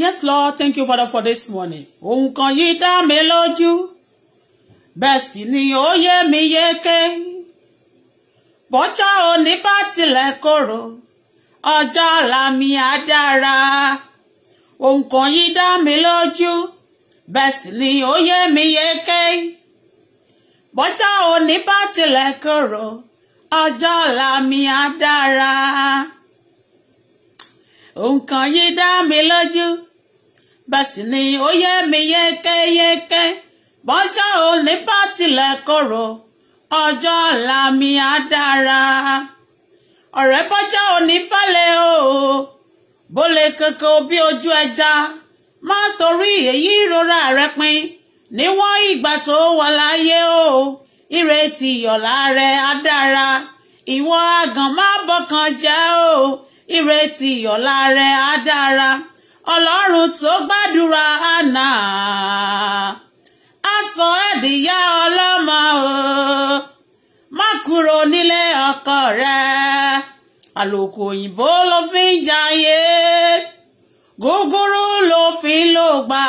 Yes, Lord, thank you, Father, for this morning. Ohun kan yìí dá mi lójú. Bẹ́ẹ̀ sì ni ó yé mi yéké. Bọ́jọ́ òní bá tilẹ̀ korò. Ọjọ́ ọ̀la mi á dára. Ohun kan yìí dá mi lójú. Bẹ́ẹ̀ sì ni ó yé mi yéké. Bọ́jọ́ òní bá tilẹ̀ korò. Ọjọ́ ọ̀la mi á dára. Ohun kan yìí dá mi lójú bẹ́sì ni ó yé mi yékéyéké bọ́jọ́ òní bá tilẹ̀ korò ọjọ́ ọ̀la mi á dára ọ̀rẹ́ bọ́jọ́ òní balẹ̀ o bó lè kankan bí ojú ẹja má torí èyí ìrora rẹ pin níwọ̀n ìgbà tó wà láyé o ìrètí ọ̀la rẹ á dára ìwọ àgàn má bọkàn jẹ́ o ìrètí ọ̀la rẹ á dára ọlọ́run tó gbàdúrà àná á sọ ẹ̀dìyà ọlọ́mọ o má kúrò nílé ọkọ rẹ àlòkù òyìnbó ló fi ń jayé gúgúrú ló fi ń lò gba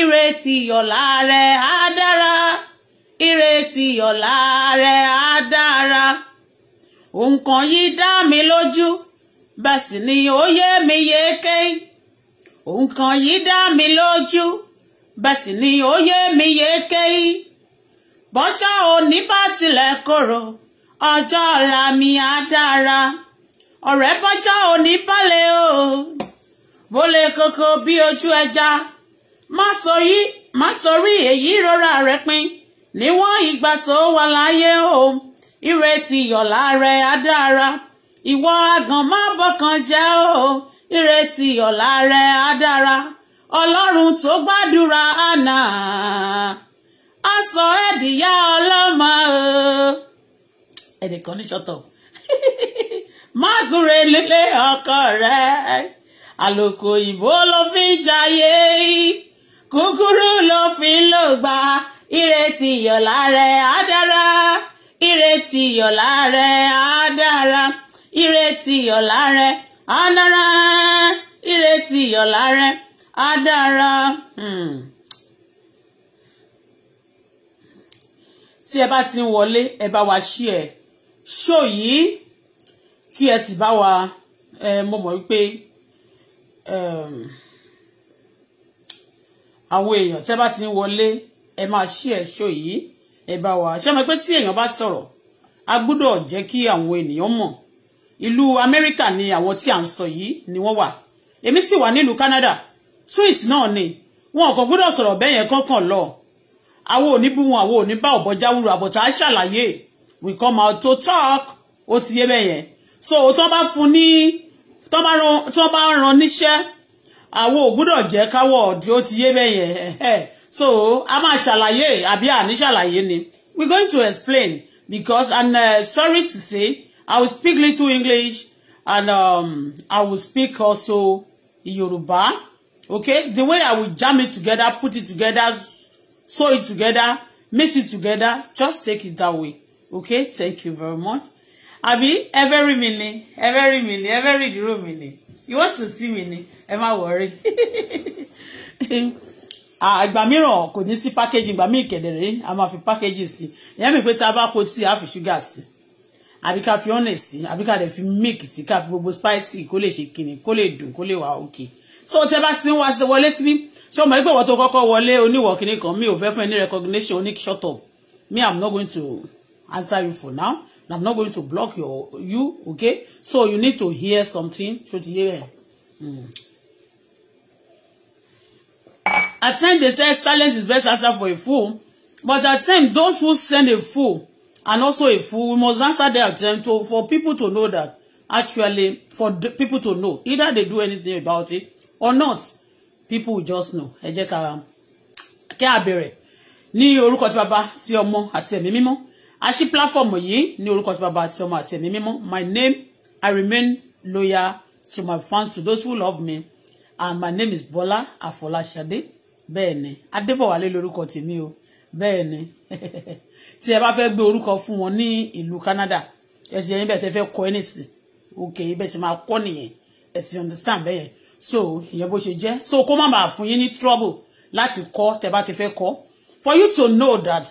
ìrètí ọ̀la rẹ̀ á ìrètí ọ̀la rẹ̀ á dára nǹkan yìí dá mi lójú bẹ́ẹ̀ sì ni ó yé mi yékéyìí nǹkan yìí dá mi lójú bẹ́ẹ̀ sì ni ó yé mi yékéyí bọ́jọ́ òní bá tilẹ̀ korò ọjọ́ ọ̀la mi á dára ọ̀rẹ́ bọ́jọ́ òní balẹ̀ o bó lè koko bí ojú ẹja má torí má torí èyí rọra rẹ pin níwọ̀n ìgbà tó wà láyé o ìrètí ìyọ̀lá rẹ̀ á dára ìwọ àgàn má bọ̀kan jẹ́ o ìrètí ọ̀la rẹ̀ á dára ọlọ́run tó gbàdúrà àná á sọ ẹ́ dìyá ọlọ́mọ o ẹnìkan ní ṣọ́tọ̀ má gúnre nílé ọkọ rẹ̀ àlòkò òyìnbó ló fi ń jayé kúkúrú ló fi ń lò gba ìrètí ìyọ̀lá rẹ̀ á dára ìrètí ìyọ̀lá rẹ̀ á dára ìrètí ìyọ̀lá rẹ̀ á dára adára ìrètí ìyọ̀lá rẹ adára. Hmm. tí ẹ bá ti ń wọlé ẹ bá wa ṣí ẹ ṣó yìí kí ẹ sì bá wa mo mọ̀ wípé ehm, àwọn èèyàn tẹ́ bá ti ń wọlé ẹ máa ṣí ẹ ṣó yìí ẹ bá wa ṣé mo pé tí èèyàn bá sọ̀rọ̀ a gbọ́dọ̀ jẹ́ kí àwọn ènìyàn mọ̀ ìlú amẹ́ríkà ni àwọn tí à ń sọ yìí ni wọ́n wà èmi sì wà nílùú canada twins náà ni wọn kò gbọ́dọ̀ sọ̀rọ̀ bẹ́ẹ̀ yẹn kankan lọ àwọn ò ní bú wọn àwọn ò bá ọ̀bọ̀já wúru àbọ̀tá ṣàlàyé we come out to talk ó ti yé bẹ́ẹ̀ yẹn so tó bá fún ní tó bá ran níṣẹ́ àwọn ò gbọ́dọ̀ jẹ́ káwọ̀ ọ̀dí ó ti yé bẹ́ẹ̀ yẹn so a máa ṣàlàyé àbí àní ṣàlàyé ni we going to explain because and uh, sorry to say I will speak little English and um, I will speak also Yoruba. Okay, the way I will jam it together, put it together, sew it together, mix it together, just take it that way. Okay, thank you very much. Abi, every minute, every minute, every zero minute. You want to see me? Am I worried? àgbà mìíràn kò ní sí packaging ìgbà míì kẹ̀dẹ̀rẹ́ a máa fi packaging si. ìyá mi pé tá a bá kó a fi ṣúgà sí àbí ká fi ọ́nẹ̀ sí àbí ká lè fi milk sí ká fi gbogbo spicy kó lè ṣe kìnnì kó lè dùn kó lè wà òkè so tẹ bá ti ń wá sí wọlé síbí ṣé o mọ̀ wípé ìwọ tó kọ́kọ́ wọlé oníwọ̀ kìnnì kan mi ò fẹ́ fún ẹ ní recognition oní shut up me i'm not going to answer you for now and i'm not going to block your you okay so you need to hear something ṣó ti yé rẹ̀. Hmm. at times they say silence is best answer for a fool but at times those who send a fool and also a fool we must answer their attempt to for people to know that actually for the people to know either they do anything about it or not people will just know ẹ jẹ́ ká kí a bẹ̀rẹ̀ ní orúkọ tí baba tí ọmọ àti ẹ̀mí mímọ́ a ṣí platform yìí ní orúkọ tí baba tí ọmọ àti ẹ̀mí mímọ́ my name I remain loyal to my fans to those who love me and my name is Bola Afolasade bẹ́ẹ̀ ni Adébọ̀wálé lórúkọ tèmi o bẹ́ẹ̀ ni tí ẹ bá fẹ́ gbé orúkọ fún wọn ní ìlú Canada ẹ̀sìn ẹ̀yìn bẹ́ẹ̀ tẹ́ fẹ́ kọ́ anything okay ibẹ̀ sì máa kọ́ nìyẹn ẹ̀sìn understand bẹ́ẹ̀ so ìyẹn bó ṣe jẹ́ so kó má bàa fún yín ní trouble láti kọ́ tẹ́ bá ti fẹ́ kọ́ for you to know that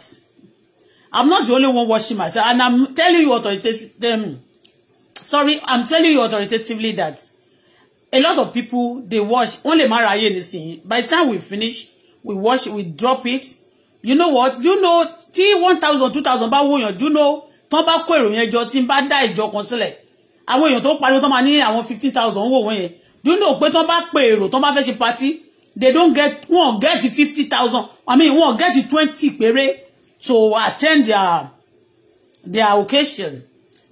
I'm not the only one watching myself and I'm telling you authoritatively um, sorry I'm telling you authoritatively that a lot of people dey watch only lè má ráyè by the time we finish we watch we drop it you know what do you know tí one thousand two thousand bá wó yàn do you know tán bá kó èrò yẹn jọ tí n bá dá ìjọ kan sílẹ̀ àwọn èèyàn tó pariwo tán máa ní àwọn fifteen thousand wò wọ́n yẹn do you know pé tán bá pè èrò tán bá fẹ́ ṣe party they don get wọn get fifty thousand i mean wọn get twenty péré to attend their their occasion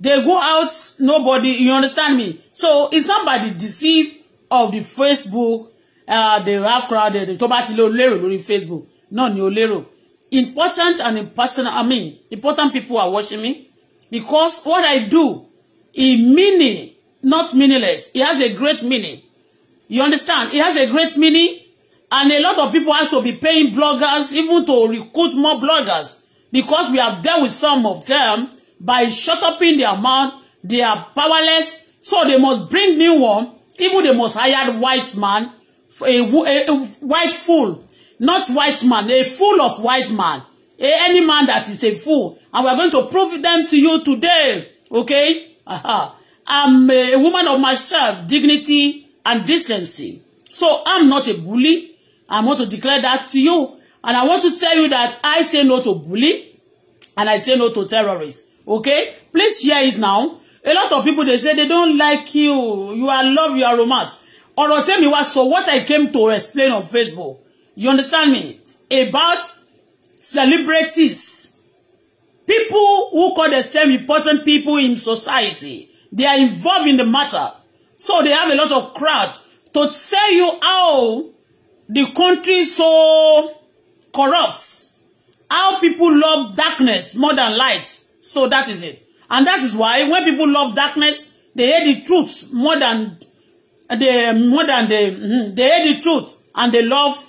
they go out nobody you understand me so it's not by the deceive of the facebook uh, they have crowded tó bá ti lè lérò lórí facebook náà ni ó lérò important and personal. I mean, important people are watching me because what I do is meaning, not meaningless. It has a great meaning. You understand? It has a great meaning and a lot of people has to be paying bloggers even to recruit more bloggers because we have dealt with some of them by shut up in their mouth. They are powerless. So they must bring new one. Even they must hire white man, a, a, a white fool not white man, a fool of white man, a, any man that is a fool. And we are going to prove them to you today, okay? Aha. I'm a woman of myself, dignity and decency. So I'm not a bully. I want to declare that to you. And I want to tell you that I say no to bully and I say no to terrorists. Okay? Please share it now. A lot of people, they say they don't like you. You are love, you are romance. tell me what. So what I came to explain on Facebook. You understand me? About celebrities. People who call themselves important people in society. They are involved in the matter. So they have a lot of crowd to tell you how the country so corrupt. How people love darkness more than light. So that is it. And that is why when people love darkness, they hate the truth more than the more than the mm-hmm, they hate the truth and they love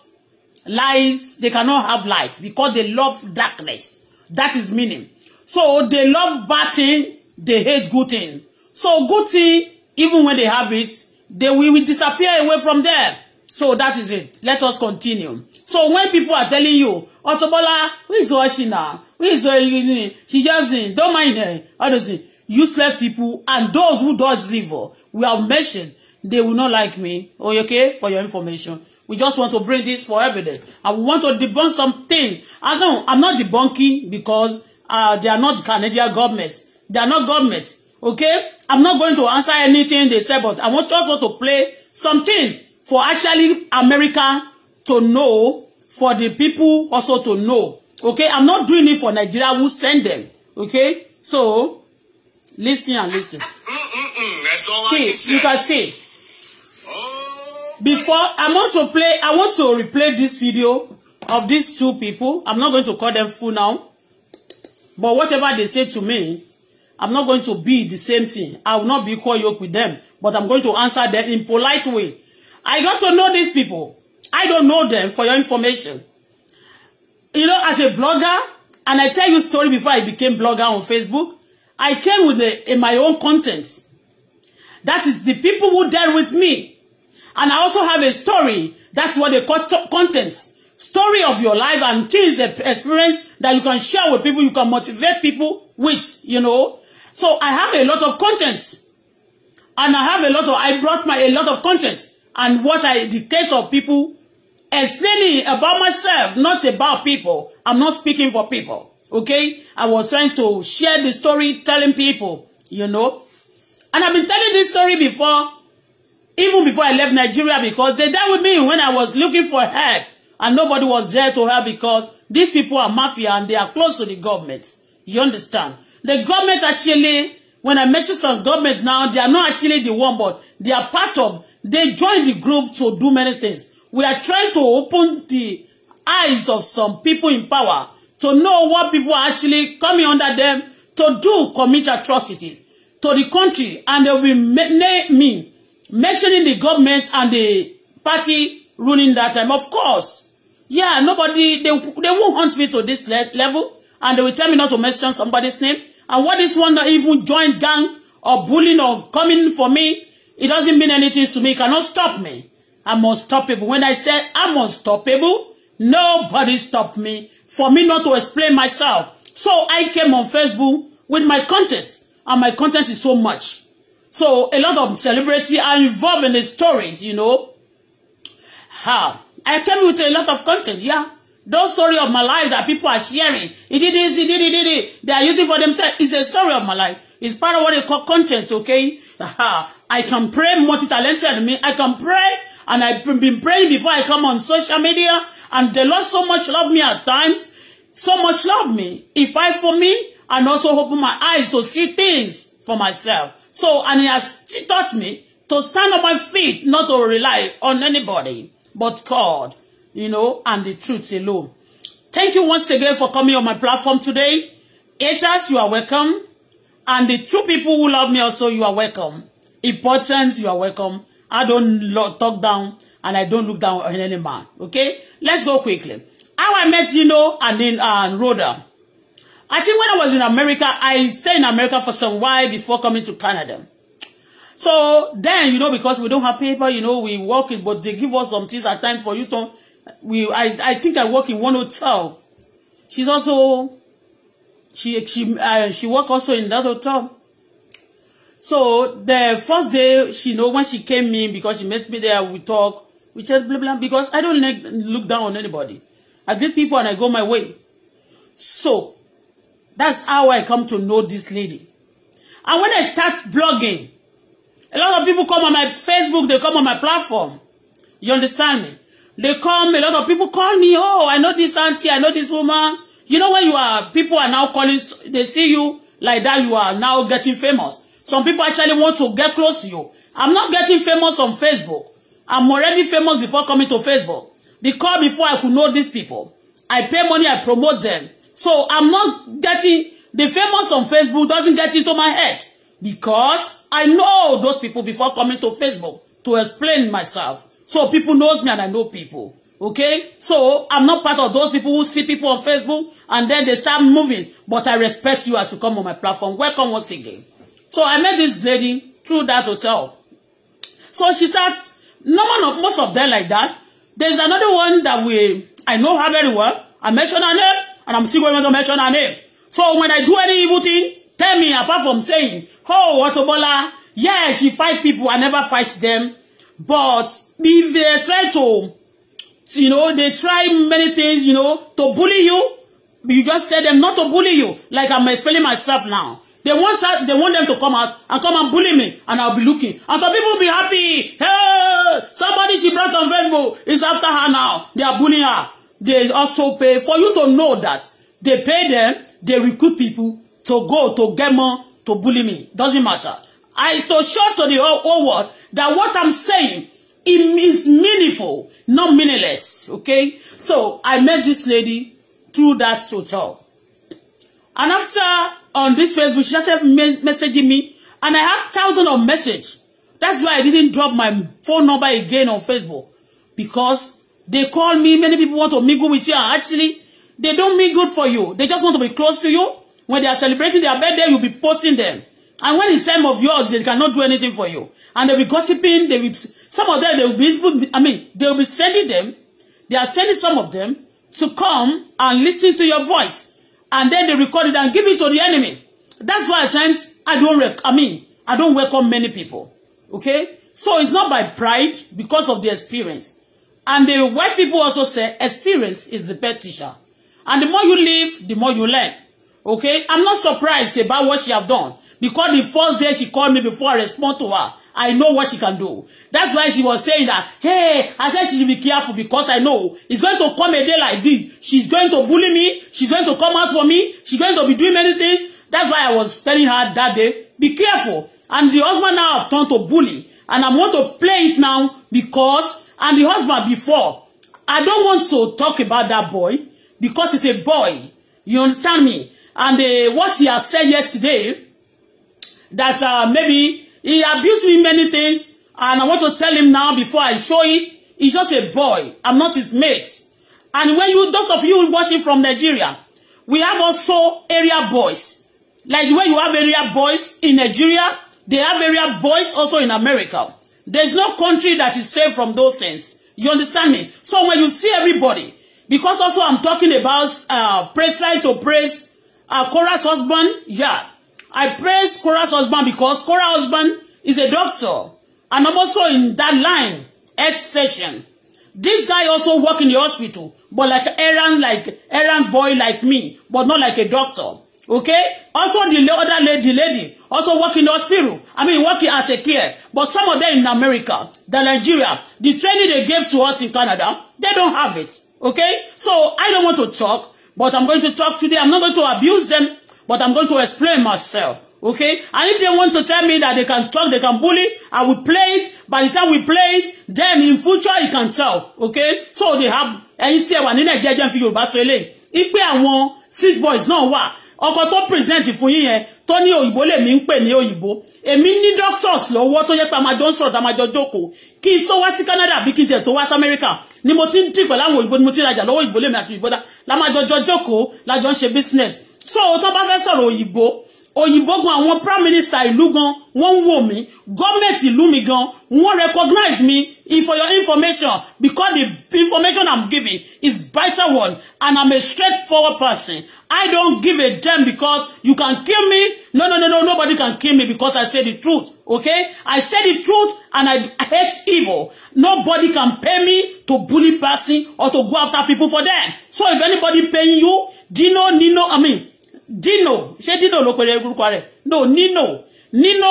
Lies, they cannot have light because they love darkness that is meaning so they love bad thing they hate good thing so good thing even when they have it they will, will disappear away from there. so that is it let us continue so when people are telling you Otobola, Bola who is watching now who is doing she just don't mind her all those things useless people and those who does evil we have mentioned they will not like me Oh, okay for your information We just want to bring this for evidence. And we want to debunk something. I know I'm not debunking because uh, they are not Canadian governments; They are not governments. Okay? I'm not going to answer anything they say, but I want, just want to play something for actually America to know, for the people also to know. Okay? I'm not doing it for Nigeria who send them. Okay? So, listen and listen. Mm -mm -mm, see, you can see before I want to play, I want to replay this video of these two people. I'm not going to call them fool now. But whatever they say to me, I'm not going to be the same thing. I will not be called yoke with them. But I'm going to answer them in polite way. I got to know these people. I don't know them for your information. You know, as a blogger, and I tell you story before I became blogger on Facebook, I came with a, a, my own content. That is the people who dealt with me And I also have a story. That's what they call content. Story of your life and things, eh, experience that you can share with people, you can motivate people with, you know. So I have a lot of contents, And I have a lot of, I brought my, a lot of contents And what I, the case of people, explaining about myself, not about people. I'm not speaking for people, okay? I was trying to share the story, telling people, you know. And I've been telling this story before even before I left Nigeria because they dealt with me when I was looking for help and nobody was there to help because these people are mafia and they are close to the government. You understand? The government actually, when I mention some government now, they are not actually the one, but they are part of, they join the group to do many things. We are trying to open the eyes of some people in power to know what people are actually coming under them to do commit atrocities to the country and they will name me mentioning the government and the party ruling that time. Of course, yeah, nobody, they, they won't hunt me to this le level and they will tell me not to mention somebody's name. And what is one that even joined gang or bullying or coming for me, it doesn't mean anything to me. It cannot stop me. I'm unstoppable. When I said I'm unstoppable, nobody stopped me for me not to explain myself. So I came on Facebook with my content and my content is so much. So a lot of celebrities are involved in the stories, you know. How? I came with a lot of content, yeah. Those story of my life that people are sharing. It did this, it did it, did it. They are using for themselves. It's a story of my life. It's part of what they call content, okay? Aha. I can pray multi-talented. me. I can pray and I've been praying before I come on social media and the Lord so much loved me at times. So much loved me. He fight for me and also open my eyes to see things for myself. So, and he has taught me to stand on my feet, not to rely on anybody but God, you know, and the truth alone. Thank you once again for coming on my platform today. Haters, you are welcome. And the true people who love me also, you are welcome. Importance, you are welcome. I don't talk down and I don't look down on any man. Okay? Let's go quickly. How I met Dino and, in, uh, and Rhoda. I think when I was in America, I stayed in America for some while before coming to Canada. So then, you know, because we don't have paper, you know, we work it, but they give us some things at times for you to, we, I, I think I work in one hotel. She's also, she, she, uh, she work also in that hotel. So the first day, she know when she came in because she met me there, we talk, we chat, blah, blah, because I don't like, look down on anybody. I greet people and I go my way. So That's how I come to know this lady. And when I start blogging, a lot of people come on my Facebook, they come on my platform. You understand me? They come, a lot of people call me, oh, I know this auntie, I know this woman. You know when you are, people are now calling, they see you like that, you are now getting famous. Some people actually want to get close to you. I'm not getting famous on Facebook. I'm already famous before coming to Facebook. Because before I could know these people, I pay money, I promote them. So I'm not getting the famous on Facebook doesn't get into my head because I know those people before coming to Facebook to explain myself. So people knows me and I know people. Okay? So I'm not part of those people who see people on Facebook and then they start moving. But I respect you as you come on my platform. Welcome once again. So I met this lady through that hotel. So she starts No one of most of them like that. There's another one that we I know her very well. I mentioned her name and I'm still going to mention her name. So when I do any evil thing, tell me apart from saying, oh, what a Bola, yeah, she fight people, I never fight them. But if they try to, you know, they try many things, you know, to bully you, you just tell them not to bully you, like I'm explaining myself now. They want that, they want them to come out and come and bully me, and I'll be looking. And some people will be happy. Hey, somebody she brought on Facebook is after her now. They are bullying her they also pay for you to know that they pay them they recruit people to go to get more to bully me doesn't matter I to show to the whole, whole world that what I'm saying it is meaningful not meaningless okay so I met this lady through that hotel and after on this Facebook she started messaging me and I have thousands of messages that's why I didn't drop my phone number again on Facebook because They call me. Many people want to mingle with you. Actually, they don't mean good for you. They just want to be close to you. When they are celebrating their birthday, you'll be posting them. And when it's time of yours, they cannot do anything for you. And they'll be gossiping. They will, some of them, they will be, I mean, they'll be sending them. They are sending some of them to come and listen to your voice. And then they record it and give it to the enemy. That's why at times, I don't, rec I mean, I don't welcome many people. Okay? So it's not by pride because of the experience. And the white people also say experience is the best teacher. And the more you live, the more you learn. Okay? I'm not surprised about what she have done. Because the first day she called me before I respond to her. I know what she can do. That's why she was saying that, hey, I said she should be careful because I know it's going to come a day like this. She's going to bully me. She's going to come out for me. She's going to be doing many things. That's why I was telling her that day, be careful. And the husband now have turned to bully. And I'm going to play it now because and the husband before I don't want to talk about that boy because he's a boy you understand me and uh, what he has said yesterday that uh, maybe he abused me many things and I want to tell him now before I show it he's just a boy I'm not his mate and when you those of you watching from Nigeria we have also area boys like the way you have area boys in Nigeria they have area boys also in America There's no country that is safe from those things. You understand me? So when you see everybody, because also I'm talking about uh, praise, trying to praise uh, Korah's husband. Yeah, I praise Korah's husband because Korah's husband is a doctor. And I'm also in that line, health session. This guy also work in the hospital, but like errand, like errand boy like me, but not like a doctor. Okay? Also the other lady, lady also work in the hospital. I mean, working as a care. But some of them in America, the Nigeria, the training they gave to us in Canada, they don't have it. Okay? So I don't want to talk, but I'm going to talk today. I'm not going to abuse them, but I'm going to explain myself. Okay? And if they want to tell me that they can talk, they can bully, I will play it. By the time we play it, then in future you can tell. Okay? So they have, ẹ̀yin tí ẹ wà ní Nàìjíríà jẹ́ ń fi Yorùbá sọ eléyìí. Ipe six boys náà wà ọkọ tó present fún yín yẹn tó ní òyìnbó lèmi ń pè ní òyìnbó èmi ní doctors lọ́wọ́ tó yẹ pé a máa jọ ń sọ̀rọ̀ tá a máa jọ jókòó kí n tó wá sí Canada àbí kí n tiẹ̀ tó wá sí America ni mo ti ń dìgbà láwọn òyìnbó ni mo ti rajà lọ́wọ́ òyìnbó lèmi àti òyìnbó dá la máa jọ jọ jókòó la jọ ń ṣe business so tó bá fẹ́ sọ̀rọ̀ òyìnbó òyìnbó gan àwọn prime minister ìlú gan wọ́n ń wò mí gọ́ọ̀mẹ̀tì ìlú mi gan wọ́n recognize me in for your information because the information i'm giving is vital one and i'm a straightforward person i don't give a damn because you can kill me no no no no nobody can kill me because i say the truth okay i say the truth and i hate evil nobody can pay me to bully person or to go after people for them so if anybody paying you dino nino i mean Dino ṣé Dino ló pèrè orúkọ rẹ̀ no Nino Nino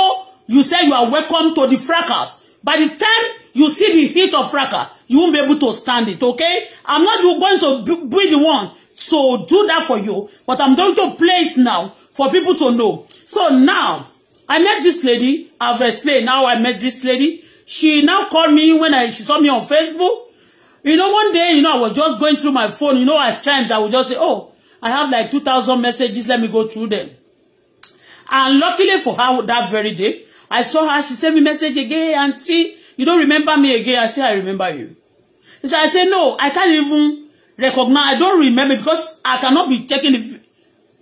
you say you are welcome to the fracas by the time you see the heat of fracas you won't be able to stand it okay I'm not going to be the one to do that for you but I'm going to play it now for people to know so now I met this lady I've explained Now I met this lady she now called me when I she saw me on Facebook you know one day you know I was just going through my phone you know at times I would just say oh I have like 2,000 messages. Let me go through them. And luckily for her, that very day, I saw her. She sent me message again and see, you don't remember me again. I say, I remember you. So I say, no, I can't even recognize. I don't remember because I cannot be checking the,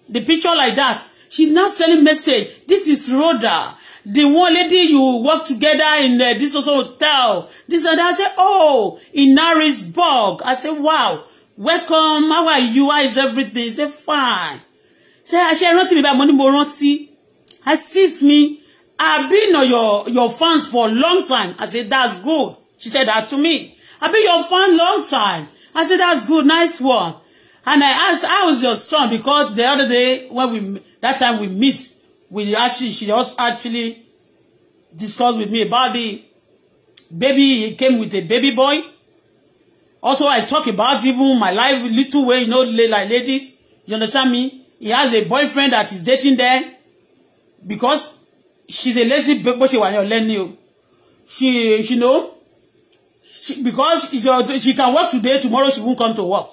the picture like that. She's now sending message. This is Rhoda. The one lady you work together in uh, this hotel. This and I say, oh, in Harrisburg. I say, wow welcome how are you how is everything say fine say àṣẹ rántí mi báyìí mo ní mo rántí assist me i been on your your fans for long time i say that's good she said that to me i been your fan long time i say that's good nice one and i ask how is your son because the other day when we that time we meet we actually she also actually discussed with me about the baby he came with a baby boy Also, I talk about even my life little way, you know, like ladies. You understand me? He has a boyfriend that is dating there because she's a lazy bitch. ṣe wà ní ọ̀lẹ ni She, she know, she, because she can work today, tomorrow she won't come to work.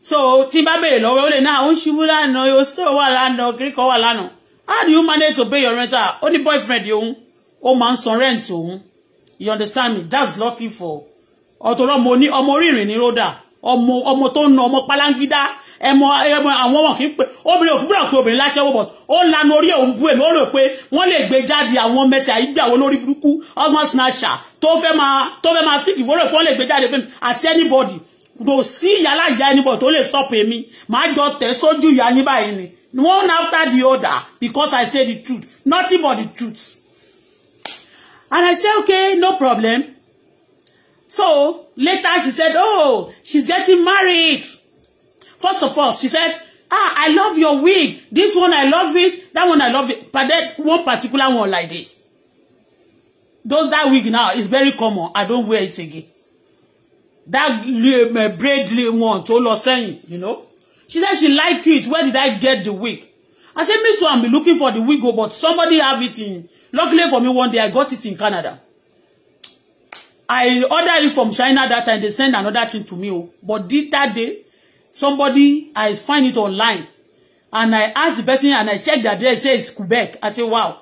So, tí bá béèrè lọ́wọ́ ó lè náà ah, ó ń ṣubú lánàá, ó sì wà How do you manage to pay your rent? Only ah, boyfriend you, ó máa ń rent òun. You understand me? That's lucky for ọ̀tọ̀rọ̀ mo ní ọmọ orírìn ní ròdà ọmọ ọmọ tó ń na ọmọ pálángídá ẹmọ ẹmọ àwọn ọmọ kì í pé obìnrin òkú gbúdọ̀ pé obìnrin láṣẹ́wó bọ̀ ó ń lanu orí òun bú èmi ó rò pé wọ́n lè gbé jáde àwọn mẹsẹ̀ àyígbé àwọn olórí burúkú ọmọ snasha tó fẹ́ máa tó fẹ́ máa speak ìfowórò pé wọ́n lè gbé jáde fún mi àti anybody kò sí yàrá ìyá anybody tó lè stop èmi màá jọ tẹ̀ sójú ìyá ní báyìí ni one after the other because I say the truth nothing but the truth and I say okay no problem So later she said, oh, she's getting married. First of all, she said, ah, I love your wig. This one, I love it. That one, I love it. But that one particular one like this. Those, that wig now is very common. I don't wear it again. That uh, braid one, tó lọ sẹ́yìn, you know. She said she liked it. Where did I get the wig? I said, "Miss, too, I'm looking for the wig, oh, but somebody have it in. Luckily for me, one day I got it in Canada. I order it from China that time. They send another thing to me. Oh. But did that day, somebody, I find it online. And I asked the person and I checked the address. It says Quebec. I say wow.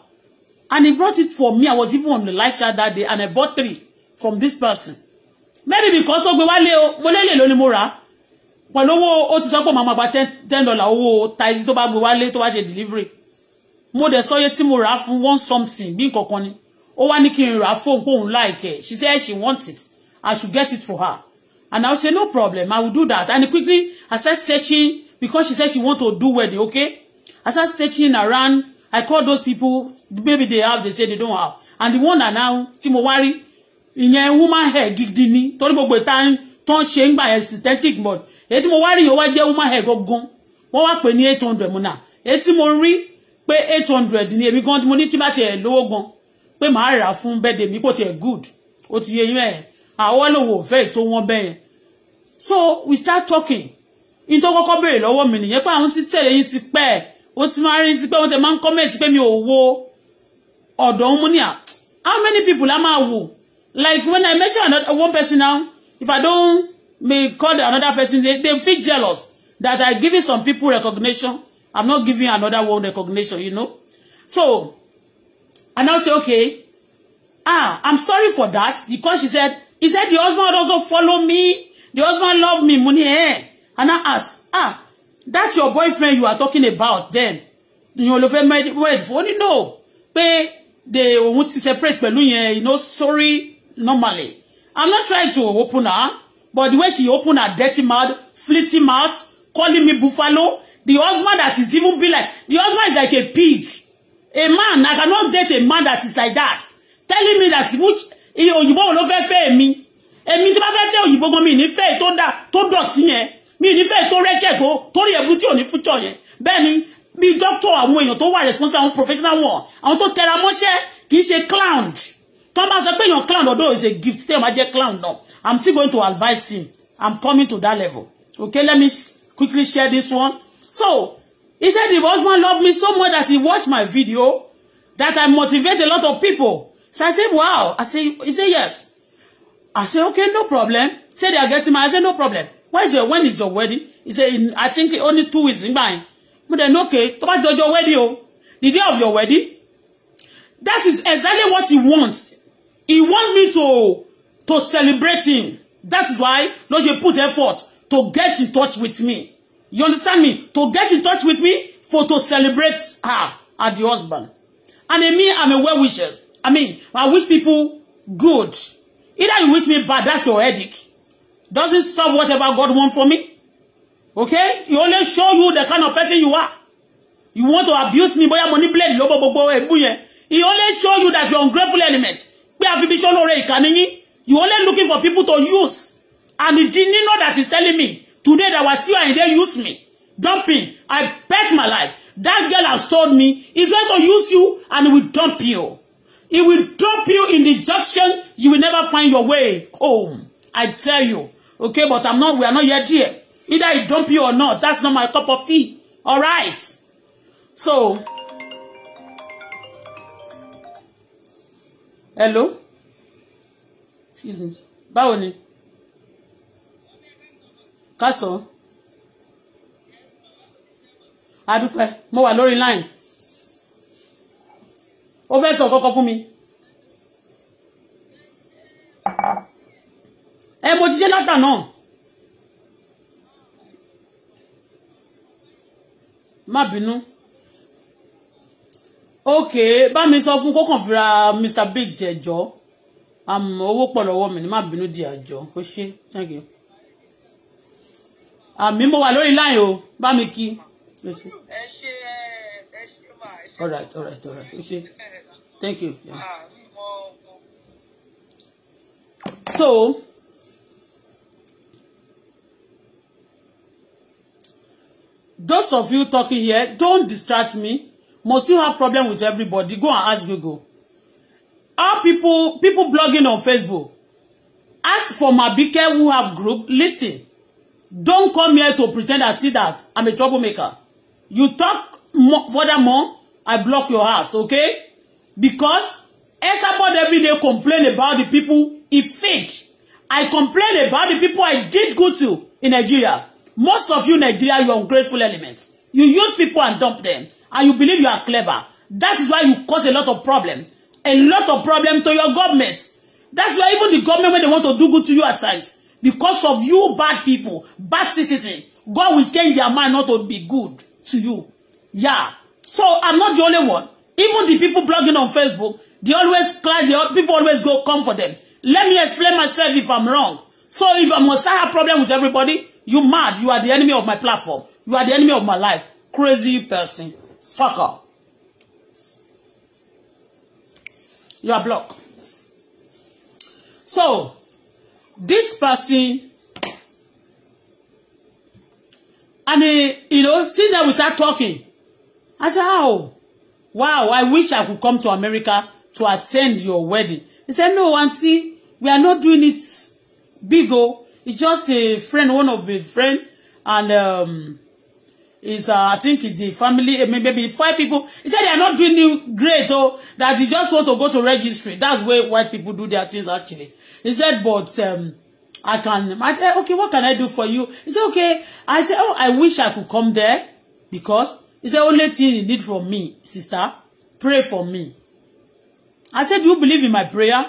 And he brought it for me. I was even on the live chat that day. And I bought three from this person. Maybe because ó gbé wálé mo lele ló ni mo rà. Pẹ̀lú owó ó ti ten dollar owó ties tó bá gbé wálé tó bá ṣe delivery. More dẹ̀ sọ iye tí mo one something being nǹkan ó wá ní kí n rà fóun póun láìkẹ she said she wants it I should get it for her and I say no problem I will do that and quickly I start searching because she said she want to do wedding okay I start searching around I call those people maybe they have they say they don't have and the one na now tí mo wá rí ìyẹn woman hair gidi ni torí gbogbo ìta tó ń ṣe ń gbà yẹn synthetic but èyí tí mo wá rí yẹn wá jẹ́ woman hair gangan wọ́n wá pè ní eight hundred mo nà èyí tí mo rí pé eight hundred ni èmi gan mo ní tí bá tiẹ̀ lówó gan pé màá rà fún birthday mi kò tiẹ̀ good ó ti yẹ yín ẹ̀ àwọn lòun ò fẹ́ ètò wọn bẹ́ẹ̀ so we start talking in tó kọ́kọ́ béèrè lọ́wọ́ mi nìyẹn pé àwọn tí tẹ̀lé yín ti pẹ́ ó ti máa rí ti pẹ́ wọ́n ti máa ń comment pé mi ò wo ọ̀dọ̀ ń mú ní à how many people la máa wò like when I mention another, one person now if I don't may call another person they, they feel jealous that I giving some people recognition I'm not giving another one recognition you know so And I say, okay, ah, I'm sorry for that because she said, he said the husband also follow me. The husband love me, money, eh? And I asked, ah, that's your boyfriend you are talking about then. You know, wait for only no. Pay they won't separate pẹ̀lú yẹn, you know, sorry normally. I'm not trying to open her, but the way she opened her dirty mouth, flirty mouth, calling me buffalo, the husband that is even be like, the husband is like a pig a man I cannot date a man that is like that telling me that which òyìnbó wo ló fẹ́ fẹ́ mi èmi tí bá fẹ́ fẹ́ òyìnbó gan mi ní fẹ́ tó dà tó dọ̀tí yẹn mi ní fẹ́ tó rẹ́jẹ̀ tó tó rí ẹ̀bú tí future. ní be yẹn bẹ́ẹ̀ ni bí dókítà àwọn èèyàn tó wà responsible àwọn professional wọn àwọn tó tẹra mọ́ṣẹ́ kì í clown tó bá sọ pé èèyàn clown ọ̀dọ́ is a gift tẹ́ ẹ̀ máa jẹ́ clown No, I'm still going to advise him I'm coming to that level okay let me quickly share this one so He said the husband loved me so much that he watched my video, that I motivate a lot of people. So I said, wow. I say, he said, yes. I said, okay, no problem. Say they are getting married. I said, no problem. When is your, when is your wedding? He said, I think only two weeks in mine. But then, okay, tó about your wedding o. The day of your wedding. That is exactly what he wants. He wants me to, to celebrate him. That is why ló you put effort to get in touch with me. You understand me? To get in touch with me for to celebrate her as the husband. And I mean, I'm a well-wisher. I mean, I wish people good. Either you wish me bad, that's your headache. Doesn't stop whatever God wants for me. Okay? He only show you the kind of person you are. You want to abuse me, boy, mo ní blade lọ́bọ̀ gbogbo ẹ̀gbú yẹn. He only show you that you're ungrateful element. Pé àfi bí ṣọ́nà rẹ̀ You only looking for people to use. And the didn't know that he's telling me Today that was you and they use me. Dumping. I bet my life. That girl has told me he's going to use you and will dump you. He will dump you in the junction. You will never find your way home. I tell you. Okay, but I'm not, we are not yet here. Either he dump you or not. That's not my cup of tea. All right. So. Hello? Excuse me. Báwo ni? kásán adúpẹ́ mo wà lórí line o fẹ́ sọ kọ́kọ́ fún mi ẹ mo ti ṣe látà náà má bínú ok bá mi sọ fún kókàn fira Mr Biggs ẹjọ́ àmọ́ owó pọ̀ lọ́wọ́ mi ní má bínú di àjọ ó ṣe thank you àmì mo wà lórí láyìn o bá mi kí. ẹ ṣe ẹ ṣe máa ẹ ṣe. all right all right all right ó ṣe thank you. Yeah. Ah, so those of you talking here don't distract me mo still have problem with everybody go and ask Google all people people blogging on Facebook ask for Mabike who have group listing Don't come here to pretend I see that I'm a troublemaker. You talk more, furthermore, I block your ass, okay? Because Esabod every day complain about the people he faked. I complain about the people I did good to in Nigeria. Most of you Nigeria, you ungrateful elements. You use people and dump them. And you believe you are clever. That is why you cause a lot of problem. A lot of problem to your government. That's why even the government, when they want to do good to you at times, because of you bad people bad citizen God will change their mind not to be good to you yeah so I'm not the only one even the people blogging on Facebook they always clash the people always go come for them let me explain myself if I'm wrong so if I must have problem with everybody you mad you are the enemy of my platform you are the enemy of my life crazy person fuck up you are blocked so this person and uh, you know since then we start talking I said oh wow I wish I could come to America to attend your wedding he said no aunty we are not doing it big o oh. it's just a friend one of a friend and um, is uh, I think the family eh, maybe five people. He said they are not doing great oh that he just want to go to registry. That's where white people do their things actually. He said, but um, I can. I said, okay, what can I do for you? He said, okay. I said, oh, I wish I could come there because he said, only thing you need from me, sister, pray for me. I said, do you believe in my prayer?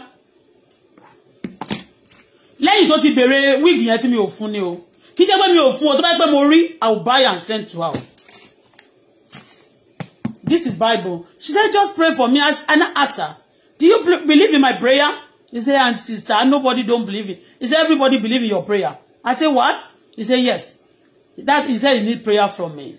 Lẹ́yìn tó ti bèrè wíìgì yẹn tí mi ò fún ni o. Kì í ṣe pé mi ò fún o, tó bá pẹ́ mo rí, I will buy and send to her. This is Bible. She said, just pray for me. as I asked her, do you believe in my prayer? He said, and sister, nobody don't believe it. He said, everybody believe in your prayer. I said, what? He said, yes. That he said, you need prayer from me.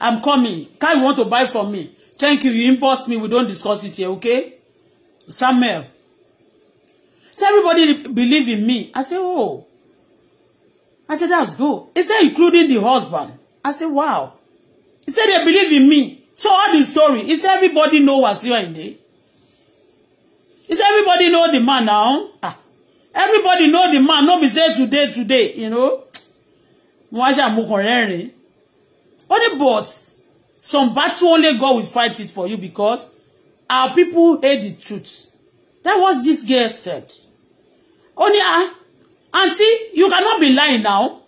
I'm coming. Can you want to buy from me? Thank you. You impulse me. We don't discuss it here, okay? Samuel. So everybody believe in me. I said, oh. I said, that's good. He said, including the husband. I said, wow. He said, they believe in me. So all the story is everybody know what's Wasiu Ayinde. Is everybody know the man now? Ah. Everybody know the man. No be say today, today, you know. Mwasha mukorere. Only but some battle only God will fight it for you because our people hate the truth. That was this girl said. Only ah, auntie, you cannot be lying now.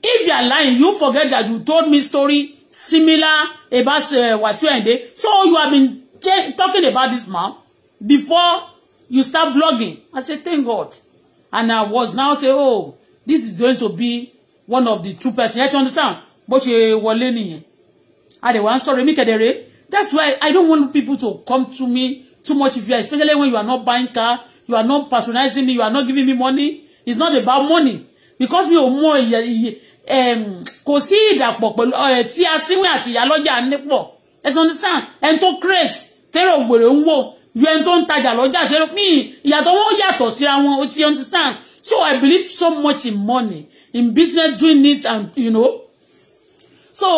If you are lying, you forget that you told me story similar about uh, Wasiu Ayinde. So you have been talking about this man before you start blogging. I said, thank God. And I was now say, oh, this is going to be one of the two persons. You understand? But Bó ṣe wọlé nìyẹn. Àdẹ̀wà ń sorry me kẹ̀dẹ̀rẹ́. That's why I don't want people to come to me too much if you are, especially when you are not buying car, you are not personalizing me, you are not giving me money. It's not about money. Because mi ò mọ kò sí ìdàpọ̀ pẹ̀lú ọ̀rẹ́ eh, tí asínwé àti ìyálọ́jà nípọ̀ ẹ̀sán ní sàn ẹni tó craze tẹ́rọ gbèrè ń wò ju ẹni tó ń tajà lọ́jà tẹ́rọ pín ìyàtọ̀ wọn yàtọ̀ síra wọn ó ti understand so I believe so much in money in business doing it and you know so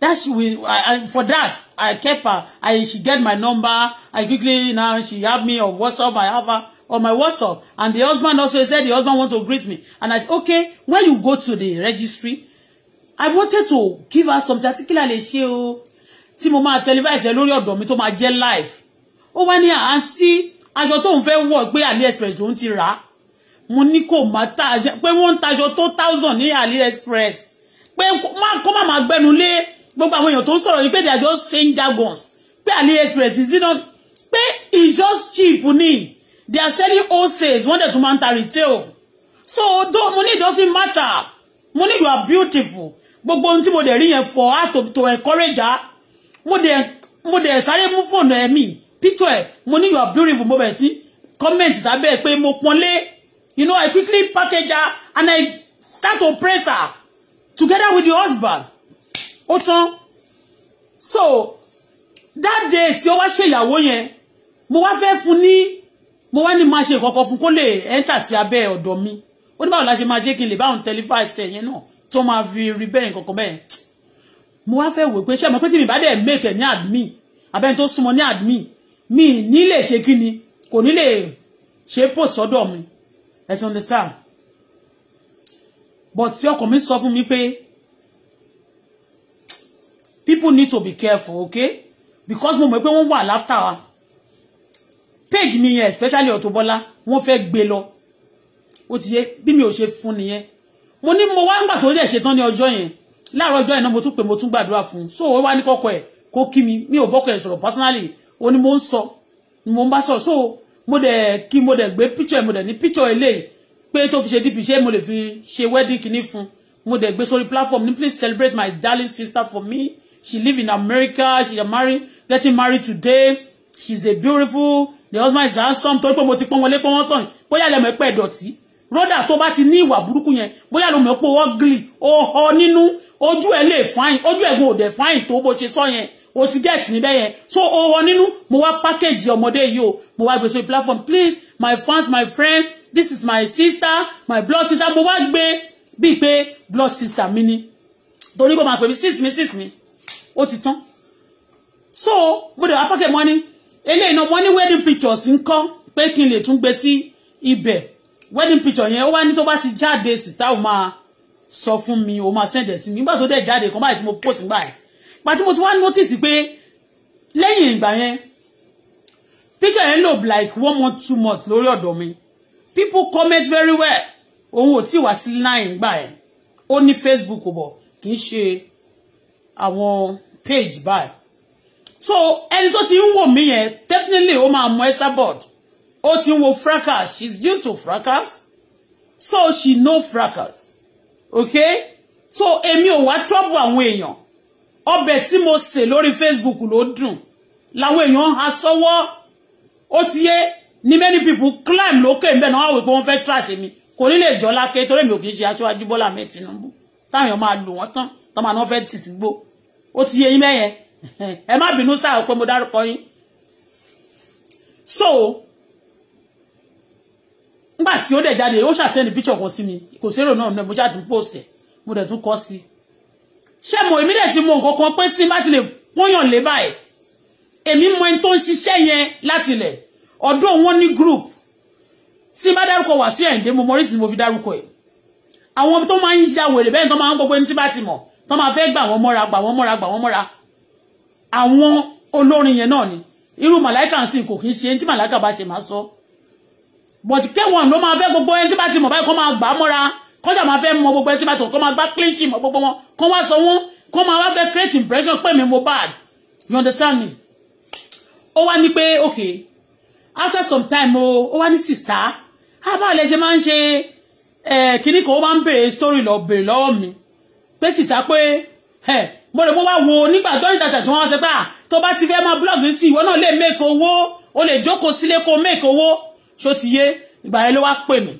that's we I, for that I kept her I she get my number I quickly now she help me on WhatsApp I have her on my WhatsApp and the husband also said the husband want to greet me and I said okay when you go to the registry I wanted to give her something particularly ṣe tell you, I máa televise lórí ọ̀dọ̀ mi tó máa jẹ́ live ó wá ní àǹtí aṣọ tóun fẹ́ wọ̀ pé AliExpress lòun ti rà á mo ní kò má ta pé wọ́n ń taṣọ tó thousand ní AliExpress pé kó má máa gbẹnu lé gbogbo àwọn èèyàn tó ń sọ̀rọ̀ yìí pé they are just saying jargons pé AliExpress is it not Pay it's just cheap ni they are selling wholesales wọ́n dẹ̀ tún máa retail so though money doesn't matter money you are beautiful but ohun tí they dẹ̀ for her to to encourage her mo dẹ̀ mo dẹ̀ sáré mú fóònù ẹ̀ picture money, you are beautiful mo bẹ̀ sí comment sábẹ́ pé mo pọ́nlé you know I quickly package her and I start to press her together with your husband ó so that day tí ó wá ṣèyàwó yẹn mo wá fẹ́ fún ní mo wá ní máa ṣe ìkọ̀kọ̀ fún kó lè ẹ́ńtà sí abẹ́ ọ̀dọ̀ mi ó ní báwo la ṣe máa ṣe kí n lè báwọn tẹlifáìsì ẹ̀yẹn náà tó máa fi rí bẹ́ẹ̀ kankan bẹ́ẹ̀ mo wá fẹ́ wò pé ṣé mo pé tí mi bá dẹ̀ mèkè ní admin abẹ́ni tó súnmọ́ ní admin mi ní lè ṣe kí ni kò ní lè ṣe pò sọ́dọ̀ mi ẹ ti understand but tí ọkàn mi sọ fún mi pé people need to be careful okay because mo mọ̀ pé wọ́n wà láftà wa page mi yẹn especially Auto Bola wọ́n fẹ́ gbé lọ ó ti yé bí mi ò ṣe fún nìyẹn mo ní mo wá ń gbà tó dẹ̀ ṣetán ní ọjọ́ yẹn láàárọ̀ ọjọ́ yẹn náà mo tún pè mo tún gbàdúrà fún un so ó wá ní kọ́kọ́ ẹ̀ kó kí mi mi ò bọ́kọ̀ ẹ̀ sọ̀rọ̀ personally ó ní mo ń sọ ni mo ń bá sọ̀rọ̀ so mo dẹ̀ kí mo dẹ̀ gbé picture ẹ̀ mo dẹ̀ ní picture eléyìí pé tó fi ṣe dp ṣé mo lè fi ṣe wedding kìíní fún mo dẹ̀ gbé sórí platform ní please celebrate my darling sister for me she live in America she married getting married today she's a beautiful the husband is handsome torí pé mo ti pọ́n wọlé pọ́n wọ́n sàn bóyá lè mọ̀ pé ẹ̀dọ̀tí Roda, tó bá ti ní ìwà burúkú yẹn bóyá ló mọ̀ pé ugly ó họ nínú ojú ẹ̀ lè fine ojú ẹ̀gùn ò dẹ̀ fine to bó ṣe sọ yẹn o ti get níbẹ̀ yẹn so ó họ nínú mo wá package ọmọdé yìí o mo wá gbé sórí platform please my fans my friend this is my sister my blood sister mo wá gbé bíi pé blood sister Mini, ni torí bó máa pè mí sis mi sis mi ó ti tán so we dẹ̀ package money eléyìí náà wọ́n ní wedding pictures ń kọ́ pé kí n lè tún gbé wedding picture yẹn ó wá ní tó bá ti jáde síta ó máa sọ fún mi ó máa send ẹ̀ mi nígbà tó dẹ̀ jáde kan báyìí tí mo post nígbà yẹn pàtí mo ti wá notice pé lẹ́yìn ìgbà yẹn picture yẹn lò like one month two months lórí ọ̀dọ̀ mi people comment very well òun ò tí wá sí line gbà yẹn ó ní Facebook bọ̀ kì í ṣe page báyìí so ẹni tó ti ń wò mí yẹn definitely ó máa mọ Esabod ó ti ń wo fracas she's used to fracas so she know fracas okay so èmi ò wá trouble àwọn èèyàn ọbẹ̀ tí mo sè lórí Facebook ló dùn làwọn èèyàn ha sọ́wọ́ ó ti yé ni many people climb lókè ń bẹ̀ náà wípé wọ́n fẹ́ trash mi kò ní lè jọ lákè torí mi ò kì í ṣe aṣáájú Bọ́lá mẹ́ Tinubu táwọn èèyàn máa lò wọ́n tán táwọn máa ní wọ́n ó ti yé yín mẹ́yẹn ẹ má bínú sáà pé mo dárúkọ yín so nígbà tí ó dẹ̀ jáde ó ṣàṣẹ́ni picture kan sí mi kò sérò náà náà mo jáde post ẹ̀ mo dẹ̀ tún kọ sí ṣé mo èmi dẹ̀ ti mọ nǹkan kan pé tí n bá ti lè pọ́yàn lé báyìí èmi mọ ẹni tó ń ṣiṣẹ́ yẹn láti ilẹ̀ ọ̀dọ̀ wọn ní group tí n bá dárúkọ wá sí ẹ̀ǹdé mo mọrí sí mo fi dárúkọ ẹ̀ àwọn tó máa ń ya wèrè bẹ́ẹ̀ tó máa ń gbogbo ẹni tí bá ti mọ̀ tó máa fẹ́ gbà wọ́n mọ́ra gbà wọ́n mọ́ra gbà wọ́n mọ́ra àwọn olórin yẹn náà ni irú màláìkà sì kò kí ń ṣe ẹni tí màláìkà bá ṣe máa sọ but kéwọn ló máa fẹ́ gbogbo ẹni tí bá ti mọ̀ báyìí kó máa gbà á mọ́ra kọjá máa fẹ́ mọ gbogbo ẹni tí bá ti mọ̀ kó máa gbá clean sheet mọ gbogbo wọn kó wá sọ wọn kó máa wá fẹ́ create impression pé mi Mohbad you understand me ó wá ní pé okay after some time o ó wá ní sister abáà lè ṣe máa ń ṣe eh, kíní kan ó máa ń bèrè story lọ bèrè lọ́wọ́ mi pé sister pé eh, mo rò pé wá wo nígbà tó ní tàtà tí wọ́n sọ pé à ah, tó bá ti fẹ́ mọ búlọ́ọ̀gì sí ìwọ náà lè make owó o lè jókòó sílé kó make owó ṣó ti yé ìgbà yẹn ló wá pè mí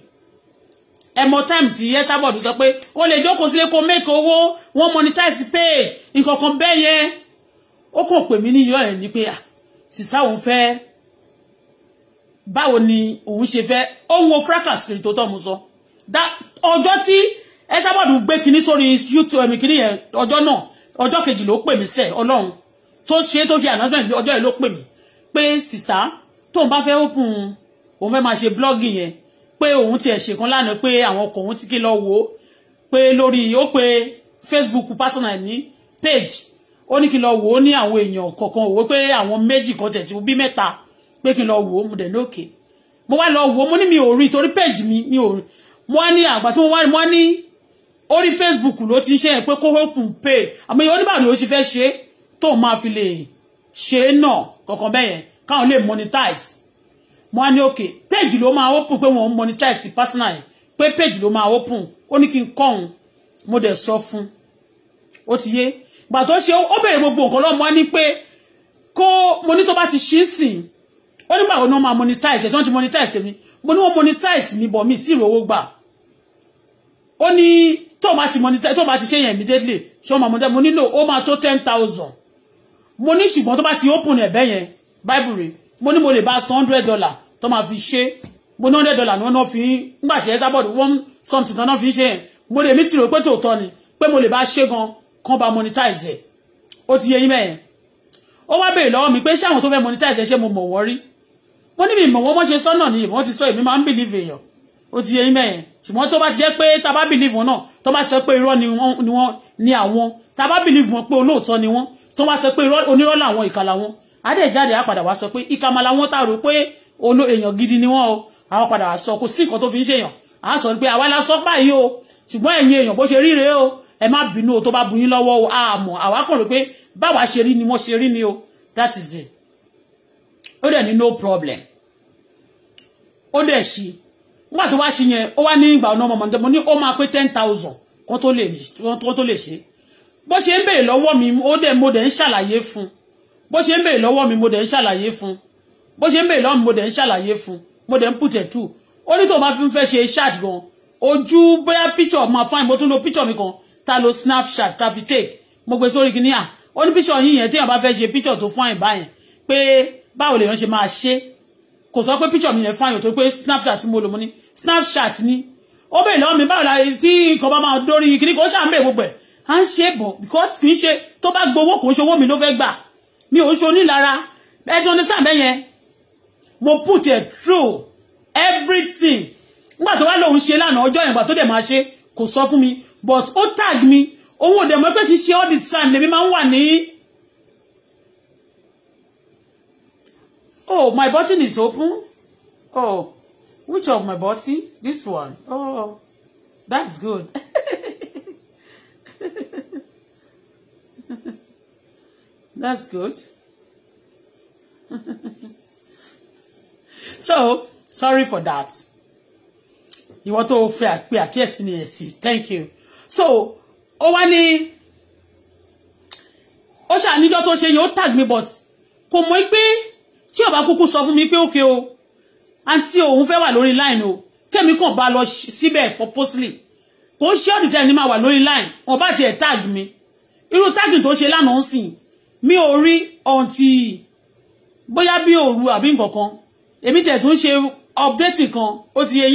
ẹmọ time tí yẹ sábọ̀dù sọ pé o lè jókòó sílé kó make owó wọ́n monetize pay nǹkan kan bẹ́ẹ̀ yẹn ó kàn pè mí níyọ ẹ̀ ni pé à ah, sísá òun fẹ́ báwo ni òun ṣe fẹ́ ó ń wo fracas kiri tó tọ́ mu sọ ọjọ́ tí ẹ sábọ̀dù gbé kinní sórí YouTube ẹ̀mí kinní yẹn ọjọ́ náà ọjọ́ kejì ló pè mí sẹ́ ọlọ́run tó ṣe tó ṣe announcement ọjọ́ yìí ló pè mí pé sista tó ń bá fẹ́ open òun fẹ́ máa ṣe blọ́ọ̀gì yẹn pé òun tiẹ̀ ṣèkan lánàá pé àwọn ọkọ̀ òun ti kí lọ wò ó pé lórí ó pé Facebook personal ní page ó ní kí lọ wò ó ní àwọn èèyàn kọ̀ọ̀kan wò ó pé àwọn méjì kan tẹ̀ tí bí mẹ́ta pé kí lọ wò ó mo dẹ̀ lókè mo wá lọ wò ó mo ní mi ò rí torí page mi mi ò rí mo wá ní àgbà tí mo wá ní orí Facebook ló ti ń ṣe pé kó hope pay àmọ́ ìyá oníbàárà ni ó ṣe fẹ́ ṣe tó máa fi lè ṣe náà kankan bẹ́yẹn káwọn lè monetize mo á ní òkè page ló máa open pé wọ́n monetize sí personal yẹn pé page ló máa open ó ní kí n kọ́ òun mo dẹ̀ sọ fún ó ti yé gbà tó ṣe ó bẹ̀rẹ̀ gbogbo nǹkan lọ́mọ á ní pé kó mo ní tó bá ti ṣí sìn ó nígbà wo ni wọ́n máa monetize ẹ̀ tí wọ́n ti monetize mi mo ní wọ́n monetize mi mi tí ìrówó gbà ó ní tó máa ti monitor tó máa ti ṣe yẹn immediately ṣé máa monitor mo nílò ó máa tó ten thousand mo ní ṣùgbọ́n tó bá ti open ẹ̀bẹ́ yẹn bible rẹ̀ mo ní mo lè bá san hundred dollar tó máa fi ṣe mo ní hundred dollar no no fi ńgbà tí ẹ̀sà bọ́ọ̀dù one something no fi ṣe yẹn mi lè mí tìrò pé tòótọ́ ni pé mo lè bá ṣe gan kan bá monetize ẹ̀ ó ti yẹ yín mẹ́yẹn ó wá béèrè lọ́wọ́ mi pé ṣé àwọn tó fẹ́ monetize ẹ̀ mo mo mọ̀ wọ́n rí mo ní mi mọ̀ wọ́n mọ́ ṣe sọ́nà ni ìbọn ti sọ e máa ń believe èèyàn ó ti yẹ yín ṣùgbọ́n tó bá ti jẹ́ pé tá bá believe wọn náà tó bá ti sọ pé irọ́ ni wọ́n ni àwọn tá bá believe wọn pé olóòótọ́ ni wọ́n tó bá sọ pé onírọ́ làwọn ìkà làwọn adéjáde á padà wá sọ pé ìkà máa làwọn tá rò pé olo èèyàn gidi ni wọ́n o àwọn padà wá sọ kò sí nǹkan tó fi ń ṣèyàn á sọ pé àwa la sọ báyìí o ṣùgbọ́n ẹ̀yin èèyàn bó ṣe rí rèé o ẹ má bínú o tó bá buyín lọ́wọ́ o àmọ́ àwa kàn rò pé báwa ṣe rí ni wọ́n ṣe rí ni o that is it ó dẹ̀ ní no problem ó dẹ̀ ṣí nígbà tó wá ṣe yẹn ó wá ní ìgbà ọ̀nà ọmọ mo ní ó máa pé ten thousand kó tó lè ṣe bó ṣe ń béèrè lọ́wọ́ mi ó dẹ̀ mo dẹ̀ ń ṣàlàyé fún bó ṣe ń béèrè lọ́wọ́ mi mo dẹ̀ ń ṣàlàyé fún bó ṣe ń béèrè lọ́wọ́ mi mo dẹ̀ ń ṣàlàyé fún mo dẹ̀ ń pùtẹ̀ tù ó ní tó bá fi ń fẹ́ chat gan ojú bóyá picture ma fáìn mo tún lo picture mi kan ta lo snapchat ta fi take mo gbé sórí kìíní à ó ní picture yín yẹn téèyàn bá fẹ́ ṣe picture tó fáìn báyẹn pé báwo lèèyàn ṣe máa ṣe kò sọ pé picture mi yẹn fáyọ̀ tó pé snapchat mo lò mo ní snapchat ni ó bèèrè lọ́wọ́ mi báwo la tí nǹkan bá máa dórí kiri kò ṣàǹbẹ̀ gbogbo ẹ̀ à ń ṣe bọ̀ because kì í ṣe tó bá gbowó kò ń ṣe owó mi ló fẹ́ gbà mi ò ń ṣe onílara ẹ ti understand bẹ́ẹ̀ yẹn mo put it through everything nígbà tó wá lòun ṣe lánàá ọjọ́ yẹn gbà tó dẹ̀ máa ṣe kò sọ fún mi but ó tag mi òun ò dẹ̀ mọ̀ pé kì í ṣe all the time lèmi máa ń wà ní Oh, my button is open. Oh, which of my button? This one. Oh, that's good. that's good. so, sorry for that. You Ìwọ tó fẹ́ àpè àkíyèsí ni èsì. Thank you. So, ó Osha, ní ó ṣàníjọ́ tó ṣe yẹn tag me but Come mọ̀ me tí ó bá kúkú sọ fún mi pé òkè o àǹtí òun fẹ́ wà lórí line o kémi kàn bá lọ síbẹ̀ purposely kò ṣe ọ̀dì tẹ́ ni máa wà lórí line wọn bá tiẹ̀ tag mi irú tag tó ṣe lánàá sìn mi ò rí ọ̀ǹtì bóyá bí òru àbí nǹkan kan èmi tẹ̀ tún ṣe update kan ó ti yẹ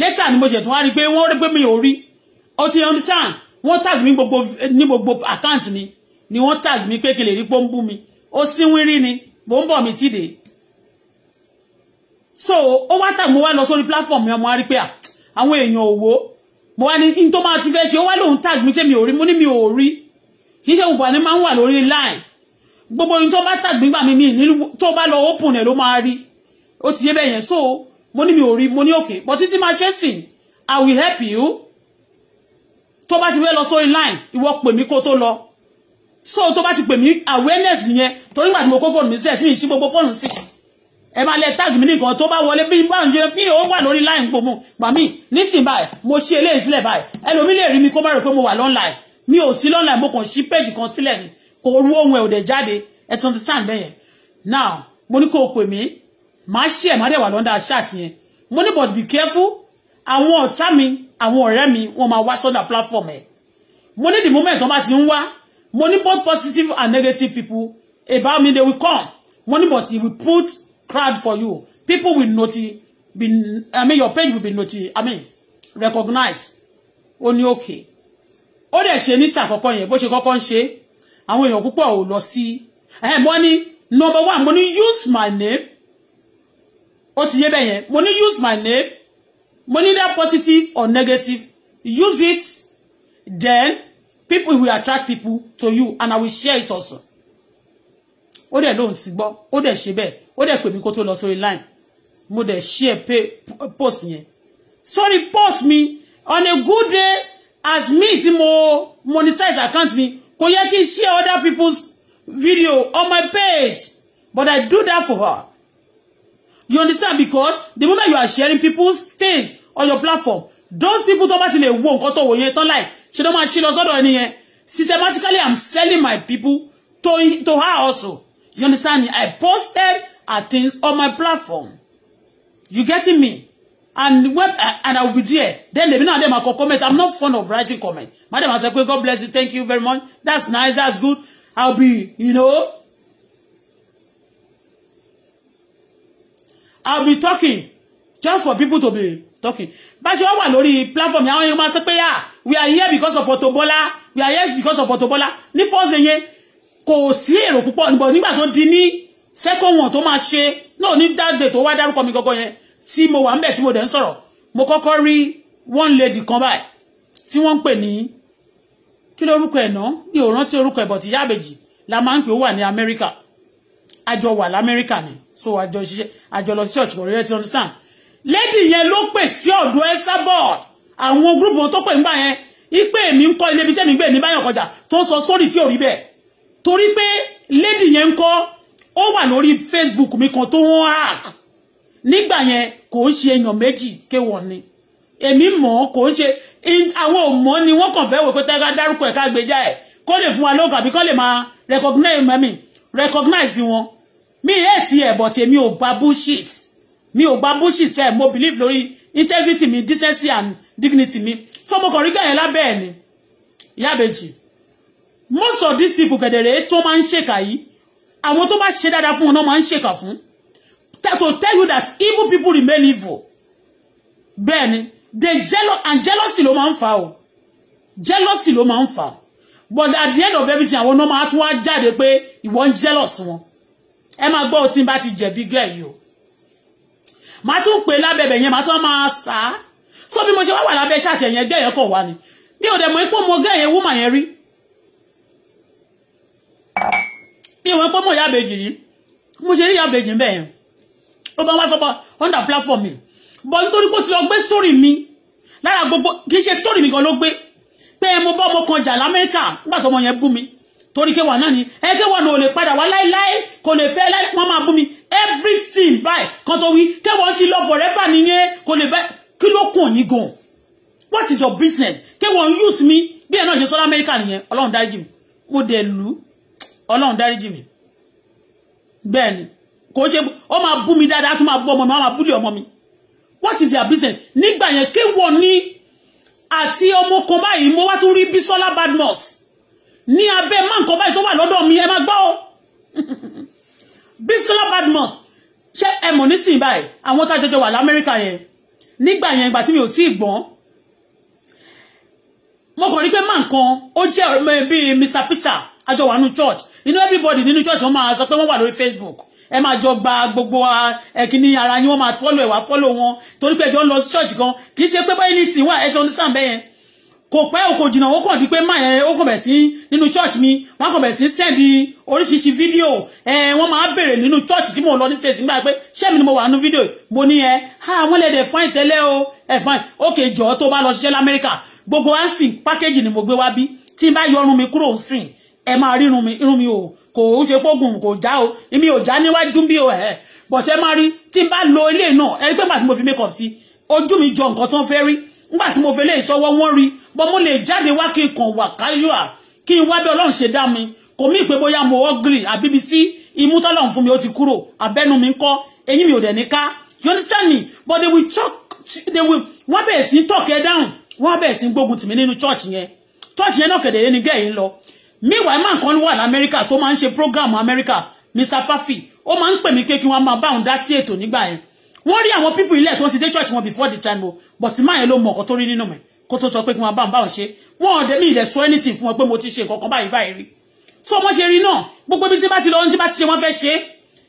lẹ́tà ni mo ṣẹ̀ tún wá rí pé wọ́n rí pé mi ò rí ó ti yẹ understand wọ́n tag mi ní gbogbo account mi ni wọ́n tag mi pé kí lè rí pọ́ńbù mi ó síwín ni mò ń bọ̀ mi tíde so ó wá tà mo wá lọ sórí platform mi ọmọ wa rí pé ah, àwọn èèyàn òwò mo wá ní n tó máa ti fẹ́ ṣe ó wá lóun tag mi tẹ́mi ò rí mo ní mi ò rí kì í ṣe òun bàní máa ń wà lórí line gbogbo ohun to bá tag nígbà mi nínú tó bá lọ open ẹ̀ ló máa rí ó ti yé bẹ́ẹ̀ yẹn so mo ní mi ò rí mo ní òkè but títí máa ṣe sìn i will help you tó bá ti fẹ́ lọ sórí line ìwọ pè mí kó tó lọ so tó bá ti pè mí awareness nìyẹn torí gbàdúgbò kó fóònù mi sí ẹ̀ tí mi sí gbogbo phone sí ẹ máa lẹ táàgì mi nìkan tó bá wọlé bí bá ń yẹ bí ó wà lórí láì gbòmù gbà mí nísìn báyìí mo ṣe eléyìí sílẹ̀ báyìí ẹlòmí lè rí mi kó má rò pé mo wà lọ́nláì mi ò sí lọ́nláì mo kàn sí péjì kan sílẹ̀ ni kò rú ohun ẹ̀ ò dẹ̀ jáde ẹ ti understand bẹ́yẹn now mo ní kó o pè mí màá ṣe ẹ̀ má dẹ̀ wà lọ́ndà ṣáàtì mo ní but be careful àwọn ọ̀tá mi àwọn ọ̀rẹ́ mi wọ́n máa wá sọ́dà platform ẹ̀ mo ní the moment wọ́n bá ti ń wá Money both positive and negative people about me they will come Money ní but he will put crowd for you people will notice be i mean your page will be notice i mean recognize Only okay ó dẹ̀ ṣe níta àkọ́kọ́ yẹn But ṣe kọ́kọ́ ń ṣe àwọn èèyàn púpọ̀ ò lọ sí ẹ̀ mo ní number one Money use my name ó ti yé Money use my name Money that positive or negative use it then people will attract people to you and I will share it also ó dẹ̀ lóhùn ti gbọ́ ó dẹ̀ ṣe bẹ́ẹ̀ ó dẹ̀ pè mí kó tó lọ sórí line mo dẹ̀ share post yẹn sorry post me on a good day as me tí mo monetize account mi kò yẹ kí share other people's video on my page but I do that for her you understand because the moment you are sharing people's things on your platform those people tó bá ti lè wo nǹkan tó wò yẹn tán like She don't máa She lọ sọ́dọ̀ ẹni systematically i'm selling my people to to her also you understand me i posted her things on my platform you getting me and when uh, and i will be there then they be now dem i go comment i'm not fond of writing comment madam i say okay god bless you thank you very much that's nice that's good i'll be you know i'll be talking just for people to be talking bá ṣe wá wà lórí platform àwọn èèyàn máa sọ pé ah we are here because of Auto we are here because of Auto Bola ní first day yẹn kò sí èrò púpọ̀ nígbà tó di ní second one tó máa ṣe náà ní that day tó wá dárúkọ mi gọ́gọ́ yẹn tí mo wà ń bẹ̀ tí mo dẹ̀ ń sọ̀rọ̀ mo kọ́kọ́ rí one lady kan báyìí tí wọ́n ń pè ní kí lórúkọ ẹ̀ náà mi ò rántí orúkọ ẹ̀ bọ̀ tí yáàbèjì la máa ń pè ó wà ní Amẹ́ríkà àjọ wà lamẹ́ríkà ni so àjọ ṣiṣẹ́ àjọ lọ sí church kò rí ẹ ti understand lady yẹn ló pè sí ọ̀dọ̀ Esabod àwọn gúrùpù tó pè ńgbà yẹn ipe èmi ń kọ́ ilé ibi tẹ́mi gbé ní báyọ̀ kọjá tó ń sọ sórí tí ò rí bẹ́ẹ̀ torí pé lady yẹn ń kọ́ ó wà lórí Facebook mi kan tó ń hack nígbà yẹn kò ń ṣe èèyàn méjì kéwọ̀n ni èmi mọ̀ ọ́ kò ń ṣe àwọn òmọ́ ni wọ́n kàn fẹ́ wò pé tẹ́ka dárúkọ ẹ̀ ká gbèjà ẹ̀ kó lè fún wa lóògùn àbí kó lè máa recognize mẹ́mì recognize wọn mi ẹ̀ ti ẹ̀ bọ̀ tèmi ò bá bullshit mi ò gba bullshit sẹ́ mo believe lórí integrity mi decency and dignity mi so mo kàn rí gẹ̀yẹ́ lábẹ́ ẹ̀ ni yábẹ́jì most of these people kẹ̀dẹ̀rẹ̀ tó man shake ṣèkà yìí àwọn tó bá ṣe dáadáa fún wọn náà máa ń ṣèkà fún to tell you that evil people remain evil Ben, they jealous and jealousy lo man ń fa o jealousy lo man ń fa but at the end of everything àwọn no máa tún wá jáde pé ìwọ ń jealous wọn ẹ máa gbọ́ ọtí bá ti jẹ̀bi gẹ́ẹ̀ yìí màá tún pè lábẹ́bẹ̀ yẹn màá tún máa sá so bí mo ṣe wá wà lábẹ́ ṣáàtì ẹ̀yẹn gẹ́ yẹn kàn wá ni mi ò dẹ̀ mọ̀ pé mo gẹ́ yẹn wúmà yẹn rí mi ò mọ̀ pé mo yá bèjì yìí mo ṣe rí yá bèjì bẹ́ẹ̀ yẹn ó bá wá sọ́pọ̀ under platform mi bọ́ nítorí pé ó ti lọ gbé story mi lára gbogbo kì í ṣe story mi gan ló gbé pé mo bá ọmọ kan jà lamẹ́ríkà nígbà tó ọmọ yẹn bú mi torí kéwà náà ni ẹ kéwà náà ò lè padà wá láéláé kò lè fẹ́ láéláé wọ́n máa bú mi everything báyìí kan tó wí kéwọ́n ti lọ forever nìyẹn kò lè bẹ́ kí ló kùn yín gan what is your business kéwọ́n use me bí ẹ̀ náà ṣe sọ́lá amẹ́ríkà nìyẹn ọlọ́run dáríjì mi mo dẹ̀ lù ọlọ́run dáríjì mi bẹ́ẹ̀ ni kò ṣe ó máa bú mi dáadáa tó máa bú ọmọ mi ó máa búlé ọmọ mi what is your business nígbà yẹn kéwọ́n ní àti ọmọ kan báyìí mo wá tún rí Bísọ́lá badmos. Ni abe man ń kọ báyìí tó wà lọ́dọ̀ mi ẹ máa gbọ́ Bisola Badmus ṣé ẹ mọ̀ nísìnyí báyìí àwọn tá a jọjọ wà lamẹ́ríkà yẹn nígbà yẹn ìgbà tí mi ò tí ì gbọ́n mo kàn rí pé máa nǹkan ó jẹ́ ọ̀rẹ́ bíi Mr Peter àjọ wà nínú church inú everybody nínú church wọ́n máa sọ pé wọ́n wà lórí Facebook ẹ máa jọ gba gbogbo ẹ̀kíní ara yín wọ́n máa fọ́lọ̀ ẹ̀wà fọ́lọ̀ wọn torí pé ẹjọ́ ń lọ sí church gan kì í ṣe pé báyìí ní tìwá ẹ ti understand bẹ́yẹn kò pẹ́ o kò jìnnà ó kàn di pé máa ẹ̀ ó kàn bẹ̀ sí nínú church mi wọ́n kàn bẹ̀ sí sẹ́ẹ̀dì oríṣiríṣi fídíò ẹ̀ wọ́n máa béèrè nínú church tí mò ń lọ ní sèṣin gbà pé ṣé mi ni mo wà nínú fídíò mo ní ẹ àwọn lẹ́dẹ̀ fine tẹ́lẹ̀ o ẹ̀ fine ókè jọ tó bá lọ ṣiṣẹ́ lamẹ́ríkà gbogbo wa ń sìn pákéjì ni mo gbé wá bí tí n bá yọ irun mi kúrò ń sìn ẹ máa rí irun mi o kò ó ṣe pógun kò já o èmi ò já níwájú bí o ẹ̀ bọ̀tẹ́ máa rí tí n bá lo ilé náà ẹ gbẹ́gbà tí mo fi make up sí ojú mi jọ nǹkan tó ń fẹ́ rí nígbà tí mo fẹ́ lè sọwọ́ wọ́n rí bọ́ mo lè jáde wá kí n kàn wà káyọ̀à kí n wá bí ọlọ́run ṣe dá mi kò mí pé bóyá mo ọ́gìrì àbíbi sí imú tọ́lọ́run fún mi ó ti kúrò abẹ́nu mi ń kọ́ eyín mi ò dẹ̀ ní ká you understand me but they will talk they will wọ́n bẹ̀rẹ̀ sí talk ẹ down wọ́n bẹ̀rẹ̀ sí gbógun tì nínú church yẹn church yẹn náà kẹ̀dẹ̀ ní gẹ̀ẹ́ yìí lọ meanwhile man kan wà lamẹ́ríkà tó máa ń ṣe program America. mr fafi ó máa ń pè mí pé kí wọ́n máa bá òun dá sí ètò nígbà yẹn wọ́n rí àwọn people ilé tí wọ́n ti dé church wọn before the time o but máa yẹn ló mọ ọkọ tó rí nínú mi kó tó sọ pé kí wọn bá wọn báwọn ṣe wọn ò dé mi ilẹ̀ sọ anything fún wọn pé mo ti ṣe nǹkan kan báyìí báyìí rí so wọ́n ṣe rí náà gbogbo ibi tí bá ti lọ ohun tí bá ti ṣe wọ́n fẹ́ ṣe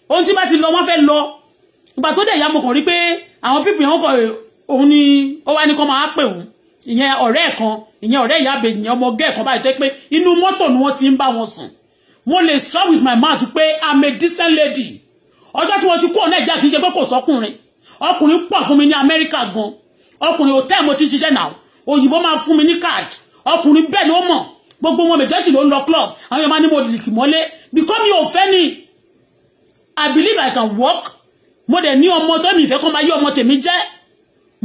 ohun tí bá ti lọ wọ́n fẹ́ lọ ìgbà tó dẹ̀ ya mo kàn rí pé àwọn people yẹn kọ òun ni ó wá ní kó máa pè òun ìyẹn ọ̀rẹ́ ẹ̀ kan ìyẹn ọ̀rẹ́ ìyá àbẹ̀ ìyẹn ọmọ ọgẹ́ ẹ̀ kan báyìí tó pé inú mọ́tò ni wọ́n ti ń bá wọn sùn wọ́n lè sọ with my mouth pé i'm a decent lady ọjọ́ tí wọ́n ti kú ọ̀nà ìjà kì í ṣe pé kò sọ́kùnrin ọkùnrin pọ̀ fún mi ní amẹ́ríkà gan ọkùnrin hòtẹ́ẹ̀lì mo ti ṣiṣẹ́ náà òyìnbó máa fún mi ní káàdì ọkùnrin bẹ́ẹ̀ ló mọ̀ gbogbo wọn méjèèjì ló ń lọ club àwọn yẹn máa ní mo dìlìkì mọ́lé because mi ò fẹ́ ni i believe i can work mo dẹ̀ ní ọmọ tó mi ìfẹ́ kọ́ máa yí ọmọ tèmi jẹ́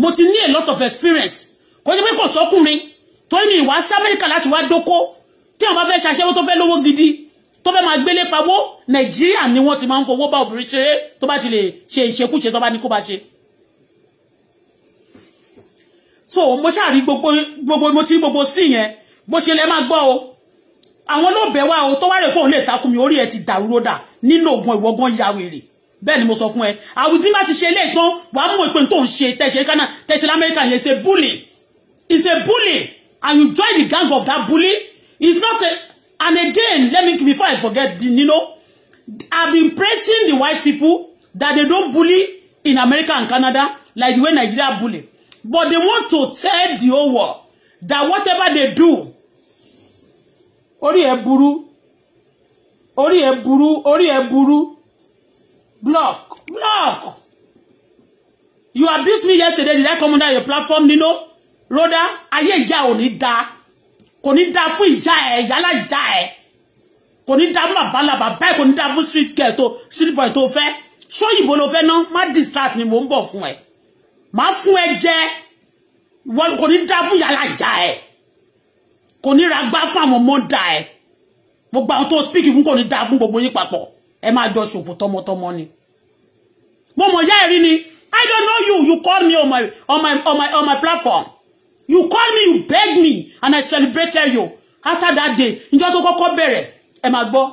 mo ti ní a lot of experience kò sí pé kò sọ́kùnrin torí mi ìwà sí amẹ́ríkà láti wá dóko tí àwọn bá fẹ́ ṣaṣẹ́wó tó fẹ́ lówó gidi tó fẹ́ máa gbélé pawó nàìjíríà ni wọ́n ti máa ń fowó bá obìnrin ṣeré tó bá ti lè ṣe ìṣekúṣe tó bá ní kó bá ṣe. so mo ṣàrí gbogbo gbogbo mo ti gbogbo sí yẹn bó ṣe lè máa gbọ́ o àwọn ló bẹ̀ wá o tó wá rè pé òun lè takú mi orí ẹ ti dàrú ródà nínú ògùn ìwọ́gbọ́n ya wèrè bẹ́ẹ̀ ni mo sọ fún ẹ àwùjọ bá ti ṣe ilé ìtàn wàá mú ìpín tó ń ṣe tẹ̀sẹ̀ kánà tẹ̀sẹ̀ lamẹ́ríkà yẹn ṣe bully is a bully and you join the gang of that bully It's not a And again, let me, before I forget, you know, I've been praising the white people that they don't bully in America and Canada like the way Nigeria bully. But they want to tell the whole world that whatever they do, ori ẹ burú, orí ẹ burú, orí ẹ burú, block, block. You abused me yesterday, did I come under your platform, Nino? Rhoda, ayé ìyá ò ní dáa kò ní dáa fún ìyá ẹ yálà ìyá ẹ kò ní dáa fún bàbá la bàbá ẹ kò ní dáa fún street girl tó street boy tó fẹ́ sóyìnbó ló fẹ́ ná má distract ni mò ń bọ̀ fún ẹ má fún ẹ jẹ kò ní dáa fún yálà ìyá ẹ kò ní ra gbá fún àwọn ọmọ dà ẹ gbogbo àwọn tó speak fún kò ní dáa fún gbogbo yín papọ̀ ẹ máa jọ ṣòfò tọmọtọmọ ni mo mọ̀ yá ẹ̀rí ni I don't know you you call me on my on my on my on my platform you call me you beg me and I celebrated you after that day níjọ́ tó kọ́kọ́ bẹ̀rẹ̀ ẹ máa gbọ́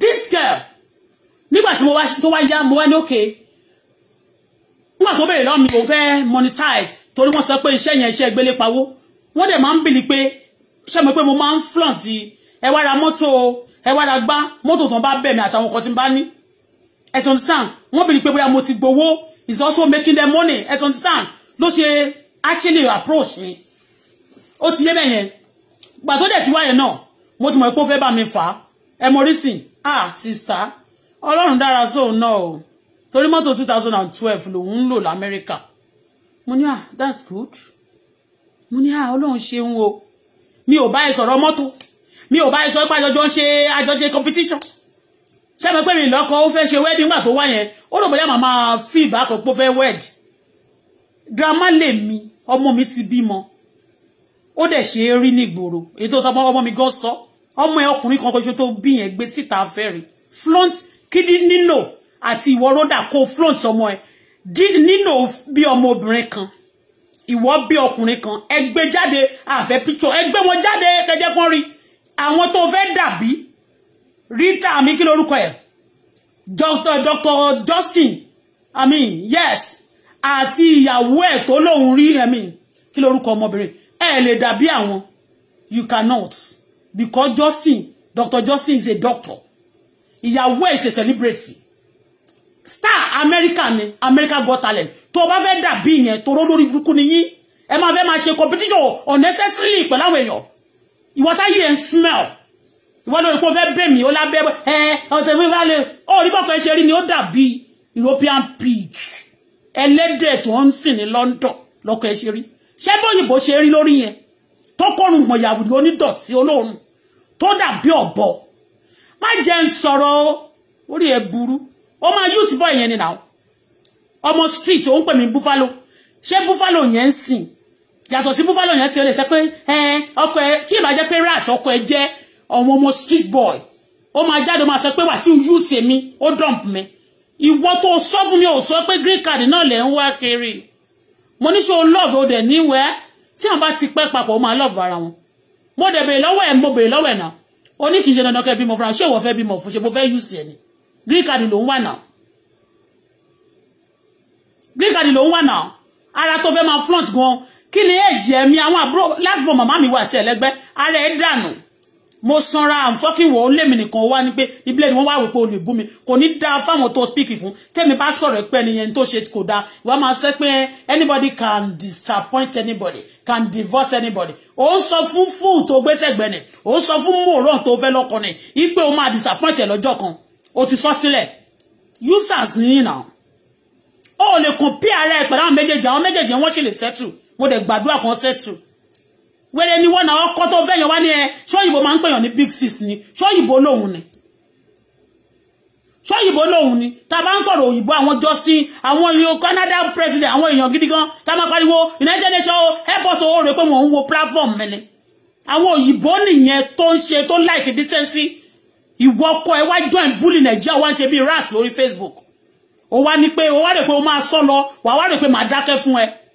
this girl nígbà tí mo wá tó wá yá mo wá ní òkè nígbà tó bẹ̀rẹ̀ lọ́mí mo fẹ́ monetize torí wọ́n sọ pé iṣẹ́ yẹn iṣẹ́ gbélé pawó wọ́n dẹ̀ máa ń bìlì pé ṣé mo pé mo máa ń flaunt ẹ wá ra mọ́tò ẹ wá ra gbá mọ́tò tó ń bá bẹ̀ mí àtàwọn kan tí ń bá ní ẹ ti understand wọ́n bìlì pé bóyá mo ti gbowó is also making their money ẹ understand ló ṣe actually approach me. ó ti yé bẹ́ẹ̀ yẹn gbà tó dẹ̀ ti wáyé náà mo ti mọ̀ pé ó fẹ́ mi fà á ẹ mọ ah sister ọlọ́run dára sóun náà o torí mọ́tò two thousand and twelve lòun ń lò ah, that's good mo ní ah ọlọ́run ṣeun o mi ò bá ẹ sọ̀rọ̀ mọ́tò mi ò bá ẹ sọ pé àjọjọ ń ṣe competition ṣé mo pè mí lọ́kọ ó fẹ́ ṣe wedding gbà to wá yẹn ó rò bóyá mama feedback ìbákan pé ó fẹ́ Drama lè mi ọmọ mi ti bímọ ó dẹ̀ ṣe é rí nígboro èyí tó sọ ọmọ mi gan sọ ọmọ ẹ ọkùnrin kan kọṣọ tó bí yẹn gbé síta fẹ́rẹ̀ flaunt kídí nílò àti ìwọ ródà kó flaunt ọmọ ẹ nílò bí ọmọ obìnrin kan ìwọ bí ọkùnrin kan ẹgbẹ́ jáde àfẹ píṣọ ẹgbẹ́ wọn jáde kẹjẹ kan rí àwọn tó fẹ́ dàbí Rita mi kí lórúkọ ẹ Dr. Dr. Justin I mean yes àti ìyàwó ẹ̀ tó lóun rí ẹ̀mí kí lórúkọ ọmọbìnrin ẹ̀ lè dàbí àwọn you cannot because Justin Dr. Justin is a doctor ìyàwó ẹ̀ is a celebrity star America ni America Got Talent tó bá fẹ́ dàbí yẹn tó rọ́ lórí burúkú ni yín ẹ máa fẹ́ máa ṣe competition unnecessarily pẹ̀lú àwọn èèyàn ìwọ táyé ẹ̀ ń smell ìwọ lórí kó fẹ́ bẹ̀ mí ó lábẹ́ ẹ ọ̀tẹ̀ fífẹ́ lè ó rí bọ́kọ̀ ẹ ṣe rí ni ó dàbí European pig ẹlẹ́dẹ̀ tó ń sìn ní London lọ́kọ ẹ ṣe rí ṣé bóyìnbó ṣe rí lórí yẹn tó kọrùn gbọ̀nyàwó ni onídọ̀tí olóòórùn tó dàbí ọ̀bọ má jẹ́ ń sọ̀rọ̀ o orí ẹ burú ó máa yúùsì bọ́ ìyẹn ni nà ọmọ street ó ń pè mí búfalo ṣé búfalo yẹn ń sìn yàtọ̀ sí búfalo yẹn sì ó lè sẹ́ pé ọkọ ẹ tí ìbá jẹ́ pé ras ọkọ ẹ jẹ́ ọmọ ọmọ street boy ó máa jáde ó máa sọ pé wàásù yúùsì mi ó dọ̀mp mi ìwọ tó sọ fún mi ò sọ pé green card náà lẹ̀ ń wá kiri mo ní ṣe o love o dẹ̀ níwẹ̀ẹ́ tí àwọn bá ti pẹ́ papọ̀ ó máa love ara wọn mo dẹ̀ bèrè lọ́wọ́ ẹ̀ mo bèrè lọ́wọ́ ẹ̀ náà ó ní kì í ṣe dandan kẹ́ bímọ fúnra ṣé ìwọ fẹ́ bímọ fún ṣe mo fẹ́ use ẹ̀ ni green card ló ń wà náà green card ló ń wà náà ara tó fẹ́ máa flaunt gan kí ni èjì ẹ̀mí àwọn àbúrò last born màmá mi wà sí ẹ̀lẹ́gbẹ́ ara ẹ̀ dànù mo sanra am fucking wo le mi nìkan wà ní pé ibile ni wọ́n wá wí pé ó lè bú mi kò ní dá fáwọn tó speak fún tèmi bá sọ̀rọ̀ pé niyan tó ṣe kò dá wá máa ṣe pé anybody can disappoint anybody can divorce anybody ó sọ fún fu tó gbé sẹ́gbẹ̀ ni ó sọ fún moron tó fẹ́ lọ́kàn ni ipe ó máa disappoint lọ́jọ́ kan ó ti sọ sílẹ̀ users ni now ó lè compare ara ẹ̀ pẹ̀lú àwọn méjèèjì àwọn méjèèjì wọ́n sì lè settle mo dẹ̀ gbàdúrà kan settle wẹ́rẹ́ ni wọ́n náà ọkọ tó fẹ́yàn wá ní ẹ ṣọ́yìnbó máa ń pèyàn ní big six ni ṣọ́yìnbó lòun ni ṣọ́yìnbó lòun ni tá a bá ń sọ̀rọ̀ òyìnbó àwọn Justin àwọn èèyàn Canada president àwọn èèyàn gidi gan tá a máa pariwo United Nation help us owó rẹ pé mò ń platform mi ni àwọn òyìnbó nìyẹn tó ń ṣe tó like decency ìwọ ọkọ ẹ wá join bully Nàìjíríà wá ń ṣe bíi ras lórí Facebook ó wá ní pé ó wá rè pé ó máa sọ lọ wàá wá rè pé màá dákẹ́ fún ẹ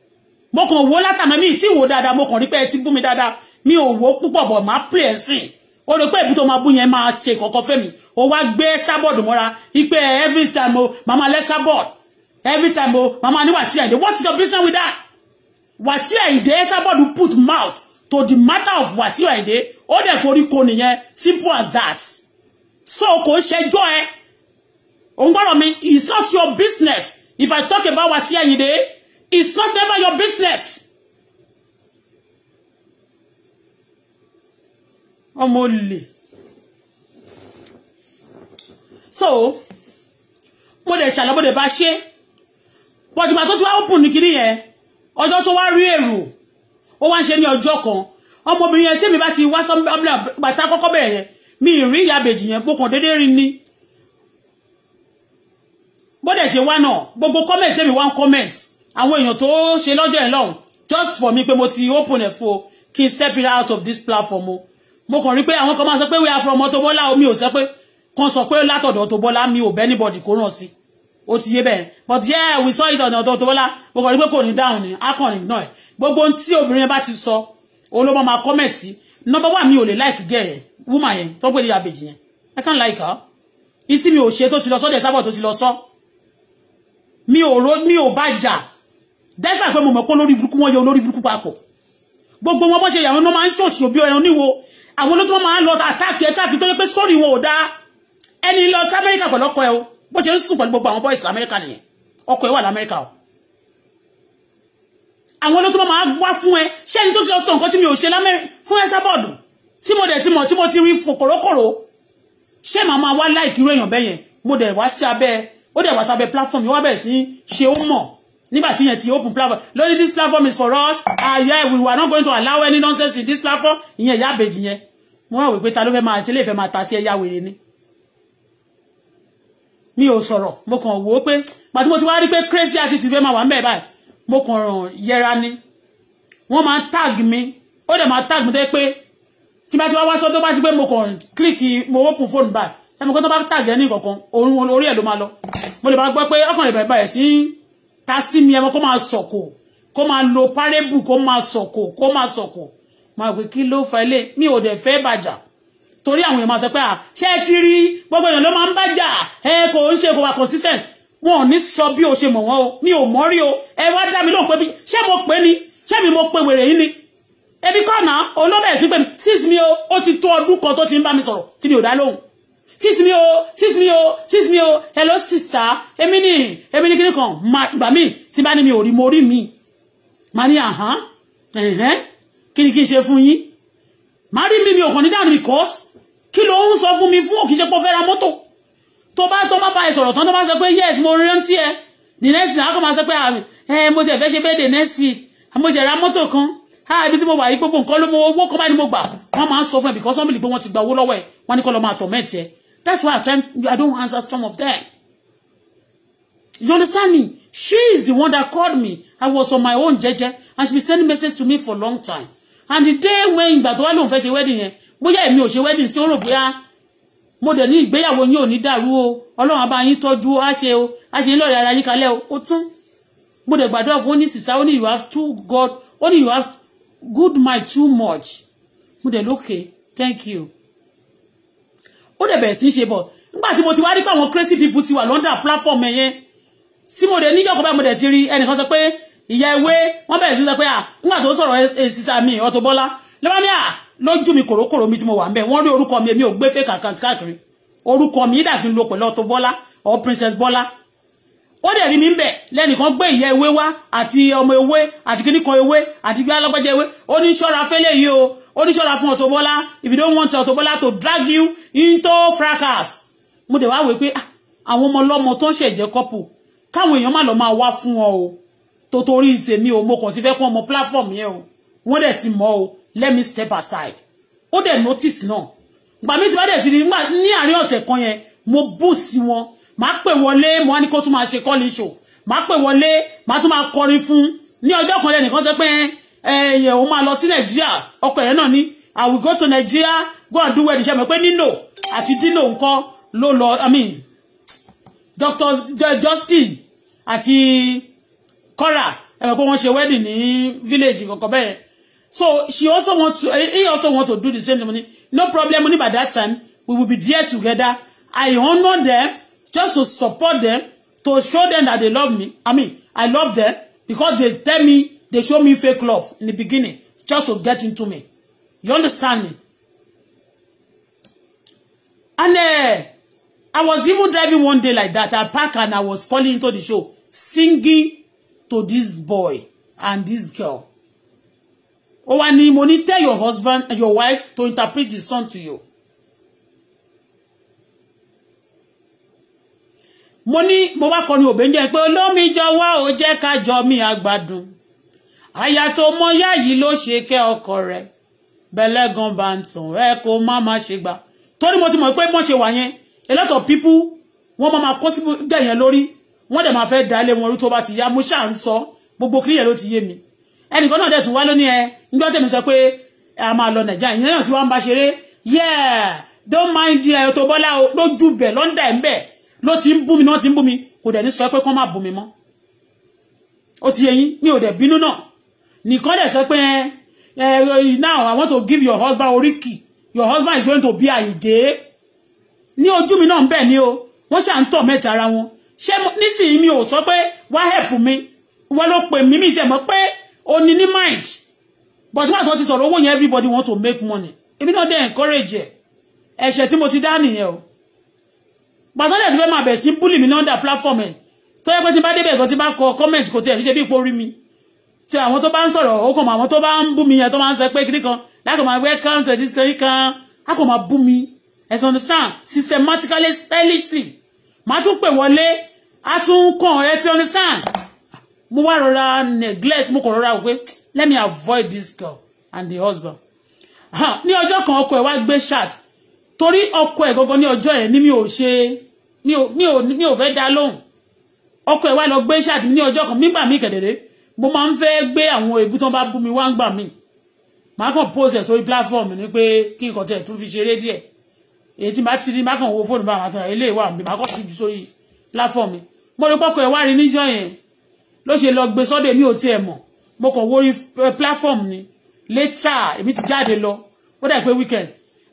mo kàn wò látàná mi tí wò dáadáa mo kàn rí pé ti bú mi dáadáa mi ò wò púpọ̀ bọ̀ máa pè é sìn o rò pé ìbú ma máa bú yẹn máa ṣe kankan fẹ́mi o wá gbé sábọ̀dù mọ́ra ipe every time o mama le sábọ̀d every time o mama ní Wàsíù Àyìndé what is your business with that Wa Wàsíù Àyìndé sábọ̀dù put mouth to the matter of wa Wàsíù Àyìndé ó dẹ̀ forí ko nìyẹn simple as that so kò ṣẹjọ́ ẹ òun gbọ́dọ̀ mi it's not your business if I talk about wa Wàsíù Àyìndé It's not ever your business. ọmọ olè so what dẹ̀ ṣàlọ́ mo dẹ̀ bá ṣe pọ̀jùmọ̀ tó ti wá open ní kiri yẹn ọjọ́ tó wá rí èrò ó wá your joke on, ọjọ́ kan ọmọbìnrin yẹn me èmi bá ti wá sọ́mbà bàtà kọ́kọ́ bẹ̀rẹ̀ yẹn mi ì rí ìyàbèjì yẹn mo kàn déédé rí ni bó dẹ̀ ṣe wá náà gbogbo comment èmi me one comment àwọn èèyàn tó ṣe lọ́jọ́ ẹ̀ lọ́hùn just for me pé mo ti open ẹ̀ fún o kí n step it out of this platform o mo kàn rí pé àwọn kan máa sọ pé we are from Auto Bola omi ò sọ pé kan sọ pé látọ̀dọ̀ Auto Bola mi ò bẹ́ anybody kó ràn sí ó ti yé bẹ́ẹ̀ but yeah we saw it on Auto Bola mo kàn rí pé kò ní dáhùn ni akọrin náà ẹ̀ gbogbo ohun tí obìnrin bá ti sọ òun ló máa comment sí number one mi ò lè like girl yẹn woman yẹn tó pè ní àbèjì yẹn I can't like her ìtí mi ò ṣe tó ti lọ sọ́dẹ̀ sábọ̀ tó ti lọ sọ́ mi ò bá jà despite pé mo mọ̀ pé olórí burúkú wọn yẹ olórí burúkú papọ̀ gbogbo wọn bọ́ ṣe yàwọn náà máa ń ṣòṣì òbí ọyàn níwo àwọn olótú wọn máa ń lọ àtàkì ẹ̀ka àfi tó yẹ pé sórí wọn o dáa ẹni lọ sí amẹ́ríkà pẹ̀lú ọkọ ẹ o bó ṣe ń sùn pẹ̀lú gbogbo àwọn bọ́ìsì amẹ́ríkà nìyẹn ọkọ ẹ wà lamẹ́ríkà o àwọn olótú wọn máa wá fún ẹ ṣé ẹni tó ti lọ sọ nǹkan tí mi ò ṣe fún ẹ sábọ̀dù tí mo dẹ̀ ti mọ̀ tí mo ti rí kòrókòrò ṣé màá máa wá láìkí irú èèyàn bẹ́yẹn mo dẹ̀ wá sí abẹ́ ó dẹ̀ wá sábẹ́ platform yìí wá bẹ̀ sí ṣe ó mọ̀ nígbà tí ti open platform lórí this platform is for us ayé ah, we were not going to allow any nonsense in this platform ìyẹn ìyá àbèjì yẹn mo wá wò pé ta ló fẹ́ máa ti lè fẹ́ máa ta sí ẹ̀yà wèrè ni mi ò sọ̀rọ̀ mo kàn wò ó pé pàtí mo ti wá rí pé crazy àti ti fẹ́ máa wà ń bẹ̀ mo kàn ràn yẹra ni wọ́n máa tag mi ó dẹ̀ máa tag mi tó yẹ pé tí ti wá wá sọ tó bá ti pé mo kàn click mo open phone báyìí ṣé mo kọ́ tó bá tag ẹni kankan òun orí ẹ̀ ló máa lọ mo lè máa gbọ́ pé ọkàn rẹ̀ bàbá ẹ̀ sí tásímì ẹmọ kó máa sọ̀kò kó máa lo parebu kó máa sọ̀kò kó máa sọ̀kò máa pè kí ló fa ilé mi ò dẹ̀ fẹ́ bàjá torí àwọn èèyàn máa sọ pé à ṣé ti rí gbogbo èèyàn ló máa ń bàjá ẹ kò ń ṣe consistent wọn ò ní sọ o ṣe mọ̀ wọ́n o mi ò mọ̀ rí o ẹ wá dá mi lóhùn pé bí ṣé mo pè ní ṣé mi mo pe wèrè yín ni ebi kọ́nà olóbẹ̀ẹ́sí pé mi sísmi o ó ti tó ọdún kan tó ti ń bá mi sọ̀rọ̀ tí mi ò dá lóhùn sis mi o sis mi o sis mi o hello sister èmi ni èmi ni kíni kan ma ìgbà mi tí ba ní mi ò rí mo rí mi ma ní àhán ẹ̀hẹ́n kí ni kí n ṣe fún ma rí mi mi ò kàn ní dànù because kí ló ń sọ fún mi fún òkìṣe pé ó fẹ́ ra mọ́tò tó bá tó bá ba ìsọ̀rọ̀ tán tó bá sọ pé yes mo rántí ẹ the next thing akọ́ máa sọ pé ẹ mo ti ẹ̀ fẹ́ ṣe next week mo ti ẹ̀ ra mọ́tò kan ha ibi tí mo wà yí gbogbo nǹkan ló mo owó kan báyìí ni mo gbà wọ́n máa ń sọ fún ẹ because wọ́n bìlì pé wọ́n ti gba owó lọ́wọ́ ẹ wọ́n ní kọ́ lọ́ máa tọ̀ mẹ́ẹ̀tì That's why I, tend, I don't answer some of them. You understand me? She is the one that called me. I was on my own JJ, and she been sending message to me for a long time. And the day when ìgbà one of lóun wedding yẹn bóyá èmi ò ṣe wedding sí ó rò bóyá mo dẹ̀ ní ìgbéyàwó yín ò ní dàrú o ọlọ́run abá yín tọ́jú á ṣe o á ṣe lọ́ọ̀rẹ́ ara yín kalẹ̀ o ó tún mo dẹ̀ gbàdúrà fún ó ní sísá you have too God ó you have good mind too much mo dẹ̀ lókè thank you ó dẹ̀ bẹ̀rẹ̀ sí í ṣe bọ̀ nígbà tí mo ti wá rí pé àwọn crazy people ti wà lọ́ndà platform ẹ̀yẹn tí mo dẹ̀ níjọ́kọ̀ báyìí mo dẹ̀ ti rí ẹnìkan sọ pé ìyá ewé wọ́n bẹ̀rẹ̀ sí sọ pé à nígbà tó sọ̀rọ̀ sísá mi Auto Bola lọ́wọ́ ní à lójú mi kòrókòrò mi tí mo wà ń bẹ̀ wọ́n rí orúkọ mi èmi ò gbé fake account káàkiri orúkọ mi ìdàgbé ń lo pẹ̀lú Auto Bola or Princess Bola ó dẹ̀ rí mi ń bẹ̀ lẹ́nìkan gbé ìyá ewé wá àti ọmọ ewé àti kíníkan ewé àti gbé alágbẹ́jẹ ewé ó ní ṣọ́ra fẹ́lẹ́ yìí o ó ní ṣọ́ra fún Auto if you don't want Auto Bola to drag you into fracas mo dẹ̀ wá wò pé ah, àwọn ọmọ ọlọ́mọ tó ń ṣẹ̀jẹ̀ couple káwọn èèyàn má lọ máa wá fún ọ o tó torí tèmi o mo kàn ti fẹ́ kún ọmọ platform yẹn o wọ́n dẹ̀ ti mọ̀ o let me step aside ó dẹ̀ notice náà gbà mí ti bá dẹ̀ ti ní ní àárín ọ̀sẹ̀ kan yẹn mo boost wọn màá pè wọlé mo wá ní kó tún máa ṣe kọ́lì ṣò màá pè wọlé màá tún máa kọrin fún ní ọjọ́ kan lẹ́nìkan sọ pé ẹ̀yẹ̀ eh, òun máa lọ sí nàìjíríà ọkọ ẹ̀ náà ní I will go to Nigeria go and do wedding ṣe mọ̀ pé nínú àti dino nǹkan ló lọ I mean Dr. Eh, Justin àti Cora ẹ mọ̀ pé wọ́n ṣe wedding ní village kankan bẹ́ẹ̀ so she also want to eh, he also want to do the same thing no problem Money by that time we will be there together I honour them just to support them to show them that they love me I mean I love them because they tell me They show me fake love in the beginning just to get into me. You understand me? And uh, I was even driving one day like that. I park and I was falling into the show, singing to this boy and this girl. Oh, and Nimoni, tell your husband and your wife to interpret the song to you. Money ní mo wá kọrin òbẹ́njẹ́ pé olómi jọ wá ó jẹ́ ká jọ mí Aya tó mọ́yá yìí ló ṣe kẹ́ ọkọ rẹ̀ bẹ̀lẹ́gan bá ń tàn ẹ kó má má ṣe gbà torí mo ti mọ̀ pé mọ́ṣe wà yẹn a lot of people wọ́n máa máa kó sí gbẹ̀yẹn lórí wọ́n dẹ̀ máa fẹ́ da ilé wọn rú tó bá ti yá mo ṣáà ń sọ gbogbo kílíyẹ̀ ló ti yé mi ẹnìkan náà dẹ̀ tún wá lónìí ẹ nígbà tẹ̀mí sọ pé a máa lọ nàìjíríà ìyẹn náà tí wọ́n bá ṣeré yeah don't mind ẹ tó bọ́lá lójú bẹ̀ lọ́ndà ẹ̀ ń bẹ̀ ló ti ń bú mi náà ti ń bú mi kò dẹ̀ ní sọ pé nìkan dẹ̀ sọ pé now I want to give your husband oríkì your husband is going to be àyídé ní ojú mi náà ń bẹ̀ ni o wọ́n ṣà ń tọ̀ mẹ́ta ara wọn ṣé nísìnyí mi ò sọ pé wá help mi wọ́n ló pè mí mi ìṣẹ̀ mọ́ pé o ní ní mind but wọ́n àtọ́ ti sọ̀rọ̀ owó yẹn everybody want to make money èmi náà dẹ̀ encourage ẹ̀ ẹ̀ṣẹ̀ tí mo ti dá nìyẹn o pàtó dẹ̀ ti fẹ́ máa bẹ̀ sí búlì mi náà dà platform ẹ̀ tó yẹ pé tí bá débẹ̀ kan tí bá kọ comment kò tẹ̀ níṣẹ́ bí ipò orí mi tí àwọn tó bá ń sọ̀rọ̀ ó kàn mọ àwọn tó bá ń bú mi yẹn tó máa ń sọ pé kiri kan lákàn máa welcome to this day kan á kàn máa bú mi ẹ̀sán understand systematically stylishly máa tún pè wọlé á tún kàn ẹ ti understand mo wá rọra neglect mo kàn rọra wò pé let me avoid this girl and the husband ní ọjọ́ kan ọkọ ẹ̀ wá gbé chat torí ọkọ ẹ̀ gangan ní ọjọ́ ẹ̀ ni mi ò ṣe mi ò mi ò fẹ́ dá lóhùn ọkọ ẹ̀ wá lọ gbé chat ní ọjọ́ kan nígbà mí kẹ̀dẹ̀dẹ̀ mo máa ń fẹ́ gbé àwọn èébú tó bá bú mi wá ń gbà mí màá kàn post ẹ̀ sórí platform ni pé kí nǹkan tẹ̀ tún fi ṣeré díẹ̀ èyí tí màá ti rí màá kàn wo fóònù bá àwọn àtàrà ilé ìwà mi màá kàn sí ju sórí platform mi mo rí pọ́kọ̀ ẹ̀ wá rí níjọ́ yẹn ló ṣe lọ gbé sọ́dẹ̀ mi ò tiẹ̀ mọ̀ mo kàn wo eh, platform ni later èmi ti jáde lọ ó dà pé weekend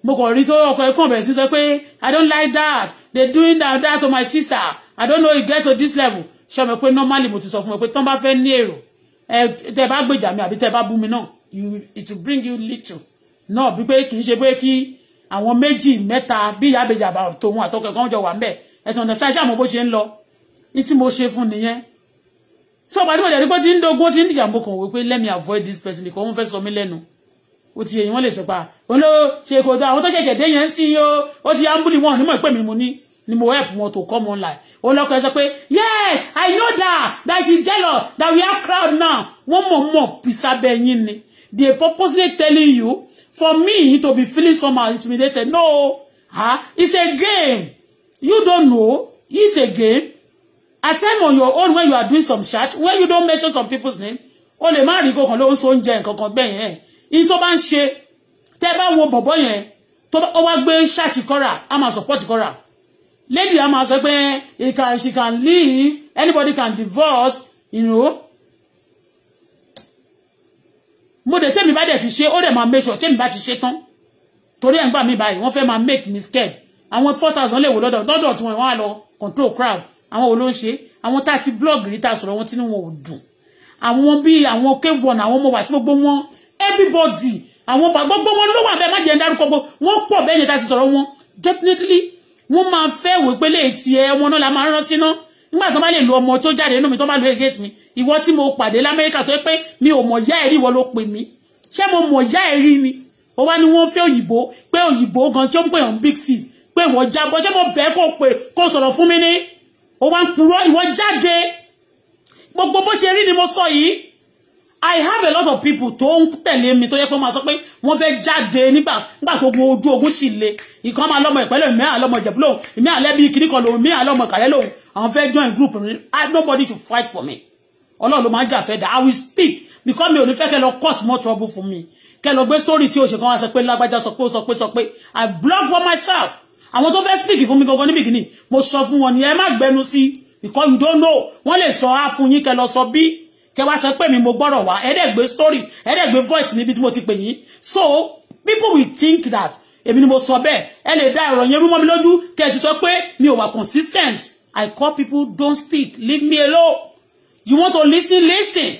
mo kàn rí tó ọkọ̀ ẹ̀ kàn bẹ̀rẹ̀ sí sọ pé i don't like that they doing that, that to my sister i don't know it get to this level ṣe ọmọ pé normally mo ti sọ fún ọ pé tán bá fẹ́ ní èrò tẹ bá gbèjà mi àbí tẹ bá bú mi náà it will bring you little náà bí pé kì í ṣe pé kí àwọn méjì mẹ́ta bí ìyá àbèjà àbá tòun àtọkẹ kan jọ wà ńbẹ̀ ẹ̀sìn ọ̀nà sáà ṣàmọ́ bó ṣe ń lọ ní tí mo ṣe fún nìyẹn so pàdé pàdé àdúgbò tí ń dogun tí ń dìjà mo kàn wí pé let me avoid this person because wọ́n fẹ́ sọ mí lẹ́nu ó ti yẹ wọ́n lè sọ pa ah, òun ló ṣe kò tó àwọn tó ṣẹ̀ṣẹ̀ dé yẹn ń sìn yó ó ti yá ń bú ni wọn ò ní mọ̀ pé mi mo ní ni mo help wọn to come online ó lọ́kọ̀ ẹ sọ pé yes i know that that she's jealous that we are crowd now wọ́n mọ̀ mọ̀ pìsàbẹ̀ yín ni they purposely telling you for me to be feeling somehow intimidated no huh? it's a game you don't know it's a game at time on your own when you are doing some chat when you don't mention some people's name o lè má rí kankan ló so oúnjẹ nǹkan kan bẹ́ẹ̀ yẹn in tó bá ń ṣe tẹ́ bá wo bọ̀bọ́ yẹn tó bá ó wá gbé ṣáàtì kọ́ra a máa support Kora lady a máa sọ pé she can leave anybody can divorce you know mo de temi ba de ti ṣe ó dẹ̀ máa make sure tẹ́mi bá ti ṣe tán torí ẹ̀ ń gbà mí báyìí wọ́n fẹ́ make me scared àwọn four thousand lè wò lọ́dọ̀ lọ́dọ̀ tí wọ́n wá lọ control crowd àwọn wo ló ń ṣe àwọn a ti blog rí ta sọ̀rọ̀ wọn tí wọn ò dùn àwọn bíi àwọn kébọn àwọn ọmọ wà sí gbogbo wọn everybody àwọn gbogbo wọn ló wà bẹ́ẹ̀ má jẹ́ ń gbogbo wọn pọ̀ bẹ́ẹ̀ yẹn ta ti sọ̀rọ̀ wọn definitely wọ́n máa fẹ́ wò pé lè tiẹ̀ ọmọ náà la máa rán síná nígbà tó bá lè lo ọmọ tó jáde nínú mi tó bá lo against mi ìwọ tí mo pàdé lamẹ́ríkà tó pé mi ò mọ̀ yá ẹ̀rí ìwọ ló pè mí ṣé mo mọ̀ yá ẹ̀rí ni ó wá ní wọ́n fẹ́ òyìnbó pé òyìnbó gan tí ó ń pè hàn big six pé ìwọ jábọ́ ṣé mo bẹ́ẹ̀ kó pè kó sọ̀rọ̀ fún mi ní ó wá ń purọ́ ìwọ jáde gbogbo bó ṣe rí ni mo sọ yìí I have a lot of people tó ń tẹ̀lé mi tó yẹ pé wọ́n máa sọ pé wọ́n fẹ́ jáde nígbà nígbà tó gbọ́ ojú ogun sì le ìkan máa lọ́mọ ìpẹ́lẹ̀ mi àlọ́mọ ìjẹ̀bú lòun mi àlẹ́bí kìíní kan lòun mi àlọ́mọ ìkàlẹ́ lòun àwọn fẹ́ join group mi nobody should fight for me ọlọ́run ló máa ń jà fẹ́ dà I will speak because mi ò ní fẹ́ kẹ́ lọ cause more trouble for me kẹ́ lọ gbé story tí o ṣe kan wá sọ pé lágbájá sọ pé sọ pé sọ pé I block for myself àwọn tó fẹ́ speak fún mi gangan ní bìkínì mo sọ fún wọn ni ẹ má gbẹnu sí because you don't know wọ́n lè sọ á fún yín kẹ́ lọ sọ bí kẹ wá sọ pé mi mo gbọ́rọ̀ wá ẹ̀ẹ́dẹ̀gbẹ́ story ẹ̀ẹ́dẹ̀gbẹ́ voice níbi tí mo ti pè yín so people will think that èmi ni mo sọ bẹ́ẹ̀ ẹ lè dá ọ̀rọ̀ yẹn rú mọ́ mi lójú kẹ́ ẹ ti sọ pé mi ò wà consistent I call people don't speak leave me alone you want to listen listen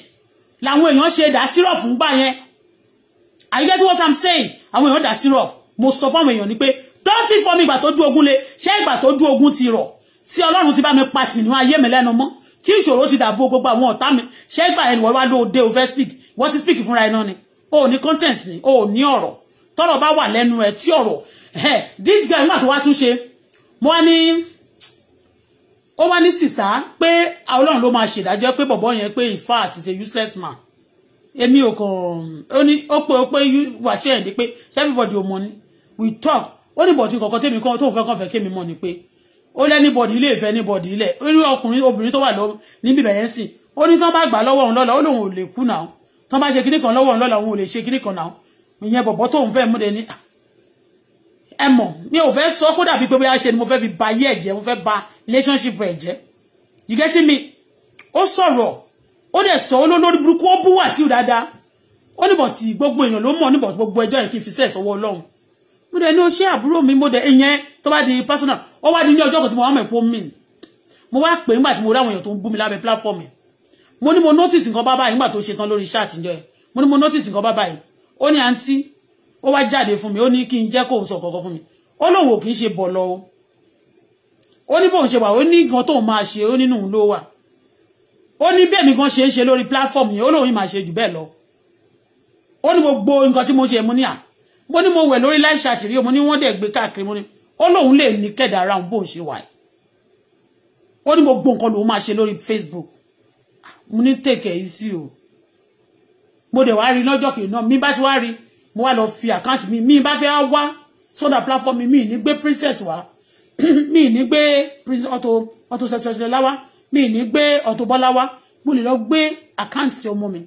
làwọn èèyàn ṣe dá sírọ̀ fún gbà yẹn are you getting what I'm saying àwọn èèyàn dá sírọ̀ mo sọ fáwọn èèyàn ni pé don't speak for me ìgbà tó dú ogun le ṣé ìgbà tó dú ogun ti rọ̀ sí ọlọ́run ti bá mi pa tìmínú ayé mi lẹ́nu mọ́ tí ìṣòro ti dàbò gbogbo àwọn ọ̀tá mi ṣẹ́gbà ẹni wọ́n wá ló dé o fẹ́ speak wọ́n ti speak fúnra ẹ náà ni o ò ní content ni o ò ní ọ̀rọ̀ tọ́rọ̀ bá wà lẹ́nu ẹ̀ tí ọ̀rọ̀ this guy nígbà to wá tún ṣe mo wá ní ó wá ní sìsá pé ọlọ́run ló máa ṣèdájọ́ pé bọ̀bọ́ yẹn pé in fact is a useless man èmi ò kàn ó ní ó pé ó pé wàṣẹ́ ẹ̀ ní pé everybody ò mọ̀ ni we talk ó ní bọ̀tí kọ̀ọ̀kan tèmi kan tó fẹ́ kàn fẹ́ kémi mọ̀ ni pé ó lẹ́nibọ̀dì ilé ìfẹ́ níbọ̀dì ilẹ̀ irú ọkùnrin obìnrin tó wà lọ níbi bẹ̀yẹn sì ó ní tán bá gbà lọ́wọ́ òun lọ́la ó lòun ò lè kú náà tán bá ṣe kíní kan lọ́wọ́ òun lọ́la òun ò lè ṣe kíní kan náà ìyẹn bọ̀bọ̀ tóun fẹ́ múde ní ah, ẹ mọ̀ mi ò fẹ́ sọ kó dàbí pé bóyá ṣe ni mo fẹ́ fi ba ayé ẹ̀jẹ̀ mo fẹ́ ba relationship ẹ̀jẹ̀ you get me ó sọ̀rọ̀ ó dẹ̀ sọ olólórí burúkú ó bú wà sí dáadáa ó níbọ̀ tí gbogbo èèyàn ló mọ̀ níbọ̀ gbogbo ẹjọ́ yìí kí n fi sẹ́ẹ̀ sọ́wọ́ ọlọ́run mo dẹ̀ ní o ṣé àbúrò mi mo dẹ̀ ìyẹn tó bá di personal ó wá di ní ọjọ́ kan tí mo wá mọ̀ pé ó mìn mo wá pè nígbà tí mo ráwọn èèyàn tó ń bú mi lábẹ́ platform ẹ̀ mo ní mo notice nǹkan bá báyìí nígbà tó ṣe tán lórí iṣẹ́ àtijọ́ ẹ̀ mo ní mo notice nǹkan bá báyìí ó ní àǹtí ó wá jáde fún mi ó ní kí n jẹ́ kóun sọ kankan fún mi ó lóun ò kì í ṣe bọ̀ lọ o ó ní bóun ṣe wà ó ní nǹkan tóun máa ṣe ó nínú ló wà ó ní bẹ́ẹ̀ mi kan ṣe ń ṣe lórí platform yẹn ó lóun máa ṣe jù bẹ́ẹ̀ lọ ó ní mo gbọ́ nǹkan tí mo ṣe mo ní à mo ní mo wẹ̀ lórí live chat rí o mo ní wọ́n dẹ̀ gbé káàkiri mo ní ó lóun lè ní kẹ̀dà ara òun bóun ṣe wà yìí ó ní mo gbọ́ nǹkan lòun máa ṣe lórí Facebook mo ní tèkè yìí sí o mo dẹ̀ wá rí lọ́jọ́ kìí náà mi bá ti wá rí mo wá lọ fi àkáǹtì mi mi bá fẹ́ wá sọ́dà platform mi ní gbé princess wá mi ní gbé Auto Auto sẹsẹsẹ láwá mi ní gbé Auto Bọ́lá wá mo lè lọ gbé àkáǹtì ọmọ mi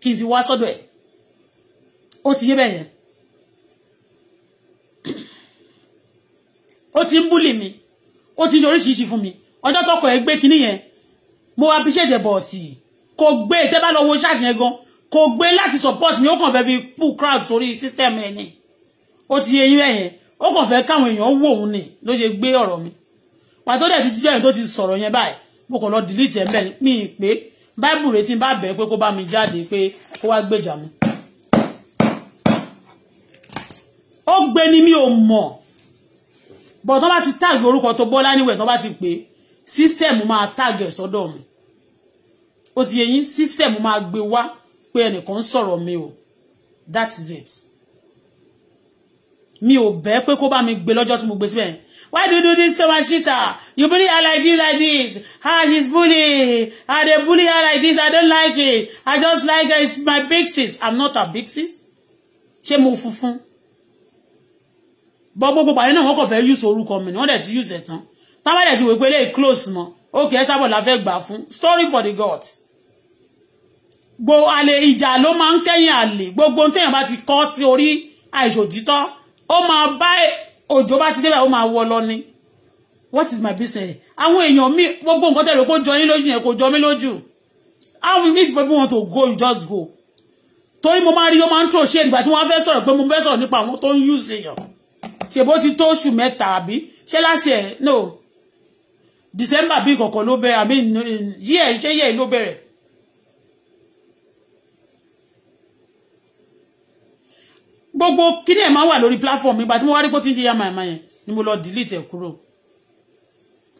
kí n fi wá sọ́dọ̀ ẹ̀ ó ti yé bẹ́ẹ̀ yẹn o ti ń búlì mi ó ti oríṣiríṣi fún mi ọjọ́ tọkọ ẹ gbé kinní yẹn mo wá bíṣẹ́ ìdẹ̀bọ̀ ọ̀tì kò gbé tẹ́ bá lọ wo ṣáàtì yẹn gan kò gbé láti support mi ó kàn fẹ́ fi pull crowd sórí system ẹ̀ ni ó ti yẹ yẹn yẹn ó kàn fẹ́ káwọn èèyàn wò òun ni ló ṣe gbé ọ̀rọ̀ mi pàtó dẹ̀ ti jíjẹ́ yẹn tó ti sọ̀rọ̀ yẹn báyìí mo kàn lọ delete ẹ̀ mẹ́rin mi pé báìbù rẹ̀ ti ń bá bẹ̀ pé kó bá mi jáde pé kó wá gbèjà mi ó gbé ni mi ò mọ̀ but tó bá ti tag orúkọ tó bọ́lá níwẹ̀ tó bá ti pè system máa tag ẹ̀ sọ́dọ̀ mi ó ti yẹ yín system máa gbé wá pé ẹnìkan ń sọ̀rọ̀ mi o that is it mi ò bẹ́ pé kó bá mi gbé lọ́jọ́ tí mo gbé síbẹ̀ why do you do this to my sister you bully her like this like this ah she's bully ah they bully her like this i don't like it i just like her it's my big sis i'm not her big sis ṣé mo funfun bọ́ gbogbo pàdé náà wọ́n kàn fẹ́ use orúkọ mi ni wọ́n dẹ̀ ti use ẹ̀ tán tábà dẹ̀ ti wò pé léyìí close mọ́ ókè ẹ sábọ̀ la fẹ́ gbà fún story for the gods gbo àlè ìjà ló máa ń kẹ́yìn àlè gbogbo téèyàn bá ti kọ́ sí orí àìṣòtítọ́ ó máa bá e, òjò bá ti débẹ̀ ó máa wọ lọ ni what is my business àwọn èèyàn mi gbogbo nǹkan tẹ̀lé kó jọ yín lójú yẹn kò jọ mí lójú how if people want to go you just go torí mo máa rí ó máa ń tò ṣe ìgbà tí wọ́n fẹ́ sọ̀rọ̀ pé mo fẹ́ sọ̀rọ̀ nípa àwọn tó ń use èèyàn ṣe bó ti tó oṣù mẹ́ta àbí ṣé láti ẹ̀ no December bí kọ̀ọ̀kan ló bẹ̀rẹ̀ àbí yíyẹ ṣé yíyẹ ló bẹ̀rẹ̀ gbogbo kíní ẹ̀ máa wà lórí platform ìgbà tí mo wá rí kó ti ń ṣe yàmà ẹ̀mà yẹn ni mo lọ delete ẹ̀ kúrò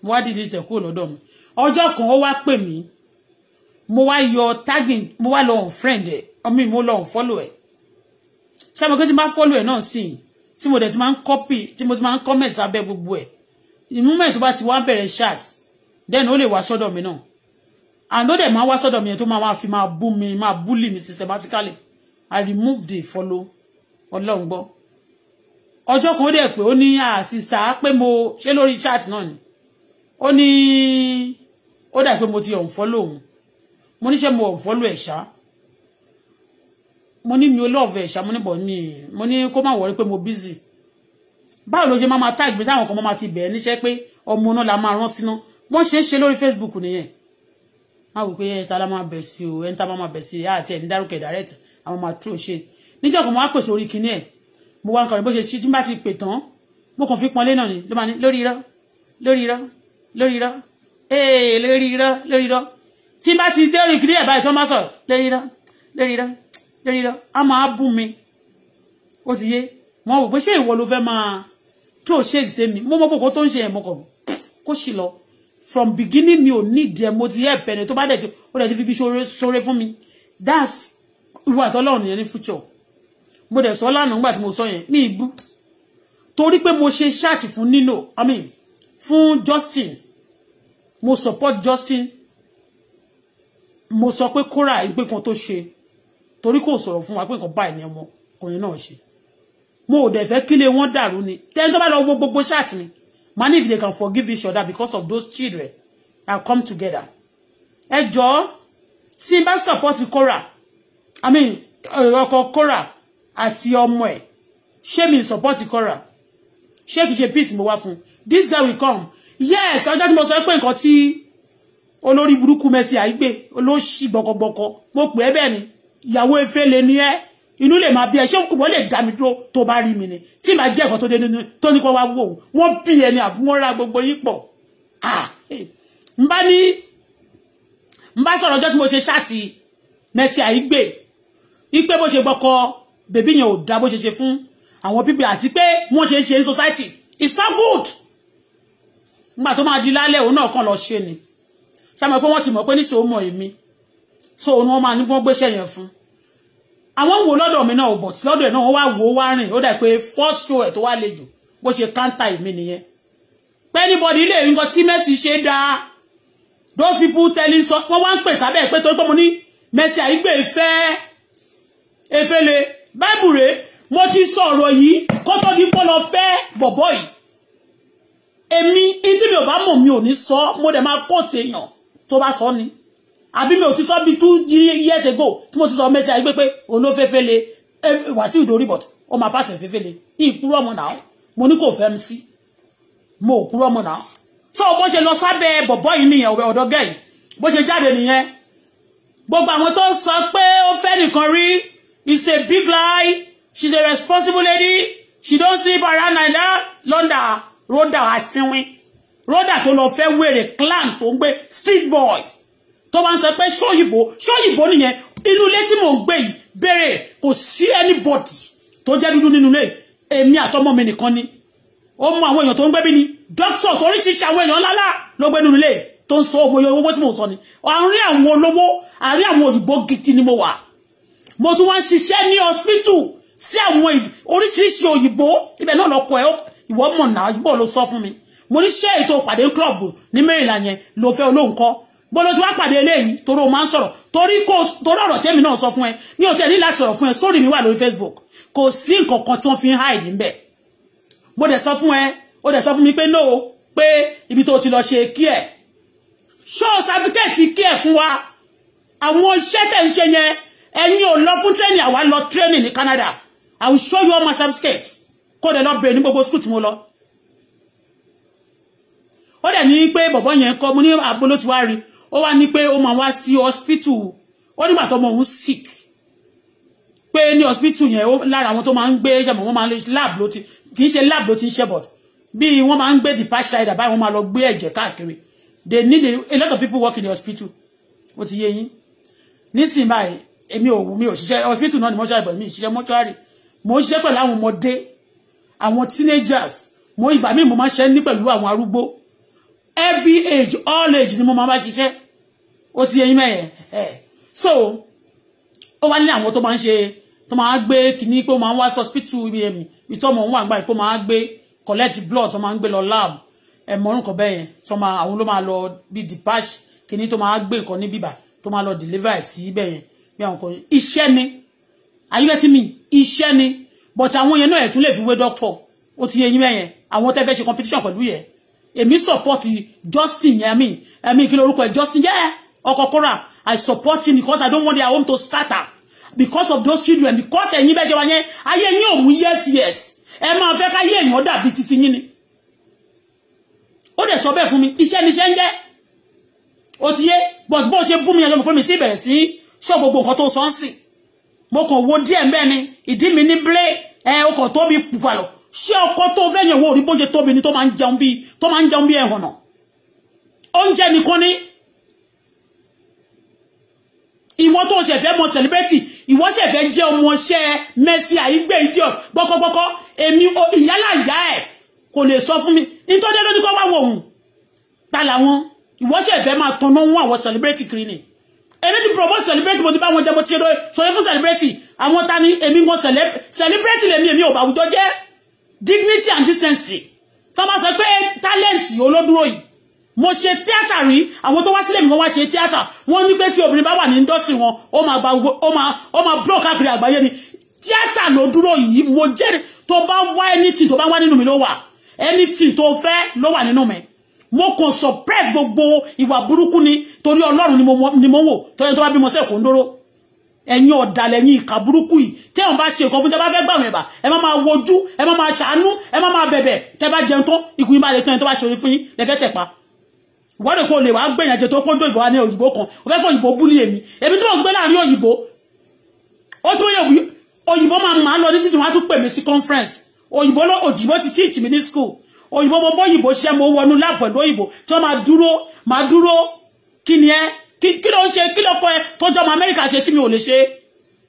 mo wá delete ẹ̀ kúrò lọ́dọ̀ mi ọjọ́ kan ó wá pè mí mo wá yọ tagging mo wá lọ unfriend ẹ̀ ọmọ mi mo lo unfollow ẹ̀ ṣé àmọ́ kí n ti bá follow ẹ̀ náà sìn tí mo dẹ̀ ti máa ń copy tí mo ti máa ń comment sábẹ́ gbogbo ẹ̀ moment tó bá ti wá bẹ̀rẹ̀ chat then ó lè wá sọ́dọ̀ mi náà and ó dẹ̀ máa wá sọ́dọ̀ mi yẹn tó máa máa fi máa bú mi máa bully mi systematically I remove the follow ọlọ́run gbọ́ Ojo, kan ó dẹ̀ pé ó sister. àsìsà mo ṣe lórí chat náà ni ó ní ó dà pé mo ti unfollow òun mo níṣẹ́ mo unfollow ẹ̀ ṣáá mo ní mi ò lọ́ọ̀fẹ́ ẹ̀ṣà mo ní bọ̀ mi mo ní kó má wọrí pé mo busy báwo ló ṣe máa tag mi táwọn kan máa ti bẹ̀ẹ́ níṣẹ́ pé Omo náà la máa rán síná wọ́n ṣe é ṣe lórí Facebook nìyẹn má wò pé ẹ̀ta la máa bẹ̀ sí o ẹ̀ta máa bẹ̀ sí àti ẹ̀ ní dárúkẹ̀ direct àwọn máa tú òṣè níjọ́ kan mo wá pèsè orí kinní ẹ̀ mo wá nǹkan rẹ̀ bó ṣe ṣí tí bá ti pè tán mo kàn fi pọnlé náà ni ló máa ní lórí irọ́ lórí irọ́ lórí irọ́ ee eh, lórí irọ́ lórí irọ́ tí bá ti dé orí kinní ẹ̀ báyìí tó máa sọ̀rọ̀ lórí irọ́ lórí irọ́ lórí lọ a máa bú mi ó ti yé wọn wò pé ṣé ìwọ ló fẹ́ máa tó ṣe ìṣe mi mo mọ kókó tó ń ṣe ẹ̀mọ́ kan kó sì lọ from beginning mi ò need ẹ mo ti yẹ ẹ̀pẹ̀ ni tó bá dẹ̀ ti ó dẹ̀ ti fi bí ṣoore fún mi that's ìwà àtọ́lọ́run yẹn ní future mo dẹ̀ sọ lánàá nígbà tí mo sọ yẹn ní ibú torí pé mo ṣe ṣáàtì fún Nino I mean fún Justin mo support Justin mo sọ pé kóra ìgbé kan tó ṣe torí kò sọ̀rọ̀ fún wa pé nǹkan báyìí ni ọmọ ọkùnrin náà ṣe mo ò dẹ̀ fẹ́ kílé wọn dàrú ni tẹ́ni tó bá lọ wo gbogbo chat ni man if they can forgive each other because of those children that come together ẹ jọ̀ọ́ tí n bá support Kora i mean eh, ọkọ Kora àti ọmọ ẹ̀ ṣé mi support Kora ṣé kìí ṣe peace mo wá fún this guy will come yes ọjọ́ tí mo sọ pé nǹkan tí olórí burúkú mẹ́sì àìgbé olóṣì gbọkọgbọkọ mo pè é bẹ́ẹ̀ ni ìyàwó efele ni ẹ́ inú lè máa bí ẹ ṣé wọ́n lè dá mi dúró tó bá rí mi ni tí màá jẹ́ ẹ̀kọ́ tó dé nínú tó ní kó wá wò wọ́n bí ẹni àbí wọ́n ra gbogbo yín pọ̀ n bá ní n bá sọ̀rọ̀ ọjọ́ tí mo ṣe ṣáàtì mẹ́sì àìgbè ipe bó ṣe gbọ́kọ bèbí yẹn ò dá bó ṣe ṣe fún àwọn pípẹ́ àti pé wọ́n ṣe ń ṣe ní society it's not good nígbà tó máa di lálẹ́ òun náà kàn lọ ṣe ni ṣàmọ̀ pé wọ́n ti mọ̀ pé níṣòwò mọ̀ èmi so wọ́n máa ní wọ́n gbéṣẹ́ yẹn fún àwọn wò lọ́dọ̀ mi náà ò bọ̀tí lọ́dọ̀ ẹ̀ náà wọ́n wá wò ó wá rìn ó dà pé first show ẹ̀ tó wá le jù bó ṣe káńtà ìmí nìyẹn anybody ilé nǹkan tí Messi ṣe dáa those people telling so wọ́n wá ń pè sábẹ́ pé torí pé mo ní Messi àyígbé ìfẹ́ efele báìbù rèé mo ti sọ̀rọ̀ yìí kó tó di pọ́lọ fẹ́ bọ̀bọ́ yìí èmi ìdí mi ò bá mọ̀ mi ò ní sọ mo dẹ̀ máa kóòtù èèyàn tó bá sọ ni àbí mi ò ti sọ bí two years ago tí mo ti sọ mẹ́sẹ̀ àyípé pé olófẹ́fẹ́ le Wàsíù Dòrí but ó máa pàṣẹ fẹ́fẹ́ le ìpúrọ̀ ọmọ náà mo ní kò fẹ́ mi sí mo ò púrọ̀ ọmọ náà so bó ṣe lọ sábẹ́ bọ̀bọ́ yìí nìyẹn ọ̀rẹ́ ọ̀dọ́ gẹ̀ yìí bó ṣe jáde nìyẹn gbogbo àwọn tó ń sọ pé ó fẹ́ nìkan rí is a big lie she's a responsible lady she don sleep around naija London roda asinwin roda tó lọ fẹ́ wèrè clan tó ń gbé street boy tó bá ń sọ pé ṣóyìnbó ṣóyìnbó nìyẹn inú ilé tí mò ń gbé yìí béèrè kò sí anybody tó jẹ́ dúdú nínú ilé èmi àtọmọ mi nìkan ni ó mú àwọn èèyàn tó ń gbé bí ni doctors oríṣiríṣi àwọn èèyàn ńláńlá ló gbé nínú ilé tó ń sọ òmòye owó tí mò ń sọ ni àárín àwọn olówó àárín àwọn òyìnbó gidi ni mo wà mo tún wá ń ṣiṣẹ́ ní hospital sí àwọn oríṣiríṣi òyìnbó ibẹ̀ náà lọ́kọ̀ ẹ̀ ìwọ mọ̀ náà ìbọ̀ ló sọ fún mi mo ní ṣé ètò ìpàdé club ní mẹ́rìnlá yẹn ló fẹ́ olóhùn kọ́ bọ́lọ́ tí wá pàdé eléyìí torí o máa ń sọ̀rọ̀ torí kò torí ọ̀rọ̀ tẹ́mi náà sọ fún ẹ e, ní òtẹ́ ní láti sọ̀rọ̀ fún ẹ sórí mi wà e lórí e, Facebook kò sí nǹkan kan tí wọ́n fi ń hide níbẹ̀ mo dẹ̀ sọ fún ẹ o dẹ̀ sọ fún mi pé no pé ibi tó ti lọ ṣe kí ẹ̀ ṣó sàtíkẹ́ẹ̀tì kí ẹ̀ fún wa àwọn iṣẹ́ tẹ̀ ń ṣe yẹn ẹ̀yin ò lọ fún training àwa lọ training ní Canada I will show you all my certificate kó dẹ̀ lọ bèrè ní gbogbo school tí mo lọ ó dẹ̀ ní pé bọ̀bọ́ yẹn kọ́ mo ní àbólótiwárí ah, ó wá ní pé ó máa wá sí hospital ó nígbà tó ọmọ òun sick pé ní hospital yẹn lára àwọn tó máa ń gbé ṣẹ̀mọ̀ wọ́n máa ń lab ló ti kì í ṣe lab ló ti ń ṣẹ̀bọ̀ bí wọ́n máa ń gbé the patch rider báyìí wọ́n máa lọ gbé ẹ̀jẹ̀ káàkiri they need a lot of people work in the hospital ó ti yé yín nísìnyí báyìí èmi ò mi ò ṣiṣẹ́ hospital náà ni mọ́ṣúárì but mi ò ṣiṣẹ́ mọ́ṣúárì mo ń ṣiṣẹ́ pẹ̀lú àwọn ọmọdé teenagers mo ìgbà míì mo máa ń ṣe ní pẹ̀lú àwọn arúgbó every age all age ni mo máa bá ṣiṣẹ́ ó ti yẹyin mẹ́yẹ so ó wá ní àwọn tó máa ń ṣe tó máa ń gbé kìíní pé ó máa ń wá sọ́spítù ibm ìtọ́mọ̀ ń wà gbà pé ó máa gbé collect blood tó máa ń gbé lọ lab ẹ̀ mọ́rùn kan bẹ́yẹn tó máa àwọn ló máa lọ bí dipash kìíní tó máa gbé nǹkan ní bíbà tó máa lọ deliver sí bẹ́yẹn bí àwọn kan iṣẹ́ ni are you getting me iṣẹ́ ni but àwọn yẹn náà ẹ̀ tún lè fi wé doctor ó ti yẹyin mẹ́yẹn àwọn tẹ́ fẹ́ ṣe competition pẹ̀lú yẹn èmi support Justin yẹn mi ẹ̀mí kí lórúkọ Justin jẹ́ yeah. Okokora, I support him because I don't want their home to scatter because of those children because ẹ̀yin bẹ́ẹ̀ ṣe wá yẹn ayé yín ò mú yes yes ẹ máa fẹ́ káyé èèyàn dàbí titi yín ni ó dẹ̀ sọ bẹ́ẹ̀ fún mi iṣẹ́ níṣẹ́ ń jẹ́ ó ti yé but bó ṣe bú mi ẹjọ́ mi pé mi ti bẹ̀rẹ̀ sí ṣọ́ gbogbo nǹkan tó sọ ń sìn mo kàn wo díẹ̀ ń bẹ́ẹ̀ ni ìdí mi ní blé ẹ ọkọ̀ tó mi pùfà lọ ṣé ọkọ̀ tó fẹ́yìn owó orí bó ṣe tóbi ni tó máa ń jẹun bí tó máa ń jẹun bí ẹ̀họ̀nà oúnjẹ nìkan ni ìwọ tó ṣe fẹ́ mọ celebrity ìwọ ṣe fẹ́ jẹ́ ọmọọṣẹ́ Mercy Aigbe idiot gbọ́kọ́gbọ́kọ́ èmi ìyálà ìyá ẹ̀ kò lè sọ fún mi nítorí ló ní kọ́ wá wò òun ta làwọn ìwọ ṣe fẹ́ máa tanná wọn àwọn celebrity kiri ni èmi ti promote celebrity mo ti bá wọn jẹ mo ti ṣe sọyẹ fún celebrity àwọn ta ni èmi ń gan celebrity lèmi èmi ò bá àwùjọ jẹ́ dignity and decency tó bá sọ pé talent olódúró yìí mo ṣe tíátà rí àwọn tó wá sílẹ̀ mi kan wá ṣe tíátà wọ́n ní pé tí obìnrin bá wà ní indọ́sìn wọn ó máa gba ó máa ó máa block káàkiri àgbáyé ni tíátà ló dúró yìí mo jẹ́rìí tó bá wá anything tó bá wá nínú mi ló wà anything tó fẹ́ ló wà nínú mi mo kàn suppress gbogbo ìwà burúkú ni torí ọlọ́run ni mo wò tọ́jú tó bá bímọ sẹ́ẹ̀kọ́ ń dóró ẹ̀yin ọ̀dàlẹ̀ yín ìka burúkú yìí tẹ́ wọn bá ṣe nǹkan fún tẹ́ bá fẹ́ gbàwọn ẹ̀bà ẹ má máa wojú ẹ má máa ṣàánú ẹ má máa bẹ̀bẹ̀ tẹ́ jẹun tán ikùn lè tán ẹ tó bá ṣe orí fún yín lẹ́fẹ́ tẹ̀pa wọ́n rò pé o lè wá gbé ìrìnàjò tó kójú òyìnbó wa ní òyìnbó kan o fẹ́ fọ òyìnbó bú ní èmi èmi tí wọ́n gbé láàrin òyìnbó ó tún yẹ òyìnbó máa máa lọ ní títí wọ́n á tún pè mí sí conference òyìnbó lọ òyìnbó ti teach mi ní school òyìnbó mo bọ́ òyìnbó ṣẹ́ mo wọnú láàbù pẹ̀lú òyìnbó tí wọ́n máa dúró máa dúró kí ni ẹ kí ló ń ṣe kí ló kọ ẹ tó jọmọ Amẹ́ríkà ṣe tí mi ò lè ṣe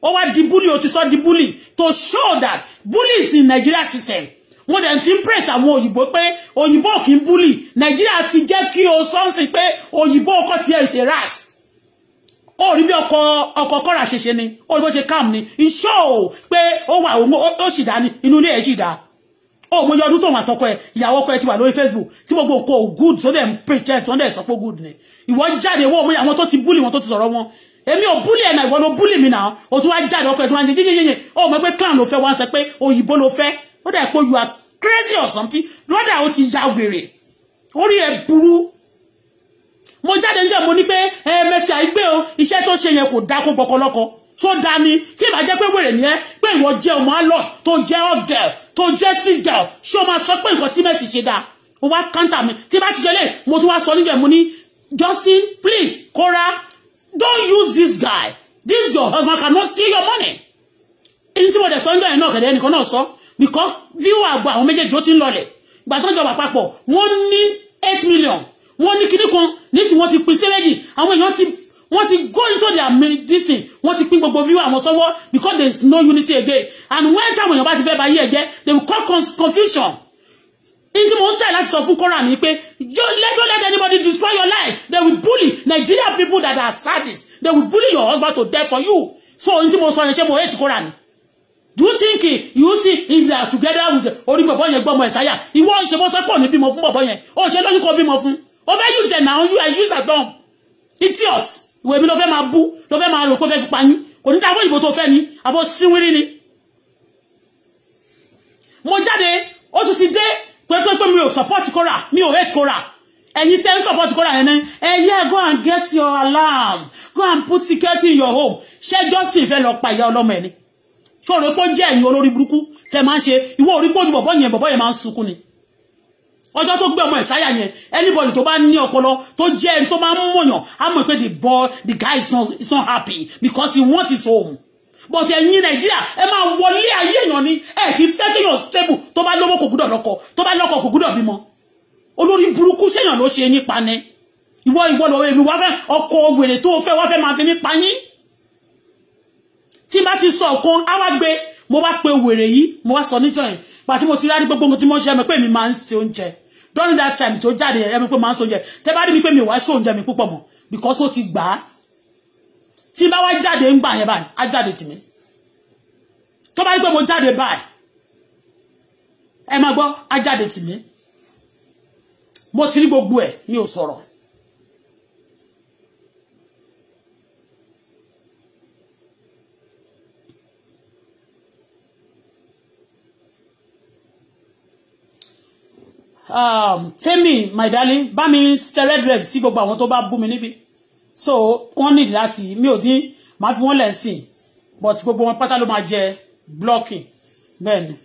ó wá di bully o ti sọ di bully to show that bully is in Nigeria system mo dẹ̀ ti ń press àwọn òyìnbó pé òyìnbó kì í búlì nàìjíríà ti jẹ́ kí o sọ́nsìn pé òyìnbó ọkọ̀ tiẹ̀ ṣe ras ó rí bí ọkọ̀ ọkọ̀ kọ́ra ṣe ṣe ni ó rí bó ṣe calm ni iṣọ́ ò pé ó wà ó sì dá ni inú ilé ẹ̀ sì dá ó mo yọ tó wà tọkọ ẹ ìyàwó ọkọ ẹ ti wà lórí Facebook tí gbogbo nǹkan ò good tó dẹ̀ ń pretend tó dẹ̀ sọ pé good ni ìwọ jáde wọ́n mo yà wọn tó ti búlì wọn tó ti sọ̀rọ̀ wọn èmi ò búlì ẹ̀nà ìwọ ló búlì mi náà o tún wá jáde ọkọ ẹ̀ tó wá ń jẹ yíyíyíyí ó mọ̀ pé clan ló fẹ́ wá sọ pé òyìnbó ló fẹ́ ó dà pé you are crazy or something lọ́dà ó ti ya wèrè orí ẹ̀ burú mo jáde níjọ́ mo ní pé ẹ Mercy Aigbe o iṣẹ́ tó ṣe yẹn kò dá kó gbọkọlọ́kọ tó dá ni kí ìbá jẹ́ pé wèrè ni ẹ pé ìwọ jẹ́ ọmọ Lord, to jẹ́ ọ̀gẹ̀l to jẹ́ sweet girl ṣé o máa sọ pé nǹkan tí Mercy ṣe dáa o wá kántà mi tí bá ti ṣe lè mo tún wá sọ níjọ́ mo ní Justin please Kora don't use this guy this your husband cannot steal your money èyí tí mo dẹ̀ sọ níjọ́ yẹn náà kẹ̀dẹ́ ẹnìkan because viewer àgbà àwọn méjèèjì ó ti Lole, lọlẹ̀ gbà tó ń jọba papọ̀ wọ́n ní eight million wọ́n ní kíní kan nísìnyí wọ́n ti pín sí méjì àwọn èèyàn ti wọ́n ti go into their medicine wọ́n ti pín gbogbo viewer àwọn sọ́wọ́ because there is no unity again and when táwọn èèyàn bá ti fẹ́ bá yí ẹ̀jẹ̀ they will cause confusion ntí mo ń tẹ̀ láti sọ fún kọ́ra mi pé don't let anybody destroy your life they will bully Nigerian people that are sadists. they will bully your husband to death for you so ntí mo sọ yẹn ṣé mo hate kọ́ra mi do you think you see if they are together with orí bọ̀bọ̀ yẹn gbọ́mọ ẹ̀sáyà ìwọ ìṣe bó sẹ́pọ̀ ní bímọ fún bọ̀bọ̀ yẹn ó ṣe lóyún kó bímọ fún ó fẹ́ use ẹ̀ náà you are use at all idiot ìwé mi ló fẹ́ máa bú ló fẹ́ máa rò pé fẹ́ fi pa yín kò ní dáwọ́ ìbò tó fẹ́ ni àbò síwírí ni. mo jáde ó tún ti dé pẹ́pẹ́pẹ́ mi ò support kóra mi ò hate kóra ẹ̀yin tẹ́ ń support kóra yẹn ní yeah, go and get your alarm go and put security in your home She just fẹ́ lọ pa ìyá ọlọ́mọ ẹ̀ ṣé o rò pé ó jẹ́ ẹ̀yin olórí burúkú tẹ máa ń ṣe ìwọ orí pé bọ̀bọ̀ yẹn bọ̀bọ̀ yẹn máa ń sunkún ni ọjọ́ tó gbé ọmọ ìsáyà yẹn anybody tó bá ní ọpọlọ tó jẹ́ ẹni tó máa ń mọ̀yàn á mọ̀ pé the boy the guy is not, is not happy because he wants his home but ẹ̀yin nàìjíríà ẹ máa wọlé ayé èèyàn ni ẹ kì í fẹ́ kéèyàn stable tó bá lówó kò gbúdọ̀ lọ́kọ tó bá lọ́kọ kò gbúdọ̀ bímọ olórí burúkú ṣèyàn ló ṣe yín pa ni ìwọ ìwọ lọ́wọ́ èmi wá fẹ́ ọkọ òwèrè tó fẹ́ wá fẹ́ máa fi mí pa yín tí bá ti sọ ọ̀kan á wá gbé mo wá pe wèrè yìí mo wá sọ níjọ yẹn pàtí mo ti rárí gbogbo ohun tí mo ń ṣe ẹ̀mí pé mi máa ń ṣe oúnjẹ during that time tó jáde ẹ̀mí pé máa ń ṣe oúnjẹ tẹ́ bá rí mi pé mi ò wá ṣe oúnjẹ mi púpọ̀ mọ́ because ó ti gbà á tí bá wá jáde ń gbà yẹn báyìí á jáde tì mí tó bá rí pé mo jáde báyìí ẹ máa gbọ́ á jáde tì mí mo ti rí gbogbo ẹ̀ mi ò sọ̀rọ̀ um, Temi my darling bá mi red red sí gbogbo àwọn tó bá bú mi níbi so wọ́n need láti mi ò dín máa fi wọ́n lẹ̀ sí i but gbogbo wọn pátá ló máa jẹ blocking bẹ́ẹ̀ ni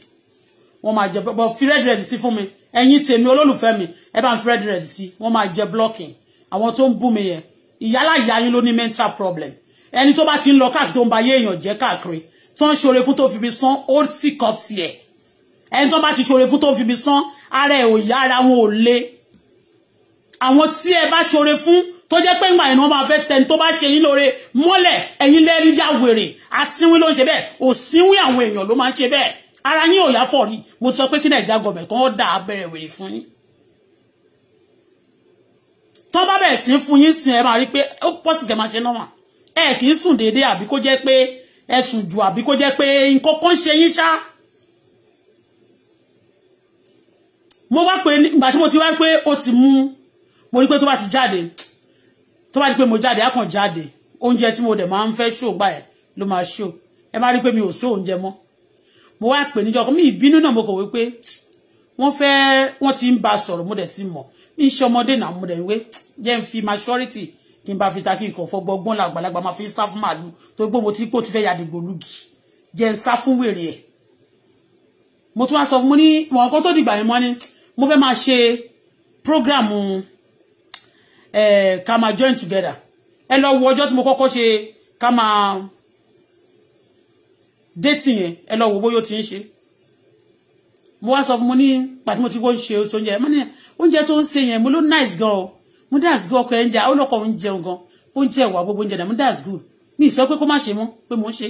wọ́n máa jẹ but fi red red sí fún mi ẹ̀yin tèmi olólùfẹ́ mi ẹ bá ń fi red red sí wọ́n máa jẹ blocking àwọn tó ń bú mi yẹn ìyálà ìyá yín ló ní mental problem ẹni tó bá ti ń lọ káàkiri tó ń ba ayé èèyàn jẹ́ káàkiri tó ń ṣoore fún tó fi bí san old sick up sí ẹ̀ ẹni tó bá ti ṣoore fún tó fi bí sán ara ẹ̀ ò yá ara wọn ò le àwọn tí ẹ bá ṣoore fún tó jẹ́ pé ìgbà ìnáwó máa fẹ́ tẹni tó bá ṣe yín lóore mọ́lẹ̀ ẹ̀yin lẹ́rí já wèrè asínwín ló ń ṣe bẹ́ẹ̀ òsínwín àwọn èèyàn ló máa ń ṣe bẹ́ẹ̀ ara yín ò yá fọ̀ rí mo sọ pé kí nàìjíríà gọbẹ̀ kan dà abẹ́rẹ́ wèrè fún yín tó bá bẹ̀rẹ̀ sí fún yín sin ẹ máa rí pé ó pọ̀ sí kẹ̀máṣe náà ẹ kì í sùn déédéé àbí kó jẹ́ pé ẹ sùn jù àbí kó jẹ́ pé nǹkan kan ṣe yín ṣáá mo wá pé nígbà tí mo ti wá pé ó ti mú mo ní pé tó bá ti jáde tó bá di pé mo jáde á kàn jáde oúnjẹ tí mo dẹ̀ máa ń fẹ́ ṣó gbà ẹ̀ ló máa ṣó ẹ má rí mi ò ṣó oúnjẹ mọ́ mo wá pè níjọ mi ìbínú náà mo kò wí pé wọ́n fẹ́ wọ́n ti ń ba sọ̀rọ̀ mo dẹ̀ ti mọ̀ ń ṣe ọmọdé náà mo dẹ̀ ń wé jẹ́ ń fi majority kí n fi ta kí n kàn fọgbọ́gbọ́n làgbàlagbà máa fi ń sá fún màálù mo ti pò ti fẹ́ yàdìgbò lùgì jẹ́ ń sá fún wèrè mo tún wá sọ fún mo ní mọ̀ nǹkan tó dìgbà yẹn mọ́ ni mo fẹ́ máa ṣe program eh, ká máa join together ẹ lọ wo ọjọ́ tí mo kọ́kọ́ ṣe ká máa déètì yẹn ẹ lọ wo bóyá ó ti ń ṣe mo wá sọ fún mo ní pàtí mo ti wọ́n ṣe oúnjẹ mo ní oúnjẹ tó ń ṣe yẹn mo ló nice gan o mo dáàsì gbé ọkọ ẹ̀ ń jà ó lọ́kọ̀ ń jẹun gan bó ń jẹ ìwà gbogbo oúnjẹ náà mo dáàsì good mi ì sọ pé kó má ṣe mọ́ pé mo ń ṣe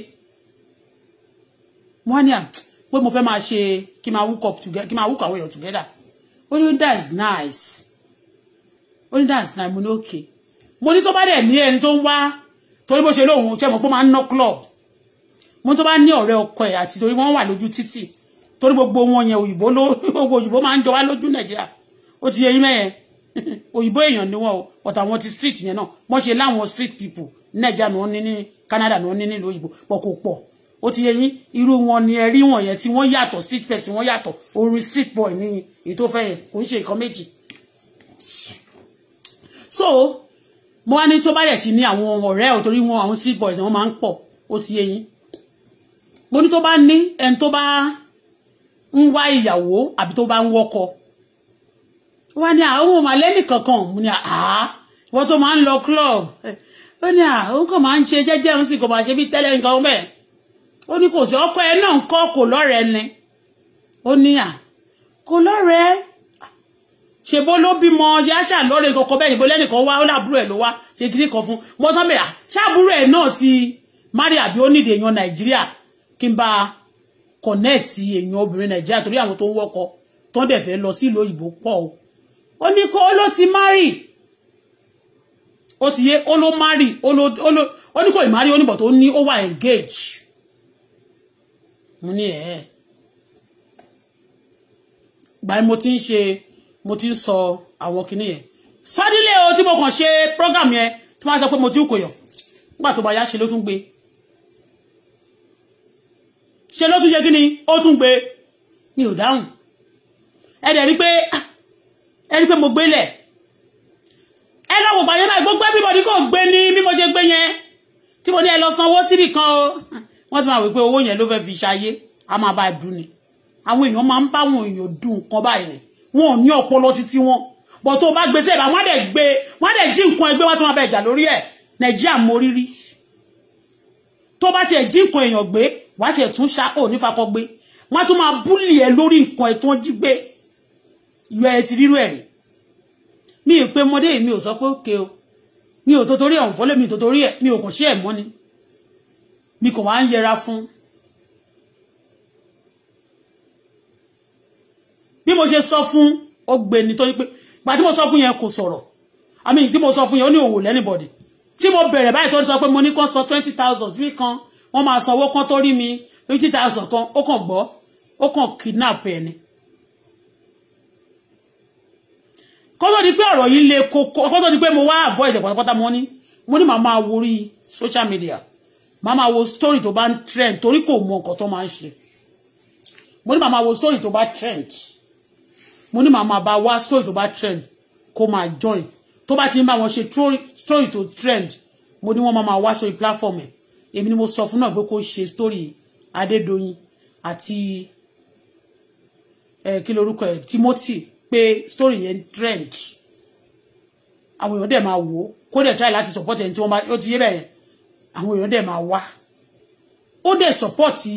mo wá ní à ah, pé mo fẹ́ máa ṣe kí máa hook together kí máa hook àwọn èèyàn together ó ní is nice ó ní is nice mo ní okay mo ní tó bá dẹ̀ ní ẹni tó ń wá torí bó ṣe lóhun ṣe mọ̀ pé máa ń ná club mo tó bá ní ọ̀rẹ́ ọkọ ẹ̀ àti torí wọ́n wà lójú títì torí gbogbo wọn yẹn òyìnbó ló gbogbo òyìnbó máa ń jọ wá lójú nàìjíríà ó ti yẹ yín mẹ́yẹn òyìnbó èèyàn ni wọn o but àwọn ti street yẹn náà wọ́n ṣe láwọn street people nàìjíríà ni wọ́n ní ní Canada ni wọ́n ní nílùú òyìnbó pọ̀ kò pọ̀ ó ti yẹ yín irú wọn ni ẹ rí wọn yẹn tí wọ́n yàtọ̀ street person wọ́n yàtọ̀ orin street boy ní èyí tó fẹ́ yẹn kò ń ṣe nǹkan méjì. so mo wá ní tó bá yẹ ti ní àwọn ọ̀rẹ́ ò torí wọn àwọn street boys wọ́n máa ń pọ̀ ó ti yẹ yín mo ní tó bá ní ẹni tó bá ń wá ìyàwó àbí tó bá ń wọ́kọ wá ní àwọn ọmọ alẹ́ nìkankan mo ní àá wọ́n tó máa ń lọ club ó ní àwọn kan máa ń ṣe jẹ́jẹ́ ń sì kò máa ṣe bí tẹ́lẹ̀ nǹkan bẹ́ẹ̀ ó ní kò sí ọkọ ẹ náà ń kọ́ kò lọ́rẹ̀ẹ́ ni ó ní à kò lọ́rẹ̀ẹ́ ṣèbó ló bímọ ṣe àṣà lọ́rẹ̀ kọ̀ọ̀kan bẹ́ẹ̀ ṣèbó lẹ́nìkan wá ó láàbúrò ẹ̀ ló wá ṣe kiri kan fún mọ́tọ́mìlà ṣàbúrò ẹ̀ náà ti mari àbí ó nídìí èèyàn nàìjíríà kí n bá kọ̀nẹ́ẹ̀tì èèyàn obìnrin nàìjíríà torí àwọn tó ń wọ́kọ tó ń dẹ̀ fẹ́ lọ sílùú òyìnbó pọ̀ o ó ní kó ó ló ti mari ó ti yé ó ló mari ó ní kò ì ó níbọ̀ tó ní ó wà engage mo ní ẹ̀ ẹ́ báyìí mo ti ń ṣe mo ti ń sọ àwọn kinní yẹn sọdílé o tí mo kàn ṣe program yẹn tí wọ́n á sọ pé mo ti ń kò yọ̀ nígbà tó bá yá ṣe ló tún gbé ṣe ló tún ṣe kí ni ó tún gbé mi ò dáhùn ẹ dẹ̀ rí pé ẹ pé mo gbélẹ̀ ẹ lọ́wọ́ bàyẹ́ báyìí gbogbo everybody kò gbé ní bí mo ṣe gbé yẹn tí mo ní ẹ lọ sanwó síbì kan o wọ́n ti máa wí owó yẹn ló fẹ́ fi ṣayé a máa bá dùn ni àwọn èèyàn máa ń bá àwọn èèyàn dùn nǹkan báyìí wọn ò ní ọpọlọ títí wọn bọ̀ tó bá gbèsè ìbá wọ́n dẹ̀ gbé wọ́n dẹ̀ jí nǹkan ẹgbẹ́ wọ́n tó máa bẹ̀ jà lórí ẹ̀ nàìjíríà mórírì tó bá tiẹ̀ jí nǹkan èèyàn gbé wà á tún ṣá ò ní fakọ gbé wọ́n tún máa búlì ẹ̀ lórí nǹkan ẹ̀ tó ń jí gbé yọ ẹ ti rírú ẹ̀ rí mi ò pé ọmọdé mi ò sọ pé òkè o mi ò tó torí ẹ̀ òǹfọ́lẹ́ mi ò tó torí ẹ̀ mi ò kàn ṣe ẹ̀ mọ́ ni mi kò wá ń yẹra fún bí mo ṣe sọ fún ó gbé ni torí pé gbà tí mo sọ fún yẹn kò sọ̀rọ̀ i mean tí mo sọ fún yẹn ó ní òwò lẹ́nìbọ̀dì tí mo bẹ̀rẹ̀ báyìí tó ń sọ pé mo ní kán sọ twenty thousand bí kan wọ́n máa sanwó kán tó rí mi twenty thousand kan ó kàn gbọ́ ó kàn kidnap ẹ̀ ni. kọ́tọ́ di pé ọ̀rọ̀ yìí le kókó kọ́tọ́ di pé mo wá avoid ẹ̀ pátápátá mo ní mo ní màá máa worí social media Mama máa wo story to bá trend torí ko mọ nǹkan tó máa ń mo ní màá máa wo story to bá trend mo ní màá máa bá story to bá trend Ko ma join To bá ti ń bá wọn story to trend mo ní wọ́n máa máa wá platform ẹ̀ èmi ni mo sọ fún náà pé kó ṣe story Adédoyin ati eh kí lorúkọ ẹ Timothy pé story yẹn trend àwọn èèyàn dẹ̀ wo ko de kó dẹ̀ try láti support ẹni tí wọ́n bá ó ti yé bẹ́ẹ̀ àwọn èèyàn dẹ̀ máa wá ó dẹ̀ sọ́pọ́ọ̀tì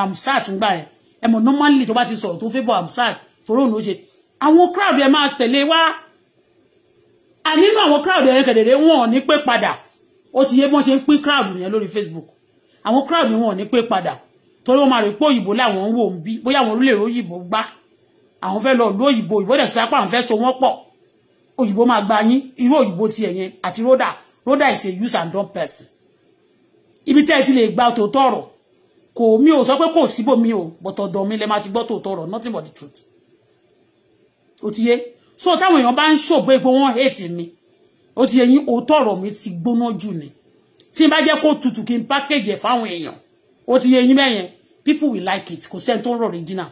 amsat ń gbà ẹ̀ ẹ mọ̀ normally tó bá ti sọ̀rọ̀ tó fẹ́ bọ̀ amsat torí òun ló ṣe àwọn crowd ẹ máa tẹ̀lé wá a nínú àwọn crowd ẹ kẹ̀dẹ̀dẹ̀ wọn ò ní pé padà ó ti yé bọ́n ṣe ń pín crowd yẹn lórí Facebook àwọn crowd wọn ò ní pé padà torí wọn máa rè pé òyìnbó làwọn ń wò ń bí bóyá àwọn olólè òyìnbó gbá àwọn fẹ́ lọ ló òyìnbó òyìnbó dẹ̀ sí àwọn fẹ́ so wọ́n pọ̀ òyìnbó máa gba yín irú òyìnbó tiẹ̀ yẹn àti ródà Roda is a use and done person ibi tẹ́ ẹ ti lè gba tòótọ́ ọ̀rọ̀ kò mí ò sọ pé kò síbò mí o but ọ̀dọ̀ mi lè máa ti gbọ́ tòótọ́ ọ̀rọ̀ nothing but the truth ó ti yé so táwọn èèyàn bá ń ṣògbó epo wọn hate mi ó ti yé yín òótọ́ mi ti gbóná jù ni tí n bá jẹ́ kó tutù kí n package ẹ̀ fáwọn èèyàn ó ti yé people will like it kò sẹ́ni tó ń original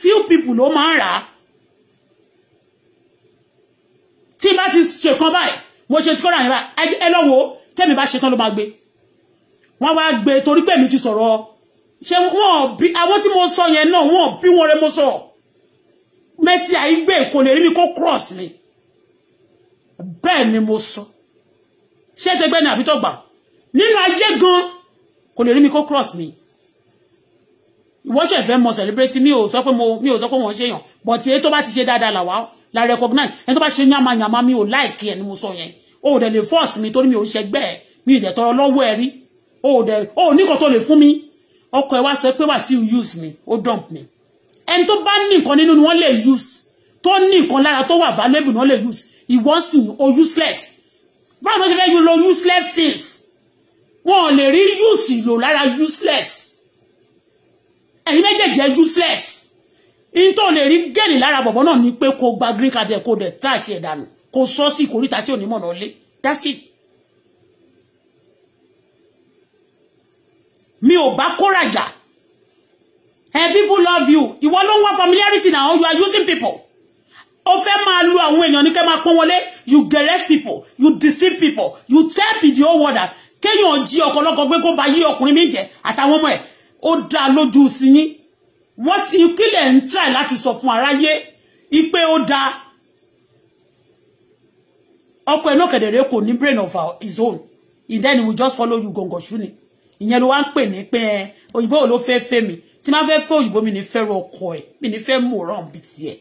few people ló máa ń rà á tí n bá ti ṣèkan báyìí mo ṣe ti kọ́ra yẹn báyìí ẹ lọ́wọ́ tẹ́mi bá ṣetán ló máa gbé wọ́n wá gbé torí pé mi ti sọ̀rọ̀ ṣé wọ́n bí àwọn tí mo sọ yẹn náà wọ́n bí wọn rẹ mo sọ Mercy Aigbe kò lè rí mi kó cross mi bẹ́ẹ̀ ni mo sọ ṣé tẹgbẹ́ ni àbí tọ́gbà nínú ayé gan kò lè rí mi kó cross mi ìwọ́n ṣe fẹ́ mọ celebrate mi ò sọ pé mo mi ò sọ pé wọ́n ṣe yàn but èyí tó bá ti ṣe dáadáa làwa la recognize ẹni tó bá ṣe yàmàyàmà mi ò like ẹ̀ ni mo sọ yẹn o dẹ̀ lè force mi torí mi ò ń ṣẹgbẹ́ ẹ̀ mi ò dẹ̀ tọrọ lọ́wọ́ ẹ rí o dẹ̀ o ní nǹkan tó lè fún mi ọkọ ẹ wá sọ pé Wàsíù use me, ó dump me. ẹni to bá ní nǹkan nínú ni wọ́n lè use To ní nǹkan lára to wà valuable ni wọ́n use. use ìwọ́n sì o useless báwo ló ṣe fẹ́ lo useless things wọn ò lè rí use lò lára useless ẹ̀yin méjèèjì ẹ useless in to lè rí gẹ́ẹ̀lì lára bọ̀bọ̀ náà ni pé kó gba green card ẹ̀ kó dẹ̀ trash ẹ̀ dànù kò sọ sí ìkóríta tí ò ní mọ̀nà lé that's it. mi ò bá kórajà and people love you ìwọ ló wa familiarity now you are using people o fẹ́ máa lu àwọn èèyàn ní kẹ́ máa pọ́n wọlé you gerest people you deceive people you tell the whole world that kéèyàn jí ọ̀kọ̀lọ́kọ̀ gbé kó ba yí ọkùnrin méje àtàwọn ọmọ ẹ̀ ó dáa lójú sí yín wọ́n ti kílẹ̀ ń try láti sọ fún aráyé ipe ó dáa ọkọ ẹ̀ náà kẹ̀dẹ̀rẹ́ kò ní brain of his own then he will just follow you gọ̀ǹgọ̀ ṣú ni ìyẹn ló wá ń pè ní pé òyìnbó wo ló fẹ́ fẹ́ mi tí máa fẹ́ fẹ́ òyìnbó mi ní fẹ́ràn ọkọ ẹ̀ mi ní fẹ́ mú ọ̀ràn bí tiẹ̀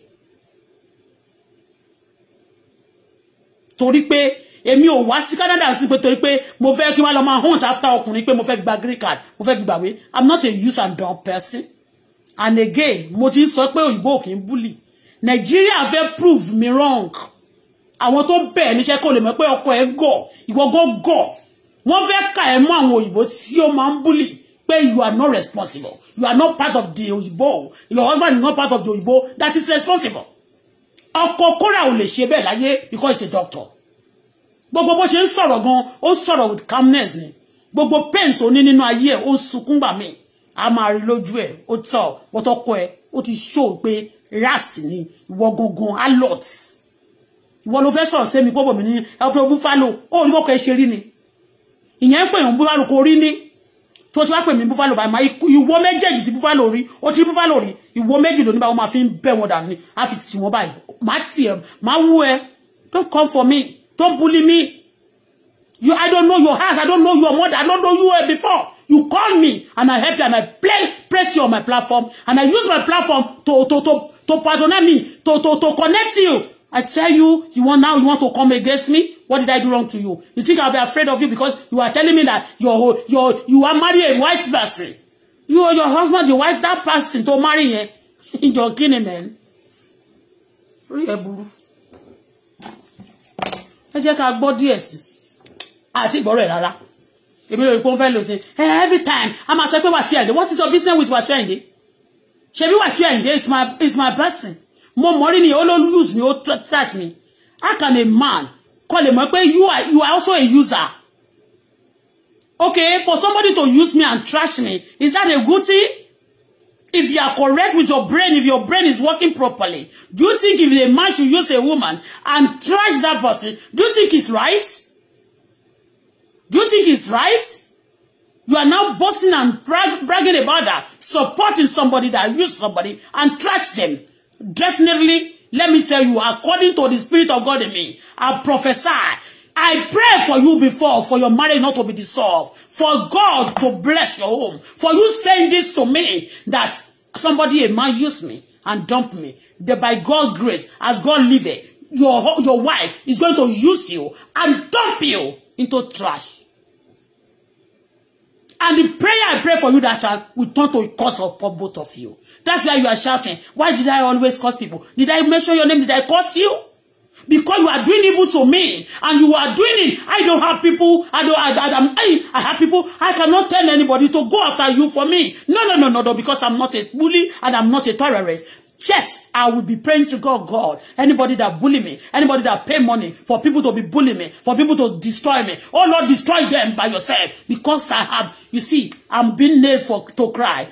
torí pé èmi ò wá sí Canada sí pé torí pé mo fẹ́ kí wọ́n lọ máa hunt after ọkùnrin pé mo fẹ́ gba green card mo fẹ́ gbàgbé i'm not a use and done person and again mo ti ń sọ pé òyìnbó kì í bully Nàìjíríà fẹ́ prove me wrong àwọn tó bẹ̀ẹ́ níṣẹ́ kó lè mọ̀ pé ọkọ ẹ̀ gọ̀ ìwọ́gọ́ gọ̀ wọ́n fẹ́ kà ẹ́ mọ́ àwọn òyìnbó tí ó máa ń búlì pé you are not responsible you are not part of the òyìnbó your husband is not part of the òyìnbó that is responsible ọkọ kóra ò lè ṣe bẹ́ẹ̀ láyé because he's a doctor gbogbo bó ṣe ń sọ̀rọ̀ gan ó sọ̀rọ̀ with calmness ni gbogbo pains ó ní nínú ayé ẹ̀ ó sunkún gbà mí a máa rí lójú ẹ̀ ó tọ̀ bọ́tọ́kọ ẹ̀ ó ti show pé ras ni ìwọ gangan alert ìwọ ló fẹ́ sọ̀rọ̀ sẹ́mi pọ́bọ̀ mi ní ẹ̀pẹ́ búfalo ó ní bọ́kọ̀ ẹ ṣe rí ni ìyẹn ń pè ń búfalo kò rí ni tí o ti wá pè mí búfalo báyìí máa ìwọ méjèèjì ti búfalo rí o ti búfalo rí ìwọ méjì lónìí báyìí wọ́n máa fi ń bẹ̀ wọ́n dànù ni a fi tì wọ́n báyìí má tì ẹ̀ má wú ẹ don't come for me don't bully me you I don't know your house I don't know your mother I don't know you before you call me and I help you and I play press you on my platform and I use my platform to to to to patronize me to to to connect you I tell you, you want now you want to come against me? What did I do wrong to you? You think I'll be afraid of you because you are telling me that you're you're you are marrying a white person. You or your husband, the white that person to marry in your Guinea man. Ẹ jẹ́ ká gbọ́ díẹ̀ sí. Àti ìgbọ́rọ̀ ẹ̀ rárá. Èmi lórí pé ó ń fẹ́ lò eh, Every time, a máa sọ pé what is your business with Wasiu She be Wasiu It's my it's my person mo mọ̀ rí ni ó ló use mi ó trash mi how can a man call him? mọ̀ you are you are also a user okay for somebody to use me and trash me is that a good thing if you are correct with your brain if your brain is working properly do you think if a man should use a woman and trash that person do you think it's right do you think it's right you are now boasting and bragging about that supporting somebody that use somebody and trash them definitely, let me tell you, according to the Spirit of God in me, I prophesy. I pray for you before, for your marriage not to be dissolved, for God to bless your home, for you saying this to me, that somebody, a man, use me and dump me. That by God' grace, as God live it, your, your wife is going to use you and dump you into trash. And the prayer I pray for you that time will turn to a curse for both of you. That's why you are shouting. Why did I always curse people? Did I mention your name? Did I curse you? Because you are doing evil to me and you are doing it. I don't have people. I don't. I, I, I, I have people. I cannot tell anybody to go after you for me. No, no, no, no, no. Because I'm not a bully and I'm not a terrorist. Yes, I will be praying to God, God. Anybody that bully me, anybody that pay money for people to be bully me, for people to destroy me. Oh Lord, destroy them by yourself. Because I have, you see, I'm being nailed for to cry.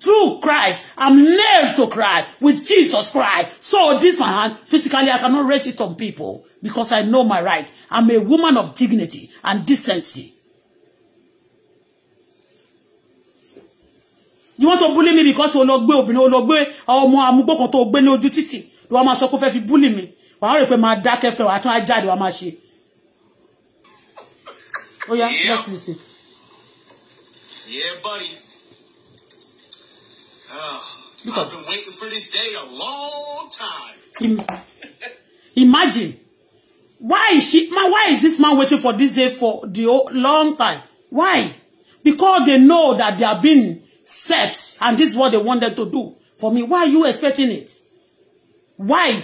Through Christ, I'm nailed to cry with Jesus Christ. So this my hand, physically I cannot raise it on people because I know my right. I'm a woman of dignity and decency. you want to bully me because o lọ gbé obìnrin o lọ gbé ọmọ amugbo kan tó gbé lójú títì ló wá máa sọ kó fẹ́ fi bully mi wàá rò pé máa dákẹ́ fẹ́ wàá tún á jáde wàá máa ṣe. ó yá let's listen. Yeah, buddy. Uh, I've been waiting for this day a long time. Imagine. Why is she My why is this man waiting for this day for the long time? Why? Because they know that they have been set and this is what they wanted to do for me. Why are you expecting it? Why?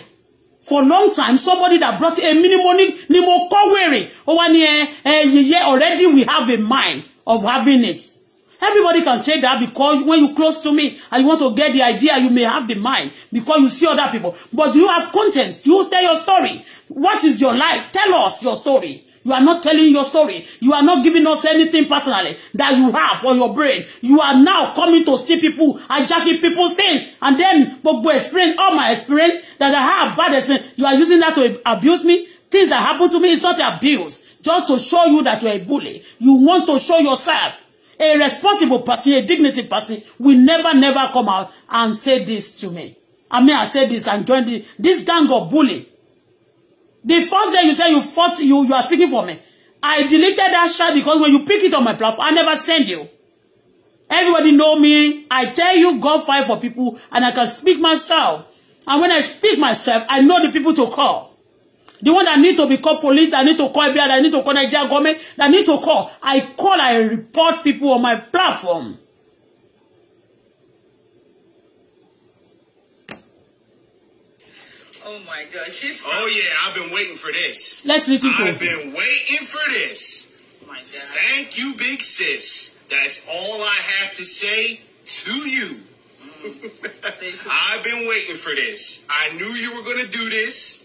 For a long time, somebody that brought a minimum ni mo kọ wèrè. Ó wá eh, eh, already we have a mind of having it. Everybody can say that because when you close to me and you want to get the idea, you may have the mind because you see other people. But do you have content? Do you tell your story? What is your life? Tell us your story. You are not telling your story. You are not giving us anything personally that you have on your brain. You are now coming to steal people, and jacking people's things. And then, gbogbo experience, all my experience that I have bad experience, you are using that to abuse me. Things that happen to me is not abuse. Just to show you that you are a bully. You want to show yourself. A responsible person, a dignity person, will never, never come out and say this to me. I mean, I said this and join the, this gang of bully The first day you say you fought, you, you are speaking for me. I deleted that shot because when you pick it on my platform, I never send you. Everybody know me. I tell you, God fight for people and I can speak myself. And when I speak myself, I know the people to call. The one that need to be called police, that need to call FBI, that need to call Nigeria government, that need to call. I call, I report people on my platform. Oh my God, she's. Oh yeah, I've been waiting for this. Let's listen to I've it. I've been waiting for this. Oh my God. Thank you, big sis. That's all I have to say to you. Mm. I've been waiting for this. I knew you were going to do this.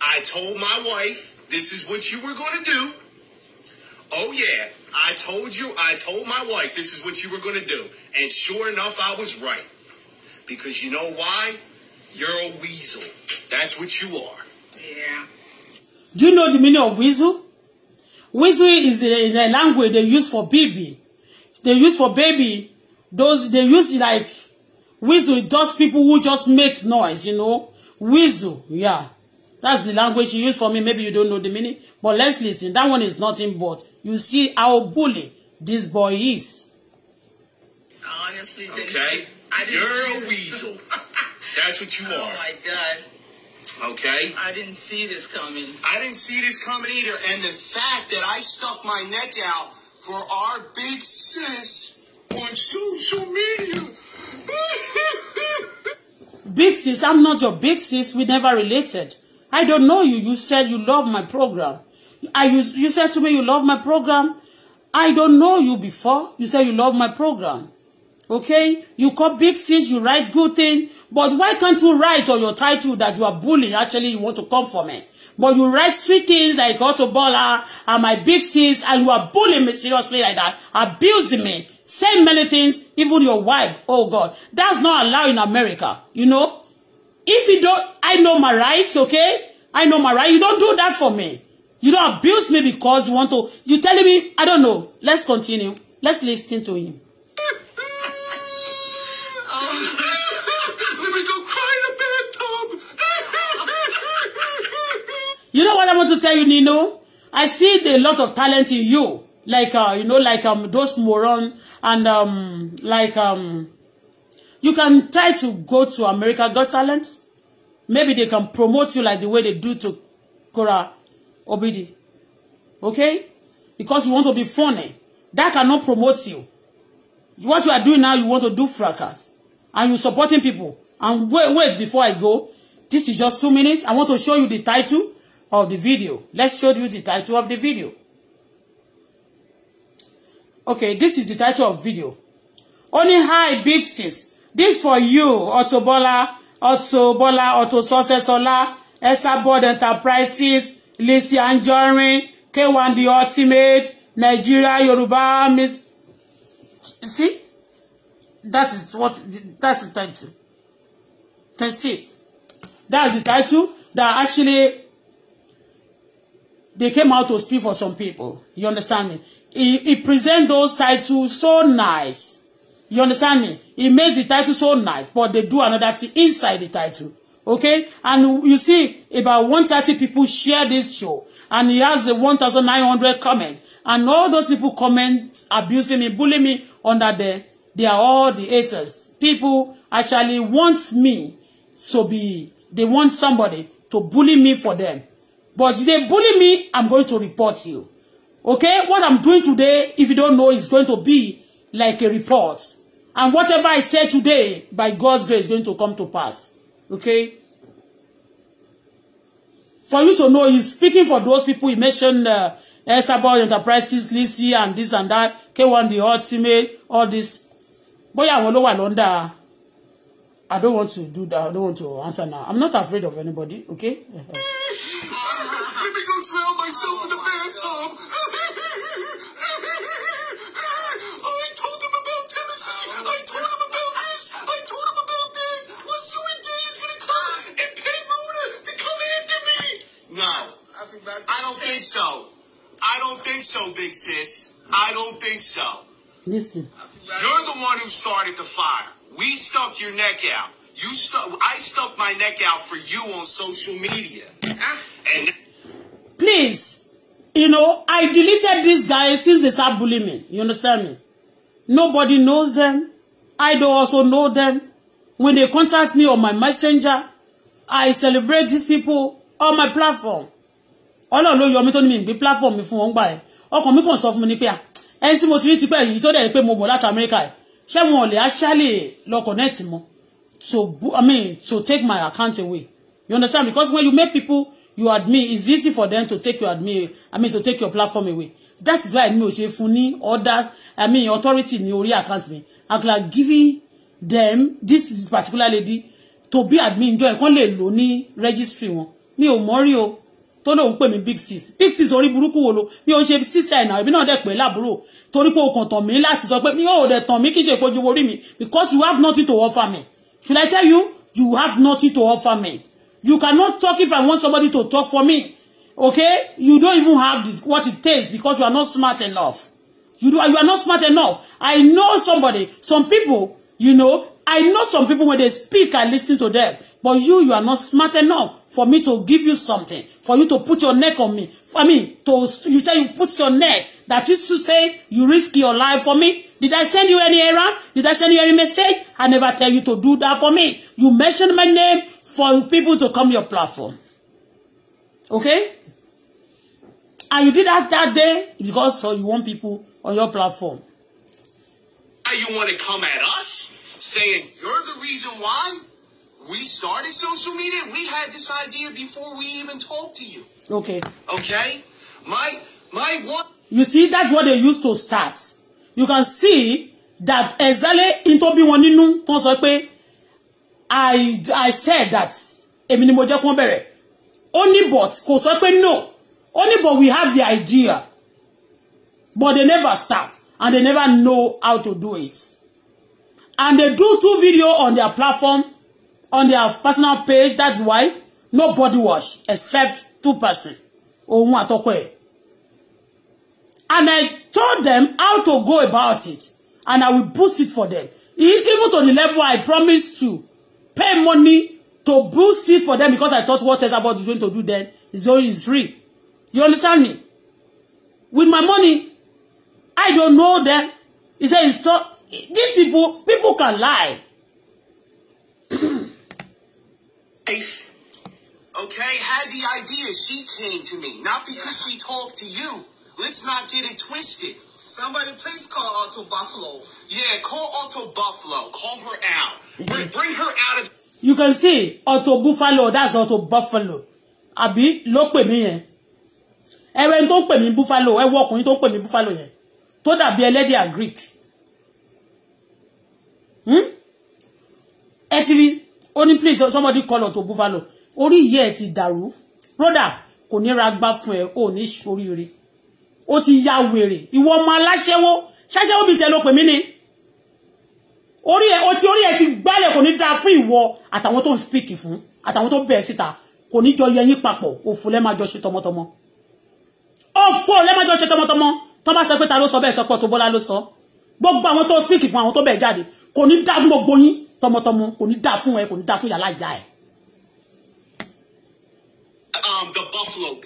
I told my wife this is what you were going to do. Oh yeah, I told you, I told my wife this is what you were going to do. And sure enough, I was right. Because you know why? You're a weasel. That's what you are. Yeah. Do you know the meaning of weasel? Weasel is a, a language they use for baby. They use for baby. Those they use like weasel. Those people who just make noise, you know. Weasel, yeah. That's the language you use for me. Maybe you don't know the meaning, but let's listen. That one is nothing but you see how bully this boy is. Honestly, okay. You're a weasel. That's what you oh are. Oh my God. Okay? I didn't see this coming. I didn't see this coming either. And the fact that I stuck my neck out for our big sis on social media. big sis, I'm not your big sis. We never related. I don't know you. You said you love my program. I you, you said to me you love my program. I don't know you before. You said you love my program. okay you call big things you write good thing but why can't you write on your title that you are bullying actually you want to come for me, but you write sweet things like Auto oh, Bola and my big sis and you are bullying me seriously like that abusing me saying many things even your wife oh God that's not allowed in America you know if you don't I know my rights okay I know my right you don't do that for me you don't abuse me because you want to you telling me I don't know let's continue let's listen to him You know what I want to tell you, Nino? I see a lot of talent in you. Like, uh, you know, like um, those moron and um, like, um, you can try to go to America Got Talent. Maybe they can promote you like the way they do to Kora Obidi. Okay? Because you want to be funny. That cannot promote you. What you are doing now, you want to do fracas. And you're supporting people. And wait, wait, before I go, this is just two minutes. I want to show you the title of the video. Let's show you the title of the video. Okay, this is the title of video. Only high big sis. This for you, Otobola Otobola Auto Bola, Esabod Enterprises, Lizzy Anjorin, K1 The Ultimate, Nigeria, Yoruba, Miss. See? That is what, that's the title. Can see? That's the title that actually they came out to speak for some people. You understand me? He, he present those titles so nice. You understand me? He made the title so nice, but they do another thing inside the title. Okay? And you see, about 130 people share this show. And he has a 1,900 comment. And all those people comment, abusing me, bullying me under there. They are all the aces. People actually want me to be, they want somebody to bully me for them. But if they bully me, I'm going to report you. Okay? What I'm doing today, if you don't know, is going to be like a report. And whatever I say today, by God's grace, is going to come to pass. Okay? For you to know, he's speaking for those people he mentioned, uh, Esabod Enterprises, Lisi, and this and that, K1, the Ultimate, all this. Bóyá àwọn ló I don't want to do that. I don't want to answer now. I'm not afraid of anybody, okay? nearly drowned myself in the bathtub. I told him about Tennessee. I told him about this. I told him about that. What sweet Day is going to come and pay Luna to come after me. No. I don't think so. I don't think so, big sis. I don't think so. Listen. You're the one who started the fire. We stuck your neck out. You stuck. I stuck my neck out for you on social media. And. please, you know, I deleted these guys since they start bullying me. You understand me? Nobody knows them. I don't also know them. When they contact me on my messenger, I celebrate these people on my platform. Ọlọ́run ló yọ mí tó ní mi gbé platform mi fún wọn gbà ẹ̀. Ọkàn mi kàn sọ fún mi ní pé à ẹni tí mo ti rí tipẹ́ yìí tó dẹ̀ pé mo mọ̀ láti Amẹ́ríkà ẹ̀. Ṣé wọn lè aṣálè lọ connect mọ́ to I mean to take my account away. You understand? Because when you make people you admit it's easy for them to take your admit. i mean to take your platform away that is why I ò ṣe fún ní order i mean authority ní orí account me. and like giving them this particular lady to be admin join kan lè lò ní registry wọn mi ò mọ̀ rí o tó lóun pè mí big sis big sis orí burúkú wo lo mi ò ṣe sister ìnáwó ibi náà dẹ̀ pé láàbúrò torí pé o kàn tàn mí láti sọ pé mi ò dẹ̀ tàn mí kí n ṣe ìpojú mi because you have nothing to offer me should i tell you you have nothing to offer me You cannot talk if I want somebody to talk for me. Okay? You don't even have the, what it takes because you are not smart enough. You, do, you are not smart enough. I know somebody, some people, you know, I know some people when they speak, I listen to them. But you, you are not smart enough for me to give you something, for you to put your neck on me. For me, to you say you put your neck. That is to say, you risk your life for me. Did I send you any error? Did I send you any message? I never tell you to do that for me. You mentioned my name for people to come your platform. Okay? And you did that that day because so you want people on your platform. Now you want to come at us saying you're the reason why? We started social media. We had this idea before we even talked to you. Okay. Okay? My, my what? You see, that's what they used to start. You can see that exactly into be wọn nínú ton sọ I I said that a ni mo jẹ́ Only but kò sọ no. Only but we have the idea. But they never start and they never know how to do it. And they do two video on their platform on their personal page. That's why no body wash except two person. Òun àtọkọ ẹ̀. And I told them how to go about it. And I will boost it for them. E, even to the level I promised to pay money to boost it for them because I thought what about is going to do then is only three. You understand me? With my money, I don't know them. He said, these people, people can lie. Case. Okay, had the idea. She came to me, not because yeah. she talked to you. Let's not get it twisted. Somebody, please call Auto Buffalo. Yeah, call Auto Buffalo. Call her out. bring, bring her out of. You can see Auto Buffalo. That's Auto Buffalo. Abi ló pè mí yẹn. Ẹ̀rẹ̀ tó ń pè Buffalo. Ẹ wo ọkùnrin tó ń pè mí Buffalo yẹn. Tó a ẹlẹ́dẹ̀ à Greek. Hmm? Actually ó ní please somebody call to Buffalo orí ìyẹ́ ẹ̀ ti Daru, brother. kò ní ra gbá fún ẹ ò ní ṣoríire ti ya wèrè iwo ọmọ aláṣẹ́wó ṣáṣẹ́wó bíi tẹ ló pè mí ni orí ẹ o ti orí ẹ ti gbálẹ̀ kò ní dáa fún ìwọ àtàwọn tó ń speak fún àtàwọn tó bẹ̀ẹ́ síta kò ní jọ yẹ yín papọ̀ òfò lẹ́ máa jọ ṣe tọmọtọmọ òfò lẹ́ máa jọ ṣe tọmọtọmọ tó bá sọ pé ta ló sọ bẹ́ẹ̀ sọ pé Auto Bola lo sọ gbogbo àwọn tó speak fún àwọn tó bẹ̀ẹ́ jáde kò ní dá gbogbo yín tọmọtọmọ kò ní dá fún ẹ kò ní dá fún yàrá ìyá ẹ. Um, the buffalo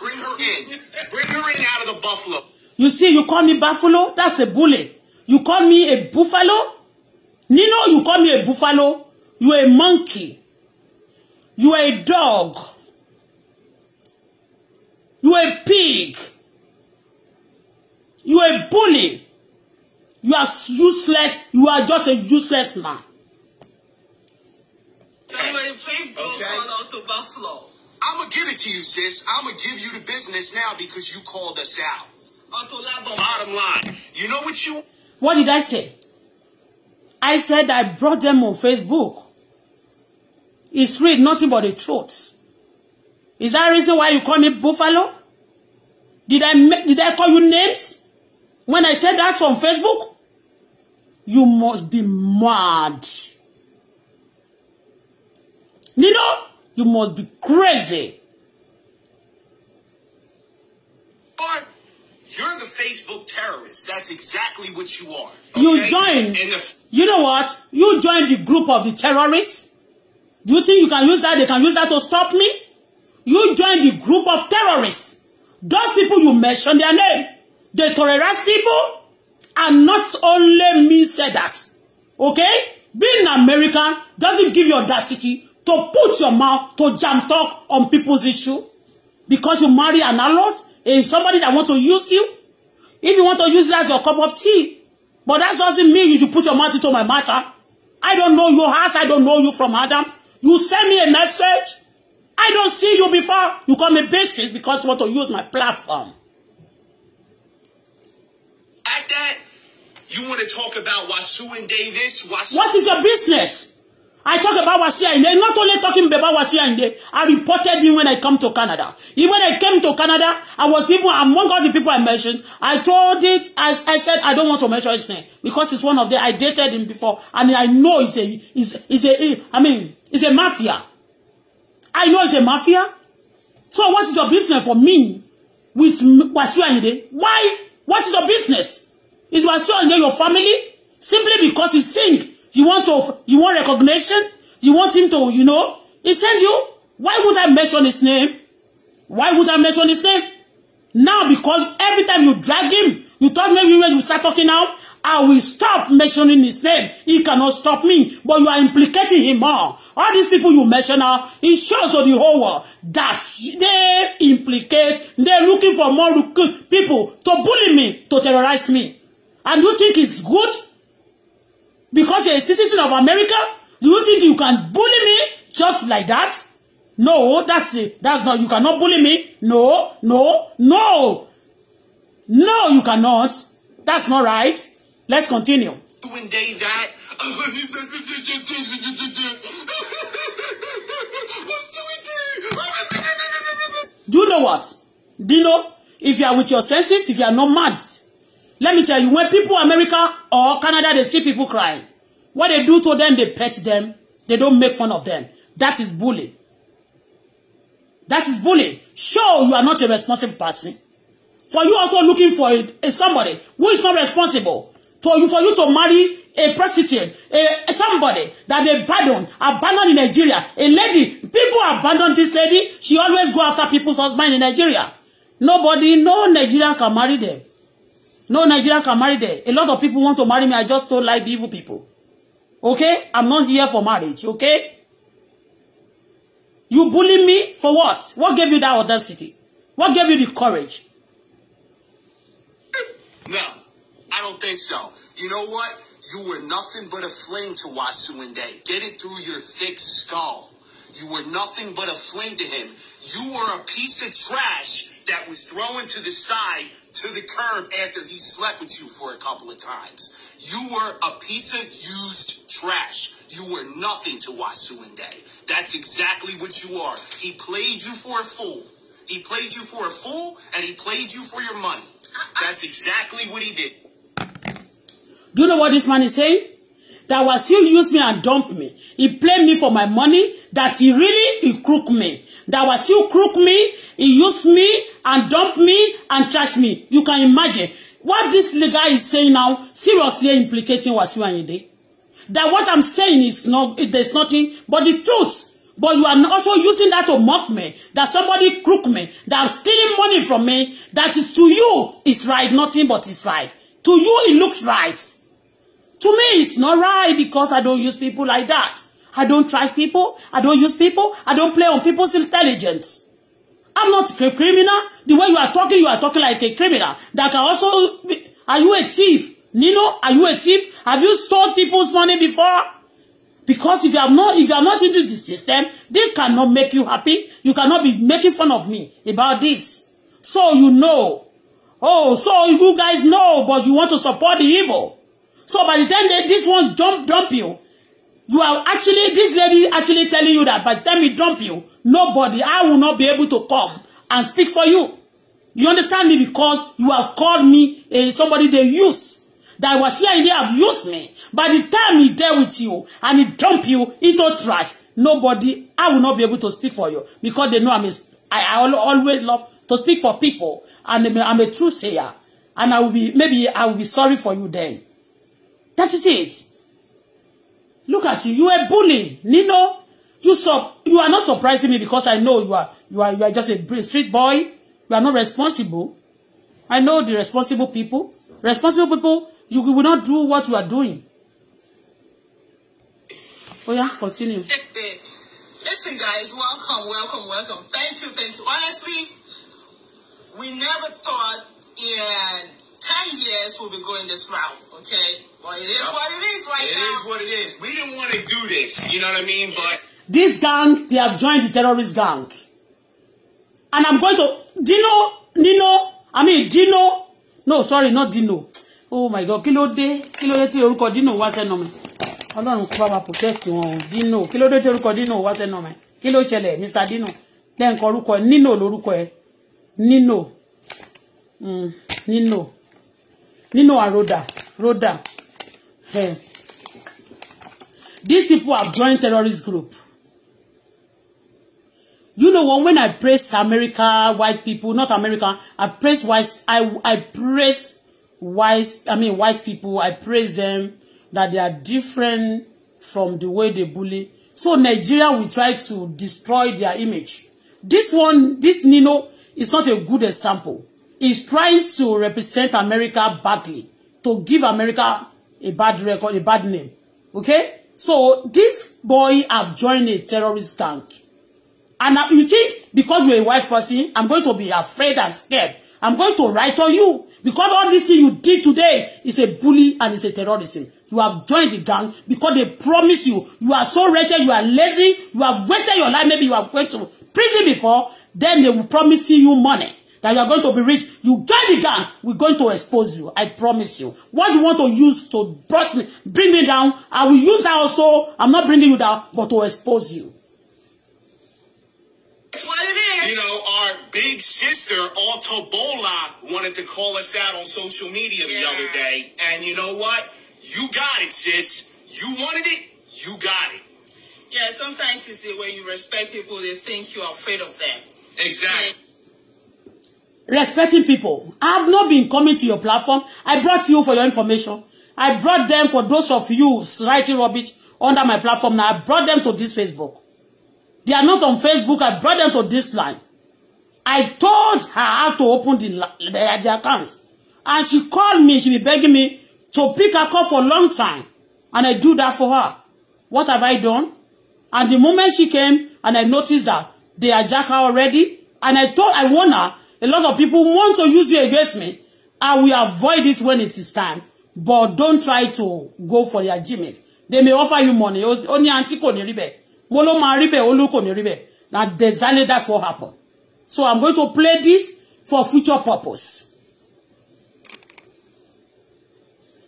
Bring her in. Bring her in out of the buffalo. You see, you call me buffalo? That's a bully. You call me a buffalo? Nino, you call me a buffalo? You a monkey. You are a dog. You are a pig. You are a bully. You are useless. You are just a useless man. Dwayne, please go okay. call out to Buffalo. I'm going to give it to you, sis. I'm going to give you the business now because you called us out. Bottom line, you know what you... What did I say? I said I brought them on Facebook. It's read nothing but the truth. Is that reason why you call me Buffalo? Did I make, did I call you names when I said that on Facebook? You must be mad. Nino, you must be crazy. But you're the Facebook terrorist. That's exactly what you are. Okay? You joined. You know what? You joined the group of the terrorists. Do you think you can use that? They can use that to stop me? You joined the group of terrorists. Those people you mentioned their name. The terrorist people and not only me said that. Okay? Being an American doesn't give you audacity to put your mouth to jam talk on people's issue because you marry an adult, a somebody that want to use you. If you want to use it as your cup of tea, but that doesn't mean you should put your mouth into my matter. I don't know your house. I don't know you from Adams. You send me a message. I don't see you before. You call me basic because you want to use my platform. At that, you want to talk about Wasu and Davis? Wasu what is your business? I talk about Wasiu Ayinde. Not only talking about Wasiu Ayinde, I reported him when I come to Canada. Even when I came to Canada, I was even among all the people I mentioned. I told it, as I said, I don't want to mention his name because he's one of the I dated him before, and I know he's a, he's, he's a, I mean, he's a mafia. I know he's a mafia. So what is your business for me with Wasiu Ayinde? Why? What is your business? Is Wasiu Ayinde your family? Simply because he sing You want to, you want recognition? You want him to, you know, he sent you. Why would I mention his name? Why would I mention his name? Now, because every time you drag him, you talk maybe when you start talking now, I will stop mentioning his name. He cannot stop me, but you are implicating him more. All these people you mention now, it shows to the whole world that they implicate, they're looking for more people to bully me, to terrorize me. And you think it's good? because you're a citizen of America? Do you think you can bully me just like that? No, that's it. That's not, you cannot bully me. No, no, no. No, you cannot. That's not right. Let's continue. Doing day that. Do you know what? Do you know? If you are with your senses, if you are not mad, Let me tell you, when people America or Canada, they see people cry. What they do to them, they pet them. They don't make fun of them. That is bullying. That is bullying. Sure, you are not a responsible person. For you also looking for a, a somebody who is not responsible. For you, for you to marry a prostitute, a, somebody that they abandoned abandon in Nigeria. A lady, people abandon this lady. She always go after people's husband in Nigeria. Nobody, no Nigerian can marry them. No Nigerian can marry there. A lot of people want to marry me. I just don't like evil people. Okay? I'm not here for marriage. Okay? You bully me for what? What gave you that audacity? What gave you the courage? No, I don't think so. You know what? You were nothing but a fling to Day. Get it through your thick skull. You were nothing but a fling to him. You were a piece of trash that was thrown to the side to the curb after he slept with you for a couple of times. You were a piece of used trash. You were nothing to Wasu and Day. That's exactly what you are. He played you for a fool. He played you for a fool, and he played you for your money. That's exactly what he did. Do you know what this man is saying? That Wassu used me and dumped me. He played me for my money. That he really he crooked me. that Wasiu crook me, he used me and dumped me and trashed me. You can imagine what this guy is saying now, seriously implicating Wasiu Ayinde. That what I'm saying is not, it, there's nothing but the truth. But you are also using that to mock me, that somebody crook me, that stealing money from me, that is to you, it's right, nothing but it's right. To you, it looks right. To me, it's not right because I don't use people like that. I don't trust people. I don't use people. I don't play on people's intelligence. I'm not a criminal. The way you are talking, you are talking like a criminal. That can also be, are you a thief? Nino, are you a thief? Have you stolen people's money before? Because if you are not if you are not into the system, they cannot make you happy. You cannot be making fun of me about this. So you know. Oh, so you guys know, but you want to support the evil. So by the time that this one jump, dump you, you are actually, this lady actually telling you that by the time you dump you, nobody, I will not be able to come and speak for you. You understand me? Because you have called me uh, somebody they use. That was here and they have used me. By the time he there with you and he dump you into trash, nobody, I will not be able to speak for you because they know I'm a, I, always love to speak for people and I'm a, I'm a true sayer. And I will be, maybe I will be sorry for you then. That is it. Look at you. You a bully. Nino, you sup? you are not surprising me because I know you are you are you are just a street boy. You are not responsible. I know the responsible people. Responsible people, you will not do what you are doing. Oh yeah, continue. Listen, guys, welcome, welcome, welcome. Thank you, thank you. Honestly, we never thought in 10 years we'll be going this route, okay? Well, it is what it is right it now. It is what it is. We didn't want to do this, you know what I mean? But this gang, they have joined the terrorist gang. And I'm going to Dino, Nino, I mean Dino. No, sorry, not Dino. Oh my God, Kilo de, kilo kí ló dé Dino. What's Dino name? sẹ́nu mi. Ọlọ́run kó bá wa protect wọn Dino. kilo de te tí orúkọ Dino What's sẹ́nu name? Kilo ló ṣẹlẹ̀ Mr. Dino. Then orúkọ ẹ̀ Nino lórúkọ ẹ̀ Nino. Mm, Nino. Nino and Roda. Roda. Hey. These people have joined terrorist group. You know when, I praise America, white people, not America, I praise white I I praise white I mean white people, I praise them that they are different from the way they bully. So Nigeria will try to destroy their image. This one, this Nino is not a good example. He's trying to represent America badly, to give America a bad record, a bad name. Okay? So this boy have joined a terrorist gang. And uh, you think because you're a white person, I'm going to be afraid and scared. I'm going to write on you. Because all this thing you did today is a bully and it's a terrorism. You have joined the gang because they promise you. You are so wretched, you are lazy, you have wasted your life. Maybe you have went to prison before. Then they will promise you money. that you are going to be rich, you join the gang, we're going to expose you. I promise you. What you want to use to brought me, bring me down, I will use that also. I'm not bringing you down, but to expose you. That's what it is. You know, our big sister, Alto Bola, wanted to call us out on social media the yeah. other day. And you know what? You got it, sis. You wanted it, you got it. Yeah, sometimes it's when you respect people, they think you're afraid of them. Exactly. respecting people. I have not been coming to your platform. I brought you for your information. I brought them for those of you writing rubbish under my platform. Now I brought them to this Facebook. They are not on Facebook. I brought them to this line. I told her how to open the, the, the account. And she called me. She be begging me to pick her call for a long time. And I do that for her. What have I done? And the moment she came and I noticed that they are jack her already, and I told I warned her A lot of people want to use you against me. I will avoid it when it is time. But don't try to go for their gimmick. They may offer you money. Only ní àǹtí kò ní rí bẹ́ẹ̀. ribe. ló máa rí bẹ́ẹ̀, Now, exactly that's what happened. So I'm going to play this for future purpose.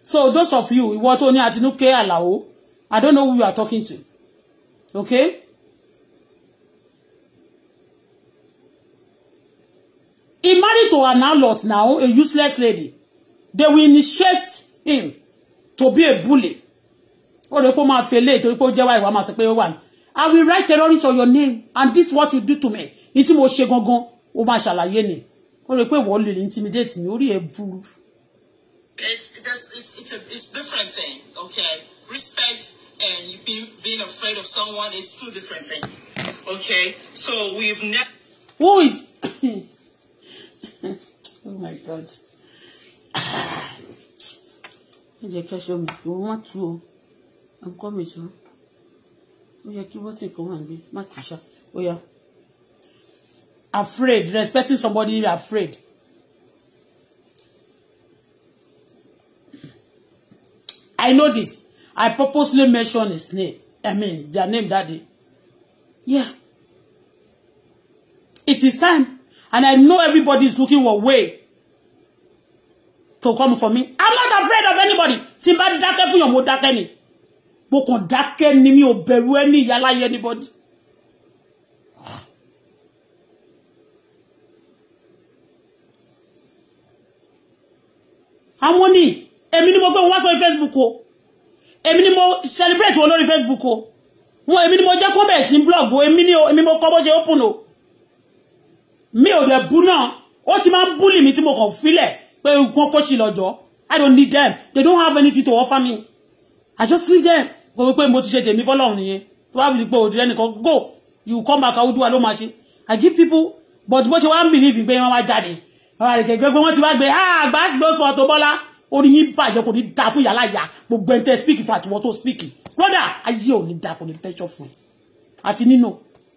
So those of you, ìwọ tó ní Àtinúkẹ́ Àlàó, I don't know who you are talking to. Okay? He married to an outlaw now, a useless lady. They will initiate him to be a bully. Oh, lè kó máa fi eléyìí torí pé ó jẹ́ wá ìwà I will write terrorist on your name and this is what you do to me. Ní tí mo ṣe gangan, ó máa ṣàlàyé ni. Ó lè pé ìwọ lè intimidate mi, orí ẹ̀ burú. It's, it's, it's, a, it's different thing, okay? Respect and you being, being afraid of someone, it's two different things, okay? So we've never... Who is... Oh my God. Ó jẹ́ kí aṣọ mi kò wọ́n tu o. À ń kọ́ mi sọ. Ó yẹ kí wọ́n ti kọ́ wọn Má tù ṣá. Ó yá. Afraid. Respecting somebody afraid. I know this. I purposely mentioned his name. I mean, their name that day. Yeah. It is time. And I know everybody is looking for a way to come for me. I'm not afraid of anybody. Simba, n bá dákẹ́ fún yàn, mo dákẹ́ ni. Mo kàn dákẹ́ ni mi ò bẹ̀rù ẹni anybody. Àwọn ni èmi ni mo gbé wọn Facebook o. Èmi ni mo celebrate on lórí Facebook o. Wọn èmi ni mo jẹ́ kó bẹ̀rẹ̀ sí blog o. Èmi ni mo kọ́ bó open o mi ò dẹ̀ bú náà ó ti máa ń búlì mi tí mo kàn fílẹ̀ pé nǹkan kó ṣì lọ́jọ́ I don't need them they don't have anything to offer me I just leave them gbogbo pé mo ti ṣe tèmi fọlọ́run nìyẹn tó bá bìí pé òjò ẹnìkan go you come back do ló máa ṣe I give people but bó ṣe wá ń believe pé wọ́n wá jáde àwọn àrèké gbé pé wọ́n ti wá gbé ah gbàásì lọ́sùn ọ̀tọ̀ bọ́lá orí yín bàjẹ́ kò ní da fún yàrá ìyá gbogbo ẹni tẹ́ speak fún àtiwọ́ tó speak brother ayé ò ní da kò ní pẹ́jọ́ fún ẹ àti nínú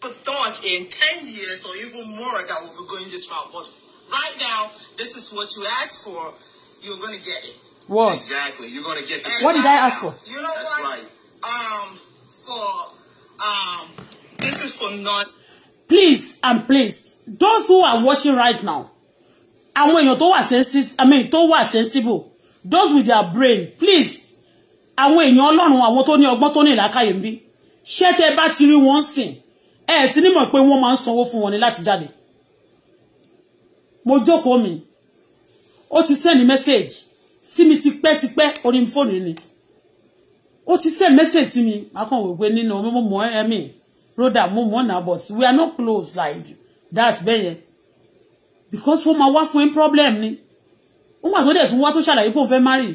thought in 10 years or even more that we'll be going this far, But right now, this is what you asked for. You're going to get it. What? Exactly. You're going to get this. What did I ask for? You know That's what? right. Um, for, um, this is for not. Please and please, those who are watching right now, àwọn èèyàn tó wà sensitive, I mean, too wà sensible, those with their brain, please, àwọn èèyàn ọlọ́run àwọn tó ní ọgbọ́n tó ní ìlàkàyè ń bí, ṣé tẹ bá ti rí wọn sìn, ẹ sì ní mọ̀ pé wọ́n máa ń sanwó fún wọn ni láti jáde mo jókòó mi ó ti sẹ́ni mẹ́sẹ̀gì sí mi tipẹ́tipẹ́ orí fóònù ni ó ti sẹ́ni mẹ́sẹ̀gì sí mi akọ̀ wípé nínú mo mọ̀ ẹ́mì roda mo mọ̀ náà but we are not close like that bẹ́ẹ̀ yẹn because wọ́n máa wá fún ẹ́ problem ni ó mà tó dẹ̀ tún wá tó ṣàlàyé pé òun fẹ́ marry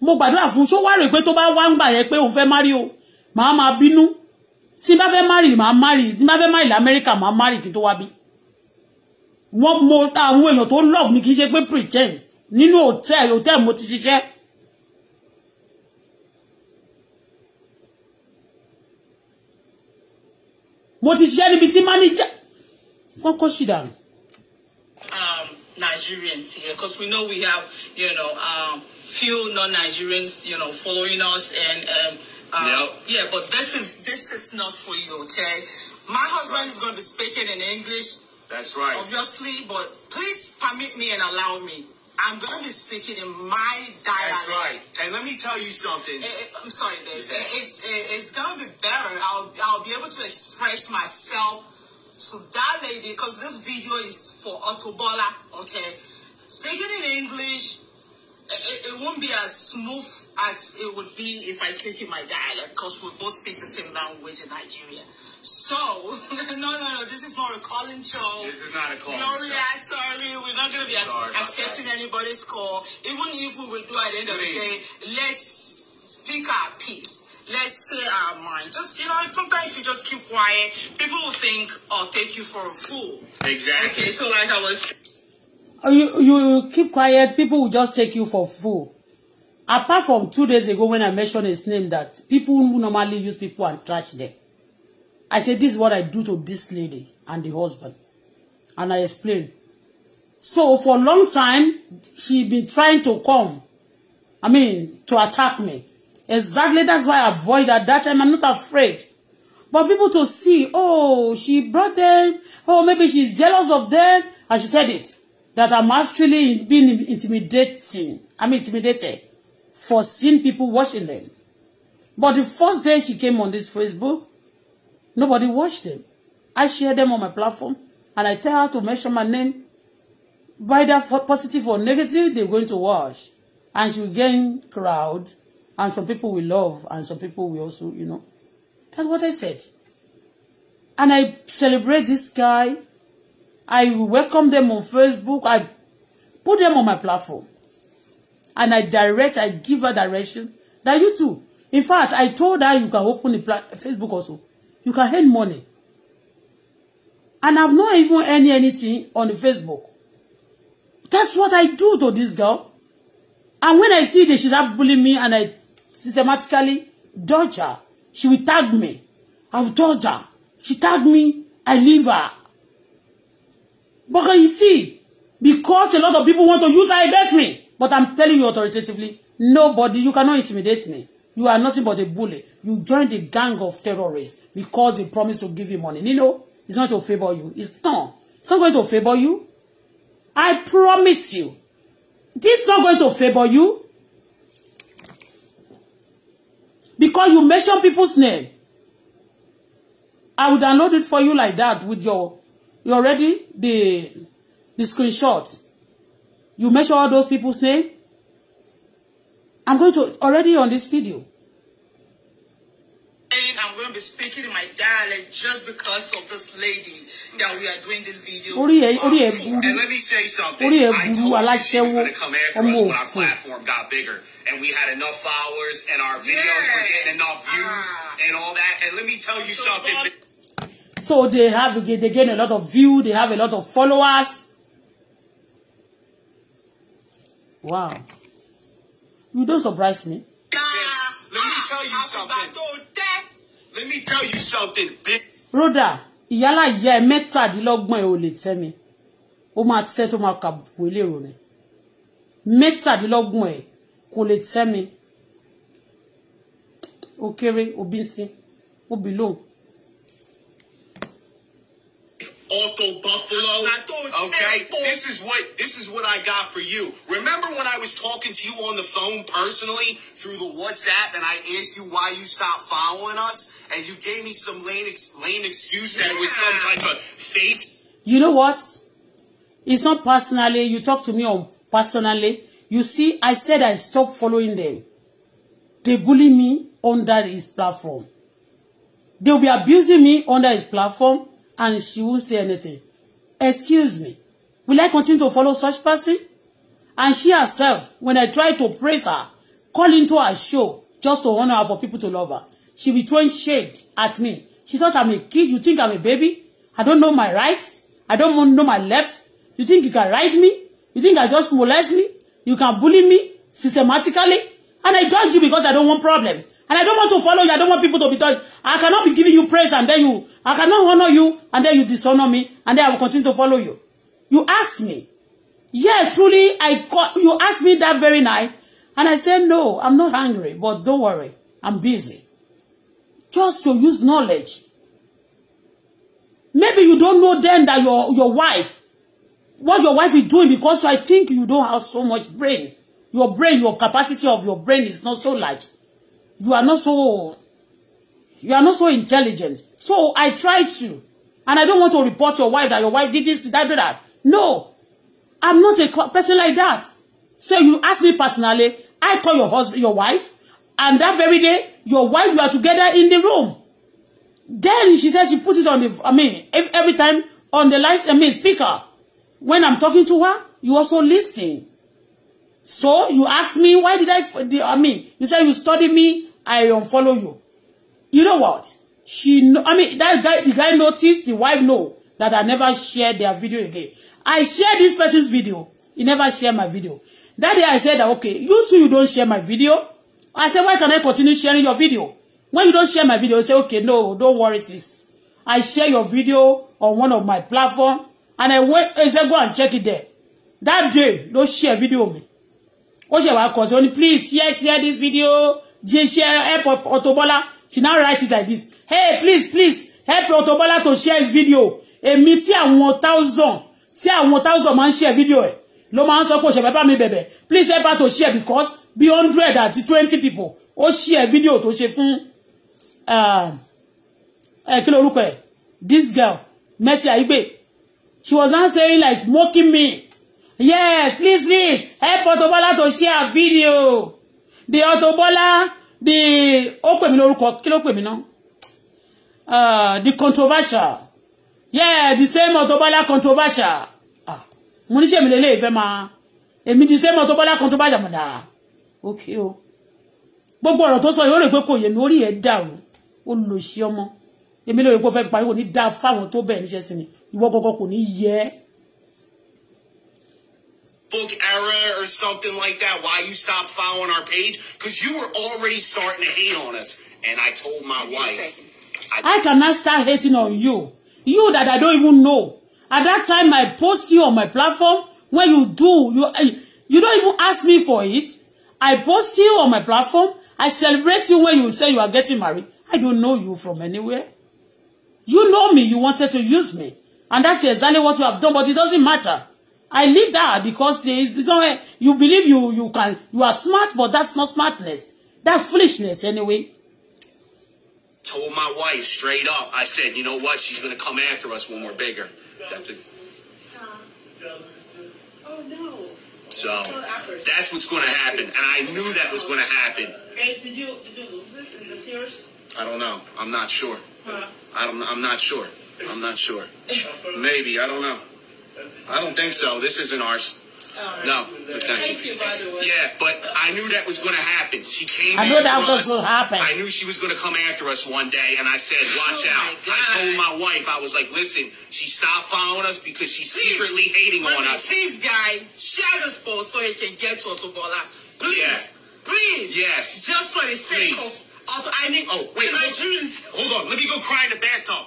mo gbàdúrà fún un ṣó wá rè pé tó bá wá ń gbà yẹn pé òun fẹ́ marry o màá máa bínú tí n bá fẹ́ márì màá márì tí n bá fẹ́ márì lamẹ́ríkà màá márì kí n tó wá bí wọ́n mo àwọn èèyàn tó love mi kì í ṣe pé pretend nínú hòtẹ́ẹ̀lì hòtẹ́ẹ̀lì mo ti ṣiṣẹ́ mo ti ṣiṣẹ́ níbi tí máníjà wọ́n kọ́ sí dànù. Um, Nigerians here because we know we have, you know, um, few non-Nigerians, you know, following us and um, Um, yep. Yeah, but this is this is not for you, okay? My husband right. is going to be speaking in English. That's right. Obviously, but please permit me and allow me. I'm going to be speaking in my dialect. That's right. And let me tell you something. It, eh, it, eh, I'm sorry, Dave. Yeah. It, eh, it's it's going to be better. I'll I'll be able to express myself to that lady because this video is for Otobola, okay? Speaking in English, it, it, won't be as smooth as it would be if I speak in my dialect because we both speak the same language in Nigeria. So, no, no, no, this is not a calling show. This is not a calling no, show. No, yeah, sorry, we're not going to be accepting anybody's call. Even if we will do at the end Please. of the day, let's speak our piece let's say our mind. Just you know, sometimes you just keep quiet. People will think or oh, take you for a fool. Exactly. Okay, so like I was. Uh, you, you keep quiet, people will just take you for fool. Apart from two days ago when I mentioned his name that people who normally use people and trash them. I said, this is what I do to this lady and the husband. And I explained. So for a long time, she been trying to come. I mean, to attack me. Exactly, that's why I avoid that time. I'm not afraid. But people to see, oh, she brought them. Oh, maybe she's jealous of them. And she said it. that I'm actually being intimidating. I'm intimidated for seeing people watching them. But the first day she came on this Facebook, nobody watched them. I share them on my platform and I tell her to mention my name. By that positive or negative, they're going to watch. And she will gain crowd and some people will love and some people will also, you know. That's what I said. And I celebrate this guy I welcome them on Facebook. I put them on my platform. And I direct, I give her direction. That you too. In fact, I told her you can open the Facebook also. You can earn money. And I've not even earned anything on the Facebook. That's what I do to this girl. And when I see that she's up bullying me and I systematically dodge her, she will tag me. I've dodged her. She tagged me. I leave her. Because you see, because a lot of people want to use her against me. But I'm telling you authoritatively, nobody, you cannot intimidate me. You are nothing but a bully. You joined the gang of terrorists because they promised to give you money. You know, it's not to favor you. It's not. It's not going to favor you. I promise you. This is not going to favor you. Because you mention people's name. I will download it for you like that with your you already the the screenshot you mention all those people's name i'm going to already on this video I'm going to be speaking in my dialect just because of this lady that we are doing this video. Orí ẹ̀ e, orí ẹ̀ e burú. And let me say something. E I told you like Orí ẹ̀ burú aláṣẹ́wó us when Our platform got bigger and we had enough followers and our videos yeah. were getting enough views ah. and all that. And let me tell you so something. So they have they gain a lot of view, they have a lot of followers. Wow. You don't surprise me. Let me tell you something. Let me tell you something. Rhoda, ìyálà ìyá ẹ mẹ́tàdínlọ́gbọ̀n ẹ ò lè tẹ́ mi. Ó máa tẹ́ tó máa kàbùkù eléèrò ni. Mẹ́tàdínlọ́gbọ̀n ẹ kò lè tẹ́ mi. Ó kéré, òbí ń sin, ó Auto Buffalo. Okay, this is what this is what I got for you. Remember when I was talking to you on the phone personally through the WhatsApp, and I asked you why you stopped following us, and you gave me some lame ex lame excuse that yeah. it was some type of face. You know what? It's not personally. You talk to me on personally. You see, I said I stopped following them. They bully me under his platform. They'll be abusing me under his platform. and she won't say anything. Excuse me. Will I continue to follow such person? And she herself, when I try to praise her, call into her show just to honor her for people to love her, she be throwing shade at me. She thought I'm a kid. You think I'm a baby? I don't know my rights. I don't know my left. You think you can ride me? You think I just molest me? You can bully me systematically? And I dodge you because I don't want problem. And I don't want to follow you. I don't want people to be touched. I cannot be giving you praise and then you, I cannot honor you and then you dishonor me and then I will continue to follow you. You ask me. Yes, truly, I got, you asked me that very night. And I said, no, I'm not hungry, but don't worry. I'm busy. Just to use knowledge. Maybe you don't know then that your, your wife, what your wife is doing because I think you don't have so much brain. Your brain, your capacity of your brain is not so large you are not so you are not so intelligent so I try to and I don't want to report your wife that your wife did this did that did that no I'm not a person like that so you ask me personally I call your husband your wife and that very day your wife you are together in the room then she says she put it on the I mean every time on the light I mean speaker when I'm talking to her you also listening. So you ask me, why did I, I mean, you say you study me, I unfollow you. You know what? She, I mean, that guy, the guy noticed, the wife know that I never share their video again. I share this person's video. He never share my video. That day I said, that, okay, you two, you don't share my video. I said, why can I continue sharing your video? When you don't share my video, you say, okay, no, don't worry, sis. I share your video on one of my platform, and I went, I said, go and check it there. That day, don't share video me ó ṣe wá kọ sí ó please share share this video share help Otobola. she now write it like this hey please please help Otobola to share his video èmi tí àwọn thousand tí àwọn thousand máa ń share video ẹ̀ ló máa ń sọ pé òṣèlú bá mi bẹ̀bẹ̀ please help her to share because be hundred àti twenty people ó share video tó ṣe fún ẹ ah, eh, kí lorúkọ ẹ this girl Mercy Aigbe she was now saying like mocking me yes please please help Auto to share video the Auto the ó pè mí lórúkọ kí ló uh, the controversial yeah the same Auto controversial ah mo ní ṣe mi lélẹ́yìí fẹ́ máa èmi the same Auto controversial mọ̀ da. okay o gbogbo ọ̀rọ̀ tó sọ yóò rè pé kò yẹ mi orí ẹ̀ dàrú ó lò sí ọmọ èmi lórí pé ó fẹ́ parí kò ní dáa fáwọn tó bẹ̀ níṣẹ́ sí ni ìwọ gọ́gọ́ kò ní yẹ ẹ́. Facebook era or something like that, why you stopped following our page? Because you were already starting to hate on us. And I told my wife. I, I cannot start hating on you. You that I don't even know. At that time, I post you on my platform. When you do, you, eh, you don't even ask me for it. I post you on my platform. I celebrate you when you say you are getting married. I don't know you from anywhere. You know me. You wanted to use me. And that's exactly what you have done, but it doesn't matter. I leave that because there is you know, you believe you you can you are smart, but that's not smartness. That's foolishness anyway. Told my wife straight up. I said, you know what? She's gonna come after us when we're bigger. That's it. Oh no. So that's what's gonna happen, and I knew that was gonna happen. Hey, did you did you lose this Is this yours? I don't know. I'm not sure. Huh? I don't. I'm not sure. I'm not sure. Maybe I don't know. I don't think so. This isn't ours. Right. No, but thank, thank you. yeah, but I knew that was going to happen. She came. I knew that was going to happen. I knew she was going to come after us one day, and I said, "Watch oh out!" I told my wife, I was like, "Listen, she stopped following us because she's please, secretly hating on us." Please, guy, share this ball so he can get to Otobola. Please, yeah. please, yes, just for the sake please. of Also, I need. Oh wait, the Nigerians. Hold on, let me go cry in the bathtub.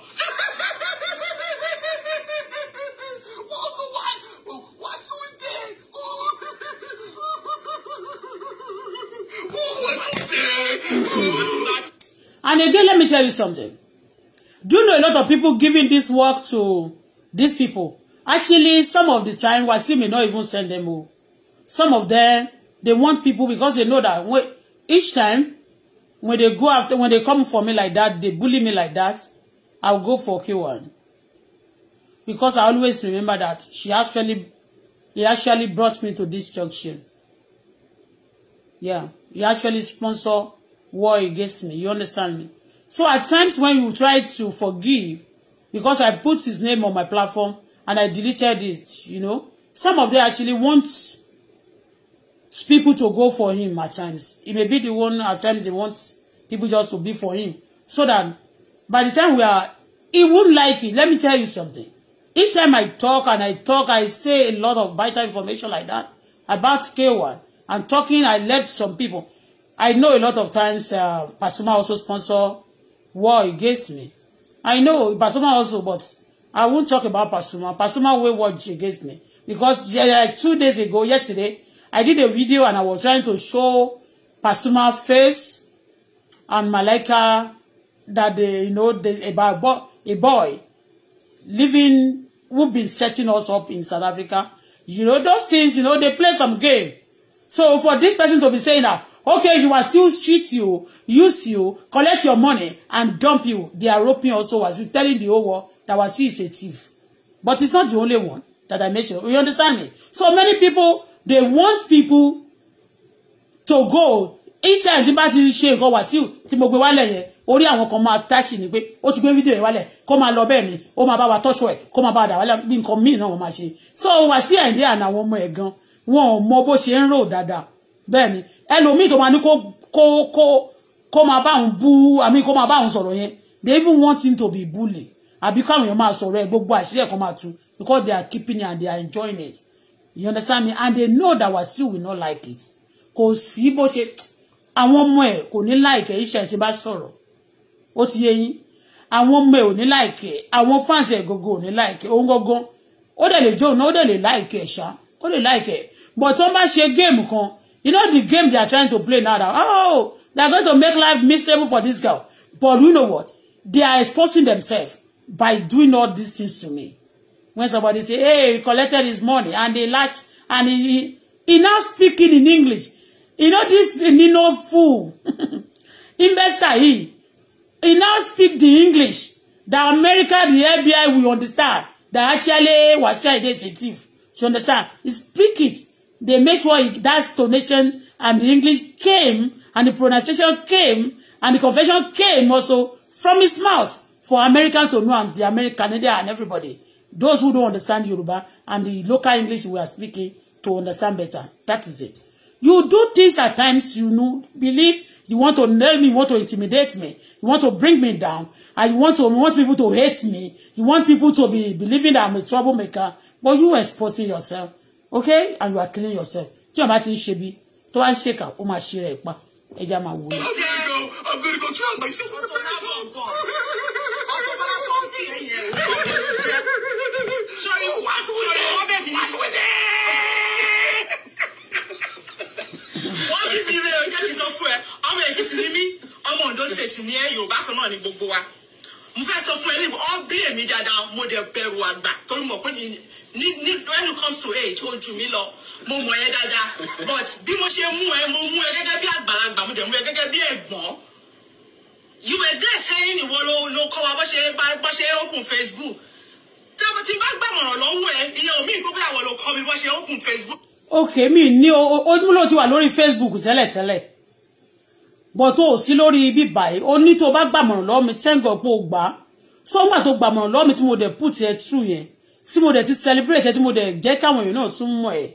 Oh. Oh, oh. And again, let me tell you something. Do you know a lot of people giving this work to these people? Actually, some of the time, Wasi may not even send them home. Some of them, they want people because they know that each time When they go after, when they come for me like that, they bully me like that, I'll go for K1. Because I always remember that she actually, he actually brought me to this junction. Yeah, he actually sponsor war against me. You understand me? So at times when you try to forgive, because I put his name on my platform and I deleted it, you know, some of them actually want people to go for him at times. He may be the one at times they want people just to be for him. So that by the time we are, he would like it. Let me tell you something. Each time I talk and I talk, I say a lot of vital information like that about K1. I'm talking, I left some people. I know a lot of times uh, Pasuma also sponsor war against me. I know Pasuma also, but I won't talk about Pasuma. Pasuma will watch against me. Because like two days ago, yesterday, I did a video and I was trying to show Pasuma face and Malaika that they, uh, you know about a boy living who been setting us up in South Africa. You know those things. You know they play some game. So for this person to be saying that okay you are still cheat you use you collect your money and dump you they are roping also as you telling the whole world that he is a thief. But it's not the only one that I mentioned. You understand me? So many people they want people to go inside tí bá ti ṣe nǹkan Wàsíù tí mo gbé wálẹ̀ yẹn orí àwọn kan máa táṣì ni pé ó ti gbé fídíò rẹ̀ wálẹ̀ kó máa lọ bẹ́ẹ̀ ni ó máa bá wa tọ́ṣọ ẹ̀ kó máa bá wa dà wálẹ̀ bí nǹkan míì náà wọ́n máa ṣe so Wàsíù Àyìndé àná àwọn ọmọ ẹ̀ gan wọn ò mọ bó ṣe ń rò dáadáa bẹ́ẹ̀ ni ẹlòmíì tó máa ní kó kó kó kó máa bá òun bú àmì kó máa bá òun sọ̀rọ̀ yẹn they even want him to be bully àbí káwọn èèyàn máa sọ̀rọ̀ ẹ̀ gbogbo àṣírí ẹ̀ kan máa tú because they are keeping it and they are enjoying it you understand me and they know that Wasiu will not like it Cause he bó ṣe àwọn ọmọ ẹ̀ kò ní like it. He tí bá sọ̀rọ̀ ó ti yé yín àwọn ọmọ ẹ̀ ò ní like ẹ̀ àwọn fans ẹ̀ gogo He like it. Ongo go. ó dẹ̀ lè jóun náà like it. ṣá ó like it. but tó bá game kan you know the game they are trying to play now that oh they are going to make life miserable for this girl but you know what they are exposing themselves by doing all these things to me when somebody say, hey, he collected his money, and they latch, and he, he now speaking in English. You know this, you know, fool. Investor, he, he now speak the English that America, the FBI will understand that actually was Ayinde is a thief. You understand? He speak it. They make sure he that donation and the English came and the pronunciation came and the confession came also from his mouth for American to know and the American, Canada and everybody those who don't understand Yoruba and the local English we are speaking to understand better. That is it. You do things at times you know, believe you want to nail me, you want to intimidate me, you want to bring me down, and you want to you want people to hate me, you want people to be believing that I'm a troublemaker, but you are exposing yourself, okay? And you are killing yourself. Tí o bá ti ń ṣe bí tó bá ń ṣèkà ó máa I'm gonna go try myself. sori wàásù jẹ wàásù jẹ. wọ́n ti bí rẹ̀ ọjọ́ ti sọ fún ẹ ọmọ èkìtì ni mí ọmọ Ondo ṣètì ní ẹ Yorùbá kan náà ni gbogbo wa mo fẹ́ sọ fún ẹ ní ọ bí èmi dáadáa mo dẹ̀ bẹ̀rù àgbà torí mọ̀ pé ní ní when it comes to age ó jù mí lọ mo mọ̀ ẹ́ dáadáa but bí mo ṣe mú ẹ mo mú ẹ gẹ́gẹ́ bí àgbàlagbà mo dẹ̀ mú ẹ gẹ́gẹ́ bí ẹ̀gbọ́n you were there saying ìwọ ló kọ́ wa bó ṣe bó ṣe open Facebook Okay, tí bá gbàmọ̀ràn lọ́wọ́ ẹ ìyẹn omi ìgbógbé àwọn mi bọ́ ṣe open Facebook. ok mi ní ojúmọ́ ló ti wà lórí Facebook tẹ́lẹ̀tẹ́lẹ̀ bọ́ tó o sí lórí bíbà yìí o ní tó o bá gbàmọ̀ràn lọ́wọ́ mi tẹ́ǹgọ̀ pé o gbà á sọ́gbà tó gbàmọ̀ràn lọ́wọ́ mi tí mo de put ẹ tú yẹn tí mo de ti celebrate ẹ tí mo dẹ̀ jẹ́ káwọn èèyàn náà tún mo e.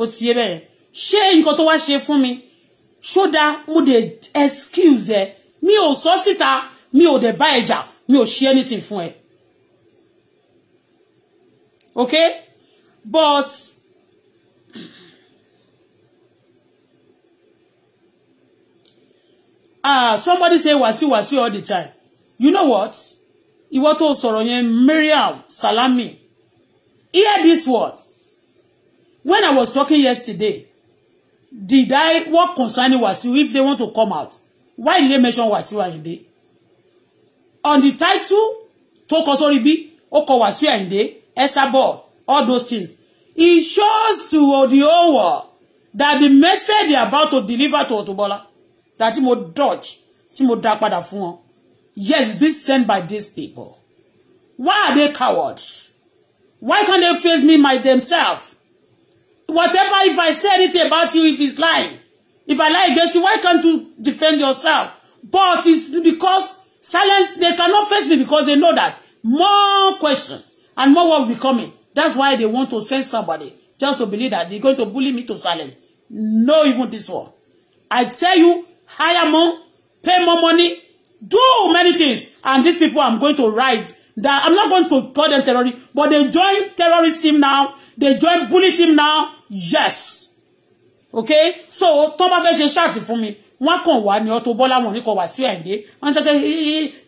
o ti yé bẹ́ẹ̀ ṣé nǹkan tó wá ṣe fún mi ṣódà mo de excuse ẹ mi o so síta mi o de bá ẹ jà mi ò ṣe anything fún e okay but ah uh, somebody say Wasi Wasi all the time you know what ìwọ tó sọ̀rọ̀ yẹn Mariam Salami hear this word when I was talking yesterday did I what concerning Wasi? if they want to come out why did they mention Wasiu Ayinde on the title tó kọ sórí bí ó kọ Wasiu Ayinde Esabor, all those things. It shows to the whole world that the message they are about to deliver to Auto that tí mo dodge, tí mo dá padà fún wọn. Yes, it's been sent by these people. Why are they cowards? Why can't they face me by themselves? Whatever, if I say anything about you, if it's lying, if I lie against you, why can't you defend yourself? But it's because silence, they cannot face me because they know that more questions and more will be coming. That's why they want to send somebody just to believe that they're going to bully me to silence. No, even this one. I tell you, hire more, pay more money, do many things. And these people I'm going to write that I'm not going to call them terrorists, but they join terrorist team now. They join bully team now. Yes. Okay? So, Thomas bá fẹ́ ṣe ṣáàtì fún wọ́n kàn wá ní Auto Bola wọn ní kò wá sí àìdé wọ́n sọ pé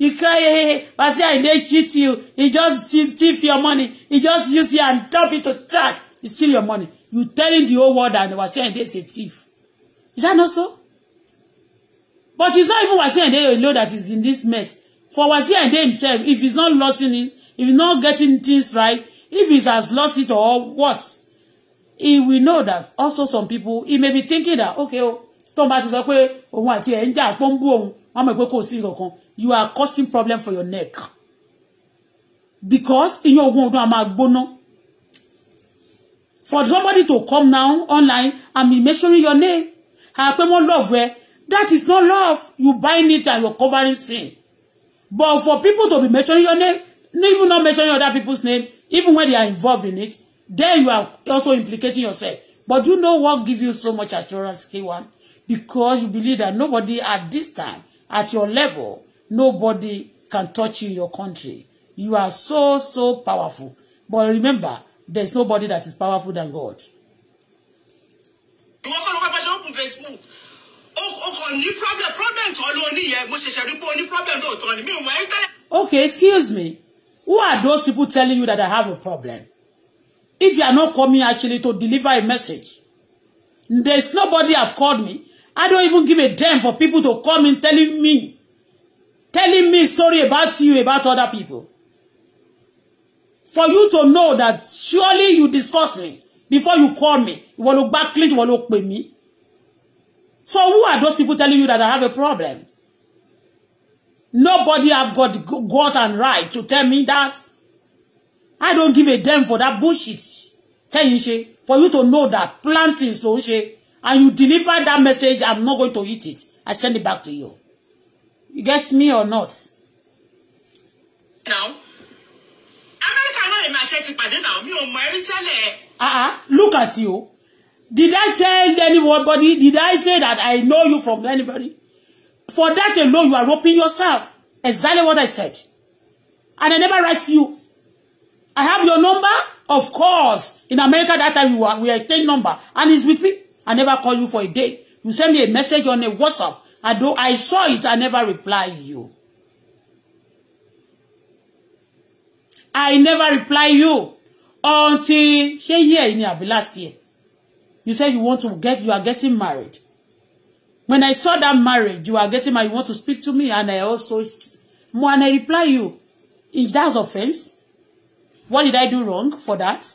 ìkẹ́ wá sí àìdé cheat you he just thief your money he just use you and dump it to track He steal your money you telling the whole world that wá sí àìdé is a thief is that not so but it's not even wá sí àìdé alone that is in this mess for wá sí àìdé himself if he's not losing it if he's not getting things right if he has lost it or what he will know that also some people he may be thinking that okay oh tó bá ti sọ pé òun àti ẹ̀ ń jà pé bú òun wọ́n mọ̀ pé kò sí nǹkan you are causing problem for your neck because ìyẹn ogun ọdún a máa gbóná for somebody to come now online and be mentioning your name àpé wọ́n love ẹ that is not love you buying it and you covering sin but for people to be mentioning your name even not mentioning other people's name even when they are involved in it then you are also implicating yourself but you know what give you so much assurance k1 because you believe that nobody at this time, at your level, nobody can touch you in your country. You are so, so powerful. But remember, there is nobody that is powerful than God. Okay, excuse me. Who are those people telling you that I have a problem? If you are not coming actually to deliver a message, there is nobody have called me I don't even give a damn for people to come in telling me, telling me story about you, about other people. For you to know that surely you discuss me before you call me. You want to back clinch, you want to pay me. So who are those people telling you that I have a problem? Nobody have got God and right to tell me that. I don't give a damn for that bullshit. Tell you, she, for you to know that plantings, no, she, and you deliver that message, I'm not going to eat it. I send it back to you. You get me or not? Now, America not in my ṣe But now, me on my mọ ẹrí tẹ́lẹ̀. Ah, ah, look at you. Did I tell anybody? Did I say that I know you from anybody? For that alone, you are roping yourself. Exactly what I said. And I never write you. I have your number, of course. In America, that time you were, we are taking number, and it's with me. I never call you for a day. You send me a message on a WhatsApp. I do I saw it, I never reply you. I never reply you until She year in your last year. You said you want to get you are getting married. When I saw that marriage, you are getting married, you want to speak to me, and I also when I reply you, is that offense? What did I do wrong for that?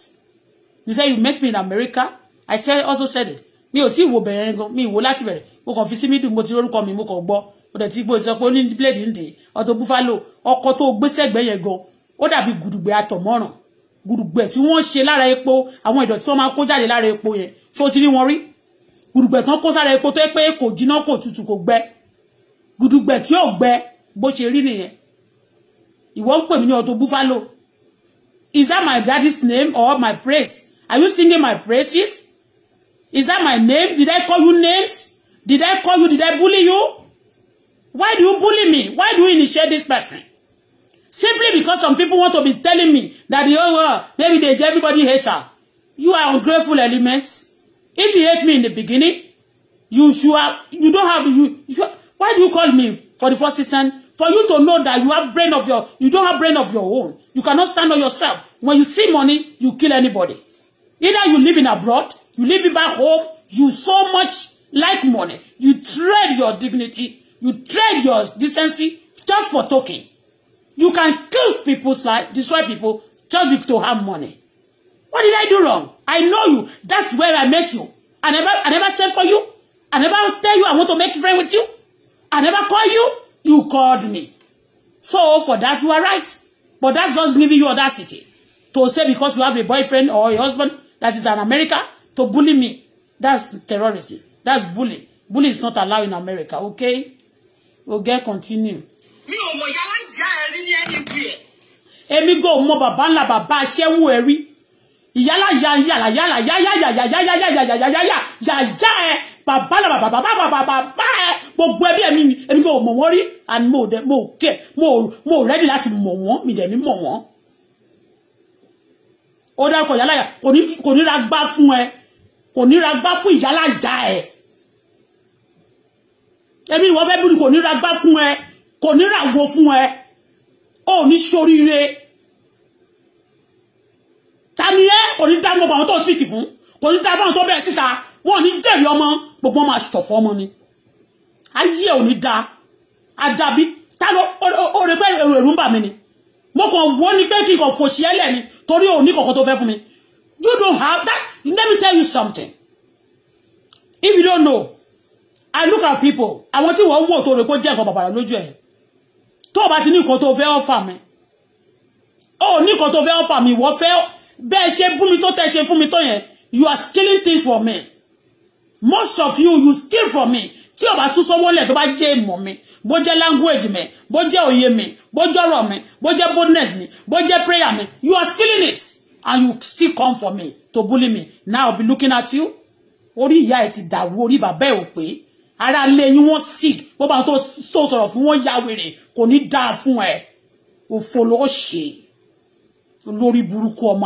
You said you met me in America. I said also said it mi ò tí wo bẹ̀rẹ̀ gan mi wo láti bẹ̀rẹ̀ mo kàn fi sí mídùn mo ti rórúkọ mi mo kàn gbọ́ mo dẹ̀ ti gbó sọ pé ó ní bíléèdì ń dè Auto Búfálò ọkọ̀ tó gbé sẹ́gbẹ̀ẹ́ yẹn gan ó dàbí gùdùgbẹ́ àtọ̀mọ́ràn gùdùgbẹ́ tí wọ́n ṣe lára epo àwọn ìdọ̀tí tí máa kó jáde lára epo yẹn tí ó ti rí wọn rí gùdùgbẹ́ tán kó sára epo tó yẹ pé kò jiná kò tutù kò gbẹ gùdùgbẹ́ tí ò gbẹ bó ṣe rí nìyẹn ìwọ ń pè mí ní Auto Búfálò is that my daddy's name or my praise are you singing my praises Is that my name? Did I call you names? Did I call you? Did I bully you? Why do you bully me? Why do you initiate this person? Simply because some people want to be telling me that the oh, whole world, maybe they, everybody hates her. You are ungrateful elements. If you hate me in the beginning, you should have, you don't have, you, you why do you call me for the first instance? For you to know that you have brain of your, you don't have brain of your own. You cannot stand on yourself. When you see money, you kill anybody. Either you live in abroad, You leave it back home. You so much like money. You trade your dignity. You trade your decency just for talking. You can kill people's life, destroy people just to have money. What did I do wrong? I know you. That's where I met you. I never, I never said for you. I never tell you I want to make friend with you. I never call you. You called me. So for that you are right. But that's just giving you audacity to say because you have a boyfriend or a husband that is in America to bully me that's terrorism that's bully bully is not allowed in America okay we'll get continue. mi ò mọ̀ yàrá ìjà ẹ̀rí ní ẹni bí ẹ̀. èmi gbọ́ ò mọ bàbá ńlá bàbá aṣẹ́wó ẹ̀rí ìyálà ya yàrá yàrá yáyà yàyà yàyà yàyà yàyà yàyà yàyà ẹ bàbá ńlá bàbá bàbá bàbá bàbá ẹ gbogbo ẹbí ẹ̀mí mi èmi gbọ́ ò mọ̀ wọ́n rí and mo dẹ mo kẹ mo mo rẹ́dí láti mọ̀ wọ́n mi dẹ̀ ní mọ̀ wọ́n. ó dárúkọ yàrá yà kò ní ra gbá fún ẹ kò níra gbá fún ìyálàjà ẹ̀ ẹbí ìwọ fẹ́ búrú kò níra gbá fún ẹ kò níra wo fún ẹ ó ní ṣoríire ta ni ẹ kò ní dá gbogbo àwọn tó speak fún kò ní dá fáwọn tó bẹ̀rẹ̀ síta wọn ò ní jẹ̀rí ọmọ gbogbo ọmọ àṣọ̀fọ́ ọmọ ni ayé ò ní da àdàbí ta ló ó rẹ pé èrò èrò ń bà mí ni mo kàn wọ́n ní pé kí n kàn fòṣìẹ́lẹ̀ ni torí òní kọ̀ọ̀kan tó fẹ́ fún mi You don't have that. Let me tell you something. If you don't know, I look at people. I want you wò tó rẹ̀ kó jẹ́ nǹkan bàbàrà lójú ẹ̀. Tó o bá ti ní nǹkan tó fẹ́ ọ̀fà mi. O ò ní nǹkan tó fẹ́ ọ̀fà mi. Ìwọ fẹ́ bẹ́ẹ̀ ṣe bú mi tó tẹ́ You are stealing things from me. Most of you, you steal from me. Tí o bá someone sọ́wọ́ lẹ̀ tó bá jẹ́ ìmọ̀ language me. bó jẹ́ me. mi, bó jẹ́ ọ̀rọ̀ mi, bó jẹ́ boldness mi, bó prayer me. you are stealing it and you still come for me to bully me now I'll be looking at you orí ìyá ẹ ti dàrú orí bàbá ẹ ò ara lé yín wọn sick bó bá tó sọ̀rọ̀ fún wọn ya wèrè kò ní dáa fún ẹ òfò ló ṣe lórí burúkú ọmọ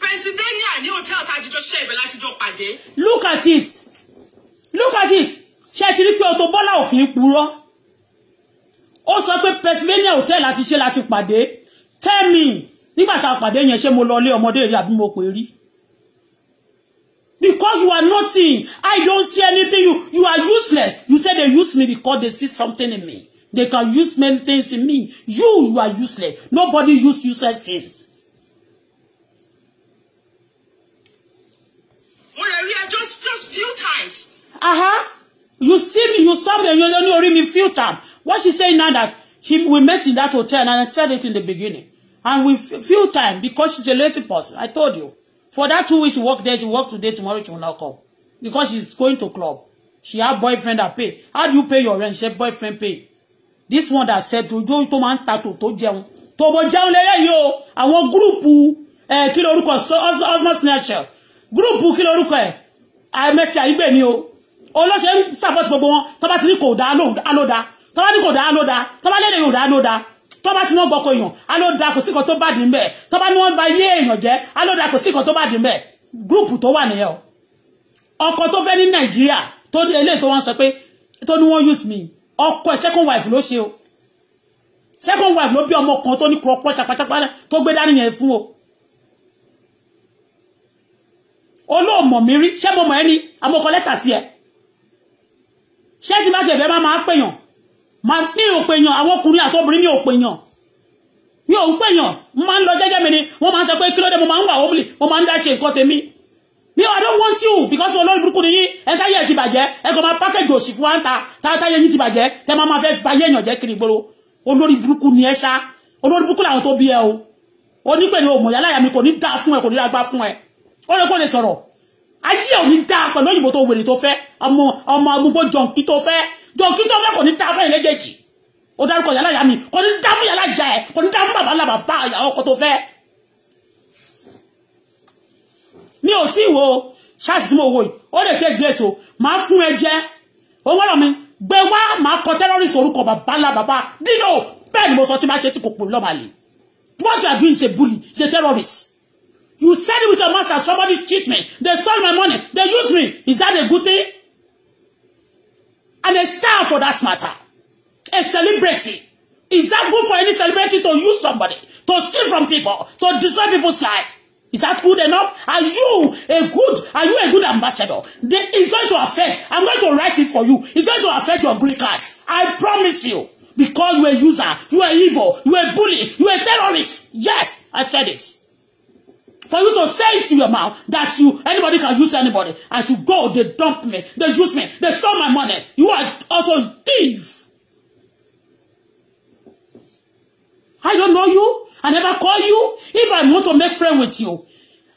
Pennsylvania ní hòtẹ́ẹ̀lì tá a jíjọ ṣe ibẹ̀ láti jọ look at it look at it ṣe ti rí pé Auto Bola ò kì ó sọ pé Pennsylvania hotel láti ṣe láti pàdé tell me pàdé yẹn ṣé mo lọ ilé ọmọdé rí àbí mo pè rí because you are nothing i don't see anything you you are useless you say they use me because they see something in me they can use many things in me you you are useless nobody use useless things. mo lè just just few times. Uh -huh. you see me you saw me you ní orí me. few times What she saying now that she we met in that hotel and I said it in the beginning. And we few time because she's a lazy person. I told you. For that two weeks she work there, she work today, tomorrow she will not come. Because she's going to club. She have boyfriend that pay. How do you pay your rent? She have boyfriend pay. This one that said to do to man start to to jẹun. To bo jẹun lele yo. group eh kí lorúkọ Osmo Snatcher. Group kí lorúkọ ẹ̀. I message ayigbe ni o. Olose support gbogbo wọn. Tó bá ti ní kò dá lo da lo da tọ́ba ní kò dáa ló dáa tọ́ba lẹ́lẹ̀ yóò dáa ló dáa tọ́ba tí wọ́n gbọ́kọ̀ èèyàn á ló dáa kò sí kan tó bá dín bẹ́ẹ̀ tọ́ba ní wọ́n ba yé èèyàn jẹ́ á ló dáa kò sí kan tó bá dín bẹ́ẹ̀ gúrùpù tó wà nìyẹn o ọkọ tó fẹ́ ní nàìjíríà tó eléyìí tó wọ́n sọ pé tó ní wọ́n use me ọkọ ẹ̀ second wife ló ṣe o second wife ló bí ọmọ kan tó ní kúrọ̀pọ̀ chapachapa tó gbé dání yẹn fún o olóòmọ̀ mi rí ṣé mo mọ̀ ẹ́ ní amọ̀kọ lẹ́tà sí ẹ ṣé tí bá ti ẹ̀fẹ́ máa máa pèèyàn mi ò pèèyàn àwọn ọkùnrin àtọ́bìnrin mi ò pèèyàn mi ò ń pèèyàn mo máa ń lọ jẹ́jẹ́ mi ni wọ́n máa ń sọ pé kí ló dé mo máa ń wà wọ́pìlì mo máa ń dá nǹkan tèmi mi ò I don't want you because olórí burúkú ni yín ẹ táyé ẹ ti bàjẹ́ ẹ kò máa pákẹ́jì òsì fún wa ń ta táyé yín ti bàjẹ́ tẹ máa máa fẹ́ báyé èèyàn jẹ́ kiri ìgboro olórí burúkú ni ẹ ṣá olórí burúkú làwọn tó bí ẹ o onípẹ̀lú òmùyá láyà mi kò ní dáa fún ẹ kò ní dáa fún ẹ ó lè kó lè sọ̀rọ̀ ayé ò dáa pẹ̀lú òyìnbó tó wèrè tó fẹ́ ọmọ ọmọ agbógbó jọǹkì tó fẹ́ jòkí tó fẹ́ kò ní dáa fún ẹ̀lẹ́gẹ̀jì ó dárúkọ yàrá ìyá mi kò ní dáa fún yàrá ìyá ẹ̀ kò ní dáa fún bàbá ńlá bàbá ìyá ọkọ tó fẹ́. mi ò tí ì wo ṣáàtì tí mo wo yìí ó lè tẹ́ gílẹ̀sì máa fún ẹ jẹ́ owó ọ̀rọ̀ mi gbé wá máa kọ tẹ́lọ́rìsì orúkọ bàbá ńlá bàbá dínà bẹ́ẹ̀ ni mo sọ tí máa ṣe tí kò pò lọ́màlì What you are doing is a bully, is a terrorist. You said it with your mouth and somebody cheat me. They stole my money. They used me. Is that a good thing? and a star for that matter, a celebrity. Is that good for any celebrity to use somebody, to steal from people, to destroy people's life? Is that good enough? Are you a good, are you a good ambassador? it's going to affect, I'm going to write it for you. It's going to affect your green card. I promise you. Because you're a user, you're evil, you're a bully, you're a terrorist. Yes, I said it for you to say it to your mouth that you anybody can use anybody. I should go, they dump me, they use me, they stole my money. You are also thief. I don't know you. I never call you. If I want to make friend with you,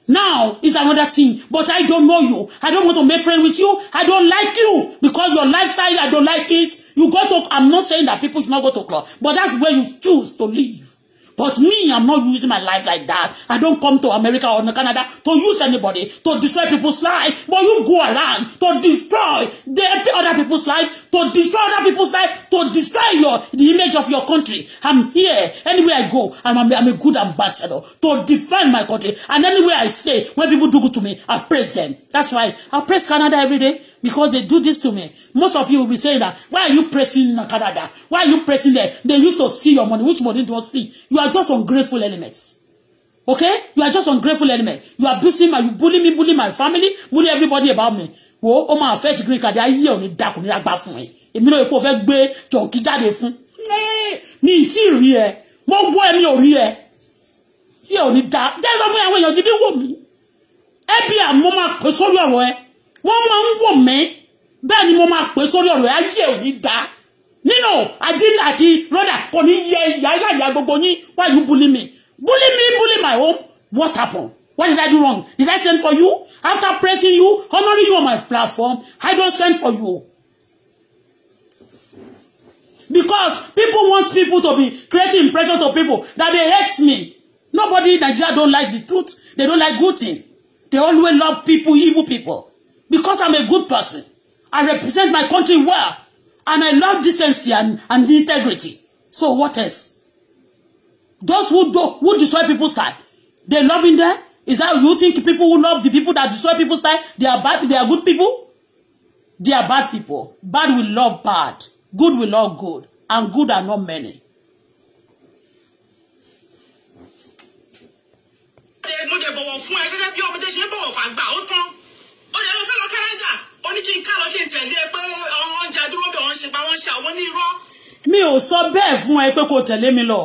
now is another thing. But I don't know you. I don't want to make friend with you. I don't like you because your lifestyle, I don't like it. You go to, I'm not saying that people should not go to club, but that's where you choose to live. But me, I'm not using my life like that. I don't come to America or Canada to use anybody, to destroy people's life. But you go around to destroy the, other people's life, to destroy other people's life, to destroy your the image of your country. I'm here. Anywhere I go, I'm, a I'm a good ambassador to defend my country. And anywhere I stay, when people do good to me, I praise them. That's why I praise Canada every day because they do this to me. Most of you will be saying that, why are you pressing in Canada? Why are you pressing there? They used to steal your money. Which money do you steal? You are just ungrateful elements. Okay? You are just ungrateful element. You are abusing my, you bully me, bully my family, bully everybody about me. Wo, o ma fetch green card, ayé ò ní dákun ní bathroom. If you know ló epo fẹ́ gbé jọ̀ǹkì jáde fún. Mi ti rí ẹ. Mo boy ẹ mi here? Here on the dark. There's a Je I want. You èèyàn di bí wò mí. Ẹ bí àmọ́ máa pè sórí ọ̀rọ̀ ẹ wọ́n máa ń wò mí bẹ́ẹ̀ ni mo máa pè sórí ọ̀rọ̀ ayé ò ní da nínú àdínlá àti rọ́dà kò ní yẹ ìyá ìyá gbogbo yín why you bully me bully me bully my home what happen what did I do wrong did I send for you after pressing you honouring you on my platform I don't send for you. Because people want people to be creating impression to people that they hate me. Nobody in Nigeria don't like the truth. They don't like good thing. They always love people, evil people because I'm a good person. I represent my country well. And I love decency and, and integrity. So what else? Those who do who destroy people's life, they love in there. Is that you think people who love the people that destroy people's life, they are bad, they are good people? They are bad people. Bad will love bad. Good will love good. And good are not many. Eh, mo dẹ̀ bọ̀wọ̀ fún ẹ gẹ́gẹ́ bí ọmọdé ṣe bọ̀wọ̀ fàgbà ó tán ó yẹ lọ fẹ́ lọ ó ní kí n ká lọ kí n tẹ̀lé pé àwọn oúnjẹ dúró bẹ̀ wọ́n ṣe pa wọ́n ṣe àwọn ní irọ́. mi ò sọ bẹ́ẹ̀ fún ẹ pé kò tẹ̀lé mi lọ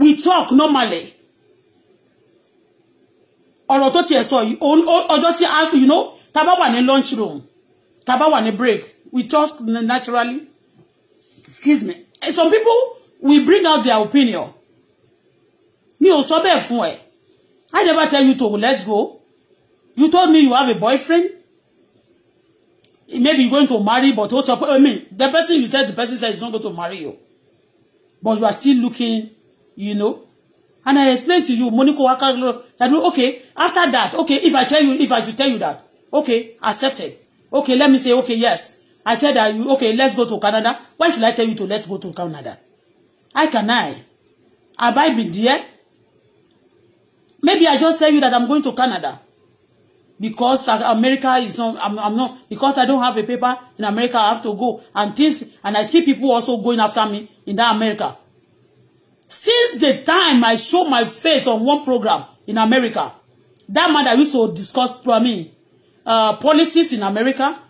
we talk normally ọ̀rọ̀ tó tiẹ̀ sọ yìí ọjọ́ tí a you know tá bá wà ní lunch room tá bá wà ní break we talk naturally excuse me eh, some people we bring out their opinion mi ò sọ bẹ́ẹ̀ fún ẹ I never tell you to let's go You told me you have a boyfriend. Maybe you're going to marry, but what's also, I mean, the person you said, the person said is not going to marry you. But you are still looking, you know. And I explained to you, Monica Waka, that okay, after that, okay, if I tell you, if I should tell you that, okay, accepted. Okay, let me say, okay, yes. I said that okay, let's go to Canada. Why should I tell you to let's go to Canada? I can I? Have I been there? Maybe I just tell you that I'm going to Canada because America is not I'm, I'm not because I don't have a paper in America I have to go and things and I see people also going after me in that America since the time I show my face on one program in America that man that used to discuss for me mean, uh, politics in America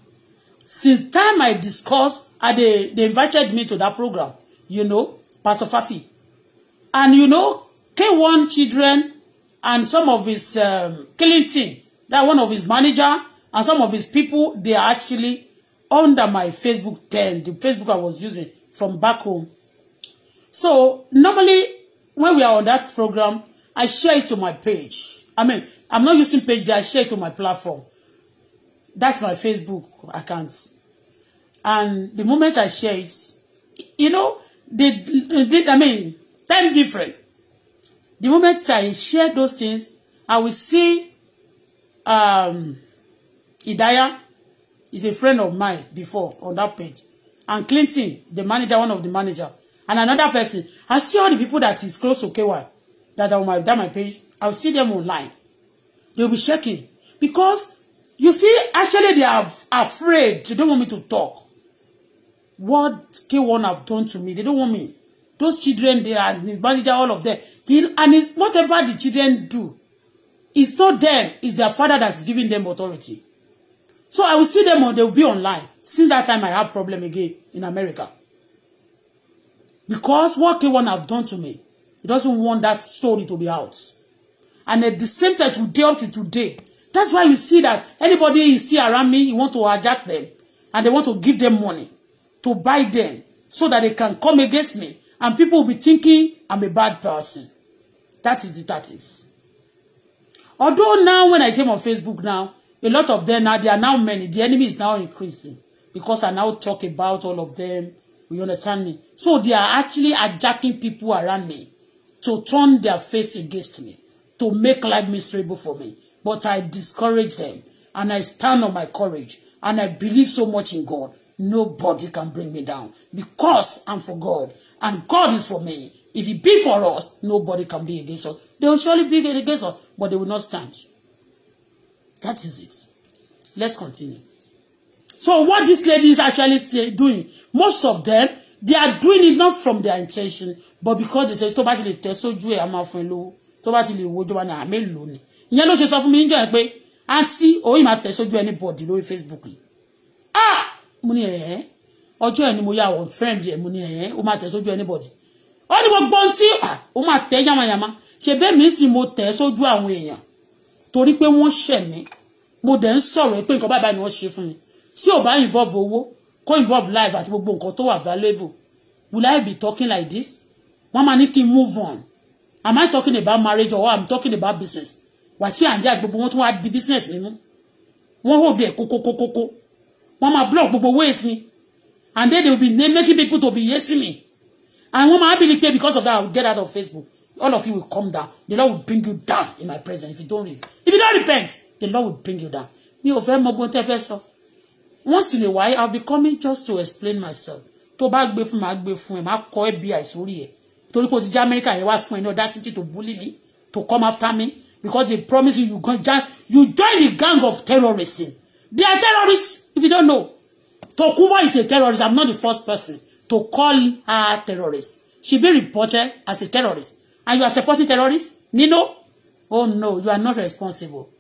since time I discuss uh, they they invited me to that program you know Pastor Fafi and you know K1 children and some of his um, Clinton that one of his manager and some of his people they are actually under my Facebook then the Facebook I was using from back home so normally when we are on that program I share it to my page I mean I'm not using page there I share it to my platform that's my Facebook account and the moment I share it you know they did I mean time different the moment I share those things I will see um, Idaya is a friend of mine before on that page. And Clinton, the manager, one of the manager. And another person. I see all the people that is close to KY that are on my, that my page. I'll see them online. They'll be shaking. Because, you see, actually they are afraid. They don't want me to talk. What K1 have done to me, they don't want me. Those children, they are the manager, all of them. And it's whatever the children do, It's not them, it's their father that's giving them authority. So I will see them on, they will be online. Since that time, I have problem again in America. Because what K1 have done to me, he doesn't want that story to be out. And at the same time, today up to today, that's why you see that anybody you see around me, you want to hijack them. And they want to give them money to buy them so that they can come against me. And people will be thinking I'm a bad person. That is the that is. Although now when I came on Facebook now, a lot of them now, they are now many. The enemy is now increasing because I now talk about all of them. You understand me? So they are actually attacking people around me to turn their face against me, to make life miserable for me. But I discourage them and I stand on my courage and I believe so much in God. Nobody can bring me down because I'm for God and God is for me If it be for us, nobody can be against us. They will surely be against us, but they will not stand. That is it. Let's continue. So what these ladies actually say doing, most of them, they are doing it not from their intention, but because they say, tó bá ti lè tẹ́ sójú ẹ̀ a máa fún ẹ lówó, tó bá ti lè wojú wa ní àmì ìlú ni. Ìyẹn ló ṣe sọ fún mi níjọ́ yẹn pé, àǹtí òun máa so sójú anybody lórí Facebook yìí. Ah! Mo eh? ẹ̀ẹ́, ọjọ́ ẹ̀ ni mo yà wọ̀ friend ẹ̀ mo ní ẹ̀ẹ́, ó so tẹ́ anybody ó ní gbogbo ohun tí ah, ó máa tẹ́ yamayama ṣe bẹ́ẹ̀ mi sì mo tẹ̀ sójú àwọn èèyàn torí pé wọ́n ṣẹ̀ mí mo dẹ̀ ń sọ̀rọ̀ pé nǹkan báyìí ni wọ́n ṣe fún mi tí ò bá involve owó kó involve life àti gbogbo nǹkan tó wà valuable will I be talking like this wọ́n máa ní kí n move on am I talking about marriage or am I talking about business Wàsíù Àǹjá gbogbo wọn tún wá di business nínú wọ́n hold ẹ̀ kókókókókó wọ́n máa block gbogbo ways mi and then they will be making people to be hating me. And when my ability pay because of that, I will get out of Facebook. All of you will come down. The Lord will bring you down in my presence if you don't leave. If you don't repent, the Lord will bring you down. Mi ò fẹ́ mọ gbọ́n tẹ́ fẹ́ sọ. Once in a while, I'll be coming just to explain myself. To back be from my gbé fún ẹ, màá kọ́ ẹ bí àìsórí ẹ. Torí pé o ti jẹ́ Amẹ́ríkà yẹn wá fún ẹ to bully me, to come after me because they promise you you go join you join the gang of terrorism. They are terrorists if you don't know. Tokunbo is a terrorist. I'm not the first person to call her terrorist. She be reported as a terrorist. And you are supporting terrorists? Nino? Oh no, you are not responsible.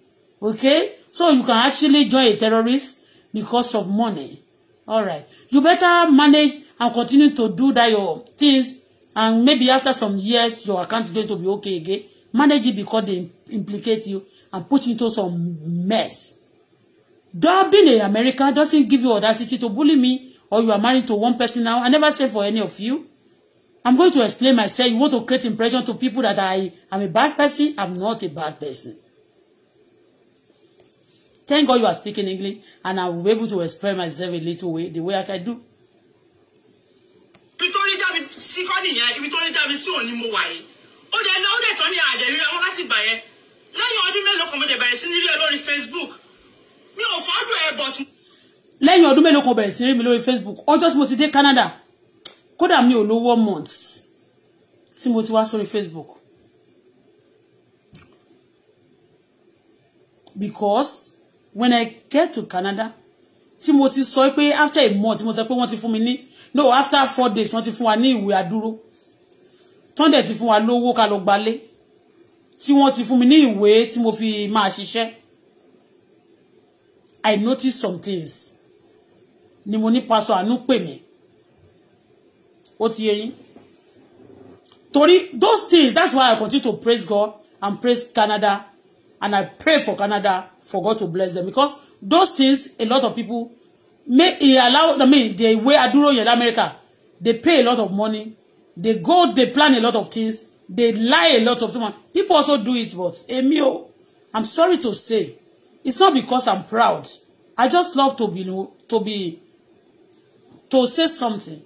Okay? So you can actually join a terrorist because of money. Alright. You better manage and continue to do that your things and maybe after some years your account is going to be okay again. Manage it because they implicate you and put you into some mess. That being an American doesn't give you audacity to bully me or you are married to one person now i never stay for any of you i'm going to explain myself you want to create impression to people that i am a bad person i'm not a bad person thank god you are speaking english and i will be able to explain myself a little way the way i can do. ibi tó rí jábí sí kọ́ nìyẹn ibi tó rí jábí sí òní mo wà yìí ó dẹ̀ náà ó dẹ̀ tán ní àdẹ̀rí ọmọ láti gbà yẹn lẹ́yìn ọdún mélòó kan mo dẹ̀ bẹ̀rẹ̀ sí ní rí ẹ lórí facebook mi ò fọ́dún ẹ̀ bọ̀tún lẹ́yìn ọdún mélòó kan bẹ̀rẹ̀ sí rí mi lórí Facebook ọjọ́ tí mo ti dé Canada kódà mi ò lo one month tí mo ti wá sórí Facebook because when I get to Canada tí mo ti sọ pé after a month mo sọ pé wọ́n ti fún mi ní no after four days wọ́n ti fún wa ní ìwé àdúró tọ́ndẹ̀ ti fún wa lówó ká lọ gbalé tí wọ́n ti fún mi ní ìwé tí mo fi máa ṣiṣẹ́ I notice some things ni mo ní pásọ àánú pè mí ó ti yé yín torí those things that's why I continue to praise God and praise Canada and I pray for Canada for God to bless them because those things a lot of people may e allow I mean the way aduro yẹn America they pay a lot of money they go they plan a lot of things they lie a lot of things people also do it but èmi o I'm sorry to say it's not because I'm proud I just love to be to be to say something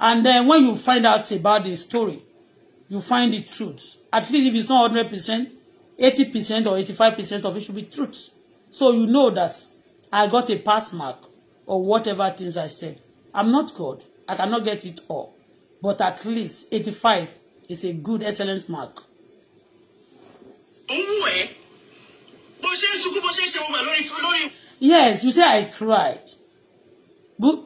and then when you find out about the story you find the truth at least if it's not hundred percent eighty percent or eighty-five percent of it should be truth so you know that I got a pass mark or whatever things I said I'm not God I cannot get it all but at least eighty-five is a good excellence mark. yes you say I cried. But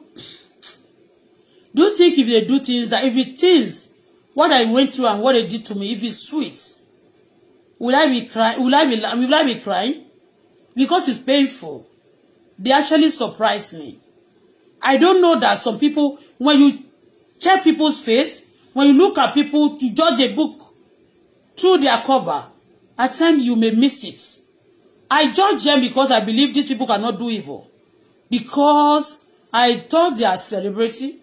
do you think if they do things that if it is what I went through and what they did to me if it's sweet will I be crying will I be will I be crying because it's painful they actually surprise me I don't know that some people when you check people's face when you look at people to judge a book through their cover at times you may miss it I judge them because I believe these people cannot do evil because I thought they are celebrity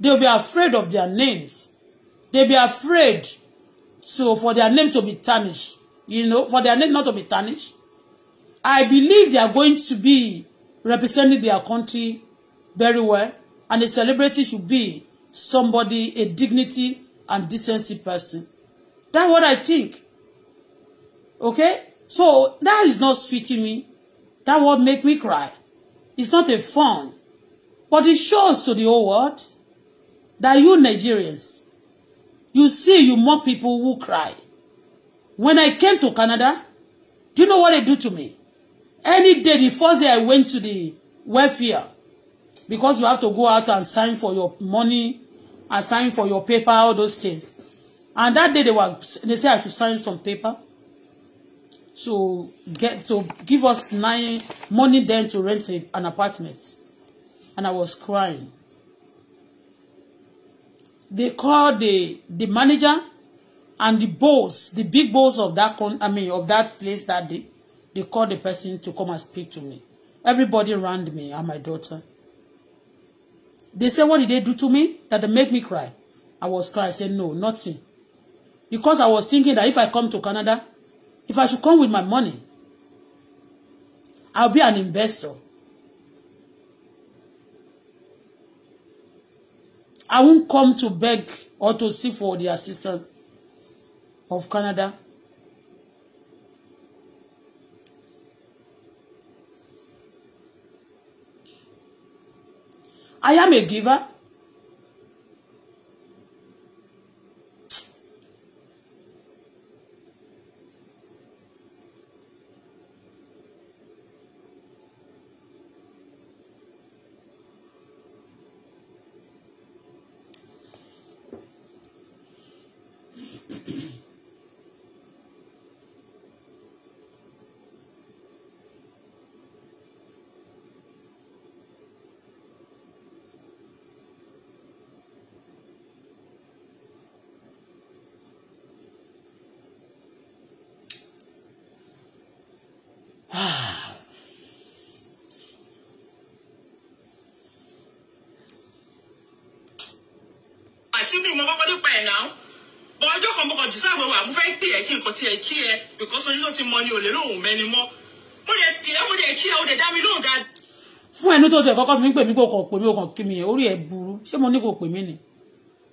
They'll be afraid of their names. They'll be afraid so for their name to be tarnished. You know, for their name not to be tarnished. I believe they are going to be representing their country very well. And a celebrity should be somebody, a dignity and decency person. That's what I think. Okay? So that is not sweeting me. That what make me cry. It's not a fun. But it shows to the whole world that you Nigerians, you see you mock people who cry. When I came to Canada, do you know what they do to me? Any day, the first day I went to the welfare, because you have to go out and sign for your money, and sign for your paper, all those things. And that day they were, they said I should sign some paper to get to give us nine money then to rent a, an apartment. And I was crying they call the the manager and the boss, the big boss of that con I mean of that place that day, they call the person to come and speak to me. Everybody around me and my daughter. They say, what did they do to me? That they make me cry. I was crying. I said, no, nothing. Because I was thinking that if I come to Canada, if I should come with my money, I'll be an investor. I won't come to beg or to seek for the assistance of Canada. I am a giver. tí mi mọ kọ́kọ́ nípa ẹ̀ náà bọ ọjọ́ kan bọkọ jìsà àgbẹwò àmú fẹ́ pè ẹ kí nǹkan tiẹ̀ kí ẹ bìkọ́sọ yín ló ti mọ ni òlé lóhùn mẹ́ni mọ́ mo lè pè é mo lè kí ẹ o lè dá mi lóhùn dáadáa. fún ẹnu tó tẹ kọ́kọ́ fi mí pè mí kò kàn pè mí kò kàn kí mi yẹn orí ẹ burú ṣé mo ní kò pè mí ni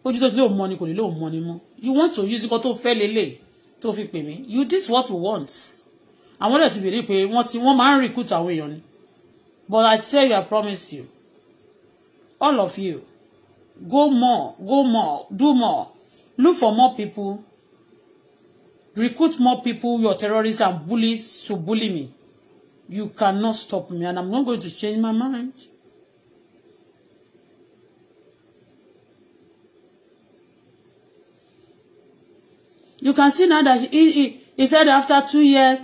ojú tó ti lóhùn mọ ni kò lè lóhùn mọ ni mọ you want to use ikọ tó fẹ́ lélẹ̀ tó fi pè mí you this what you want àwọn ọ̀dọ̀ ti bèrè pé wọ́n ti wọ́n máa ń recruit àwọn èèyàn ni but I tell you I promise you all of you go more go more do more look for more people recruit more people your terrorists and bullies to bully me you cannot stop me and i'm not going to change my mind you can see now that he, he, he said after two years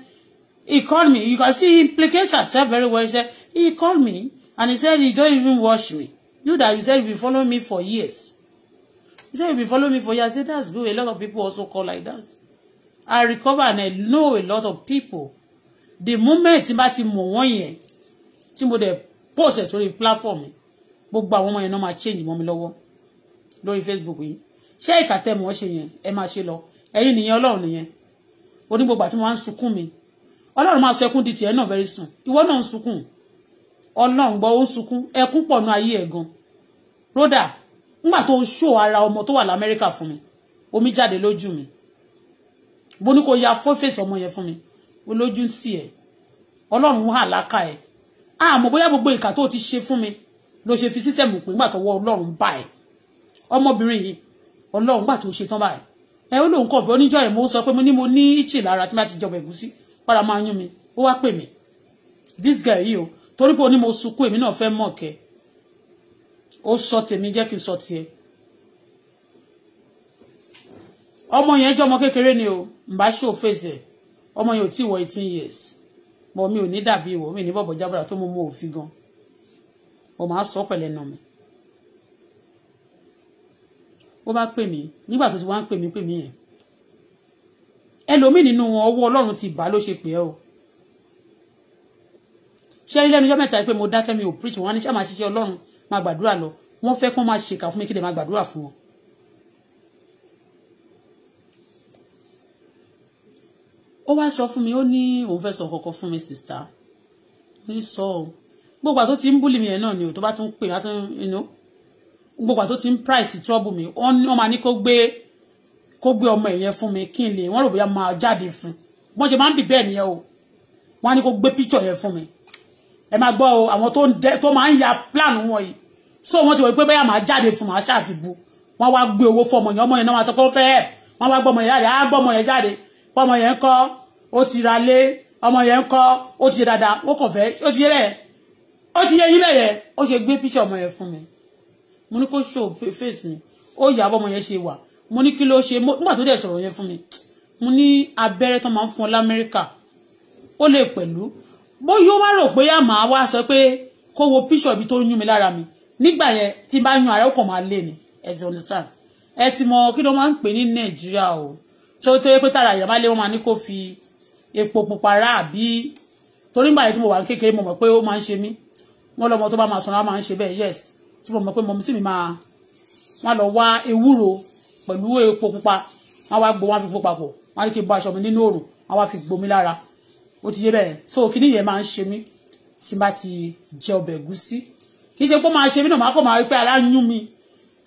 he called me you can see he implicates herself very well he said he called me and he said he don't even watch me You that you said you following me for years. You said you been following me for years. I said that's good. A lot of people also call like that. I recover and I know a lot of people. The moment tí n bá ti mọ̀ wọ́n the tí mo dẹ̀ post ẹ̀ sórí platform mi gbogbo àwọn ọmọ yẹn náà máa change mọ́ mi lọ́wọ́ lórí Facebook yìí ṣé ìkà tẹ́ mọ̀ ọ́ ṣe yẹn ẹ máa ṣe lọ ẹ̀yin nìyẹn Ọlọ́run nìyẹn onígbogbo àti mo máa ń sunkún mi Ọlọ́run máa sọ ẹkún di tìẹ náà very soon ìwọ náà ń ọlọ́run gbọ́ ó ń sunkún pọ̀ nú ayé ẹ̀ gan ródà tó ń ṣó ara ọmọ tó wà lamẹ́ríkà fún mi omi jáde lójú mi bó ní kò ya ọmọ yẹn fún mi olójú ń ẹ ọlọ́run wà láka ẹ̀ àmọ́ bóyá gbogbo tó ti ṣe fún mi ló ṣe fi pé ọlọ́run bá ọmọbìnrin yìí ọlọ́run gbà tó ṣe tán báyìí ẹ ó lóun kọ̀ọ̀fẹ́ oníjọ́ ẹ̀ mo sọ pé mo ní mo ní lára tí ti jọba ẹ̀gúsí máa yún mi torí pé o ní mo sunkún èmi náà fẹ́ mọ̀ kẹ́ ó sọ tèmi jẹ́ kí n sọ tiẹ̀ ọmọ yẹn jọmọ kékeré ni o n bá ṣó fèsì ọmọ yẹn ò tí ì wọ eighteen years mọ mi ò ní dàbí ìwọ mi ní bọ̀bọ̀ jábọ̀dà tó mú mú òfin gan mo máa sọ pẹ̀lẹ́ nà mí ó bá pè mí nígbà tó ti wá ń pè mí pè mí yẹn ẹlòmíì nínú wọn ọwọ́ ọlọ́run ti bà ló ṣe pè é o ṣé rí lẹ́nu ọjọ́ mẹ́ta pé mo dákẹ́ mi ò preach wọn á ní ṣáà máa ṣiṣẹ́ ọlọ́run máa gbàdúrà lọ wọ́n fẹ́ kí wọ́n máa ṣèkà fún mi kí lè máa gbàdúrà fún wọn. ó wá mi ó ní òun fẹ́ sọ mi sista ní sọ ọ́ gbogbo àtó ti ń búlì mi yẹn náà ni ò tó bá tún pè inú gbogbo àtó ti ń price trouble mi wọ́n máa ní kó gbé kó gbé ọmọ fún mi kí n lè wọ́n rò bóyá máa jáde fún bọ́n ṣe máa ń bẹ́ẹ̀ o wọ́n á ní kó picture yẹn fún ẹ máa gbọ́ o àwọn tó ń dẹ tó máa ń ya plan wọn yìí so wọ́n ti wọ pé bẹ́ẹ̀ máa jáde fún màá ṣàfibú wọ́n wá gbé owó fún ọmọ yẹn ọmọ yẹn náà wọ́n sọ pé ó fẹ́ ẹ̀ wọ́n wá gbọ́mọ yẹn jáde á gbọ́mọ yẹn jáde ọmọ yẹn kọ́ ó ti ra lé ọmọ yẹn kọ́ ó ti dáadáa ó kàn fẹ́ ó ti yẹ lẹ́yẹ ó ti yẹ yín lẹ́yẹ ó ṣe gbé píṣọ̀ ọmọ yẹn fún mi mo ní kó show face mi ó yà bọ́mọ yẹn ṣe wà mo ní kí ló ṣe nígbà tó dẹ̀ sọ̀rọ̀ yẹn fún mi mo ní abẹ́rẹ́ tó máa ń fún ọ lamẹ́ríkà ó lè pẹ̀lú bóyá ó wá rò pé àmọ́ àwa sọ pé kó wo píṣọ̀ ibi tó ń yún mi lára mi nígbà yẹn tí bá yún ara ó kàn máa lé ni ẹ ti understand ẹ ti mọ kí ló máa ń pè ní nàìjíríà o tó tó yẹ pé tára ìyàbá lé wọn máa ní kó fi epo pupa rà àbí torí nígbà yẹn tí mo wà kékeré mo mọ̀ pé ó máa ń ṣe mí wọ́n lọ́mọ tó bá máa sanra máa ń ṣe bẹ́ẹ̀ yes tí mo mọ̀ pé mọ̀mí sì mi máa wọ́n lọ wá ewúro pẹ̀lú epo pupa wọ́n wá gbó wọ́n fi pupa pọ̀ wọ́n á ní kí n bọ́ aṣọ mi nínú òòrùn wọ́n wá fi gbó lára ó ti yé bẹ́ẹ̀ so kíní yẹn máa ń ṣe mí tí n bá ti jẹ ọbẹ̀ ẹ̀gúsí kì í ṣe pé máa ṣe mí náà máa kọ́ máa rí pé ara ń yún mi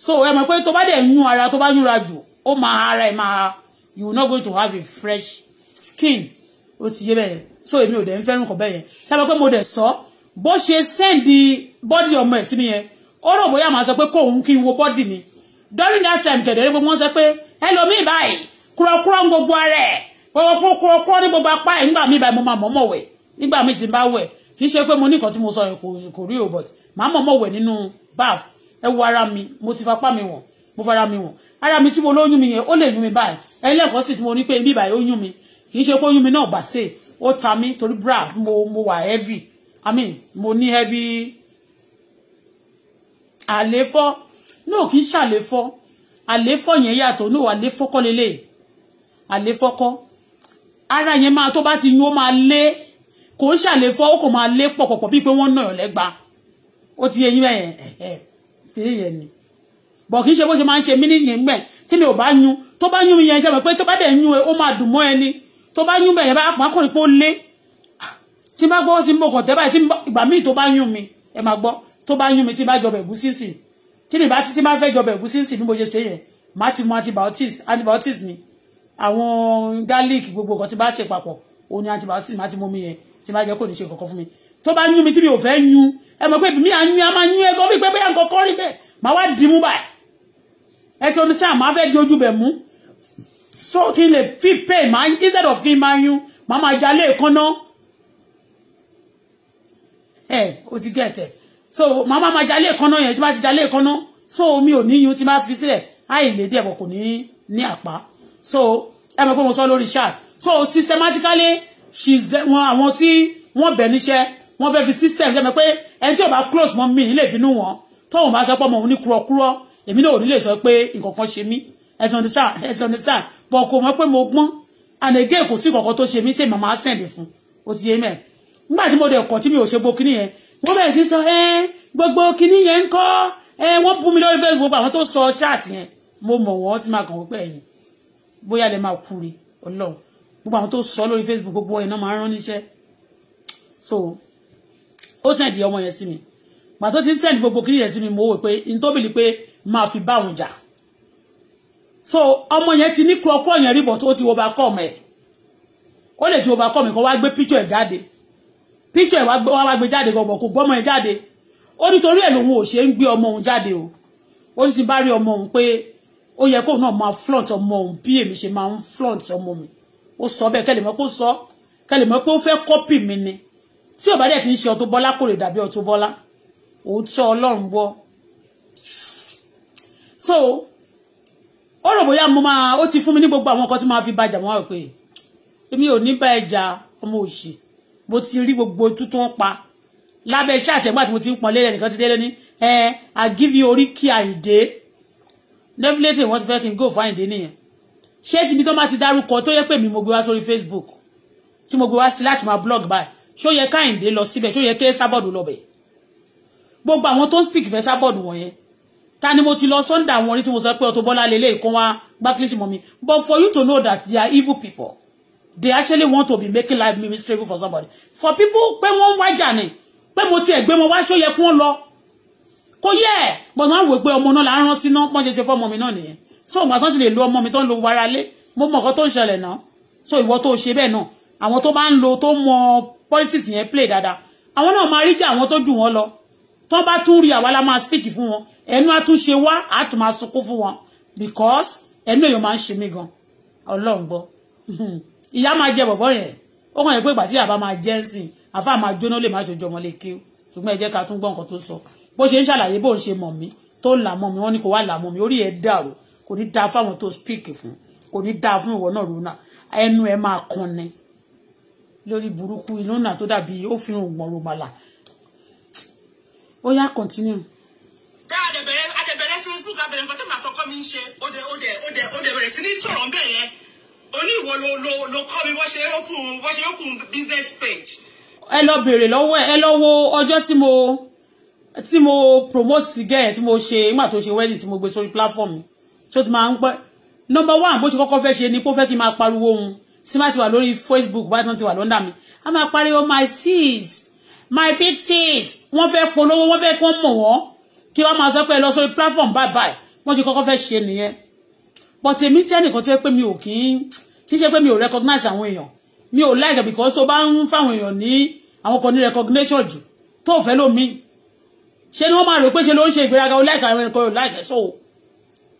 so ẹ mọ̀ pé tó bá dẹ̀ yún ara tó bá yúnra jù ó máa ara ẹ̀ máa you no go to have a fresh skin ó ti yé bẹ́ẹ̀ so èmi ò dẹ̀ ń fẹ́ràn kọ̀ bẹ́ẹ̀ yẹn ṣáà pé mo dẹ̀ sọ bó ṣe sẹ́ǹdì bọ́dì ọmọ ẹ̀ sí mi yẹn ó rò bóyá màá sọ pé kóun kí n wo bọ́dì mi during that time kẹ̀dẹ̀rẹ́ gbogbo wọn sọ pé ẹlòmíì báyìí kúrọ̀kúrọ̀ ń gbogbo ara ẹ̀ ọwọ́ kó kó ọkọ́ ní gbogbo apá ẹ̀ nígbà míì báyìí mo máa mọ̀ọ́mọ̀ wẹ̀ nígbà míì tí bá wẹ̀ kì ṣe pé mo ní nǹkan tí mo sọ kò rí o but màá mọ̀ọ́mọ̀ wẹ̀ nínú bath ẹ wo ara mi mo ti fapá mi wọ̀n mo fara mi wọ̀n ara mi tí mo lóyún mi yẹn ó lè yún mi báyìí ẹ̀yin lẹ́kọ̀ọ́ sì tí mo ní pé ibi ìbàyẹ̀ ó yún mi kì í ṣe pé ó yún mi náà bàṣẹ ó ta mí torí bra mo mo wà heavy i mean mo ní heavy àléfọ́ náà kì í ṣàléfọ́ àléfọ́ yẹn yàtọ̀ náà àléfọ́ kọ́ lélẹ̀ àléfọ́ kọ́ ara yẹn máa tó bá ti yún ó máa lé kò ń ṣàléfọ́ ó kò máa lé pọ̀pọ̀pọ̀ bíi pé wọ́n nà lẹ́gba ó ti yẹyin bẹ́yẹn kìí yẹn ni bọ̀ kìí ṣe bó ṣe máa ń ṣe mí nìyẹn gbẹ̀ tí mi ò bá yún tó bá yún mi yẹn ṣe mọ̀ pé tó bá dẹ̀ yún ẹ ó máa dùn mọ́ ẹni tó bá yún bẹ̀yẹn bá àpákùnrin pé ó lé tí n bá gbọ́ sí mọ̀kàn tẹ́ báyìí tí ìgbà míì tó bá yún mi ẹ máa gbọ́ tó bá yún mi tí bá jọbẹ̀ ẹ̀gúsí sìn tí mi bá fẹ́ jọbẹ̀ ẹ̀gúsí sìn bí mo ṣe ṣe yẹn má ti mu antibiotics antibiotics mi àwọn garlic gbogbo nǹkan tí bá ṣe papọ̀ òun ni antibiotics máa ti mú mi yẹn tí máa jẹ́ kò ní ṣe kankan fún mi tó bá yún mi tí mi ò fẹ́ yún ẹ mọ̀ pé mi à ń yún a máa yún ẹ gan bí pé bóyá nǹkan kan rí bẹ́ẹ̀ màá wá dì í mú báyìí ẹ ti oníṣẹ́ àmọ́ fẹ́ di ojú bẹ̀ mú so kí n lè fi pain máa instead of kí n máa yún màá máa jalè kánná ẹ o ti gẹ̀tẹ̀ so màá máa jalè kánná yẹn tí bá ti jalè kánná so mi ò ní yún tí bá fi sílẹ̀ àìlè díẹ̀ kò ní ní àpá so ẹ mọ̀ pé mo sọ lórí ṣáà so systematically she's wọn àwọn tí wọ́n bẹ̀ níṣẹ́ wọ́n fẹ́ fi system jẹ́ mi pé ẹni tí ò bá close mọ́ mi nílé ìfinú wọn tóun bá sọ pé ọmọ òun ní kúrọ́kúrọ́ èmi náà ò ní lè sọ pé nǹkan kan ṣe mí ẹ ti understand ẹ ti understand but kò mọ̀ pé mo gbọ́n and again kò sí kankan tó ṣe mí tí èmi máa sẹ̀ǹdì fún o ti yé mẹ́ nígbà tí mo dẹ̀ kọ̀ tí mi ò ṣe gbó kíní yẹn wọ́n bẹ̀rẹ̀ sí sọ ẹ gbogbo kíní yẹn ń kọ́ ẹ wọ́n bú mi lórí Facebook àwọn tó sọ ṣáàtì yẹn mo mọ̀ wọ́n ti máa kàn wọ́n pẹ̀ yẹn bóyá lè máa kúre ọlọ́run gbogbo àwọn tó sọ lórí Facebook gbogbo ẹ̀ náà máa ń rán níṣẹ́ so ó sẹ́ǹdì ọmọ yẹn sí mi gbà tó ti ń sẹ́ǹdì gbogbo kiri yẹn sí mi mo wò pé n tó bìlì pé máa fi bá òun jà so ọmọ yẹn ti ní kúrọkúrọ yẹn rí bọ̀ tó ti overcome ẹ̀ ó lè ti overcome kó wá gbé picture ẹ̀ jáde picture ẹ̀ wá wá gbé jáde gbọ̀gbọ̀ kò gbọ́mọ ẹ̀ jáde ó nítorí ẹ̀ lòun ò ṣe ń gbé ọmọ òun jáde o ó ní ti bá rí ọmọ òun pé ó yẹ kóun náà máa flaunt ọmọ òun bí èmi ṣe máa ń flaunt ọmọ mi ó sọ bẹ́ẹ̀ kẹ́lẹ̀ mọ́ pé ó sọ kẹ́lẹ̀ mọ́ pé ó fẹ́ kọ́pì mi ni tí ọ̀bá dẹ̀ ti ń ṣe Auto Bola kò lè dàbí Auto Bola to ọlọ́run gbọ́ so ó rò bóyá mo máa ó ti fún mi ní gbogbo àwọn nǹkan tí mo máa fi bàjà wọn pé èmi ò ní bá ẹja ọmọ òṣì mo ti rí gbogbo tuntun pa lábẹ́ iṣẹ́ àtẹ̀gbà tí mo ti ń pọn lélẹ̀ nìkan ti délé ní ẹ àgífi orí kí àìdé definitely wọ́n ti fẹ́ kí n go find nìyẹn ṣé tìbí tó máa ti dárúkọ tó yẹ pé mi mo gbé wá sórí Facebook tí mo gbé wá sí láti máa blog báyìí ṣó yẹ káyìndé lọ síbẹ̀ ṣó yẹ ké sábọ̀dù lọ bẹ̀ gbogbo àwọn tó ń speak fẹ́ sábọ̀dù wọ̀nyẹn ta ni mo ti lọ sọ́ndà àwọn orí tí mo sọ pé Auto Bola lélẹ̀ kan wá gbákìlísì mọ́ mi but for you to know that they are evil people they actually want to be making life miserable for somebody for people pé wọ́n wájà ni pé mo ti ẹ̀ gbé wọn wá ṣó yẹ kí wọ́n lọ kò yẹ bọ̀dọ̀ wọn wò pé ọmọ náà là ń rán síná pọ́n ṣe ṣe mi náà nìyẹn so ìgbà tó ti lè lo ọmọ mi tó ń lo wara lé mo mọ̀ nǹkan tó ń ṣẹlẹ̀ náà so ìwọ tó ṣe bẹ́ẹ̀ náà àwọn tó bá ń lo tó mọ politics yẹn play dáadáa àwọn náà máa rí jẹ́ àwọn tó jù wọ́n lọ tó bá tún rí àwa la máa speak fún wọn ẹnu àtúnṣe wá á máa sunkún fún wọn because ẹnu èèyàn máa ń ṣe mí gan ọlọ́run gbọ́ ìyá máa jẹ bọ̀bọ́ yẹn ó kàn yẹ pé ìgbà tí àbá máa jẹ́ ń sìn àfa máa jóná lè má ṣojú ọmọ lè kí ṣùgbọ́n ẹ jẹ́ ká tún gbọ́ nǹkan tó sọ bó ṣe ń ṣàlàyé bó ń ṣe mọ̀ mí tó ń là mọ́ mi wọ́n ní kò wá là mi orí ẹ̀ dàrú kò ní dáa fáwọn tó speak fún kò ní dáa fún ìwọ náà lónà ẹnu ẹ máa kan ni lórí burúkú lónà tó dàbí ó fi hàn gbọ̀nrún màlà ó yá continue. dá àdẹ̀bẹ̀rẹ̀ àdẹ̀bẹ̀rẹ̀ Facebook abẹ̀rẹ̀ nǹkan tó máa kọ́kọ́ mi ń ṣe ó dẹ̀ ó dẹ̀ ó dẹ̀ ó dẹ̀ bẹ̀rẹ̀ sí ní sọ̀rọ̀ ń bẹ̀ oní ìwọ ló ló ló kọ́ mi wọ́n ṣe open wọ́n ṣe open business page. ẹ lọ bèrè lọ́wọ́ ẹ lọ wo ọjọ́ tí mo tí mo promote sìgá ẹ̀ tí mo ṣe nígbà tó ṣe wedding tí mo gbé sórí platform mi tó ti máa ń number one bó ṣe kọ́kọ́ fẹ́ ṣe ni pé ó fẹ́ kí n máa pariwo òun tí má ti wà lórí Facebook bá ti wà lọ́ndà mi a máa pariwo my sis my big sis wọ́n fẹ́ polówó wọ́n fẹ́ kí wọ́n mọ̀ wọ́n kí wọ́n máa sọ pé lọ platform bye bye wọ́n ṣe kọ́kọ́ fẹ́ ṣe nìyẹn but èmi tí ẹnìkan tó yẹ mi ò kí ń kí n mi o recognize àwọn èèyàn mi o like because tó bá ń fáwọn èèyàn ní àwọn kan ní recognition ju. To ò fẹ́ lómi ṣe ni wọ́n máa rò pé ṣe ló ń ṣe ìgbéraga o like àwọn ẹnìkan o like so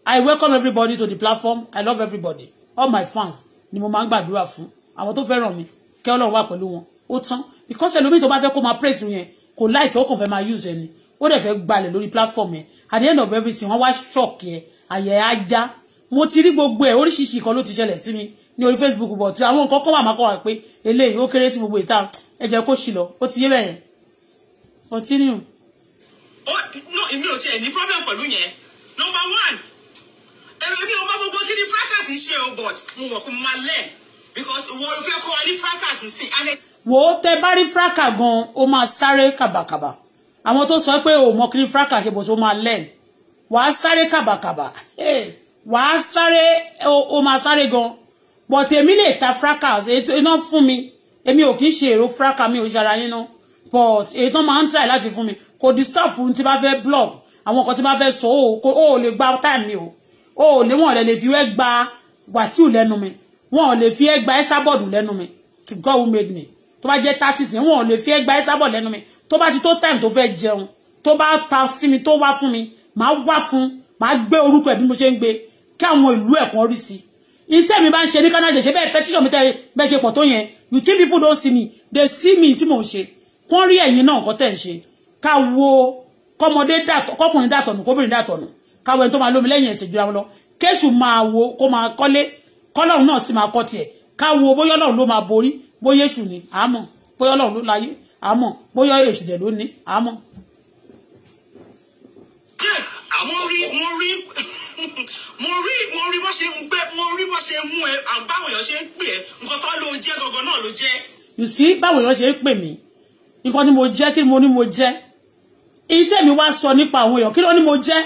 I welcome everybody to the platform I love everybody all my fans ni mo máa ń gbàdúrà fún àwọn tó fẹ́ràn mi kí Ọlọ́run wà pẹ̀lú wọn ó tán because ẹlòmíì tó bá fẹ́ kó máa praise yẹn kò like ó kàn fẹ́ máa use ẹni ó dẹ̀ fẹ́ gbalẹ̀ lórí platform yẹn at the end of everything wọ́n wá shock yẹn àyẹ̀ ajá mo ti rí gbogbo ẹ̀ oríṣiríṣi kan ló ti ṣẹlẹ̀ sí mi ní orí Facebook bọ̀ tí àwọn nǹkan kan wà máa kọ́ wa pé eléyìí ó kéré sí gbogbo ìta ẹ jẹ́ kó ṣì lọ ó ti yé bẹ́ẹ̀ yẹn continue no èmi ò tiẹ̀ ní problem pẹ̀lú yẹn number one èmi ò mọ gbogbo kí ni fracas ń ṣe o but mo mọ̀ pé mo máa because wo fẹ́ kọ́ wa ní fracas ń sìn. wo tẹ bá rí fracas gan o máa sáré kàbàkàbà àwọn tó sọ pé o mọ kí ni fracas ṣe bó tó máa learn wàá sáré kàbàkàbà wàá sáré o máa sáré gan but èmi lè ta fracas iná fún mi èmi ò kì í ṣe èrò fracas mi ò ṣara yín náà but èyí tó máa ń try láti fún mi kò disturb tí bá fẹ́ blog àwọn nǹkan tí bá fẹ́ sọ ó ò lè gba time mi o ó lè wọ́n lè fi wẹ́ gba Wàsíù lẹ́nu mi wọ́n lè fi ẹ́ gba Ẹsábọ̀dù lẹ́nu mi to God who made me tó bá jẹ́ thirty sin wọ́n lè fi ẹ́ gba Ẹsábọ̀dù lẹ́nu mi tó bá ti tó time tó fẹ́ jẹun tó bá ta sí mi tó wá fún mi màá wá fún màá gbé orúkọ ẹ̀ bí mo ṣe ń gbé kí àwọn ìlú ẹ̀kan rí sí iṣẹ́ mi bá ń ṣe ní Canada ṣe bẹ́ẹ̀ petition mi tẹ́ bẹ́ẹ̀ ṣe pọ̀ tó yẹn you think people don't see me they see me tí mò ń ṣe kó rí ẹ̀yin náà nǹkan tẹ̀ ń ṣe ká wo kọ́mọdé dàtọ̀ kọ́kùnrin dàtọ̀ nù kóbìnrin dàtọ̀ nù káwọ ẹni tó máa lómi lẹ́yìn ẹ̀sìn jura wọn lọ kéṣù máa wo kó máa kọ́lé kọ́lọ́run náà sì máa kọ́ tiẹ̀ ká wo bóyá ọlọ́run ló máa borí bóyá èṣù ni àmọ́ bóyá ọlọ́run ló láyé àmọ́ bóyá èṣù dẹ̀ ló ní àmọ́. mo rí mo rí mo rí mo rí bó ṣe ń gbẹ mo rí bó ṣe mú ẹ àbáwọn èèyàn ṣe ń pè ẹ nǹkan tó ló ń jẹ gangan náà ló jẹ. you see báwo èèyàn ṣe ń pè mí nǹkan tí mo jẹ́ kí mo ní mo jẹ́ èyí tẹ̀mí wá sọ nípa àwọn èèyàn kí ló ní mo jẹ́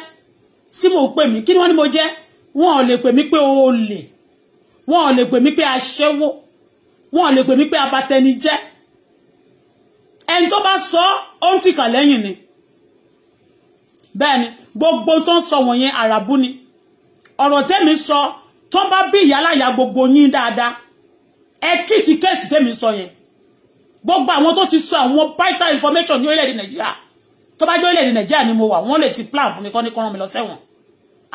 tí mo pè mí kí ni wọ́n ní mo jẹ́ wọn ò lè pè mí pé olè wọn ò lè pè mí pé aṣẹ́wó wọn ò lè pè mí pé abatẹnijẹ́ ẹni tó bá sọ ó ń tìkà lẹ́yìn ni bẹ́ẹ̀ ni gbogbo tó ń sọ wọ̀nyẹn àràbù ni ọ̀rọ̀ tẹ́mi sọ tó bá bí ìyá láyà gbogbo yín dáadáa ẹ tìtì kéèsì tẹ́mi sọ yẹn gbogbo àwọn tó ti sọ àwọn vital information ní orílẹ̀-èdè nàìjíríà tó bá jẹ́ orílẹ̀-èdè nàìjíríà ni mo wà wọ́n lè ti plan fún mi kọ́ ní kọ́ran mi lọ sẹ́wọ̀n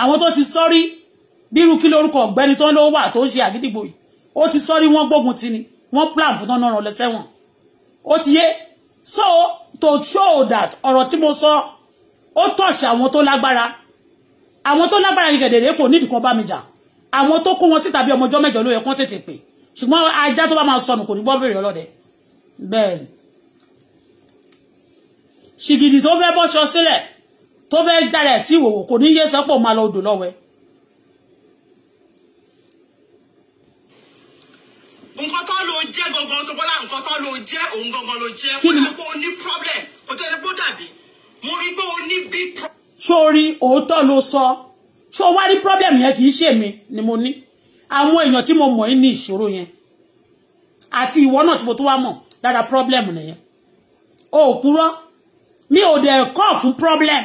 àwọn tó ti sọ́rí bírú kí lórúkọ ọ̀gbẹ́ni tó ń lówó wà tó ń ṣe àgídìgbò yìí ó ti sọ́rí wọ́n gbógun ti ni wọ́n plan fún tán náà lọ sẹ́wọ̀n ó ti yé so to show that ọ̀rọ̀ tí mo sọ ó tọ̀ṣẹ̀ àwọn tó lágbára àwọn tó lágbára yìí gẹ̀dẹ̀rẹ̀ kò nídìí kan bá mi jà àwọn tó kó wọn síta bí ọmọ ọjọ́ mẹ́jọ ló yẹ kán tètè pè ṣùgbọ́n ajá tó bá máa sọnù kò ní gbọ́ bèrè ọlọ́dẹ bẹ́ẹ̀ ni ṣìgìdì tó fẹ́ bọ́ṣọ sílẹ̀ tó fẹ́ dára ẹ̀ sí ìwòwò kò ní yé sọ́pọ̀ máa lọ odò lọ́wẹ́. nǹkan tó lò jẹ́ gangan tó bọ́lá nǹkan tó lò jẹ́ òun gangan ló jẹ́ kó dàbí o ní problem o tó yẹ kó dàbí mo rí pé o ní big problem. sórí òótọ́ ló sọ ṣó wá rí problem yẹn kì í ṣe mi ni mo ní àwọn èèyàn tí mo mọ̀ ní ìṣòro yẹn àti ìwọ náà tí mo tún wá mọ̀ lára problem nìyẹn o ò purọ́ mi o dẹ̀ cough problem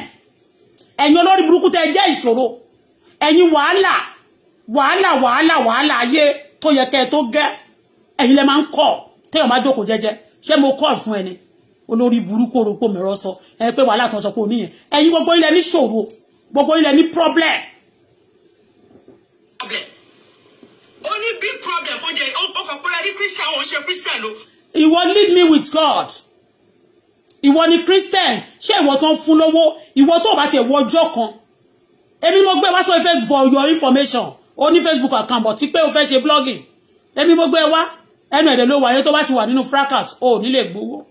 ẹ̀yin olórí burúkú tẹ jẹ́ ìṣòro ẹ̀yin wàhálà wàhálà wàhálà wàhálà ayé tó ye kẹ́ tó gẹ́ ẹ̀yin lẹ máa ń kọ́ téèyàn máa jókòó jẹ́jẹ́ ṣé mo kọ́ fún ẹni olórí burúkú orógbó mẹ́rọ sọ ẹ pé wàhálà tó sọ pé oníyẹn ẹ̀yin gbogbo ilẹ̀ ní ṣòro gbogbo ilẹ̀ ní problem. only big problem ó jẹ ó kọ pé ẹni christian o ṣe christian ló ìwọ lead me with God ìwọ ni Christian ṣé ìwọ tó ń fún lówó ìwọ tó bá tiẹ̀ wọ ọjọ́ kan èmi mo gbé wá sọ ìfẹ́ for your information o ní Facebook account bọ̀ tí pé o fẹ́ ṣe blogging èmi mo gbé wá ẹnu ẹ̀dẹ̀ ló wáyé tó bá ti wà nínú fracas o ní lè gbowó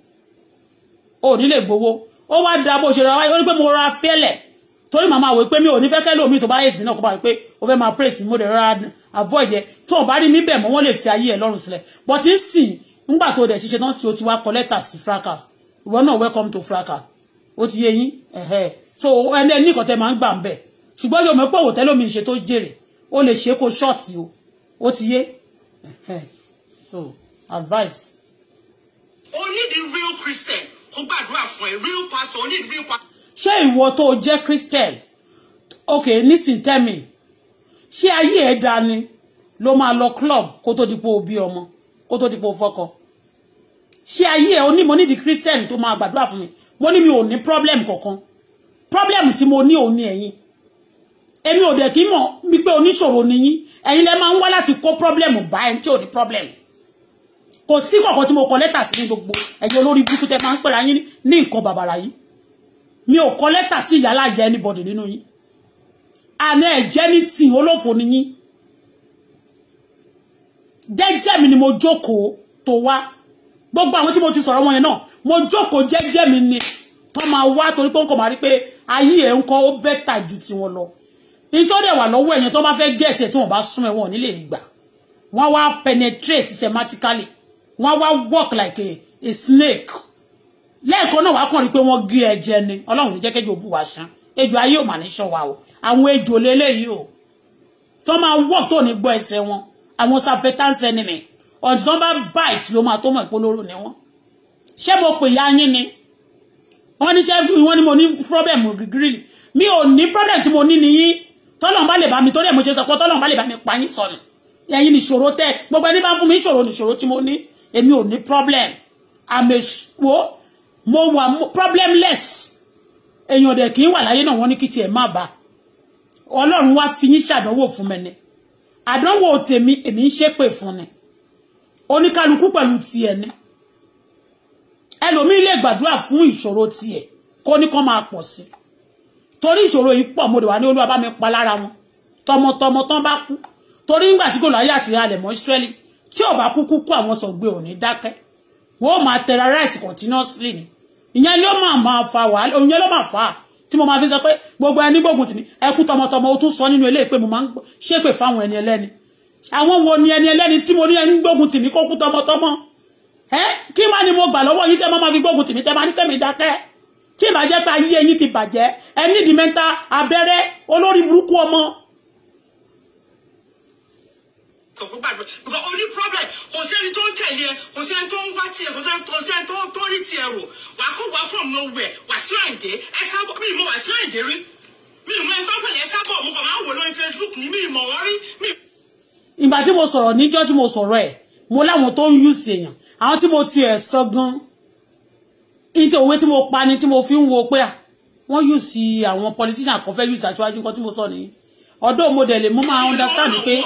o ní lè gbowó ó wá da bó ṣe ra wáyé ó ní pé mo ra fẹ́lẹ̀ torí màmá wò pé mi ò ní fẹ́ kẹ́ lómi tó bá yé mi náà kó bá wí pé o fẹ́ máa praise mi mo lè ra avoid yẹ tó o bá rí mi bẹ̀ mọ́ wọ́n lè fi ayé ẹ̀ lọ́rùn sílẹ̀ but n sìn ńgbà tó dẹ̀ ti ṣe náà sí o ti wá kọ lẹ́tà fracas ìwọ náà welcome to fracas ó ti yé yín so ẹni ẹni kan tẹ máa ń gbà ń bẹ̀ ṣùgbọ́n yóò mọ̀ pé òwò tẹ́lómi ṣe tó jèrè ó lè ṣe kó ṣọ́ọ̀tì o ó ti yé ẹ̀hẹ́ so advice. o the real christian kó gbàdúrà fún ẹ real pastor only the real pastor. ṣé ìwọ tó jẹ́ christian ok nísìnyí tẹ́mi ṣé ayé ẹ̀ dání ló máa lọ club kó tó di pé o bí ọmọ kó tó di pé o ṣé ayé ẹ oní ní di christian tó máa gbàdúrà fún mi mo ní mi ò ní problem kankan problem tí mo ní òun ni ẹ̀yin èmi ò dẹ̀ kí mọ̀ wípé oníṣòro ni yín ẹ̀yin lẹ máa ń wá láti kó problem bá ẹni tí ò ní problem kò sí kọ̀ọ̀kan tí mo kọ lẹ́tà sí ní gbogbo ẹ̀yin olórí burúkú tẹ máa ń pèrè ayín ní nǹkan bàbàrà yìí mi ò kọ lẹ́tà sí ìyálà jẹ́ anybody nínú yín àná ẹ̀jẹ̀ ní tì olófò ni yín jẹ́jẹ́ mi ni mo jókòó tó wá gbogbo àwọn tí mo ti sọ̀rọ̀ wọn yẹn náà mo jókòó jẹ́jẹ́ mi ni tó máa wá torí pé ó ń kọ̀ máa rí pé ayé ẹ̀ ń kọ́ ó bẹ́tà ju tiwọn lọ nítorí wà lọ́wọ́ ẹ̀yẹn tó bá fẹ́ gẹ̀ẹ́tì ẹ̀ tí wọ́n bá sún ẹ̀wọ̀n nílé rí wọ́n wá penetrate systematically wọ́n wá walk like a, a snake lẹ́ẹ̀kan náà wá kàn rí pé wọ́n gé ẹ̀jẹ̀ ni ọlọ́run ní jẹ́kẹ́jọ òbú wa ṣán ejò ayé ò mà ní wa o àwọn ejò lélẹ́yìí o tó máa walk tó ní gbọ́ ẹsẹ̀ wọn àwọn serpentine enemy ọ̀dì tí wọ́n bá bite ló máa tó mọ̀ ìpolówó ni wọ́n ṣé mo pè ya yín ni wọ́n ní ṣé wọ́n ní mo ní problem grill mi ò ní problem tí mo ní nìyí tọ́lọ̀ bá lè bá mi torí ẹ̀ mo ṣe sọ pé tọ́lọ̀ bá lè bá mi pa yín sọnù ẹ̀yin ni ìṣòro tẹ́ gbogbo ẹni bá fún mi ìṣòro ni ìṣòro tí mo ní èmi ò ní problem àmì wo mo wà problemless èèyàn dẹ̀ kì í wà láyé náà wọ́n ní kí tiẹ̀ má bàa ọlọ́run wá fi yín ṣàdánwò fún mi ni àdánwò tèmi èmi ń ṣépè fún ni oníkálukú pẹ̀lú tiẹ̀ ni ẹlòmíín lè gbàdúrà fún ìṣòro tiẹ̀ kó ní kán máa pọ̀ sí torí ìṣòro yìí pọ̀ mo lè wà ní olúwa bá mi pa lára wọn tọmọtọmọ tán bá kú torí ńgbà tí kò láyé àti halẹ̀ mọ́ Ísírẹ́lì tí ò bá kú kú kú àwọn sọ̀gbé ò ní dákẹ́ wọ́n máa terrorize continuously ni ìyẹn ló máa máa fa wàhálà òun yẹn ló máa fa tí mo máa fi sọ pé gbogbo ẹni gbógun tì mí ẹ kú tọmọtọmọ ó tún sọ nínú ilé pé mo máa ń ṣépè fáwọn ẹni ẹlẹ́ni àwọn wo ni ẹni ẹlẹ́ni tí mo ní ẹni gbógun tì mí kó kú tọmọtọmọ ẹ kí má ni mo gbà lọ́wọ́ yín tẹ́ máa fi gbógun tì tẹ́ máa ní kẹ́mi dákẹ́ tí ìbá pé ayé ẹyin ti bàjẹ́ ẹ nídìí mẹ́ta abẹ́rẹ́ olórí burúkú ọmọ. orí problem kò sẹ́ni tó ń tẹ̀lé ẹ kò sẹ́ni tó ń wá tiẹ̀ kò sẹ́ni tó rí tiẹ̀ rò from nowhere wà sí àǹdé ẹ sábọ̀ me more. wà sí àǹdé rí mi mọ̀ ẹ I ẹ more. mo kàn máa Facebook Me mi worry. Me ìgbà tí mo sọ̀rọ̀ níjọ́ tí mo sọ̀rọ̀ ẹ̀ mo láwọn tó ń use èèyàn àwọn tí mo ti ẹ̀ sọ gan ní ti òwe tí mo pa ni tí mo fi ń wo pé wọ́n use àwọn politician kan fẹ́ use àtiwájú nǹkan tí mo sọ nìyí although mo dẹ̀ lè mo máa understand pé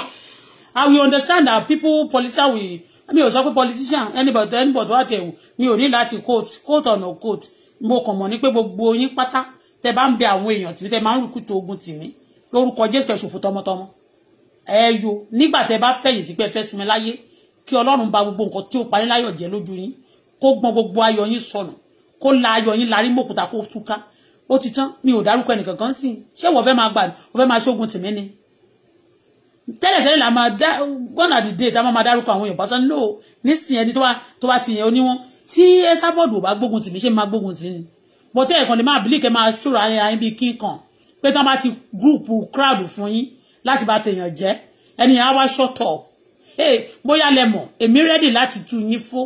I will understand that people politician will mi ò sọ pé politician anybody anybody wà tẹ̀wò mi ò ní láti quote quote ọ̀nà quote mo kàn mọ̀ ní pé gbogbo yín pátá tẹ bá ń bẹ àwọn èèyàn tìmí tẹ máa ń rúkú tó ogun tìmí lórúkọ Jésù kẹsùn fún tọmọtọmọ ẹyọ nígbà tẹ́ bá fẹ̀yìntì pé fẹ́ sinmi láyé kí Ọlọ́run bà gbogbo nǹkan tí ó parí láyọ̀ jẹ́ lójú yín kó gbọ́n gbogbo ayọ̀ yín sọnù kó la ayọ̀ yín larí mòkúta kó túká ó ti tán mi ò dárúkọ ẹnìkan kan sí ṣé wọ́n fẹ́ máa gbà wọ́n fẹ́ máa ṣógun tèmi ni tẹ́lẹ̀tẹ́lẹ̀ la máa dá gọ́nà dìde tá a máa dárúkọ àwọn èèyàn pàṣẹ lò nísìnyẹn ni tó bá ti yẹn oníwọ̀n tí ẹ sábọ̀dù ò bá gbógun tì mí ṣe máa gbógun tì ní bọ́tẹ́ ẹ̀kan lè máa bìlíkẹ́ máa ṣòro ara yín bíi kíkan pé tí wọ́n bá ti gúrùpù crowd fún yín láti bá tèèyàn jẹ́ ẹnìyàn á wá ṣọ́tọ̀ ee bóyá lẹ mọ̀ èmi rẹ́dì láti tu yín fún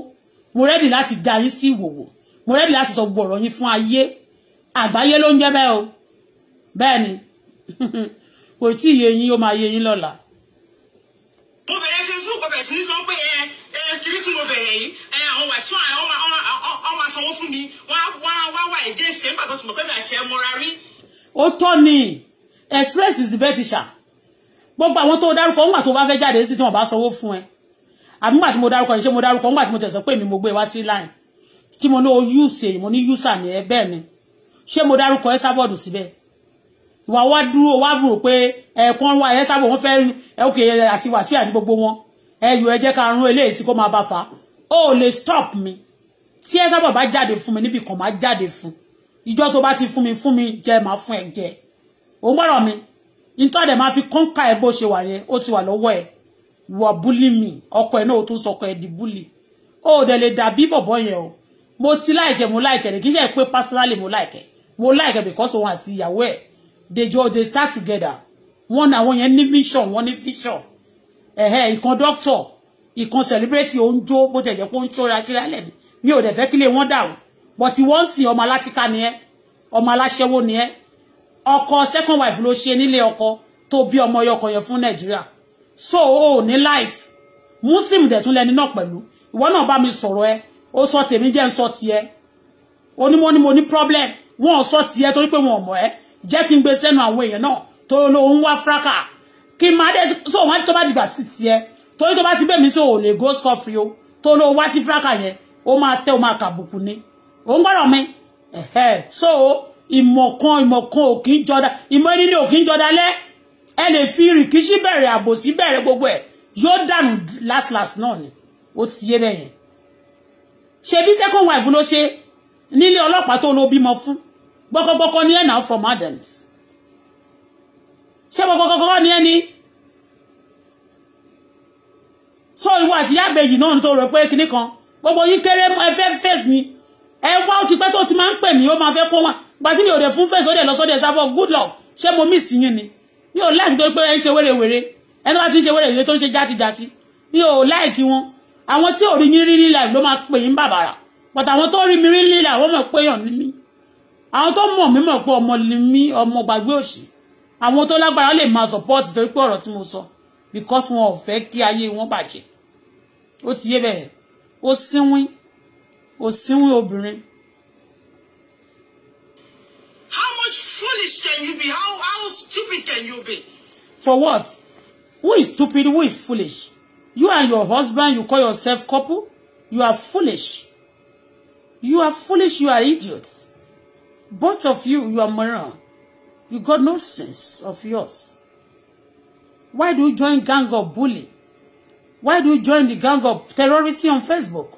mo rẹ́dì láti da yín sí ìwòwò mo rẹ́dì láti sọ gbogbo ọ̀rọ̀ yín fún ayé àgbáyé ló ń jẹ́ bẹ́ẹ̀ o bẹ́ẹ̀ ni kò tí ì yé yín ó máa yé yín lọ́la. mo bẹ̀rẹ̀ Facebook bẹ̀rẹ̀ sí ní sọ pé ẹ ẹ kiri tí mo bẹ̀rẹ̀ yìí ẹ àwọn wàṣọ àwọn ọmọ àsanwó fún mi wọ́n wá wá ẹ̀jẹ̀ ìṣẹ́ pàtó tí mo bẹ̀rẹ̀ àti mọ́ra rí. ó tọ́ ni express is the best teacher gbogbo àwọn tó dárúkọ ńgbà tó bá fẹ́ jáde sí tí wọ́n bá sanwó fún ẹ àbí ńgbà tí mo dárúkọ yìí ṣé mo dárúkọ ńgbà tí mo tẹ̀sán pé mi mo gbé wá sí line tí mo ní o use mo ní user ní ẹ bẹ́ẹ̀ ni ṣé mo dárúkọ ẹ sábọ̀dù síbẹ̀ ìwà wá dúró wá rò pé ẹ̀ẹ̀kan wá ẹ sábọ̀ wọn fẹ́ ẹ òkè àti wàsíù àti gbogbo wọn ẹ yọ ẹ jẹ́ ká rún eléyìí sí kó máa bá fa ó lè stop mi tí ẹ sábọ̀ bá jáde fún mi níbì kan máa jáde fún ìjọ tó bá ti fún mi fún mi jẹ máa fún ẹ jẹ òun gbọ́dọ̀ mi ìtọ́ àdẹ̀ máa fi kọ́ńkà ẹ bó ṣe wà yẹn ó ti wà lọ́wọ́ ẹ wà búlì mi ọkọ ẹ náà ó tún sọkọ ẹ di búlì ó dẹ̀ lè dàbí bọ̀bọ̀ yẹn o mo ti láìkẹ́ mo láìkẹ́ ní kí n ṣe pé personally mo láìkẹ́ mo láìkẹ́ because òun àti ìyàwó ẹ̀ they just they start together wọn náà àwọn yẹn ní mission wọn ní vision ẹ̀hẹ́ ìkan doctor ìkan celebrate oúnjó bó tẹ̀ jẹ́ pé ó ń ṣọ́ra ṣílẹ̀ lẹ́nu mi ò dẹ̀ fẹ́ kílé wọn dà o but wọ́n sìn ọmọ alátìká ni ẹ́ ọmọ aláṣẹ́wó ni ẹ́ ọkọ second wife ló ṣe nílé ọkọ tó bí ọmọ ọyọkọ yẹn fún nàìjíríà so o ní life muslim dẹ̀ tún lẹni náà pẹ̀lú ìwọ náà bá mi sọ̀rọ̀ ẹ ó sọ tèmi jẹ́ ń sọ tiẹ̀ onímọ̀ ni mo ní problem wọn ò sọ tiẹ̀ torí pé wọn ò mọ̀ ẹ́ jẹ́ kí n gbé sẹ́nu àwọn èèyàn náà tó ló wá fúráká kí n máa dé so wọn tó bá dìgbà tì tiẹ̀ torí tó bá ti bẹ́ẹ̀ mi sí òòlè go score free o tó ló wá sí fúráká yẹn ó máa tẹ́ ó máa kàbùkù ni òun gbọ́dọ̀ mi so ìmọ̀kan ìmọ̀kan ò kí ń jọdá ìmọ̀ nílé ò kí ń jọdá lẹ́ ẹ lè fi rìkíṣí bẹ̀rẹ̀ àbòsí bẹ̀rẹ̀ gbogbo ẹ̀ yóò dànù last last náà ni ó ti yé bẹ́yẹn ṣebí second wife ló ṣe nílé ọlọ́pàá tó ló bímọ fún gbọ́kọ́gbọ́kọ́ ní ẹ̀nà from Adams ṣé gbọ́kọ́gbọ́kọ́ ní ẹni so ìwọ àti yàgbẹ́jì náà tó rò pé kinní kan gbogbo yín kéré ẹ fẹ́ fèsì ni ẹ wá ó ti pẹ́ tó ti máa ń pè mí ó máa fẹ́ kó wọn gbàtí mi ò dẹ̀ fún fẹ́ sọ́dẹ̀ lọ sọ́dẹ̀ sábọ̀ good luck ṣé mo miss yín ni mi ò láìkí tó pé ẹ ń ṣe wérewère ẹni wá ti ń ṣe wérewère tó ń ṣe játijàti mi ò láìkí wọn àwọn tí ò rí yín rí ní life ló máa pè yín bàbàrà but àwọn tó rí mi rí ní life wọ́n mọ̀ pé yàn ní mi àwọn tó mọ̀ mí mọ̀ pé ọmọ ni mí ọmọ gbàgbé òṣì àwọn tó lágbára lè máa support torí pé ọ̀rọ̀ tí mo sọ because wọn ò fẹ́ kí ayé wọn bàjẹ́ ó ti yé bẹ́ẹ̀ ó sínwín ó sínwín obìnrin foolish can you be? How how stupid can you be? For what? Who is stupid? Who is foolish? You and your husband, you call yourself couple? You are foolish. You are foolish, you are idiots. Both of you, you are moron. You got no sense of yours. Why do you join gang of bully? Why do you join the gang of terrorists on Facebook?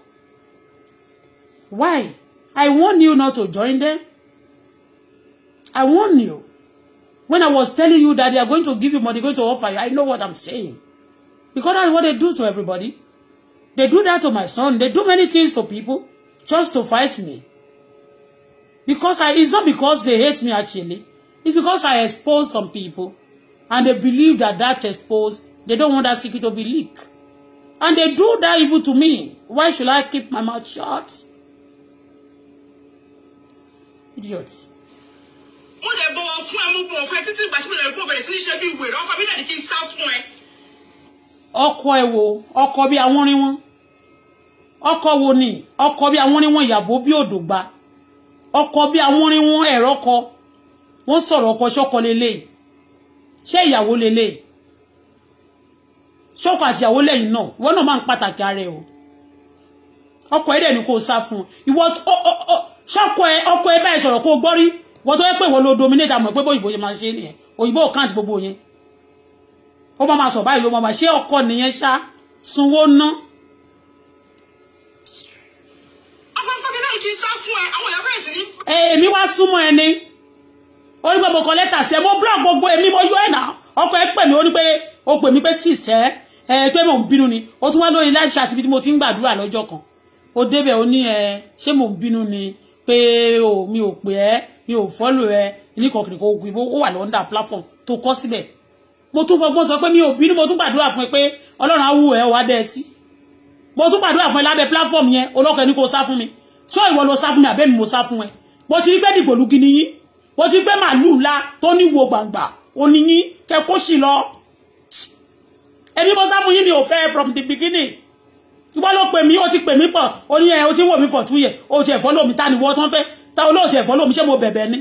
Why? I warn you not to join them. I warn you. When I was telling you that they are going to give you money, going to offer you, I know what I'm saying. Because that's what they do to everybody. They do that to my son. They do many things to people just to fight me. Because I, it's not because they hate me actually. It's because I expose some people. And they believe that that expose. they don't want that secret to be leaked. And they do that evil to me. Why should I keep my mouth shut? Idiots mo dẹ̀ bọ̀wọ̀ fún ẹ mo bọ̀wọ̀ fún ẹ títí ìgbà tí mo dẹ̀ bọ̀ bẹ̀rẹ̀ sí ní ṣe bí wèrè ọkọ mi dẹ̀ kí n sá fún ẹ. ọkọ ẹ wo ọkọ bí àwọn orin wọn ọkọ wo ni ọkọ bí àwọn orin wọn ìyàbò bí òdògba ọkọ bí àwọn orin wọn ẹ̀rọ kọ wọ́n sọ̀rọ̀ ọkọ ṣọ́kọ lélẹ́yìí ṣé ìyàwó lélẹ́yìí ṣọ́kọ àti ìyàwó lẹ́yìn náà ìwọ náà máa ń pàtàkì ara ẹ o ọkọ ẹ dẹ̀ ni kò sá fún ìwọ ẹ ọkọ ẹ báyìí kó gbọ́ rí wọ́n tó yẹ pé wọ́n lo dominate àmọ́ pé bóyìnbó yẹn máa ṣe nìyẹn òyìnbó count gbogbo yẹn ó máa sọ báyìí ó máa ṣe ọkọ nìyẹn ṣá sunwó ná. ọgbọ́n mi náà kì í sá fún ẹ àwọn èèyàn bẹ̀rẹ̀ ní. èmi wá súnmọ́ ẹ ni ó ní pé mo kọ lẹ́tà sí ẹ mo block gbogbo èmi mo yọ ẹ̀ náà ọkọ ẹ pè mí ó ní pé ó pè mí pé sì sẹ́ ẹ pé mò ń bínú ni ó tún wá lórí láti ṣàtìbí tí mo ti ń gbàdúrà lọ́jọ́ kan ó débẹ̀ ó ní ẹ ṣé mò ń bínú ni pé mi ò pè ẹ́ mi ò follow ẹ oníkọ̀ọ̀kìnì kò gùn ìbò ó wà lọ́ndà platform tó kọ́ síbẹ̀ mo tún fọgbọ́n sọ pé mi ò bínú mo tún gbàdúrà fún ẹ pé ọlọ́run á wù ẹ wá dẹ́ ẹ sí mo tún gbàdúrà fún ẹ lábẹ́ platform yẹn olókè ní kò sá fún mi sọ ìwọ ló sá fún mi àbẹ́mi mo sá fún ẹ mo ti rí pé dìgbòlù gidi yín mo ti rí pé màlúù ńlá tó níwo gbàǹgbà oníyín kẹkó sì lọ èmi mo sá fún yín mi ò fẹ́ from the beginning ìwọ ló pè mí ó ti pè mí pọ̀ ó ní ẹ ó ti wò mí for two years ó ti ẹ̀ follow mi ta ni wọ́n tán fẹ́ ta olóòtú ẹ̀ fọ́lọ́ ṣé mo bẹ̀bẹ̀ ni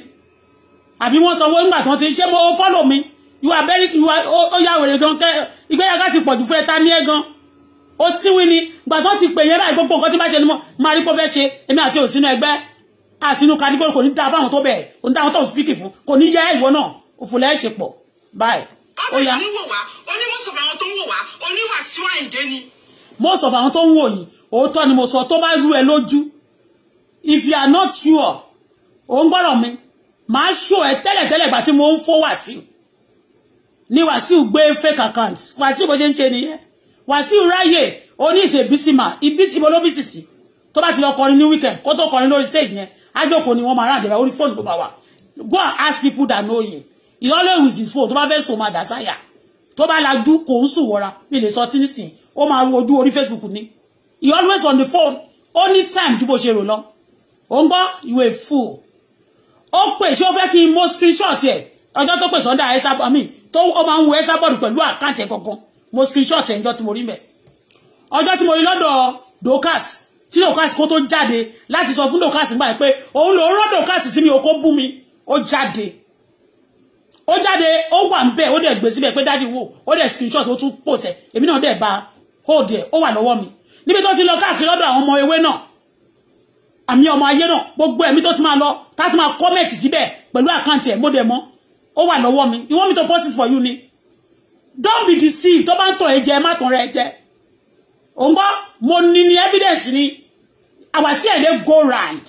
àbí wọ́n sanwó nígbà tí ti ṣé mo fọ́lọ́ mi ìwà abẹ́rí ìwà ó yà wèrè gan kẹ́ ìgbéyàgá ti pọ̀jù fún ẹ ta ní ẹ gan ó síwìn ni gbà tó ti pè yẹn báyìí gbogbo nǹkan tí bá ṣe ni mo máa rí pé fẹ́ ṣe èmi àti òsínú ẹgbẹ́ àsínú kadigboro kò ní dáa fáwọn tó bẹ̀ kò ní dáa tó spíkì fún kò ní yẹ ìwọ náà òfùlẹ̀ ṣe báyìí ó yá. most of àwọn àwọn tó ń wò yìí òótọ́ ni mo sọ tó bá rú ẹ lójú if you are not sure òun gbọ́dọ̀ mi màá show ẹ tẹ́lẹ̀tẹ́lẹ̀ ìgbà tí mo ń fọ́ Wàsíù ni Wàsíù gbé fake account Wàsíù bó ṣe ń ṣe nìyẹn Wàsíù ráyè oní ìṣe bísímà ìbísímà olóbísì sí tó bá ti lọ kọrin ní weekend kó tó kọrin lórí stage yẹn ájòkó ni wọ́n máa ráàdì rẹ̀ orí fóònù ló bá wà go and ask people that know him he always use his phone tó bá fẹ́ sùn máa dà sáyà tó bá lajú kò ń sùn wọ́ra mi lè sọ tí nísìn ó máa wojú orí Facebook ni he always on the phone Only time ju bó ṣe rò lọ ó you a fool ó pè ṣé ó fẹ́ kí n mú screenshot ẹ̀ ọjọ́ tó pè sọ́dà ẹ̀sà àmì tó ó máa ń wo ẹ̀sà bọ́ọ̀dù pẹ̀lú àkáǹtì ẹ̀ kankan mo screenshot ẹ̀ ǹjọ́ tí mo rí mẹ́ ọjọ́ tí mo rí lọ́dọ̀ Dorcas tí Dorcas kó tó jáde láti sọ fún Dorcas gbà pé O lòún rọ́ Dorcas sí mi òkó bú mi ó jáde ó jáde ó wà ń bẹ̀ ó dẹ̀ gbé síbẹ̀ pé dáàdi wò ó dẹ̀ screenshot ó tún pòsẹ̀ èmi náà dẹ̀ ba hold ẹ̀ ó wà lọ́wọ́ mi níbi tó ti lọ káàkiri lọ́dọ̀ àwọn ọmọ ewé náà àmì ọmọ ayé náà gbogbo ẹ̀mí tó ti máa lọ tá ti máa kọ́mẹ̀tì síbẹ̀ pẹ̀lú àkáǹtì ẹ̀ gbọ́dẹ̀ mọ́ ó wà lọ́wọ́ mi you want me to post it for you ni don't be deceived tó bá ń tàn ẹ jẹ má tàn rẹ jẹ òun gbọ́ mo ní ní evidence ni àwàsí ẹ̀ lè go round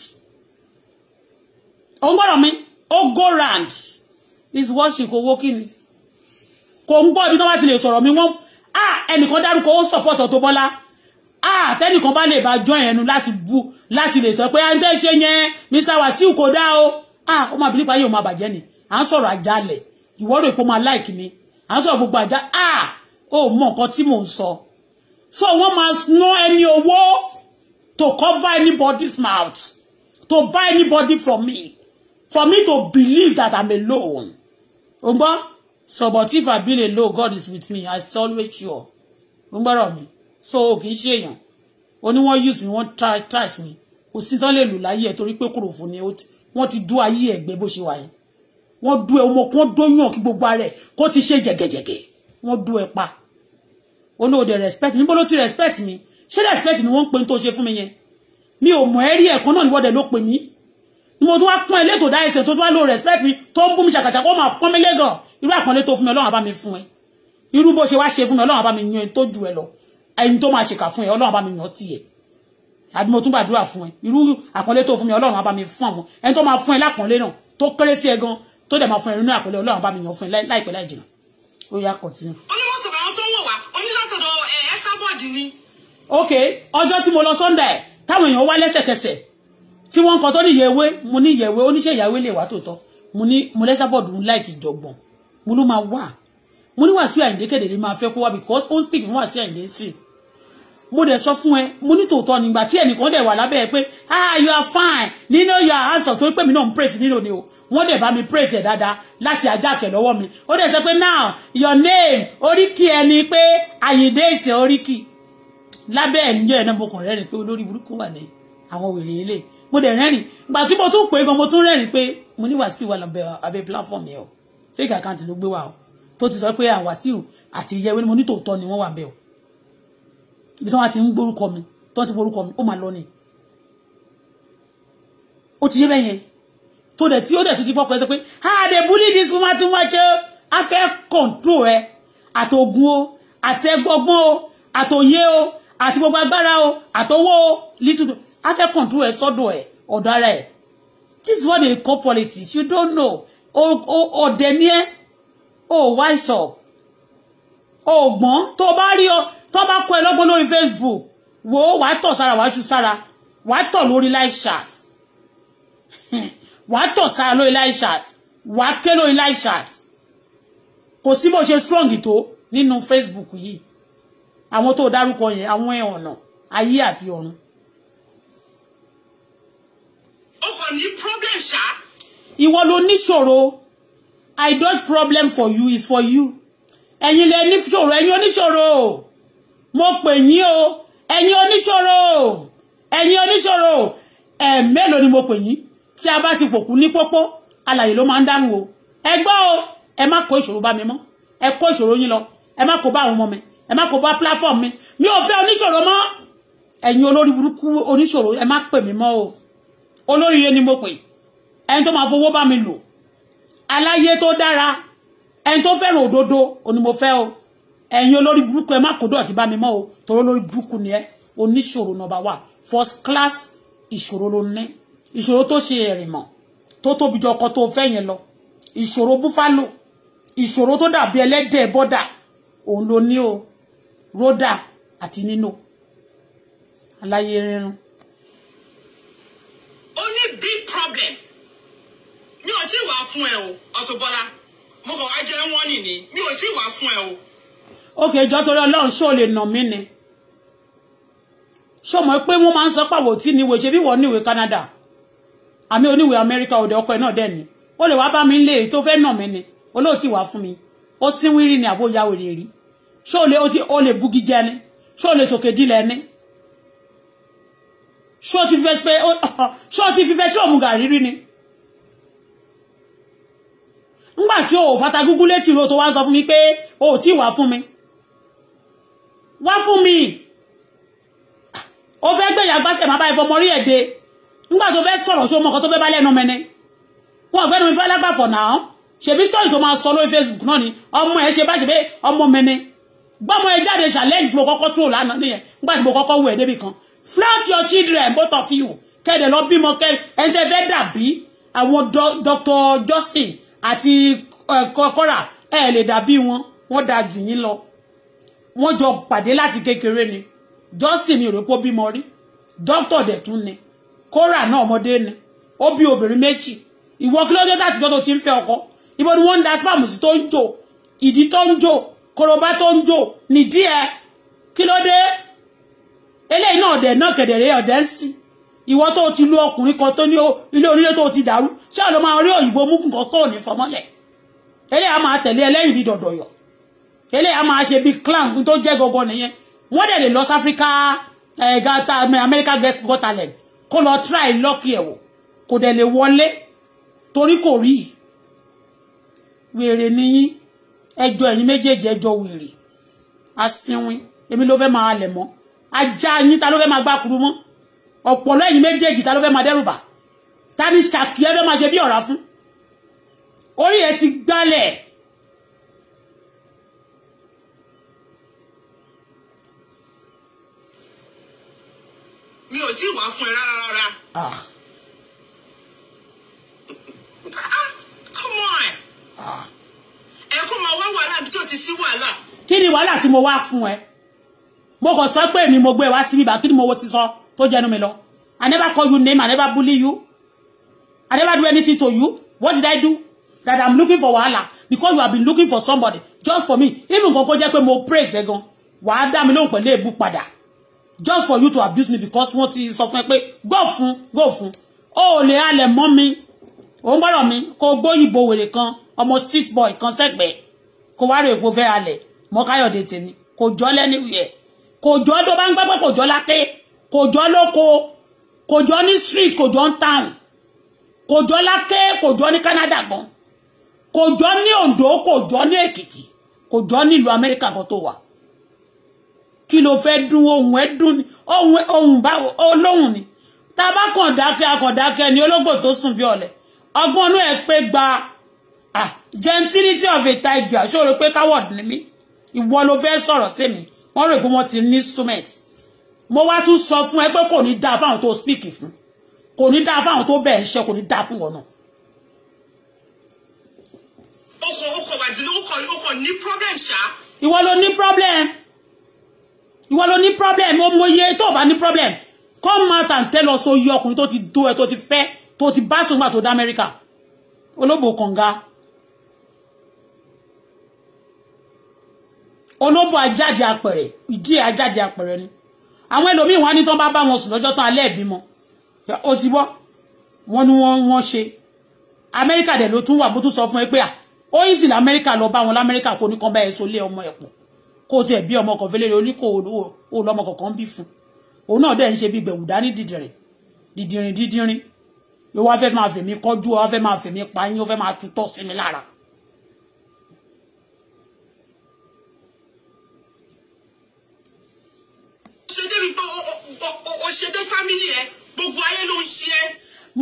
òun gbọ́dọ̀ mi ó go round is what she kò wó in. ni kò ń gbọ́ ibi tó bá ti lè sọ̀rọ̀ mi wọ́n ah ẹnìkan dárúkọ ó support Auto Bola Ah, àtẹnìkan bá lè bá jọ ẹnu láti bu láti lè sọ pé à ń tẹ́ ṣe yẹn Mr Wasiu kò dá o ah ó máa bìlí payé ó máa bàjẹ́ ni à ń sọ̀rọ̀ àjálẹ̀ ìwọ rò pé ó máa like mi à ń sọ̀rọ̀ gbogbo ah ó mọ nǹkan tí mò ń sọ so wọ́n máa ná ẹni owó to cover anybody's mouth to buy anybody from me for me to believe that I'm alone ó ń so but if I be alone God is with me I always sure ó ń gbọ́rọ̀ mi so o kì í ṣe èèyàn ó ní wọ́n use me, wọ́n trash me. kò sí tán lè lù láyé ẹ̀ torí pé kòròfò ni wọ́n ti dú ayé ẹ̀ gbé bó ṣe wà yẹn wọ́n dú ẹ ọmọ kan dóyàn kí gbogbo ara ẹ̀ kó ti ṣe jẹ̀gẹ̀jẹ̀gẹ̀ wọ́n dú ẹ pa olóòde respect mi bóló ti respect mi ṣé respect ni wọ́n ń pè ní tó ṣe fún mi yẹn mi ò mọ̀ ẹ́ rí ẹ̀kan náà níwọ́dẹ̀ ló pè mí ni mo tún wá pọ́n ilé tó dá ẹsẹ̀ tó tún wá lo respect mi tó ń bú mi ṣàkàṣà kó máa pọ́n mi lẹ́gàn irú àpọ́nlé tó fún mi ọlọ́run àbá mi fún ẹ irú bó ṣe wá ṣe fún mi ọlọ́run àbá mi yan tó ju ẹ lọ ẹni tó máa ṣèkà fún ẹ ọlọ́run bá mi yàn tiẹ̀ àbí mo tún gbàdúrà fún ẹ irú àpọ́nlé tó fún mi ọlọ́run bá mi fún àwọn ẹni tó máa fún ẹ lápọ́nlé náà tó kéré sí ẹ gan tó dẹ̀ máa fún ẹ nínú àpọ́nlé ọlọ́run bá mi yàn fún ẹ láìpẹ́ láì jìnnà ó yá continue. onímọ̀sọ̀rọ̀ àwọn tó ń wá onílọ́tọ̀dọ̀ ẹ̀ ni. ok ọjọ́ tí mo lọ sọ́ndà ẹ̀ táwọn èèyàn wá lẹ́sẹ̀kẹsẹ̀ tí wọ́n ń kọ́ tó ní ìyẹ̀wé mo ní ìyẹ̀wé oníṣẹ́ kéde ní máa fẹ́ kó wá because ó ń speak fún Wàsíù Àyìndé sí i mo dẹ̀ sọ fún ẹ mo ní tòótọ́ nígbà tí ẹnìkan dẹ̀ wà lábẹ́ ẹ pé ah you are fine nínú you are handsome to pé mi náà ń praise nínú ni o wọ́n dẹ̀ bá mi praise ẹ̀ dáadáa láti ajá àkẹ́ lọ́wọ́ mi ó dẹ̀ sọ pé now your name oríkì ẹni pé àyíndé ìsìn oríkì lábẹ́ ẹ̀ níjọ́ ẹ̀ náà mo kàn rẹ́rìn pé olórí burúkú wà ní àwọn wèrè ilé mo dẹ̀ rẹ́rìn gbà tí mo tún pè é gan mo tún rẹ́rìn pé mo ní wàásù wà lábẹ́ abẹ́ platform yẹn o fake account ló gbé wa o tó ti sọ pé àwàsíù ah, àti ìyẹwé ni mo ní tòótọ́ ni wọ́n wà bẹ́ẹ̀ o ibi tí wọ́n ti ń gbórúkọ mi tí wọ́n ti gbórúkọ mi ó máa lọ ni ó ti yé bẹ́ẹ̀ yẹn tó dẹ̀ tí ó dẹ̀ tún ti bọ́kọ ẹ sọ pé ah they bully this woman too much o a fẹ́ control ẹ àtògùn o àtẹgbọgbọ́n o àtòyé o àti gbogbo agbára o àtọwọ́ o lítútù a fẹ́ control ẹ sọ́dọ̀ ẹ ọ̀dọ̀ ara ẹ this is what they call politics you don't know ọ̀dẹ̀ ni ẹ o wise up ọgbọ́n tó bá rí ọ tó bá kọ ẹ lọ́gbọ́n lórí Facebook wò ó wàá tọ̀ sára wàá ṣu sára wàá tọ̀ lórí live chat wàá tọ̀ sára lórí live chat wàá ké lórí live chat kò sí bó ṣe strong tó nínú Facebook yìí àwọn tó dárúkọ yẹn àwọn ọ̀nà ayé àti ọ̀run. ó kàn ní problem ṣá. ìwọ ló níṣòro I dodge problem for you is for you ẹ̀yin lẹ níṣòro ẹ̀yin oníṣòro o mo pè yín o ẹ̀yin oníṣòro ẹ̀yin oníṣòro ẹ̀ẹ̀mélòó ni mo pè yín tí a bá ti pòkú ní pópó alàyè ló máa ń dáhùn o ẹ gbọ́ o ẹ má kó ìṣòro bá mi mọ́ ẹ kó ìṣòro yín lọ ẹ má kó bá àwọn ọmọ mi ẹ má kó bá platform mi mi ò fẹ́ oníṣòro mọ́ ẹ̀yin olórí burúkú oníṣòro ẹ má pè mí mọ́ o olóríire ni mo pè ẹni tó máa fowó bá mi lò aláyé tó dára ẹni tó fẹ́ràn òdodo òní mo fẹ́ o ẹ̀yin olórí burúkú ẹ má kó dọ̀tí bá mi mọ́ o torí olórí burúkú ni ẹ oníṣòro nọmba wà first class ìṣòro ló ní ìṣòro tó ṣe ẹ̀rìn mọ̀ tó tóbi jọ ọkọ tó fẹ́ yẹn lọ ìṣòro búfálò ìṣòro tó dàbí ẹlẹ́dẹ̀ bọ́dà òun ló ní o ródà àti nínú aláyé rírun. ó ní big problem mi ò tí ì wá fún ẹ o Auto Bola mo kàn wá jẹ́ wọ́n nì mi ò tí ì wá fún ẹ o. Ok, ìjọ torí ọlọ́run ṣó lè nà mí ni ṣó mọ̀ pé wọ́n máa ń sọ pàwọ̀ tí níwèé ṣe bí wọ́n níwèé Canada àmì oníwèé Amẹ́ríkà òde ọkọ ẹ̀ náà dẹ̀ ni ó lè wá bá mi lé tó fẹ́ nà mí ni olóòtí wá fún mi ó sínwírí ni àbóyá òrè rí ṣó lè ó lè bugi jẹ ni ṣó lè sòkè dílẹ̀ ni ṣó ti fẹ́ pé ṣó ti fi pẹ́trọ̀ mu gàrí rí ni ńgbà tí o fatagúgú létí ro tó wá sọ fún mi pé o ò tí wá fún mi wá fún mi ó fẹ́ gbẹ̀yà gbásẹ̀ máa bá ẹ̀fọ́ mọ́rí ẹ̀dẹ́ nígbà tó fẹ́ sọ̀rọ̀ sí ọmọ kan tó fẹ́ bá lẹ́nu mẹ́ni wọn ọ̀gbẹ́ni mi fẹ́ lágbàfọ̀ náà ṣèbí story tó máa sọ lórí Facebook náà ni ọmọ ẹ̀ ṣe bá ṣe pé ọmọ mẹ́ni gbọ́mọ ẹ jáde challenge tí mo kọ́kọ́ tó lánàá nìyẹn nígbà tí mo kọ́kọ́ wù ẹ́ débì kan flaunt your children both of you kẹ́ẹ̀dẹ̀ lọ bímọ kẹ́ ẹ̀ ń tẹ́ fẹ́ dàbí àwọn Dr. Justin àti kọ́ra eh, ẹ̀ lè dàbí wọn wọ́n da jù yín lọ wọ́n jọ pàdé láti kékeré ni Justin mi ò bímọ rí doctor dẹ̀ tún ni Kora náà ọmọdé ni ó bí obìnrin méjì ìwọ kí ló dé láti jọ́ tó ti ń fẹ́ ọkọ ibo ni wọ́n ń da spam sí tó ń jò ìdí tó ń jò korobá tó ń jò nídìí ẹ kí ló dé eléyìí náà ọ̀dẹ̀ náà kẹ̀dẹ̀rẹ́ ọ̀dẹ̀ ń sí ìwọ tó ti lu ọkùnrin kan tó ní ilé onílé tó ti dàrú ṣé àlọ́ máa rí òyìnbó mú nǹkan tó ní fọmọ́lẹ̀ eléyìí á máa tẹ̀lé ẹlẹ́yìn ní dọ̀dọ̀yọ̀ Ele a máa ṣe bíi clan tó jẹ́ gọgọ nìyẹn wọ́n dẹ̀ lè lọ sí gata America Got Talent kó lọ try lọ́ọ̀kì ẹ̀ wò kò dẹ̀ lè wọlé torí kò rí wèrè níyín ẹjọ́ ẹ̀yin méjèèjì ẹjọ́ wèrè asínwín èmi ló fẹ́ máa lẹ̀ mọ́ ajá yín ta ló fẹ́ máa gbá kuru mọ́ ọ̀pọ̀lọ́ ẹ̀yin méjèèjì ta ló fẹ́ máa dẹ́rùbà ta ni ṣàkíyẹ́ fẹ́ máa ṣe bí ọ̀rá fún orí ẹ ti gbálẹ̀ mi ò tí ì wá fún ẹ rárá rárá. Ah. Ah, come on. Ah. ẹ kó máa wá wàhálà bí tí o ti sí wàhálà. kí ni wàhálà tí mo wá fún ẹ mo kàn sọ pé èmi mo gbé wá sí ibà kí ni mo ti sọ tó jẹnu mi lọ I never call you name I never bully you I never do anything to you what did I do that I'm looking for wahala because you have been looking for somebody just for me even kankan jẹ́ pé mo praise ẹ gan wàá dá mi lóhùn pẹ̀lú èébú padà just for you to abuse me because wọ́n ti sọ fún ẹ pé gbọ́ fún gbọ́ fún ó lè halẹ̀ mọ́ mi òun gbọ́dọ̀ mi kó gbóyìnbó wèrè kan ọmọ street boy kan sẹ́gbẹ̀ẹ́ kó wá rè kó fẹ́ halẹ̀ mọ́ káyọ̀dé tèmi kò jọ́ lẹ́ni wíyẹ̀ kò jọ́ tó bá ń gbẹ́pẹ́ kò jọ́ láké kò jọ́ lóko kò jọ́ ní street kò jọ́ ń town kò jọ́ láké kò jọ́ ní Canada gan kò jọ́ ní Ondo kò jọ́ ní Èkìtì kò jọ́ nílùú Amẹ́ríkà gan tó wà kí ló fẹ́ dún ohun ẹ dún ni ohun ohun báwo olóhùn ni tá a bá kàn dákẹ́ akọ̀dákẹ́ ni ológbò tó sùn bí ọ̀lẹ ọgbọ́n inú ẹ pé gba gentility of a tiger ṣó rò pé coward ni mí ìwọ ló fẹ́ sọ̀rọ̀ sí mi wọ́n rò pé wọ́n ti ní instrument mo wá tún sọ fún ẹ pé kò ní dáa fáwọn tó speak fún kò ní dáa fáwọn tó bẹ̀ ń ṣe kò ní dáa fún wọn náà. ó kọ ó kọ wàjú ló ń kọ ó kọ ní problem ṣá. ìwọ ló ní problem ìwọ ló ní problem o mọ iye tó bá ní problem come out and tell us oye ọkùnrin tó ti do ẹ tó ti fẹ́ tó ti bá sùnmọ́ àtòdá amẹ́ríkà olóbò kànga olóbò ajáde apẹ̀rẹ̀ ìdí ajáde apẹ̀rẹ̀ ni àwọn ẹlòmíì wọn á ní tán bá bá wọn sùn lọ́jọ́ tán alẹ́ ìbímọ ó ti bọ́ wọn ni wọ́n wọ́n ṣe amẹ́ríkà dẹ̀ ló tún wà bó tún sọ fún ẹ pé à ó yìí sì lamẹ́ríkà lọ bá wọn lamẹ́ríkà kò ní kán bá ẹ so lé ọmọ ẹ̀ pọ̀ kó tiẹ̀ bí ọmọ kan fẹ́lẹ́ orí kò ó lọ́mọ kankan bí fún òun náà dẹ̀ ń ṣe bí gbẹ̀wù dání dìdìrìn dìdìrìn dídìrín yóò wá fẹ́ máa fèmí kọjú wá fẹ́ máa fèmí pa yín yóò fẹ́ mi lára. ṣe o ṣe dé fámìlì ẹ gbogbo ayé ló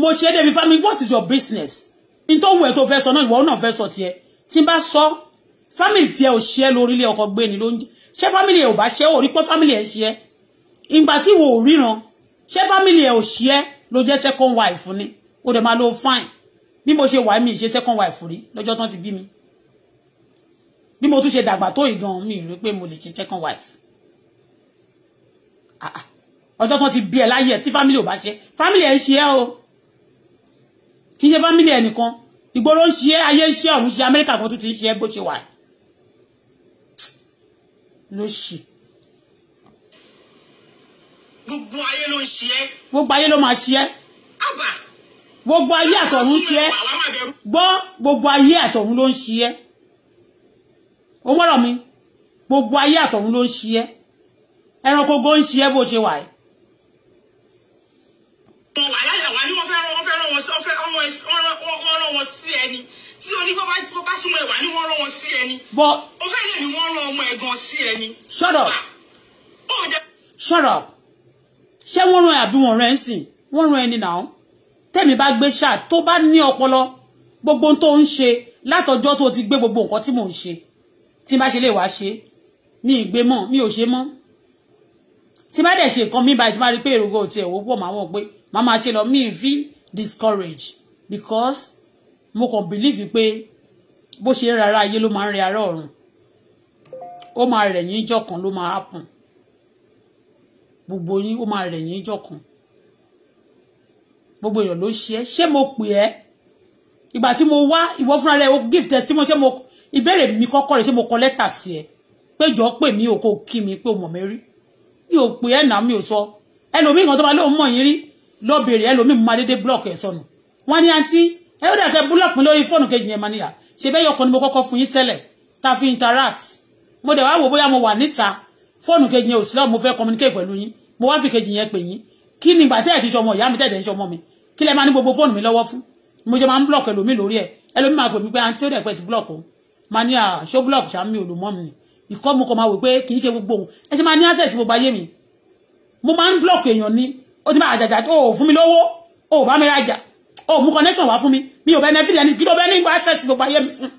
mo ṣe débi fámìlì what is your business? n tó wù ẹ́ tó fẹ́ sọ náà ìwọ náà fẹ́ sọ tiẹ̀ tí n So, family tiẹ̀ ò ṣe lórílẹ̀ ọkọ gbé ni ló ń ṣe family ẹ̀ o bá ṣe ò rí pọ́n family ẹ̀ ṣe ìgbà tí wo ò ríran ṣe family ẹ̀ ò ṣe ló jẹ́ second wife ni ó dẹ̀ máa lo fine bí mo ṣe wà mí ṣe second wife rí lọ́jọ́ tán ti bí mi bí mo tún ṣe dàgbà tó ìgan mi rí pé mo lè ṣe second wife ah, ah. ọjọ́ tán ti bí ẹ láyé ẹ tí family ò bá ṣe family ẹ̀ ń o kì í ṣe family ẹ̀ nìkan ìgboro ń ṣe ayé ń ṣe ọ̀run ṣe Amẹ́ríkà kan tún ti ń ṣe bó ṣe wà ẹ́ lóṣì. gbogbo ayé ló ń ṣe é. gbogbo ayé ló máa ṣe é. àbà. gbogbo ayé àtọ̀run ṣe é. gbọ́ gbogbo ayé àtọ̀run ló ń ṣe é. o gbọ́dọ̀ mi gbogbo ayé àtọ̀run ló ń ṣe é. ẹranko go ń ṣe é bó ṣe wà yìí. wọn wà láyà wá ní wọn fẹ́ wọn fẹ́ wọn sí ẹni tí onígbọ́ bá tó bá súnmọ́ ẹ̀wà ni wọ́n rán wọn sí ẹni. bọ́ o fẹ́ lè ní wọ́n rán ọmọ ẹ̀gàn sí ẹni. shut up ah. shut up ṣé wọ́n rán ẹ àbí wọ́n rán ẹ sìn wọ́n rán ẹni náà tẹ̀mí bá gbé ṣáà tó bá ní ọpọlọ gbogbo tó ń ṣe látọjọ́ tó ti gbé gbogbo nǹkan tí mò ń ṣe tí bá ṣe lè wá ṣe mi ìgbé mọ́ mi ò ṣe mọ́ tí bá dẹ̀ ṣe nǹkan mi báyìí tí bá rí pé èrògbò tiẹ̀ wọ́pọ̀ máa wọ̀ pé màá máa ṣe lọ mi fi discourage because mo kàn bìlíìfì pé bó ṣe ń ra ara ayé ló máa ń rin ara ọ̀run ó máa rẹ̀ yín jọ́ kan ló máa hápùn gbogbo yín ó máa rẹ̀ yín jọ́ gbogbo èèyàn ló ṣe é ṣé mo pè ẹ́ ìgbà tí mo wá ìwọ fúnra rẹ o gift ẹ sí mo ṣé mo ìbéèrè mi kọ́kọ́ rẹ ṣé mo kọ lẹ́tà sí ẹ pé jọ pè mí o kò kí mi pé o mọ̀ mi rí mi ò pè ẹ́ náà mi ò sọ ẹlòmíì kan tó bá lóun mọ̀ yín rí lọ́ọ́ béèrè ẹlòmíì mo máa dédé block ẹ̀ sọnù wọ́n ní àǹtí ẹ ó dàgbẹ́ búlọ̀kù mi lórí fóònù kejì yẹn mania ṣe bẹ́ẹ̀ yọkọ ni mo kọ́kọ́ fún yín tẹ́lẹ̀ ta fi interact mo dẹ̀ wá wò bóyá mo wà níta fóònù kejì yẹn ò sí lọ́wọ́ mo fẹ́ communicate pẹ̀lú yín mo wá fi kejì yẹn pè yín kí ni ìgbà ẹ̀ kí sọmọ ìyá mi tẹ̀ tẹ̀ ń sọmọ mi kí lẹ máa ní gbogbo fóònù mi lọ́wọ́ fún mo ṣe máa ń block ẹlòmíì lórí ẹ ẹlòmíì máa pè mí pé àǹtí ó dẹ̀ pẹ́ ti block o máa ní àṣọ block ṣá mi ò lò mọ́ mi ìkọ́ mo kàn máa wò pé kì í ṣe gbogbo òun ẹ ṣe máa ní access gbogbo ayé mi mo máa ń block èèyàn ní ó ti máa àjàjà tó fún mi lówó o bá mi rajà ó oh, mu connection wá fún mi mi ò benefit ẹni kí ló bẹ́ nígbà access gbogbo ayé mi fun.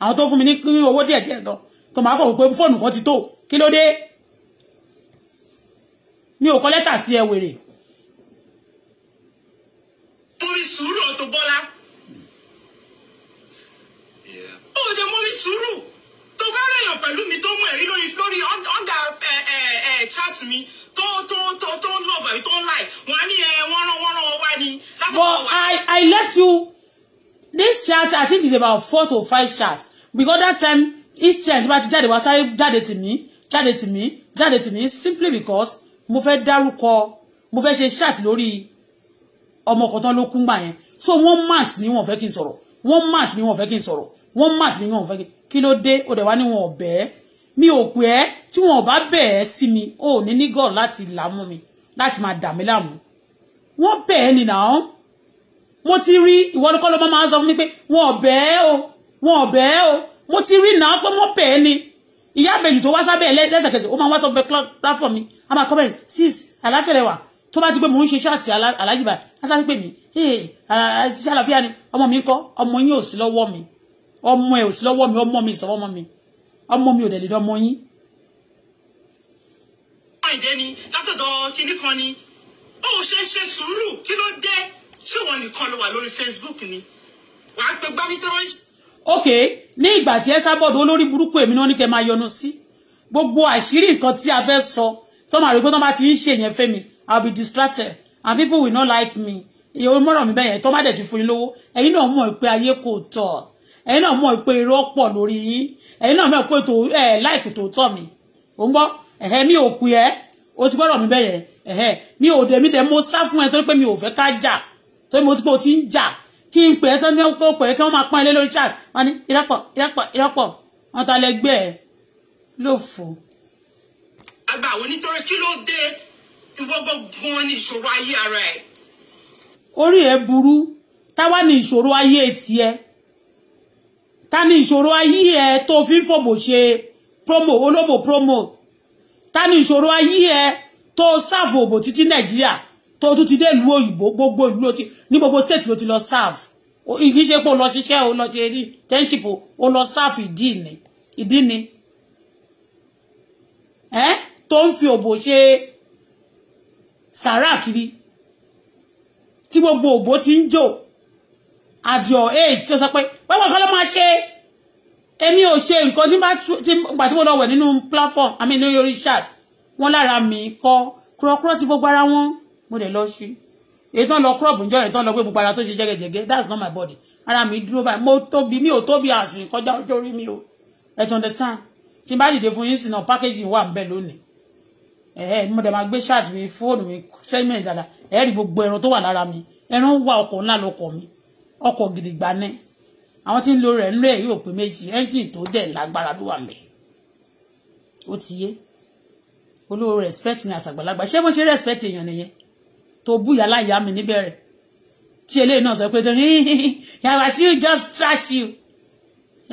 àwọn tó fún mi ní owó díẹ̀ díẹ̀ gan tó máa kọ̀ wípé fóònù kan ti tó kí ló dé mi ò kọ lẹ́tà sí ẹ wèrè. torí sùúrù Auto Bola ó lè mú mi sùúrù tó bá rẹ̀yàn pẹ̀lú mi tó mú ẹ̀rí eh lórí eh, ọ̀gá eh, chat mi but i i left you this chat i think is about four to five chat because that time each chat bá ti jáde wá sáré jáde tì mí jáde me mí jáde tì mí simply because mo fẹ́ dárúkọ mo fẹ́ ṣe chat lórí ọmọ kan tán ló kún gbà so one month ni wọ́n fẹ́ kí n sọ̀rọ̀ wọ́n ni wọ́n fẹ́ kí n sọ̀rọ̀ wọ́n ni wọ́n fẹ́ kilo day kí ló dé ó dẹ̀ wá ní mi ò pè ẹ́ tí wọn ò bá bẹ̀ ẹ́ sí mi ò ní ní god láti làmú mi láti máa dà mí láàmú wọ́n bẹ̀ ẹ́ nìyà ọ́n mo ti rí ìwọ ni kọ́ ló máa sọ fún mi pé wọn ò bẹ̀ ẹ́ o wọn ò bẹ̀ ẹ́ o mo ti rí náà pé wọ́n bẹ̀ ni ìyá àbẹ̀jù tó wá sábẹ́ ẹ̀ lẹ́sẹ̀kẹsẹ̀ ó máa wá sọ fún platform mi a máa comment sis aláfẹ́lẹ́wà tó bá ti pé mò ń ṣe ṣáàtì alájìbá asáfi pè mí ṣíṣàlàfíà ni ọmọ mi ń kọ́ ọmọ yín ò sí lọ́wọ́ mi ọmọ ẹ̀ ò sí lọ́wọ́ mi ọmọ mi ìsọ̀wọ́ mi ọmọ mi ò dẹ̀ lè dọ́mọ yín. ìdẹ́ ni látọ̀dọ̀ kinní kan ni ó ṣe ń ṣe sùúrù kí ló dé ṣé wọn nìkan ló wà lórí Facebook ni wàá pe gbárí tó ń. ok ní ìgbà tí ẹ sábọ̀dù olórí burúkú èmi náà ní kẹ́ máa yọnu sí gbogbo àṣírí nǹkan tí a fẹ́ sọ tọ́mọ àrùn gbọ́dọ̀ ti ń ṣe yẹn fẹ́mi I'll be distracted and people will not like me ìyẹn mọ̀rọ̀ mi bẹ́yẹn tó má dẹ̀ ti fún yín lówó ẹ̀yin náà mọ̀ pé ayé kò tọ̀ ẹ̀yin náà mọ̀ pé irọ́ pọ̀ lórí yín ẹ̀yin náà mọ̀ pé tó ẹ̀ láìkì tó tọ̀ mí ò ń bọ́ ẹ̀hẹ́ mi ò pè ẹ́ o ti gbọ́dọ̀ mi bẹ́yẹn ẹ̀hẹ́ mi ò dẹ̀ mi dẹ̀ mo sá fún ẹ tó pé mi ò fẹ́ ká jà tó mo ti pé o ti ń jà kí n pè ẹ́ tán kó pè é kí wọ́n máa pọ́n ilé lórí ṣáà wọ́n ní ìrọ́pọ̀ ìrọ́pọ̀ ìrọ́pọ̀ wọ́n ta lẹ́gbẹ́ ẹ̀ ló fò. àgbà àwọn onítọ́rẹ́ kí ló dé ìwọ gbọ́ngàn ní ìṣòro ayé ara ẹ̀. orí ẹ burú táwa ní ìṣòro ayé tiẹ̀ ta ni ìṣòro ayé ẹ tó fi ń fòbò ṣe promo olóbò promo ta ni ìṣòro ayé ẹ tó sáàfù òbò títí nàìjíríà tó tún ti dé ìlú òyìnbó gbogbo ìlú ní gbogbo state ló ti lọ sáàfù ìdí ṣe pé o lọ ṣiṣẹ́ o lọ ṣe rí tẹ́ńṣìp o lọ sáàfù ìdí ni ìdí ni ẹ tó ń fi òbò ṣe sàrà kiri tí gbogbo òbò ti ń jò at your age tí ó sọ pé wẹ́wọ́ kan ló máa ṣe èmi ò ṣe nǹkan tí gbà tí mo lọ wẹ̀ nínú platform àmì ní orí chat wọ́n lára mi kọ́ kúrọ́kúrọ́ tí gbogbo ara wọn mo dẹ̀ lọ sí èyí tán lọ crop njọ́ èyí tán lọ pé gbogbo ara tó ṣe jẹ́gẹ́jẹ́gẹ́ that's not my body ara mi dúró báyìí mo tóbi mi ò tóbi àsìn kọjá ọjọ́ orí mi o ẹ ti understand tí n bá dìde fún yín sí náà packaging wà ń bẹ lónìí ẹ̀ẹ́ mo dẹ̀ máa gbé chat mi fóònù mi sẹ́yìn mẹ́rin dáadáa ẹ̀ẹ́ rí gbogbo ẹran tó wà lára mi ẹran wà ọkọ̀ ńlá lọkọ̀ mi ọkọ̀ gidigba ní àwọn tí ń lo rẹ̀ ń rẹ̀ yóò pé méjì ẹ́ńjìn tó dẹ̀ lágbára ló wà mẹ́ ó ti yé olówó respect mi àṣàgbàlagbà ṣé mo ṣe respect èèyàn nìyẹn tó búyà láyà mi níbẹ̀rẹ̀ tí eléyìí náà sọ pé tó ní yàrá sí you just trash you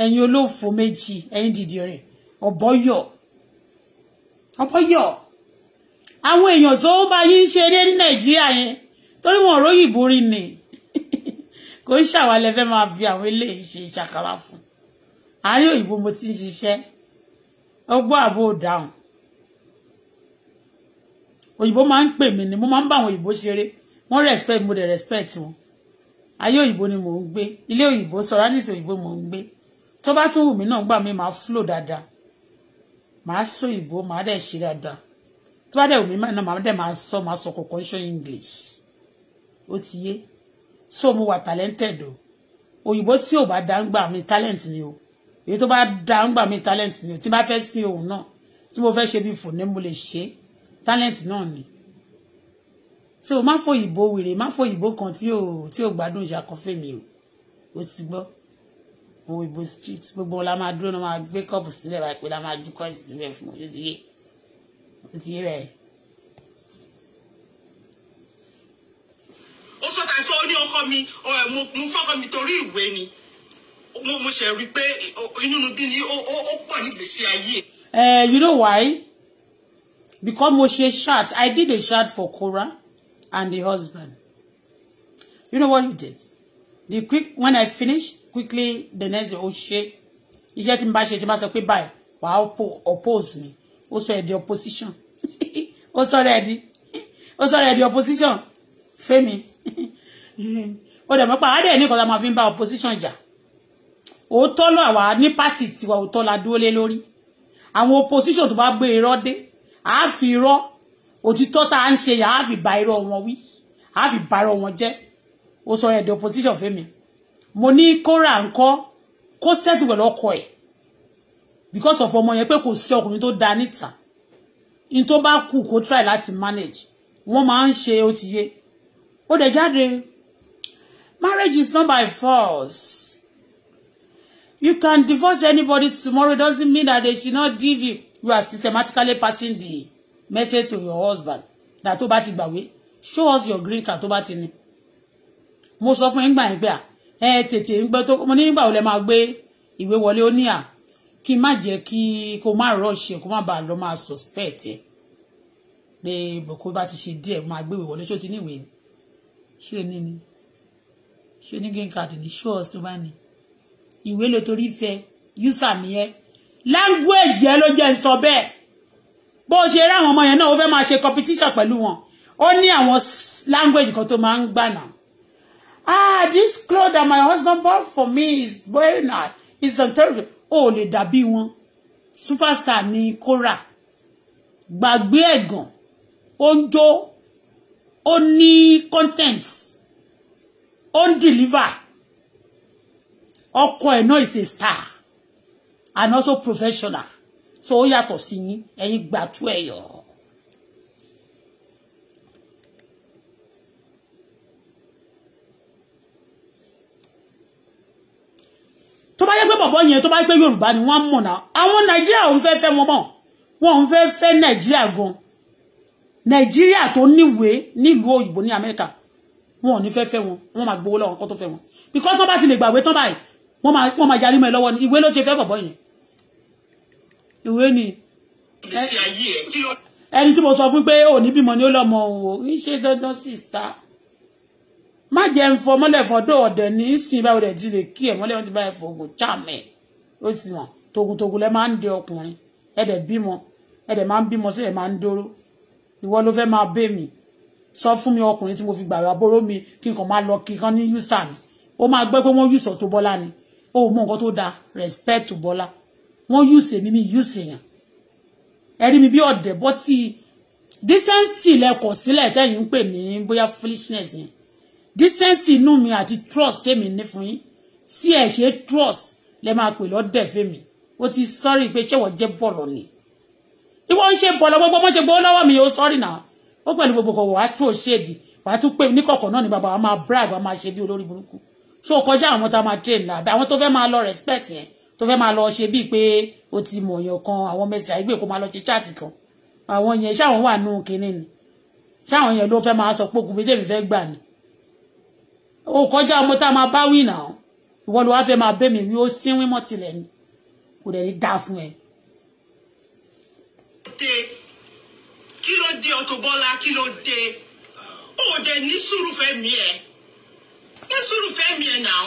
ẹ̀yin olófò méjì ẹ̀yin dìdì rẹ̀ ọ̀bọ̀yọ̀ ọ̀bọ̀yọ̀ àwọn èèyàn tó bá yín ṣeré ní nàìjíríà yẹn torí wọn òróyìnbó rí ni kò ń ṣàwálẹ̀ fẹ́ máa fi àwọn eléyìí ṣe ìṣàkárá fún àárín òyìnbó mo ti ń ṣiṣẹ́ ọgbọ́n àbò dáhùn òyìnbó máa ń pè mí ni mo máa ń bá àwọn òyìnbó ṣeré wọ́n respect mo dẹ̀ respect wọn ayé òyìnbó ni mò ń gbé ilé òyìnbó sọ̀ránìsì òyìnbó mò ń gbé tó bá tún wù mí náà gbà mí máa flow dáadáa màá sọ òyìnbó màá dẹ̀ ṣe dáadáa tó bá dẹ̀ wù mí náà màá dẹ̀ máa sọ màá sọ kọ̀ọ̀kan ṣọ́ English ó ti yé so mo wà talented o òyìnbó tí ò bá dáńgbà mi talent ni o èyí tó bá dáńgbà mi talent ni o tí bá fẹ́ sí òun náà tí mo fẹ́ ṣe bí fò ní mo lè ṣe talent náà ni so má fò òyìnbó wèrè má fò òyìnbó kan tí ò tí ò gbádùn ìṣàkọfẹ́ mi o ó ti gbọ́ òun street gbogbo ọ̀la máa dúró náà máa gbé kọ́ọ̀pù sílẹ̀ báyìí pé la máa ju kọ́ọ̀sì sílẹ̀ fún ojú ti yé ojú ti yé ó sọ ta sí ó ní ọkọ mi mo fọkọ mi torí ìwé ni mo ṣe rí i pé inú bí ni ó pọ̀ nígbèsí ayé. Eh, you know why? because mo ṣe chat I did a chat for Kora and the husband you know what he did the quick when I finish quickly the next day ó ṣe iṣẹ́ tí n bá ṣe tí n bá sọ pé báyìí wàá oppose me ó sọ ẹ̀ opposition ó sọ ẹ̀ di ó sọ ẹ̀ opposition Fẹ́mi ó dẹ̀ mọ́ pa àádẹ́ ní nǹkan tá máa fi ń bá opposition jà òótọ́ náà wà ní pátì tiwa òótọ́ la dúró lé lórí àwọn opposition tó bá gbé irọ́ dé àá fi irọ́ òtítọ́ tá à ń ṣe yà á fi ba irọ́ wọn wí á ba irọ́ wọn jẹ́ ó sọ ẹ̀dẹ̀ opposition fẹ́mi mo ní kóra ńkọ́ kó sẹ́tù pẹ̀lú ọkọ ẹ̀ because of ọmọ yẹn pé kò sí ọkùnrin tó da níta in tó bá kù kó try láti manage wọ́n máa ń ṣe ó ti yé ó dẹ̀ jáde marriage is not by force you can divorce anybody tomorrow doesn't mean that they should not give you you are systematically passing the message to your husband na tó bá ti gbàgbé show us your green card tó bá ti ní mo sọ fún yín gbà yín pé à ah, ẹ tètè ń gbọ́ tó mo ní gbà ó máa gbé ìwé wọlé ó ní à ah, kí n má jẹ́ kí kó má rush kó má bàa lọ máa suspect ẹ pé bòkó bá ti ṣe díẹ̀ máa gbé ìwé wọlé tó ti níwèé ni ṣé ní ni ṣé ní green card ní ṣó ọ̀sùn wá ni ìwé lo torí fẹ́ yúsà mi language ẹ ló jẹ́ ń sọ bẹ́ẹ̀ bó ṣe ráwọn ọmọ yẹn náà ó fẹ́ máa ṣe competition pẹ̀lú wọn ó ní àwọn language kan tó máa ń gbà ah this cloth that my husband bought for me is very nice it's on terrible ó lè dàbí wọn superstar ní kóra gbàgbé ẹ̀gàn ó ń jó ó ní content ó ń deliver ọkọ ẹ̀ náà is a star and also professional so ó yàtọ̀ sí yín ẹ̀yin gbàtú ẹ̀yọ̀. tó bá yẹ pé bọ̀bọ̀ yẹn tó bá yẹ pé Yorùbá ni wọ́n mọ̀ náà àwọn Nàìjíríà òun fẹ́ fẹ́ wọn mọ̀ wọn òun fẹ́ fẹ́ Nàìjíríà gan-an nàìjíríà tó níwèé nílùú òyìnbó ní amẹ́ríkà wọn ò ní fẹ́ fẹ́ wọn wọn máa gbowó lọ́wọ́ kó tó fẹ́ wọn because wọ́n bá ti lè gbàwé tán báyìí wọ́n máa wọ́n máa yarí mọ́ ẹ lọ́wọ́ ni ìwé ló ṣe fẹ́ bọ̀bọ̀ yẹn ìwé ni ẹni tí mo sọ fún pé ò ní bímọ ni ó lọ́mọ o ń ṣe dandan sísá má jẹ́ ń fọ mọ́lẹ̀ fọ́dọ̀ ọ̀dẹ̀ ní sìn báwo rẹ̀ ti lè kí ẹ̀ mọ́lẹ̀ wọn ti bá ẹ̀ fọ oògùn chàmẹ̀ ó ti mọ̀ togutogun lẹ máa ń de ọkùnrin ẹ̀ dẹ̀ bímọ ẹ̀ dẹ̀ máa ń bímọ sí ẹ̀ máa ń dóró ìwọ ló fẹ́ máa bẹ́ mi sọ fún mi ọkùnrin tí mo fi gbàgbà bóró mi kí n kàn máa lọ kí n kàn ní yùsà ni ó máa gbẹ́ pé wọ́n yùsọ̀ tó bọ́lá ni ó mọ nǹkan tó dáa respect to bọ́lá wọ́n yùsè mi mi yùsè yàn ẹ̀rí mi bí ọ̀dẹ̀ bọ́tì decency lẹ́kọ̀ọ́ sílẹ̀ tẹ́yìn ń pè ní bóyá foolishness yẹn decency inú mi àti trust tèmi ní fún yín tí ẹ̀ ṣe trust lẹ́ máa pè lọ́dẹ̀ fèmí ó ti sọ́rí pé ṣẹ́wọ̀n jẹ́ bọ̀lọ̀ ni ni wọ́n ń ṣe bọ̀lọ̀ gbogbo wọ́n ṣe gbowó lọ́wọ́ mi yóò sọ́rí náà ó pẹ̀lú gbogbo kọ̀ wàá tó ṣèdì wàá tún pè ní kọ̀kọ̀ náà ni bàbá wa máa brag wa máa ṣe bí olórí burúkú ṣó o kọjá àwọn tá a máa train náà àwọn tó fẹ́ máa lọ respect yẹn tó fẹ́ máa lọ ṣe bíi pé o ti mọ̀ ọ̀yàn kan àwọn mẹ́sì àìgbè kó máa lọ ṣe chat kan àwọn yẹn ṣáwọn wà nù kínní ni ṣáwọn yẹn ló fẹ́ máa sọ pé òkùnfin tèmi fẹ́ gbà ni o kọjá ọmọ tá a máa bá wí náà ìwọ ló wá fẹ́ máa bẹ́ mi wí ó sínwín mọ́ tilẹ̀ ni kò dẹ̀ ní dáa fún ẹ dé kí ló dé Auto Bola kí ló dé ó dé ní sùúrù fẹ́ mi ẹ̀ ní sùúrù fẹ́ mi ẹ̀ náà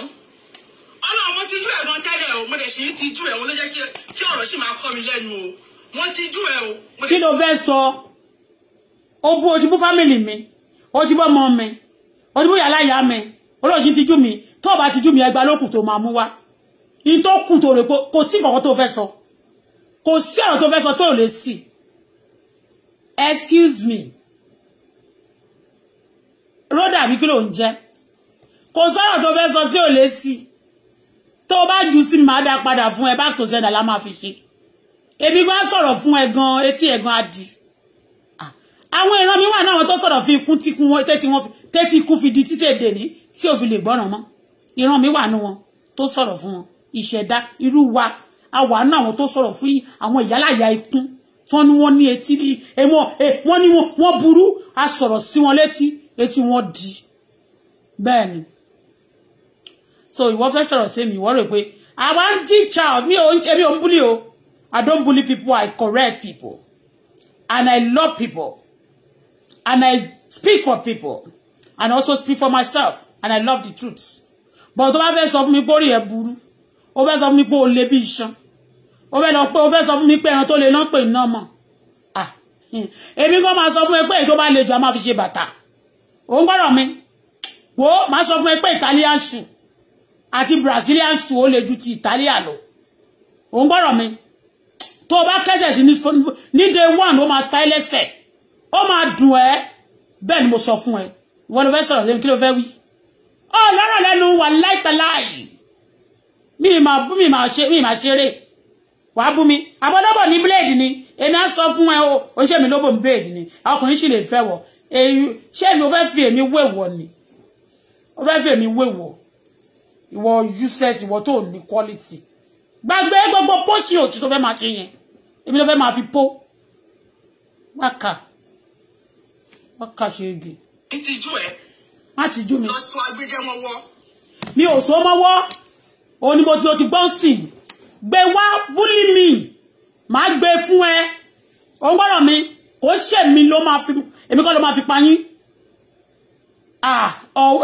ọlọ́run wọ́n ti ju ẹ̀ gan tẹ́lẹ̀ o mo dẹ̀ sì ti ju ẹ̀ wọn ló jẹ́ kí ọ̀rọ̀ sì máa kọ́ mi lẹ́nu o wọ́n ti ju ẹ̀ o. kí ló fẹ́ sọ ó bú ojú bú fámìlì mi ojú bọ́ ọmọ mi ojú yàrá ìyá mi olóòṣì ti ju mi tó o bá ti ju mi ẹgbàá ló kù tó máa mú wá ní tó kù tó rè pé kò sí nǹkan tó fẹ́ sọ kò sí ọ̀rọ̀ tó fẹ́ sọ tó lè sí i excuse me rọ́dà bí kí ló ń jẹ́ kò sọ́rọ̀ tó fẹ́ sọ tí ò lé sí tó bá jù sí màá dá padà fún ẹ back to sender la máa fi ṣe èmi gbá sọ̀rọ̀ fún ẹ gan etí ẹ gan adi àwọn ìran mi wà náà tó sọ̀rọ̀ fi ikú tí kú wọn tẹ́tí wọn tẹ́tí ikú fi di títẹ̀ dèní tí ò fi lè gbọ́ràn mọ́ ìran mi wà nú wọn tó sọ̀rọ̀ fún wọn ìṣẹ̀dá irú wa a wà nú àwọn tó sọ̀rọ̀ fún àwọn ìyálàyà ikún tán ni wọ́n ní etí lì ẹ̀wọ̀n wọ́n ní wọ́n burú a sọ̀rọ̀ sí wọn létí etí wọn di bẹ́ẹ̀ ni so ìwọ fẹ́ sọ̀rọ̀ sí mi ìwọ rò pé àwa ń jíjà mi ò èmi ò ń búlì o I don't bully people I correct people and I love people and I speak for people and also speak for myself and I love the truth but tó bá fẹ́ sọ fún mi pé orí ẹ̀ burú ó fẹ́ sọ fún mi pé o lè bí iṣan ó fẹ́ lọ pé ó fẹ́ sọ fún mi pé ẹran tó lè náà pè náà mọ̀ ah, hmm. èmi kọ́ máa sọ fún ẹ pé èyí tó bá le jù á máa fi ṣe bàtà òun gbọ́dọ̀ mi wò ó máa sọ fún ẹ pé Italian shoe àti Brazilian shoe ó le ju ti Italia lọ òun gbọ́dọ̀ mi tó o bá kẹ́sẹ̀ sí ní day one ó máa ta ẹ lẹ́sẹ̀ ó máa dùn ẹ́ bẹ́ẹ̀ ni mo sọ fún ẹ ìwọ ló fẹ́ sọ̀rọ̀ lẹ́nu kí ló fẹ́ wí ọ lọ́rọ̀ lẹ́nu wà láìta láàyè mi ì máa ṣeré wàá bú mi àbọ̀dọ́bọ̀ ní bíléèdì ni èmi á sọ fún ẹ o oṣù mi lóbò ní bíléèdì ni ọkùnrin sì lè fẹ́ wọ èyí ṣé èmi ò fẹ́ fi èmi wéwọ ni ó fẹ́ fi èmi wéwọ ìwọ useless ìwọ tó ní quality gbàgbé gbogbo pósì òtú tó fẹ́ máa ṣe yẹn èmi ló fẹ́ máa fi pó wákà wákà ṣe ege. n ti jú ẹ. má ti jú mi. lọ sọ agbẹjẹmọwọ. mi ò so mọ́wọ́ òun ni mo ti gbọ́n sìn gbé wá búlí mi ma gbé fún ẹ òun gbọ́dọ̀ mi kò ṣèmi ló máa fi èmi kọ́ ló máa fi pa yín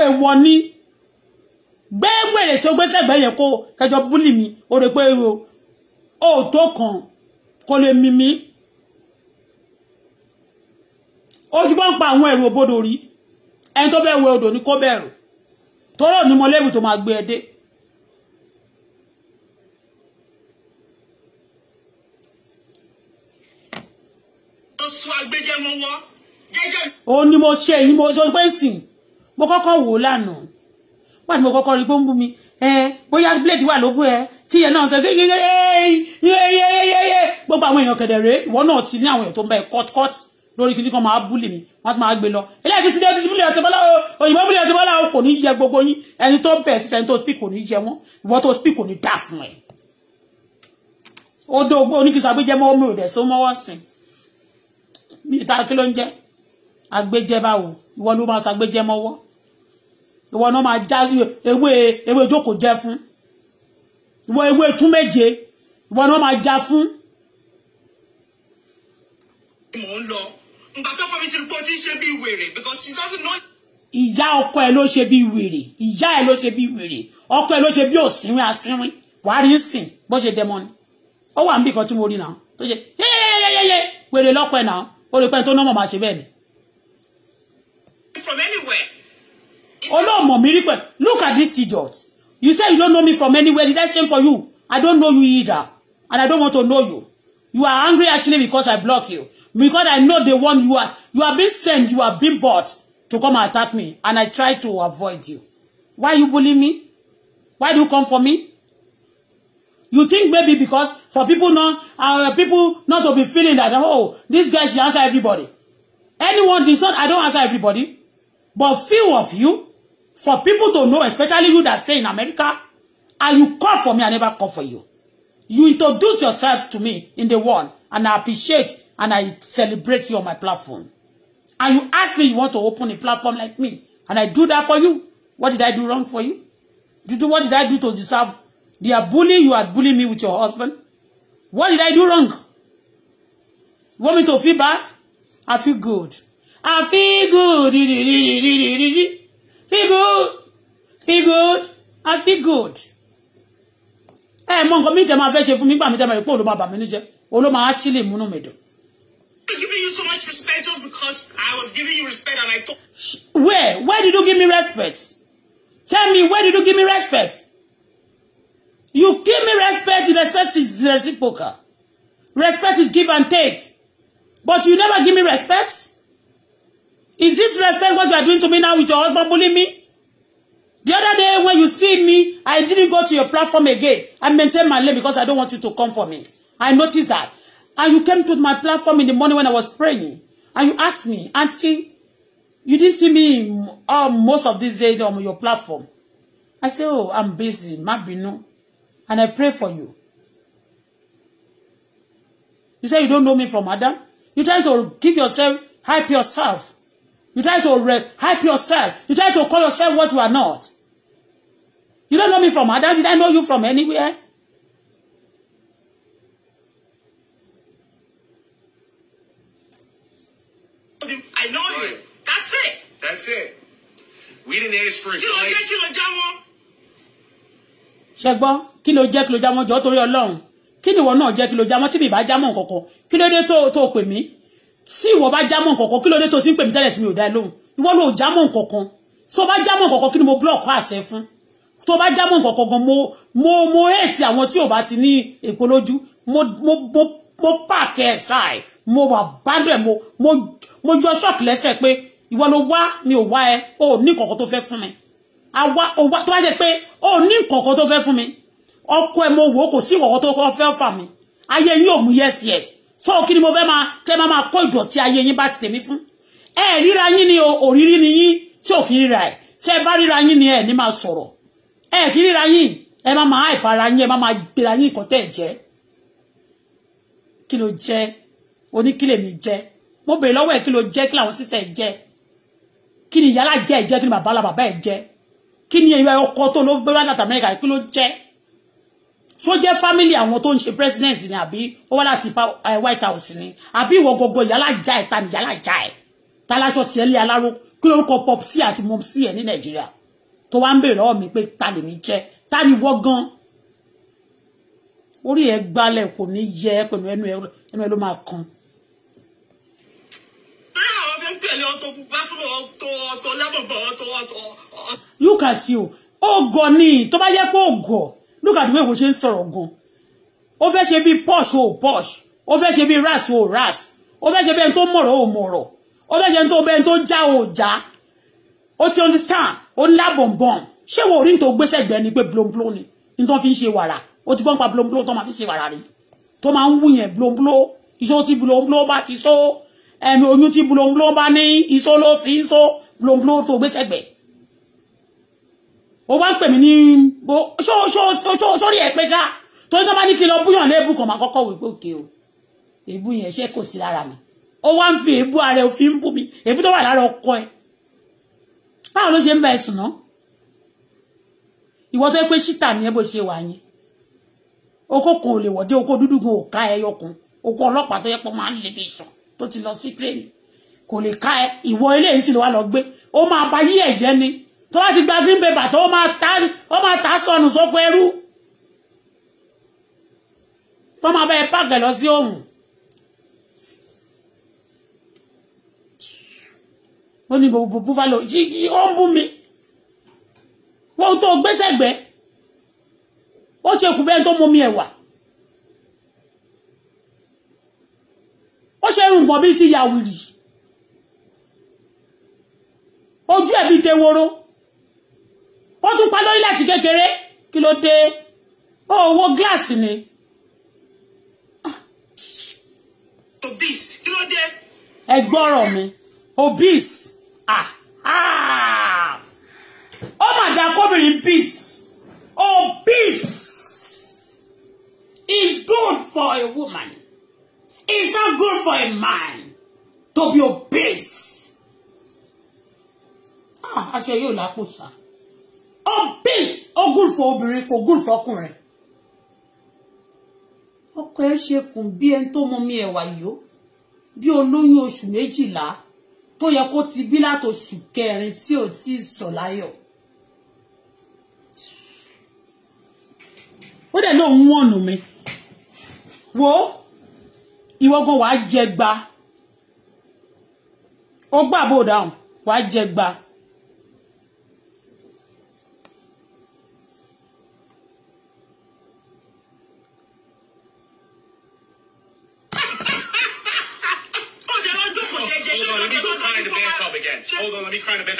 ẹ̀wọ̀ ni gbé wèrè sí ogbésẹ̀ gbẹ́ yẹn kó kẹjọ búlì mi ó rẹ pé o tó kàn kó lè mímí ojúbọ́ ń pa àwọn ẹ̀rù òbodò rí ẹni tó bẹ́ẹ̀ wẹ odò ní kó bẹ̀rù tọ́rọ̀ ní mọ́lẹ́bù tó máa gbé ẹ dé sún agbẹjẹ wọn wọ jẹjẹ. ó ní mo ṣe èyí mo ṣe pé sìn mo kọ́kọ́ wò ó lánàá wà ní mo kọ́kọ́ rí pé ó ń bú mi bóyá blade wà lógún ẹ tí yẹn náà sọ pé gbogbo àwọn èèyàn kedere ìwọ náà ti ní àwọn èèyàn tó ń bẹ cut cut lórí kìíní kan máa búlì mi wọn ti máa gbé lọ eléyìí ti dé ti búlì Auto Bola òyìnbó búlì Auto Bola kò ní yẹ gbogbo yín ẹni tó bẹ̀ síta ẹni tó speak kò ní yẹ wọn ìwọ tó speak kò ní dà fún ẹ. ó dó ogbó oníkìsà gbé jẹ́ mọ́wọ́ mi ò dẹ̀ so mọ́wọ́ sìn ìta kí ló ń jẹ́ agbẹ́jẹ́ báwo ìwọ ló máa ṣàgbẹ́jẹ́ mọ́wọ́ ìwọ náà máa já ewé ewé ìjókòó jẹ́ fún ìwọ ewé tún méje ìwọ náà máa já fún. mò ń lọ ngbà tó fọmi ti gbọ́ tí ń ṣe bí wèrè because she doesn't know. ìyá ọkọ ẹ ló ṣe bí wèrè ìyá ẹ ló ṣe bí wèrè ọkọ ẹ ló ṣe bí òsínwín asínwín buhari ń sìn bó ṣe dẹmọ ni ó wà níbìkan tí mo rí náà tó ṣe yéyéyéyéyé wèrè lọ́pọ̀ ẹ̀ náà ó lè pẹ́ tó nọ́mọ̀ máa ṣe bẹ́ẹ̀ ni. from anywhere. olóòmọ̀ mi rí pẹ̀ look at this idiot you say you don't know me from anywhere did I same for you I don't know you either and I don't want to know you you are angry actually because I block you because I know the one you are you are being sent you are being bought to come attack me and I try to avoid you why you bully me why do you come for me You think maybe because for people not uh, people not to be feeling that oh this guy should answer everybody. Anyone this not I don't answer everybody, but few of you for people to know, especially you that stay in America, and you call for me, I never call for you. You introduce yourself to me in the world, and I appreciate and I celebrate you on my platform. And you ask me you want to open a platform like me, and I do that for you. What did I do wrong for you? Did you, what did I do to deserve They are bullying you are bullying me with your husband. What did I do wrong? You want me to feel bad? I feel good. I feel good. Feel good. Feel good. I feel good. Ẹ eh, mọ nǹkan mi tẹ máa fẹ́ for me mi gbà mí tẹ máa rí pé olóma bà mí ní jẹ́ olóma á chile múnú mi Giving you so much respect just because I was giving you respect and I told. Where? Where did you give me respect? Tell me, where did you give me respect? You give me respect, respect is reciprocal. Respect is give and take. But you never give me respect. Is this respect what you are doing to me now with your husband bullying me? The other day when you see me, I didn't go to your platform again. I maintained my lane because I don't want you to come for me. I noticed that. And you came to my platform in the morning when I was praying. And you asked me, Auntie, you didn't see me in, most of these days on your platform. I said, oh, I'm busy. Má no and I pray for you. You say you don't know me from Adam. You try to give yourself, hype yourself. You try to hype yourself. You try to call yourself what you are not. You don't know me from Adam. Did I know you from anywhere? I know you. That's it. That's it. We didn't ask for advice. You don't get you a job. Ṣé gbọ́ kí ló jẹ́ kí ló jámọ́ jọ torí ọlọ́run kí ni ìwọ náà jẹ́ kí ló jámọ́ tí mi bá jámọ́ nǹkankan kí ló dé tó tó pè mí tí ìwọ bá jámọ́ nǹkankan kí ló dé tó ti ń pè mí tẹ́lẹ̀ tí mi ò dá ẹ lóhùn ìwọ ló jámọ́ nǹkankan tó bá jámọ́ nǹkankan kí ni mo búlọ̀kù àṣẹ fún tó bá jámọ́ nǹkankan gan mo mo mo èsì àwọn tí ò bá ti ní èkó lójú mo mo mo mo pààkẹ́ ẹ̀ sáì mo wà bádẹ̀ mo mo mo yọ ṣọ́ọ̀kì lẹ́sẹ̀ pé ìwọ ló wá mi ò wá ẹ o ní nǹkankan tó fẹ́ fún mi àwa ò wá tó bá jẹ́ pé o ní nǹkankan tó fẹ́ fún mi ọkọ ẹ mo wò ó kò sí ìwọ̀wọ́ tó kọ́ fẹ́ fà mí ayé yín ò mú yes yes so kí ni mo fẹ́ máa kẹ́ máa máa kó ìdọ̀tí ayé yín bá ti tèmi fún ẹ ríra yín ni òrírí ni yín tí ò kí ríra ẹ tẹ bá ríra yín ni ẹ ní máa sọ̀rọ̀ ẹ kí ríra yín ẹ má máa àìpara yín ẹ má máa gbéra yín nǹkan tẹ̀ jẹ́ kí ló jẹ́ oníkílè mi jẹ́ mo bèrè lọ́wọ́ ẹ̀ kí ló jẹ́ kí làwọn sísẹ̀ jẹ́ kí ni ìyálà jẹ́ ẹ̀ jẹ́ kí ni bàbá la bàbá ẹ̀ jẹ́ kí ni ẹ̀yọ ọkọ tó ló gbé wá láti Amẹ́ríkà kí ló jẹ́ tó jẹ́ fámìlì àwọn tó ń ṣe president ni àbí ó wá láti white house ni àbí ìwọ gbogbo ìyálà já ẹ̀ ta nìyálà já ẹ̀ táláṣọ tiẹ̀ lé aláró kí lórúkọ pop sí àti mom sí ẹ̀ ní nàìjíríà tó wá ń bèèrè lọ́wọ́ mi pé ta lèmi jẹ́ ta ni wọ́ gan orí ẹ̀ gbalẹ̀ kò ní yẹ pẹ̀lú ẹnu ẹ ló máa kan. yúkà tí o ó gọ ni tó bá yẹ pé ó gọ look at the way we ṣe ń sọ̀rọ̀ gan ó fẹ́ ṣe bí posh o posh ó fẹ́ ṣe bí ras o ras ó fẹ́ ṣe bí ẹni tó mọ̀rọ̀ o mọ̀rọ̀ ó fẹ́ ṣe ẹni tó bẹ́ẹ̀ tó já o já ó ti understand ó ń lá bọ̀m̀bọ̀m ṣé wo orí nítorí gbèsè gbẹ ni pé blombló ni nítorí fi ń ṣe wàrà ti gbọ́n pa blombló tó máa fi wara wàrà rí tó máa ń wù yẹn blombló iṣó tí blombló bá ti só ẹ̀mí oyún tí blombló bá ní iṣó ló fi ń só blombló tó gbèsè gbẹ o wá ń pè mí ní sórí ẹ pé sá torí tó bá ní kí lọ búyàn léèbù kan máa kọ́kọ́ wípé òkè o èébú yẹn ṣe kò sí lára mi ó wá ń fi èébú ara ẹ òfin bú mi èébú tó wà lára ọkọ ẹ báwo ló ṣe ń bá ẹ sùn náà ìwọ tó pé ṣítà ni ẹ bó ṣe wà yẹn oko kan ò lè wọ̀dé oko dúdú gan ò ká ẹyọ kan oko ọlọ́pàá tó yẹ pé máa ń lè bí sàn tó ti lọ sí tírèènì kò lè ká ẹ ìwọ eléyìí sì ló wá lọ gbé ó máa bá yí ẹ̀jẹ̀ ni tó bá ti gba green paper tó ó máa ta sọnù sóko ẹrú tó máa bẹ́ẹ̀ pàgẹ́ lọ sí òun. ó ní bòbò búfalo yí ó ń bú mi wọ́n tó gbéṣẹ́ gbẹ́ ó ṣe kù bẹ́ẹ̀ tó mú ti ojú ẹ̀ ó tún pa lórí láti kékeré kí ló dé ó wo gíláàsì ni. obese kí ló dé. ẹ gbọ́rọ̀ mi obese ah ah ó mà dá kóbìnrin beast obese is good for a woman is not good for a man to be obese. ah aṣọ yóò lápò sáà ó peace ó gùn fún obìnrin kò gùn fọkùnrin ọkọ ẹ ṣe kùn bí ẹni tó mọ mi ẹwà yìí bí olóyún oṣù méjìlá tó yẹ kó ti bí látòṣù kẹrin tí ò tí sọ láyọ̀ ó dẹ̀ lóun wọ̀nù mi wo ìwọ́gbọ́n wàá jẹ gba ó gbà bó dáhùn wàá jẹ gba. hold on, let me cry in the bed.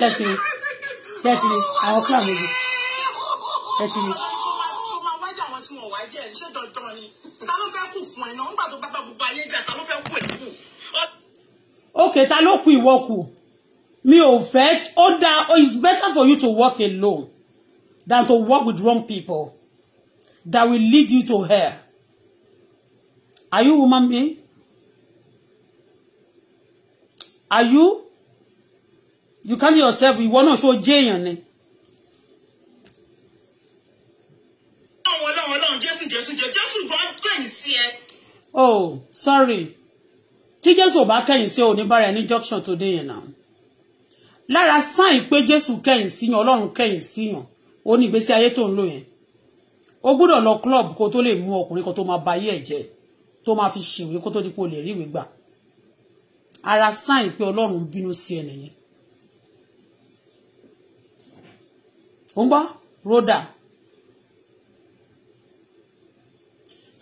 Let's see. Let's see. I'll cry with you. Let's see. Okay, ta ló kù ìwọ kù. Mi ò fẹ́ ó it's better for you to walk alone than to walk with wrong people that will lead you to hell. Are you woman being? are you you count yourself You wanna show jẹ́ ni. oh sorry tí jésù ò bá kẹ́yìn sí òní bára ẹni junction today yẹn náà lára sáìn pé jésù kẹ́yìn síyàn ọlọ́run kẹ́yìn síyàn ó ní ìgbésí ayé tó ń lò yẹn o gbọ́dọ̀ lọ club kó tó lè mú ọkùnrin kan tó máa ba ayé ẹ̀ jẹ́ tó máa fi ṣèwé kó tó di pé o lè ríwèé gbà ara sign pé ọlọ́run bínú sí ẹ nìyẹn ó ń gbọ́ rhoda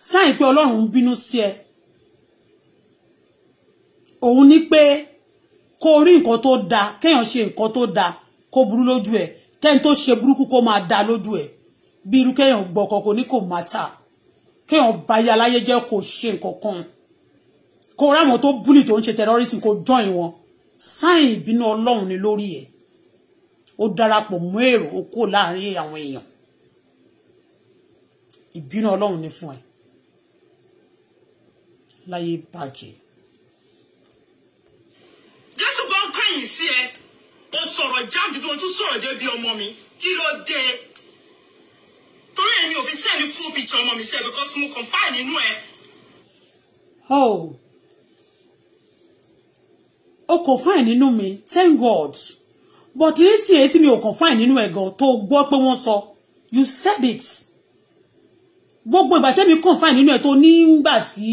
sign pé ọlọ́run bínú sí ẹ òun ni pé kó rí nǹkan tó da kéèyàn ṣe nǹkan tó da kó burú lójú ẹ kẹ́ni tó ṣe burúkú kó máa da lójú ẹ bí irú kéèyàn gbọ́kọ̀ kò ní kò máa tà kéèyàn bá yá láyé jẹ́ kó ṣe nǹkan kan kó ráwọn tó búlì tó ń ṣe terrorism kó join wọn sáìn ìbínú ọlọ́run ni lórí ẹ̀ ó darapọ̀ mọ́ èrò ó kó láàrin àwọn èèyàn ìbínú ọlọ́run ni fún ẹ láyé bàjẹ́. jésù kan kẹ́yìn sí ẹ o sọ̀rọ̀ jáde bí o tún sọ̀rọ̀ débi ọmọ mi kí ló dé torí èmi ò fi sẹ́ni fún picture ọmọ mi sẹ́ because mo confide nínú ẹ. oh o confine nínú mi thank God but nísìnyí èyí tí mi ò confine nínú ẹ̀ gan tó gbọ́ pé wọ́n sọ you said it gbogbo ìgbà tẹ́mi confine nínú ẹ̀ tó nígbà tí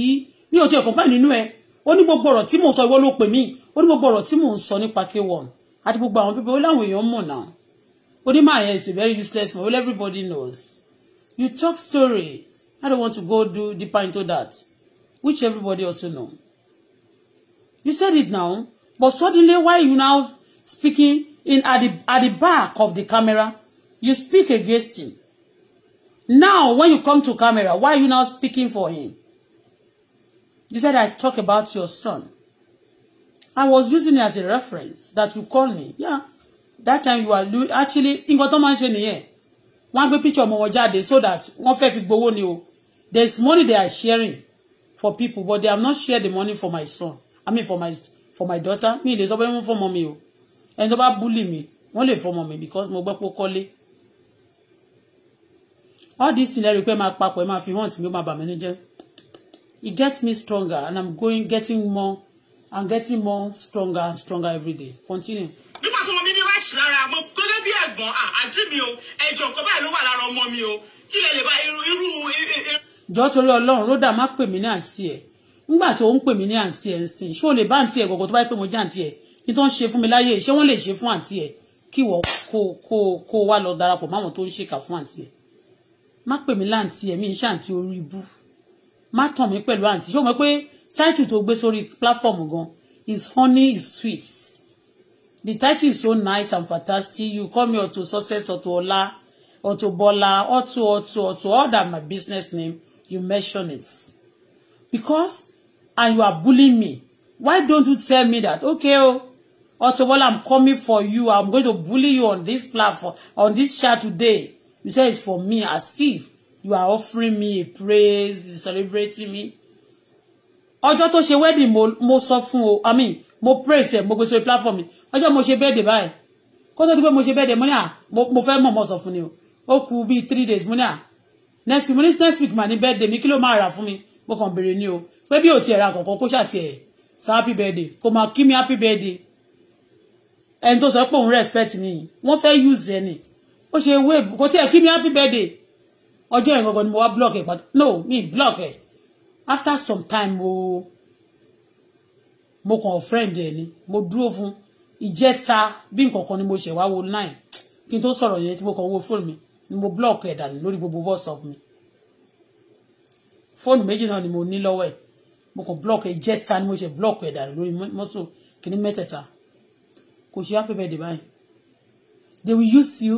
mi ò tiẹ̀ confine nínú ẹ̀ ó ní gbogbo ọ̀rọ̀ tí mò ń sọ ìwọ ló pè mí ó ní gbogbo ọ̀rọ̀ tí mò ń sọ nípa k1 àti gbogbo àwọn pípẹ́ ó láwọn èèyàn mọ̀ náà ó ní is a very useless man well everybody knows you talk story I don't want to go do deeper into that which everybody also know you said it now But suddenly, why you now speaking in at the at the back of the camera? You speak against him. Now, when you come to camera, why you now speaking for him? You said I talk about your son. I was using it as a reference that you call me. Yeah. That time you are actually in tó máa One ṣe picture of wọn jáde so that one fẹ́ fi gbowó ni There's money they are sharing for people but they have not shared the money for my son. I mean for my son for my daughter me. lè sọ pé wọ́n fọmọ mi o ẹni tó bá búlì mi wọ́n lè fọmọ mi because mo gbọ́ pé ó kọ́lé all this thing lẹ́rìí pé máa papọ̀ ẹ máa fi hàn tí mi ó it gets me stronger and i'm going getting more and getting more stronger and stronger every day continue. nígbà tó mọ mi ní rights lára mo gbọ́dọ̀ bí ẹ̀gbọ́n ah, àǹtí mi o ẹ̀jọ̀ nǹkan báyìí ló wà lára ọmọ mi o kí lè lè bá irú irú. jọ́ torí ọlọ́run ródà má pè mí ní àǹtí ẹ̀ ńgbà tó ń pè mí ní àǹtí ẹ̀ ń sìn ṣé o lè bá àǹtí ẹ̀ gọ̀gọ̀ tó bá pè mo jẹ́ àǹtí ẹ̀ ní tó ń ṣe fún mi láyé ṣé wọ́n lè ṣe fún àǹtí ẹ̀ kí wọ́n kó kó kó wá lọ darapọ̀ máwọn tó ń ṣèkà fún àǹtí ẹ̀ má pè mí láǹtí ẹ̀ mi ń ṣàǹtí orí ibú má tàn mí pẹ̀lú àǹtí ṣé o mọ̀ pé title tó gbé sórí platform gan is honey is sweet the title is so nice and fantastic you call me Auto Success Auto Ola Auto Bola Auto Auto Auto all that my business name you mention it because and you are bullying me why don't you tell me that okay oh Auto I'm coming for you I'm going to bully you on this platform on this chat today you say it's for me as if you are offering me a praise celebrating me ọjọ́ tó ṣe wedding mo mo sọ fún o i mean mo praise ẹ mo gbé sórí platform mi ọjọ́ mo ṣe birthday báyìí kó tó di pé mo ṣe birthday mo ní à mo fẹ́ mọ̀ mo sọ fún ni o ó kù bíi three days mo ní à next week mo ní next week mà ní birthday mi kí ló máa rà fún mi mo kàn béèrè ni o pé bí ò tiẹ̀ ra kọ̀ọ̀kan kó ṣàtiẹ̀ sọ happy birthday kó máa kí mi happy birthday ẹni tó sọ pé òun respect mi wọ́n fẹ́ use ẹni ó ṣe wave kò tiẹ̀ kí mi happy birthday ọjọ́ yẹn gangan ni mo wá block ẹ̀ pàtó no mi block ẹ̀ after some time mo mo kàn friend ẹ̀ ni mo dúró fún ìjẹta bí nǹkan ni mo ṣẹ̀ wá wo nine kí n tó sọ̀rọ̀ yẹn tí mo kàn wo fóònù mi ni mo block ẹ̀ dànù lórí gbogbo WhatsApp me fóònù méjì náà ni mo ní lọ́wọ́ ẹ̀ mo kàn block ẹ jẹta ni mo ṣe block ẹ dànù lórí mọ́tò kìíní mẹ́tẹ̀ẹ̀ta kò ṣe happy birthday báyìí they will use you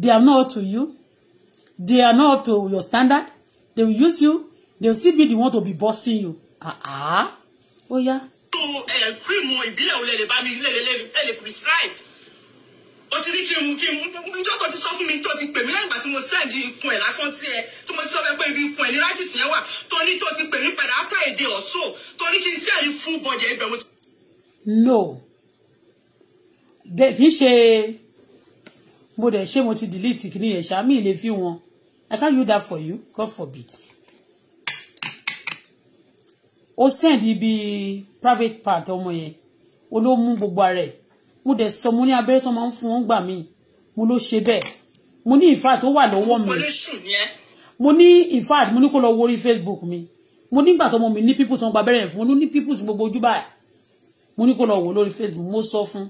they are not to you they are not to your standard they will use you they will still be the one to be bossing you ah ah ó yá. tó kírìmù ìbílẹ̀ olè lè bá mi lè lè lè prescribe o ti rí kí n kí n mú níjọ́ ti sọ fún mi tó ti pè mí lẹ́yìn ìgbà tí mo sẹ́ẹ̀dì ikùn ẹ̀ lásán tí ẹ tí mo ti sọ fẹ́ pé ibi ikùn ẹ̀ ní rájìsì yẹn wà tó ní tó ti pè mí padà after a day or so tó ní kí n sẹ́ẹ̀dì full body ẹgbẹ̀ mo ti. no de kì í ṣe mo dẹ̀ ṣé mo ti delete kìíní yẹn ṣáá mi lè fi wọn I can't do that for you God forbid ó send ibi private part ọmọ yẹn ó ló mú gbogbo ara ẹ̀ mo dẹ̀ sọ mo ní abẹ́rẹ́ tó máa ń fún wọn gbà mí mo ló ṣe bẹ́ẹ̀ mo ní ìfà tó wà lọ́wọ́ mi mo ní ìfà mo ní kó lọ wórí Facebook mi mo nígbà tó mọ mi ní pípù tó ń gba abẹ́rẹ́ fún mo ní pípù tí gbogbo ojú báyìí mo ní kó lọ wò lórí Facebook mo sọ fún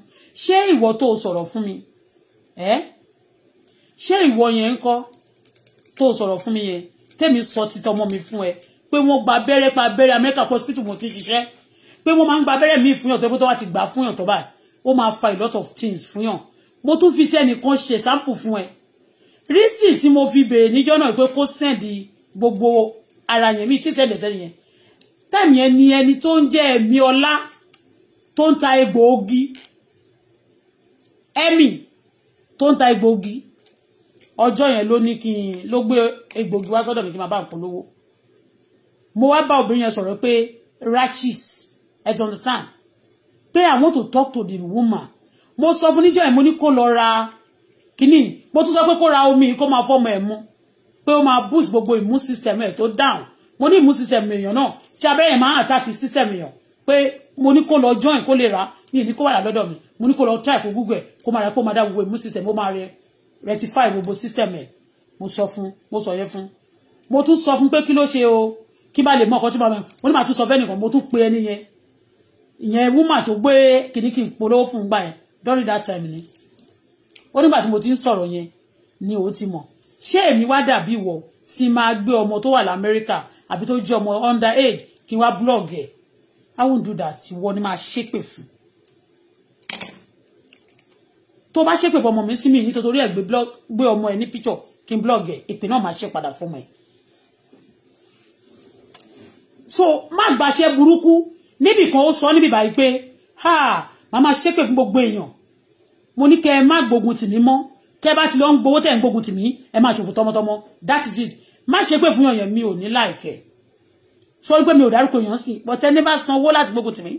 ṣé ìwọ tó sọ̀rọ̀ fún mi ẹ́ ṣé ìwọ yẹn ń kọ́ tó sọ̀rọ̀ fún mi yẹn tẹ́mi sọ títọ́ ọmọ mi fún ẹ pé wọ́n gba abẹ́rẹ́ pa abẹ́rẹ́ Amẹ́ríkà hospital mo ti ṣiṣẹ́ pé wọ́n máa ń gba abẹ́rẹ́ míì fún yàn tó bá ti gbà fún yàn tó báyìí ó máa fa a lot of things fún yàn mo tún fi tẹnìkan ṣe sample fún ẹ rísì tí mo fi béèrè níjọ́ náà pé kó sẹ́ndì gbogbo ara yẹn mi títẹ̀ lẹ́sẹ̀ yẹn táìmì yẹn ni ẹni tó ń jẹ́ ẹ̀mí ọlá tó ń ta egbòogi ẹ̀mí tó ń ta egbòogi ọjọ́ yẹn ló ní kí n ló gbé egbòogi wá sọ́dọ̀ mi kí n máa bá nǹkan lówó mo wá bá obìnrin yẹn sọ̀rọ̀ pé rachis understand pé I want to talk to the woman mo sọ fún níjọ́ ìmú ní kó lọ ra kínní mo tún sọ pé kó ra omi kó máa fọ́mọ ẹ̀ mu pé ó máa boost gbogbo immune system ẹ̀ tó down mo ní immune system èèyàn náà tí abẹ́rẹ́ máa attack system èèyàn pé mo ní kó lọ join kó lè ra ní ìní kó wà lọ́dọ̀ mi mo ní kó lọ try kó google ẹ̀ kó máa rẹ kó máa dá gbogbo immune system ó máa rẹ rectify gbogbo system ẹ̀ mo sọ fún mo sọ yẹn fún mo tún sọ fún pé kí ló ṣe o kí bá lè mọ ọkọ tí mo máa mo ní màá tún sọ fẹ́nìkan mo tún pe ẹni yẹn ìyẹn woman tó gbé kìnní polówó fún gbà yẹn during that time ni ó nígbà tí mo ti ń sọ̀rọ̀ yẹn ni ó ti mọ̀ ṣé èmi wá dàbí ìwọ sì máa gbé ọmọ tó wà lamẹ́ríkà àbí tó jẹ́ ọmọ under age kí n wá blog ẹ̀ I won't do that ìwọ ni máa ṣépè fún tó bá ṣépè fún ọmọ mi sí mi nítorí ẹ̀ gbé ọmọ ẹ̀ ní picture kí n blog ẹ̀ èpè náà máa ṣe padà fún ọmọ ẹ̀ so má gbàṣẹ burúkú níbì kan ó sọ níbì báyìí pé ha màá máa ṣépè fún gbogbo èèyàn mo ní kẹ ẹ má gbógun tì mí mọ́ tẹ bá ti lọ ń gbowó tẹ ń gbógun tì mí ẹ máa ṣòfò tọmọtọmọ that is it má ṣépè fún èèyàn mi ò ní láìpẹ́ sọ wípé mi ò dárúkọ èèyàn sí but ẹni bá sanwó láti gbógun tì mí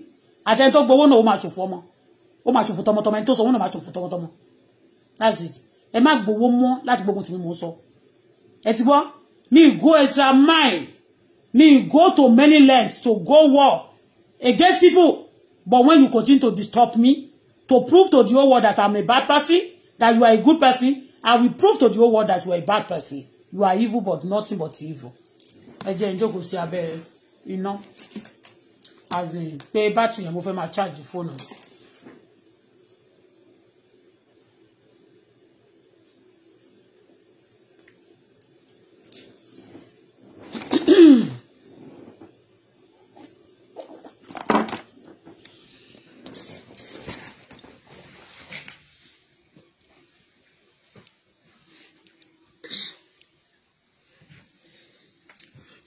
àtẹni tó gbowó náà ó máa ṣòfò ọmọ ó máa ṣòfò tọmọtọmọ ẹni tó sanwó náà máa ṣòfò tọmọtọmọ that's it ẹ má gbowó mọ́ láti gbógun tì mí mò ń sọ ẹ ti gbọ́ mi go extra mile mi go to many lengths to go war against people. But when you continue to disturb me, to prove to the whole world that I'm a bad person, that you are a good person, I will prove to the whole world that you are a bad person. You are evil, but nothing but evil. Ẹ jẹ́ n jókòó sí abẹ́ iná. As in, pé battery yẹn mo fẹ́ máa charge fóònù.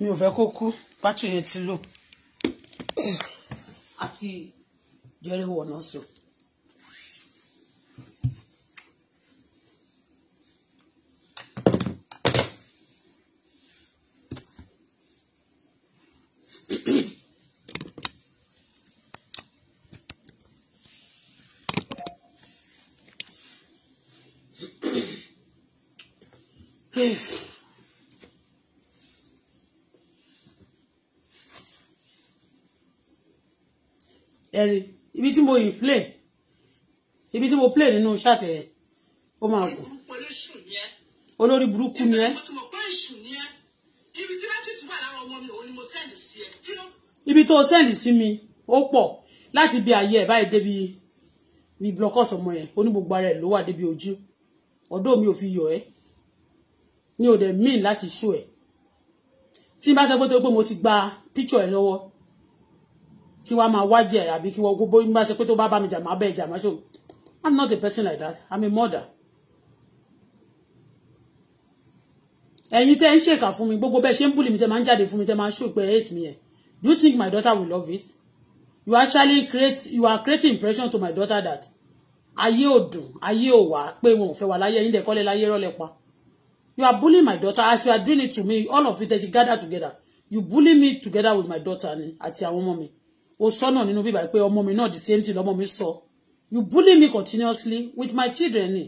mi ò fẹ́ kó kú bátìrì yẹn ti lò àti jẹ́rìí wọ̀ náà Peace. ẹ̀rí ibi tí mo yìn play ibi tí mo play nínú ṣàtẹ̀ ó máa kù olórí burúkú ni ẹ́ ibi tó sẹ́ǹdì sí mi ó pọ̀ láti bí ayé ẹ̀ báyìí débi ní blọkọ̀sì ọmọ yẹn ó ní gbogbo ara ẹ̀ ló wà débi ojú ọ̀dọ́ mi ò fi yọ ẹ́ ní òde míì láti ṣó ẹ̀ tí n bá sọ pé tó pé mo ti gba píkṣọ̀ ẹ̀ lọ́wọ́ kí wàá máa wájẹ àbí kí wọ́n gbogbo ń ṣe pé tó bá bá mi jà máa bẹ̀ jà máa ṣe I'm not a person like that I'm a mother. ẹ̀yin tẹ́ ń ṣèkà fún mi gbogbo bẹ́ẹ̀ ṣe ń búlì mi tẹ́ máa ń jáde fún mi tẹ́ máa ń ṣùpẹ́ hate me. yẹn do you think my daughter will love it you actually create you are creating impression to my daughter that ayé ò dùn ayé ò wá pé wọn ò fẹ́ wà láyé ẹ̀yin dẹ̀kọ́lé láyé rọ́lẹ̀ pa you are bullying my daughter as you are doing it to me all of it as you gather together you bully me together with my daughter ni àti àwọn ọmọ mi o sọ́nà nínú bíbá pé ọmọ mi náà the same thing ọmọ mi sọ you bully me continuously with my children ni.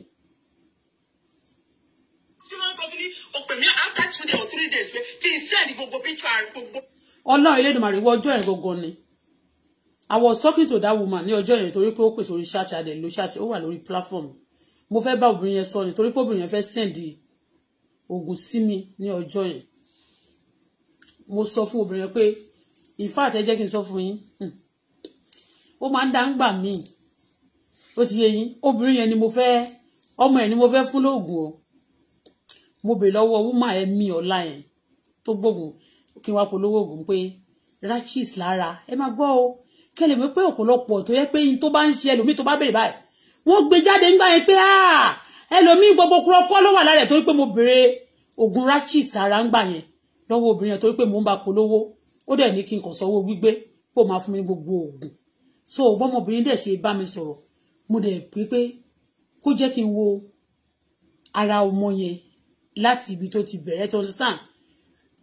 ọlọ́run elédùnmarè wọ ọjọ́ yẹn gangan ni i was talking to that woman ní ọjọ́ yẹn torí pé ó pèsè orí ṣáàtì adẹ̀ ló ṣáàtì ó wà lórí platform mo fẹ́ bá obìnrin yẹn sọ ni torí pé obìnrin yẹn fẹ́ sẹ́ndì oògùn sí mi ní ọjọ́ yẹn mo sọ fún obìnrin yẹn pé in fact ẹ jẹ́ kí n sọ fún yín hmm. ó máa ń dá ń gbà míì ó ti yé yín obìnrin yẹn ni mo fẹ́ ọmọ ẹ̀ ni mo fẹ́ fún lóògùn o mo bèè lọ́wọ́ wúmà ẹ̀ mi ọ̀la yẹn tó gbógun kí n wá polówó oògùn pé rachis lára ẹ máa gbọ́ o kẹlẹ̀ mi pé ọ̀pọ̀lọpọ̀ tó yẹ pé in tó bá ń ṣe ẹlòmíì tó bá bèrè báyìí wọ́n gbé jáde ńgbà yẹn pé ah, ẹlòmíì gbogbo kúrọ́kọ́ ló wà lára ẹ̀ torí pé mo bèrè oògùn rachis ara ńgbà yẹn lọ́wọ́ obìnrin yẹn torí pé mo ń ba polówó ó dẹ̀ ní kí n kàn sanwó gbígbé kó máa fún mi ní gbogbo oògùn so bọ́mọbìnrin dẹ̀ ṣe bá mi sọ̀rọ̀ mo dẹ̀ pé pé kó jẹ́ kí n wo ara ọmọ yẹn láti ibi tó ti bẹ̀rẹ̀ to understand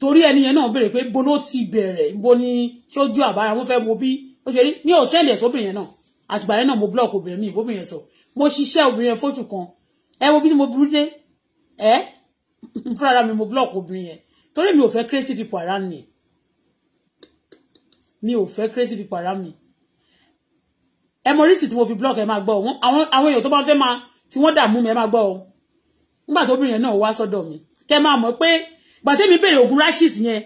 torí ẹni yẹn náà béèrè pé bo ló ti bẹ̀rẹ̀ bo ni ṣojú àbára wọn fẹ́ mo bí ó ṣe rí ní òtẹ́ẹ̀lì ẹ̀sọ́ yẹn náà àtìgbà yẹn náà mo blọọkì obìnrin mi ìbóbìnrin yẹn sọ mo ṣiṣẹ́ obìnrin yẹn fóṣù kan ẹ wo bí mo burú dé ẹ fúnra mi mo blọọkì obìnrin yẹn torí mi ò fẹ́ crazy people around me mi ò fẹ́ crazy people around me. ẹ mọ rísì tí mo fi blog ẹ máa gbọ́ wọn àwọn àwọn èèyàn tó bá fẹ́ máa fi wọ́n dààmú mi ẹ máa gbọ́ ọ nígbà tó obìnrin yẹn náà wá sọ́dọ̀ mi kẹ́ máa mọ̀ pé gbàtẹ́mi béèrè ògùn rashis yẹn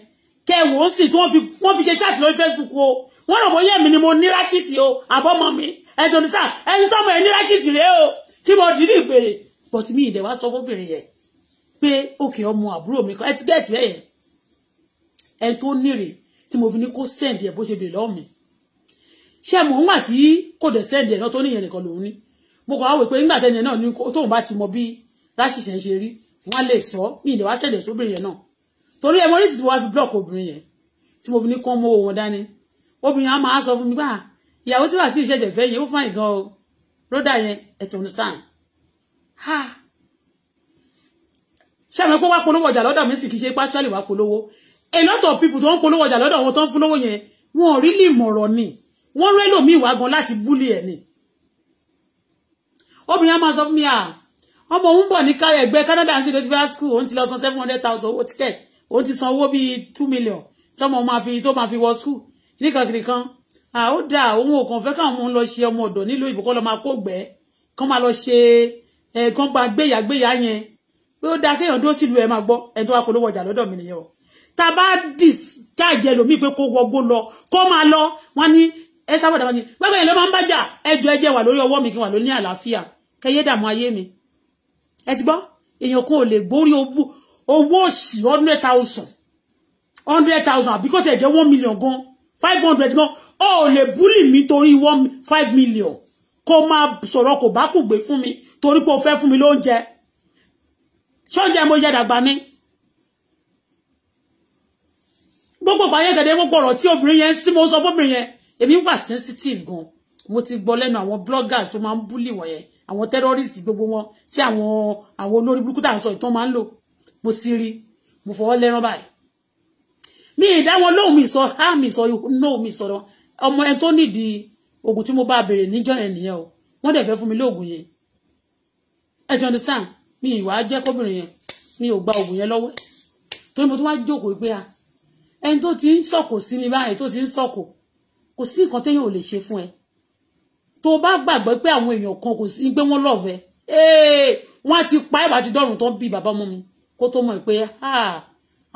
kẹ́ wò ó sì tí fi wọ́n fi ṣe chat lórí Facebook o wọ́n rò bóyá èmi ni mo ní rashis o àbọ̀mọ mi ẹ̀sìn onísà ẹni tó mọ̀ ẹ̀ ní rashis rèé o tí mo dìde ìbéèrè but mi ìdẹ̀ wá sọ fóbìnrin yẹn pé òkè ọmọ àbúrò mi kan ẹ ti get ẹ̀ yẹn ẹ tó nírèé tí mo fi ní kó send ẹ̀ bó ṣe bèèrè lọ́wọ́ mi ṣé mo ń gbà tí kò dẹ̀ send ẹ̀ náà tó níyẹn nìkan lòun ní mo kàn á wò pé nígbà tẹ́yẹn náà ní tóun bá ti mọ bí ráṣìṣẹ́ ń ṣe rí wọ́n á lè sọ ní ìdè wá send ẹ̀ sóbìnrin yẹn náà torí ẹ mọ́rí sì ti wá fi block obìnrin yẹn tí mo fi ní kán mọ́wọ́ wọn dání obìnrin á máa sọ fún mi báà ah, ìyàwó tí wà sí ìṣẹ̀ṣẹ̀ fẹ́ yẹn ó fún àìgan o lọ́dà yẹn ẹ̀ ti understand ha ṣé àwọn ẹgbẹ́ wá polówó ọjà lọ́dọ̀ mi sì kì í ṣe pátúálì a lot of people tó ń polówó ọjà lọ́dọ̀ àwọn tó ń fún lówó really wọn ò rí lè mọ̀rọ̀ ni wọ́n rẹ́ lòmíì wá gan láti búlì ẹ̀ ni obìnrin á máa sọ fún mi à ọmọ òun bọ̀ ní káyọ̀ ẹgbẹ́ Canada and sinotifia school òun ti lọ san seven hundred thousand ticket òun ti san owó bíi two million tọmọ máa fi tó máa fi wọ school nìkan kìnìkan à ó dà òun ò kàn fẹ́ káwọn ọmọ lọ ṣe ọmọ ọ̀dọ̀ nílùú ìbùkọ́ lọ máa kó gbẹ́ kán máa lọ ṣe ẹ̀ kán gba gbéyàgbéyà yẹn pé ó dáa kéèyàn dúró sílùú ẹ̀ máa gbọ́ ẹ̀ tó wá polówó ọjà lọ́dọ̀ mi nìyẹn tá a bá discharge ẹlòmíì pé kó wọgbó lọ kó máa lọ wọn ní ẹ sábàdà wọn ni gbẹgbẹ yẹn ló máa ń bájà ẹjọ ẹjẹ wà lórí ọwọ́ mi kí wà lórí ní àlàáfíà kẹyẹ dààmú ayé mi ẹ ti gbọ́ èèyàn kan ò lè gbórí owó òṣì hundred thousand hundred thousand àbí kò tẹ̀ jẹ́ one million gan five hundred gan ó lè búlì mi torí one five million kó máa sọ̀rọ̀ kò bá kù gbé fún mi torí pé o fẹ́ fún mi lóúnjẹ ṣóúnjẹ mo yẹ dàgbà ni gbogbo ìpàyẹ gẹ̀dẹ̀ gbogbo ọ̀rọ̀ tí obìnrin yẹn tí mo sọ fóbìnrin yẹn èmi wà sensitive gan mo ti gbọ́ lẹ́nu àwọn bloggers tó máa ń búlì wọ̀nyẹn àwọn terrorist gbogbo wọn tí àwọn àwọn olórí burúkú tà ń sọ ìtàn máa ń lò mo ti rí mo fọwọ́ lẹ́rán báyìí mi ìdá wọn lóhùn mi sọ ha mi sọ no mi sọ̀rọ̀ ọmọ ẹni tó nídìí oògùn tí mo bá béèrè níjọ́ yẹn nìyẹn o wọ́n dẹ̀ fẹ́ fún mi lóògùn yẹn ẹ ti understand mi ìwà jẹ́ kóbìnrin yẹn mi ò gba oògùn yẹn lọ́wọ́ torí mo tún wá jókòó pé a ah, ẹni tó ti ń sọ̀kò sí mi báyìí tó ti ń sọ̀kò kò sí nǹkan téèyàn ò lè ṣe fún ẹ tó o bá gbàgbọ́ pé àwọn èèyàn kan kò sí pé wọ́n love ẹ eh, wọ́n á ti pa ẹ̀ bá ti dọ́rùn tó ń bí bàbá ọmọ mi kó tó mọ̀ pé ah,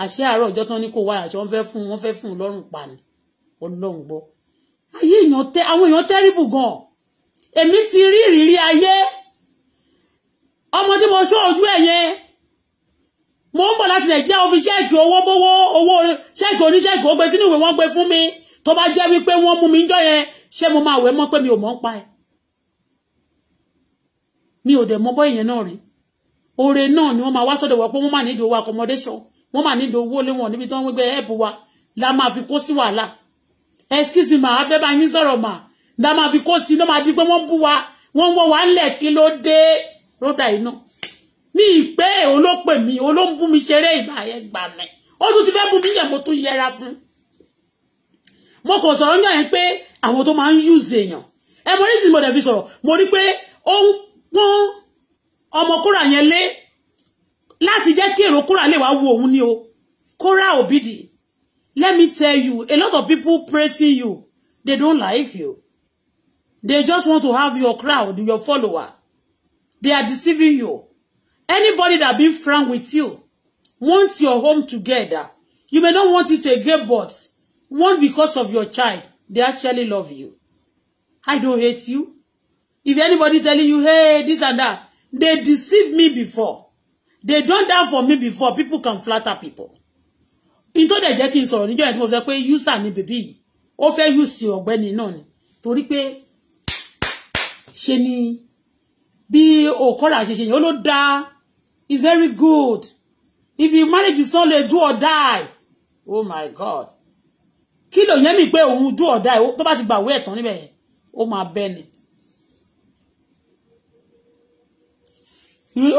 àṣẹ àárọ̀ ọjọ́ tán ní kò wá àṣẹ wọ́n fẹ́ fún wọ́n fẹ́ fún un lọ́rùn pa ni ọlọ́run gbọ́ ayé èèyàn tẹ àwọn èèyàn tẹ́rìbù gan èmi ti rí ìrírí ayé ọmọ tí mo ṣó ojú ẹ̀ yẹn mo ń bọ̀ láti nàìjíríà ó fi ṣẹ́ẹ̀kì owó bówó owó ṣẹ́ẹ̀kì oníṣẹ́ẹ̀kì ó gbé sínú ìwé wọ́n gbé fún mi tó bá jẹ́ wípé wọ́n mú mi ń jọ yẹn ṣé mo máa wẹ̀ mọ́ pé mi ò mọ̀ ń pa ẹ̀ mi ò dẹ̀ mọ́ bọ́ ìyẹn náà rí oore náà ni wọ́n máa wá sọ́dọ̀ wọ́n pé wọ́n máa nílò owó accommodation wọ́n máa nílò owó léwọ̀n níbi tí wọ́n gbé help wa la máa fi kó sí wàhálà excuse ma afẹ́ bá yín sọ̀rọ̀ mà la máa fi kó sí ló máa di pé wọ́n bú wa wọ́n wọ́ wa ńlẹ̀ kí ló dé ródà iná mi ìpè olópè mi olóńbù mi ṣeré ìgbà yẹn gbà mí ó tún ti fẹ́ bú mi yẹn mo tún yẹra fún mo kò sọ̀rọ̀ nígbà yẹn pé àwọn tó máa ń yùzè èèyàn ẹ mo rí sì mo dẹ̀ fi sọ̀rọ̀ mo rí pé ó ń pọ́n ọmọ kóra yẹn lé láti jẹ́ kí èrò kóra lè wá wo òun ni o kóra òbídì let me tell you a lot of people praising you they don't like you they just want to have your crowd your follower they are deceiving you Anybody that been frank with you wants your home together. You may not want it again, but one because of your child, they actually love you. I don't hate you. If anybody telling you, hey, this and that, they deceived me before. They don't die for me before. People can flatter people. Into the jẹ́ so n sọ̀rọ̀ níjọ́ yẹn tí mo fẹ́ pé user ni bèbí yìí. Ó fẹ́ use ọ̀gbẹ́ni náà ni. Torí pé ṣe ni bí òkọ́là ṣe ṣe yẹn ó Is very good. If you manage is not a do or die. Oh my God. Kilo yemi yẹn mi do or die tó bá ti gbàwé ẹ̀tàn níbẹ̀ yẹn ó máa bẹ́ ni.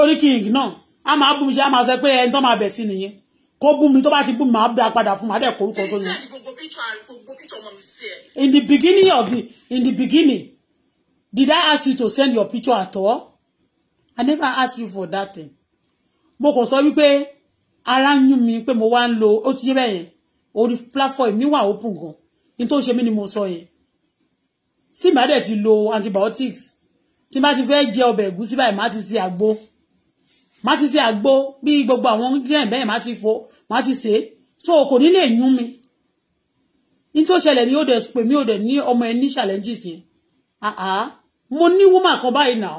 Oríkìyìn náà a máa bú mi ṣe a máa sọ pé ẹni tó máa bẹ̀ sí nìyẹn kó bú mi tó bá ti bú mi máa bẹ apadà fún màá dẹ̀ korúkọ tó ní. In the beginning of the in the beginning did I ask you to send your picture at all? I never asked you for that thing mo kò sọ wípé ara ń yún mi pé mo wá ń lo ó ti yé bẹ́ẹ̀ yẹn orí platform mi wà open gan ní tó ṣe mí ni mo sọ yẹn tí màá dẹ̀ ti lo antibiotics tí màá ti fẹ́ jẹ ọbẹ̀ ẹ̀gúsí báyìí màá ti ṣe àgbo màá ti ṣe àgbo bí gbogbo àwọn ingredient bẹ́ẹ̀ màá ti fo màá ti ṣe so kò ní lè yún mi ní tó ṣẹlẹ̀ ni ó dẹ̀ pè mí ó dẹ̀ ní ọmọ ẹ ní challenges yẹn mo ní woman kan báyìí náà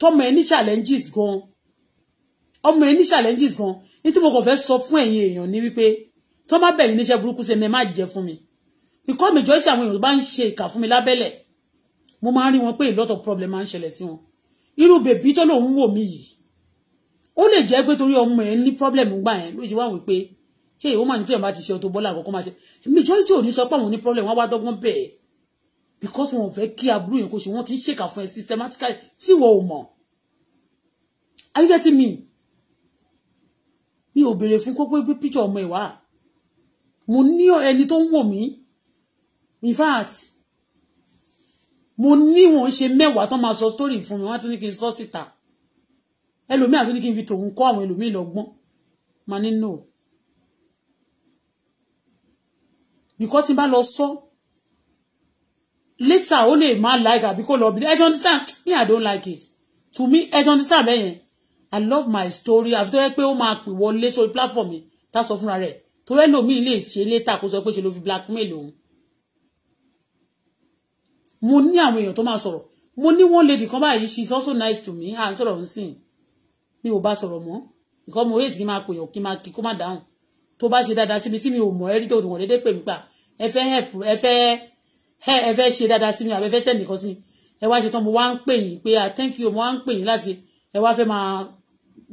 tọmọ ẹ ní challenges gan-an ọmọ yẹn ní challenges gan ní tí mo kàn fẹ́ sọ fún ẹ̀yin èèyàn ni wípé tó má bẹ̀yìn níṣẹ́ burúkú ṣe mẹ́ má jẹ́ fún mi because majority àwọn èèyàn bá ń ṣe ìkà fún mi lábẹ́lẹ̀ mo máa ń rí wọn pé a lot of problem máa ń ṣẹlẹ̀ sí wọn irú bèbí tó lòun wò mí yìí ó lè jẹ́ pé torí ọmọ yẹn ní problem gbà yẹn ló ṣe wá wípé hey ó mà ní tíyẹn bá ti ṣe Auto Bola àkọ́kọ́ máa ṣe majority ò ní sọ pé àwọn ní problem wọn wá dọ́gbọ́n bẹ́ẹ̀ because wọn ò fẹ́ kí aburú yẹn kó ṣe wọ́n ti ń ṣèkà fún ẹ systematically tí wọn ò mọ̀ are you getting me mi ò béèrè fún kókó píkítsọ̀ ọmọ ìwà mo ní ẹni tó ń wò mí in fact mo ní wọn ṣe mẹ́wàá tó máa sọ story fún mi wọ́n ti ní kí n sọ síta ẹlòmíì àti ní kí n fi tòun kọ́ àwọn ẹlòmíì lọ́gbọ́n máa ní no because tí n bá lọ sọ later ó lè má like àbí kó lọ bí ẹ ti understand me I don't like it to me ẹ ti understand bẹ́ẹ̀ yẹn I love my story àfi tó yẹ pé ó máa pè wọlé sórí platform mi tá a sọ fúnra rẹ̀ torí ẹlòmíì lè ṣe létà kó sọ pé ṣe ló fi blackmail òun mo ní àwọn èèyàn tó máa sọ̀rọ̀ mo ní one lady kan báyìí she is also nice to me à ń sọ̀rọ̀ nsìn mi ò bá sọ̀rọ̀ mọ́ nǹkan mo hate kí n máa pè yàn kí n máa kí kó má dáhùn tó bá ṣe dáadáa sí mi tí mi ò mọ̀ ẹ́ rí tó wọ̀n déédéé pè mí pa ẹ fẹ́ help ẹ fẹ́ ẹ fẹ́ ṣe dáadáa sí mi àbẹ sẹ́ni nìkan sí mi ẹ wá ṣe tán mo wá ń pè yín pé ah thank you mo wá ń pè yín láti ẹ wá fẹ́ máa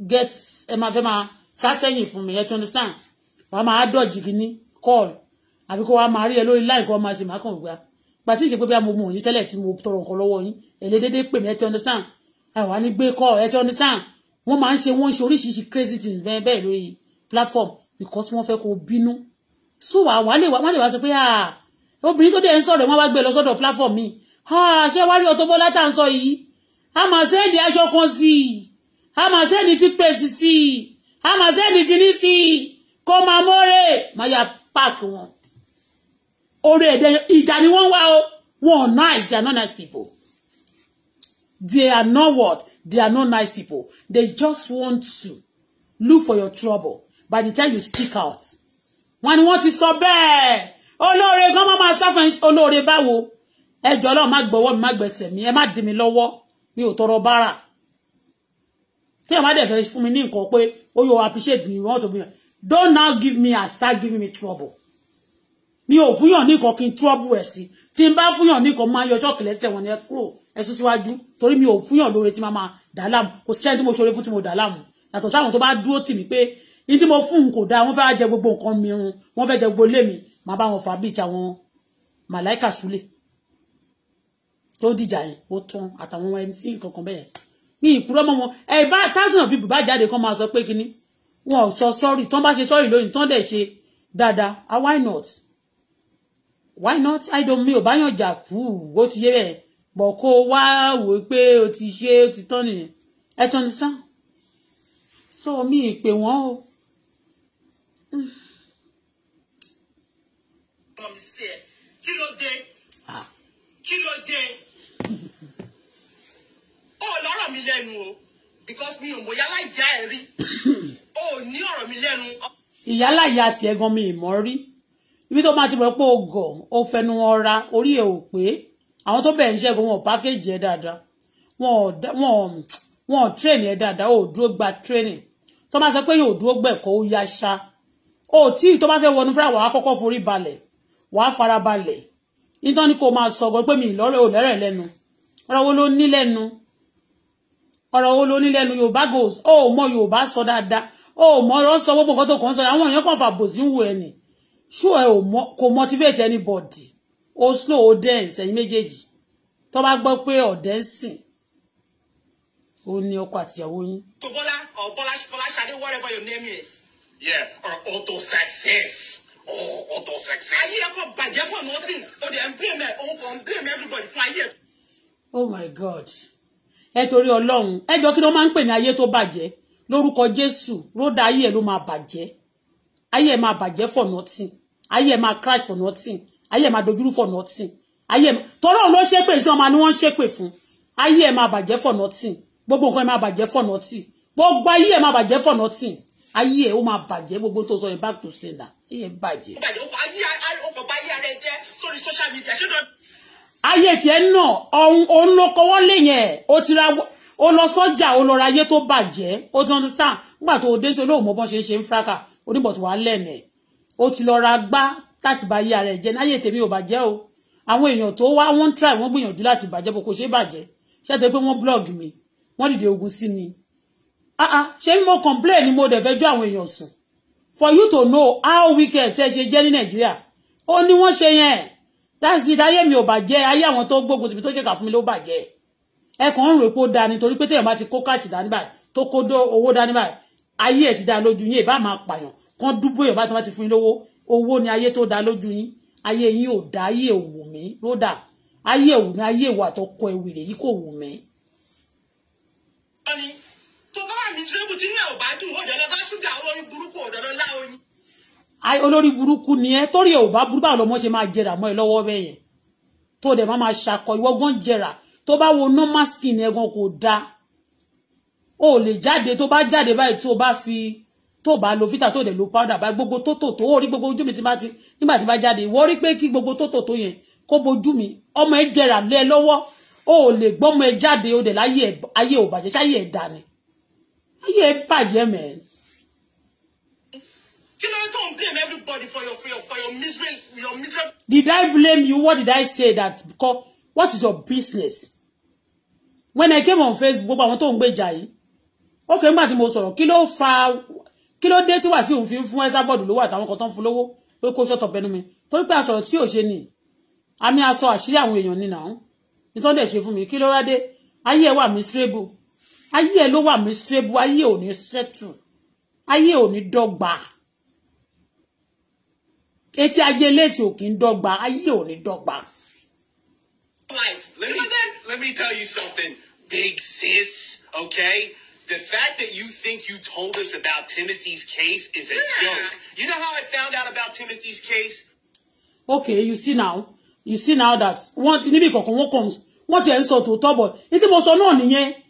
get ẹ máa fẹ́ máa sásẹ́yìn fún mi me. You understand wàá máa dọ̀jì kìíní call àbí kó wàá máa rí ẹ lórí láì kó máa ṣe máa kàn gbà pàtí ìṣe pé bí amọ̀ mọ̀ yín tẹ́lẹ̀ tí mo tọrọ nǹkan lọ́wọ́ yín ẹ̀lẹ́ déédéé pè mí ẹ ti understand àwa ní gbé call ẹ ti understand wọ́n máa ń ṣe wọ́n ń ṣe oríṣiríṣi crazy things bẹ́ẹ̀ bẹ́ẹ̀ lórí platform because wọ́n fẹ́ kó bínú so àwa lè wá lè wá sọ pé ah, obìnrin tó dé ń sọ̀rọ̀ wọ́n wá gbé lọ sọ́dọ̀ platform mi ah, ṣé wá rí Auto Bola tá à ń sọ yìí a máa ṣe é di aṣọ kan sí i a máa sẹ́ni toothpaste sí i a máa sẹ́ni kíní sí i kó máa mọ́rẹ̀ máa ya páàkì wọn. orí ẹ̀dẹ̀ ìjà ni wọ́n wá o wọn are nice they are not nice people they are not what they are not nice people they just want to look for your trouble by the time you speak out. wọ́n ní wọ́n ti sọ bẹ́ẹ̀ olóore gan máa máa sáfẹ́ olóore báwo ẹjọ́ ọlọ́run má gbọ́wọ́ mi má gbẹ̀sẹ̀ mi ẹ má dì mí lọ́wọ́ mi ò tọrọ bárà tí yàrá dẹ̀ fẹ́ fún mi ní nǹkan pé ó oh, yóò appreciate me want to be yàn don't now give me and start giving me trouble mi ò fúnyàn ní nǹkan kí n trouble ẹ̀ sí tí n bá fúnyàn ní nǹkan máa yọ ọjọ́ kìlẹ́sẹ̀ wọn ni ẹ kúrò ẹ sún síwájú torí mi ò fúnyàn lóore tí máa máa dà láàmú kò sí ẹni tí mo ṣoore fún tí mo dà láàmú yàtọ̀ sáwọn tó bá dúró tì mí pé ní tí mo fún n kò dáa wọ́n fẹ́ jẹ gbogbo nǹkan mi run wọ́n fẹ́ jẹ gbogbo lé mi màá bá wọn fà bíi ti àwọn màláìkà súlẹ̀ tó dìjà yẹn ó tán àtàwọn mc kankan bẹ́ẹ̀ ní ìpúrọ́ momo. wọn ẹ bá thousand people bá jáde kan máa sọ pé kíní wọn so sorry tán bá ṣe sorry lónìí tán dẹ̀ ṣe dáadáa ah why not why not i don't mi ò bá yàn jà kú ó ti yé bẹ́ẹ̀ bọ̀ kó wá wò pé o ti ṣe o ti tán nìyẹn ẹ tán ní so mi ì pè wọ́n o. kí ló dé ah. kí ló ò lọ́rọ̀ mi lẹ́nu o because mi ò mọ̀ yálà ìjà ẹ̀ rí o ò ní ọ̀rọ̀ mi lẹ́nu. ìyálà ìyá tiẹ̀ gan mi ìmọ̀ rí ibi tó máa ti wẹ̀ pé o gọ̀ o fẹnu ọra orí ẹ̀ ò pé àwọn tó bẹ̀rẹ̀ iṣẹ́ gan wọn ò pákéjì ẹ̀ dáadáa wọn ò tírẹ̀nì ẹ̀ dáadáa o ò dúró gba tírẹ̀nì tó máa sọ pé yóò dúró gbẹ̀kọ́ ó yá ṣá o tí tó bá fẹ́ wọnú fúnra wàá kọ́kọ́ forí balẹ̀ wàá fara balẹ̀ nítorí kó máa sọ gbọ́ pé mi ìlọ́rẹ̀ ò lẹ́rẹ̀ lẹ́nu ọ̀rọ̀ wo ló ní lẹ́nu ọ̀rọ̀ wo ló ní lẹ́nu yorùbá goes ó mọ yorùbá sọ dáadáa ó mọ ọ̀rọ̀ sọ gbogbo nǹkan tó kàn sọ àwọn èèyàn kan fà bòsí ń wù ẹ nì ṣó ẹ kò motivate anybody ó slow ó dance ẹ̀yin méjèèjì tó bá gbọ́ pé ọ̀dẹ́ ń sìn ó ní ọkọ àtìyàwó yín. tó or ọ̀ bọ́lá bọ́lá whatever your name is. yeah or auto success or auto success. ayé ẹ̀kọ́ bàjẹ́ for nothing o dey blame ẹ̀ o kò blame everybody fún ayé. oh my god ẹ torí ọlọ́run ẹ jọ kí ló máa ń pè ní ayé tó bàjẹ́ lórúkọ jésù ródà ayé ẹ ló máa bàjẹ́ ayé ẹ máa bàjẹ́ for nothing ayé ẹ máa cry for nothing ayé ẹ máa dojúrú for nothing ayé ẹ tọ́lọ́ ló ṣépè sí ọmọ ni wọ́n ṣépè fún ayé ẹ máa bàjẹ́ for nothing gbogbo nǹkan ẹ máa bàjẹ́ for nothing gbogbo ayé ẹ máa bàjẹ́ for nothing ayé ẹ ó máa bàjẹ́ gbogbo tó sọ yẹn back to sender ayé ẹ bàjẹ́. ó bàjẹ́ ó kọ ayé ọkọ̀ bá ayé ara ẹ jẹ́ sórí social media ṣé dọ́ọ̀ ayé tiẹ̀ náà òun ló kọwọ́ lè yẹn ó ti ra ó lọ sọ́jà ó lọ ra ayé tó bàjẹ́ ó ti understand nígbà tó dé sí olóòmọ bọ́n ṣe ń ṣe ń fúráka oníbọ̀tí wàá lẹ́nẹ̀ ó ti lọ gbá láti ba ayé ara ẹ̀ jẹ́ náyé tèmi ò bàjẹ́ o àwọn èèyàn tó wá wọ́n ń try wọ́n gbìyànjú láti bàjẹ́ bó kò ṣe bàjẹ́ ṣé àti pé wọ́n blog mi wọ́n dìde ogun sí mi ṣé mo complain ni mo dẹ̀ fẹ́ jọ àwọn èèyàn sùn for you to know how wicked tẹ́ ṣe jẹ́ ní nàìjíríà ó ní wọ́n ṣe yẹn that's it ayé mi ò bàjẹ́ ayé àwọn tó gbógun tìbí tó ṣèkà fún mi ló bàjẹ́ ẹ kàn ń rò pé ó da ni torí pé téèyàn bá ti kó káàsì dání báyìí tó kó dó owó dání báyìí ayé ẹ̀ ti da lójú yín ìbá máa pààyàn kán dúbò èèyàn bá ti wá ti fún yín lówó owó ni ayé tó da lójú yín ayé yín ò da ayé òwò mí ló dà ayé òwò mi ayé ìwà àtọkọ ẹwìrè yìí kò wù mí. tó bá wà ní tìrẹ́bù tí ní àwọn dùn ó dọ̀dọ̀ bá ṣúgà orin burúkú ò dọ̀dọ̀ láoyin olórí burúkú ni ẹ tori ẹ ò bá burúkú àwọn ọmọ ṣe máa jẹrà mọ́ ẹ lọ́wọ́ bẹ́ẹ̀ yẹn tó dẹ̀ máa máa ṣakọ ìwọ gan jẹrà tó bá wo normal skin ẹ gan kò da o lè jáde tó bá jáde báyìí tó bá fi tó bá lo fita tó dẹ̀ lo powder ba gbogbo toto to, tó ó rí gbogbo ojú mi ti bá ti nígbà tí bá jáde ìwọ rí pé kí gbogbo tó tò tó yẹn kó bojú mi ọmọ ẹ jẹrà lé ẹ lọ́wọ́ o lè gbọ́mọ ẹ jáde o dẹ̀ láyé ayé ò bàjẹ́ sáyé ẹ̀ dà ni ayé ẹ bàjẹ́ mẹ́rin You know, don't blame everybody for your for your for your misery, your misery. Did I blame you? What did I say that? Because what is your business? When I came on Facebook, gbogbo àwọn tó ń gbèjà yìí. Okay, nígbà tí mo sọ̀rọ̀, kí ló fa kí ló dé tí wà sí òun fi ń fún ẹ́sà bọ́ọ̀dù lówó àtàwọn kan tó ń fún lówó pé kó ṣọ́tọ̀ See your genie. I mean, I saw a nì àmì your àṣírí àwọn èèyàn ni nà án nítorí dẹ̀ ṣe fún mi kí ló rádé ayé ẹ wà miserable ayé ẹ ló wà miserable ayé ò ní settle ayé ò dog bar etí ajé lẹ́sìn ò kì í dọ́gba ayé ò ní Let me, let me tell you something, big sis, okay? The fact that you think you told us about Timothy's case is a yeah. joke. You know how I found out about Timothy's case? Okay, you see now. You see now that one níbi kankan wọn kàn wọn ti ẹ ń sọ tòótọ́ bọ̀ ní tí mo sọ náà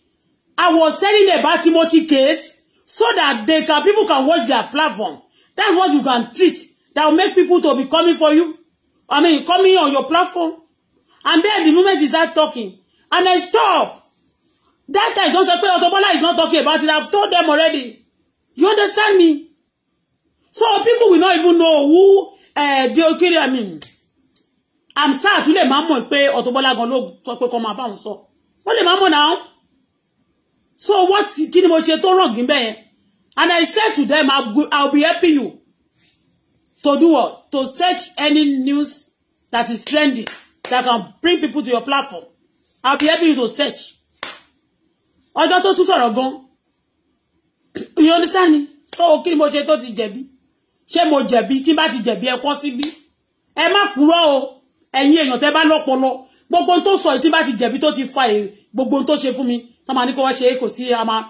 I was telling about Timothy case so that they can people can watch their platform. That's what you can treat that will make people to be coming for you. I mean, coming on your platform. And then the moment is start talking, and I stop. That guy don't say, Auto is not talking about it. I've told them already. You understand me? So people will not even know who uh, eh, they okay, I mean. I'm sad to let mama pay Auto go gan ló sọ pé kó má bá mama now. So what kí ni wrong in there? And I said to them, I'll, I'll be helping you to do what? To search any news that is trending that can bring people to your platform. I'll be helping you to search. Ọjọ́ tó tún sọ̀rọ̀ gan. You understand me? So okay, ni mo ṣe tó ti jebi. Ṣé mo jẹ̀bi tí n bá ti jẹ̀bi ẹ kọ́ síbí? Ẹ má kúrò o. Ẹ̀yin èèyàn tẹ́ bá lọ́pọlọ. Gbogbo tó sọ tí n bá ti jebi, tó ti fa gbogbo tó ṣe fún mi. Tá máa ní kó wá ṣe kò sí a máa.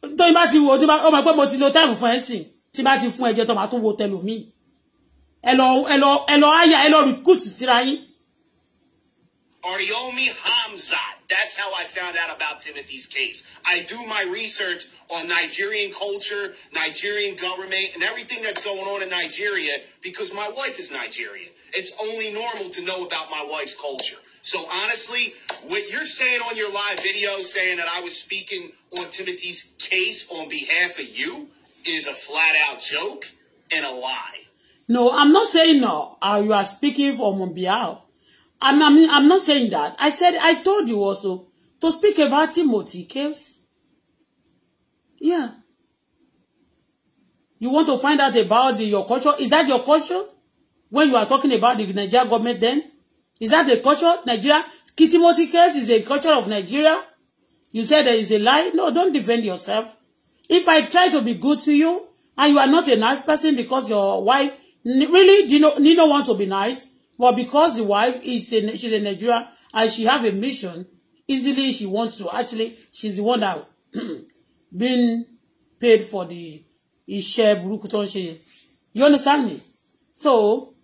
Tó n bá ti wo ó mọ̀ pé mo ti lo táìmù fún ẹ̀ sìn. Tí n bá ti fún ẹ to ma máa tún wo tẹlòmíì. ẹ lọ àyà Ariomi Hamza. That's how I found out about Timothy's case. I do my research on Nigerian culture, Nigerian government, and everything that's going on in Nigeria because my wife is Nigerian. It's only normal to know about my wife's culture. So honestly, what you're saying on your live video saying that I was speaking on Timothy's case on behalf of you is a flat out joke and a lie. No, I'm not saying no. Uh, you are speaking for my behalf. I'm, I'm, I'm not saying that. I said, I told you also to speak about Timothy case. Yeah. You want to find out about the, your culture? Is that your culture? When you are talking about the Nigeria government then? Is that the culture? Nigeria? Timothy case is a culture of Nigeria? You said there is a lie? No, don't defend yourself. If I try to be good to you, and you are not a nice person because your wife Really, Nino, Nino wants to be nice, but because the wife is a, she's a Nigerian and she have a mission, easily she wants to. Actually, she's the one that been paid for the iṣẹ́ burúkú tó You understand me? So,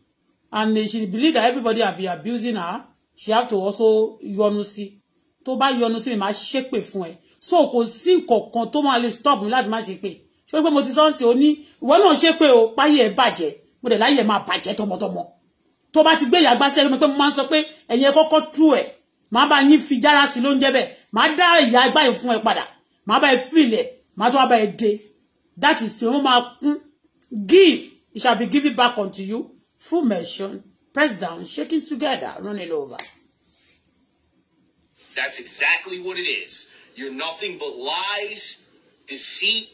and she believe that everybody will be abusing her. She have to also yọnu sí. Tó bá yọnu sí mi, máa ṣépè fún So kò sí nǹkan kan tó máa lè stop mi láti má ṣépè. Ṣé pé mo ti sọ́ọ̀sì o ní ìwọ náà ṣépè o, páyé ẹ̀ bàjẹ́ mo dẹ̀ láyè máa bàjẹ́ tọmọtọmọ tó bá ti gbé ìyá gbásẹ́ lómi pé mo máa ń sọ pé ẹ̀yin ẹ tú ẹ̀ máa bá yín fi jára sí lóúnjẹ bẹ́ẹ̀ máa dá ìyá ẹgbà yìí fún ẹ padà máa bá ẹ fìlẹ̀ máa tó wá bá ẹ dé that is wọ́n máa kún give it shall be given back unto you full mention press down shaking together Running over. That's exactly what it is. You're nothing but lies, deceit,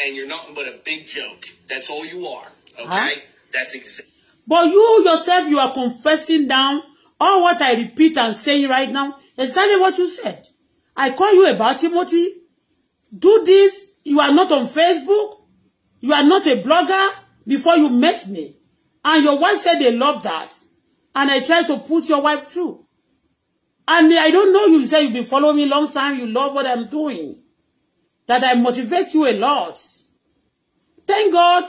and you're nothing but a big joke. That's all you are. Okay? Huh? That's exactly. But you yourself, you are confessing down all what I repeat and saying right now. Exactly what you said. I call you about Timothy. Do this. You are not on Facebook. You are not a blogger before you met me. And your wife said they love that. And I tried to put your wife through. And I don't know, you said you've been following me a long time. You love what I'm doing. That I motivate you a lot. Thank God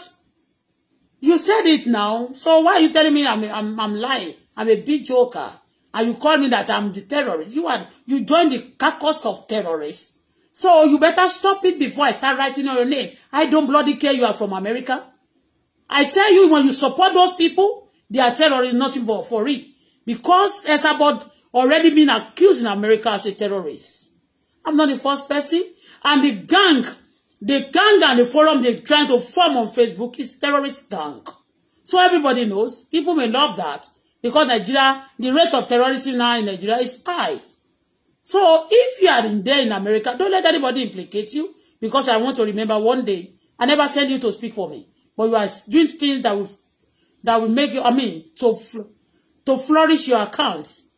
You said it now. So why are you telling me I'm, I'm, I'm lying? I'm a big joker. And you call me that I'm the terrorist. You are, you joined the carcass of terrorists. So you better stop it before I start writing on your name. I don't bloody care you are from America. I tell you, when you support those people, they are terrorists, nothing but for it. Because Esabod already been accused in America as a terrorist. I'm not the first person. And the gang The gang and the forum they're trying to form on Facebook is terrorist gang. So everybody knows. People may love that because Nigeria, the rate of terrorism now in Nigeria is high. So if you are in there in America, don't let anybody implicate you because I want to remember one day I never send you to speak for me, but you are doing things that will that will make you. I mean to to flourish your accounts,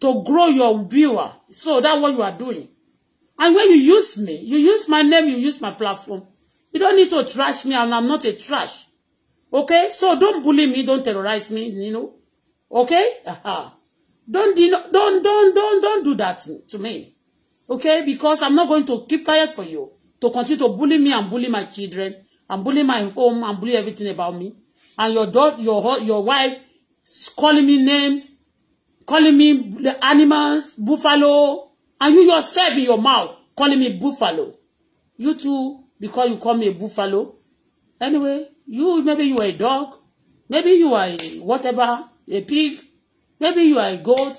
to grow your viewer. So that's what you are doing. And when you use me, you use my name, you use my platform. You don't need to trash me, and I'm not a trash. Okay? So don't bully me, don't terrorize me, you know. Okay? Uh-huh. Don't, don't, don't, don't, don't do that to me. Okay? Because I'm not going to keep quiet for you. To continue to bully me and bully my children, and bully my home, and bully everything about me. And your daughter, your, your wife calling me names, calling me the animals, buffalo, And you yourself in your mouth calling me buffalo. You too, because you call me a buffalo. Anyway, you maybe you are a dog. Maybe you are a whatever, a pig. Maybe you are a goat.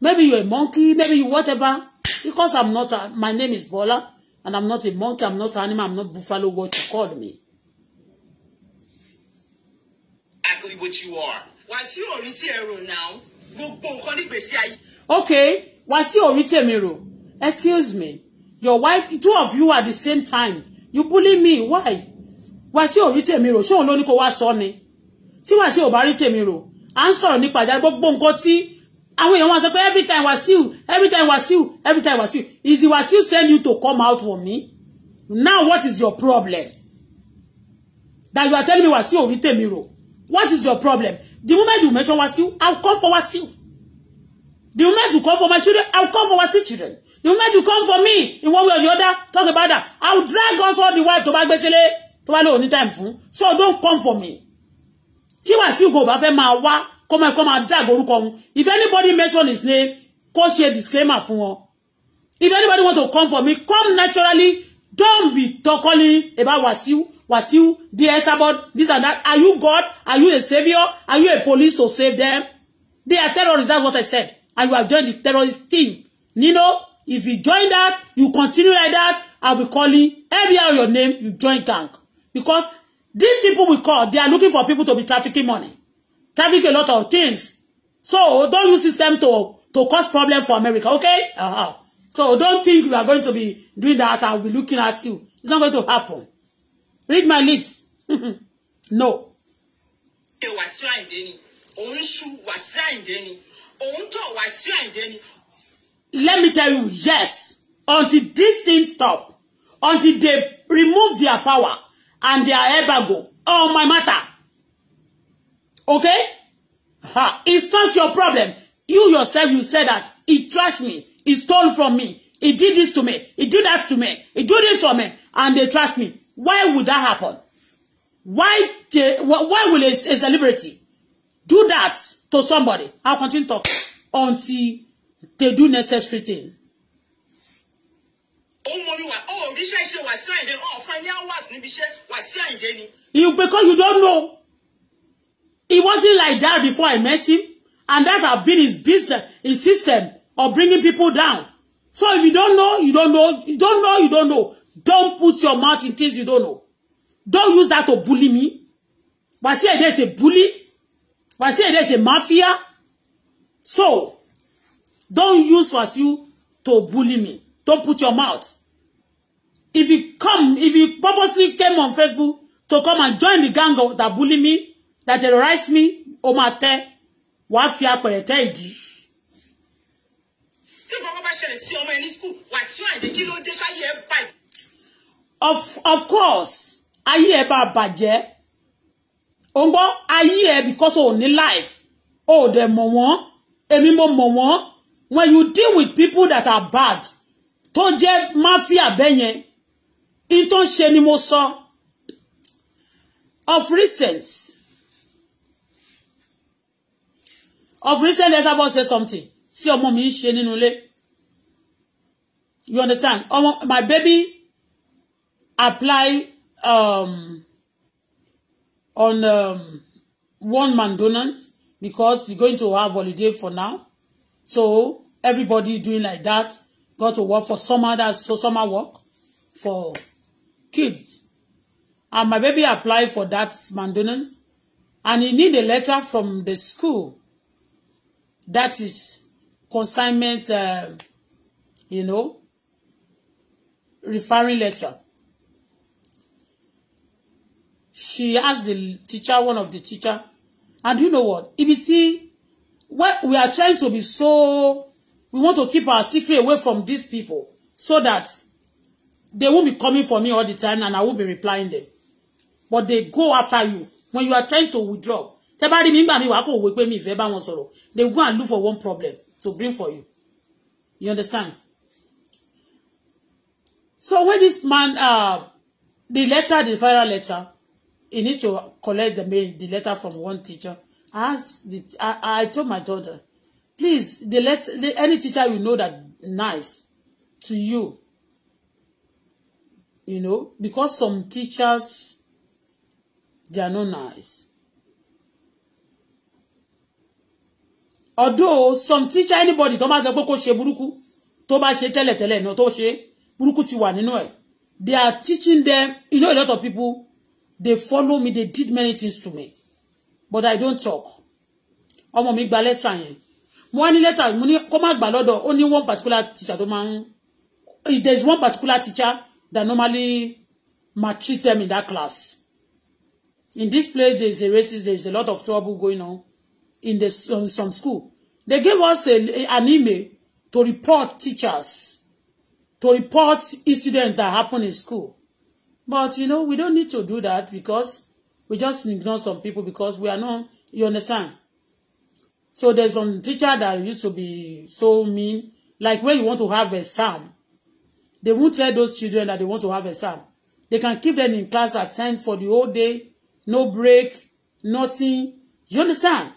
Maybe you are a monkey. Maybe you whatever. Because I'm not, a, my name is Bola. And I'm not a monkey. I'm not an animal. I'm not buffalo. What you called me. Exactly what you are. Wàá sí orí tí ẹ rò náà. Gbogbo nǹkan nígbèsí Okay. Wasi ò rí tèmi excuse me your wife two of you at the same time you bully me why Wasi ò rí tèmi rò ṣóun ló ní kó wá ni tí Wàsíù ò bá rí tèmi rò à ń sọ̀rọ̀ nípa ìjà gbogbo nǹkan tí àwọn èèyàn wọn sọ pé every time Wàsíù every time Wàsíù every time Wàsíù is the Wàsíù send you to come out for me now what is your problem that you are telling me Wàsíù ò rí tèmi what is your problem the moment you mention Wàsíù I will come for Wàsíù The women will come for my children, I will come for my six children. The women will come for me in one way or the other, talk about that. I will drag us all the wife to basically to my only time fún. So don't come for me. See what you go back fẹ́ my wá, come and come and drag or come. If anybody mention his name, kó ṣe disclaimer for wọn. If anybody want to come for me, come naturally. Don't be talking about what you, what you, this about this and that. Are you God? Are you a savior? Are you a police to save them? They are terrorists. That's what I said and you have joined the terrorist team. You know, if you join that, you continue like that, I'll be calling every hour your name, you join gang. Because these people we call, they are looking for people to be trafficking money. trafficking a lot of things. So don't use system to, to cause problem for America, okay? Uh-huh. So don't think you are going to be doing that. I'll be looking at you. It's not going to happen. Read my lips. no. Wàsíù Àyìndé ni. Òun ṣu Wàsíù Àyìndé ni òun tọ̀ wá sí àìdẹ́ ni. let me tell you yes until this thing stop until they remove their power and their embargo on oh my matter okay ha it's not your problem you yourself you said that he trust me he stole from me he did this to me he do that to me he do this for me and they trust me why would that happen why they, why will a, a celebrity do that to somebody. I'll continue to talk until they do necessary things. You because you don't know. It wasn't like that before I met him. And that have been his business, his system of bringing people down. So if you don't know, you don't know, you don't know, you don't know. Don't put your mouth in things you don't know. Don't use that to bully me. But Ayinde there's a bully. Wasiu Ayinde is a mafia. So, don't use Wasiu to bully me. Don't put your mouth. If you come, if you purposely came on Facebook to come and join the gang that bully me, that terrorize me, o ma tẹ́, wàá fi àpẹẹrẹ tẹ́ Of of course, ayé ẹ about budget? ò ń gbọ́ ayé because o ní life o ò dẹ̀ mọ̀ wọ́n èmi mo mọ̀ when you deal with people that are bad to jẹ́ mafia bẹ́yẹn in tó ń ni mo so. of recent of recent let's about say something sí ọmọ mi ń ṣe nínú you understand ọmọ my baby apply um, on um, one McDonald's because he's going to have holiday for now. So everybody doing like that Go to work for summer. That's so summer work for kids. And my baby applied for that McDonald's, and he need a letter from the school. That is consignment, uh, you know, referring letter. she asked the teacher one of the teacher and you know what EBT. tí what we are trying to be so we want to keep our secret away from these people so that they won't be coming for me all the time and I will be replying them but they go after you when you are trying to withdraw tẹ́ bá rí mi nígbà mi wàá they go and look for one problem to bring for you you understand so when this man uh, the letter the viral letter you need to collect the mail the letter from one teacher I the I, I told my daughter please the let the, any teacher you know that nice to you you know because some teachers they are no nice although some teacher anybody tó bá sọ pé kó ṣe burúkú tó bá ṣe tẹ́lẹ̀tẹ́lẹ̀ náà tó ṣe burúkú ti wà nínú ẹ̀ they are teaching them you know a lot of people they follow me they did many things to me but i don't talk ọmọ mi gba lẹ́tà yẹn mo wá ní lẹ́tà mo ní kó má gbà lọ́dọ̀ ó ní one particular teacher tó máa there is one particular teacher that normally maltreat them in that class in this place there is a racist there is a lot of trouble going on in the um, some school they gave us a, a, an email to report teachers to report incidents that happen in school But you know, we don't need to do that because we just ignore some people because we are not, you understand? So there's some teacher that used to be so mean. Like when you want to have exam, they won't tell those children that they want to have exam. They can keep them in class at time for the whole day, no break, nothing. You understand?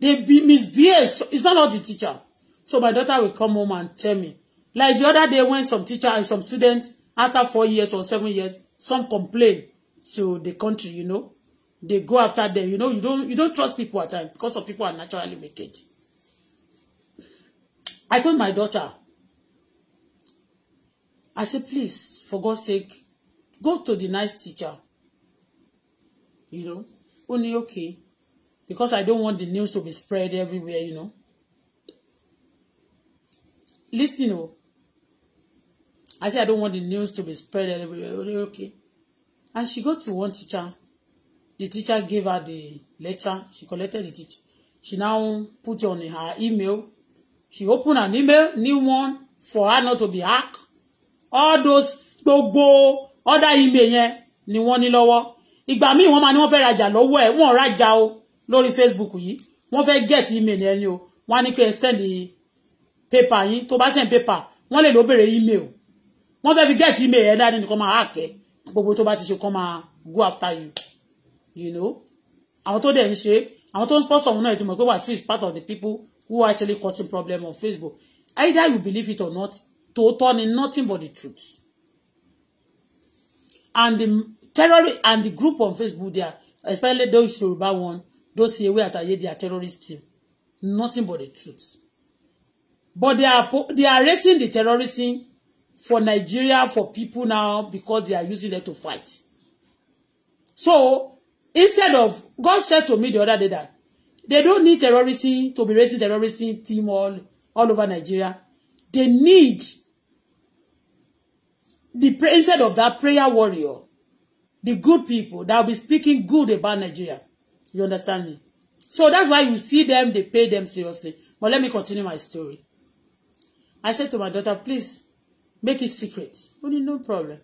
They be misbehave. So it's not all the teacher. So my daughter will come home and tell me. Like the other day when some teacher and some students after four years or seven years some complain to the country you know they go after them you know you don't you don't trust people at times because of people are naturally wicked I told my daughter I said please for God's sake go to the nice teacher you know only okay because I don't want the news to be spread everywhere you know listen o. Oh. You know? I said I don't want the news to be spread everywhere. Okay. And she go to one teacher. The teacher gave her the letter. She collected the teacher. She now put it on her email. She opened an email, new one, for her not to be hacked. All those gbogbo other email yẹn ni wọ́n ní lọ́wọ́. Ìgbà míì wọ́n máa ní wọ́n fẹ́ rajà lọ́wọ́ ẹ̀ wọ́n rajà o lórí Facebook yìí. Wọ́n fẹ́ get email ẹni o. Wọ́n á ní send the paper yín. to bá send paper, wọ́n lè lọ bèrè email wọ́n fẹ́ fi get email ẹ̀ dání ni kò máa hack ẹ̀ gbogbo tó bá ti ṣe kò máa go after you you know àwọn tó dẹ̀ ń ṣe àwọn tó ń fọ́ sọ̀rọ̀ náà ti mọ̀ pé Wasiu is part of the people who are actually causing problem on Facebook either you believe it or not tòótọ́ ni nothing but the truth and the terrorist and the group on Facebook there especially those Yoruba one those Yewe Ataye they are terrorist too nothing but the truth but they are they are raising the terrorism for Nigeria for people now because they are using them to fight. So instead of God said to me the other day that they don't need terrorism to be raising terrorism team all all over Nigeria. They need the instead of that prayer warrior, the good people that will be speaking good about Nigeria. You understand me? So that's why you see them, they pay them seriously. But let me continue my story. I said to my daughter, please, make it secret Only no problem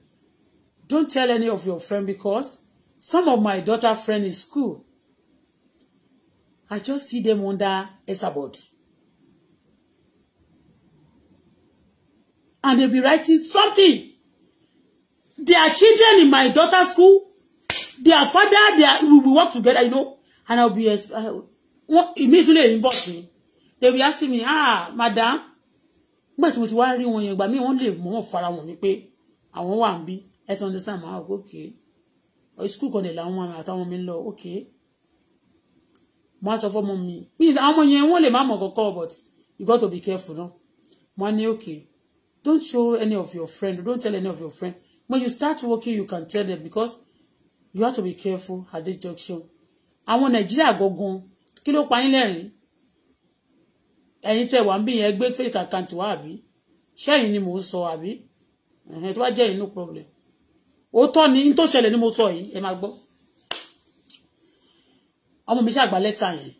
don't tell any of your friend because some of my daughter friend in school I just see them under esabod and they be writing something their children in my daughter school their father their we will work together you know and I be uh, uh immediately in me they will be asking me ah madam nígbà tí mo ti wá rí wọn yẹn ìgbà míì wọ́n lè mọ̀ fara wọn ni pé àwọn wà ń bí ẹ ti understand máa wọ òkè school kan dẹ̀ làwọn ọmọ àtàwọn mi ń lọ òkè mo á sọ fọ́mọ mi àwọn ọmọ yẹn wọ́n lè má mọ̀ kọ́kọ́ but you got to be careful náà mo á ní don't show any of your friend don't tell any of your friend when you start working you can tell them because you have to be careful at this junction àwọn nàìjíríà gangan kí ló pa yín lẹ́rìn-ín ẹ̀yin tẹ́ wà ń bí yẹn gbé fake account wá àbí ṣẹ́yìn ni mò ń sọ àbí ẹ̀hìn tó bá jẹ́ no problem òótọ́ ni n tó ṣẹlẹ̀ ni mo sọ yìí ẹ máa gbọ́ ọmọ mi ṣàgbà lẹ́tà yẹn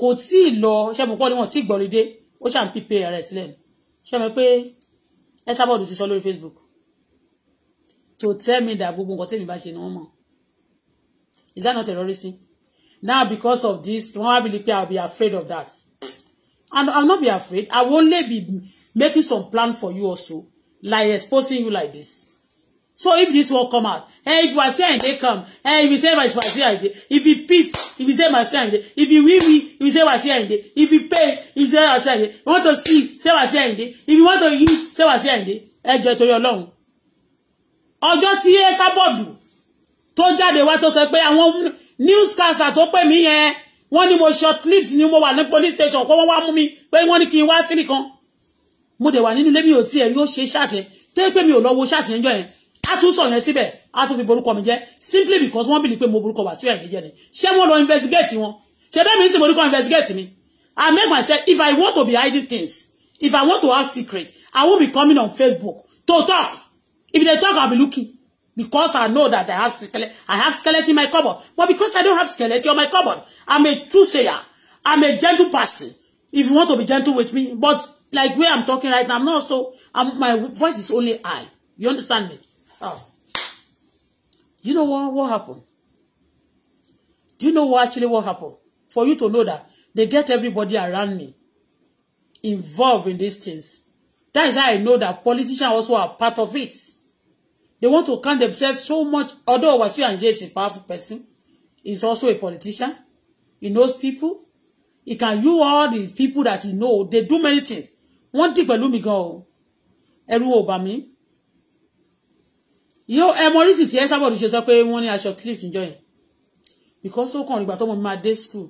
kò tí ì lọ ṣe mo pọ́ ni wọ́n tí ì gbọ́lidé ó ṣà ń pípé ara ẹ̀ sílẹ̀ ṣe mo pé ẹ sábọ̀dù ti sọ lórí Facebook to tell me that gbogbo nǹkan tèmi bá ṣe ni wọ́n mọ̀ is that not terrorism? now because of this wọ́n wá believe pé will be afraid of that and I'll not be afraid i will only be making some plan for you also like exposing you like this so if this will come out hey if wasi they come hey if you say my wasi ayinde if you peace if you say my wasi if you win win if you say wasi ayinde if you pay if you say wasi you want to see say wasi ayinde if you want to eat say wasi ayinde ẹ jọ̀ọ́ torí Ọlọ́run ọjọ́ tí ẹ sábọọdù tó jáde wá tó sọ pé àwọn newscaster tó pè mí yẹn wọ́n ní mo shortlist ni mo wà ní police station pé wọ́n wá mú mi pé wọ́n ní kí n wá sí nìkan mo dẹ̀ wà nínú ilé mi ò tiẹ̀ yóò ṣe ṣáàtì tó yẹ pé mi ò lọ wo ṣáàtì níjọ́ yẹn a tún sọ yẹn síbẹ̀ a tún fi borúkọ mi jẹ́ simply because wọ́n bìlí pé mo borúkọ wà sí ẹ̀yìn jẹ́ ni ṣé wọ́n lọ investigate wọn ṣé bẹ́ẹ̀ mi ń sì borúkọ investigate mi I make myself if I want to be hiding things if I want to have secret I won't be coming on Facebook to talk if they talk I be looking because I know that I have skeleton. I have skeleton in my cupboard. But because I don't have skeleton in my cupboard, I'm a truth-sayer. I'm a gentle person. If you want to be gentle with me, but like where I'm talking right now, I'm not so. I'm, my voice is only I. You understand me? Oh, you know what? What happened? Do you know what actually what happened? For you to know that they get everybody around me involved in these things. That is how I know that politicians also are part of it. They want to count themselves so much. Although Wasiu Ayinde is a powerful person, he's also a politician. He knows people. He can use all these people that he know. They do many things. One thing pẹ̀lú mi gan o. Ẹ̀rù ò bà mí. Yóò ẹ mọ orísìí tí ẹ sábọ̀dù ṣe sọ pé wọ́n ní aṣọ cliff níjọ́ yẹn. Because ó kàn nígbà tọ́mọ mi máa dé school.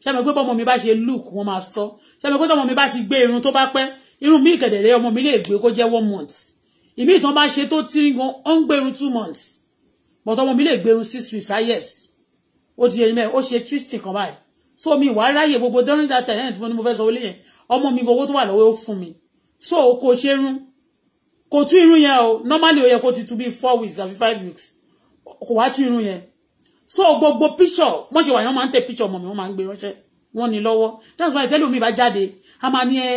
Ṣé àmọ́ pé bọ́mọ mi bá ṣe look wọ́n máa sọ? Ṣé àmọ́ pé tọ́mọ mi bá ti gbé irun tó bá pẹ́? Irun mi ìkẹ̀dẹ̀rẹ́ ọmọ mi lè gbé kó one month ìmí ìtàn bá ṣe to tí wọn ó ń gbèrú two months bọ̀tọ̀ ọmọ mi lè gbèrú six weeks ayes ah, ó ti yẹ mẹ́ ó ṣe twisting kan báyìí so mi wàá ráyè gbogbo during that time tí mo ní mo fẹ́ sọ wọlé yẹn ọmọ mi gbogbo tó wà lọ́wọ́ ó fún mi so kò ṣe rún kò tún irun yẹn o normally ó yẹ kó ti tún bí four weeks àbí five weeks kò wá tún irun yẹn so gbogbo picture wọ́n ṣe wà yẹn wọ́n máa ń tẹ picture ọmọ mi wọ́n máa ń gbé ránṣẹ́ wọ́n ní lọ́wọ́ that's why tẹ́lẹ̀ omi bá jáde a máa ní ẹ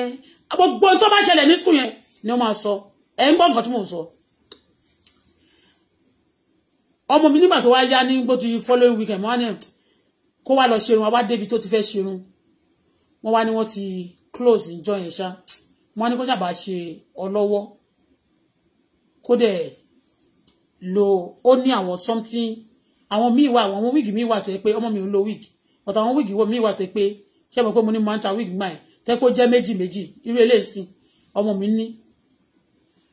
gbogbo tó bá ṣẹlẹ̀ ní school yẹn ni wọ́n máa sọ ẹ̀ ń gbọ́ nǹkan tí mò ń sọ ọmọ mi nígbà tó wá yá ní gbó ti following weekend wọn á ní kó wá lọ ṣerun wá débi tó ti fẹ́ ṣerun wọn wá ní wọn ti close ìjọ yẹn ṣá wọn á ní kó sábà ṣe ọlọ́wọ́ kó lo ó ní àwọn something àwọn míì wà àwọn wíìgì míì wà tó yẹ pé ọmọ mi ò lo wíìgì ọ̀tọ̀ àwọn wíìgì míì wà tó yẹ pé ṣé mo pé mo ní máa ń ta wíìgì máa yẹn tẹ́ kó jẹ́ méjì méjì irú eléyìí sí ọmọ mi ní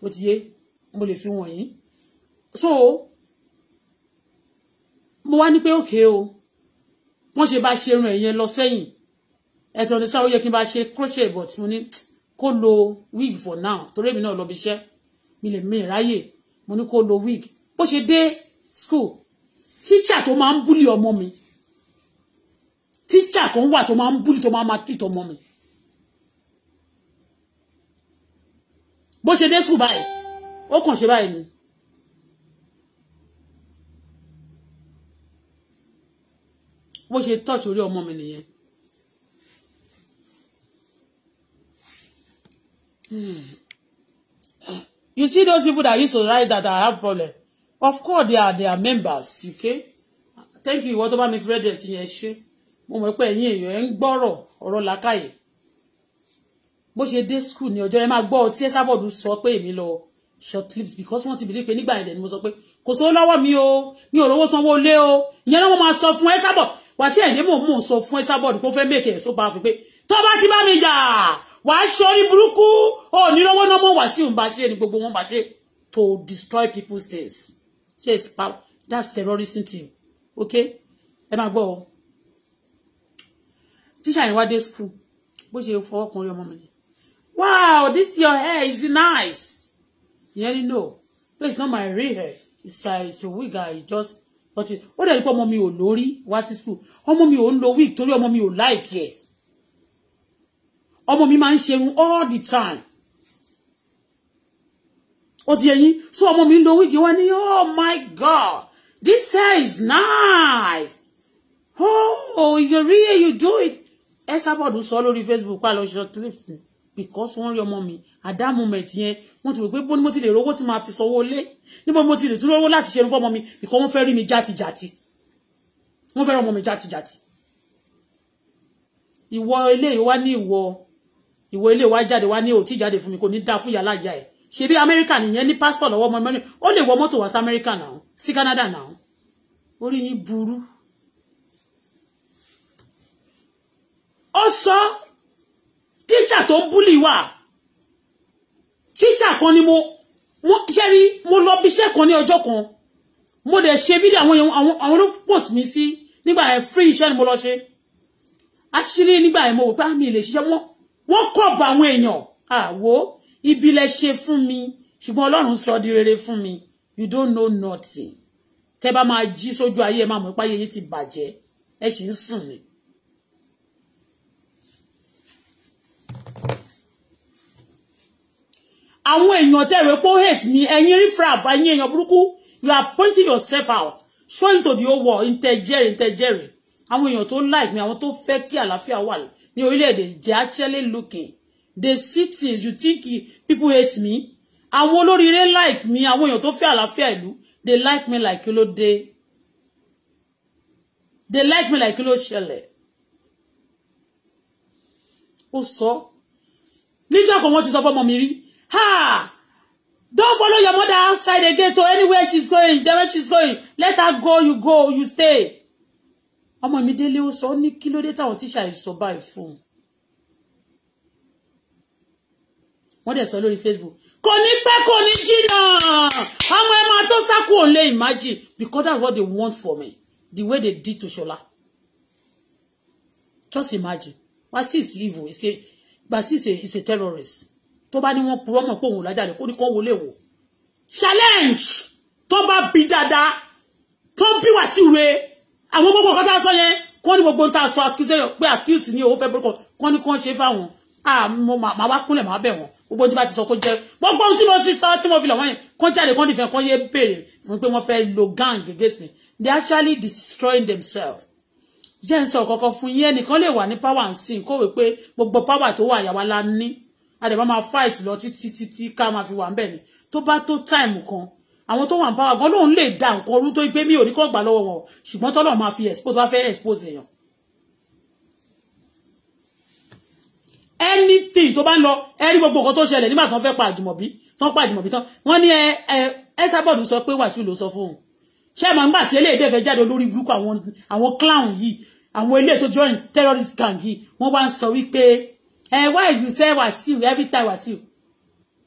ó ti yé mo lè fi wọ̀nyí so mo wá ní pé òkè o wọ́n ṣe bá ṣe irun ẹ̀yẹn lọ sẹ́yìn ẹ̀tọ́ ní sáwọ́ yẹ kí n bá ṣe crochet but mo ní kó lo wig for now torí èmi náà lọ bí iṣẹ́ mi lè mi ráyè mo ní kó lo wig bó ṣe dé school tíṣà tó máa ń búlì ọmọ mi tíṣà kan wà tó máa ń búlì tó máa máa tìtọ̀ ọmọ mi bó ṣe dé sùn báyìí ó kàn ṣe báyìí ni. bó ṣe tọ́ọ̀ṣì orí ọmọ mi nìyẹn. Hmm. you see those people that used to write that I have problem of course they are they are members okay thank you ìwọ tó bá mi fi rẹ́díẹ̀ sí yẹn ṣe mo mọ̀ pé ẹ̀yin èèyàn ẹ̀ ń gbọ́rọ̀ ọ̀rọ̀ làkàyè bó ṣe dé school ní ọjọ́ ẹ máa gbọ́ tí ẹ sábọ̀dù sọ pé èmi lọ short clips because wọ́n ti bìlí pé nígbà yẹn ni mo sọ pé kò sówó lọ́wọ́ mi o mi ò rówó sanwó lé o ìyẹn ló máa sọ fún ẹ sábọ̀ wá sí ẹ̀yẹ́ mò ń mò ń sọ fún ẹ sábọ̀dù kó fẹ́ mèkè ẹ̀ sópa fún pé tó bá ti bá mi jà wàá ṣorí burúkú ò ní lọ́wọ́ náà mọ̀ wá sí òun bá ṣe ni gbogbo wọn bá ṣe to destroy people's things yes that's terrorism thing okay ẹ máa gbọ́ ọ tíṣà yẹn wá dé school bó ṣe fọwọ́ kan rí ọmọ mi ni wow this your hair is nice ìyẹn ni no but it's not my real hair it's a uh, it's a wig i just but ó dẹ̀ pé ọmọ mi ò lórí wá sí school ọmọ mi ò ń wig Tell your mommy you like it. Oh, mommy, man, ń all the time ó ti ẹyin so ọmọ mi ń lo wig wọn ní oh my god this hair is nice oh is your real you do it ẹ do solo lórí facebook pa lọ ṣe clips ni because wọ́n rí ọmọ mi at that moment yẹn wọ́n ti rò pé bó ni mo ti lè rówó tí màá fi sanwó lé níbo mo ti lè tún rówó láti ṣerun fọ́mọ mi because wọ́n fẹ́ rí mi játijàti wọ́n fẹ́ rí ọmọ mi játijàti ìwọ ilé ìwá ní ìwọ ìwọ ilé ìwá jáde wá ní òtí jáde fún mi kò ní dá fún yàrá ìyá ẹ ṣe bí amẹ́ríkà nìyẹn ní pásítọ̀ lọ́wọ́ ọmọ mẹ́rin ó lè wọ mọ́tò wá sí amẹ́ríkà náà sí Canada náà orí yín burú ó sọ tíṣà tó ń búlì wà tíṣà kan ni mo ṣe rí mo lọ bí iṣẹ́ kan ní ọjọ́ kan mo dẹ̀ ṣe fídíò àwọn àwọn ló post mi sí nígbà yẹn free iṣẹ́ ni mo lọ ṣe àṣírí nígbà yẹn mo wò pé ah, mi lè ṣiṣẹ́ wọn wọ́n kọ̀ bá àwọn èèyàn àwo ibi lẹ ṣe fún mi ṣùgbọ́n Ọlọ́run sọ di rere fún mi you don't know nothing tẹ́ bá máa jí sójú ayé ẹ máa mọ̀ ipá yẹn ti bàjẹ́ ẹ sì ń sùn ni àwọn èèyàn tẹ̀rẹ̀ pé ó hate mi ẹ̀yin rí fraf ẹ̀yin èèyàn burúkú you are pointing yourself out showing to the whole world ìtẹ̀jẹ̀rẹ̀ ìtẹ̀jẹ̀rẹ̀ àwọn èèyàn tó like mi àwọn tó fẹ́ kí àlàáfíà wà ní orílẹ̀-èdè jẹ́ actually looking they see things you think people hate me àwọn olóríire like mi àwọn èèyàn tó fẹ́ àlàáfíà ìlú they like me like ló dé they like me like ló ṣẹlẹ̀ ó sọ nígbà kan wọ́n ti sọ fọ́mọ mi rí Ha! Don't follow your mother outside again to anywhere she's going, wherever she's going. Let her go, you go, you stay. Ọmọ mi délé ó sọ ní kí ló dé táwọn tíṣà ìsọ báyìí fún un. Wọ́n dẹ̀ sọ lórí Facebook. Kò ní pẹ́ kò ní jìnnà. Ọmọ ẹ máa tó sákò lè imagine because that's what they want for me. The way they did to Shola. Just imagine. Wasi is evil. He say, Wasi is a, a terrorist tó bá ní wọ́n purọ́ mọ̀ pé òun lájàre kó ní kọ́ wọlé wò challenge tó bá bí dáadáa tó bí wá sí re àwọn gbogbo nǹkan tá a sọ yẹn kó ní gbogbo tá a sọ àkíṣe pé àkíṣe ní òun fẹ́ bọ́kọ̀ kó ní kó ṣe fáwọn àmọ́ màá wá kúnlẹ̀ màá bẹ̀ wọ́n gbogbo tí bá ti sọ kó jẹ́ gbogbo tí mo fi sọ tí mo fi lọ̀ wọ́n yẹn kó jáde kó nífẹ̀ẹ́ kó yé béèrè fún pé wọ́n fẹ́ lo gang against me they actually destroying themselves jẹ́ ń sọ kọ̀ọ̀kan fún yẹn nìkan lè wà ní power and sin kó wè gbogbo power tó wà yàwá la ní a dẹ̀ bá máa fight lọ títí títí ká máa fi wà ńbẹ̀ ni tó bá tó time kan àwọn tó wà ń bá wa gan lóun lè da nǹkan orú tó gbé mi ò ní kó gbà lọ́wọ́ wọn ṣùgbọ́n tọ́lọ̀ máa fi expose wá fẹ́ expose èèyàn. anything tó bá ń lọ ẹ rí gbogbo nǹkan tó ṣẹlẹ̀ nígbà tán fẹ́ pa àjùmọ̀bí tán pa àjùmọ̀bí tán wọ́n ní ẹ ẹ ẹ sábọ̀dù sọ pé wàṣíù ló sọ fóun ṣé màá gbà tí eléyìí dẹ̀ fẹ́ jáde olórí burúkú àwọn àwọn clown yìí àwọn eléyìí tó join terrorist gang yìí wọ́n wá ń sọ wípé ẹ eh, why you say Wasiu every time Wasiu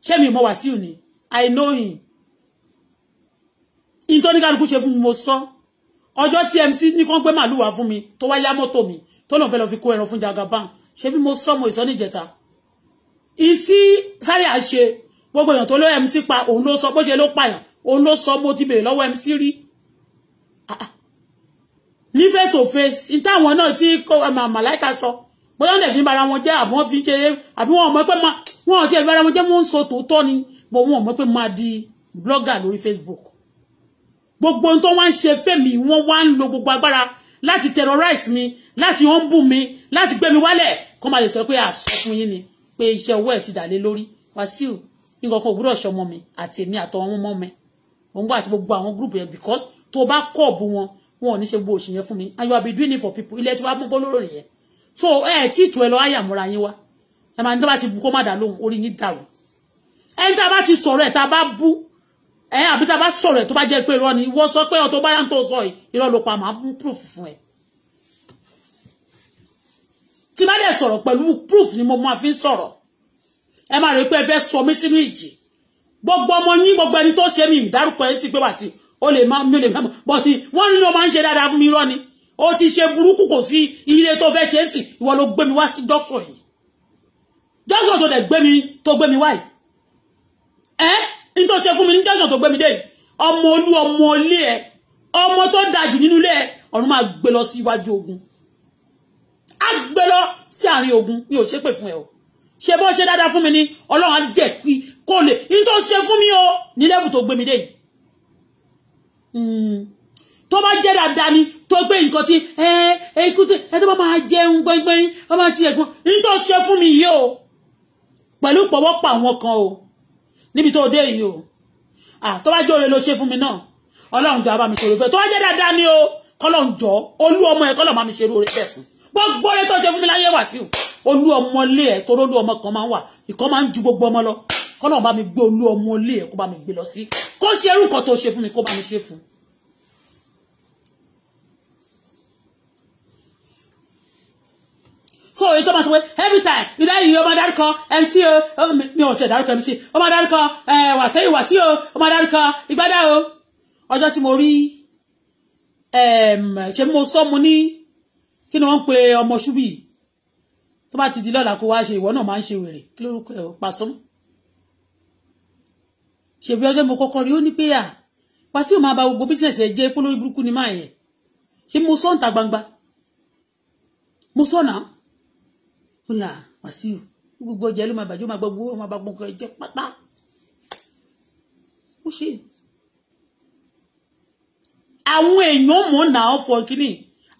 ṣé mi mọ Wasiu ni I know him nítorí kálukú ṣe fún mi mo sọ ọjọ́ tí MC ní kán gbé màlúù wá fún mi tó wá yá mọ́tò mi tó lòun fẹ́ lọ fi kó ẹran fún Jagaban ṣé bí mo sọ mo ìsọ níjẹta ìsí sáré àṣe gbogbo èèyàn tó ló MC pa òun ló sọ bó ṣe ló pààyàn òun ló sọ mo ti bèrè lọ́wọ́ MC rí ah, ah. ní face to face ní táwọn náà tí kó eh, màláìka sọ. So bóyá ọ̀nà ìfi bara wọn jẹ́ àbí wọ́n fi ṣeré àbí wọ́n mọ̀ pé wọ́n ti ẹ̀fí bara wọn jẹ́ wọ́n ń sọ tòótọ́ ni bó wọ́n mọ̀ pé máa di blogger lórí Facebook gbogbo ohun tó wá ń ṣe fẹ́mi wọ́n wá ń lo gbogbo agbára láti terrorize mi láti humble mi láti gbé mi wálẹ̀ kó má lè sọ pé àsọ fún yín ni pé iṣẹ́ owó ẹ̀ ti dà lé lórí Wàsíù nǹkan kan òwúrọ̀ ṣọmọ mi àti èmi àtọwọn mọ́ mi òun bá àti gbogbo àwọn gúrùpù yẹn because tó bá kọ̀ọ̀bù wọn wọn ò ní ṣe gbogbo òṣìyẹn fún mi and you have been doing it for people ilé tí wàá gbogbo lóró nìyẹn so ẹ tí ìtò ẹ lọ àyà múra yín wá ẹ máa ní tó bá ti bu kó má dà lóhùn orí yín dàrú ẹni tá a bá ti sọ̀rọ̀ ẹ̀ tá a bá bú ẹ àbí tá a bá sọ̀rọ̀ ẹ̀ tó bá jẹ́ pé irọ́ ni ìwọ sọ pé ọ̀tọ̀ bá yà ń tó sọ yìí irọ́ ló pa màá mú proof fún ẹ tí bá dẹ̀ sọ̀rọ̀ pẹ̀lú proof ni mo máa fi ń sọ̀rọ̀ ẹ máa rí pé ẹ fẹ́ sọ mí sínú ìjì gbogbo ọmọ yín gbogbo ẹni tó ṣe mí ìdárúkọ ẹ sì pé wà sí o lè má mi ò lè má bọ́ sí wọ́n ní ló máa ń ṣe dáadáa fún mi irọ́ ni ó ti ṣe burúkú kò sí ilé tó fẹ́ ṣe ń sìn ìwọ ló gbé mi wá sí dọ́kítọ̀ yìí dọ́kítọ̀ tó dẹ̀ gbé mi tó gbé mi wá yìí ẹ́ ní tó ṣe fún mi ní dọ́kítọ̀ tó gbé mi dé yìí ọmọ olú ọmọ ilé ẹ ọmọ tó dájú nínú ilé ẹ ọ̀run máa gbé lọ sí ogun á gbé lọ sí àárín ogun mi ò ṣépè fún ẹ o ṣe bó ṣe dáadáa fún mi ni ọlọ́run á jẹ́ kí kó lè ní tó ṣe fún mi o ní lẹ́bù tó gbé mi dé yìí. Hmm tó bá jẹ́ dáadáa ni tó gbé nǹkan tí ẹ ẹ kúté ẹ tó bá máa jẹun gbẹ́ngbẹ́yìn wọ́n máa ti ẹ̀gbọ́n ní tó ṣe fún mi yìí o pẹ̀lú pọ̀wọ́pọ̀ àwọn kan o níbi tó dé yìí o à tó bá jẹ́ oore ló ṣe fún mi náà ọlọ́run jọ abámi ṣòro fẹ́ tó bá jẹ́ dáadáa ni o kọ́lọ́run jọ olú ọmọ ẹ̀ kọ́lọ́run máa mi ṣe oore fẹ́ fún gbogbo oore tó ṣe fún mi láyé wà sí o olú ọmọ ilé ẹ̀ tó rólú ọmọ kan máa ń wà ìkan máa ń ju gbogbo ọmọ lọ kọ́lọ́run bá mi gbé olú ọmọ ilé ẹ̀ kó bá mi gbé lọ sí kó ṣe irú nǹkan tó ṣe fún mi kó bá mi ṣe fún un so èyí tó máa sọ every time You ìdá your mother call mc o oh, mi ò tẹ̀ dárúkọ mc ọmọ dárúkọ wàsẹ́yìn eh, wàsí o ọmọ dárúkọ ìgbádá o ọjọ́ tí mo rí ṣe mo sọ mo ní kí ni wọ́n ń pe ọmọ ṣubí tó bá ti di lọ́la kó wá ṣe ìwọ náà máa ń ṣe wèrè kí lórúkọ ẹ̀ pàṣán ṣèbí ọjọ́ mo kọ́kọ́ rí ó ní pé à pàtí ò máa ba gbogbo bísíǹsì ẹ̀ jẹ́ polówó burúkú ni máa yẹ ṣé mo sọ ń gbangba mo sọ náà ó là Wàsíù gbogbo ọjà ló máa bàjẹ́ ó máa gbọ́ gbogbo ó máa bá gbogbo ẹ̀jẹ̀ pátá ó ṣe àwọn èèyàn mọ̀ náà fọ kínní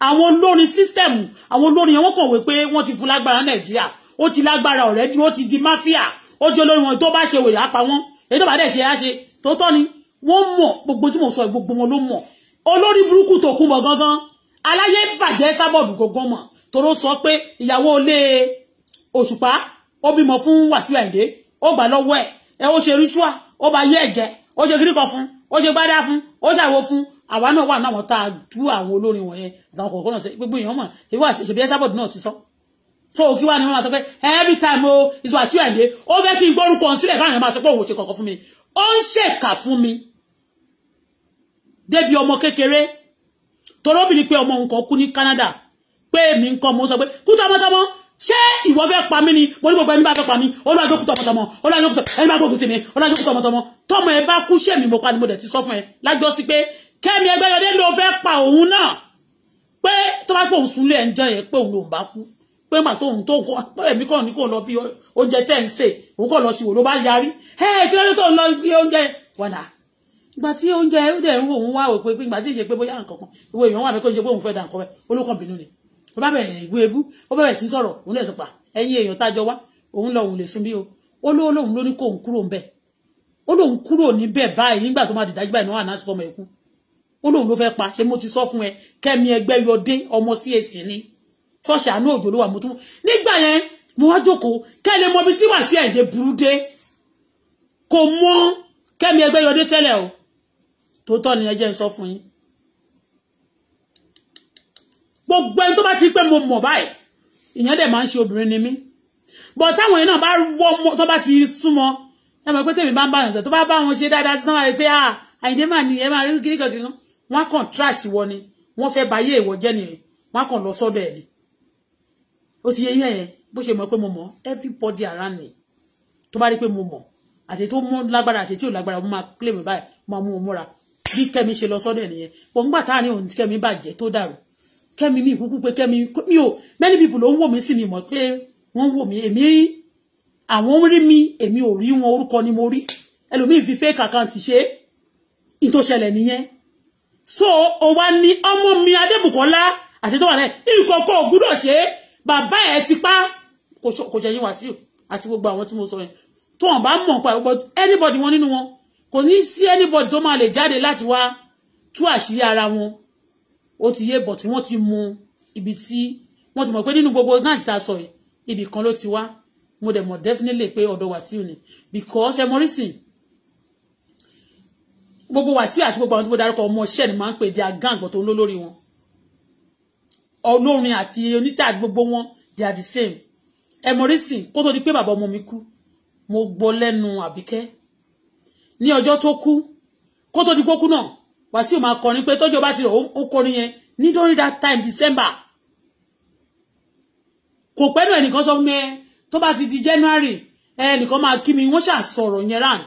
àwọn olórin system àwọn olórin yẹn wọ́n kàn wé pé wọ́n ti fún lágbára Nàìjíríà ó ti lágbára ọ̀rẹ́ dúró ti di máfíà ó jẹ́ olórin wọn tó bá ṣe wèrè apá wọn èyí tó bá dẹ̀ ṣe á ṣe tó tọ́ ni wọ́n mọ̀ gbogbo tí mo sọ gbogbo wọn ló mọ̀ olórí burúkú tó kún gangan aláyé bàjẹ́ sábọ̀dù gangan mọ̀ tòró sọ pé ìyàwó ilé òṣùpá ó bímọ fún wàsíù àìdé ó gbà lọ́wọ́ ẹ̀ ẹ ó ṣe ritual ó bá yé ẹ̀jẹ̀ ó ṣe kíríkọ fún ó ṣe gbádá fún ó ṣàwo fún àwa náà wà náà wọn tá a tú àwọn olórin wọ̀nyẹn àtàwọn kọ̀ọ̀kan náà gbogbo èèyàn mọ̀ ṣèbí wà ṣèbí ẹsábọ̀dù náà ti sọ so kí wàá ní wọn máa sọ pé every time o ìṣòwàsí ẹ̀dẹ́ ó fẹ́ kí n gbórúkọ ọ̀hún sílẹ̀ káwọn èèyàn máa sọ pé òun ò ṣe mi ó ń mi débi ọmọ kékeré toróbìnrin pé ọmọ nǹkan kú ní Canada pé èmi nǹkan mo ṣé ìwọ fẹ́ pa mí ni mo ní gbogbo ẹni bá fẹ́ pa mí olúwa jókòó tọmọtọmọ olúwa jókòó tọmọ ẹni bá gbogbo tèmi olúwa jókòó tọmọtọmọ tọmọ ẹ bá kú ṣèmi mo pa ni mo dẹ̀ ti sọ fún ẹ lájọ́ sí pé kẹ́mi ẹgbẹ́yọdé ló fẹ́ pa òun náà pé tó bá pé òun sùn lé ẹ̀ ń jẹ́ yẹn pé òun lòun bá kú pé mà tó òun tó kọ ẹ̀mí kàn ní kò lọ bí oúnjẹ tẹ́ ń sè òun kàn lọ sí wò ló bá yarí ẹ kí lóde tó ń lọ bí oúnjẹ wọ̀nà ìgbà tí oúnjẹ ó dẹ̀ ń wò òun wá òpin ìgbà tí ì ṣe pé bóyá nǹkan kan ìwé èèyàn wà mí kó ń ṣe pé òun fẹ́ da nǹkan bẹ́ẹ̀ olókàn bínú ni ó bá bẹ̀rẹ̀ ìwé ebú ó bẹ̀rẹ̀ sí o òun lè sọpa ẹ̀yin èèyàn tájọ wá òun lọ òun lè sun bí o ó lówó lòun ló ní kóun o ńbẹ̀ ó lòun kúrò níbẹ̀ báyìí nígbà tó máa dìdájú báyìí náà àná àti ọmọ ẹ̀kú ó lòun ló fẹ́ pa ṣé mo ti sọ fún ẹ kẹ́mi ẹgbẹ́ yọdé ọmọ sí èsì ni ṣọ́ọ̀ṣì àánú òjò ló wà mo tún nígbà yẹn mo wá jókòó kẹ́lẹ́ mọ ibi tí wà sí ẹ̀dẹ̀ burú dé kò mọ kẹ́mi ẹgbẹ́ yọdé tẹ́lẹ̀ o tó tọ́ ni ẹ jẹ́ ń sọ gbogbo ẹni tó bá ti pẹ́ mo mọ̀ báyìí ìyẹn dẹ̀ máa ń ṣe obìnrin ni mí bọ̀ táwọn yẹn náà bá wọ́ tó bá ti súnmọ́ ẹ mọ̀ pé tèmi bá ń bá yàn sọ tó bá bá wọn ṣe dáadáa sí náà pé ah àyìndé mà ní ẹ máa rí kíríkà kíríkà wọn kàn trash wọ ni wọn fẹ́ báyé ìwọ jẹ́ nìyẹn wọn kàn lọ sọ́dọ̀ ẹ̀ ni ó ti yẹ yẹn yẹn bó ṣe mọ̀ pé mo mọ̀ everybody around me tó bá rí pé mo mọ̀ àti tó mú lágbára àti tí ò lágbára mo máa claim báyìí mo máa mú un múra bí kẹ́mi ṣe lọ sọ́dọ̀ ẹ̀ nìyẹn pọ̀ ńgbà táà ní òun kẹ́mi bàjẹ́ tó dàrú kẹ́mi mi ìkúkú pé kẹ́mi mi ò many people ló ń wò mí sí mi mọ̀ pé wọ́n wò mí èmi àwọn rí mi èmi ò rí wọn orúkọ ni mo rí ẹlòmíì fi fake account ṣe ìtòṣẹlẹ̀ nìyẹn so ó wá ní ọmọ mi Adébùkọ́lá àti tó wà náà ìkọ̀kọ̀ ògbúdọ̀ ṣe bàbá ẹ̀ ti pa kò ṣẹ̀yìn Wàsíù àti gbogbo àwọn tí mo sọ yẹn tó wọn bá mọ̀ pa gbogbo anybody wọn nínú wọn kò ní sí anybody tó máa lè jáde láti wá tú àṣírí ara wọn ó ti yé bọ̀ tí wọ́n ti mú ibi tí wọ́n ti mọ̀ pé nínú gbogbo náà ta sọ ibì kan ló ti wá mo dẹ̀ mọ̀ definitely pé ọ̀dọ̀ Wàsíù ni because ẹ mọ rísìn gbogbo Wàsíù àti gbogbo àwọn tí mo darúkọ ọmọ ṣẹ́ ni máa ń pè dé agáǹgbọ̀n tó ń lò lórí wọn olórin àti onítà gbogbo wọn they are the same ẹ mọ rísìn kó tó di pé bàbá ọmọ mi kú mo gbọ́ lẹ́nu Àbíkẹ́ ní ọjọ́ tó kú kó tó di kó kú náà wàsíù máa kọrin pé tọ́jú ọba ti rọ̀ ó kọrin yẹn nítorí that time december kò pẹ́nu ẹnìkan sọ fún tó bá ti di january ẹnìkan máa kí mi wọ́n ṣà sọ̀rọ̀ yẹn round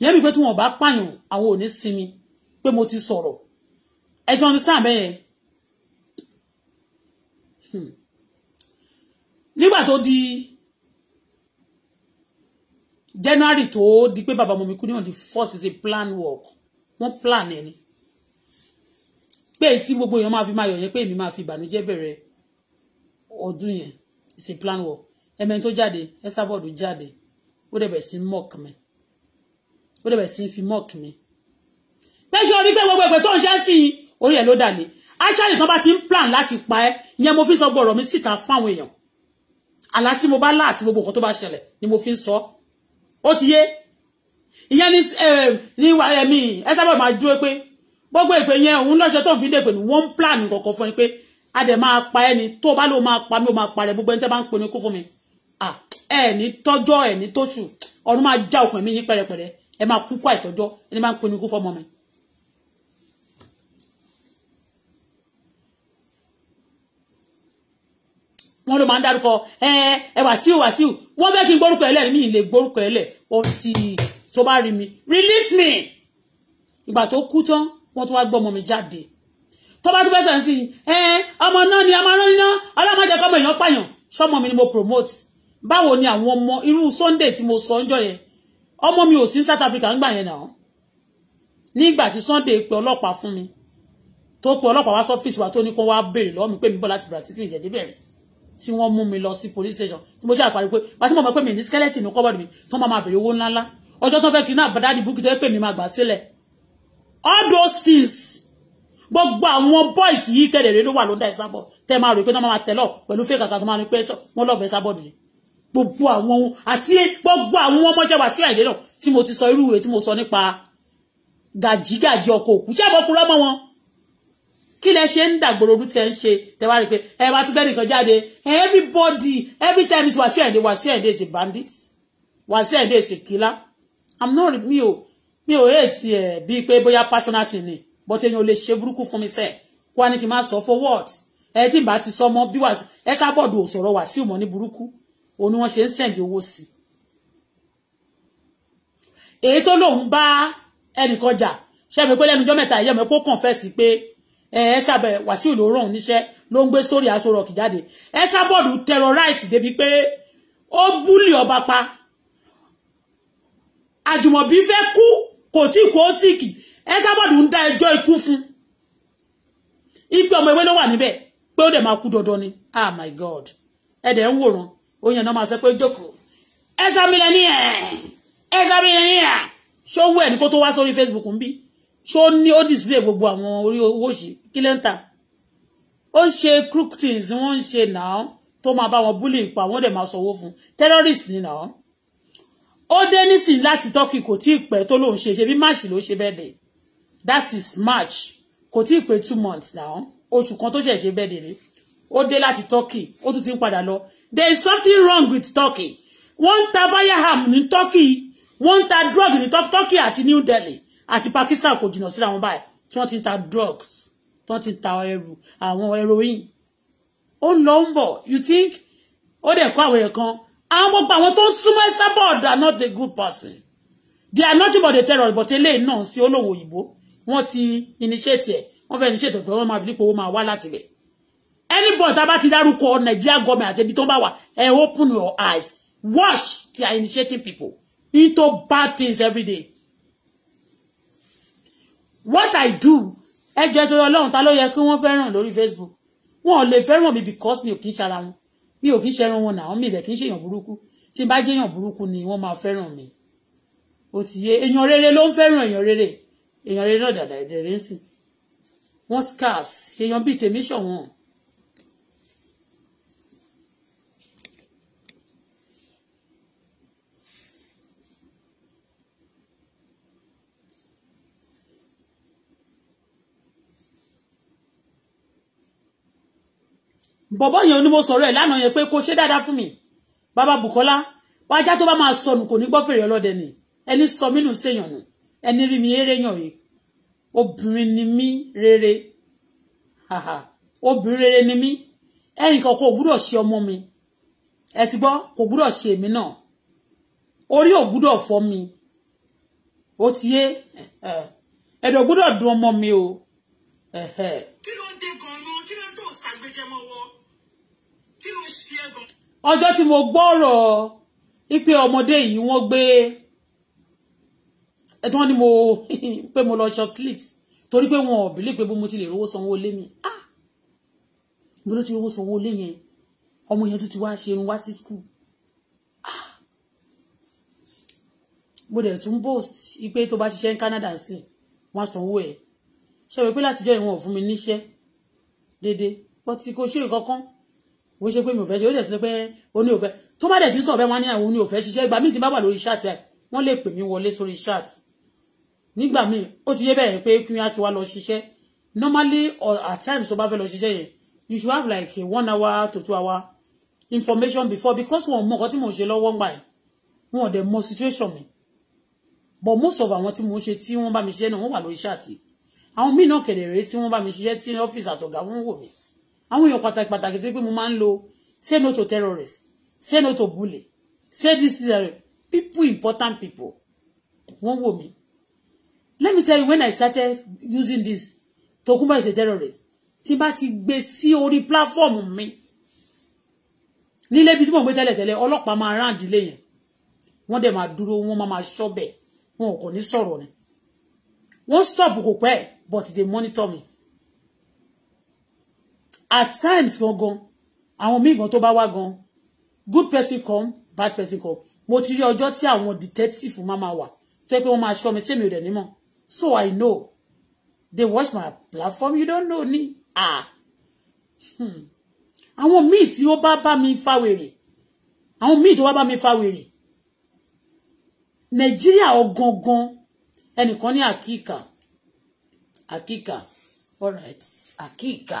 yẹn bí pé tí wọn bá pààyàn àwọn ò ní sinmi pé mo ti sọ̀rọ̀ ẹ ti understand bẹ́ẹ̀ yẹn hmm. nígbà tó di January to di pé bàbá mọ̀mí kú on the first is a plan work wọ́n plan ẹni pé tí gbogbo èèyàn máa fi máa yọ̀ yẹn pé èmi máa fi ìbànújẹ́ bẹ̀rẹ̀ ọdún yẹn is a plan work ẹmẹni tó jáde ẹsàbọ̀dù jáde ó dẹ̀ bẹ̀ sí mock mi ó dẹ̀ bẹ̀ sí fi mock mi pé ṣe orí pé gbogbo ẹ̀pẹ̀ tó ń ṣe sí i orí ẹ̀ ló dà ní aṣáájú kan bá ti ń plan láti pa ẹ́ ìyẹn mo fi sọ gbọ́rọ̀ mi síta fáwọn èèyàn àlá tí mo bá lá àti gbogbo nǹkan tó bá ṣẹlẹ̀ ni mo fi ń ó ti yé ìyẹn ní ní ẹ̀mí ẹ sábà máa dúró pé gbogbo ìpè yẹn òun lọ́sẹ̀ tó ń fi dé pé ní wọ́n ń plan kọ̀ọ̀kan fún ẹ pé a dẹ̀ máa pa ẹni tó ba ló máa pa mí ó máa parẹ́ gbogbo ẹni tẹ́ bá ń pinnu kú fún mi ẹ ní tọ́jọ́ ẹ ma tóṣù ọ̀run máa já òkun ẹ̀mí yín pẹ̀rẹ̀pẹ̀rẹ̀ ẹ máa kú kó àìtọ́jọ́ ẹni máa ń pinnu kú fọ́mọ mi. wọ́n ló máa ń dárúkọ ẹ ẹ wàsíù wàsíù wọ́n fẹ́ kí n gbórúkọ ẹlẹ́ mi lè gbórúkọ ẹlẹ́ ó ti tó bá rí mi release me ìgbà tó kú tán wọ́n tún wá gbọ́ ọmọ mi jáde tó bá tún fẹ́ sàn sí i ẹ ọmọ náà ni ọmọ náà náà ọlọ́mọdé kọ́mọ èèyàn pààyàn sọmọ mi ni mo promote báwo ni àwọn ọmọ irú Sunday tí mo sọ ń jọ yẹn ọmọ mi ò sí South Africa ńgbà yẹn náà nígbà tí Sunday pe ọlọ́pàá fún mi tó pe ọlọ́pàá wá sọ́fíìsì wa tó ní kó wá béèrè lọ́wọ́ mi pé mi bọ́ láti Brazil ìjẹ́dí bẹ̀rẹ̀ tí wọ́n mú mi lọ sí police station tí mo ṣe àparí pé pàtí mo mọ̀ pé mi ní skeleton ní kọ́bọ̀dù mi tó máa máa bèrè owó ńláńlá ọjọ́ tó fẹ́ kí náà bàdá dìbò kí tó pè máa gbà sílẹ̀ all those things gbogbo àwọn boys yìí kẹ̀lẹ̀rẹ̀ ló wà lọ́dà ìsábọ̀ tẹ́ máa rò pé náà máa tẹ̀lọ́ pẹ̀lú fake àkàtà máa ní pé wọ́n lọ́ọ̀fẹ́ sábọ̀ dìde gbogbo àwọn ohun àti gbogbo àwọn ọmọ jẹ́ wà sí àìlérò tí mo ti sọ irú ìwé tí mo sọ nípa gàjígàjí ọkọ̀ òkú ṣé àbọ̀kúrọ́ mọ́ wọn kí lẹ ṣe ń dàgbòrò orú tẹ ń ṣe tẹ wá rí i pé ẹ bá tún bẹ́ẹ̀ nìkan jáde everybody every time is Wasiu Ayinde Wasiu Ayinde is a bandit Wasiu Ayinde is a killer i'm not mi ò mi ò yé ti ẹ̀ bíi pé bóyá personal thing ni but èèyàn ò lè ṣe burúkú fún mi sẹ́ẹ̀ kó wá ní kí n má sọ for what ẹ tí n bá ti sọ mọ́ bí wà ẹ sábọ̀dù ò sọ̀rọ̀ Wasiu mọ́ ní burúkú òun ni wọ́n ṣe ń sẹ̀ǹdì owó sí i èyí tó lòun bá ẹnìkan jà ṣe mi pé lẹ́nu ọjọ́ mẹ́ta ìyá mi kó confess pé ẹ̀ẹ́sà bẹ̀rẹ̀ wàsíù ló rán níṣẹ́ ló ń gbé sórí aṣọ rọ̀kì jáde ẹ̀ẹ́sà bọ́ọ̀lù terrorize débi pé ó búlì ọba pa àjùmọ̀bí fẹ́ kú kò tí kò síkì ẹ̀ẹ́sà bọ́ọ̀lù ń dá ẹjọ́ ikú fún ipe ọmọ ewé ló wà níbẹ̀ pé ó dẹ̀ máa kú dandan ni ah my god ẹ̀dẹ̀ ń wòran ó yẹn náà máa sọ pé jókòó ẹ̀ẹ́sà mílíọ̀nì ẹ̀ ẹ̀ẹ́sà mílíọ̀nì ẹ̀ ṣó wẹ̀ ní kó tó wá sórí Facebook ń bí ṣó ní ó display gbogbo àwọn orí owó ṣe kí lẹ́ ń tà ó ń ṣe crook things ni wọ́n now. ṣe náà tó máa bá wọn búlì pa wọ́n dẹ̀ máa sanwó fún terrorist ni náà ó dé nísìnyí láti turkey kò tí ì pẹ́ tó lóun ṣe ṣe bí march ló ṣe bẹ́ẹ̀ that is march kò tí ì pé two months now oṣù kan tó ṣẹ̀ṣẹ̀ bẹ́ẹ̀ dẹ̀ rẹ̀ ó dé láti turkey ó tún ti ń padà lọ there is something wrong with turkey wọ́n ń ta firearm ní turkey wọ́n ń ta drug ní turkey àti new delhi àti Pakistan kò jìnnà síra wọn báyìí tí wọ́n ti ta drugs tí wọ́n ti ta ẹrù àwọn heroin ó ń lọ ń bọ̀ you think ó dẹ̀ kọ́ àwọn ẹ̀kan àwọn gbogbo àwọn tó ń súnmọ́ ẹ sábọ̀d are not a good person they are not about the terror but eléyìí náà sí olówó òyìnbó wọ́n ti initiate ẹ̀ wọ́n fẹ́ initiate ọ̀dọ́ wọn máa bí owó máa wá láti bẹ̀ anybody tá a bá ti dárúkọ Nigeria government àti ibi tó ń bá wà ẹ open your eyes watch they are initiating people into bad things every day what i do ẹ jẹ́ torí ọlọ́run ta ló yẹ kí wọ́n fẹ́ràn lórí facebook wọn ò lè fẹ́ràn mi because mi ò kí ń ṣara wọn mi ò kí ń ṣẹran wọn náà mi ìdẹ̀ kí ń ṣèyàn burúkú tí n bá jẹ́yàn burúkú ni wọ́n máa fẹ́ràn mi ó ti yé èèyàn rere ló ń fẹ́ràn èèyàn rere èèyàn rere náà dàdà ìdẹ̀rẹ́sì wọ́n scars èèyàn bíi tèmi ṣọ̀wọ́n bọ̀bọ́ yẹn ni mo sọ̀rọ̀ ẹ̀ lánàá yẹn pé kó ṣe dáadáa fún mi bàbá Bukola, wájá tó bá máa sọnù kò ní gbọ́ fèrè ọlọ́dẹ ni ẹni sọ mí nù séèyàn nù ẹni rí mi eré yàn yìí obìnrin ni mí rere obìnrin rere ni mí ẹnì kan kò gbúdọ̀ ṣe ọmọ mi ẹ ti gbọ́ kò gbúdọ̀ ṣe èmi náà orí ò gbúdọ̀ fọ́ mi ó ti yé ẹ̀dọ̀ gbúdọ̀ dùn ọmọ mi o. kí ló dé gan-an kí ló tó ṣàgbéjẹmọ́wọ́ ọjọ́ tí mo gbọ́rọ̀ Ipe ọmọdé yìí wọ́n gbé ẹ̀tọ́ ni mo pé mo lọ ṣọ clips torí pé wọn ò bìlí pé bó mo ti lè rówó sanwó lé mi ah mo ló ti rówó sanwó lé yẹn ọmọ yẹn tó ti wá ṣe irun wá sí school ah mo dẹ̀ tún boast pé tó bá ṣiṣẹ́ ní Canada sí wọ́n á sanwó ẹ̀ ṣe wípé látijọ́ ìwọ̀n ò fún mi níṣẹ́ déédéé bọ́tí kò ṣe nǹkan kan òun ṣe pé mi ò fẹ́ ṣe ó dẹ̀ ṣe pé ó ní òfẹ́ tó bá dẹ̀ ti sọ̀rọ̀ bẹ́ẹ̀ wọ́n ní àwọn òun ní òfẹ́ ṣiṣẹ́ ìgbà míì ti bá wà lórí ṣáàtì ẹ̀ wọ́n lè pè mí wọlé sórí ṣáàtì nígbà míì ó ti yé bẹ́ẹ̀ pé kí wọ́n á ti wá lọ ṣiṣẹ́ normally or at times tó bá fẹ́ lọ ṣiṣẹ́ yẹn you should have like one hour to two hour information before because wọn mọ nǹkan tí mò ń ṣe lọ́wọ́ ńgbà yẹn wọn ò dẹ̀ mọ situation mi but most of àwọn tí mò ń ṣe tí wọ́n bá mi ṣiṣẹ́ náà wọ́n wà lórí ṣáàtì àwọn míì náà kẹ̀lẹ̀ rèé tí wọ́n bá mi ṣiṣẹ́ tí ọ́fíìsì àtọ̀gá wọn wò mí àwọn èèyàn pàtàkì pàtàkì tó pé mo máa ń lo say no to terrorist, say no to bully say this is a people important people wọ́n wò mí let me tell you when I started using this Tokunbo as a terrorist tí bá ti gbé sí orí platform mi nílé ibi tí mò ń gbé tẹ́lẹ̀tẹ́lẹ̀ ọlọ́pàá máa ráǹdì lé yẹn wọ́n dẹ̀ máa dúró wọ́n máa máa ṣọ́ bẹ̀ wọn kò ní sọ̀rọ̀ ni wọ́n stop kò pẹ́ but they monitor me at times gangan àwọn míì gan tó bá wá gan good person come bad person come mo ti rí ọjọ́ tí àwọn detective máa ma wà tó yẹ pé wọ́n máa ṣọ́ mi tèmi ò dẹ̀ nímọ̀ so I know they watch my platform you don't know ni ah hmm. àwọn míì tí ó bá bá mi fa wèrè àwọn míì tó wá bá mi fa wèrè nàìjíríà ọgangan ẹnìkan ní àkíkà àkíkà all right àkíkà.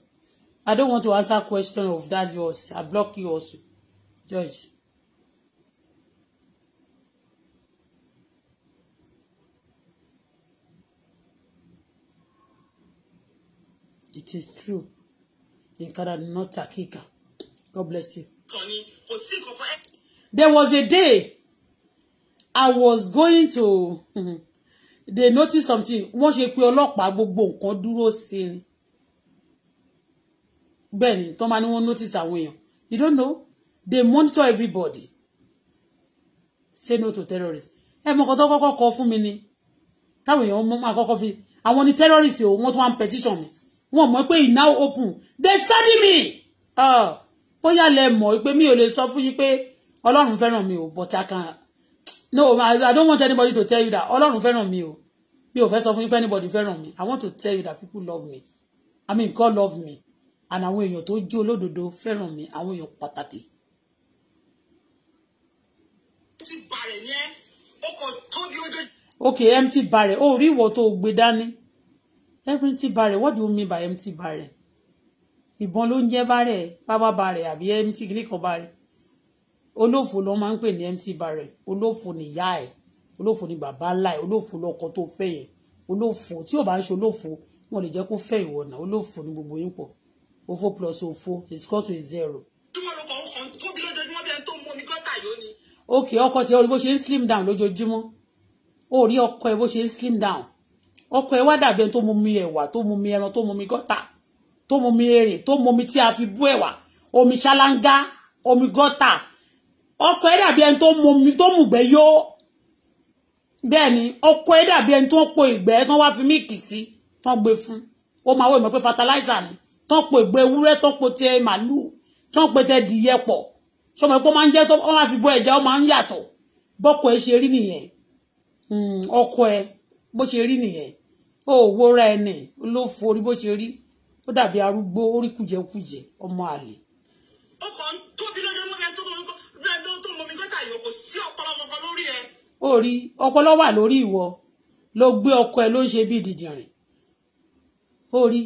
I don't want to answer question of that yours. I block you also. George. It is true. In Nkada not Akika. God bless you. There was a day I was going to. They noticed something. Wọ́n ṣe pé ọlọ́pàá gbogbo nǹkan dúró duro ni bẹ́ẹ̀ ni tó máa ní wọ́n notice àwọn èèyàn you don't know they monitor everybody say no to terrorist ẹ mọ̀ kọ́ tó kọ́kọ́ kọ fún mi ni táwọn èèyàn mọ́ máa kọ́kọ́ fi àwọn ni terrorist o wọ́n tún wá ń petition mi wọ́n mọ̀ pé it now open they study me ah, bóyá lẹ mọ̀ pé mi ò lè sọ fún yín pé ọlọ́run fẹ́ràn mi o but I can no I don't want anybody to tell you that ọlọ́run fẹ́ràn mi o mi ò fẹ́ sọ fún yín pé anybody fẹ́ràn mi I want to tell you that people love me I mean God love me and àwọn èèyàn tó jẹ́ olódodo fẹ́ràn mi àwọn èèyàn pàtàkì. okay empty barrel ó rí ìwọ tó gbé dání empty barrel what do you mean by empty barrel ìbọn ló ń jẹ́ barrel bábá barrel àbí empty kìnnìkan barrel olófò ló máa ń pè ní empty barrel olófò ni ìyá ẹ̀ olófò ni bàbá ńlá ẹ̀ olófò lọkọ tó fẹ́ yẹn olófò tí ò bá ń ṣe olófò wọn lè jẹ́ kó fẹ́ ìwọ náà olófò ni gbogbo yín pọ̀ òfo plus òfo is equal to zero. ok ọkọ tí orí bó ṣe ń slim down lójoojúmọ́ orí ọkọ ẹ bó ṣe ń slim down ọkọ ẹ wá dàbí ẹni tó mu mi ẹ̀wà tó mu mi ẹran tó mu mi gọ́tà tó mu mi èrè tó mu mi tí a fi bú ẹ̀wà omi ṣáláńgá omi gọ́tà ọkọ ẹ dàbí ẹni tó mu mi tó mu gbẹ́ yó bẹ́ẹ̀ ni ọkọ ẹ dàbí ẹni tó ń po ìgbẹ́ tó wá fi míìkì sí tó ń gbé fún ó máa wọ ìmọ̀ pé fertilizer ni tán po ìgbẹ́ ewúrẹ́ tán po tẹ màlúù tán pe tẹ dìyẹ pọ̀ sọmọ pé ó máa ń jẹ́ tó ó máa fi bọ ẹ̀jẹ̀ ó máa ń yàtọ̀ bọ́kọ ẹ ṣe rí nìyẹn hmm, ọkọ ẹ bó ṣe rí nìyẹn ó wóra ẹni ló forí bó ṣe rí ó dàbí arúgbó orí kùjẹkùjẹ ọmọ àlè. ó kàn ń tóbi lọ́jọ́ mọ́mi tó tó mọ́mi gọ́tà yìí kò sí ọpọlọ kankan lórí ẹ. ó rí ọpọlọ wà lórí ìwọ ló gbé ọkọ ẹ ló ń ṣe bíi dìdìrìn ó rí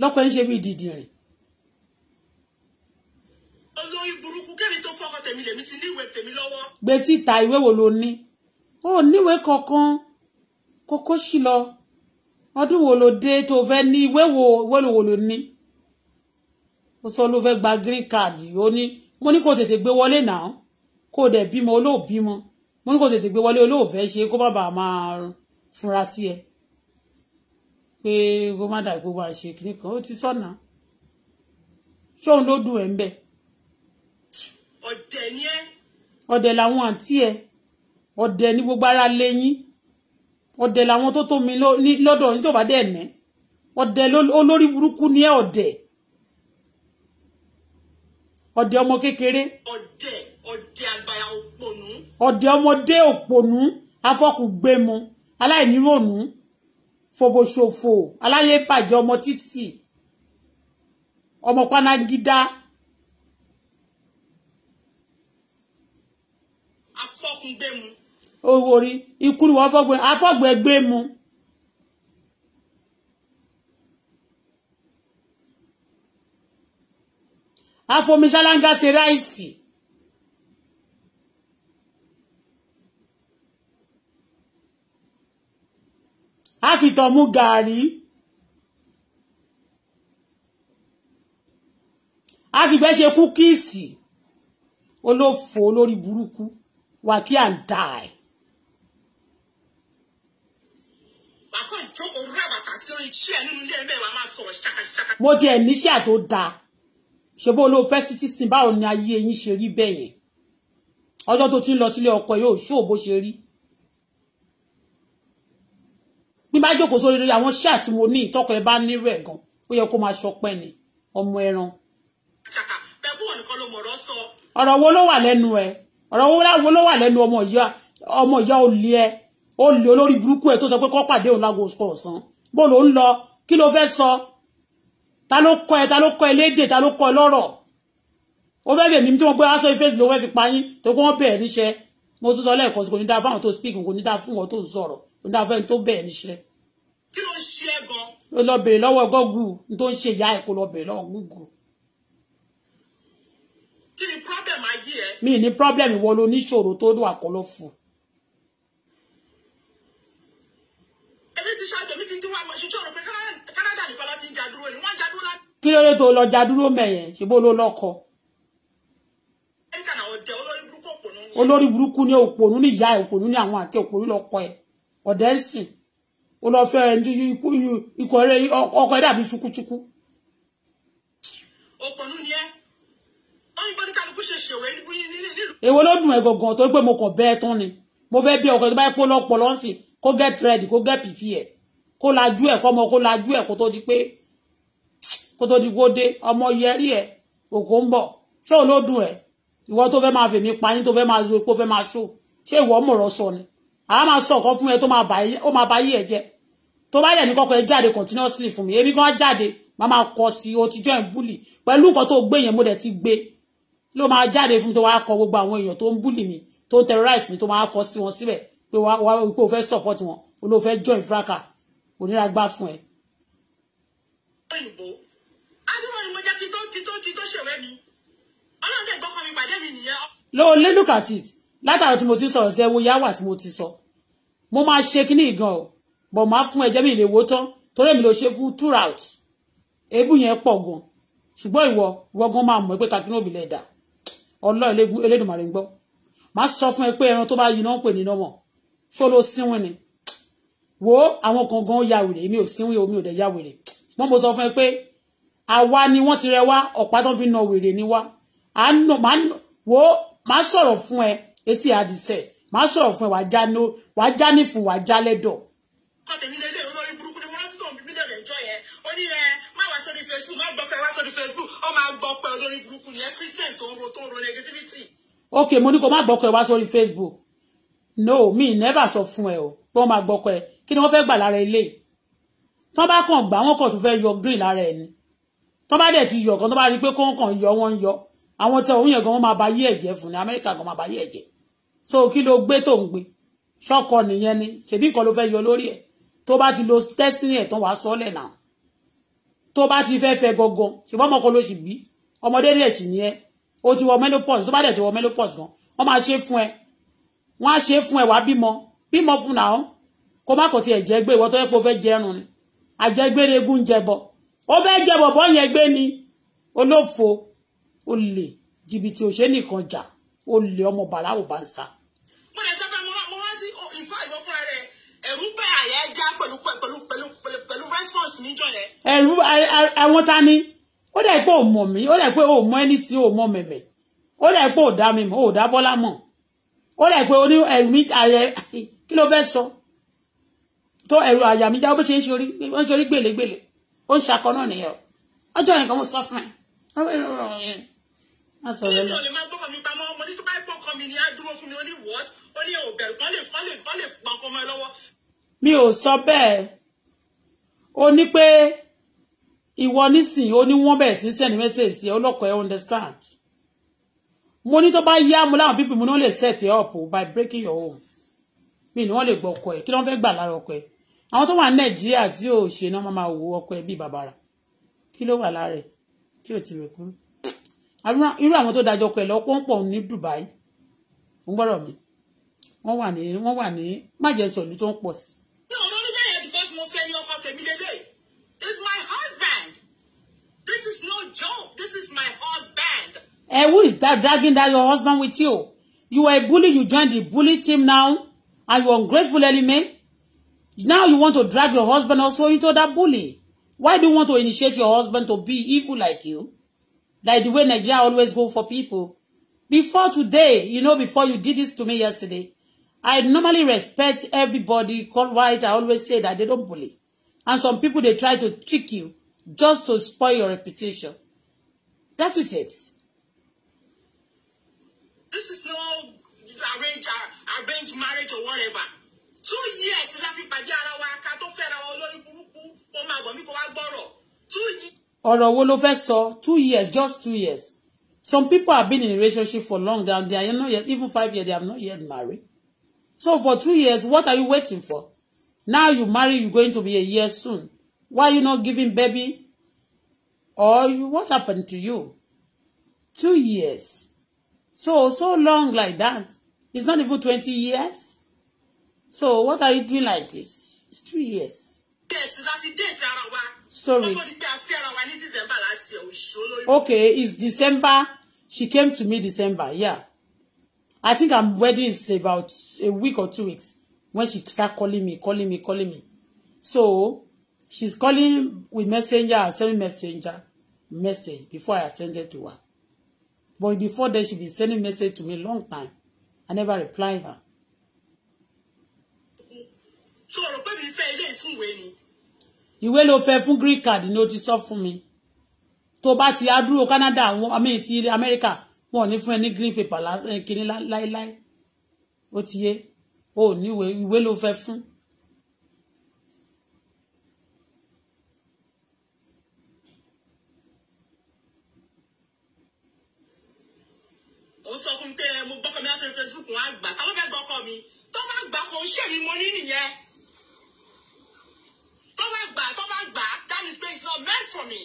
lọ́kọ̀ ẹ̀ ń ṣe bí ìdìdì rìn. olórí burúkú kẹ́ni tó fọkàn tèmi lèmi ti ní ìwé tèmi lọ́wọ́. gbé síta ìwé wo ló ní ó níwé kankan kókó sí lọ ọdún wo ló dé tó fẹ́ ní ìwé wo ìwé wo ló ní ó sọ ló fẹ́ gba green card ó ní mo ní kó tètè gbé wọlé náà kó dẹ̀ bímọ olóòbímọ mo ní kó tètè gbé wọlé olóòfẹ́ ṣe kó bàbá máa fura sí ẹ pé gómàdà gbogbo àṣẹ kìíní kan ó ti sọ̀nà ṣóun ló dùn ẹ̀ ń bẹ̀. ọ̀dẹ̀ ni ẹ́. ọ̀dẹ̀ làwọn àǹtí ẹ̀ ọ̀dẹ̀ ní gbogbo ara lẹ́yìn ọ̀dẹ̀ làwọn tó tó mi lọ́dọ̀ yín tó bá dẹ̀ mẹ́ ọ̀dẹ̀ olórí burúkú ni ẹ́ ọ̀dẹ̀ ọ̀dẹ̀ ọmọ kékeré. ọ̀dẹ̀ ọ̀dẹ̀ àgbàyà òpònú. ọ̀dẹ̀ ọmọdé òpònú afọkùngbẹmu aláìníròònú fòbòṣòfò aláyé bàjẹ́ ọmọ títì ọmọ panagídá. afọ́kùngbé mu. owó orí ikú ni wọ́n fọ́gbẹ́ afọ́gbẹ́gbé mu. afomisalanga ṣe ráìsì. a fi tọ̀ mú gàrí a fi bẹ́ ṣe kúkíìsì olófò olórí burúkú wà kí à ń dà wa máa sọ̀rọ̀ ṣàkàṣàkà. mo ti ẹ̀ níṣẹ́ tó dáa ṣebó ló sí títí báwo ni ayé yín ṣe rí bẹ́ẹ̀ yẹn ọjọ́ tó ti ń lọ sílé ọkọ yóò ṣó bó ṣe rí. bí bá jókòó sórí lórí àwọn ṣáà tí mo ní ìtọ́kọ̀ ẹ bá nírú ẹ̀ gan ó yẹ kó máa ṣọpẹ́ ni ọmọ ẹran. ọ̀rọ̀ wo ló wà lẹ́nu ẹ̀ ọ̀rọ̀ wo ló wà lẹ́nu ọmọ ìyá ọmọ ìyá olè ẹ olè olórí burúkú ẹ tó sọ pé kọ́ pàdé òun lágbo ọ̀sán ọ̀sán bó ló ń lọ kí ló fẹ́ sọ ta ló kọ ẹ ta ló kọ ẹ lédè ta ló kọ ẹ lọ́rọ̀ ó fẹ́ bẹ̀ mí tí wọ́n gbé aṣọ ife ló fẹ́ fi pa tó kó wọ́n bẹ̀ẹ́ níṣẹ́ mo tún sọ lẹ́ẹ̀kan sí kò ní dáa fáwọn tó speak kò ní dáa fún wọn tó sọ̀rọ̀ kò ní dáa fẹ́ni tó bẹ̀ẹ́ níṣẹ́ ó lọ bèrè lọ́wọ́ gọ́gù tó ń ṣe ìyá ẹ̀ kó lọ bèrè lọ́wọ́ gúgù. kí ni problem ayé ẹ. mi ní problem ìwọ ló níṣòro tó dùn àkọlọ fún. èmi ti ṣáájú èmi ti dín wá ṣe ṣòro pé Canada nìkan lọ ti ń jadúró ni wọ́n ń jadúró láti. kí ló dé tó lọ jadúró mẹ́yẹn ṣe bó ló lọ́kọ. olórí burúkú ni òpònú ní ìyá ẹ̀ òpònú ní àwọn àti òpònú lọ́kọ ẹ̀ ọ̀dẹ́sìn ó lọ fẹ́ ikú ikú ọ̀rẹ́ ọkọ ẹ̀ dàbí ṣukúṣukú. òpònú ni ẹ wọn gbọ́dọ̀ kálukú ṣe ṣèwé nílùú. èwo ló dùn ẹ gangan tó pé mo kàn bẹ́ẹ̀ tán ni mo fẹ́ bí ọkọ tó bá yẹ kó lọ́pọ̀ lọ́sìn kó get ready kó get prepare kó lajú ẹ̀ kọ́mọ kó lajú ẹ̀ kó tó di pé kó tó di gbóde ọmọ yẹrí ẹ̀ òkò ń bọ̀ ṣé òun ló dùn ẹ̀ ìwọ tó fẹ́ máa fèmí pa yín tó fẹ́ máa zo epo fẹ́ máa ṣó ṣé ìwọ mọ̀rọ̀ sọ ni àá máa sọ ọ̀kan fún ẹ tó máa bá yí ẹ̀ jẹ́ tó bá yẹ̀ ní kọ́kọ́ ẹ jáde continuously fún mi èmi gan jáde máa máa kọ sí o ti join búlì pẹ̀lú nǹkan tó gbé yẹn mo dẹ̀ ti gbé ló máa jáde fún mi tó wá kọ gbogbo àwọn èèyàn tó ń búlì mi tó ń terrorize mi tó máa kọ sí wọn síbẹ̀ pé wá wá pé o fẹ́ support wọn o ló fẹ́ join fraka onira gbá fún ẹ. lo le look at it látàrí tí mo ti sọ̀rọ̀ sí ẹ wo yá wà tí mo ti sọ mo máa ṣe kíní gan o bọ̀ máa fún ẹ̀jẹ̀ mi lè wó tán torí èmi ló ṣe fún throughout èébú yẹn pọ̀ gan ṣùgbọ́n ìwọ ìwọ gan máa mọ̀ pé Kakinobi lẹ̀ dà ọlọ́ Elédùmarè ń gbọ́ máa sọ fún ẹ pé ẹran tó bá yiná ń pè ní nọ́mọ̀ ṣó ló síwìn ni wo àwọn gangan ya wèrè èmi ò síwìn omi ò dẹ̀ ya wèrè ṣùgbọ́n mo sọ fún ẹ pé àwa ni wọ́n ti rẹ wá ọ̀pá tó fi na wèrè ni wá wo máa sọ̀rọ̀ fún ẹ etí àdìsẹ̀ máa sọ̀rọ̀ fún ẹ wàá já ní fún wàá já lẹ́dọ̀ọ́ kọ́tẹ̀ mi lélẹ̀ olórí burúkú ni mo rántí tó ń bíbí lẹ́rẹ̀ ìjọ yẹn ó ní ẹ má wá sórí facebook má gbọ́ wá sórí facebook ó máa gbọ́ olórí burúkú ni ẹ christian tó ń ro tó ń ro negativity. ok mo ní kó má gbọ́ wá sórí facebook no mi never sọ fún ẹ o pé wọ́n máa gbọ́ pé kí ni wọ́n fẹ́ gbà lára ilé tí bá kàn gbà wọ́n kàn tó fẹ́ yọ green lára ẹ̀ ni tí bá dẹ̀ ti yọ kan tó bá rí pé kó kàn yọ wọ́n yọ àwọn tí òun yẹn gan wọ́n máa ba yí ẹ̀jẹ̀ fún ni amẹ́ríkà gan máa ba yí ẹ̀jẹ̀ so kí ló gbé tó ń gbé ṣọ́kọ nìyẹn ni ṣèbí nǹkan ló fẹ́ yọ lórí ẹ̀ tó bá ti lo tẹ́sí ẹ̀ tán wàá sọ́lẹ̀ náà tó bá ti fẹ́ fẹ́ gangan ṣùgbọ́n ọmọ kan ló sì bí ọmọdé díẹ̀ sì ni ẹ o ti wọ menopause tó bá dẹ̀ ti wọ menopause gan wọ́n se ṣe fún ẹ wọ́n á ṣe fún ẹ wàá bímọ bímọ fún náà kó má kàn ti ẹ̀ jẹ́ gbé ìwọ tó yẹ kó fẹ́ jẹrun ni àjẹgbéregún jẹbọ ó fẹ́ jẹbọ bọ́ yẹn gbé ni olófo olè jìbìtì o nìkan jà olè o bàrà ò bá ń sa. mo lè sọ pé mo wá sí ìfọ oh, ìwọ fúnra rẹ ẹrú gbà pẹ̀lú pẹ̀lú pẹ̀lú response níjọ yẹn. ẹ̀rù àwọn ta ni ó dẹ̀ pé ò mọ̀ mí ó dẹ̀ pé ò mọ ẹni tí ò mọ mẹ̀mẹ̀ ó dẹ̀ pé ò dá mi mọ̀ ò dá Bọ́lá mọ̀ ó dẹ̀ pé oní ẹ̀rù mi ààyè kí ló fẹ́ sọ tó ẹ̀rù àyà mi já bó ṣe ń ṣorí ó ń ṣorí gbèlégbèlé ó ń ṣakọ náà nìyẹn ọjọ́ yẹn kan mo sọ fún mi pamọ́ mi ò sọ bẹ́ẹ̀ ó ní pé ìwọ nísìn ó ní wọ́n bẹ̀rẹ̀ sí send message sí ọlọ́kọ̀ understand mo ní tó bá yá mo láwọn pípì mo ní wọ́n lè set it up by breaking your home mi ni wọ́n lè gbọ́ ọkọ ẹ̀ kí ló ń fẹ́ gbà lára ọkọ ẹ̀ àwọn tó wà ní nàìjíríà tí ò ṣe náà máa wo ọkọ ẹ̀ bíi bàbàrà kí ló wà lára ẹ̀ tí ò ti rẹ̀ kú irú àwọn tó dájọ́ ọkọ ẹ̀ lọ́pọ̀ ń pọ̀ ní Dubai ń gbọ́dọ̀ mi wọ́n wà ní wọ́n wà ní májẹ̀sọ̀lù tó ń pọ̀ sí i is my husband. Hey, eh, who is that dragging that your husband with you? You were a bully, you joined the bully team now, and you ungrateful element. Now you want to drag your husband also into that bully. Why do you want to initiate your husband to be evil like you? Like the way Nigeria always go for people. Before today, you know, before you did this to me yesterday, I normally respect everybody, call white, I always say that they don't bully. And some people, they try to trick you just to spoil your reputation. That is it. This is no arrange arrange marriage or whatever. Two years la fi pàdé ara wa ká tó fẹ́ra wa Two years. Ọ̀rọ̀ wo ló fẹ́ sọ? Two years, just two years. Some people have been in a relationship for long and they are not even five years, they have not yet married. So for two years, what are you waiting for? Now you marry, you're going to be a year soon. Why are you not giving baby or you what happened to you two years so so long like that it's not even twenty years so what are you doing like this it's three years. story okay it's December she came to me December yeah I think I'm wedding is about a week or two weeks when she start calling me calling me calling me so she's calling with messenger and sending messenger message before I send it to her. But before then, she be sending message to me long time. I never reply her. You will pé mi fẹ́ ilé green card You know ti sọ fún me. To bá ti adúrò Canada I mean, ti Amẹ́ríkà wọn ò any green paper, last green paper eh, kínní lie. Ó ti yé. O ò ní ìwé ló full. ó sọ fún mi pé mo gbọ́kọ̀ mi láti Facebook wọn á gbà tá ló fẹ́ gbọ́kọ̀ mi tó bá gbà kò ń ṣèmi mo ní nìyẹn tó bá gbà tó bá gbà that is pé it's not meant for me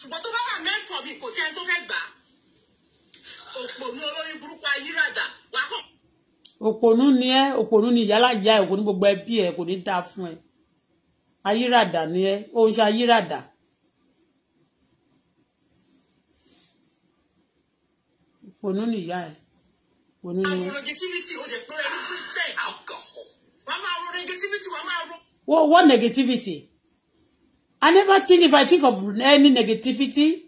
ṣùgbọ́n tó bá wà meant for me kò sí ẹni tó fẹ́ gbà òpònú olórí burúkú ayírádà wà kàn. òpònú ni ẹ òpònú ni yálà ìyá ẹ kò ní gbogbo ẹbí ẹ kò ní dáa fún ẹ ayírádà ni ẹ ó ń ṣe ayírádà. wọnú nìyá ẹ wọnú ni. What, what negativity? I never think if I think of any negativity,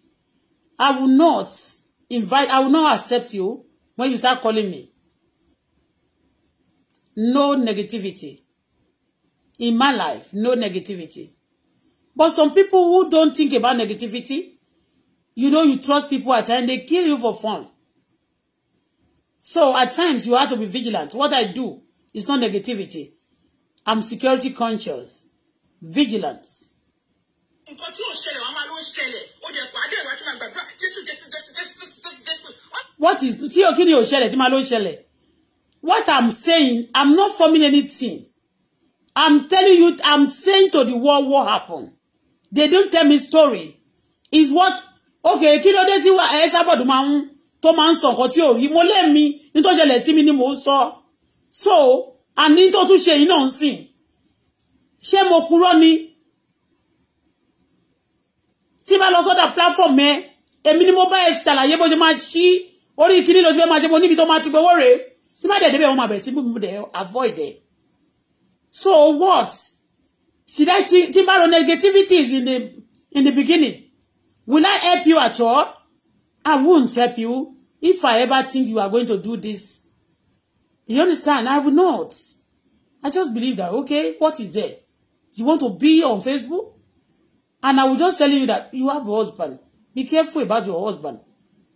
I will not invite, I will not accept you when you start calling me. No negativity. In my life, no negativity. But some people who don't think about negativity, you know, you trust people at times, they kill you for fun. So at times you have to be vigilant. What I do is not negativity. I'm security conscious. Vigilant. What is tí o kí ni ò ṣẹlẹ̀ tí màá ló What I'm saying, I'm not forming anything. I'm telling you, I'm saying to the world what happened. They don't tell me story. Is what okay kí ló wa tí ẹ tó máa ń sọ nǹkan tí ò rí mo lẹ́mi ní tó ṣẹlẹ̀ sí mi ni mò sọ so àní tó tún ṣe yìí náà ń sìn ṣé mo purọ́ ni tí bá lọ sọ́dọ̀ platform ẹ èmi ni mo bá ẹ ṣàlàyé bó ṣe máa ṣí orí kíní lọ sí fẹ́ máa ṣe mo níbi tó máa ti gbowó rèé tí má dẹ̀dẹ̀ bẹ́ẹ̀ máa bẹ̀ sí bùbù dẹ̀ avoid ẹ̀ so what should I think think negativity is in the in the beginning will I help you at all I won't help you If I ever think you are going to do this, you understand? I will not. I just believe that, okay, what is there? You want to be on Facebook? And I will just tell you that you have a husband. Be careful about your husband.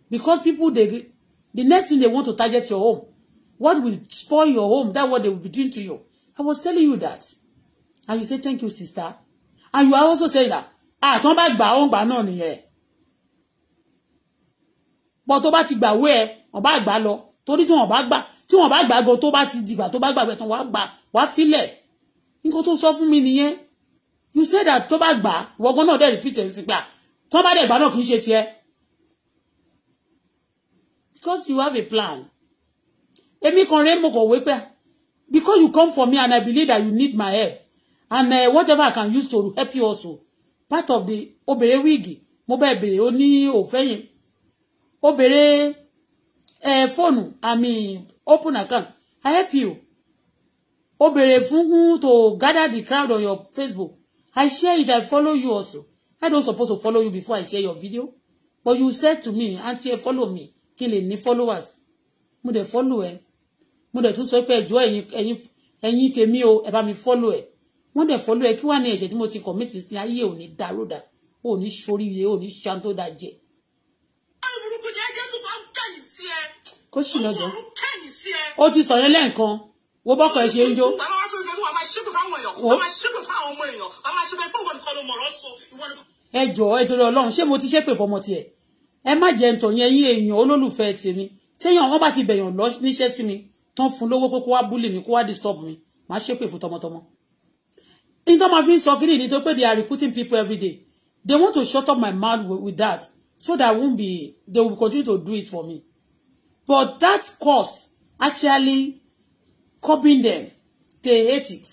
Because people, they, the next thing they want to target your home. What will spoil your home? That's what they will be doing to you. I was telling you that. And you say, thank you, sister. And you are also saying that, ah, tán bá gbà on ń gbà náà bọ́ tó bá ti gbàwé ẹ wọ́n bá gbà lọ torí tí wọ́n bá gbà tí wọ́n bá gbàgbọ́ tó bá ti dìgbà tó bá gbàgbẹ́ tán wàá gbà wàá filẹ̀ nǹkan tó sọ fún mi nìyẹn you say that tó bá gbà wọ́gbọ́n náà dẹ̀ repeat ẹ̀ sí gbà tó bá dẹ̀ gbà náà kì í ṣe tiẹ̀ because you have a plan èmi kan rèé mo kàn wé pé because you come for me and I believe that you need my help and uh, whatever I can use to help you also part of the obìnrin wíìgì mo bẹ́ẹ̀ bèrè ó ní òfẹ́yìn ó béèrè fóònù mean, open account i help you ó béèrè fún to gather the crowd on your facebook i share it i follow you also i don't suppose to follow you before i share your video but you said to me aunty follow me kí n lè ní followers mo dẹ̀ follow ẹ mo dẹ̀ tún sọ pé ẹjọ́ ẹ̀yin ẹ̀yin ẹ̀yin tèmi o ẹ bá mi follow ẹ wọ́n dẹ̀ follow ẹ kí wàá ní ẹ̀ṣẹ̀ tí mo ti commit sí ayé ò ní dàrúdà ò ní ṣoríire ò ní ṣàǹtó dàjẹ́ kó sì lọ́jọ́ ó ti sọ yẹn lẹ́ǹkan wo bọ́kọ̀ ẹ ṣe ń jó. ẹ jọ̀ọ́ ẹ torí Ọlọ́run ṣé mo ti ṣépè fọmọ tiẹ̀ ẹ má jẹ́ ntọ yẹn yí èèyàn olólùfẹ́ tèmi téèyàn wọn bá ti bẹ̀yàn lọ níṣẹ́ sí mi tán fún lówó pé kó wá búlì mi kó wá disturb mi màá ṣépè fún tọmọtọmọ. nítorí máa fi ń sọ kí nìyí tó pé they are recruiting people every day they want to shut up my mouth with that so that I won't be they will continue to do it for me But that cause actually copying them. They hate it.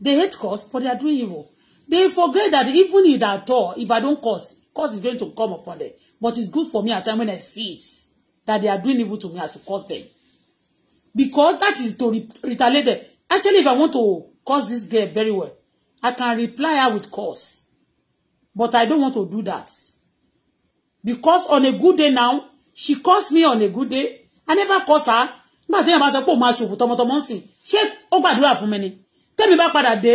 They hate cause, but they are doing evil. They forget that even if at all, if I don't cause, cause is going to come upon them. But it's good for me at time when I see it, that they are doing evil to me, as to cause them. Because that is to retaliate them. Actually, if I want to cause this girl very well, I can reply her with cause. But I don't want to do that. Because on a good day now, she calls me on a good day i never call her nígbà tí yẹn bá sọ pé òun máa ṣòfò tọmọtọmọ ń sìn ṣé ó gbàdúrà fún mi ni tẹ́mi bá padà dé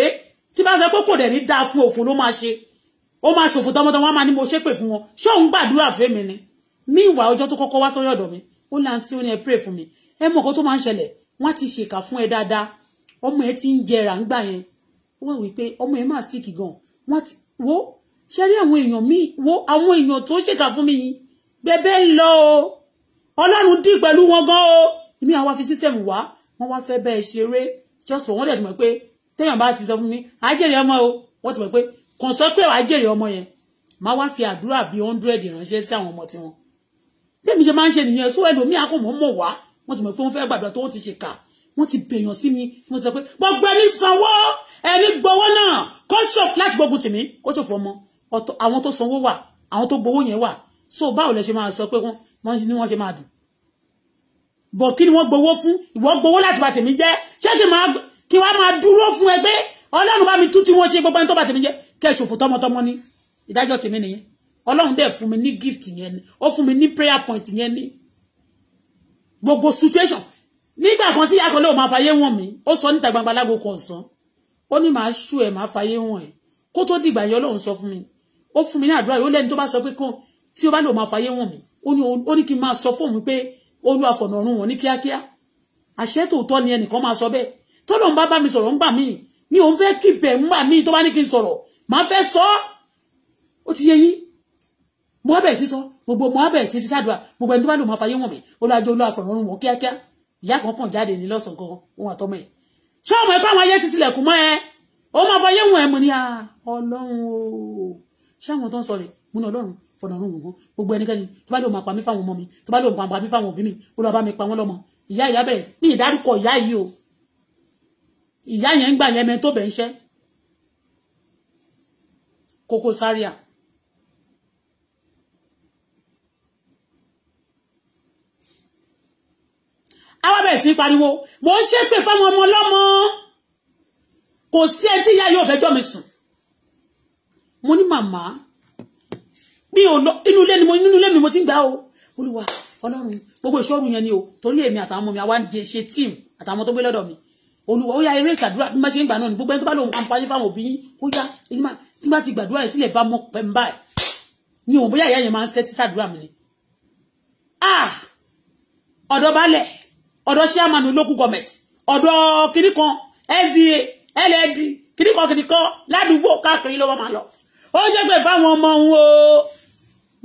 tí bá sọ pé kò dẹ̀ ní dáa fún òfò ló máa ṣe ó máa ṣòfò tọmọtọmọ máa ní mo ṣépè fún wọn ṣé òun gbàdúrà fún mi ni mí ìwà ọjọ́ tó kọ́kọ́ wá sórí ọ̀dọ̀ mi ó ní àǹtí ó ní ẹ pray fún mi ẹ mọ̀ kó tó máa ń ṣẹlẹ̀ wọ́n ti ṣèkà fún ẹ dáadáa ọmọ ẹ ti ń jẹrà ńgbà yẹn ó wà wípé ọmọ ẹ máa síkì gan wọ́n ti wo ṣe rí àwọn èèyàn míì wo àwọn èèyàn tó ṣèkà fún mi yìí bẹbẹ ń lọ o ọlọ́run dì pẹ̀lú wọn gan o èmi àwọn afi sísẹ̀mù wá wọ́n wá fẹ́ bẹ́ẹ̀ ṣeré just for wọ́n dẹ̀ ti mọ̀ pé téèyàn bá ti sọ fún mi àjèrè ọmọ o wọ́n ti mọ̀ pé kàn sọ pé àjèrè ọmọ yẹn má wá fi àdúrà bíi hundred ránṣẹ́ sí àwọn ọmọ tiwọn bí èmi ṣe máa ń ṣe nìyẹn sọ ẹlòmíì akọ̀mọ́ mọ̀ wá wọ́n ti mọ̀ pé wọ́n fẹ́ gbàdúrà tó wọ́n ti ṣèkà wọ́n ti bèèyàn sí mi wọ́n ti sọ pé gbogbo ẹni sanwó ẹni gbowó náà kó ṣòf láti gbógun tèmi kó ṣòf ọmọ àwọn tó sanwó wà àwọn tó gbowó yẹn wà so báwo lẹ ṣe máa sọ pé wọ́n ní wọ́n ṣe máa dùn bọ̀ kí ni wọ́n gbowó fún ìwọ gbowó láti bà tèmi jẹ́ ṣé kí máa kí wọ́n máa dúró fún ẹgbẹ́ ọlọ́run bá mi tú tí wọ́n ṣe gbogbo ẹni tó bà tèmi jẹ́ kẹ́ ṣòfò tọmọtọmọ ní ìdájọ́ tèmi nìyẹn ọlọ́run dẹ̀ fún mi ní gift yẹn ni ó fún mi ní prayer point yẹn ni gbogbo situation nígbà kan tí akọ̀lẹ́ ò máa fàyè wọ̀n mi ó sọ níta gbangba lágbo kan ọ̀sán ó ní màá ṣú ẹ̀ máa fàyè wọ̀n ẹ̀ kó tó dìgbà yẹn ọlọ́run sọ fún mi ó fún mi ní àdúrà yìí ó tó bá sọ pé kó tí o bá lò máa fàyè wọn mi ó ní kí n máa sọ fóun mi pé olú àfọ̀nàrún wọn ní kíákíá àṣẹ tòótọ́ ni ẹnìkan máa sọ bẹ́ẹ̀ tọ́lọ́ ń bá bá mi sọ̀rọ̀ ń gbà mí mi ò ń fẹ́ kí bẹ̀ ń gbà mí tó bá ní kí n sọ̀rọ̀ máa fẹ́ sọ ọ́ ó ti yé yín mo á bẹ̀rẹ̀ sí sọ gbogbo mo á bẹ̀rẹ̀ sí fi sádùá gbogbo ẹni tó bá lò máa fàyè wọn mi olú àjọ olú àfọ̀nàrún wọn kíákíá ìyá kan kàn jáde ní lọ́sàn ti tilẹ̀kùn mọ́ ẹ ó máa fàyè wọn ẹ ah, o ṣé àwọn tó ń sọ fọ̀nà ọ̀run gbogbo gbogbo ẹnikẹ́ni tó bá lóun máa pa mí fáwọn ọmọ mi tó bá lóun máa pa mí fáwọn òbí mi olúwa bá mi pa wọ́n lọ́mọ ìyá ìyá bẹ̀rẹ̀ ní ìdárúkọ ìyá yìí o ìyá yẹn ń gbà yẹn mẹ́tò bẹ̀ ń ṣẹ́ Koko Zaria àwọn bẹ̀rẹ̀ sí pariwo mo ń ṣépè fáwọn ọmọ ọlọ́mọ kò sí ẹtí ìyá yóò fẹjọ́ mi sùn mo ní màmá mi ò lọ inú ilé ni mo inú ilé mi mo ti ń o olúwa ọlọ́run gbogbo ìṣòro yẹn ni o torí èmi àtàwọn ọmọ mi àwa ń ṣe team àtàwọn ọmọ tó gbé lọ́dọ̀ mi olúwa ó yá eré ìṣàdúrà bí má ṣe ń gbà náà ni gbogbo ẹni tó bá lòun àǹfààní fáwọn òbí yín ó yá tí má ti gbàdúrà yẹn sílẹ̀ bá mọ́ pẹ̀mbá ẹ̀ ni òun bóyá ìyá yẹn máa ń sẹ́tí ṣàdúrà mi ni. Ah! ọ̀dọ̀ balẹ̀ ọ̀dọ̀ ṣíàmánu local government ọ̀dọ̀ kìnnìkan sda lld kìnnìkan kìnnìkan ládùúgbò káàkiri ló wọ́n máa lọ ó ṣègbè fáwọn ọmọ òun o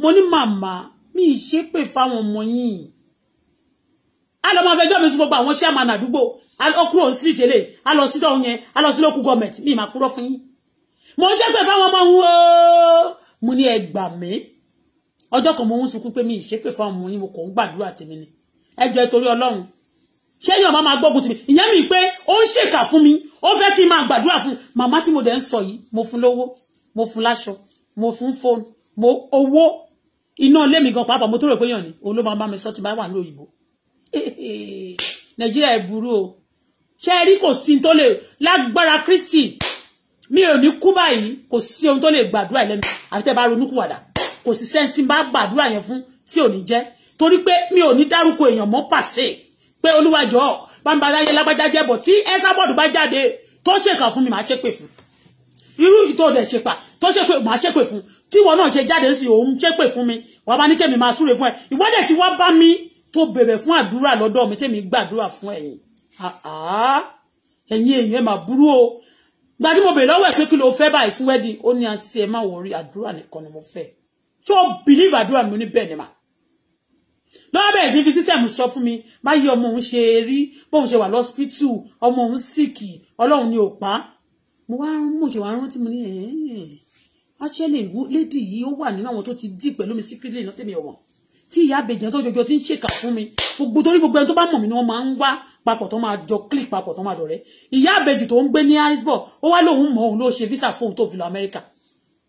mo ní màmá mi ì ṣépè fáwọn ọmọ yìí a lọ máa fẹjọ́ mi sún gbogbo àwọn ṣẹ́àmà àdúgbò ọkùnrin òun síríìtì eléyìí a lọ sí tọ̀hún yẹn a lọ sí lókù gọọmẹ̀tì mi ì máa kúrò fún yín mo ń ṣépè fáwọn ọmọ òun ooo mo ní ẹ gbà mí ọjọ́ kan mo ń sunkún pé mi ì ṣépè fáwọn ọmọ yín mo kàn ń gbàdúrà tèmi ni ẹ jẹ́ torí ọlọ́run ṣẹ́yìn ọmọ máa gbógun tìmí ìyẹn mi pé ó ń ṣèkà fún mi ó fẹ́ kí n máa gbàdúrà fún màmá tí mo dẹ̀ ń sọ yìí mo fún lówó mo fún láṣọ mo fún fóònù mo owó iná ilé mi gan pàápàá mo tó rò pé yàn ni òun ló máa bá mi sọ ti bá wà ní òyìnbó nàìjíríà burú o ṣe rí kò sí tó lè lágbára kristi mi ò ní kú báyìí kò sí ohun tó lè gbàdúrà lẹ́nu àti tẹ́ bá ronúkúwàdà kò sí sẹ́ńtì bá gbàdúrà yẹn fún tí ò ní jẹ́ torí pé mi ò ní dárúkọ èèyàn mọ́ pàṣẹ pé olúwàjọ bámbaláyé lágbájá jẹ́bọ̀ tí ẹ́sàbọ̀dù bá jáde tó ṣèkà fún mi màá ṣépè fún irú ìtò ọ̀dẹ̀ ṣèpà tó ṣépè màá ṣépè fún tí wọn náà ṣe jáde sí òun ṣe pè fún mi wàá bá ní kẹ́mi máa súre fún ẹ ìwọ́dẹ̀ tí wọ́n bá mi tó bẹ̀rẹ̀ fún àdúrà lọ́dọ̀ mi tẹ́mi gbàdúrà fún ẹ̀yìn ẹ̀yìn èèyàn ẹ̀ máa burú o gba tí mo bèrè lọ́wọ́ ẹ̀ kí ló fẹ́ báyìí fún wedding ó ní àti ẹ̀ máa wọrí àdúrà nìkan ni mo fẹ́ tó believe àdúrà mi ó ní bẹ́ẹ̀ ni mà lọ́wọ́ bẹ̀rẹ̀ sí fi sísẹ̀mù sọ fún mi báyìí ọmọ òun ṣe rí bóun ṣe wà lọ́sípítù ọmọ òun sìkì ọlọ́run ni ò pa mo wá mú ìṣèwà rántí mo ní ẹ̀ẹ́ actually lady yìí ó wà nínú àwọn tó ti dì pẹ̀lú mi secretly náà tèmi ọ̀wọ̀n tí ìyá àbèjì tó jọjọ ti ń ṣèkà fún mi gbogbo torí gbogbo ẹni tó bá mọ̀ mí ni wọ́n máa ń wá papọ̀ tó máa jọ click papọ̀ tó máa dọ̀rẹ́ ìyá àbèjì tó ń gbé ní iceberg ó wá lòun mọ̀ òun ló ṣe visa fóun tó fi lọ Amẹ́ríkà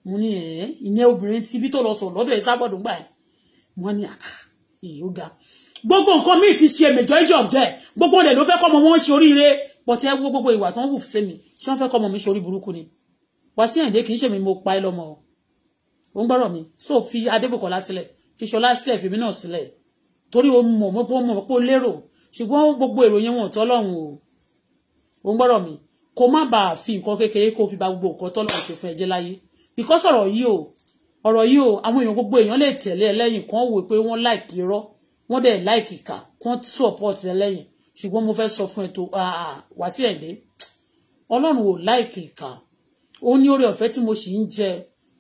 mo ní ẹ̀ ìyẹn obìnrin tí bí tó lọ sọ̀rọ̀ lọ́dọ̀ ẹ̀ sábọ̀dọ̀ gbà ẹ̀ wọ́n ní èyí ah, ó ga gbogbo nǹkan míì ti ṣe majority of them gbogbo rẹ̀ ló fẹ́ kọ́mọ wọn ṣoríire pọ̀tẹ́ gbogbo ìwà tó ń wù fẹ́ mi ṣé wọ́n fẹ́ kọ́mọ mi ṣorí burúkú ni Wàsíù Àyìndé kì í ṣèmi mo pa ẹ lọ́mọ o ń gbọ́rọ̀ mi so fi Adébùkọ́lá sílẹ̀ fi Ṣọlá sílẹ̀ fi mí náà sílẹ̀ torí o mọ̀ mọ́ pé o mọ̀ pé o lérò ṣùgbọ́n gbogbo èrò yẹn wọn ò tọ́lọ́run o ń gbọ́rọ̀ mi kó má bàa fi nǹkan kékeré kó fi ba gbogbo nǹkan tọ́lọ́run ṣe fún ẹ láyé because ọ̀rọ̀ yìí o ọ̀rọ̀ yìí o àwọn èèyàn gbogbo èèyàn lè tẹ̀lé ẹ lẹ́yìn kan wò pé wọ́n láìkì irọ́ wọ́n dẹ̀ láìkì kà kan support ẹ lẹ́yìn ṣùgbọ́n mo fẹ́ sọ fún ẹ tó Wàsíù Àyìndé Ọlọ́run ò láìkì kà ó ní oore ọ̀fẹ́ tí mo sì ń jẹ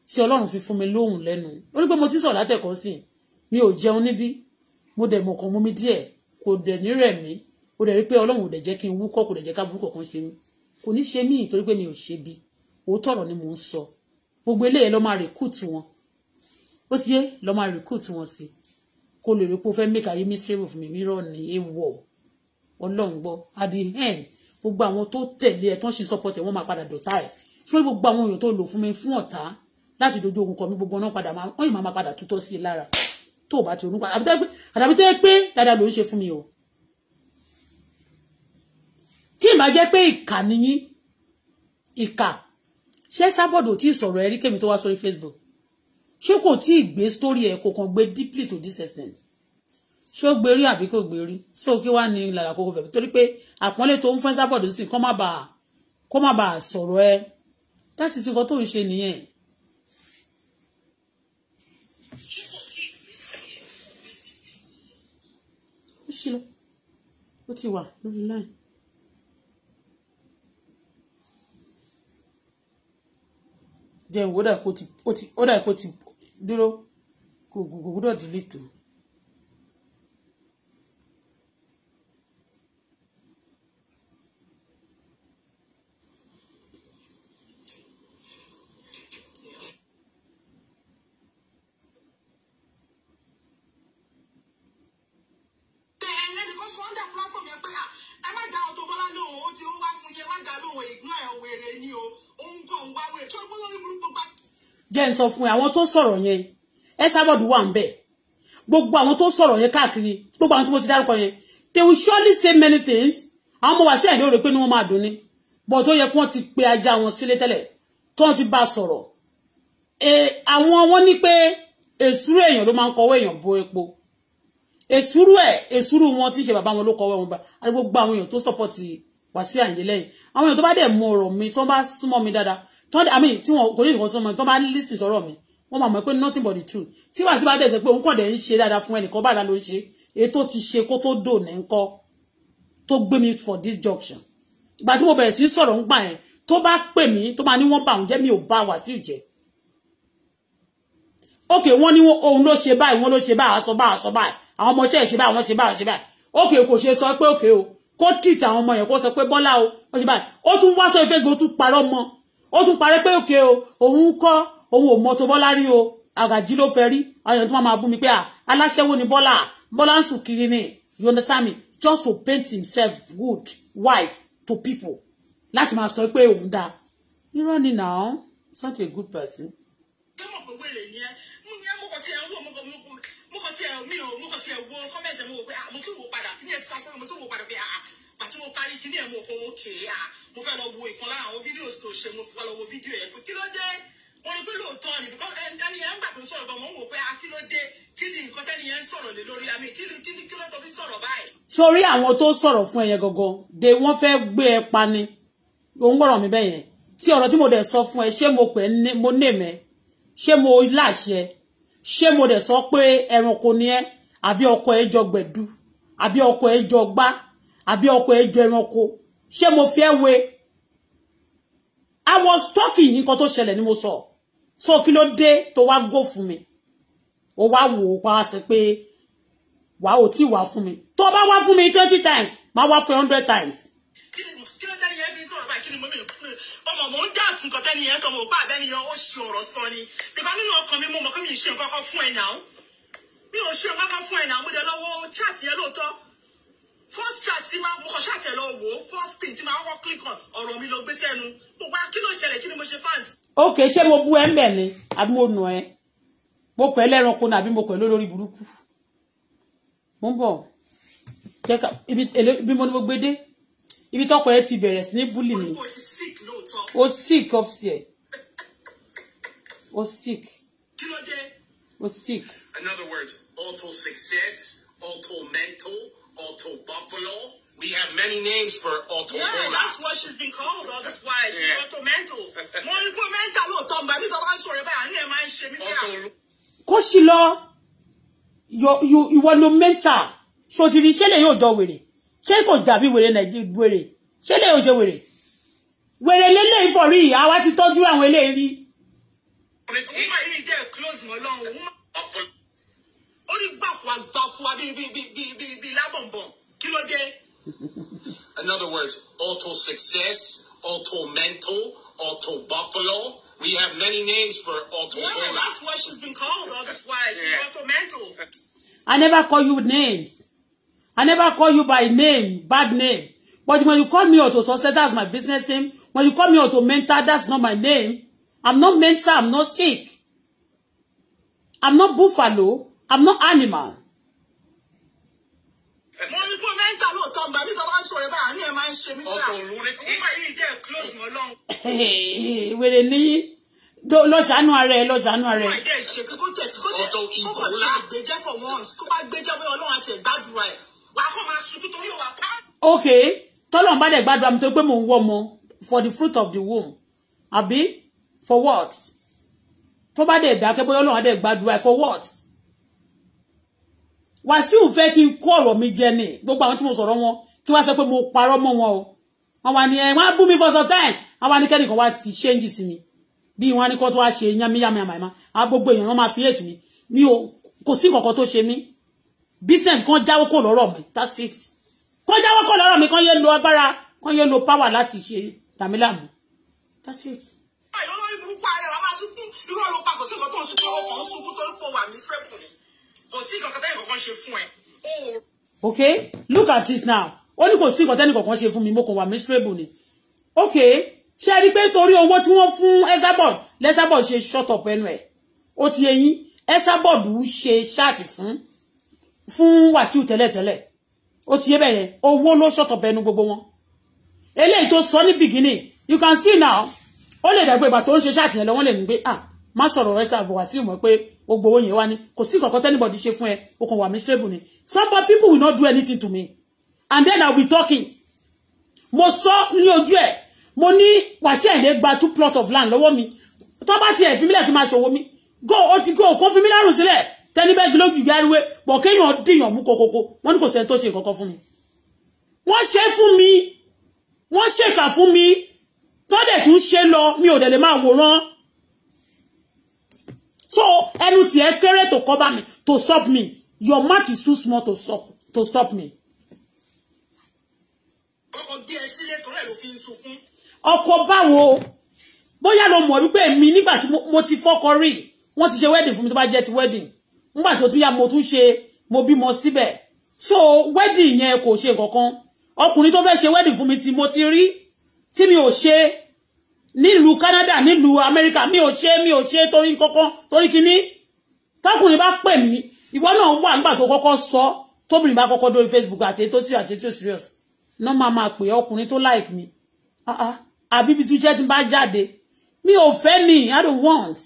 tí ọlọ́run fi fún mi lóhùn lẹ́nu ó ní pé mo ti sọ̀ látẹ̀kọ́ sí mi ò jẹun níbí mo dẹ̀ mọ̀kàn mú mi díẹ̀ kò dẹ̀ ní rẹ̀ mí ó dẹ̀ rí pé ọlọ́run ò dẹ̀ jẹ́ kí n wúkọ́ kò dẹ̀ jẹ́ ká burúkọ̀ kan ṣe mí kò ní ṣe mí torí pé mi ò ṣe bí òótọ́ ọ̀rọ̀ ni mò ń sọ gbogbo eléyìí lọ máa recruit wọn ó ti yé lọ máa recruit wọn sí kó lè rí pé ó fẹ́ make ayé miserable fún mi mírọ̀ ní ewọ̀ ọlọ́run gbọ́ at gbogbo àwọn tó tẹ̀lé ẹ tó ṣe support ẹ wọ́n máa padà dọ̀tá ẹ̀ sórí gbogbo àwọn èèyàn tó lò fún mi fún ọ̀tá láti dojú ogun kọ mi gbogbo náà padà máa wọ́n yìí máa padà tutọ́ sí i lára tó o bá ti ronú àdàbí tó yẹ pé dáadáa ló ń ṣe fún mi o tí ì bá jẹ́ pé ìkà nìyí ìkà ṣé sábọ̀dọ̀ tí ì sọ̀rọ̀ ẹ rí kẹ́mi tó wá sórí Facebook ṣé kò tí ì gbé sórí ẹ̀ kò gbé deeply to this extent ṣé ó gbérí àbí kò gbérí ṣé o kí wá ní làlàkókò fẹ̀ torí pé àpọ́nlé tó ń fẹ́ sábọ̀dọ̀ sí kó má bàa sọ̀rọ̀ ẹ that is nǹkan tó ń ṣe nìyẹn. ó ṣe lọ ó ti wà lórí line. jẹun ó dà kó ti dúró kò gbúdọ̀ dìlítò. jẹ́ ń sọ fún ẹ àwọn tó sọ̀rọ̀ yẹn ẹ sábọ̀dù wà ń bẹ̀ gbogbo àwọn tó sọ̀rọ̀ yẹn káàkiri gbogbo àwọn tí ti dárúkọ yẹn they will surely say many things àwọn ọmọ wa sí ẹ̀dẹ́ òde pé ni wọ́n máa dùn ni bọ̀ tó yẹ kí wọ́n ti pe ajá wọn sílé tẹ́lẹ̀ tó wọ́n ti bá a sọ̀rọ̀ e, àwọn wọn ní pé èsúrú èèyàn ló máa ń kọwé èèyàn bo epo èsúrú ẹ̀ èsúrú wọn tí ṣe bàbá wọn ló kọwé wọn gbà àti gbogbo àwọn èèyàn tó sọ́pọ̀tì Wàsíù Àyìndé lẹ́yìn àwọn èèyàn tó bá dẹ̀ mọ ọ̀rọ̀ mi tó bá súnmọ́ mi dáadáa tó dẹ̀ àmì tí wọn kò ní nǹkan súnmọ́ mi tó bá lísì sọ̀rọ̀ mi wọ́n máa mọ̀ pé nothing but the truth tí Wàsíù bá dẹ̀ sọ pé òun kàn dẹ̀ ń ṣe dáadáa fún ẹnìkan báyìí ló ń ṣe ètò ti ṣe kó tó dò ní ńkọ́ tó gbé mi for this junction ìgbà tí mo bẹ̀rẹ̀ sí sọ̀rọ̀ ń gbà yẹn tó bá pè mí tó máa ní wọ́n bà òun jẹ́ mi ò bá Wàsíù jẹ́ okay wọ́n ní òun ló ṣe báyìí wọ́n ló ṣe báyìí àṣọ báyìí àṣọ báyìí àwọn ọmọ iṣẹ́ ìṣe báyìí wọ́n ṣe báyìí ṣe okay okay o kó tìtì àwọn ọmọ yẹn kó sọ pé bọ́lá o wọ́n ṣe báyìí ó tún wá sórí facebook ó tún parọ́ mọ́ ó tún parẹ́ pé òkè o òun kọ́ òun ò mọ tó bọ́lá rí o àgàjì ló fẹ́ rí àwọn èèyàn tó máa bú mi pé aláṣẹ́wó ni bọ́lá bọ́lá ń sùn kiri ni you understand me just to paint himself good white to people láti máa sọ pé òun dáa irọ́ ni now such a good person. ṣé mo kò ni ẹ mo ní ẹ mọ̀kọ́ tí ẹ ń rú ọmọkọ̀ mọ́kọ́ kàn tiẹ̀ mi ò mo kàn tiẹ̀ wo kọ́mẹ̀ntì mo wò pé ah, mo tún wò padà kí ni ẹ̀ ti sasán mo tún wò padà pé ah, àti mo parí kí ni ẹ̀ mo kàn ó kè é mo fẹ́ lọ wo ìkan lára àwọn fídíò tó ṣe mo fi lọ wo fídíò yẹn pé kí ló dé mo rí pé lóòótọ́ ni ẹni yẹn ń gbà tó ń sọ̀rọ̀ gan mo ń wò pé ah, kí ló dé kí ni nǹkan tẹ́ni yẹn ń sọ̀rọ̀ lé lórí àmì kí ni kí ló tó fi sọ̀rọ̀ báyìí. sórí àwọn tó sọ̀rọ̀ fún ẹyẹ gangan de wọ́n fẹ́ gbé ẹ pa òun gbọ́rọ̀ mi bẹ́yẹn tí ọ̀rọ̀ tí mo dẹ̀ sọ fún ẹ ṣé mo pè é mo nèmẹ́ ṣé mo láṣẹ ṣé mo dẹ̀ sọ pé ẹranko ni ẹ́ àbí ọkọ ẹ jọ gbẹ̀du àbí ọkọ ẹ jọ gbá àbí ọkọ ẹ jọ ẹranko ṣé mo fi ẹ́ we I was talking nǹkan tó ṣẹlẹ̀ ni mo sọ so kí ló dé tó wá gò fún mi ó wá wò ó pa sí pé wàá ò tí wàá fún mi tó bá wá fún mi twenty times máa wá fún hundred times. kí ni kí ló dé ní ẹ fi sọ̀rọ̀ báyìí kí ni mo mìíràn ọmọ mò ń dá àtún nǹkan tẹ́ni yẹn sọ mọ̀ bá àbẹ́ni yẹn ó ṣe ọ̀rọ̀ sọ ni bípa nínú ọkàn mi mo mọ̀ pé mi ì ṣe nǹkan kan fún ẹ̀ náà mi ò ṣe nǹkan kan fún ẹ̀ náà mo dẹ̀ lọ́wọ́ chat yẹn lóòótọ́ first chat tí máa mo kàn chat yẹn lọ wò ó first thing tí máa wọ́n click on ọ̀rọ̀ mi ló gbé sẹ́nu gbogbo kí ló ṣẹlẹ̀ kí ni mo ṣe fans. ok ṣé mo bú ẹ ń bẹ̀ ni àbí mo nù ẹ ibi mo ni mo gbé ibi tọ́kọ ẹ ti bẹ̀rẹ̀ sí ní búlì mi ó sick upstairs ó sick ó sick. in other words auto success auto mental auto buffalo. We have many names for auto. Yeah, that's what she's been called. All this why yeah. auto mental. More ní mental ló tọ́ mbà mi tó bá ń sọ̀rọ̀ báyìí, àní ẹ̀ máa ń ṣe you you i. Kó sì lọ, ìwọ ló mental, ṣòtìrì you don't jọ ṣé kò dàbí wèrè nàìjíríà wèrè ṣé lè ṣe wèrè wèrè lélẹ̀ ìfọ̀rí àwa ti tọ́jú àwọn eléyìí rí. ó ní gbàfúwa gbàfúwa bíi bíi bíi bíi bíi lábọ̀nbọ̀n kí ló dé. In other words, auto success, auto mental, auto buffalo. We have many names for auto. Well, yeah, that's what she's been called all this while. She's yeah. auto mental. I never call you names. I never call you by name, bad name. But when you call me Auto Success, that's my business name. When you call me Auto mentor, that's not my name. I'm not mentor. I'm not sick. I'm not buffalo, I'm not animal. Hey, ní pé mẹ́ńtà lóòótọ́ gbà mí tó bá ń sọ̀rọ̀ báyà ní ẹ̀ máa ń ṣe mí nígbà. ọ̀tọ̀ òun ni tí wọ́n yìí jẹ́ close mọ́ lọ́hùn. wèrè ní lọ́sàánú ara ẹ lọ́sàánú ara ẹ. ọ̀tọ̀ òkè ìkọ̀wé. kókò tí a gbẹjẹ́ for once kó bá gbẹjẹ́ bóyá ọlọ́run àti ẹ̀ gbàdúrà ẹ̀. Okay, tell kọ́ máa sunkún torí òwà pa. ok tọ́lọ̀ for the fruit of the womb Abi, for what tó bá dẹ̀ dákẹ́ bóyá ọlọ́run á dẹ̀ gbàdúrà for what wàsíù fẹ́ kí n kó ọ̀rọ̀ mi jẹ ni gbogbo àwọn tí mo sọ̀rọ̀ wọn kí wọ́n sọ I want parọ́ mọ́ wọn o wọn wà ní ẹ wọn á bú mi for some time wọn wà ní kẹ́nìkan wá ti ṣéǹjì me, mi bí wọn go ní kó tó wá ṣe yánmíyàmí àmàmà á gbogbo èèyàn wọn máa fi hate mi mi ò kò sí nǹkan kan tó ṣe mí business kan jáwọ́ kò lọ́rọ̀ mi that's it kó jáwọ́ kò lọ́rọ̀ mi kán yé lo agbára kán yé lo power láti ṣe dàmílàmù that's it. àyọ̀ lórí burúkú ààrẹ wa máa sunkún irú ọ̀rọ̀ pa kò sí nǹkan tó ń sunkún ọkọ̀ ń sunkún tó ń pọ̀ wà ní fẹ́ẹ̀kù kò sí nǹkan tẹ́lẹ̀ kankan ṣe fún ẹ. okay look at it now ó ní kò sí nǹkan tẹ́lẹ̀ kankan ṣe fún mi mo kàn wà miserable ni okay ṣe rí pé torí owó tí wọ́n fún Esabod lẹ́sàbọ̀ ṣe short up ẹnu ẹ̀ ó ti eyín Esabod ń ṣe ṣáàtì fún fún Wàsíù tẹ́lẹ̀tẹ́lẹ̀ ó ti yé bẹ́ẹ̀ yẹn owó ló ṣọ̀tọ̀ bẹnu gbogbo wọn eléyìí tó sọ ní beginning you can see now ó lè dàgbé ìgbà tó ń ṣe ṣáàtì yẹn lọ wọ́n lè ní pé ah má sọ̀rọ̀ rẹ sáà Wàsíù mọ̀ pé ó gbowó yẹn wá ní kò sí kankan tẹ́nibọ̀dì ṣe fún ẹ o kàn wà miserable ni some people will not do anything to me and then I will be talking mo sọ ní ojú ẹ mo ní Wàsíù Àyìndé gba two plot of land lọ́wọ́ mi tó bá tiẹ̀ fi mílẹ̀ kí n máa ṣòwò mi go ó ti go kó fi mílẹ̀ rùn sílẹ̀ tẹ́lifẹ́gì lójú ìyá ariwe pọ̀ kéèyàn dìyàn mú kokoko wọ́n ní kò sẹ́ni tó ṣe kankan fún mi wọ́n ṣe fún mi wọ́n ṣèkà fún mi tọ́dẹ̀ tún ṣe lọ mi ò dẹ̀ lè máa wòran so ẹnu tiẹ̀ kéré to cover me to stop me your mouth is too small to stop to stop me. ọkọ gbé ẹ sílé torí ẹ ló fi ń sunkún. ọkọ báwo bóyá lo mọ̀ wípé mi nígbà tí mo ti fọ́kọ rí wọ́n ti ṣe wedding fún mi tó bá jẹ́ ti wedding nígbà tó tún yá mo tún ṣe mo bímọ síbẹ̀ so wedding yẹn kò ṣe kankan ọkùnrin tó fẹ́ ṣe wedding fún mi tí mo ti rí tí mi ò ṣe nílùú Canada nílùú America mi ò ṣe mi ò ṣe torí kankan torí kíní tọkùnrin bá pè mí ìwọ náà wà nígbà tó kọ́kọ́ sọ tóbìnrin bá kọ́kọ́ dórí Facebook àti tó sí àti tó serious náà máa máa pè ọkùnrin tó like mi ah, ah, àbí ibi tí iṣẹ́ ti bá jáde mi ò fẹ́ ni I don't want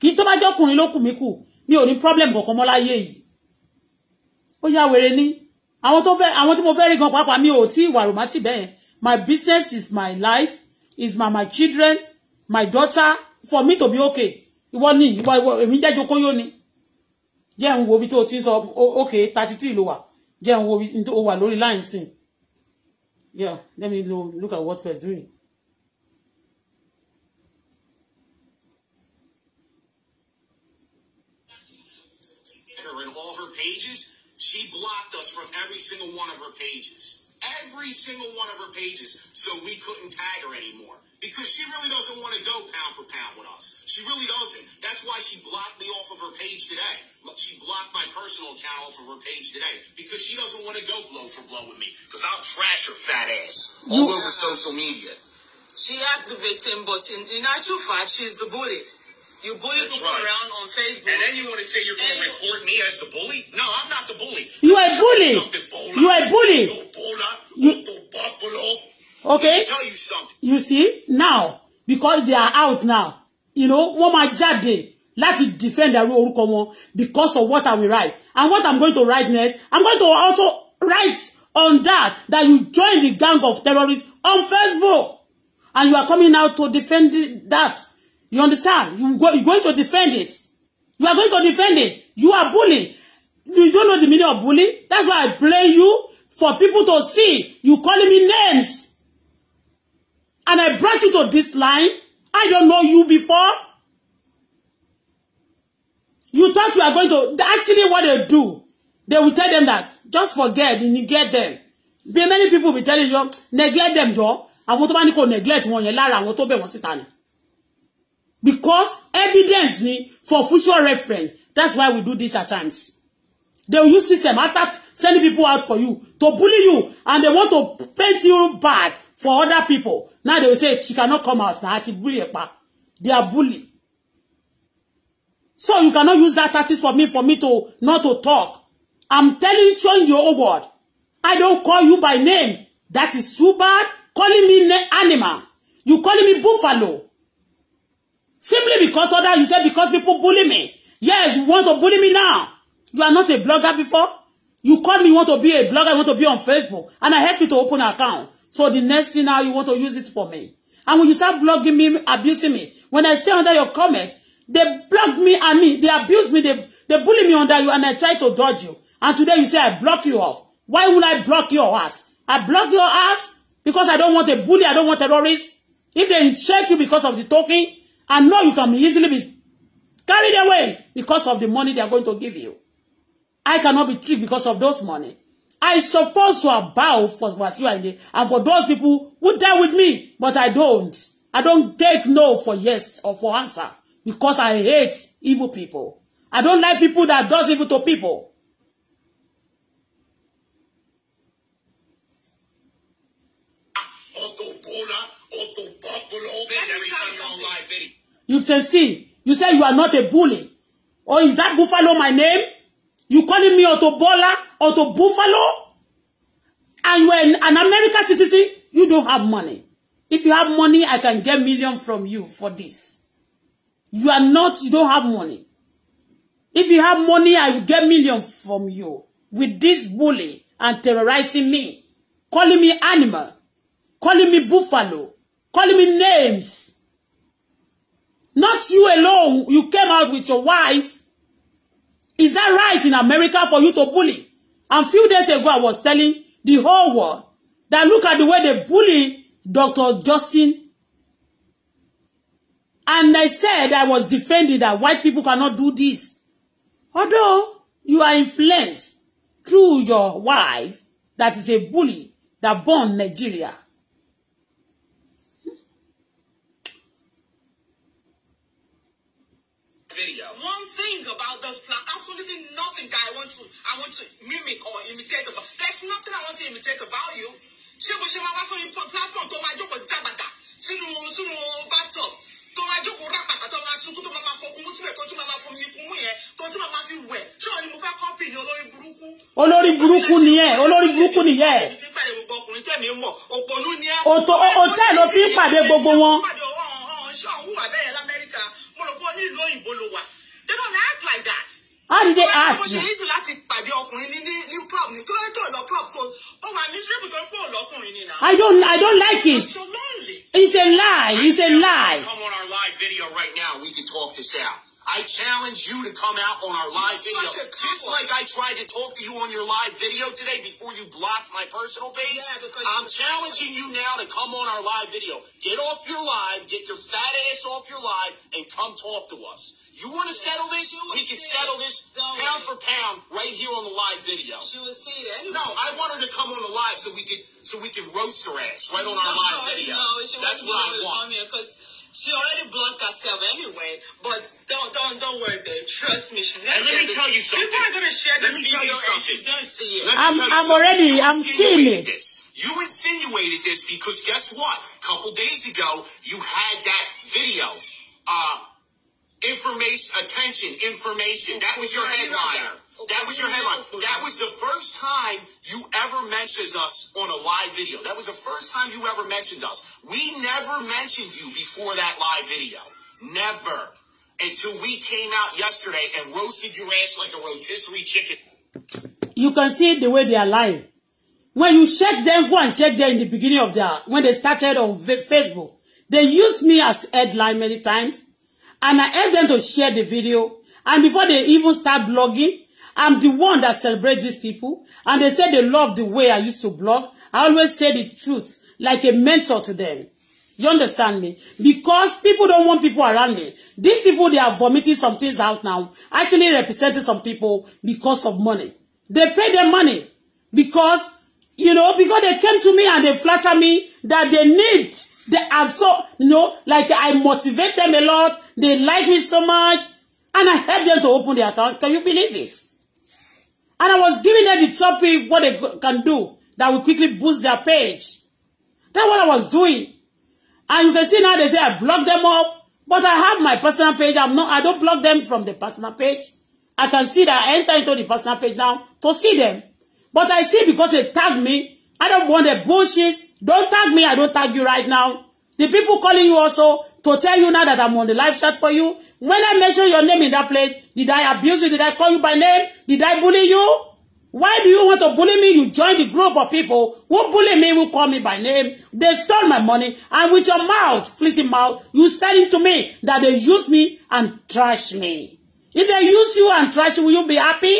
kì í tó bá jẹ́ ọkùnrin ló kù mí kù mi ò ní problem kankan mọ́ láyé yìí ó yá wèrè ní àwọn tó fẹ́ àwọn tí mo fẹ́ rí gan pàápàá mi ò tí ìwà romantic bẹ́ẹ̀ Ben. my business is my life is my my children my daughter for me to be okay ìwọ ni ìwọ ìwọ èmi jẹ́ jokoyo ni jẹ́ ń wo bí tó ti ń sọ okay thirty three ló wà jẹ́ ń wo bí tó wà lórí line sin yeah let me look at what we're doing. pages, she blocked us from every single one of her pages. Every single one of her pages. So we couldn't tag her anymore. Because she really doesn't want to go pound for pound with us. She really doesn't. That's why she blocked me off of her page today. She blocked my personal account off of her page today. Because she doesn't want to go blow for blow with me. Because I'll trash her fat ass all yeah. over social media. She act the victim, but in, in actual fact, she's the bully. You bully That's people right. around on Facebook. And then you want to say you're going to report me as the bully? No, I'm not the bully. You are a bully. You are a bully. You... Okay. Tell you something. You see now because they are out now. You know my máa let it defend their rule orúkọ wọn because of what I will write and what I'm going to write next. I'm going to also write on that that you join the gang of terrorists on Facebook and you are coming out to defend that. You understand? You go, you're going to defend it. You are going to defend it. You are bullying. You don't know the meaning of bullying. That's why I blame you for people to see you calling me names. And I brought you to this line. I don't know you before. You thought you are going to... Actually, what they do, they will tell them that. Just forget, and neglect them. many people will be telling you, neglect them, Joe. Àwọn tó bá neglect wọn yẹn lára àwọn tó bẹ̀ wọ́n síta ni because evidence ni for future reference that's why we do this at times they will use system after sending people out for you to bully you and they want to paint you bad for other people now they will say she cannot come out na ati bully epa they are bully so you cannot use that tactics for me for me to not to talk i'm telling change your word oh i don't call you by name that is too bad calling me animal you calling me buffalo Simply because other you said because people bully me. Yes, you want to bully me now. You are not a blogger before. You called me you want to be a blogger, you want to be on Facebook, and I help you to open an account. So the next thing now you want to use it for me. And when you start blogging me, abusing me, when I stay under your comment, they block me and me, they abuse me, they, they bully me under you, and I try to dodge you. And today you say I block you off. Why would I block your ass? I block your ass because I don't want a bully, I don't want terrorists. If they insult you because of the talking, I know you can easily be carried away because of the money they are going to give you. I cannot be tricked because of those money. I supposed to bow for Wasiu and for those people who die with me, but I don't. I don't take no for yes or for answer because I hate evil people. I don't like people that does evil to people. Auto Bola, Auto Buffalo, baby, live video. You can see. You say you are not a bully. Or is that Buffalo my name? You calling me autobola, Bola, Auto Buffalo? And when an American citizen, you don't have money. If you have money, I can get million from you for this. You are not, you don't have money. If you have money, I will get million from you. With this bully and terrorizing me. Calling me animal. Calling me buffalo. Calling me names. Not you alone. You came out with your wife. Is that right in America for you to bully? And few days ago, I was telling the whole world that look at the way they bully Dr. Justin. And I said I was defending that white people cannot do this. Although you are influenced through your wife that is a bully that born Nigeria. video. One thing about those plants, absolutely nothing that I want to I want to mimic or imitate about. There's nothing I want to imitate about you. Ṣé bó ṣe máa wá sórí platform tó máa jókòó jábàtà sínú sínú bathtub tó máa jókòó rápàtà tó máa sunkún tó máa fọkún mú síbẹ̀ tó tún máa fọmi ikú mú yẹn tó tún máa fi wẹ̀. Ṣé o mo fẹ́ kọ́pì ní olórí burúkú? Olórí burúkú ni ẹ̀ olórí burúkú ni ẹ̀. Èmi ti pàdé gbogbo ọkùnrin tẹ̀mí mọ̀ òpònú ni ẹ̀. Òtẹ́ ló fi pàdé gbogbo wọn. Ṣé òun wà bẹ́ẹ̀ lamẹ́ríkà? how did they act. ọmọ i don't i don't like it. it's it's a lie it's a lie. come on our live video right now we can talk this out. I challenge you to come out on our live video. Just like I tried to talk to you on your live video today before you blocked my personal page. Yeah, I'm challenging you now to come on our live video. Get off your live, get your fat ass off your live, and come talk to us. You want to settle this? We can settle this pound for pound right here on the live video. She was see Anyway. No, I want her to come on the live so we could so we can roast her ass right on our live video. No, That's what I want. She already blocked herself anyway, but don't don't don't worry, babe. Trust me, she's gonna. And let me tell you something. People are gonna share this video, and she's gonna see it. I'm I'm already I'm seeing it. This. You insinuated this because guess what? A couple days ago, you had that video. Uh, information, attention, information. That was your headliner. That was your headline. That was the first time you ever mentioned us on a live video. That was the first time you ever mentioned us. We never mentioned you before that live video. Never. Until we came out yesterday and roasted your ass like a rotisserie chicken. You can see the way they are lying. When you check them, go and check them in the beginning of their, when they started on Facebook. They used me as headline many times. And I helped them to share the video. And before they even start blogging, I'm the one that celebrates these people. And they say they love the way I used to blog. I always say the truth like a mentor to them. You understand me? Because people don't want people around me. These people, they are vomiting some things out now, actually representing some people because of money. They pay them money because, you know, because they came to me and they flatter me that they need, they have so, you know, like I motivate them a lot. They like me so much. And I help them to open their account. Can you believe it? And I was giving them the topic, what they can do that will quickly boost their page. That's what I was doing. And you can see now they say I blocked them off, but I have my personal page. I'm not, I don't block them from the personal page. I can see that I enter into the personal page now to see them. But I see because they tag me. I don't want the bullshit. Don't tag me. I don't tag you right now. The people calling you also, to tell you now that I'm on the live chat for you. When I mention your name in that place, did I abuse you? Did I call you by name? Did I bully you? Why do you want to bully me? You join the group of people who bully me, who call me by name. They stole my money. And with your mouth, fleeting mouth, you stating to me that they use me and trash me. If they use you and trash you, will you be happy?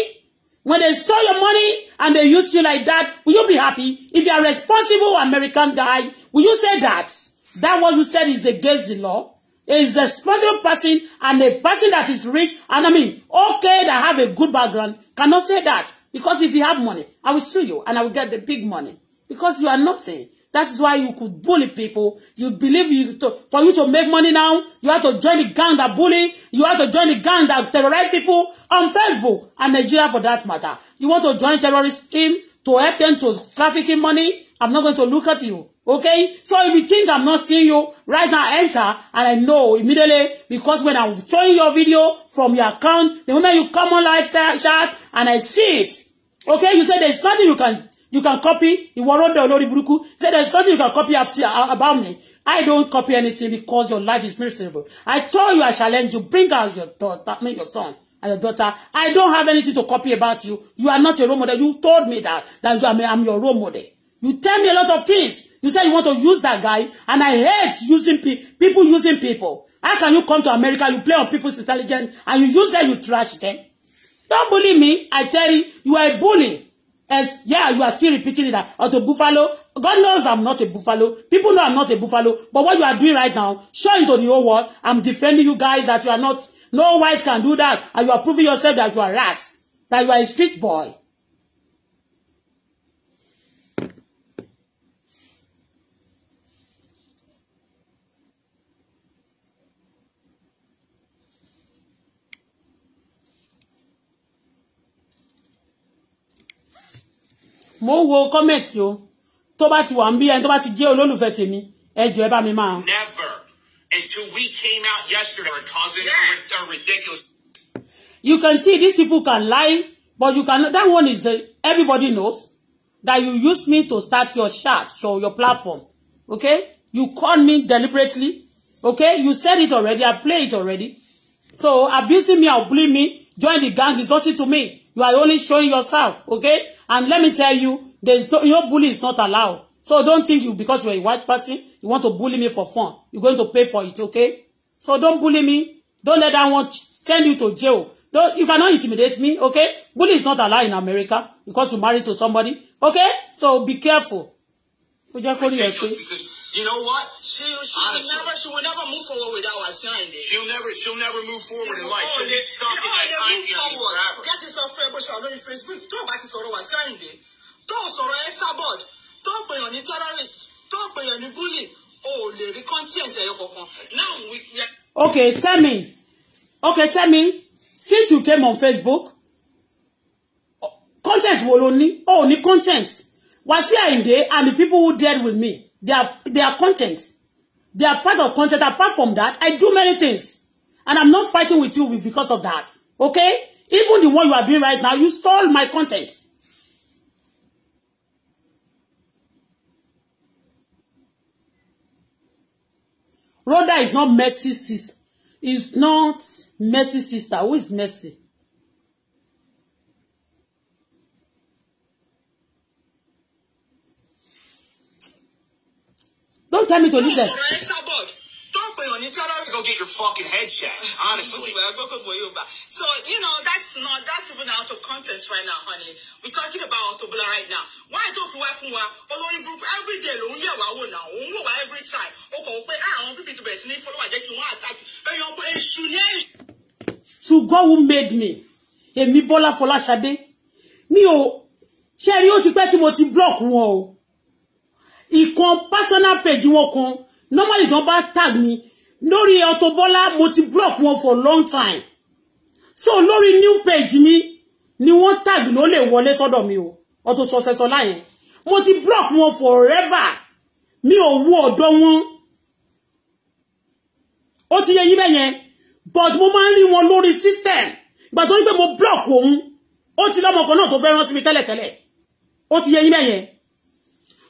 When they stole your money and they use you like that, will you be happy? If you're a responsible American guy, will you say that? That what you said is against the law. Is a special person and a person that is rich and I mean, okay, that have a good background cannot say that. Because if you have money, I will sue you and I will get the big money. Because you are nothing. That is why you could bully people. You believe you to, for you to make money now, you have to join the gang that bully. You have to join the gang that terrorize people on Facebook and Nigeria for that matter. You want to join terrorist team to help them to trafficking money? I'm not going to look at you. Okay? So if you think I'm not seeing you, right now enter and I know immediately because when I'm showing your video from your account, the moment you come on live chat and I see it, okay, you say there's nothing you can you can copy. You wrote the Olori Buruku. Say there's nothing you can copy after uh, about me. I don't copy anything because your life is miserable. I told you I challenge you. Bring out your daughter, I mean your son and your daughter. I don't have anything to copy about you. You are not a role model. You told me that that you, I I'm your role model. You tell me a lot of things. You say you want to use that guy, and I hate using pe people using people. How can you come to America, you play on people's intelligence, and you use them, you trash them? Don't bully me. I tell you, you are a bully. As, yeah, you are still repeating that. Or the buffalo. God knows I'm not a buffalo. People know I'm not a buffalo. But what you are doing right now, showing to the whole world, I'm defending you guys that you are not, no white can do that. And you are proving yourself that you are ras. That you are a street boy. mo wo comment o tó bá ti wà ń bí ẹni tó ti jẹ́ olólùfẹ́ tèmi ẹ jọ̀ọ́ ẹ bá mi máa. never until we came out yesterday were causing yeah. a ridiculous. you can see these people can lie but you can that one is uh, everybody knows that you use me to start your chat so your platform okay you called me deliberately okay you said it already i played it already so abusing me or bullying me join the gang is nothing to me You are only showing yourself, okay? And let me tell you, there's no, your bully is not allowed. So don't think you, because you're a white person, you want to bully me for fun. You're going to pay for it, okay? So don't bully me. Don't let that one send you to jail. Don't, you cannot intimidate me, okay? Bully is not allowed in America because you married to somebody, okay? So be careful. Just You know what? She, she Honestly, will never she will never move forward without us signing it. She'll never she'll never move forward in oh, life. She'll be stuck in oh, that time period forever. That is our friend Bush lórí Facebook. Tó o this ti sọ̀rọ̀ wá signing it. Tó o sọ̀rọ̀ Esabod. Tó o pèèyàn ní terrorist. Tó o pèèyàn ní bully. Oh, ò lè rí content ẹyọ kankan. Now we. Okay, tell me. Okay, tell me. Since you came on Facebook, content wo ló ní? O ò ní content. Wàsíù Àyìndé and the people who dealt with me. They are, they are content. They are part of content. Apart from that, I do many things. And I'm not fighting with you because of that. Okay? Even the one you are doing right now, you stole my content. Rhoda is not Mercy sister. Is not Mercy sister. Who is Mercy? Don't tell me to leave them. Don't pay on you. Tell her to go get your fucking head checked. Honestly. So you know that's not that's even out of context right now, honey. We're talking about Otobola right now. Why don't you work wa? Although you group every day, long yeah, wow now, wow every time. Okay, okay. I don't people to be listening. Follow my you want attack. But you're going to To God who made me, èmi Bọ́lá Fọláṣadé, mi ò ṣe rí ó ti pẹ́ tí mo ti block wọn o ìkan personal page wọn kan normally tí bá tag mi lórí Auto Bola mo ti block wọn for long time so lórí new page mi ni wọ́n tag ló lè wọlé sọ́dọ̀ mi o Auto Success Ola yẹn mo ti block wọn forever mi ò wú ọ̀dọ̀ wọn ó ti yẹ yín bẹ́yẹn but mo máa ń rí wọn lórí system ìgbà tó ní pé mo block òun ó ti lọ́mọ kan náà tó fẹ́ rán sí mi tẹ́lẹ̀tẹ́lẹ̀ ó ti yẹ yín bẹ́yẹn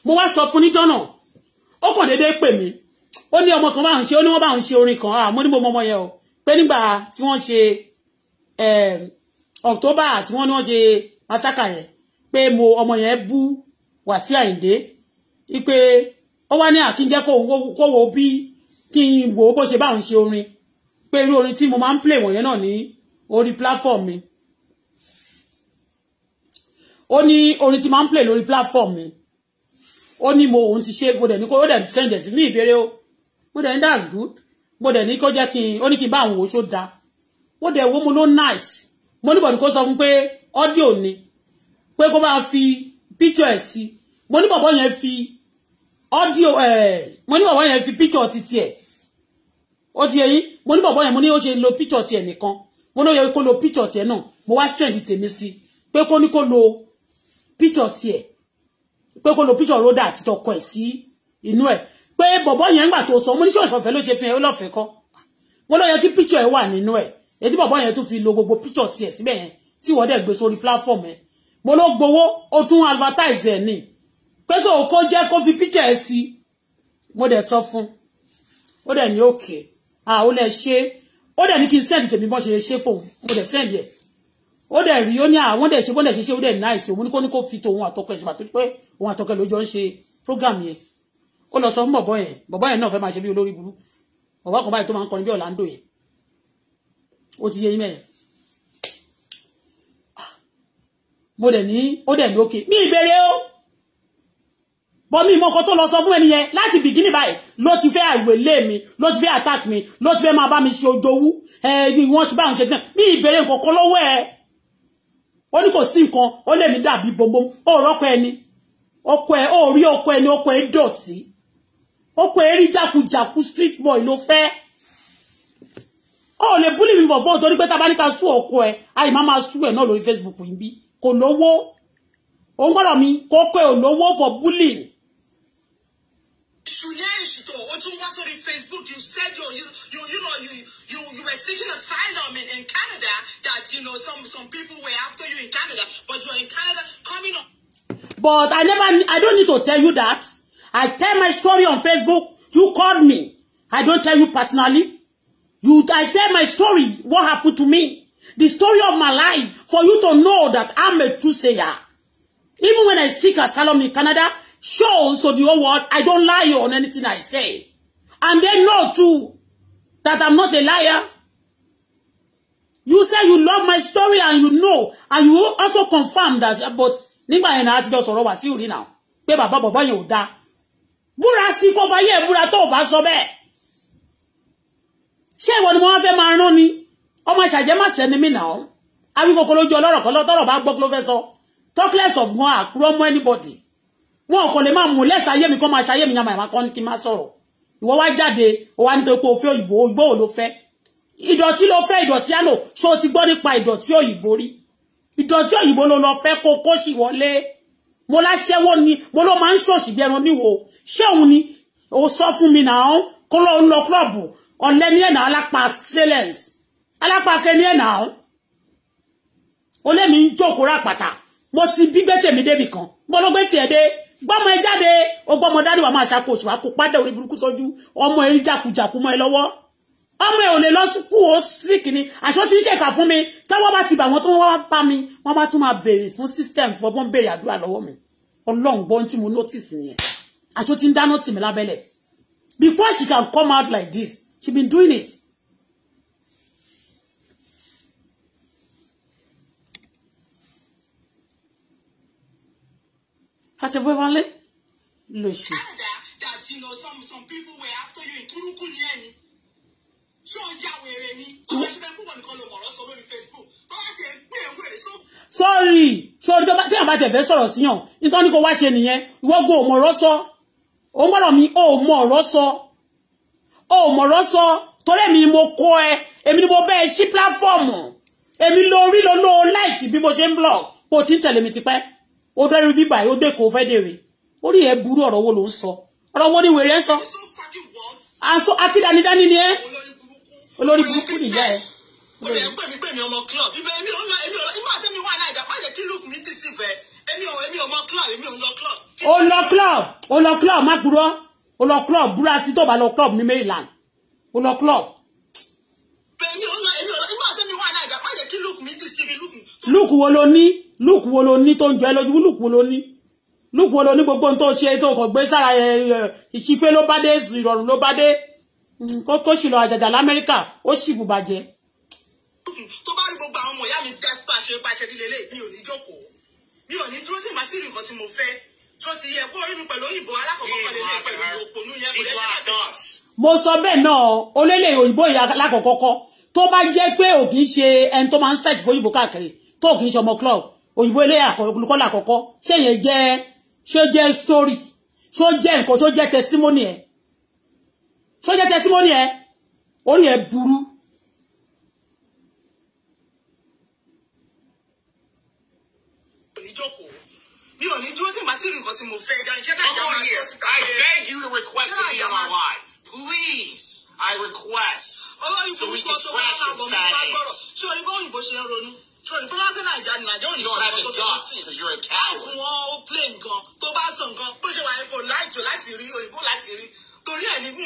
mo wá sọ fún níjọ́ náà ó kàn déédéé pè mí ó ní ọmọ kan bá ń ṣe ó ní wọ́n bá orin kan àmọ́ ah, ní mo mọ ọmọ yẹn o pé nígbà tí wọ́n ṣe ehm, October tí wọ́n ní wọ́n ṣe masaka yẹn pé mo ọmọ yẹn bú Wàsíù ainde. ipe ó wá ní àkínjẹ́ kó wo bí kí n wò ó bó ṣe bá ń orin pé irú orin tí mo máa ń play wọ̀nyẹn náà ní orí platform mi ó ní orin tí máa play lórí platform mi ó ní mo òun ti ṣe mo dẹ̀ ní kó ó dẹ̀ send ẹ̀ sí ní ìbéèrè o mo dẹ̀ ní that's good mo dẹ̀ ní kó jẹ́ kí n ó ní kí n bá àwọn wo ṣó da mo dẹ̀ wo mo ló nice mo ní bọ̀dù kó sọ fún pé audio ni pé kó máa fi picture ẹ̀ sí mo ní bọ̀bọ̀ yẹn fi audio ẹ̀ mo ní bọ̀bọ̀ yẹn fi picture ti tiẹ̀ ó ti yẹyìn mo ní bọ̀bọ̀ yẹn mo ní ó ṣe lo picture tiẹ̀ nìkan mo ní ó yẹ kó lo picture tiẹ̀ náà mo wá send tèmi sí pé kó ní kó lo picture tiẹ̀ pé kó lo picture roda àti tọkọ ẹ̀ sí inú ẹ̀ pé bọ̀bọ́ yẹn ń gbà tó sọ mo ní ṣọ́ọ̀ṣì ọ̀fẹ́ ló ṣe fi hàn ó lọ́fẹ̀ẹ́ kọ́ wọ́n ló yẹ kí picture ẹ̀ wà nínú ẹ̀ èyí tí bọ̀bọ́ yẹn tún fi lo gbogbo picture tiẹ̀ síbẹ̀ yẹn tí wọ́n dẹ̀ gbé sórí platform ẹ̀ mo ló gbowó ó tún advertise ẹ̀ ni pé sọ kó jẹ́ kó fi picture ẹ̀ sí mo dẹ̀ sọ fún ó dẹ̀ ní òkè ah ó lẹ ṣe ó dẹ̀ ní kí n send tèmi bọ́ ṣe ṣe fóun mo dẹ̀ send yẹ ó dẹ̀ rí ó ní àwọn dẹ̀ ṣe bó dẹ̀ ṣe ṣe ó dẹ̀ nice òun ní kó ní kó fi tòun àtọkọ ẹ̀ṣẹ̀ pàtó pé òun àtọkẹ ló jọ ń ṣe program yẹn ó lọ sọ fún bọ̀bọ̀ yẹn bọ̀bọ̀ yẹn náà fẹ́ máa ṣe bí olórí burú bọ̀bọ̀ kan báyìí tó máa ń kọrin bí Orlando yẹn ó ti yé yín mẹ́rin ah! mo dẹ̀ ní ó dẹ̀ lókè mí ìbéèrè o bọ́ mi mọ́kọ tó lọ sọ fún ẹni yẹn láti bìgínì báyìí ló ti fẹ́ àìwé lé mi ló ti fẹ́ attack mi ló ti fẹ́ máa bá mi ṣe ojowú ẹ ni wọ́n ti bá òun ṣe dán mí ìbéèrè nǹkan kan lọ́wọ́ ẹ ó ní kò sí nǹkan ó lè ní dàbí gbogbo ó rọ́pọ̀ ẹni ọkọ ẹ ó rí ọkọ ẹ ní ọkọ ẹ dọ̀tí ọkọ ẹ rí jákujàku street boy ló fẹ́ ó lè búlì mi fọ̀fọ́ torí pé tábà ní ká sú ọkọ ẹ àyè má máa sú ẹ náà lórí Facebook yìí bí kò lówó òun gbọ́dọ̀ mi kókó ẹ ò lówó for bullying. ṣùgbọ́n ìṣùtò ó tún wá Facebook you said you you you know you you you were seeking asylum in Canada that you know some some people were after you in Canada but you're in Canada coming up. But I never, I don't need to tell you that. I tell my story on Facebook. You called me. I don't tell you personally. You, I tell my story, what happened to me. The story of my life, for you to know that I'm a truth sayer. Even when I seek asylum in Canada, shows to the whole world, I don't lie on anything I say. And they know too, that I'm not a liar. You say you love my story and you know, and you also confirm that, but nígbà yẹn náà àtijọ́ sọ̀rọ̀ Wàsíù rí náà pé bàbá bàbá yẹn ò dáa búra sí kó fayé ẹ̀ búra tó bá sọ bẹ́ẹ̀ ṣé ìwọ ni mo wá fẹ́ máa rán ni ọmọ ṣàjẹ́ má sẹ́ni mí náà awíkoko lójú ọlọ́rọ̀ kan lọ́tọ́rọ̀ bá gbọ́ kí ló fẹ́ sọ talkless of wọn àkúrọ́ mọ́ anybody wọn kò lè máa mú lẹ́sà ayé mi kọ́ máa ṣayé mi yàmà ìmá kọ́ ní kí n má sọ̀rọ̀ ìwọ wá jáde ó wá nítorí pé òfin òyìnbó òyìnbó ò ló fẹ́ ìdọ̀tí ló fẹ́ ìdọ̀tí àná ṣó ti gbọ́ nípa ìdọ̀tí òyìnbó rí ìdọ̀tí òyìnbó ló lọ fẹ́ kó kó sì wọlé mo láṣẹ́wó ni mo ló máa ń ṣòṣì bí ẹran níwò ṣé ni ó sọ fún mi náà kó lọ lọ klọ́ọ̀bù ọ̀lẹ́ ní ẹ̀nà alápá silence alápá kẹ ní ẹ̀nà olémi ń jókòó mo ti bí kan mo ló gbé tiẹ̀ jáde ó gbọ́mọ dáríwá máa ṣàkóso àkópá dẹ̀ ọmọ ẹ jákujàku mọ́ ẹ lọ́wọ́ ọmọ ẹ ò lè lọ sùkú ó sì kìíní àṣọ tí ń ṣèkà fún mi tọ́wọ́ bá ti bà wọ́n tó wọ́n bá mi wọ́n bá tún máa béèrè fún system fọgbọ́n béèrè àdúrà lọ́wọ́ mi ọlọ́run gbọ́n tí mo notice yẹn àṣọ tí ń dáná tì mí lábẹ́lẹ̀ before she can come out like this she been doing it. àti wálé lóṣù. you know some some ṣó ń ya wèrè ni àwọn ẹṣin púpọ̀ nìkan ló mọ̀rọ̀ sọ lórí Facebook tó bá ti ẹ̀ pé ẹ̀ wèrè sọ́ọ̀rì sọ́ọ̀rì tó bá tí àbá fẹ́ sọ̀rọ̀ síyàn nítorí ní kò wá ṣe nìyẹn ìwọ́gbọ́ ò mọ̀rọ̀ sọ ó gbọ́dọ̀ mi ó mọ̀ ọ̀rọ̀ sọ ó mọ̀rọ̀ sọ torí èmi mo kọ́ ẹ èmi ni mo bẹ́ ẹ sí pílàfọ́ọ̀mù èmi lo orí lo lo láìkì bí mo ṣe ń blog bó ti ń tẹ̀lé mi tipẹ́ ó dẹ́rù bíbà ó dé kò fẹ́ dèrè orí ẹ burú ọ̀rọ̀ wo ló ń sọ ọ̀rọ̀ wo ni wèrè ń sọ àǹsọ akídanidání ni ẹ olórí burúkú nìyá ẹ. o lè pè mí ọmọ club ibẹ̀ èmi ò lọ èmi ò lọ ìgbà tẹ́mi wà náà ìjàpá jẹ́ kí look mi dì sí fẹ́ èmi ò èmi mọ club èmi ò lọ club. o lọ club o lọ club má gbúrọ o lọ club búra sí tó bá lọ club ní Maryland o lọ club. èmi ò lọ èmi ò lọ ìgbà tẹ́mi wà náà ìjàpá jẹ́ kí look mi dì sí mi look. look wo lo ní look wo lo ní tó ń jọ ẹ lójú look wo lo ní look wo lo ní gbogbo ohun tó ṣe tó kàn gbé sára ìṣípé ló bá dé ìrọ̀rùn ló bá dé kókó mm, ṣùlọ àjàjà lamẹ́ríkà ó sì bùbàjẹ́. tó bá rí gbogbo àwọn ọmọ ìyá mi dá pàṣẹ pàṣẹ líle lè mi ò ní jókòó mi ò ní dúró sí màtírì nǹkan tí mo fẹ́ tó ti yẹ kó rí mi pẹ̀lú òyìnbó alákọ̀ọ́kọ́ lè pẹ̀lú òpònú yẹn kò lè ṣe mo sọ bẹ́ẹ̀ náà olélè òyìnbó alákọ̀ọ́kọ́ tó bá jẹ́ pé ò kì í ṣe ẹni tó máa ń ṣàjì fóyìnbó káàkiri tó kì í ṣe ọmọ club òyìnbó ilé olùkọ́ làkọ́kọ́ ṣé yẹn jẹ́ ṣó jẹ́ story ṣó jẹ́ nǹkan ṣó jẹ́ testimony ẹ̀ ṣó jẹ́ testimony ẹ orí ẹ burú mi ò ní I beg you to request to be on my life. Please, I request. so we can trash the tariffs. Ṣé orí bó òyìnbó ṣe ń ronú? Ṣé orí torí ẹ̀ ni mi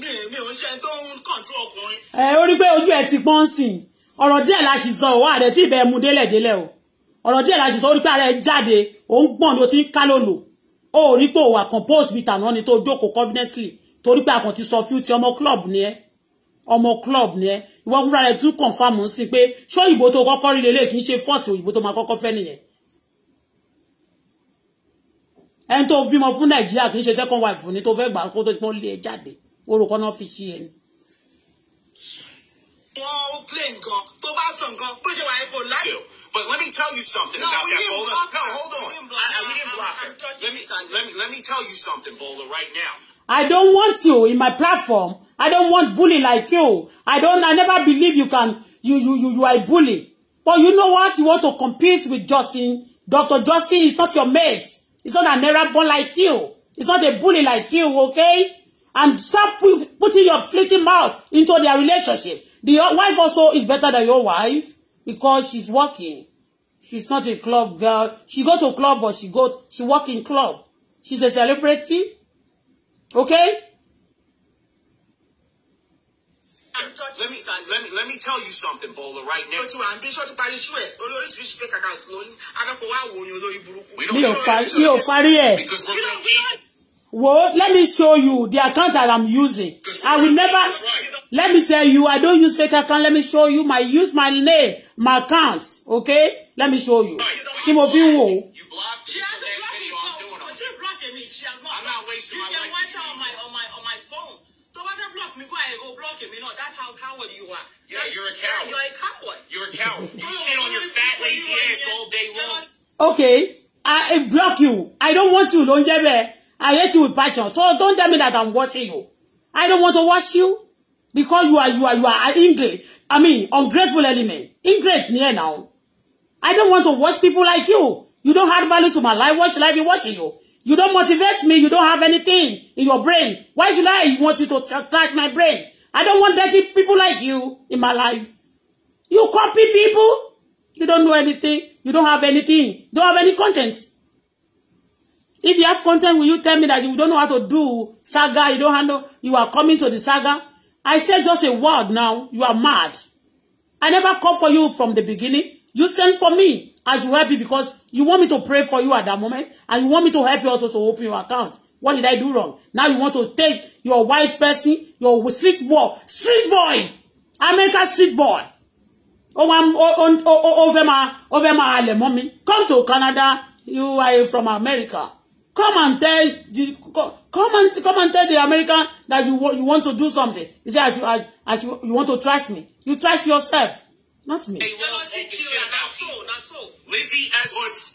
mi mi ò ń ṣe tó ń kọ̀ǹtú ọkùnrin. ẹ ó rí pé ojú ẹ ti pọ́n sí i ọ̀rọ̀ díẹ̀ la sì sọ òwò àrẹ tí ìbẹ̀ mu délẹ̀ délẹ̀ o ọ̀rọ̀ díẹ̀ la sì sọ ó rí pé ara ẹ jáde òun gbọ̀n ló ti ń ká lòlò ó rí pé òwà compose bíi tànà ni tó jókòó confidently torí pé àkàntì sọ fíú ti ọmọ club ni ẹ ọmọ club ni ẹ ìwọ fúnra rẹ tún confam sí pé ṣé òyìnbó tó kọ́kọ́ rí lélẹ̀ kì í ṣe fọ́ọ̀sì òyìnbó tó máa kọ́kọ́ fẹ́ nìyẹn ẹni tó bímọ fún nàìjíríà kì í ṣe second wife ni tó fẹ́ gbà kó tó ti pọ́n lé ẹ e jáde orúkọ náà fi ṣí ẹni. wọn ó play nǹkan tó bá sọ nǹkan bó ṣe wà ipò láyò. But let me tell you something no, about that, Bola. No, hold on. We I, I, we didn't block her. Let me, let, me, let me tell you something, Bola, right now. I don't want you in my platform. I don't want bully like you. I don't. I never believe you can. You you you you are a bully. But you know what? You want to compete with Justin. Dr. Justin is not your mate. It's not an Arab born like you. It's not a bully like you, okay? And stop putting your fleeting mouth into their relationship. The wife also is better than your wife because she's working. She's not a club girl. She go to club, but she go she work in club. She's a celebrity. Okay? Let me, let me let me tell you something, Bola, right now. we don't ń bí sọ́tún parí iṣu ẹ̀ olóríṣiríṣi fake account ló Well, let me show you the account that I'm using. I will never, let me tell you, I don't use fake account. Let me show you my, use my name, my accounts. okay? Let me show you. Tí mo fi ń wò. I'm not wasting my life block me, go ahead, go block him. You know, that's how coward you are. Yeah, that's, you're a coward. Yeah, you're a coward. You're a coward. You sit on your fat lazy ass all day long. Okay, I, I block you. I don't want you, don't you I hate you with passion. So don't tell me that I'm watching you. I don't want to watch you because you are you are you are an ingrate. I mean, ungrateful element. Ingrate near now. I don't want to watch people like you. You don't have value to my life. What should I be watching you? You don't motivate me. You don't have anything in your brain. Why should I want you to trash my brain? I don't want dirty people like you in my life. You copy people. You don't know anything. You don't have anything. You don't have any content. If you have content, will you tell me that you don't know how to do saga? You don't handle. You are coming to the saga. I said just a word now. You are mad. I never called for you from the beginning. You sent for me. I should help you because you want me to pray for you at that moment and you want me to help you also to open your account. What did I do wrong? Now you want to take your white person, your street boy, street boy, America street boy. Oh, I'm oh, oh, over my over my island, mommy. Come to Canada. You are from America. Come and tell the come and come and tell the American that you you want to do something. You say as you as, as you, you want to trash me. You trash yourself. Not me. put Lizzie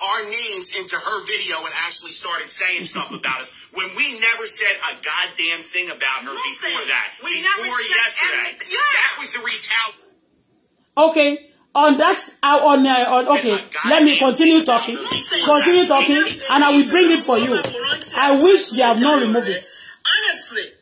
our names into her video and actually started saying stuff about us when we never said a goddamn thing about her Nothing. before that. We before never said yesterday. yeah. That was the retaliation. Okay. On that, I, uh, on, uh, on okay, let me continue talking, continue talking, and I will bring it for you. I wish they have not removed it. Honestly.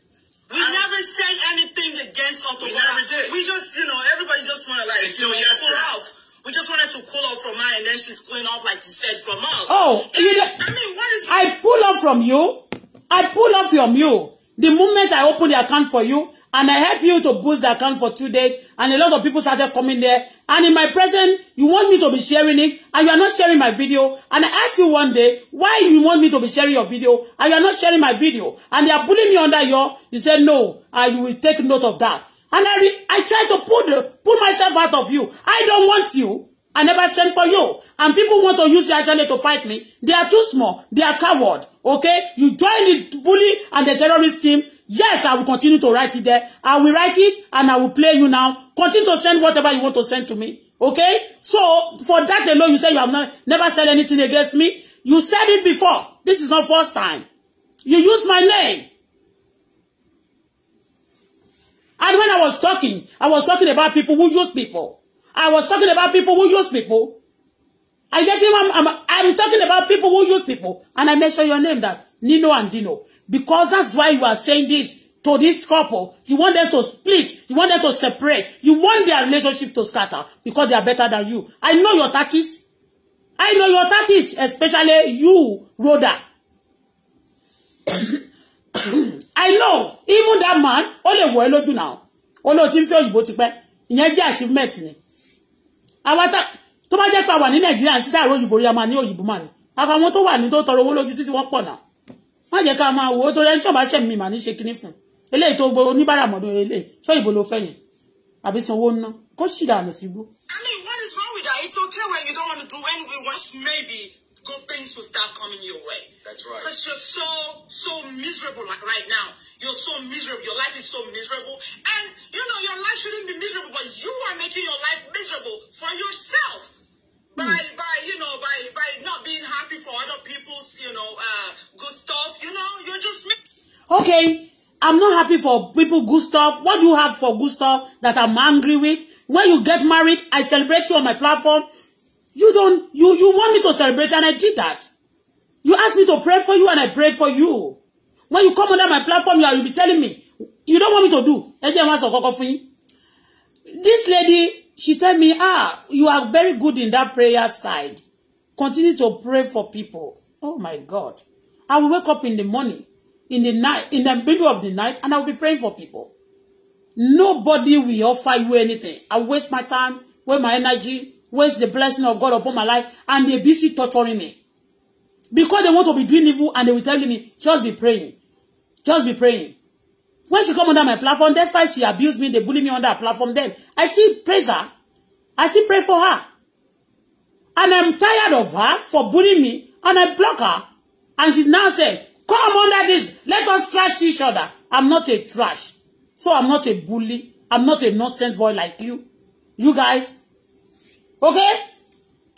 We I never said anything against Otto. We never did. We just, you know, everybody just wanna like Until you know, yesterday. off. We just wanted to pull off from her, and then she's pulling off like you said from us. Oh, and you know, I mean, what is? I pull off from you. I pull off from you. The moment I open the account for you, and I help you to boost the account for two days, and a lot of people started coming there And in my present, you want me to be sharing it, and you are not sharing my video. And I ask you one day, why you want me to be sharing your video, and you are not sharing my video. And they are pulling me under your, you said, no, you will take note of that. And I, re I try to pull, pull myself out of you. I don't want you. I never sent for you. And people want to use your agenda to fight me. They are too small. They are coward. Okay? You join the bully and the terrorist team. Yes, I will continue to write it there. I will write it and I will play you now. Continue to send whatever you want to send to me. Okay? So, for that alone, you say you have not, never said anything against me. You said it before. This is not first time. You use my name. And when I was talking, I was talking about people who use people. I was talking about people who use people. I guess I'm, I'm, I'm talking about people who use people. And I mentioned your name that Nino and Dino. Because that's why you are saying this to this couple. You want them to split. You want them to separate. You want their relationship to scatter because they are better than you. I know your tactics. I know your tactics, especially you, Rhoda. I know even that man, ó lè wọ ẹ́ lójú náà. Ó lọ ti ń fẹ́ òyìnbó ti pẹ́. Ìyẹn jẹ́ achievement ni. Àwa tá tó bá jẹ́ pa wà ní Nàìjíríà, sísá àrò òyìnbó rí a You ní òyìnbó I ní. Àwọn tó and ní tó tọrọ owó lójú títí wọ́n pọ̀ náà má jẹ́ ká máa wò ó torí ẹni tí ọba ṣẹ̀ mi mà ní ṣe kinní fún eléyìí tó gbọ́ oníbàárà mọ̀dún eléyìí sọ ìbò ló fẹ́ yẹn àbí sanwó ná kó sì dànù sígbó. I mean, what is wrong with that? It's okay when you don't want to do anything once maybe good things will start coming your way. That's right. Because you're so, so miserable like right now. You're so miserable. Your life is so miserable. And, you know, your life shouldn't be miserable, but you are making your life miserable for yourself by hmm. by you know by by not being happy for other people's you know uh, good stuff. You know, you're just. Okay, I'm not happy for people good stuff. What do you have for good stuff that I'm angry with? When you get married, I celebrate you on my platform. You don't. You you want me to celebrate, and I did that. You asked me to pray for you, and I pray for you. When you come under my platform, you are be telling me you don't want me to do. This lady she tell me ah you are very good in that prayer side continue to pray for people oh my god i will wake up in the morning in the night in the middle of the night and i will be praying for people nobody will offer you anything i waste my time waste my energy waste the blessing of god upon my life and they busy torturing me because they want to be doing evil and they will tell me just be praying just be praying When she come under my platform, despite she abused me, they bully me under her platform, then I still praise her. I still pray for her. And I'm tired of her for bullying me, and I block her. And she's now saying, come under this, let us trash each other. I'm not a trash. So I'm not a bully. I'm not a nonsense boy like you. You guys. Okay?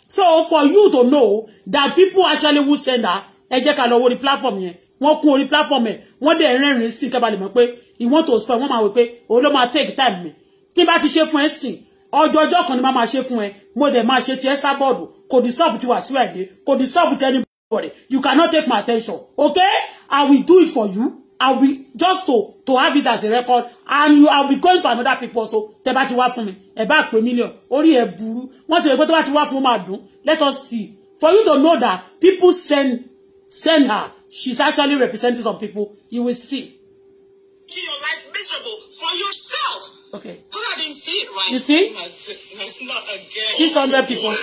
So for you to know that people actually will send her, ẹ jẹ́ the platform here wọ́n kún orí platform ẹ̀ wọ́n dẹ̀ rẹ́rìn sí kẹ́bà lè mọ̀ pé ìwọ́n tó spoil wọ́n máa wò pé òun ló máa take time mi tí bá ti ṣe fún ẹ sìn ọjọ́ ọjọ́ kan ni máa ṣe fún ẹ mo dẹ̀ máa ṣe ti ẹ sábọ̀dù kò disturb ti wà sí ẹ̀dẹ́ kò disturb ti anybody you cannot take my attention okay i will do it for you i will just to to have it as a record and you i will be going to another people so tẹ bá ti wá fún mi ẹ bá pè mílíọ̀n orí ẹ burú wọ́n ti rẹ̀ pé tó bá ti wá fún ó máa dùn let us see for you to know that people send send her she's actually representing some people. You will see. Your life miserable for yourself. Okay. But I didn't see it right. You see? Oh my goodness, not again. 600 people.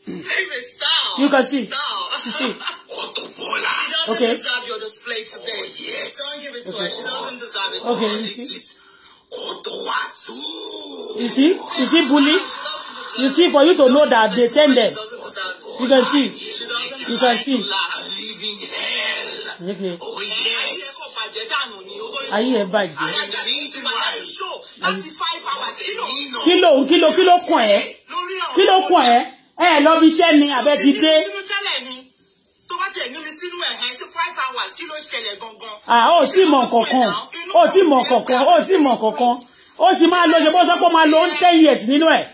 David, ah. stop. You can see. Stop. You see. What She doesn't okay. deserve your display today. Oh, yes. Don't give it to okay. her. She doesn't deserve it. Okay, you see? You see? You see, bully? You see, for you to know that they send them. You can see. You can see ayé ẹ bàjẹ́ kí ló kí ló kí ló kàn ẹ́ kí ló kàn ẹ́ ẹ lọ bí iṣẹ́ ni abẹ́ ti dé. ó sì mọ̀ kankan ó sì mọ̀ kankan ó sì mọ̀ kankan ó sì máa lo ṣe bó sọ pé ó máa lo ten years nínú ẹ̀.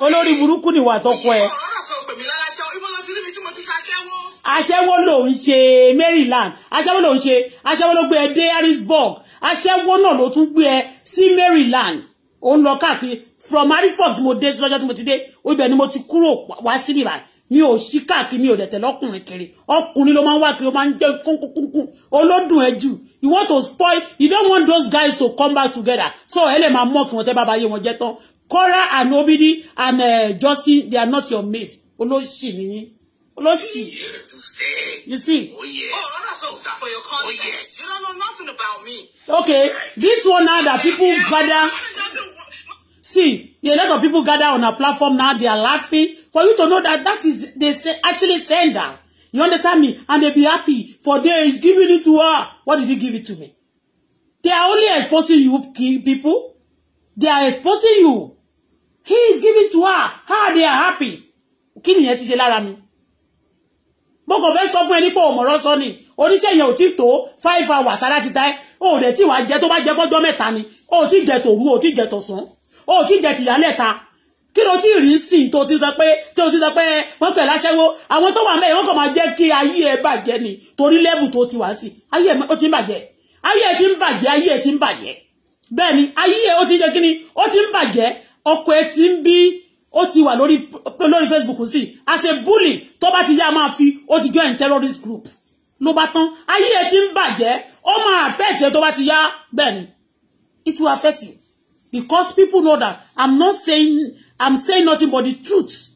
olórí burúkú nìwà tọkọ ẹ. aṣẹ́wó ló ń ṣe Maryland aṣẹ́wó ló ń ṣe aṣẹ́wó ló gbé ẹ dé Harrisburg aṣẹ́wó náà ló tún gbé ẹ sí Maryland ó ń lọ káàkiri from Harrisburg tí mo dé sí lọ́jọ́ tí mo ti dé ibẹ̀ ni mo ti kúrò wá sí ìbàdàn mi ò sí káàkiri mi ò dẹ̀ tẹ̀lé ọkùnrin kiri ọkùnrin ló máa ń wá kiri ó máa ń jẹ́ kúnkúnkún olódùn ẹ jù you want to spoil you don't want those guys to come back together so ẹ lè máa mọ́ kí wọ́n tẹ́ bá ba yé wọn jẹ́ tán Kora and Obidi and uh, Justin, they are not your mate. Olóṣì ni yín. Olóṣì. You see? Oh, yes. Oh, that for your oh, context. Oh, yes. You don't know nothing about me. Okay. This one now that people gather. See, a lot of people gather on a platform now. They are laughing. For you to know that that is, they say, actually send her. You understand me? And they be happy. For there is giving it to her. What did you give it to me? They are only exposing you people. They are exposing you he is giving to her how they are happy kí nìyẹn ti ṣe lára mi mo kàn fẹ́ sọ fún ẹni pé òmọ̀rọ̀ sọ ni oníṣẹ́ yẹn ò tí tó five hours sára ti dá ẹ́ o ò dẹ̀ tí wàá jẹ tó bá jẹ fọ́jọ́ mẹ́ta ni o ò tí jẹ tòru o ò tí jẹ tọ̀sán o ò tí jẹ tìyálẹ̀ta kí ló ti rí sí tó ti sọ pé tí o ti sọ pé wọ́n pẹ̀ láṣẹ́wó àwọn tó wà mẹ́rin wọ́n kàn máa jẹ́ kí ayé ẹ bàjẹ́ ni torí lẹ́bù tó ti wá sí ayé ẹ ó ti ń bàjẹ́ ayé ẹ ti ń bàjẹ́ ayé ẹ ti ń bàjẹ́ bẹ́ẹ̀ ni ayé ẹ ó ti jẹ́ kí ni ó ti ń bàjẹ́ ọkọ ẹ ti ń bí ó ti wà lórí lórí Facebook sí as a bully tó bá ti yá máa fi ó ti join terrorist group ló bá tán ayé ẹ ti ń bàjẹ́ ó máa affect ẹ tó bá ti yá bẹ́ẹ̀ ni it will affect you because people know that I'm not saying I'm saying nothing but the truth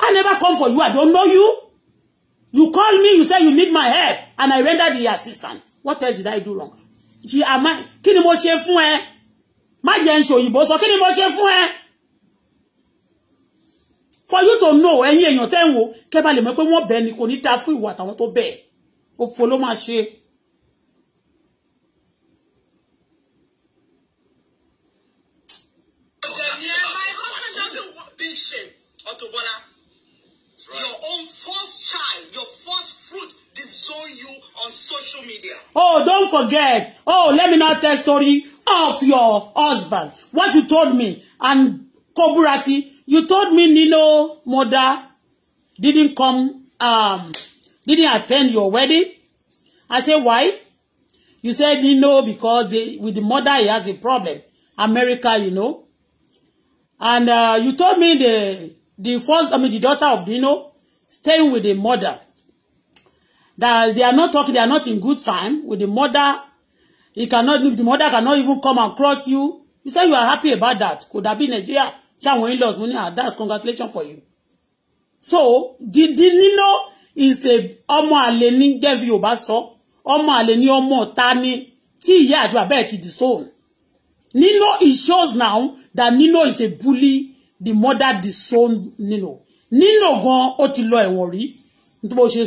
I never come for you I don't know you you call me you say you need my help and I render the assistance what else did I do wrong she am I kí ni mo ṣe fún ẹ má jẹ́ ń ṣòyìnbó sọ kí ni mo ṣe fún ẹ for you to know ẹ̀yin èèyàn tẹ́ ń wo kẹ́ bá lè mọ̀ pé wọ́n bẹ̀ ni kò ní dáa fún ìwà àtàwọn tó bẹ̀ òfò ló máa ṣe. you on social media. Oh, don't forget. Oh, let me not tell story of your husband what you told me and Koburasi you told me Nino mother didn't come um didn't attend your wedding I say why you said Nino because they, with the mother he has a problem America you know and uh, you told me the the first I mean the daughter of Nino staying with the mother that they are not talking they are not in good time with the mother He cannot, leave the mother cannot even come and cross you, you say you are happy about that. Could Kò dàbí Nigeria tí àwọn in-laws mo ní ah that's congratulations for you. So, dídí Nino? is a "Omo Aleni ní gẹ́bí Yorùbá sọ, Omo àlè ní ọmọ ọ̀tá ni tí ìyá àti bàbá ẹ̀ Nino it shows now that Nino is a bully, the mother disowned Nino. Nino gone. ó ti worry. ẹ̀wọ̀n rí, nítorí bó ṣe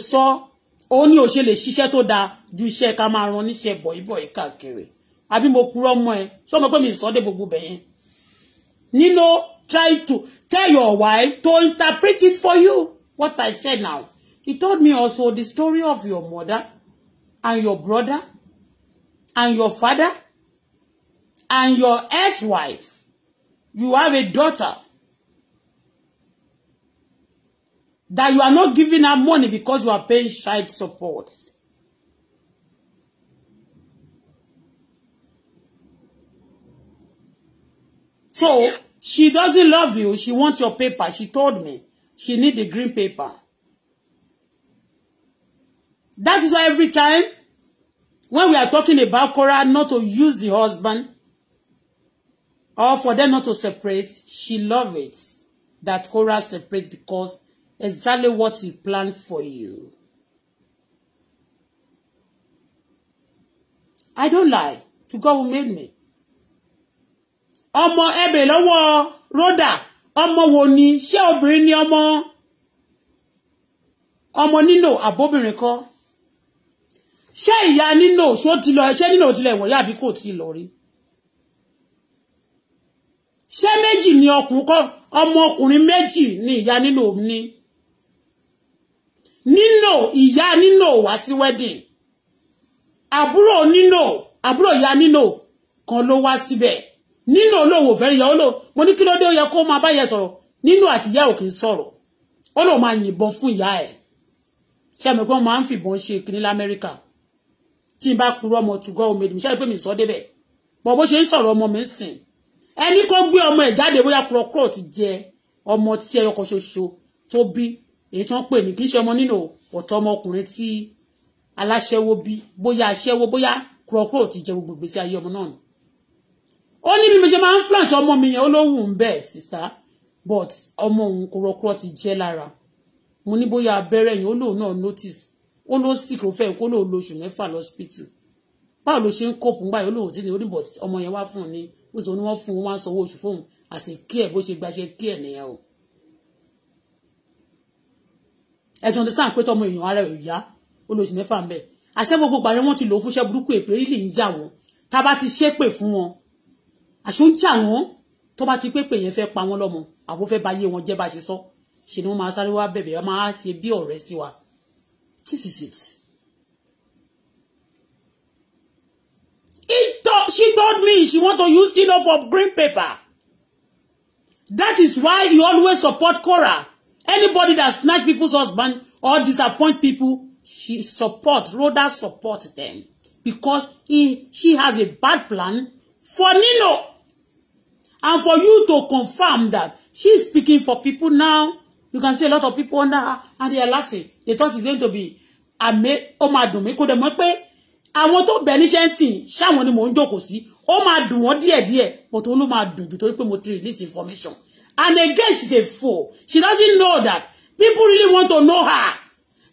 ó ní ò ṣe lè ṣiṣẹ́ tó dáa ju iṣẹ́ ká máa ran níṣẹ́ bọ̀ìbọ̀ì káàkiri àbí mo purọ́ mọ́ ẹ sọmọ pé mi ìsọdẹ gbogbo bẹ̀yẹn nínú try to tell your wife to interpret it for you what I said now he told me also the story of your mother and your brother and your father and your ex-wife you have a daughter that you are not giving her money because you are paying child support. So she doesn't love you. She wants your paper. She told me she need the green paper. That is why every time when we are talking about Cora, not to use the husband or for them not to separate, she loves it that Cora separate because exactly what he planned for you. I don't lie to God who made me. Ọmọ ebe lọ́wọ́ Rhoda ọmọ wo ni ṣé obìnrin ni ọmọ ọmọ nílò àbóbìnrin kọ́ ṣé ìyá nílò ṣó ti lo ṣé nino ti lọ ẹ̀wọ̀n yàbí kò ti lọ rí ṣé meji ni ọkùnrin ko ọmọ ọkùnrin meji ni ìyá nílò ní nínò ìyá nínò wá sí wedding àbúrò nínò àbúrò ìyá nínò kan ló wá síbẹ̀ nínò olówó fẹ́rẹ̀ ìyá olówó mo ní kí ló dé ó yẹ kó máa bá yẹ sọ̀rọ̀ nínò àti ìyá ò kì í sọ̀rọ̀ ó lóun máa yìnbọn fún ìyá ẹ̀ ṣe àmì pé wọ́n máa ń fìbọn ṣe kiri lamẹ́ríkà tí n bá purọ́ ọmọ tùgọ́ omi èdè mi ṣáà pé mi sọ débẹ̀ bọ̀ bó ṣe ń sọ̀rọ̀ ọmọ mi ń sìn ẹni kó gbé ọmọ ẹ̀ jáde bóyá kúrọ̀kúrọ̀ ti jẹ ọmọ tí ẹyọ kan ṣoṣo tó bí èyí tó ń pè ní kì í ṣe ọmọ nínú ọ̀tọ̀ ọmọkùnrin tí aláṣẹwó bí bóyá aṣẹwó bóyá kúrọkúrò ti jẹ gbogbo ìgbésí ayé ọmọ náà ni. ó ní bí mo ṣe máa ń flaunt ọmọ mi yẹn ó lóhùn ń bẹ́ẹ̀ sista but ọmọ òun kúrọkúrọ ti jẹ́ lára mo ní bóyá abẹ́rẹ́ yẹn ó lóun náà notice ó ló sì kó fẹ́ kó lóun lóṣù mẹ́fà lọ́sípítù báwo ló ṣe ń kó fún báyìí ó lóun ti ní oníbọ̀ ọmọ yẹn wá fún un ní bó ṣe ni wọ́n fún un wọ́n á sanwó oṣù fóun àṣekí ẹ̀ bó ṣe gbaṣẹ́ kí ẹ̀ nìyẹn o ẹ ti understand pé tọmọ èèyàn ara ẹ̀ olóṣù mẹ́fà ń àṣẹ gbogbo gbàrẹ́ wọn ti lò fún burúkú èpè lè ń jà wọ́n tá bá ti ṣépè fún wọn àṣọ ń jà wọ́n tó bá ti pépè yẹn fẹ́ pa wọ́n lọ́mọ àbó fẹ́ ba wọn jẹ́ bá ṣe sọ ṣe ni wọ́n máa sáré wá bẹ̀bẹ̀ máa ṣe bí ọ̀rẹ́ sí wa this is it. He she told me she want to use tin of green paper. That is why you always support Cora. Anybody that snatch people's husband or disappoint people, she support, Rhoda support them. Because he, she has a bad plan for Nino. And for you to confirm that she's speaking for people now, you can see a lot of people under her and they are laughing. They thought it's going to be àmì ó máa dùn mí kó dẹ̀ mọ̀ pé àwọn tó bẹ̀ níṣẹ́ ń sìn ṣáwọn ni mò ń jókòó sí ó máa dùn wọ́n díẹ̀díẹ̀ bọ̀tún ló máa dùn release information And again, she's a fool. She doesn't know that. People really want to know her.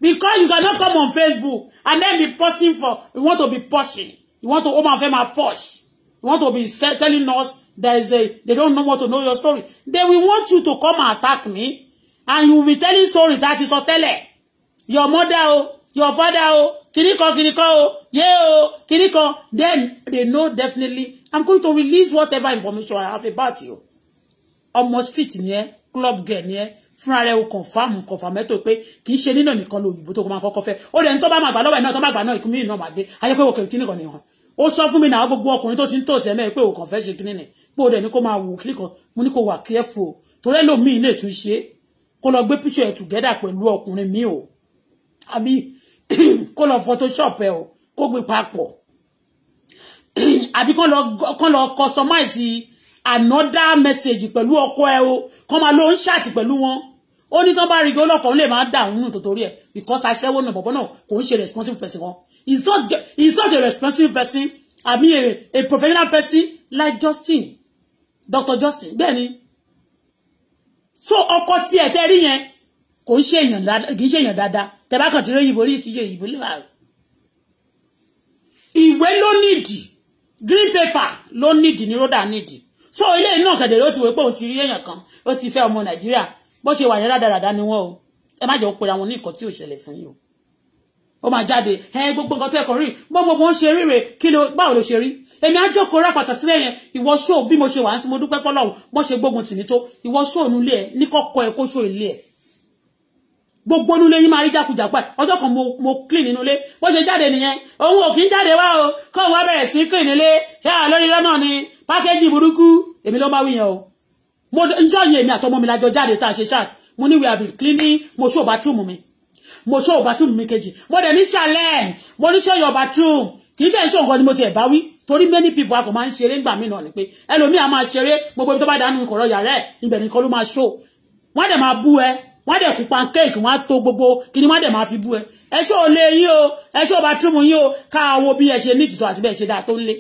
Because you cannot come on Facebook and then be posting for, you want to be pushing. You want to open oh, fema push. You want to be telling us there is a, they don't know what to know your story. They will want you to come and attack me. And you will be telling story that is Otele. Your mother, oh, your father, oh, kiriko, kiriko, oh, yeah, oh, kiriko. Then they know definitely, I'm going to release whatever information I have about you ọmọ street ni ẹ club girl ni ẹ fúnra rẹ o confam confam ẹ tó pé kì í ṣe nínà nìkan lo òyìnbó tó kọ máa kọ́kọ́ fẹ́ ó lẹni tó bá máa gbà lọ́wọ́ ẹ̀ náà tó máa gbà náà ìkúnmí náà máa gbé ayé pé òkè kíní kan nìyàn ó sọ fún mi náà gbogbo ọkùnrin tó ti ń tòsẹ̀ mẹ́ẹ̀ pé òkàn fẹ́ ṣe kíní nì pé ó dẹ̀ ní kó máa wù kíní kan mo ní kó wà careful o torí ẹlòmíì lè tún ṣe kó lọ gbé picture ẹ̀ together pẹ̀lú ọkùnrin mi o àbí kó lọ photoshop ẹ o kó gbé papọ̀ àbí kán lọ customize another message pẹ̀lú ọkọ ẹ o kàn máa lọ ń ṣàtì pẹ̀lú wọn ó ní tán bá rí gbé ọlọ́kàn lè máa dàrú nù tòtórí ẹ̀ because aṣẹ́wó náà bọ̀bọ̀ náà kò ń ṣe responsible person wọn he's not he's a responsible person I mean a, a professional person like Justin Dr. Justin bẹ́ẹ̀ so ọkọ tí ẹ tẹ́ rí yẹn kò ń ṣe èèyàn dáadáa kì í ṣe èèyàn dáadáa tẹ bá kàn tí lóyìn rí ìtújẹ ìbò lè wà. ìwé ló nídìí green paper ló nídìí ní rọ́dà nídìí so ilé náà kẹ̀dẹ̀rẹ́ ó ti wé pé òun ti rí èèyàn kan ó ti fẹ́ ọmọ nàìjíríà bó ṣe wà yẹn rádaràdá ni wọ́n o ẹ má jẹ́ ó pera wọn ní nǹkan tí ò ṣẹlẹ̀ fún yìí o ó máa jáde ẹ gbogbo nǹkan tó ẹkọ rí gbogbo wọn ṣe rí rè kí ló báwo ló ṣe rí èmi àjọkọ rà pàtàkì sílẹ̀ yẹn ìwọ ṣó bí mo ṣe wà á sí mo dúpẹ́ fọ́lọ́run bó ṣe gbógun tì ní tó ìwọ ṣó ònú ní kọkọ ẹ kó ṣó ilé ẹ gbogbo nínú yín máa rí jákujàpá ọjọ́ kan mo clean nínú ilé bó ṣe jáde nìyẹn òun ò kí jáde wá o kó wá bẹ̀rẹ̀ sí clean nílé ṣáà lórí lọ́nà ni pákéjì burúkú èmi o mo njọ́ yẹn èmi àtọmọ mi lájọ jáde tá a ṣe ṣáà mo ní we have been cleaning mo ṣó bathroom mi mo ṣó bathroom mi kejì mo dẹ̀ ní ṣàlẹ̀ mo ní your ni mo ti ẹ̀ bá wí torí many people máa ń ṣeré ńgbà mí náà ni pé máa ṣeré gbogbo ibi tó bá dánú wọ́n dẹ̀ kú pancake wọ́n á to gbogbo kí ni wọ́n dẹ̀ máa fi bú ẹ ẹ ṣó o lé yín o ẹ ṣó o bá túmù yín o ká wo bí ẹ ṣe ní ìtìtọ́ àti bẹ́ẹ̀ ṣe dáa tó ń lé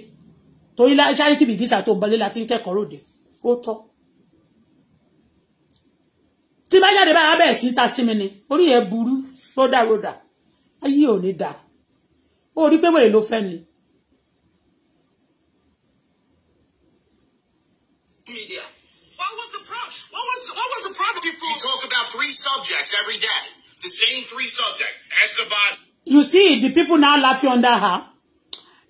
torí charity bìgísà tó ń bọ́lé láti ń kẹ́kọ̀ọ́ ròde ó tọ́ tí bá jáde báyà bẹ́ẹ̀ sí ta sí mi ni orí ẹ burú ròdà ròdà ayé ò ní dà ó rí pé wèrè ló fẹ́ ni. media You talk about three subjects every day. The same three subjects. Esteban. You see, the people now laughing under her.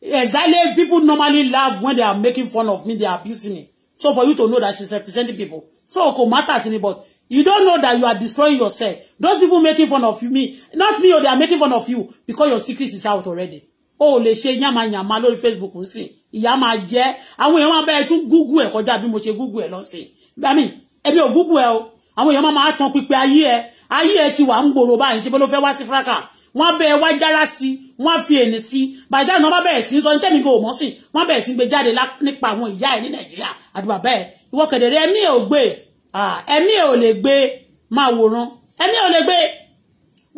Exactly, people normally laugh when they are making fun of me, they are abusing me. So for you to know that she's representing people. So it matters anybody. You don't know that you are destroying yourself. Those people making fun of me, not me, or oh, they are making fun of you because your secret is out already. Oh, lè ṣe yàmà yàmà lórí facebook ń sìn ìyá máa jẹ àwọn èèyàn máa bẹ́ẹ̀ tún google ẹ̀ kọjá bí mo ṣe google ẹ̀ lọ sí i gbàmí ẹ̀mí ò google ẹ̀ o àwọn èèyàn máa máa tan pípẹ́ ayé ẹ ayé ẹ ti wà ń gbòòrò báyìí ṣe bó ló fẹ́ wá sí fúráka wọ́n bẹ ẹ wá jára sí wọ́n fi ènì sí bàjẹ́ àná wọ́n bẹ̀rẹ̀ sí sọ ní tẹ́mi kò mọ́ sí wọ́n bẹ̀rẹ̀ sí gbé jáde nípa àwọn ìyá ẹ ní nàìjíríà àti bàbá ẹ ìwọ kẹ̀dẹ̀rẹ̀ ẹ̀mí ò gbé ẹ̀mí ò lè gbé máa wòran ẹ̀mí ò lè gbé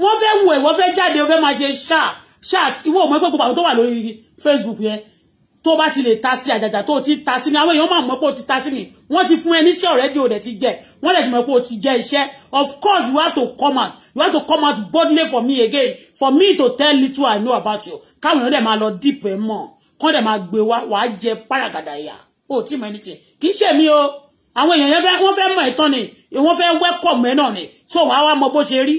wọ́n fẹ́ wù ẹ̀ wọ́n fẹ́ jáde wọ́n fẹ́ máa ṣe ṣáà ṣáà ìwọ ò mọ̀ gbogbo àwọn tó wà lórí Facebook yẹn tó bá ti lè ta sí àjàjà tó ti ta sí mi àwọn èèyàn máa mọ̀ pé o ti ta sí mi wọ́n ti fún ẹ níṣẹ́ already o dẹ̀ ti jẹ wọ́n dẹ̀ ti mọ̀ pé o ti jẹ iṣẹ́ of course you have to come out you have to come out boldly for me again for me to tell little I know about you káwọn èèyàn dẹ̀ máa lọ deep ẹ̀ mọ̀ kán dẹ̀ máa gbé wá wàá jẹ páràgàdà ìyà o tí mọ anything kì í ṣe mi o àwọn èèyàn yẹn wọ́n fẹ́ mọ̀ ìtàn ni wọ́n fẹ́ welcome ẹ náà ni so wàá wá mọ bó ṣe rí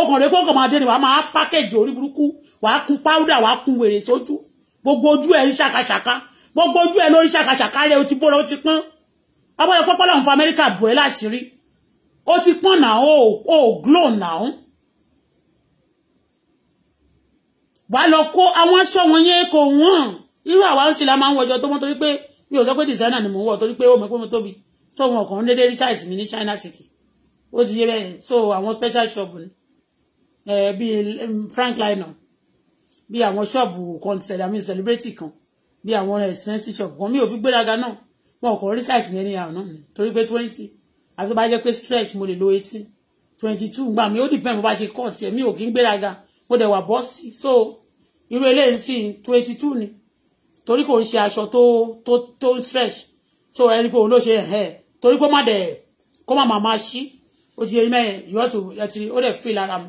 ọkàn rẹ kó kàn máa dé ni wàá máa package orí burúkú wàá kun powder wàá kun wèrè sójú gbogbo ojú ẹ̀ ń ṣàkàṣàkà gbogbo ojú ẹ̀ lórí ṣàkàṣàkà rẹ̀ o ti bóra o ti pọ́n abọ́dọ̀ pọ́pọ́ lọ́hùn fún amẹ́ríkà bù ẹ́ láṣìírí o ti pọ́n náà o ò glo náà wàá lọ kó àwọn aṣọ wọn yẹn kò wọ́n irú àwa ń sì máa ń wọjọ tó mọ́ torí pé mi ò sọ pé designer ni mò ń wọ̀ torí pé ó mọ̀ pé mo tóbi so wọn kàn ń dédé rí size mi ní China City ó ti yé bẹ́ẹ̀ so àwọn special shop ni eh, bíi eh, Frank Lino bí àwọn ṣọ́ọ̀bù kan àmì celebrity kan bí àwọn expensive ṣọ́ọ̀bù kan mi ò fi gbéraga náà wọn kò rí size yẹn ní àwọn náà torí pé twenty àti bá jẹ́ pé stretch mo lè lo eighteen twenty two gbà mí ó depend bó bá ṣe cut ẹ̀ mi ò kí ń gbéraga mo dẹ̀ wà bọ́sì so irú eléyìí sí twenty two ni torí kò ń ṣe aṣọ tó tó tó stretch so ẹni pé òun ló ṣe ẹ̀ torí kó má dẹ̀ kó má má má ṣí ó ti yẹ mẹ́yìn yọ̀ọ́tù ẹ̀ ti ó dẹ̀ fi lára mu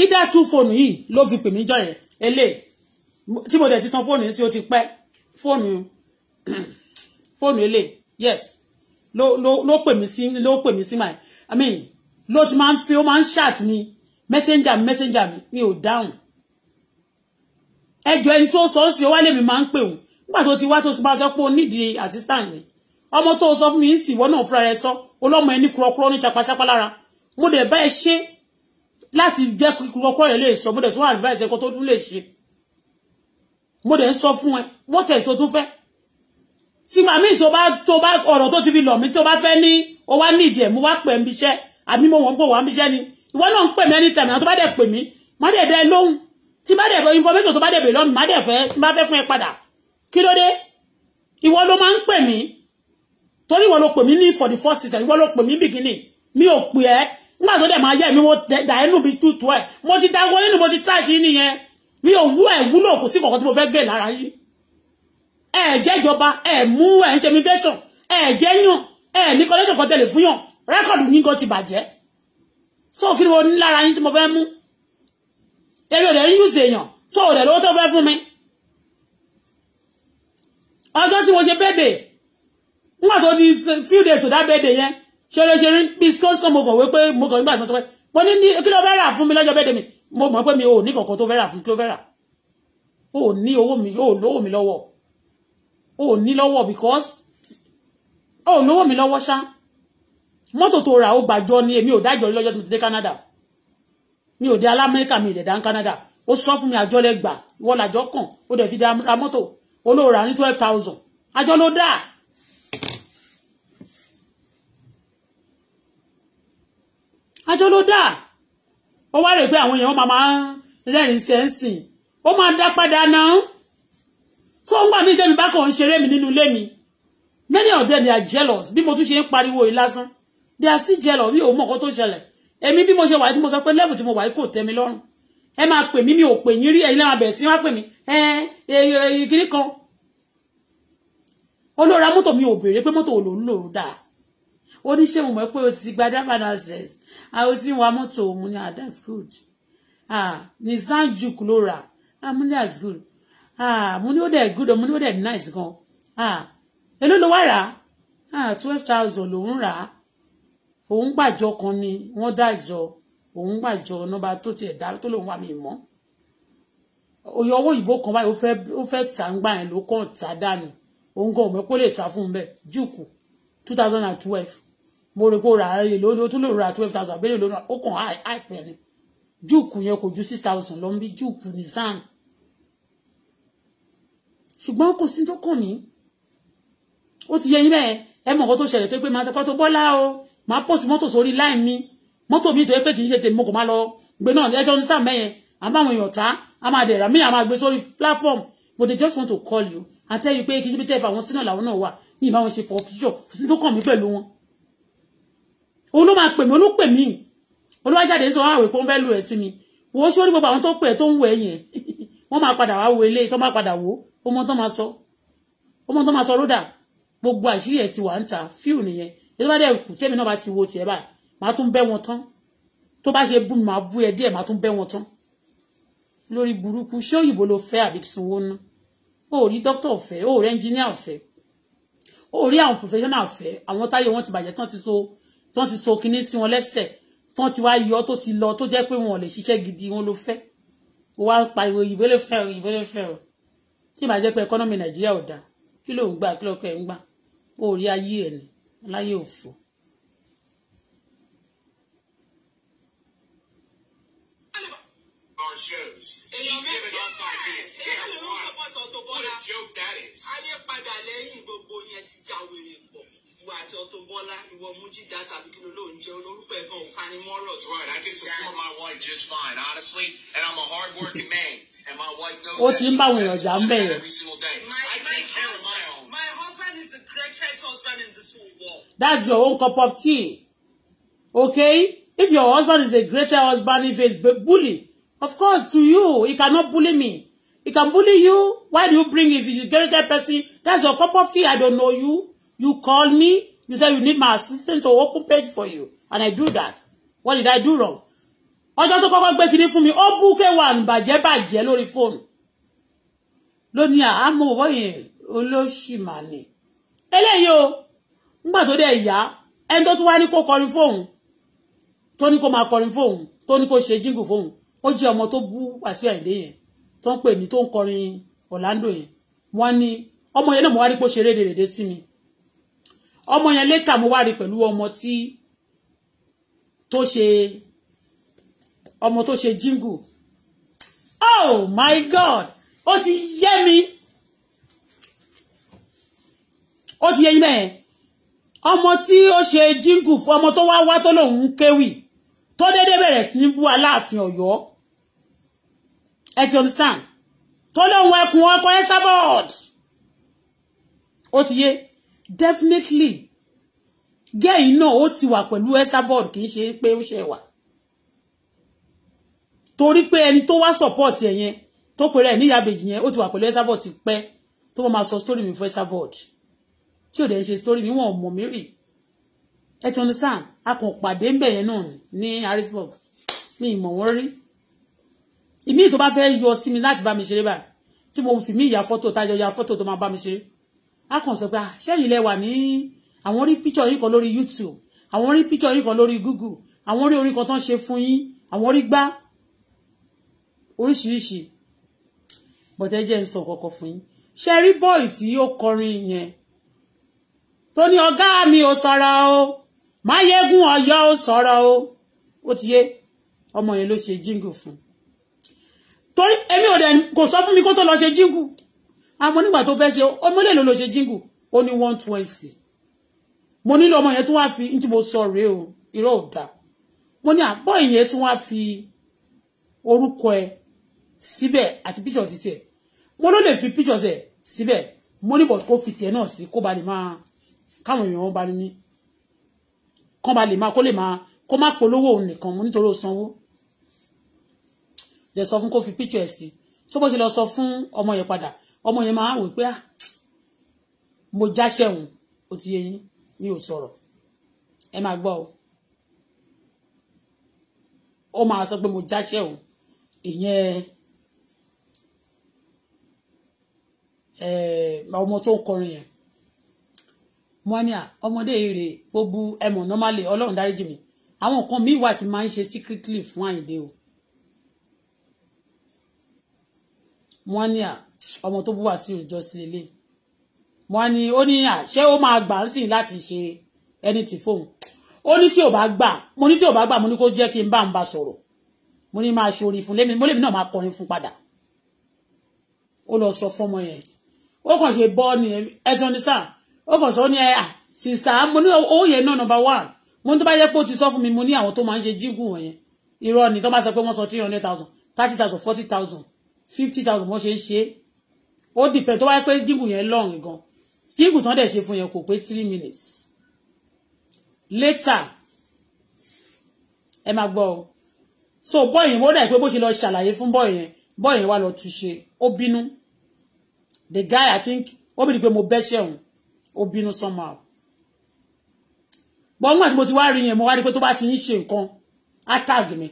ìdá tú fóònù yìí ló fi pè mí jọ yẹn eléyìí tí mo dẹ̀ ti tan fóònù yìí sí ó ti pẹ́ fóònù fóònù eléyìí yes ló ló ló pè mí sí ló pè sí my i mean ló ti máa ń fi ó máa ń chat mi messenger mi messenger mi mi ò dáhùn ẹjọ ẹni tó sọ ó sì ó wá lèmi máa ń pè òun nígbà tó ti wá tó ti bá sọ pé ó nídìí assistant mi ọmọ tó sọ fún mi ń sì ìwọ náà fúnra rẹ sọ olọmọ ẹni kúrọkúrọ ní ṣapáṣapá lára mo dẹ̀ bá ẹ ṣe láti jẹ́ kíkọ́kọ́ rẹ̀ lè sọ mo dẹ̀ tún advice ẹ̀kọ́ tó tún lè ṣe mo dẹ̀ ń sọ fún ẹ what else tó tún fẹ́ tí màmí tó bá tó bá ọ̀rọ̀ tó ti fi lọ̀ mí tó bá fẹ́ ní o wá ní ìdí ẹ̀ mo wá pè ń bíṣẹ́ àbí mo wọ́n bò wá ń bíṣẹ́ ni ìwọ náà ń pè mí anytime àwọn tó bá dẹ̀ pè mí má dẹ̀ dẹ lóhùn tí má dẹ̀ bọ information tó bá dẹ̀ bè lọ́mì má dẹ̀ fẹ́ tí má fẹ́ fún ẹ padà kí ló dé ìwọ ló máa ń pè mí torí ìwọ ló pè mí ní for the first season ìwọ ló pè mí bìkínì mi ò pè ẹ́ nígbà tó dẹ̀ máa yẹ mi mo dà ẹnu bi tútù ẹ̀ mo ti dáwọ́ nínú mo ti táàṣì nìyẹn mi ò wú ẹ̀ wúlò kò sí kankan tí mo fẹ́ gé lára yìí ẹ̀ jẹ́jọba ẹ̀ mú ẹ̀ ń ṣe migration ẹ̀ jẹ́yàn ẹ̀ ní collection kan tẹ̀lé fún yàn rẹ́kọ̀dù yín kan ti bàjẹ́ so kí ni mo ní lára yín tí mo fẹ́ mú èmi ò lè ń yùsè èèyàn so ò lè lówó tó fẹ́ fún mi ọjọ́ tí mo ṣe bẹ́ẹ̀dẹ̀ nígbà tó di few days to that bẹ́ẹ̀dẹ̀ yẹn ṣeré ṣeré biscuits kan mo kàn wé pé mo kàn nígbà tí wọ́n sọ pé mo ní ní kí ló fẹ́ rà fún mi lọ́jọ́ bẹ́ẹ̀ mi mo mọ̀ pé mi ò ní kankan tó fẹ́ rà fún kí ló fẹ́ rà o ò ní owó mi o ò lówó mi lọ́wọ́ o ò ní lọ́wọ́ because o ò lówó mi lọ́wọ́ ṣá mọ́tò tó rà ó gbàjọ ni èmi ò dájọ́ lọ́jọ́ tí mo ti dé Canada mi ò dé alamẹ́ríkà mi ìdẹ̀dá Canada ó sọ fún mi àjọ lẹ́gbàá ìwọ́n làjọ kàn ó dẹ̀ fi dá mọ́tò olóòrà ní twelve thousand àjọ ló dáa aṣọ ló dà ó wá rè pé àwọn èèyàn máa máa ń rẹ́rìn sẹ́ǹsìn ó máa dá padà náà tó ń gbà mí tẹ́mi bá kàn ń ṣeré mi nínú ilé mi many of them they are jealous bí mo tún ṣe ń pariwo yìí lásán they are still jealous mi ò mọ̀ nǹkan tó ṣẹlẹ̀ èmi bí mo ṣe wà tí mo sọ pé level tí mo wà kò tẹ́ mi lọ́rùn ẹ máa pè mí mi ò pè yín rí ẹ̀yin náà bẹ̀rẹ̀ sí wá pè mí ẹ ẹ kiri kan olóra mọ́tò mi ò béèrè pé mọ́tò ò lò ń lò ó dáa oníṣẹ́ mo mọ̀ pé o ti gba driver license àwọn tí ń wa mọ́tò òun ní ah that's good ah ní sanjuk ló ah mo ní that's good ah mo ní ó dẹ̀ good mo ní ó dẹ̀ nice gan ah èló ló wá rà ah twelve thousand lòún rà òun gbàjọ kan ni wọ́n dájọ òun gbàjọ nọ́mbà tó tiẹ̀ dá tó lòun wà mí mọ́ òye owó ìbò kan báyìí ó fẹ́ tà ń gbà yẹn ló kàn tà dànù òun gan ò mọ̀ pé ó lè tà fún un bẹ́ẹ̀ jùkù two thousand and twelve mo rò pé ó ra èlò ó tún lè ra twelve thousand abẹ́rẹ́ ló ra ó kàn àìpẹ́ ni júùkù yẹn kò ju six thousand lọ ń bí júùkù nìsan ṣùgbọ́n kò sí tó kàn mí ó ti yẹ yín bẹ́ẹ̀ ẹ mọ̀ nǹkan tó ṣẹlẹ̀ tó pé máa sọ pé tó bọ́lá o máa pọ̀sì mọ́tò sórí láì mi mọ́tò mi tó yẹ pé kì í ṣe tèmi mo kò máa lọ gbé náà ẹjọ́ ní sàmẹ́ yẹn àbáwọn èèyàn tá a máa dẹ̀ra mí àmà gbé sórí platform but they just want to call you and tell you pé kì í ṣe bí tẹ́ fà wọ́n sínú làwọn náà wà ní ìbáwọn ṣe pọ̀ sí tó kàn mí pẹ̀lú wọn òun ló máa pè mí olúpè mí olúwájáde sọ àwọn èèpo ń fẹ́ lù ẹ̀ sí mi wò ó sórí gbogbo àwọn tó pè ẹ́ tó ń wọ ẹ̀yìn ẹ̀ wọ́n máa padà wá wo eléyìí tó máa padà wò ó mọ tó máa sọ ó mọ tó máa sọ lódà gbogbo àṣírí ẹ̀ ti wà ń ta fíù nìyẹn ètò bá dẹ̀ kù tẹ́mi náà bá ti wo tiẹ̀ báyìí màá tún bẹ́ wọn tán tó bá ṣe bú mi màá bú ẹ díẹ̀ màá tún bẹ́ wọn tán lórí burúkú ṣé òyìnbó ló fẹ́ àbí sanwó ná ó rí dókítà ọ̀fẹ́ ó rí ẹnjíníà ọ̀fẹ́ ó rí àwọn professional ọ̀fẹ́ àwọn táyé wọn ti bàjẹ́ tán ti so tí wọ́n ti so kinní sí wọn lẹ́sẹ̀ tí wọ́n ti wá yọ tó ti lọ tó jẹ́ pé wọn ò lè ṣiṣẹ́ gidi wọn ló fẹ́ ó wá pariwo ìbò lè fẹ́ o ìbò lè fẹ́ o tí ìbá jẹ́ pé ẹkọ́nọ́mì nàìjíríà ò dáa kí ló ń gbà kí ló kẹ́ ń gbà ó rí ayé ẹ̀ ní láyé òfò. a joke that is. Ayé padà lẹ́yìn gbogbo yẹn ti jáwèrè pọ̀ ìwà àti Auto Bola ìwọ Mujiga tàbí kí ló ló jẹ olórúkọ ẹ̀gbọ́n òfanimọ́rọ̀. right I can support my wife just fine honestly and I'm a hard working man and my wife knows that. ó ti ń bá àwọn èèyàn jà ń bẹ̀rẹ̀. I take care of my own. my husband is the greatest husband in this whole world. that's your own cup of tea okay if your husband is a greater husband if he is bully of course to you he cannot bully me. He can bully you. Why do you bring if he's a greater person? That's your cup of tea. I don't know you. You call me. You say you need my assistant to open page for you. And I do that. What did I do wrong? Ọjọ́ tó kọ́kọ́ gbé kinní for me. ó bú K1 bàjẹ́ bàjẹ́ lórí fóònù. Lónìí àmọ́ òwò yẹn olóṣìmà ni. Eléyìí o, ńgbà tó dẹ̀ yá, ẹni tó tún wá ní kó kọrin fóònù, tó ní kó máa kọrin fóònù, tó ní kó ṣe jíǹgù fóònù, ó jẹ́ ọmọ tó bú Wàsíù Àyìndé yẹn, tó ń pè ní tó ń Orlando yẹn. Wọ́n ní ọmọ yẹn náà mo wá rí pé ó ṣe rédèrèdè sí mi ọmọ yẹn later mo wá rí pẹ̀lú ọmọ tí tó ṣe ọmọ tó ṣe jingle oh my god ó ti yé mi ó ti yé yín mẹ́ẹ̀ ọmọ tí ó ṣe jingle fún ọmọ tó wá wá tó lòun ń kéwì tó déédéé bẹ̀rẹ̀ sí ní bú aláàfin ọ̀yọ́ ẹ ti understand tó lóun ẹkùn ọkọ̀ ẹ sábọ̀d ó ti yé definitely gẹ́yì náà ó ti wà pẹ̀lú Esabod kì í ṣe pé ó ṣe wà torí pé ẹni tó wá support ẹ̀ yẹn tó pèrè ẹ̀ níyàbèjì yẹn ó ti wà pẹ̀lú Esabod ti pẹ́ tó bá máa sọ story mi fún Esabod tí ò dẹ̀ ń ṣe story mi wọn ò mọ̀ mí rì ẹ ti understand a kàn pàdé ń bẹ̀ yẹn náà ní Harrisburg mi ì mọ̀ wọ́n rí ìmí tó bá fẹ́ yọ sí mi láti bá mi ṣeré báyìí tí mo fi mí ìyá fọ́tò tájọ ya fọ́tò tó máa bá mi ṣeré á kàn sọ pé ah, ṣẹ́yìn lẹ wà ní àwọn rí píchọ̀ yìí kan lórí YouTube àwọn rí píchọ̀ yìí kan lórí Google àwọn rí orin kan tán ṣe fún yín àwọn rí gbá oríṣiríṣi bọ̀dẹ́ jẹ́ ń sọ kọ̀ọ̀kan fún yín ṣe rí bọ́ọ̀ì tí ó kọrin yẹn tó ní ọ̀gá mi ò sọ̀rọ̀ o máyégún ọ̀yọ́ ò sọ̀rọ̀ o ó ti yé ọmọ yẹn ló ṣe jíǹgù fún torí èmi ò dẹ̀ kò sọ fún mi kó tó lọ ṣe jíǹgù àmọ́ nígbà tó fẹ́ ṣe ọmọdé ló ló ṣe jíngù ó ní one twenty mo nílò ọmọ yẹn tún wá fi tí mo sọ rèé o irọ́ ò mo ní àpọ̀ ìyẹn tún wá fi orúkọ ẹ síbẹ̀ àti píṣọ̀ ti tiẹ̀ mo ló lè fi píṣọ̀ ẹ síbẹ̀ mo ní bọ̀dù kó fi tiẹ̀ náà sí kó ba lè máa káwọn èèyàn bá ní kán ba lè máa kó lè máa kó má polówó òun nìkan mo nítorí ó sanwó lè sọ fún kó fi píṣọ̀ ẹ sí so bó ti lọ sọ fún ọmọ yẹn padà ọmọ yẹn máa wò pé ah, mo jáṣẹ òun ó ti yé yín mi ò sọ̀rọ̀ ẹ máa gbọ́ o ó máa sọ pé mo jáṣẹ òun ìyẹn ọmọ tó ń kọrin yẹn wọ́n à ọmọdé èrè ó bu ẹmọ normally Ọlọ́run dáríjì mi àwọn nǹkan míì wà tí máa ń ṣe secretly fún Àyìndé o wọ́n à ọmọ tó bú wá sí òjọ sí ilé wọn ni ó ní àṣẹ ó máa gbà ń sìn láti ṣe ẹni tí fóun ó ní tí ò bá gbà mo ní tí ò bá gbà mo ní kó jẹ́ kí n bá ń bá sọ̀rọ̀ mo ní máa ṣe orin fún lémi mo lèmi náà máa kọrin fún padà ó lọ sọ fọmọ yẹn ó kàn ṣe bọ́ ni ẹtàn ní sáà ó kàn sọ ní ẹ à sista mo ní owó náà number one mo ní tó bá yẹ pé ó ti sọ fún mi mo ní àwọn tó máa ń ṣe jígùn wọ̀nyẹn irọ́ ni tó bá sọ pé wọ́n sọ three hundred thousand thirty thousand forty thousand fifty thousand wọ́n ṣe ń ṣe é ó dìpẹ́ tó wáyé pé jíngù yẹn lọ́rùn gan jíngù tán dẹ̀ ṣe fún yẹn kò pé three minutes later ẹ máa gbọ́ so boy, yìí wọ́n dà pé bó ṣe lọ ṣàlàyé fún bọ́ọ̀ yẹn bọ́ọ̀ yẹn wá lọ túnṣe ó bínú the guy i think ó bìrì pé mo bẹ́ṣẹ̀ òun ó bínú somehow bọ́ọ̀ nígbà tí mo ti wá rí yẹn mo wá rí pé tó bá ti ń ṣe nǹkan á tag mi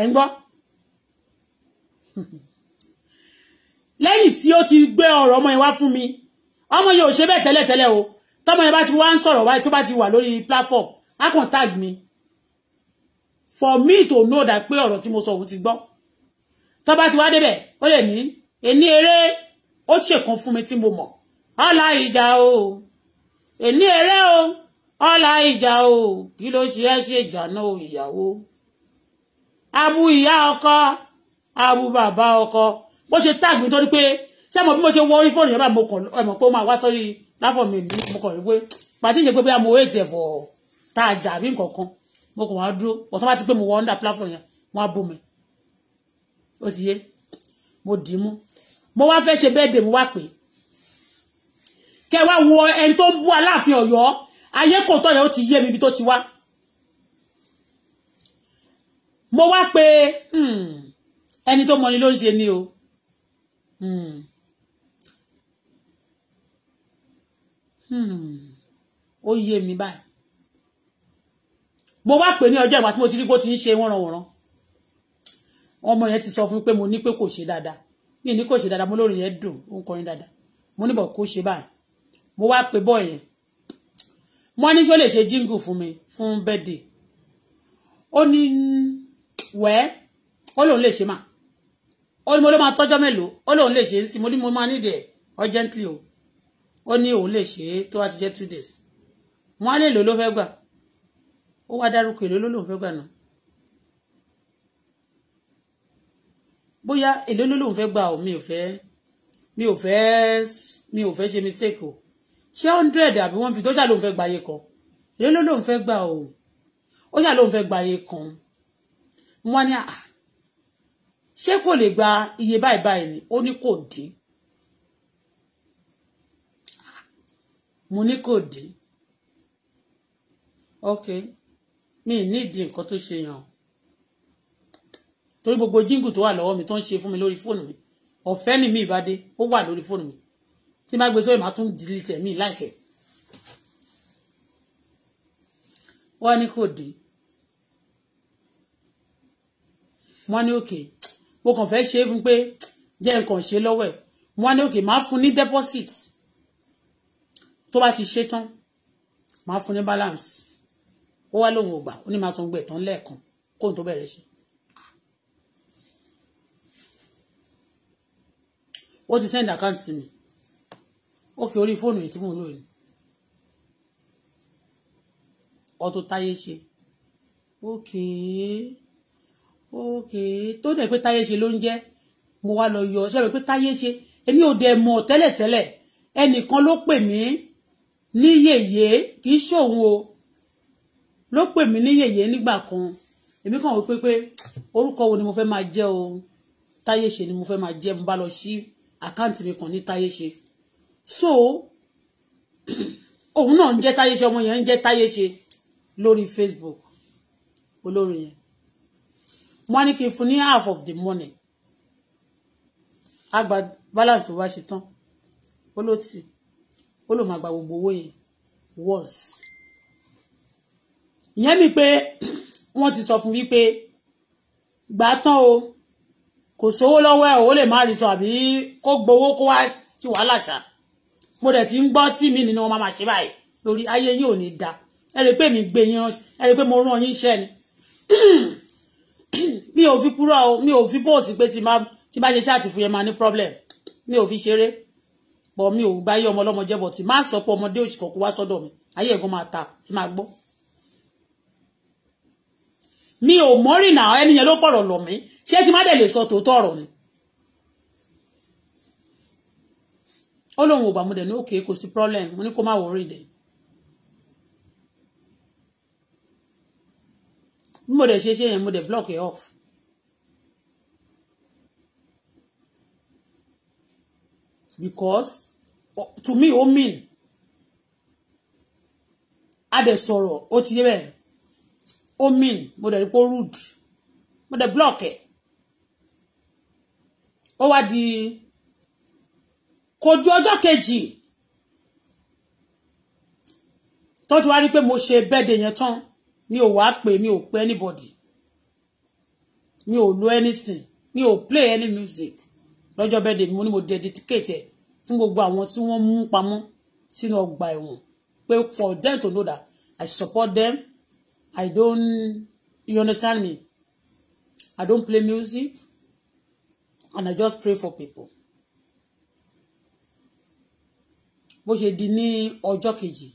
ẹ̀ ń lẹ́yìn tí ó ti gbé ọ̀rọ̀ ọmọ yẹn wá fún mi ọmọ yẹn ò ṣe bẹ́ẹ̀ tẹ́lẹ̀tẹ́lẹ̀ o tọ́mọ yẹn bá ti wá ń sọ̀rọ̀ wáyé tó bá ti wà lórí platform á kàn tag mi for me to know that pé ọ̀rọ̀ tí mo sọ òun ti gbọ́ tó bá ti wá débẹ̀ ó lè ní èní eré ó ṣèkan fún mi tí mo mọ̀ ọ̀la ìjà o èní eré o ọ̀la ìjà o kí ló ṣe ẹ́ ṣe ìjà náà ìyàwó abu ìyá ọkọ abu bàbá ọkọ bó ṣe tag mi torí pé ṣé mo bí mo ṣe wọ orí fóònù yẹn bá mo kàn ẹ̀mọ̀ pé ó máa wá sórí láfọ̀ mi mo kàn rí pé pàtí ṣe pé bí amòwe ètì ẹ̀fọ́ tá a jà bí nǹkan kan mo kàn wá dúró ọ̀tọ́ bá ti pé mo wọ under platform yẹn wọ́n á bó mi ó ti yé mo dì í mú mo wá fẹ́ ṣe bẹ́ẹ̀dẹ̀ mo wá pè é kẹ wá wo ẹni tó ń bú aláàfin Ọ̀yọ́ ayé kò tọ́ yẹn ó ti yé mi ibi tó ti wá mo wá pé hmm, ẹni tó mọni ló ń ṣe ni o. Hmm. hmm. Ó yé mi báyìí. Mo wá pè ní ọjọ́ ìgbà tí mo ti rí bó ti ń ṣe wọ́nranwọ̀nran. Ọmọ yẹn ti sọ fún mi pé mo ní pé kò ṣe dáadáa. Mi ní kò ṣe dáadáa, mo lórí yẹn dùn, ó ń dáadáa. Mo níbọ̀ kó ṣe báyìí. Mo wá pè bọ́ yẹn. Mo ní ṣó lè ṣe jíǹgù fún mi fún bẹ́ẹ̀dì. Ó ní wẹ́ẹ́, ó lòun lè ṣe máa ó ní mo ló máa tọ́jọ́ mélòó ó lóun lè ṣe é sí mo ní mo máa nídìí ẹ̀ urgently o ó ní òun lè ṣe é tó wá ti jẹ́ two days wọn á lè lò ló fẹ́ gbà ó wá dárúkọ èlò ló lòun fẹ́ gbà náà bóyá èlò ló lòun fẹ́ gbà o mi ò fẹ́ mi ò fẹ́ mi ò fẹ́ ṣe mistake o ṣé hundred àbí one fifty ó ṣà lóun fẹ́ gba ayé kan èlò ló lòun fẹ́ gbà o ó ṣà lóun fẹ́ gba ayé kan wọn á ní à ah, ṣé kò lè gba iye báyìí báyìí ni ó ní kò dín mo ní kò dín ok mi nídìí nǹkan tó ṣe yàn torí gbogbo jíngù tó wà lọ́wọ́ mi tó ń ṣe fún mi lórí fóònù mi ọ̀fẹ́ ni mi ìbádé ó wà lórí fóònù mi tí má gbé sórí màá tún delete mi láìkẹ́ wọ́n ní kò dín wọ́n ní òkè. Okay mo kàn fẹ́ ṣe é fún pé jẹ́ nǹkan ṣe lọ́wọ́ ẹ̀ wọ́n á ní òkè máa fún ní deposit tó bá ti ṣe tán máa fún ní balance ó wá lóhùn ògbà ó ní máa san gbẹ̀ tán lẹ́ẹ̀kan kóhun tó bẹ̀rẹ̀ ṣe. ó ti send account sí mi ókè orí fóònù yìí tí mò ń lò yìí Auto Táyé ṣe ókè. Okay okay tó dẹ̀ pé táyé ṣe ló ń jẹ́ mo wá lọ yọ ṣe rò pé táyé ṣe èmi ò dẹ̀ mọ̀ tẹ́lẹ̀tẹ́lẹ̀ ẹnìkan ló pè mí ní yèyé kì í ṣòwò ló pè mí ní yèyé nígbà kan èmi kàn wò pé pé orúkọ wo ni mo fẹ́ máa jẹ́ o táyé ṣe ni mo fẹ́ máa jẹ́ mo bá lọ sí àkáǹtì mi kan ní táyé ṣe so òun náà ń jẹ́ táyé ṣe ọmọ yẹn ń jẹ́ táyé ṣe lórí Facebook olórin yẹn wọ́n ní kí n fún ní half of the money a gba balance tó wá ṣe tán ó ló tì ó ló máa gba gbogbo owó yẹn worse ìyẹn mi pé wọ́n ti sọ fún mi pé gbà tán o kò sówó lọ́wọ́ ẹ̀ o lè má rí sọ àbí kó gbowó kó wá ti wàhálà ṣá mo dẹ̀ ti ń gbọ́ tí mi nínú wọn máa ṣe báyìí lórí ayé yìí ò ní da ẹ rí i pé mi gbé yín ẹ rí i pé mo rán yín iṣẹ́ ni mi ò fi purọ́ o mi ò fi bóòsì pé ti bá ṣe ṣáàtì fún yẹn máa ní problem mi ò fi ṣeré pọ̀ mi ò bá yé ọmọ ọlọ́mọ jẹ́ bọ̀ tí má sọ pé ọmọdé òṣì kọ̀ọ̀kú wá sọ́dọ̀ mi ayé ẹ̀gbọ́n máa ta tí máa gbọ́. mi ò mọ́rìn náà ẹni yẹn ló fọ̀rọ̀ lọ̀ mí ṣé kí má dẹ̀ lè sọ tòótọ́ ọ̀rọ̀ ni. ó lóun ò bá dẹ̀ ní òkè kò sí problem mo ní kó má wọrí dẹ̀ mo dẹ̀ ṣe ṣe yẹn mo dẹ̀ block it off. because to me ó mean a dẹ̀ sọ̀rọ̀ ó ti yé bẹ́ẹ̀ ó mean mo dẹ̀ rí rude mo dẹ̀ block it. ó wá di kò ju ọjọ́ kejì tó ti wá rí pé mo ṣe bẹ́ẹ̀dẹ̀ yẹn tán mi ò wá pè mi ò pè anybody mi ò lo anything mi ò play any music lọ́jọ́ bẹ́ẹ̀ dèmi mo ní mo dedicate ẹ̀ fún gbogbo àwọn tí wọ́n mú pamọ́ sínú ọgbà ẹ̀wọ̀n pé for them to know that I support them I don't you understand me I don't play music and I just pray for people. bó ṣe di ní ọjọ́ kejì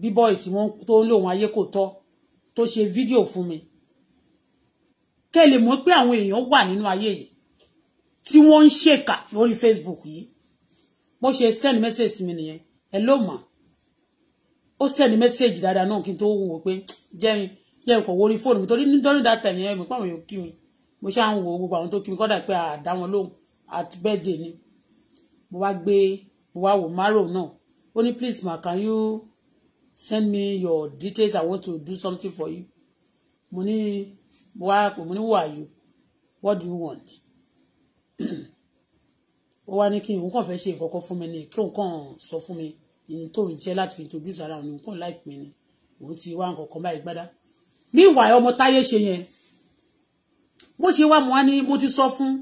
bíbọ́ ìtí wọ́n tó ń lò wọ́n ayé kò tọ́ tó ṣe fídíò fún mi kẹ́ ẹ lè mọ̀ pé àwọn èèyàn wà nínú ayé yìí tí wọ́n ń ṣèkà lórí Facebook yìí bó ṣe send message mi nìyẹn ẹ ló mọ̀ ó send message dáadáa náà kí n tó wò pé jẹ́rin jẹ́rin kò wọrí fóònù mi torí nítorí dáta nìyẹn mi pàmò yóò kí mi mo ṣáà ń wo gbogbo àwọn tó kí mi kọ́dà pé àdá wọn lóhùn àti bẹ́ẹ̀dẹ̀ ni mo wá gbé mo wá wò márò náà ó ní please ma can you send me your details i want to do something for you Money, ní wá mo who are you what do you want ó wá ní kí n kàn fẹ́ ṣe ìkọ̀kọ̀ fún mi ni kí n kàn sọ fún mi ìyìn tó ń jẹ́ láti fi introduce ara òun kàn like mi ni òun ti wá nǹkan kan báyìí gbádá meanwhile ọmọ táyé ṣe yẹn bó ṣe wá mo wá ní mo ti sọ fún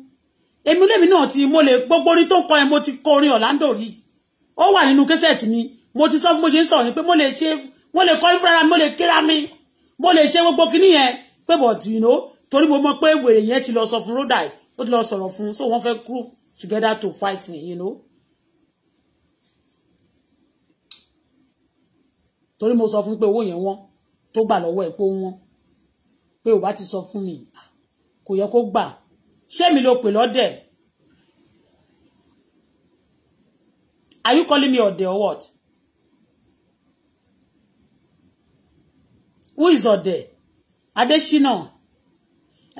èmi lèmi náà ti mo lè gbogbo orin tó ń kọ yẹn mo ti kọ orin Orlando rí ó wà nínú kẹsẹ̀tì mi mo ti sọ fún mo ṣe ń sọ̀rọ̀ ni pé mo lè ṣe mo lè kọrin fúnra mi mo lè kíra mi mo lè ṣe gbogbo kinní yẹn pé bọ̀ tì ní torí mo mọ pé wèrè yẹn ti lọ sọ fún roda ẹ̀ ó ti lọ sọ̀rọ̀ fún so wọ́n fẹ́ crew together to fight me you know. torí mo sọ fún pé owó yẹn wọ́n tó gbà lọ́wọ́ ẹ̀ pé wọ́n pé ò bá ti sọ fún mi kò yẹ kó gbà ṣé mi ló pè lọ́dẹ̀ are you calling me ọ̀dẹ̀ or what who is ọ̀dẹ̀ adésínà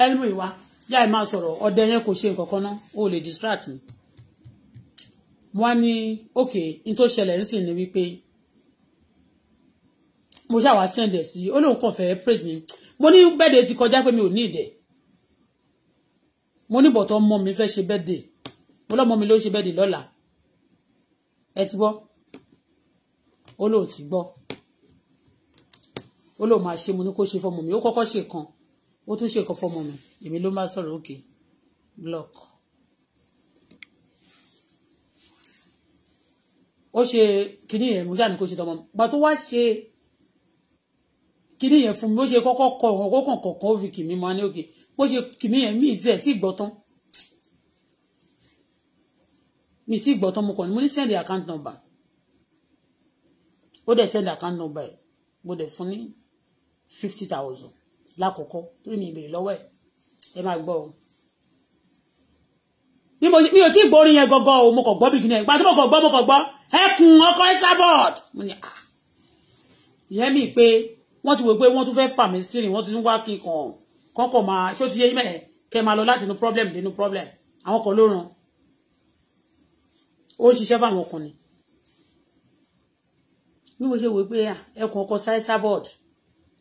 elmu ìwà yá ẹ máa sọ̀rọ̀ ọ̀dẹ̀ yẹn kò ṣe nǹkan kan náà ó lè distract mi wọ́n ní òkè ní tó ṣẹlẹ̀ ń sìn ní wípé mo ṣàwá sẹ́ndẹ̀ sí ó lóun kàn fẹ́ praise me. mo ní bẹ́ẹ̀dẹ̀ ti kọjá pé mi ò ní ìdẹ̀ mo ní bọ̀tọ̀ mọ́ mi fẹ́ ṣe bẹ́ẹ̀dẹ̀ mo lọ́mọ mi ló ṣe bẹ́ẹ̀dẹ̀ lọ́la ẹ ti gbọ́ ó ti gbọ́ ó lóun máa ṣe mo ní kó ṣe fọmọ mi ó kọ́kọ́ ṣe kan ó tún ṣe kan fọmọ mi èmi ló máa sọ̀rọ̀ òkè block. ó ṣe kinní yẹn mo ṣàní kó ṣe tọmọ mi gbà tó wá ṣe kinní yẹn fún mi ó ṣe kọ́kọ́ kọ ọ̀hún kọ́kàn ó fi kìmí mọ́ ní òkè bó ṣe kìmí yẹn mí ìtì tí gbọ́ mi ti gbọ́ mo kàn ní mo ní send account number ó dẹ̀ send account number ẹ̀ mo dẹ̀ fún ní fifty thousand lákòókò torí mi ìbèrè lọ́wọ́ ẹ̀ ẹ máa gbọ́ o bí mo mi ò tí ì gbọ́ orin yẹn gọ́gọ́ o mo kàn gbọ́ bìgínà ìgbà tí mo kàn gbọ́ mo kàn gbọ́ ẹkùn ọkọ Esabod mo ní à ah. ìyẹn mi pé wọ́n ti wò pé wọ́n tún fẹ́ fà mí sírin wọ́n tún wá kí kàn kọ́kọ́ máa ṣó ti yé mẹ́ẹ̀ kẹ́ máa lọ láti inú problem dé inú problem àwọn kan ló ràn ó ń ṣiṣẹ́ fáwọn ọkùnrin bí mo ṣe wò pé ah, ẹkùn ọkọ Esabod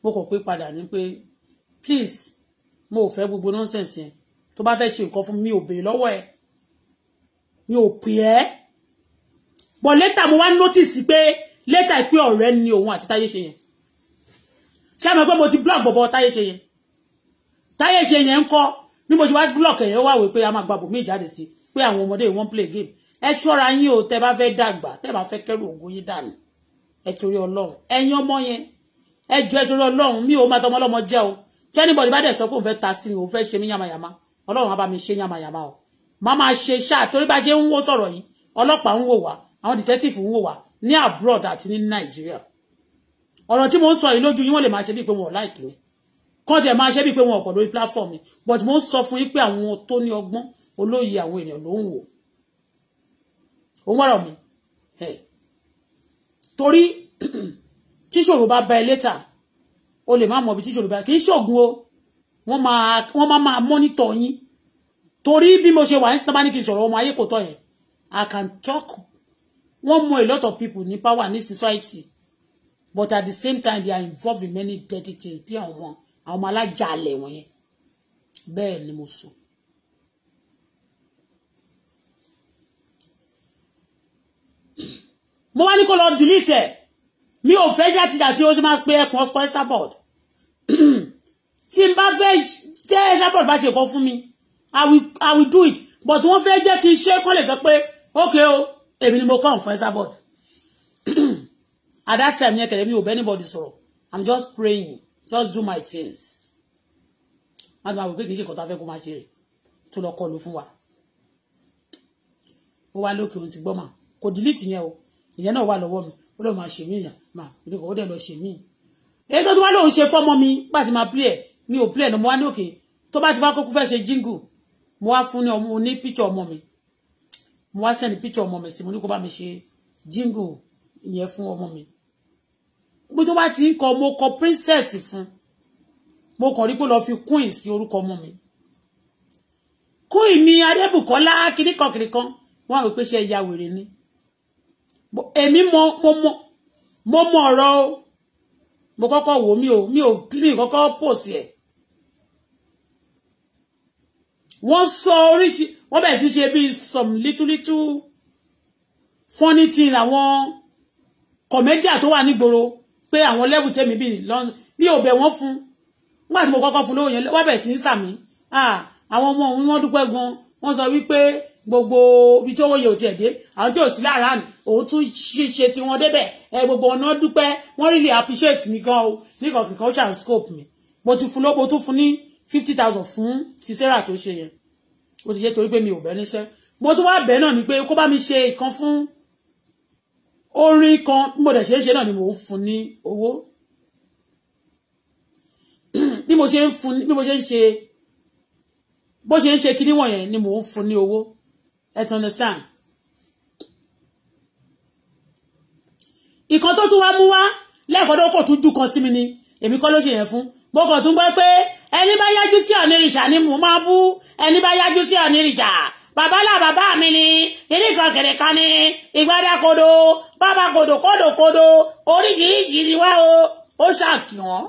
mo kàn pé padà ní pé please mo ò fẹ́ gbogbo nonsense yẹn tó bá fẹ́ ṣe nǹkan fún mi ò béèrè lọ́wọ́ ẹ mi ò pè ẹ́ but later mo wá notice pé later pé ọ̀rẹ́ ni òun àti táyé ṣe yẹn ṣé àmọ́ pé mo ti block bọ̀bọ̀ táyé ṣe yẹn táyé ṣe yẹn ń kọ́ bí mo ṣe wá block ẹ̀yẹ́ wà wí pé a máa gbàgbọ́ mí ìjáde sí pé àwọn ọmọdé wọ́n play game ẹ ṣọ́ra yín o tẹ́ bá fẹ́ dàgbà tẹ́ bá fẹ́ kẹ́rù ògùn yín dànù ẹ torí ọlọ́run ẹ̀yin ọmọ yẹn ẹjọ́ ẹjọ́ ọlọ́run mi ò máa tọmọ ọlọ́mọ jẹ́ o tí anybody bá dẹ̀ so pé òun fẹ́ ta sí mi òun fẹ́ ṣe mí yàmàyàmá ọlọ́run á bá mi ṣe yàmàyàmá o máa máa ṣe ṣáà torí bá ṣe ń wó sọ̀rọ̀ yìí ọlọ́pàá ń wò detective ń wò wá abroad àti ní Nigeria. ọ̀rọ̀ tí mo ń sọ yìí lójú yín wọ́n lè máa ṣe bíi pé wọn ò láìkí mi kọ́ tiẹ̀ máa ṣe bíi pé wọn ọ̀pọ̀ lórí platform mi but mo ń sọ fún yín pé àwọn tó ní ọgbọ́n olóyè àwọn èèyàn ló ń wò ó ń wọ́rọ̀ mi tíṣòro bá bá ẹ létà o lè má mọ̀ bí tíṣòro bá kì í ṣògùn o wọ́n máa wọ́n máa ma. mọ́nítọ̀ yín torí bí mo ṣe wà ní sinamá ní kí n sọ̀rọ̀ ọmọ ayé kò I can talk wọ́n mọ a lot of people ní power ní society but at the same time they are involved in many dirty things bí àwọn àwọn ọmọ alájà alẹ̀ wọ̀nyẹn bẹ́ẹ̀ ni mo sọ. mo wá ní kó lọ delete ẹ̀ mi ò fẹ́ yá tìjà tí ó ti máa pe ẹkùn ọkọ Esabod tí n bá fẹ́ jẹ́ Esabod bá ṣe kọ́ fún mi I will I will do it but wọ́n fẹ́ jẹ́ kí n ṣe kán lè sọ pé ok o èmi ni mo kàn fún Esabod at that time yẹn kẹ̀lẹ́ mi ò bẹ́ anybody sọ̀rọ̀ I'm just praying just do my things má dùn àwọn òkè kì í ṣe ìkọ́ta fẹ́ kó máa ṣe rè tó lọ kọlu fún wa ó wá lókè òun ti gbọ́ mà kò dìlítì yẹn o ìyẹn náà wà lọ́wọ́ mi ó lọ máa ṣèmí yàn máa ìdíkọ̀ ó dẹ̀ lọ ṣèmí. èyí tó tún wá lóun ṣe fọ́mọ mi nígbà tí máa play ẹ̀ mi ò play ẹ̀ náà mo wá ní òkè tó bá ti wá kókó fẹ́ ṣe jingle mo wá fún ní ọmọ ní picture ọmọ mi mo wá send picture ọmọ mi sí mo ní kó bá mi ṣe jingle ìyẹn fún ọmọ mi. bí tó bá ti ń kọ mo kọ princess fún mo kàn rí pé lọ fi queen sí orúkọ ọmọ mi queen mi adébùkọ́lá kìnnìkan kìnnìkan wọ́n rò pé ṣe ya wèrè ni èmi mọ mo mọ mo mọ ọ̀rọ̀ o mo kọ́kọ́ wò mí o mi ò mi kọ́kọ́ pòsì ẹ̀ wọ́n sọ oríṣi wọ́n bẹ̀rẹ̀ sí ṣe bíi some little little funny thing làwọn kọ̀mẹ́díà tó wà nígboro pé àwọn lẹ́bù tẹ́mi bíi lọ́nà mi ò bẹ̀ wọ́n fún nígbà tí mo kọ́kọ́ fún lówó yẹn wọ́n bẹ̀rẹ̀ sí ń sàmì ah, àwọn ọmọ òun wọ́n dúpẹ́ gan wọ́n sọ wípé gbogbo ibi tí owó yẹ ò tiẹ̀ dé àwọn tí ò sí lára mi òun tún ṣe ti wọn débẹ̀ ẹ gbogbo ọ̀nà dúpẹ́ wọ́n really appreciate mi gan o nígbà culture and scope mi mo ti fún lóko tó fún ní fifty thousand fún ti sarah tó ṣe yẹn ó ti ṣe torí pé mi ò bẹ́ níṣẹ́ mo tún wá bẹ́ẹ̀ náà ni pé kó bá mi ṣe ìkan fún orin kan mo dẹ̀ ṣe é ṣe náà ni mò ń fún ní owó bí mo ṣe ń fún mo ṣe ń ṣe bó ṣe ń ṣe kinní wọ̀nyẹn ni mò ń fún ní owó ẹ ti understand. ìkan tó tún wá mú wá lẹ́ẹ̀kan tó kọ̀ tún jù kan sí mi ni èmi kọ́ ló ṣe yẹn fún mo kàn tún gbọ́ pé ẹni bá yájú sí ọ̀nìrìṣà ni mo máa bú ẹni bá yájú sí ọ̀nìrìṣà bàbá là bàbá mi ni ilé kan kẹ̀rẹ̀ kan ni ìgbádá kodo bàbá kodo kodo kodo oríṣiríṣi ni wá o ó ṣàkíwọ́n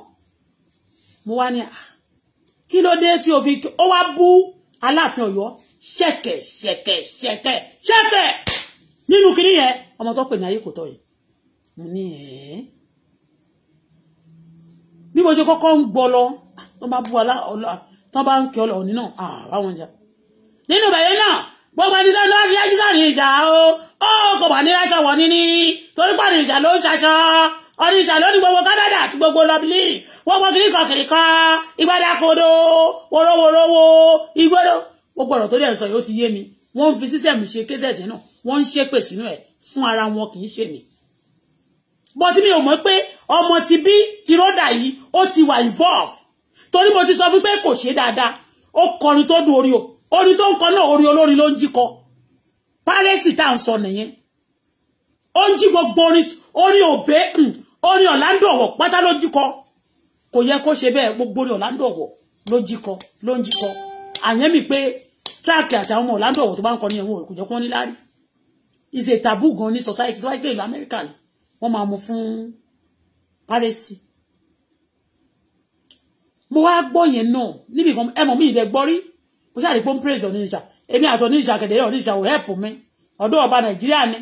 mo wá ní ah, kí ló dé tí o fi ó wá bú aláàfin ọ̀yọ́ ṣẹ̀kẹ̀ ṣẹ̀kẹ̀ ṣẹ̀kẹ̀ ṣẹ̀kẹ̀ nínú kinní yẹn ọmọ tó pè ní ayé kò tọ́ yìí mo ní ẹ̀ bí mo ṣe kọ́kọ́ ń gbọ́ lọ tó bá bú ọlá tó bá ń kí ọlọ òní náà àbáwọn jà nínú bẹ̀yẹ náà gbogbo ẹni dáná láti yájú sáà ní ìjà o ó kò wà ní láṣọ wọ níní torí pàdé ìjà ló ń ṣaṣọ ọdún ìṣà lónìí gbogbo Canada àti gbogbo lọbìlì wọ́n mọ kiri kan kan ìgbádà kodo woroworowo gbogbo ọ̀rọ̀ tó dẹ̀ ń sọ yìí ó ti yé mi wọ́n ń fi system ṣe kézẹ̀tì náà wọ́n ń ṣépè sínú ẹ̀ fún ara wọn kì í ṣe mi bọ́ tí mi ò mọ̀ pé ọmọ ti bí ti rọ́dà yìí ó ti wà involve torí mo ti sọ fún pé kò ṣe dáadáa ó kọrin tó dùn orí o orin tó ń kọ náà orí olórin ló ń jí kọ párẹ́sì tá à ń sọ nìyẹn ó ń jí gbogbo orin orin òbẹ́ hmm, orin ọ̀làndò ọ̀wọ̀ pátá ló jí kọ kò yẹ kó ṣe bẹ́ẹ̀ gbogbo orin ọ̀làndò ọ̀wọ̀ ló jí kọ ló ń jí kọ àyẹ́mì pé tíráàkì àti àwọn ọmọ ọ̀làndọ̀ ọ̀wọ̀ tó bá ń kọ ní ẹ̀wọ̀n òkú jẹ́ kó ní láárí is a taboo gan ní society tó wáyé pé ìlú amẹ́ríkà wọ́n máa mú fún párẹ́sì mo wá gbọ́ yẹn náà níbi kan ẹmọ mi ìdẹ gbọ́ rí mo ṣáà rí pé ó ń praise oníjà èmi àti oníjà kẹ̀dẹ̀ oníjà ò help mi ọ̀dọ́ ọba nàìjíríà ni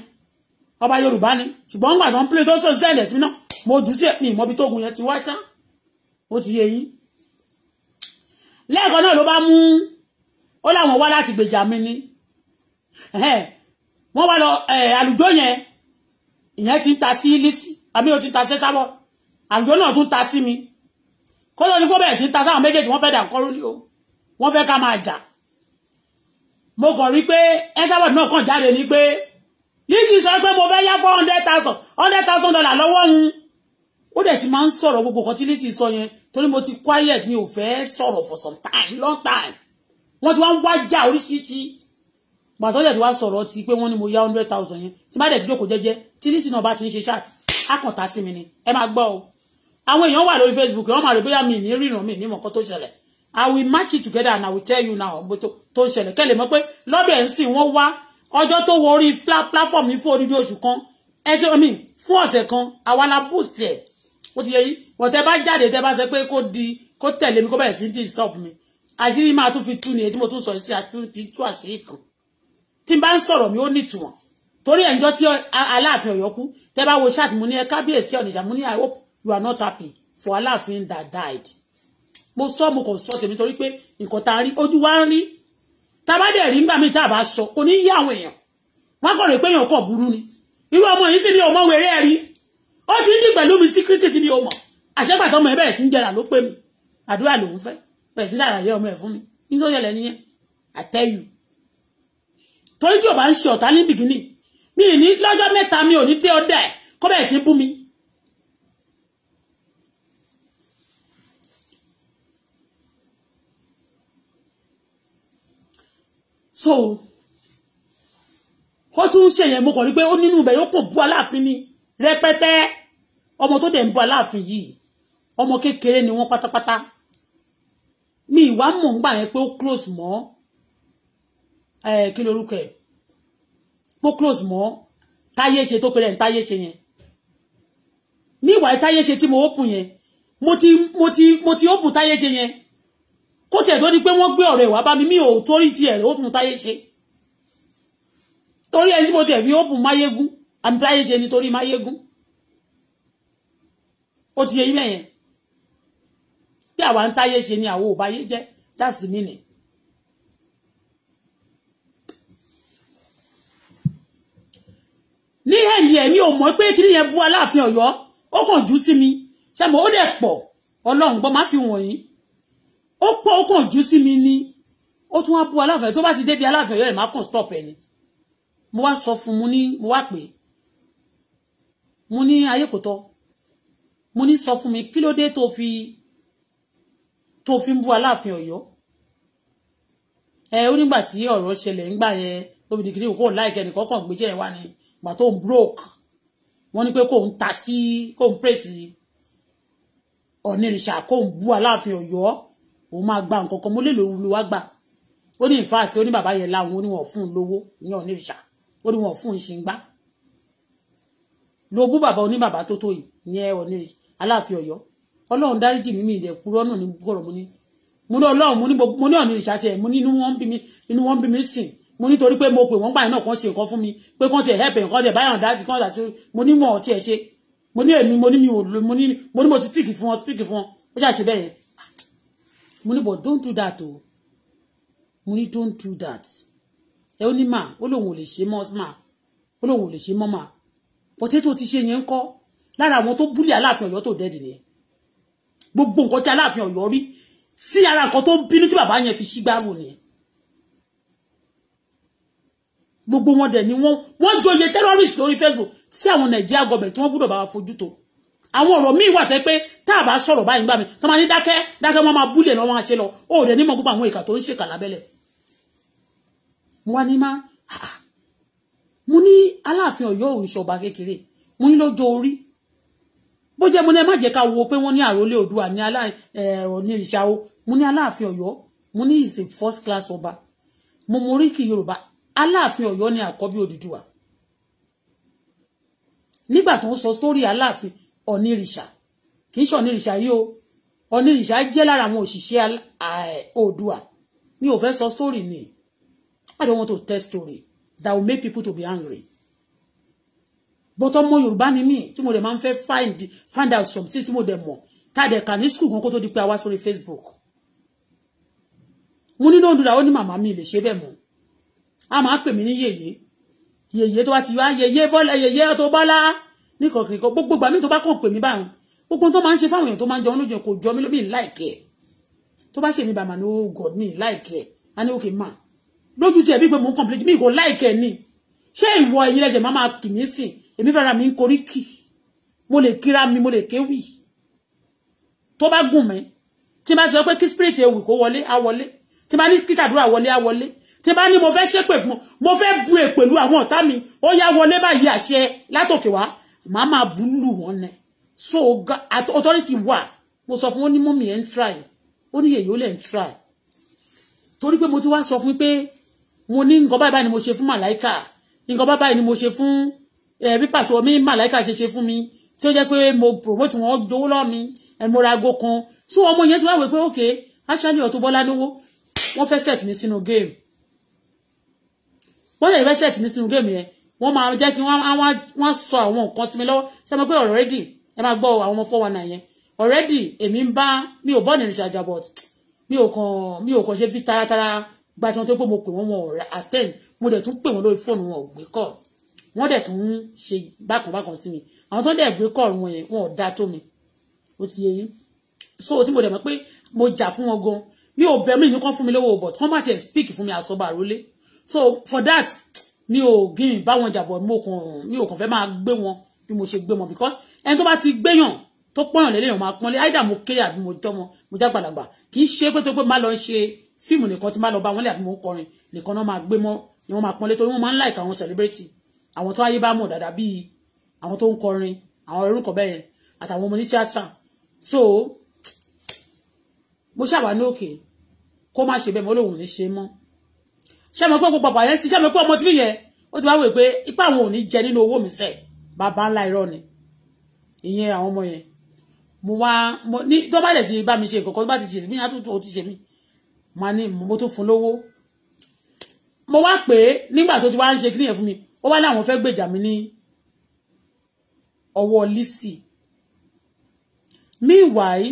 ọba yorùbá ni ṣùgbọ́n gbà tó ń play tó sọ sẹ́ẹ̀lẹ̀ sí náà mo jù sí ẹ̀mí ìmọ̀bi tó gun yẹn ti wá ṣá ó ti yẹ yín lẹ́ẹ̀kan náà ló bá mú ó láwọn wá láti gbèjà mi ni wọ́n wá lọ àlùjọ yẹn ìyẹn ti ń ta sí lísì àbí o ti ta sí sábọ̀ àlùjọ náà tún ta sí mi kó ló ní kó bẹ̀rẹ̀ sí ta sáwọn méjèèjì wọ́n fẹ́ dà kọ́rú lé o wọ́n fẹ́ ká máa jà mo kàn rí pé ẹsábọ̀ náà kàn jáde ní pé lísì sọ pé mo fẹ́ yá four hundred thousand hundred thousand dollar lọ́wọ́ ń ó dẹ̀ ti máa ń sọ̀rọ̀ gbogbo kan tí lísì sọ yẹn torí mo ti quiet mi ò fẹ́ sọ̀rọ̀ for some time long time wọ́n ti wá ń wájà oríṣiríṣi gbàtọ́lẹ̀ tí wá sọ̀rọ̀ ti pé wọ́n ní mo yá hundred thousand yẹn tí má dẹ̀ tí jókòó jẹ́jẹ́ tí lísì náà bá ti ń ṣe ṣáà àkàntà sí mi ni ẹ máa gbọ́ o àwọn èèyàn wà lórí Facebook wọ́n máa rò bóyá mi ní ríran mi ní mọ̀kọ́ tó ṣẹlẹ̀ I will match it together and I will tell you now ọgbó tó ṣẹlẹ̀ kẹ́lẹ̀ mọ́ pé lọ́dọ̀ ẹ̀ ń sìn wọ́n wá ọjọ́ tó wọ orí platform ní fún odidi oṣù kan ẹ ti omi fún ọ̀sẹ̀ kan àwa boost ẹ̀ ó ti yẹ yí wọ́n tẹ bá jáde tẹ bá sọ pé kó di kó tẹ̀lé mi kó bẹ̀rẹ̀ sí disturb mi àṣírí máa tún fi tú ni èyí tí mo tún sọ sí àtúntí tú àṣírí kan tí n bá ń sọ̀rọ̀ mi ó nítumọ̀ torí ẹ̀ńjọ́ tí aláàfin ọ̀yọ́ kú tẹ́ bá wo ṣáàtì mo ní ẹ kábíyèsí ọ̀nìjà mo ní i hope you are not happy for aláàfin that died mo sọ mo kàn sọ tèmi torí pé nǹkan tá a rí ojú wa ń rí tá a bá dẹ̀ rí nígbà míì tá a bá sọ kò ní yá àwọn èèyàn wọn kọ̀ rè pé èèyàn kọ̀ burú ni irú ọmọ yìí sì ni ọmọ wèrè ẹ̀ rí ó ti ń dì pẹ̀lú mi síkírítì tí mi ò mọ̀ àṣẹ́gbàtọ́ ẹ bẹ̀rẹ̀ sí ń jẹrà ló pé mi àdúrà lòún fẹ́ bẹ̀rẹ̀ sí láàyè ọmọ ẹ̀ fún mi nítorí ọ̀lẹ́ nìyẹn I tell you torí tí o bá ń ṣe ọ̀tá ní bìgínì mi ní lọ́jọ́ mẹ́ta mi ò ní pé ọdẹ kó bẹ̀rẹ̀ sí bú mi. so ó tún ṣe yẹn mo kàn rí pé ó nínú ibẹ̀ yóò kò bú aláàfin ni rẹpẹtẹ ọmọ tó dẹ̀ ń bú aláàfin yìí ọmọ kékeré ni wọ́n pátápátá mi ìwà mọ̀ ń gbà yẹn pé ó close mọ́ ẹ kí lorúkọ ẹ̀ pé ó close mọ́ táyé ṣe tó pẹ́rẹ́ táyé ṣe yẹn mi ìwà táyé ṣe tí mo open yẹn mo ti mo ti mo ti open táyé ṣe yẹn kó tiẹ̀ tó di pé wọ́n gbé ọ̀rọ̀ ìwà bá mi mi ò torí tiẹ̀ rẹ̀ open táyé ṣe torí ẹni tí mo tiẹ̀ fi open máyégún àmì táyé ṣe ni torí máyégún ó ti yẹ yí mẹ́yẹn bí àwa táyé ṣe ni àwọn ò báyé jẹ́ that's the meaning. ní ẹ̀yìn ẹ̀mí ò mọ̀ pé kí nìyẹn bú aláàfin ọ̀yọ́ ó kàn jù sí mi ṣe mọ̀ ó dẹ̀ pọ̀ ọlọ́run gbọ́ má fi wọ̀nyí ó pọ̀ ó kàn jù sí mi ni ó tún wá bú aláàfin tó bá ti débi aláàfin ọ̀yọ́ ẹ̀ má kàn stop ẹ̀ ni mo wá sọ fún mu ní mo wá pè mo ní ayé kò tọ́ mo ní sọ fún mi kí ló dé tó fi tó fi ń bú aláàfin Ọ̀yọ́ ẹ ó nígbà tí ọ̀rọ̀ ṣẹlẹ̀ ńgbà yẹn tóbi dìgírí kò láìkẹ nìkan kàn gbéjẹ ẹ ní ìgbà tó ń broke wọ́n ní pé kò ń ta sí kò ń pèsè ọ̀nìrìṣà kò ń bú aláàfin Ọ̀yọ́ òun máa gba nǹkan kan mo lè lòun lu wá gbà ó ní ìfá àti oníbàbá yẹn láwọn oníwọ̀n fún un lówó ìyẹn ọ̀nìrìṣà oníwọ̀n fún un ṣì ń gbá lo bú bàbá oníbàbá tó tó yìí ìyẹn ọ̀nìrìṣà aláàfin Ọ̀yọ́ ọlọ́run dáríjì mi mi ìdẹ̀ kúrọ́ náà ní kọ̀rọ̀ mo ní mo ní ọlọ́run mo ní mo ní ọ̀nà ìṣàtì ẹ̀ mo ní inú wọn bí mi inú wọn bí mi sìn mo ní torí pé mo pè wọ́n gbà náà kàn ṣe nǹkan fún mi pé kàn tiẹ̀ help nǹkan tiẹ̀ báyọ̀ dáàtì kàn dàtí mo ní mọ̀ ọtí ẹ̀ ṣe mo ní èmi mo ní mi ò lo mo ní mo ní mo ti speak fún wọn speak fún wọn ó ṣàṣe bẹ́ẹ̀ yẹn mo ní but don't do that o mo ní don't do that ẹ ó ní mà ó lóun ò lè ṣe mọ́ mà ó lóun ò lè ṣe mọ́ mà potato ti ṣe yẹn ń kọ́ lára àwọn tó búlẹ̀ aláàfin ọ̀yọ́ tó dẹ́ẹ̀dì nìyẹn gbogbo nǹkan tí aláàfin Ọ̀yọ́ rí sí ara nǹkan tó ń bínú tí bàbá yẹn fi sígbárò nìyẹn gbogbo wọn dẹ̀ ni wọ́n wọ́n joyè terrorist lórí Facebook sí àwọn Nàìjíríà gọbẹ̀ tí wọ́n gbọ́dọ̀ bá wa fojú tó àwọn ọ̀rọ̀ míì wà tẹ́ pé tá a bá sọ̀rọ̀ báyìí gbà mí tó máa ní dákẹ́ dákẹ́ wọ́n máa búlẹ̀ lọ́wọ́ àṣẹ lọ ó rẹ̀ nímọ̀ gbogbo àwọn ìkà tó ń ṣèkà lábẹ́lẹ̀ mo wá ní má mo ní Aláàfin Ọ̀yọ́ òrìṣọba kékeré mo ní lọ́jọ́ orí bó jẹ́ mo ní ẹ má jẹ́ ká wo pé wọ́n ní àròlé Oòduà ní onírìṣà o mo ní aláàfin Ọ̀yọ́ mo ní is a first class ọba mo mọ oríkì Yorùbá aláàfin Ọ̀yọ́ ni àkọ́bí Odùduwà nígbà tó ń sọ sórí aláàfin onírìṣà kì í ṣe onírìṣà yìí o onírìṣà jẹ́ lára àwọn òṣìṣẹ́ Oòduà mi ò fẹ́ sọ story ni I don't want to tell story that will make people to be angry bọ́tọ́ mọ yorùbá ni mí tí mo dẹ̀ máa ń fẹ́ find find out something tí mo dẹ̀ mọ̀ tá a dẹ̀ kà ní skul gan kó tó di pé a wá sórí facebook mo ní lóhùn dúdà ó ní màmá mi lè ṣe bẹ́ẹ̀ mọ́ a máa pè mí ní yèyé yèyé tó bá ti wá yèyé bọ́lá yèyé tó bọ́lá nìkan kìkan gbogbo ìgbà mi tó bá kàn pè mí báyìí gbogbo tó máa ń ṣe fáwọn èèyàn tó máa ń jẹun lójú kò jọ mí lómi láìkẹ́ tó bá ṣe mi bàmà ní oh god mi láìkẹ́ a ní òkè mà lójú tiẹ̀ bí pé mò ń complete mi kò láìkẹ́ ni ṣé ìwọ ẹ̀yin lẹ́sẹ̀ máa máa kì mí sìn èmi fẹ́ra mi ń koríkì mo lè kíra mi mo lè kéwì tó bá gùn mí tí bá ti sọ pé kí spirit ewì kó wọlé á wọlé tí bá ní kí tàdúrà wọlé á wọlé tí bá ní mo fẹ́ ṣépè fún mo fẹ́ bu èpèlú àwọn ọ̀tá mi ó yá wọlé báyìí àṣẹ látòkè wá màá máa bú lù wọ́n so authority wa mo sọ fún ó ní mọ́mì ẹ̀ ń try ó ní èyí ó lẹ̀ ń try torí pé mo ti wá sọ fún pé mo ní nǹkan báyìí báyìí ni mo ṣe fún màláìkà nǹkan báyìí ni mo ṣe fún Eh, bí pàṣẹ omi màláìka ṣe ṣe fún mi tí ó jẹ́ pé mo promote wọn jowó lọ́ mi ẹni eh, mo ra ago kan so ọmọ yẹn ti wá wò pé ok actually Auto Bola lówó wọ́n fẹ́ set mi sínú game wọ́n lè fẹ́ set mi sínú game yẹn wọ́n máa jẹ́ kí wọ́n sọ àwọn nǹkan sí mi lọ́wọ́ ṣe mo pé already ẹ máa gbọ́ àwọn ọmọ 419 yẹn already èmi ń bá mi ò bọ́ nìrìṣà jabot mi ò kàn mi ò kàn ṣe fi taratara gba tí wọ́n tó pé mo pè wọ́n wọn ọ̀rẹ́ àtẹ́yìn mo dẹ̀ tún pè wọ́n lórí fóònù wọn ò gbé kọ́ọ̀ wọ́n dẹ̀ tún ń ṣe bákanbákan sí mi àwọn tó dẹ̀ gbé kọ́ọ̀rù wọn yẹn wọn ò dá tó mi ó ti yé yín so tí mo dẹ̀ mọ̀ pé mo jà fún wọn gan mi ò bẹ̀ mí ní kán fún mi lówó bọ̀ tí wọ́n bá tiẹ̀ speak fún mi àsọ̀bà rólé so for that mi ò gírin bá wọn jà bọ̀ mi ò kàn mi ò kàn fẹ́ máa gbé wọn bí mo ṣe gbé wọn because ẹni tó bá ti gbéyàn tó pọ́yàn lélẹ́yìn máa pọ́nlé áìdà mo kéré àbí mo tọ́mọ mo jágbàlagbà kì í ṣe pé tó pé má lọ ṣe fíìmù nìkan tí má lọ bá wọn lé àbí mo ń kọrin nìkan náà máa gbé mọ́ ni wọ́n máa pọ́nlé torí wọ́n máa ń láìka àwọn celebrity àwọn tó ayé bá mọ̀ dáadáa bíi àwọn tó ń kọrin àwọn irú kan bẹ́yẹn àtàwọn ọmọ ní tíátà so mo ṣàwà ní òkè kó má ṣe bẹ́ẹ̀ mọ́ lòun ò ní ṣe mọ́ ṣé mo pé gbogbo bàbá yẹn sí ṣé mo pé ọmọ tí mi yẹn ó ti wá wò pé ipá àwọn ò ní jẹ nínú owó mi sẹ bàbá ńlá irọ́ ni ìyẹn àwọn ọmọ yẹn mo wá mo ní tó bá lè ti bá mi ṣe ìkọ̀kọ̀ tó bá ti ṣe mí àtúntò ó ti ṣe mí mo tó fún lówó nígbà tó ti wá ń ṣe kíníyẹn ó wá láwọn fẹ́ gbèjà mi ní ọwọ́ lisi. meanwhile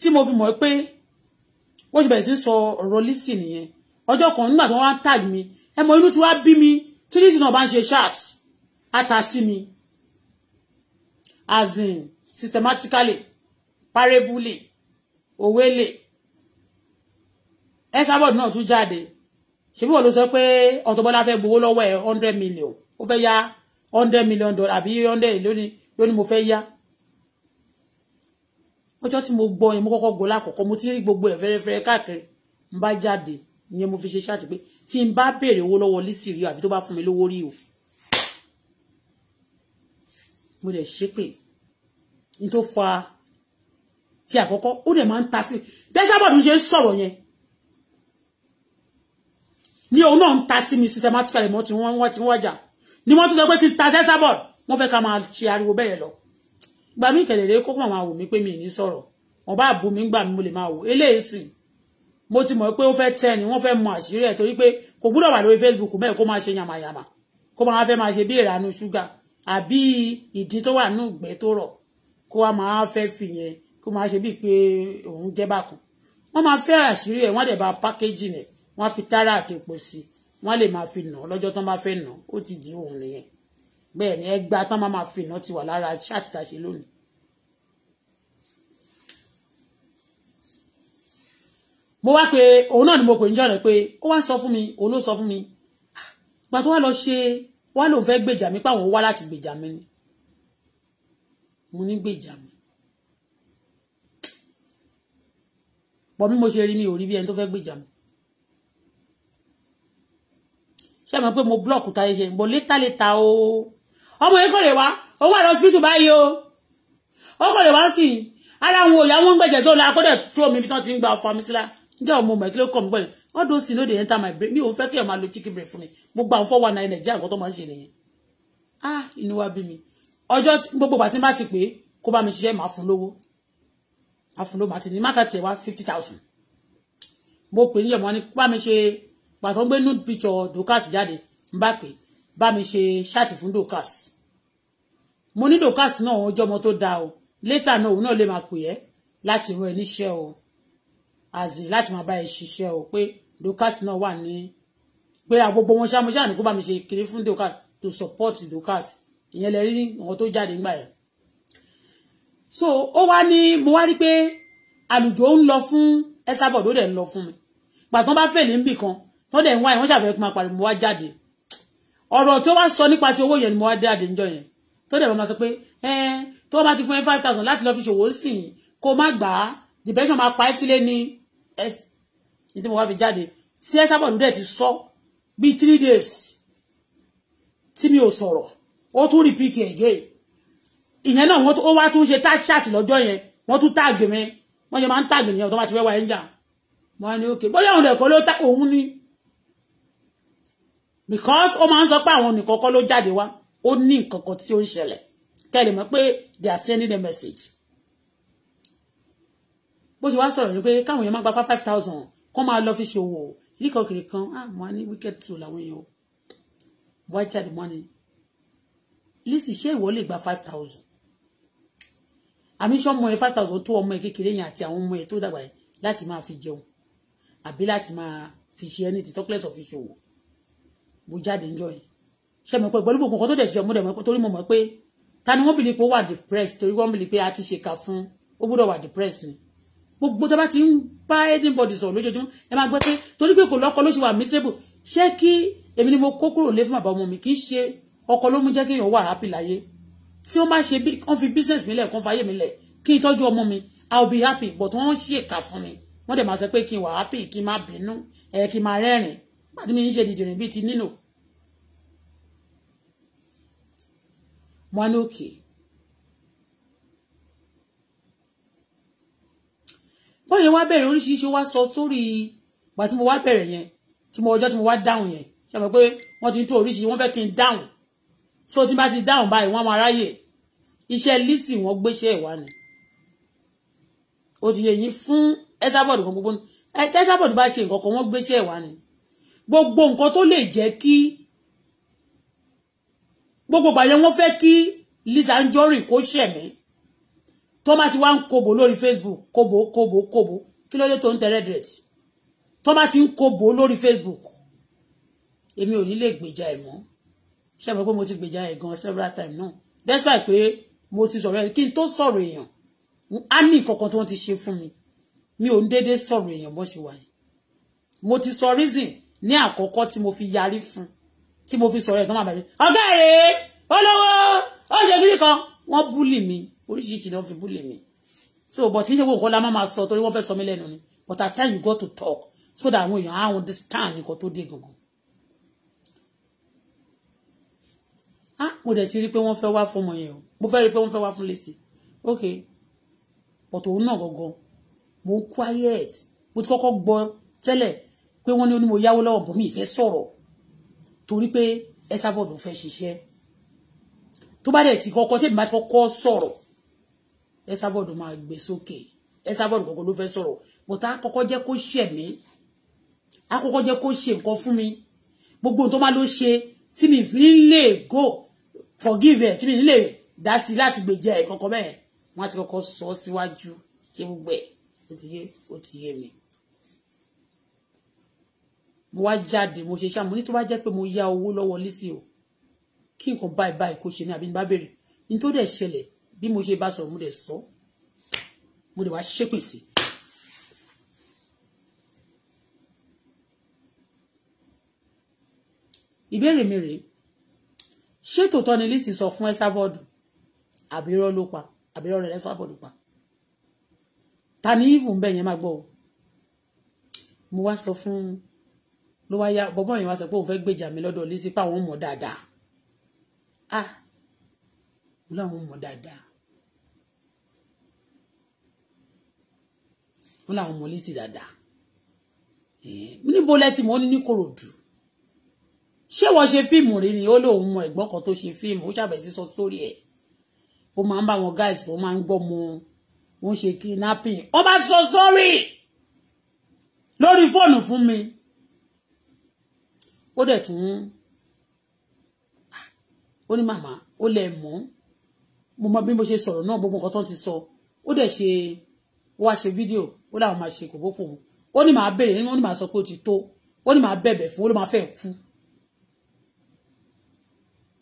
tí mo fi mọ̀ pé wọ́n ti bẹ̀rẹ̀ sí sọ ọ̀rọ̀ Lizzy nìyẹn ọjọ́ kan nígbà tí wọ́n tag mi ẹ mọ inú tí wàá bí mi tí Lizzy náà bá ń ṣe chat ata mi as in systematically parably òwélè ẹ sábọ̀dù náà tún jáde ṣebí wọn ló sọ pé Auto Bola fẹ́ gbowó lọ́wọ́ ẹ̀ hundred million ó fẹ́ yá hundred million dollar àbí hundred lónìí lónìí mo fẹ́ yá ọjọ́ tí mo gbọ́ yẹn mo kọ́kọ́ gbọ́ lákọ̀ọ́kọ́ mo ti rí gbogbo ẹ̀ fẹ́rẹ́fẹ́rẹ́ káàkiri n bá jáde ìyẹn mo fi ṣe ṣáàtì pé tí n bá béèrè owó lọ́wọ́ lísì rí o àbí tó bá fún mi lówó rí o mo lè ṣépè n tó fa ti àkọ́kọ́ ó dẹ̀ máa ń ta sí bẹ́ẹ̀ sábà ló ṣe ń sọ̀rọ̀ yẹn ní òun náà ń ta sí mi systematically mo ti wọ́n wọ́n ti wọ́jà ni wọ́n tún sọ pé kí n ta sẹ́sà bọ̀ wọ́n fẹ́ ká máa ṣe ariwo bẹ́ẹ̀ lọ gbà mí kẹ̀lẹ̀rẹ́ kó kàn máa wò mí pé mi ì ní sọ̀rọ̀ wọ́n bá bù mí gbà mí mo lè máa wò eléyìí sì mo ti mọ̀ pé ó fẹ́ tẹ́ ni wọ́n fẹ́ mọ àṣírí ẹ̀ torí pé kò gbúdọ̀ wà lórí Facebook bẹ́ẹ̀ kó máa ṣe yàmàyàmà kó máa fẹ́ máa ṣe bí ìranu ṣúgà àbí ìdí tó wà ní ìgbẹ́ tó rọ̀ kó wá máa fẹ́ fìyẹn kó máa ṣe bíi pé òun jẹ́ bákan wọ́n máa fẹ́ àṣírí ẹ̀ wọ́n dẹ̀ bá pákéjì rẹ̀ wọ́n fi tárà àti epo sí i wọ́n lè máa fi nà án lọ́jọ́ tán bá fẹ́ nà án ó ti di òun nìyẹn bẹ́ẹ̀ ni ẹgbà tán máa máa fi nà án ti wà lára ṣáàtì a ṣe lónìí. mo wá pé òun náà ni mo pè ń jọ̀rọ̀ pé ó wá ń sọ fún mi òun ló sọ fún mi ah, gbà tó wá lọ ṣe wá lòun fẹ́ gbèjà mi páwọn wá láti gbèjà mi ni mo ní gbèjà mi bọ́ bí mo ṣe rí mi ò rí bí ẹni tó fẹ́ gbèjà mi ṣé mo pé mo block táyé ṣe bò létà létà o ọmọ yẹn kò lè wá ó wà lọ́sibítù báyìí o ó kò lè wá sí i ara àwọn òyà wọn ń gbẹ̀jẹ̀ sóò la akọ́dẹ̀ tó mi bí tán ti ń gba ọ̀fọ̀ amísílá níjẹ́ ọmọ ọmọ ìkílẹ̀ kọ̀ mí pẹ̀lú all those de no dey enter my brain mi ò fẹ́ kí ẹ̀ máa lo chicken breast fún mi mo gba four one nine nàìjíríà nǹkan tó máa ah inú wa bí mi ọjọ́ gbogbo ìgbà tí n bá ti pè é kó bá mi ṣiṣẹ́ màá fún lówó màá fún lówó ti ní mákàtí ẹ̀ wá fifty thousand mo pè é níjẹ̀ mọ́ ni bá mi ṣe pàtó gbé nude picture Dorcas jáde n bá pè bá mi ṣe ṣáàtì fún Dorcas mo ní Dorcas náà òun jọmọ tó dáa o létà náà òun náà lè máa pè ẹ́ láti rán ẹ níṣẹ́ o àzì láti máa bá ẹ ṣiṣẹ́ o pé Dorcas náà wà ní pé àgbogbo wọn ṣáà mo kó bá mi ṣe kiri fún Dorcas to support dukas ìyẹn lè rí àwọn tó jáde nígbà yẹn so ó wá ní mo wá rí pé àlùjọ ń lọ fún ẹ dẹ̀ ń lọ fún mi pàtó bá fẹ̀ ní nbì kan wọ́n dẹ̀ ń wá ẹ̀ wọ́n ṣàfẹ́ máa pariwo mo wá jáde ọ̀rọ̀ tó wá sọ nípa ti owó yẹn ni mo wá jáde níjọ́ yẹn tó dẹ̀ máa sọ pé tó bá ti fún ẹ five thousand láti lọ fi ṣòwò sí i kó má gbà á depression máa pa ẹ́ sílé ní ẹ ní tí mo wá fi jáde tí ẹ sábà lùdẹ̀ ti sọ bíi three days tí mi ò sọ̀rọ̀ ó tún repeat again ìyẹn náà wọ́n ó wá tún ṣe táṣàtì lọ́jọ́ yẹn wọ́n tún táàgì mi wọ́n yẹ máa ń táàgì nìyẹn tó bá ti fẹ́ wá ẹ̀ ń jà wọ́n á ní òkè bóyá òun ẹ̀kọ́ ló ta òun ni because ó máa ń sọ pé àwọn nìkan kọ́ ló jáde wá ó ní nǹkan kan tí ó ń ṣẹlẹ̀ kẹ́lẹ̀ mọ̀ pé they are sending the message bó ṣe wá sọ̀rọ̀ ni pé káwọn èèyàn máa gba five thousand kán máa lọ fi ṣòwò níkọkiri kan ah money ní wicked two làwọn èèyàn o wá jáde money? ni lisi ṣé ìwọ lè gba five thousand àmì ṣé ọmọ yẹn five thousand tó ọmọ yẹn kékeré yẹn àti àwọn ọmọ yẹn tó dàgbà yẹn láti máa fi jẹun àbí láti máa fi ṣe ẹni tí chocolate of ìṣòwò mo jáde ń jọ yìí ṣe mọ̀ pé pẹ̀lú gbogbo nǹkan tó dẹ̀ ti ṣe mo dẹ̀ mọ̀ pé torí mo mọ̀ pé ta ni wọ́n bìlì pé ó wà depressed torí wọ́n bìlì pé a ti ṣèkà fún ó gbọ́dọ̀ wà depressed ni gbogbo tó bá ti ń bá anybody sọ̀rọ̀ lójoojúmọ́ ẹ máa gbọ́ pé torí pé kò lọ́kọ ló ṣe wà miserable ṣé kí èmi ni mo kó kúrò lé fún bàbá ọmọ mi kì í ṣe ọkọ ló mú jẹ́ kéèyàn wà happy láyé tí wọ́n bá ṣe bí wọ́n fi business mi lẹ̀ kó fàyè mi lẹ̀ kí n tọ́jú ọmọ mi i will be happy but wọ́n ṣèkà fún mi wọ́n dẹ̀ máa sọ pé kí n wà happy kí n má bínú ẹ̀ kí n má rẹ́rìn-ín nígbà tí mi ń ṣe dìdìrín bíi ti nínú wọn ní òkè bóyá wá bẹ̀rẹ̀ oríṣiríṣi wá sọ sórí ìgbà tí mo wá bẹ̀rẹ̀ yẹn tí mo ọjọ́ tí mo wá dáhùn yẹn ṣe mọ̀ pé wọ́n ti ń tó oríṣiríṣi wọ́n fẹ́ kí n dáhùn so tí n bá ti dáhùn báyìí wọ́n máa ráyè iṣẹ́ lísì wọ́n gbéṣẹ́ ìwà ni ó ti yẹ yín fún ẹsábọ̀dù kan gbogbo ní ẹsábọ̀dù bá ṣe nǹkan kan wọ́n gbéṣẹ́ ìwà ni gbogbo nǹkan tó lè jẹ́ kí gbogbo gbàyẹn wọ́n fẹ́ kí Lizzy Anjorin kó ṣẹ̀mí tó má ti wá ń kobo lórí Facebook kobo kobo kobo kí ló dé tó ń tẹ red red tó má ti ń kobo lórí Facebook èmi ò ní lè gbèjà ẹ̀ mọ́ ṣe mọ̀ pé mo ti gbèjà ẹ̀ gan several times náà despite pé mo ti sọ̀rọ̀ ẹ̀ kí n tó sọ̀rọ̀ èèyàn á ní ìkọ̀kan tí wọ́n ti ṣe fún mi mi ò ń déédéé sọ̀rọ̀ èèyàn bó ṣe wà yìí mo ti sọ reason ní àkọ́kọ́ tí mo fi yarí fún tí mo fi sọ̀rọ̀ ẹ̀ tán bàbá mi ọ̀gá èrè olówó oúnjẹ gírí kan wọ́n búlì mi oríṣiríṣi ni wọ́n fi búlì mi so but kí n ṣe gbogbo nǹkan la máa sọ torí wọ́n fẹ́ sọ mí lẹ́nu ni but at time you got to talk so that àwọn èèyàn á you go to dé gangan. ah mo dẹ̀ ti rí pé wọ́n fẹ́ wá fún ọmọ yẹn o mo fẹ́ rí pé wọ́n fẹ́ wá fún lẹ́sìn ok but òun náà gangan mo ń quiet But koko kọ́kọ́ gbọ́ tẹ́lẹ̀ pé wọ́n ní ó ní mo yáwó lọ́wọ́ bọ́ mi ìfẹ́ sọ̀rọ̀ torí pé ẹ sábọ̀ ló fẹ́ ṣiṣẹ́ tó bá dẹ̀ ti kọ́kọ́ tèmi bá ti kọ́kọ́ sọ̀rọ̀ ẹ sábọ̀ ló máa gbé sókè ẹ sábọ̀ ló kọ́kọ́ ló fẹ́ sọ̀rọ̀ bọ̀tá kọ́kọ́ jẹ́ kó ṣẹ̀ mí á kọ́kọ́ jẹ́ kó ṣe nǹkan fún mi gbogbo tó máa ló ṣe tí mi fi lè go forgive ẹ̀ tí mi lè dá sí láti gbèjà ẹ̀ kọ́kọ́ bẹ́ẹ̀ wọ́n á ti kọ́kọ́ sọ síwájú ṣé gbogbo ẹ̀ ó ti yé ó ti yé mi mo wá jáde mo ṣe ṣá mo ní tó bá jẹ́ pé mo yá owó lọ́wọ́ Lizzy o kí nǹkan báyìí báyìí kò ṣe ní àbí bá bèrè ní tó dẹ̀ ṣẹlẹ̀ bí mo ṣe bá sọ̀rọ̀ mo dẹ̀ sọ mo dẹ̀ wá ṣépè ìbéèrè mi rèé ṣé tòótọ́ ni Lizzy sọ fún Esabod àbírọ́ ló pa àbírọ́ rẹ̀ Esabod pa ta ni ìfún bẹ́ẹ̀ yẹn máa gbọ́ o mo wá sọ fún ló wá yá bọ́bọ́ yẹn wá sọ pé òun fẹ́ gbèjà mi lọ́dọ̀ Lizzy pé àwọn mọ̀ dáadáa ah mo láwọn mọ̀ dáadáa mo láwọn mọ̀ Lizzy dáadáa eh, níbo lẹ ti mọ̀ ní Níkòròdú ṣé wọ́n ṣe fíìmù rí ni ó lóun mọ ẹ̀gbọ́n kan tó ṣe fíìmù ó ṣàbẹ̀ sí sọ sórí ẹ̀ ó máa ń bá wọn guys ó máa ń gbọ́ mọ wọ́n ṣe kidnapping ó bá sọ sórí lórí fóònù fún mi ó dẹ̀ tún ó ní màmá ó lẹ̀ mọ́ mo mọ bí mo ṣe sọ̀rọ̀ náà gbogbo nǹkan tó ti sọ ó dẹ̀ ṣe ó wá ṣe fídíò ó láwọn máa ṣe kòbó fòun ó ní màá bèrè nínú ó ní màá sọ pé ó ti tó ó ní màá bẹ̀bẹ̀ fún ó ló máa fẹ́ kú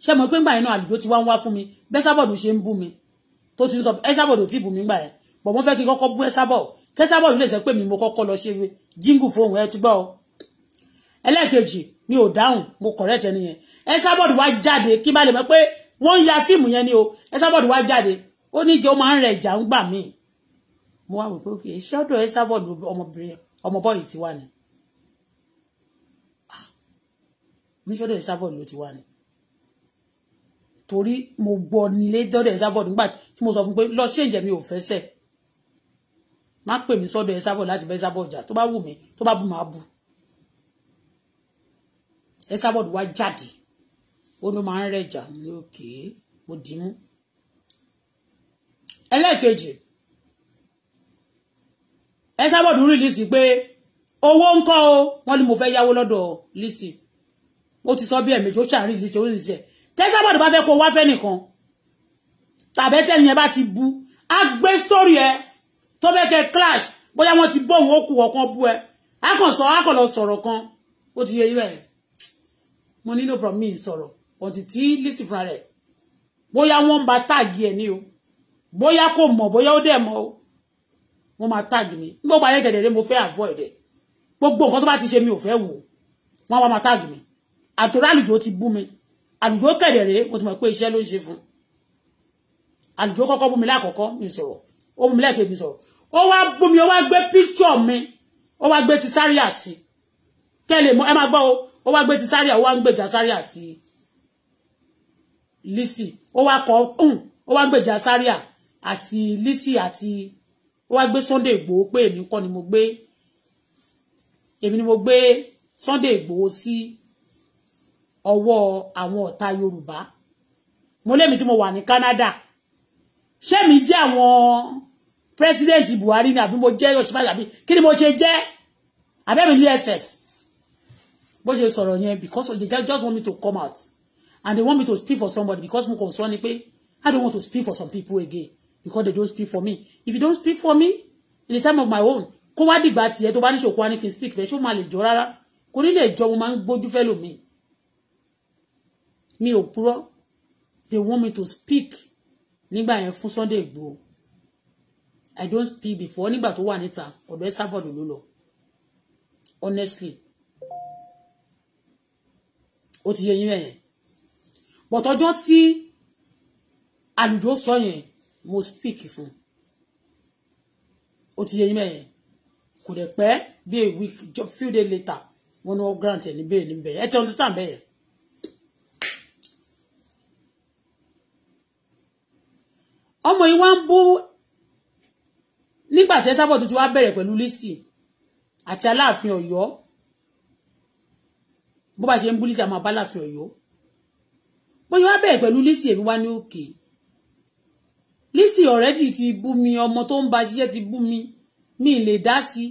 ṣé mo pé ńgbà yẹn náà àlùjọ ti wá ń wá fún mi bẹ́sàbọ̀dù ṣe ń bú mi tó ti ń sọ ẹ́sàbọ̀dù tí bù mí gbà yẹn bọ̀ mo fẹ́ kí kọ́kọ́ bú ẹ́sàbọ̀ kẹ́sàbọ̀dù lè sẹ́ pé mi mo kọ́kọ́ lọ ṣe jíngù fóun ẹ ti gbọ́ ẹlẹ́ẹ̀kejì mi ò dáhùn mo correct ẹni yẹn ẹ sábọ̀dù wá jáde kí bá lè mọ̀ pé wọ́n ń ya fíìmù yẹn ni o ẹ sábọ̀dù wá jáde ó ní ìjọ máa ń rẹ ìjà ń gbà míì mo wá wò òkè ṣọ́dọ̀ ẹ sábọ̀dù ọmọbìnrin ọmọbọ̀ yìí ti wà ní ah, mi ṣọ́dọ̀ ẹ sábọ̀dù ló ti wà ní torí mo gbọ́ nílé dọ́dọ̀ ẹ sábọ̀dù nígbà tí mo sọ fún pé lọ ṣèǹjẹ̀ mi ò fẹ́ sẹ̀ má pè mí sọ́dọ̀ ẹ sábọ̀dù láti bẹ́ sábọ̀dù jà tó bá wù mí tó bá bù máa bù Esabod wá jáde ó ló máa ń rẹjà lókè mo dì í mú ẹlẹ́ẹ̀kejì Esabod rí Lizzy pé owó ń kọ́ o wọ́n ní mo fẹ́ yáwó lọ́dọ̀ Lizzy ó ti sọ bí ẹ̀mejì ó ṣàrí Lizzy ó Lizzy ẹ̀ tẹ́sàbọ̀dù bá fẹ́ kó wá fẹ́ nìkan tàbẹ́tẹ́ni ẹ bá ti bu á gbé sórí ẹ tó fẹ́ kẹ clash bóyá wọ́n ti bọ̀ wọ́n kù ọ̀kan bú ẹ á kàn sọ á kàn lọ sọ̀rọ̀ kan ó ti yẹ irú ẹ̀ mo nílò from mi sọ̀rọ̀ ọ̀tí tí lísì fúnra rẹ̀ bóyá wọ́n ń ba táàgì ẹ̀ ní o bóyá kò mọ̀ bóyá ó dẹ̀ mọ̀ o wọ́n máa táàgì mi gbogbo ayé gẹ̀dẹ̀rẹ́ mo fẹ́ avoid ẹ̀ gbogbo nǹkan tó bá ti ṣe mi ò fẹ́ wò wọ́n wá máa táàgì mi àtòrá àlùjọ ti bú mi àlùjọ kẹ̀dẹ̀rẹ́ mo ti mọ̀ pé iṣẹ́ ló ń ṣe fún àlùjọ kọ́kọ́ bú mi lákọ̀ọ́kọ́ mi sọ̀rọ̀ ó bú mi lẹ́ẹ̀kẹ́ mi sọ̀rọ̀ ó wá bú mi ó wá gbé picture mi ó wá gbé ti Zaria sí kẹ́ lè ẹ máa gbọ́ o ó wá gbé ti Zaria ó wá ń gbèjà Zaria àti Lizzy ó wá kọ ó wá ń gbèjà Zaria àti Lizzy àti ó wá gbé Sunday Igboho pé èmi kọ́ ni mo gbé èmi ni mo gbé Sunday Igboho sí ọwọ́ àwọn ọ̀tá Yorùbá mo lémi tí mo wà ní Canada ṣé mi jẹ́ àwọn president Buhari ni àbí mo jẹ́ Ọ̀ṣínbàjò àbí kí ni mo ṣe jẹ́ abẹ́mi dss bó ṣe sọ̀rọ̀ yẹn because they just want me to come out and they want me to speak for somebody because mo kàn ni pé I don't want to speak for some people again because they don't speak for me if you don't speak for me in the time of my own kó wá dìgbà tiẹ̀ tó bá ní ṣòkó wa ní kí n speak fẹ́ ṣó máa lè jọ rárá kò ní lè mo máa ń gbójú fẹ́ lómi mi ò purọ́ they want me to speak nígbà yẹn fún Sunday Igboho I don't speak before nígbà tó wà níta ọ̀dọ̀ ẹ́ sábọ̀dọ̀ ló lọ honestly ó ti yẹ yín yẹn but ọjọ́ tí àlùjọ sọ yẹn mo speak fún ó ti yẹ yín yẹn kò dẹ̀ pẹ́ bí a week few days later wọ́n ní wọ́n grant ẹ̀ ní bẹ́ẹ̀ ní bẹ́ẹ̀ ẹ ti understand bẹ́ẹ̀ yẹn. ọmọ yìí wá ń bú nígbà tí ẹ sábọ̀ tuntun wá bẹ̀rẹ̀ pẹ̀lú Lizzy àti Aláàfin Ọ̀yọ́ bó bá ṣe ń bú Lizzy àmọ́ abálàfin Ọ̀yọ́ bóyá wá bẹ̀rẹ̀ pẹ̀lú Lizzy èmi wá ní òkè Lizzy already ti bú mi ọmọ tó ń ba ṣiṣẹ́ ti bú mi mi lè dá sí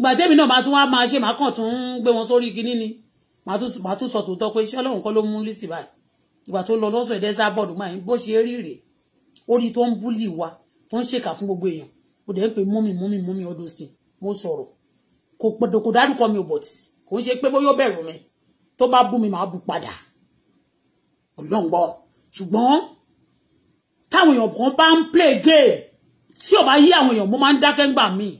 gbàtẹ́mi náà máa tún wá máa ṣe máa kàn tún gbé wọn sórí kinní ni màá tún sọ tòótọ́ pé iṣẹ́ ọlọ́run kọ́ ló mú Lizzy báyìí ìgbà tó lọ lọ́sọ̀ ẹ̀dẹ́ sábọ̀dù máa ń bó ṣe rí rèé ó rí tó ń búlì wa tó ń ṣèkà fún gbogbo èèyàn ó dẹ̀ ń pè mọ́mì mọ́mì mọ́mì ọdún sí mo sọ̀rọ̀ kò dárúkọ mi ò bọ̀tì kò ń ṣe pé bóyá ó bẹ̀rù mi tó bá bú mi màá bú padà ọlọ́ngbọ́ ṣùgbọ́n táwọn èèyàn kan bá ń play game tí ò bá yí àwọn èèyàn mo máa ń dákẹ́ ńgbà míì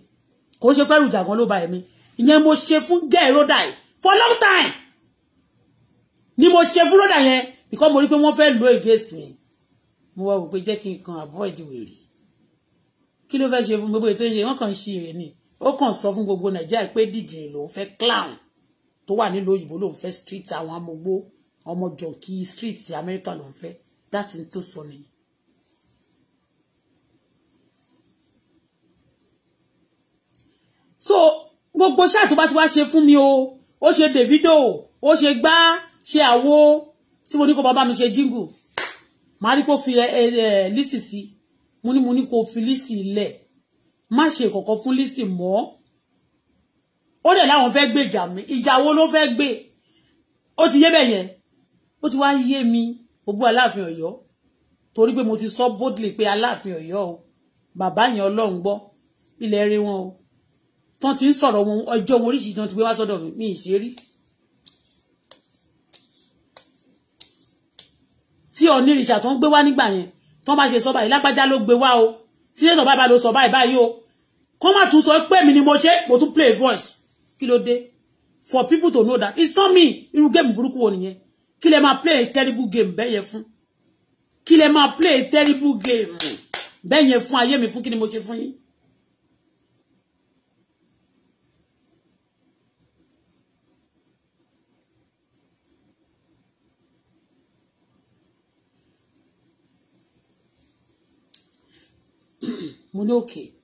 kò ń ṣe pẹ́rù ìjà kan ló ba ẹ̀mí ìyẹn mo ṣe fún gẹ́ẹ̀ ródà yìí for long time ni mo ṣe fún ródà yẹn because mo rí pé wọ́n fẹ́ lo èdè sí i mo wá wò pé jẹ́ kí n kan avoid wèrè kí ló fẹ́ ṣe fún gbogbo ètò ìṣe wọ́n kàn ń ṣe èrè ni ó kàn sọ fún gbogbo nàìjíríà pé dìdì lòún fẹ́ clown tó wà nílùú òyìnbó lòun fẹ́ street àwọn amogbó ọmọ jọ̀kì street Amẹ́ríkà lòun fẹ́ láti tó sọ nìyí. so gbogbo ṣáà tó bá ti wá ṣe fún mi o ó ṣe Davido ó ṣe gbá ṣe àwo tí mo ní kó bàbá mi ṣe jíngù màá rí kó fi ẹ ẹ lísì sí mo ní mo ní kó fi lísì lẹ̀ má ṣe kọ̀ọ̀kan fún lísì mọ́ ó dẹ̀ láwọn fẹ́ gbé ìjà mi ìjà wo ló fẹ́ gbé ó ti yé bẹ́ẹ̀ yẹn ó ti wá ń yé mi ògbó aláàfin Ọ̀yọ́ torí pé mo ti sọ boldly pé aláàfin Ọ̀yọ́ o bàbá yẹn Ọlọ́run gbọ́ ilẹ̀ rí wọn o tán ti ń sọ̀rọ̀ wọn ọjọ́ wọn oríṣiríṣi tán ti gbé wá sọ́dọ̀ mi mi ì ṣe rí tí onírìṣà tó ń gbé wá nígbà yẹn tó bá ṣe sọ báyìí lágbájá ló gbé wá o sílẹ̀ sọ báyìí ba ló sọ báyìí báyìí o kó má tún sọ pé mi ni mo ṣe mo tún play voice kí for people to know that it's not me irú game burúkú wo nìyẹn kí lẹ máa play a terrible game bẹ́ẹ̀ yẹn fún kí lẹ máa play a terrible game bẹ́ẹ̀ yẹn fún ayé mi fún kí ni mo ṣe fún yín. mo ní Okay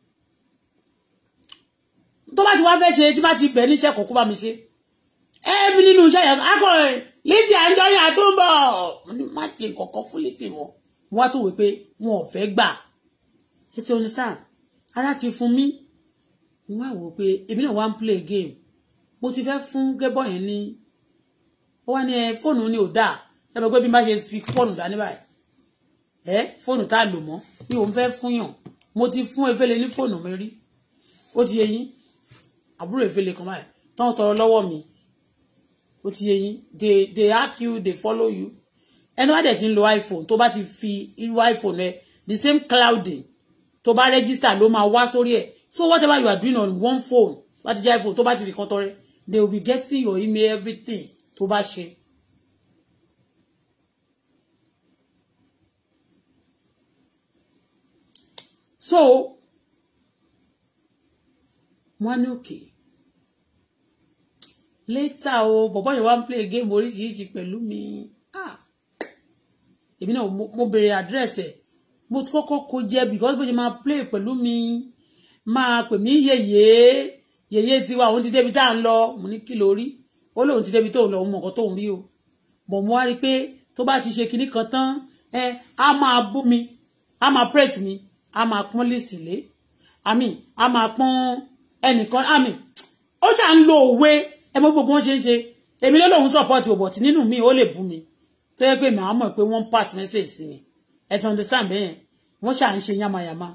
tó bá ti wá fẹ́ ṣe tí bá ti bẹ̀ níṣẹ́ kò kó bá mi ṣe ẹbí nínú iṣẹ́ yẹn akọrin Lizzy Anjorin àtúbọ̀ má ti kọ̀kọ́ fún Lizzy wọn wọ́n tó wí pé wọn ò fẹ́ gbà ẹ ti understand? sáà ara ti fún mi wọ́n á wò pé èmi náà wá ń play game mo ti fẹ́ fún gébọ̀ yẹn ní ó wá ní fóònù ni ò dáa ẹ bẹ pé bí má ṣe fi fóònù dání báyìí ẹ fóònù tá a lò mọ́ ni òun fẹ́ fún yàn mo ti fún efele ní fóònù mi rí ó ti yẹ yín àbúrò ìfẹ́lẹ̀ kan báyìí tán tọrọ lọ́wọ́ mi ó ti yẹ yín they they hack you they follow you ẹni wá dẹ̀ ti ń lo iphone tó bá ti fi irú iphone rẹ the same clouding tó bá register ló máa wá sórí ẹ̀ so whatever you are doing on one phone bá ti jẹ́ iphone tó bá ti fi kan tọrẹ they will be getting your email everything tó bá ṣe. so wọ́n ní òkè. Okay later o bọ̀bọ̀ yẹn wá ń play game oríṣiríṣi pẹ̀lú mi ah. èmi náà mo béèrè address ẹ̀ mo ti kọ́kọ́ kó jẹ́ because bó ṣe máa play pẹ̀lú mi máa pè mí yèyé yèyé tiwa òun ti débi tá à ń lọ mo ní kí lórí ó lóun ti débi tóun lọ òun mọ̀ nǹkan tóun rí o bọ̀ mo wá rí i pé tó bá ti ṣe kinní kan tán ẹ á máa bú mi á máa press mi á máa pọ́n lè sílé àmì á máa pọ́n ẹnìkan àmì ó ṣà ń lo òwe ẹ mọ gbogbo wọn ṣe ń ṣe èmi ló lòun support ò bọ̀tí nínú mi ó lè bú mi tó yẹ pé màá mọ̀ pé wọ́n pass message sí mi ẹ understand bẹ́ẹ̀ wọ́n ṣà ń ṣe yamayama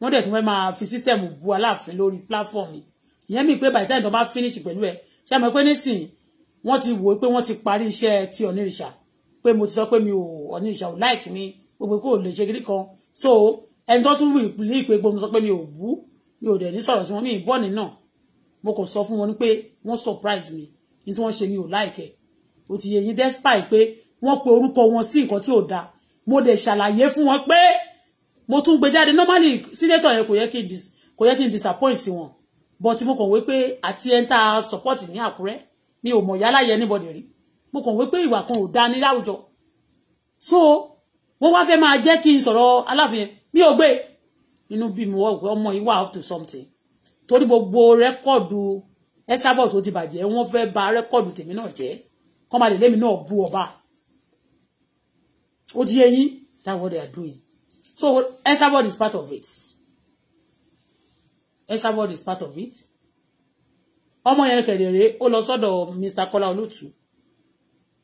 wọ́n dẹ̀ tún fẹ́ máa fi system bu aláàfin lórí platform ìyẹn mi pé by the time tó bá finish pẹ̀lú ẹ ṣe àmọ́ pé nísìnyí wọ́n ti wò pé wọ́n ti parí iṣẹ́ ti onírìṣà pé mo ti sọ pé mi ò onírìṣà ò like mi gbogbo kò lè ṣe kiri kan so ẹni tó tún rí ìpè gbogbo sọ pé mi ò bú mi ò dẹ̀ ní sọ̀rọ̀ sí wọn mi ìbọ́ni náà mo kàn sọ fún wọn pé wọ́n surprise mi ní tí wọ́n ṣe mi ò láìkẹ́ ó ti yẹ despite pé wọ́n pe orúkọ wọn sí nǹkan tí ò dáa mo dẹ̀ ṣàlàyé fún wọn pé mo tún gbé jáde normally senator yẹn kò yẹ kí kò yẹ kí n disappoint wọn but mo kàn wé pé àti ẹni tá a support ní Àkúrẹ́ mi ò mọ̀ yálà yẹ anybody rí mo kàn wé pé ìwà kan ò dáa ní láwùjọ so wọ́n wá fẹ́ máa jẹ́ kí n sọ̀rọ̀ aláàfin mi ò gbé inú bí mi wọ́n ọmọ yìí wà up to something torí gbogbo rẹ́kọ̀dù Esabod tó ti bàjẹ́ wọ́n fẹ́ ba rẹ́kọ̀dù tèmi náà jẹ́ kọ́ máa lè lémi náà bú ọba ó di eyín that's what they are doing so Esabod is part of it Esabod is part of it ọmọ yẹn kẹrẹrẹ ó lọ sọ́dọ̀ Mr Kọ́lá Olótù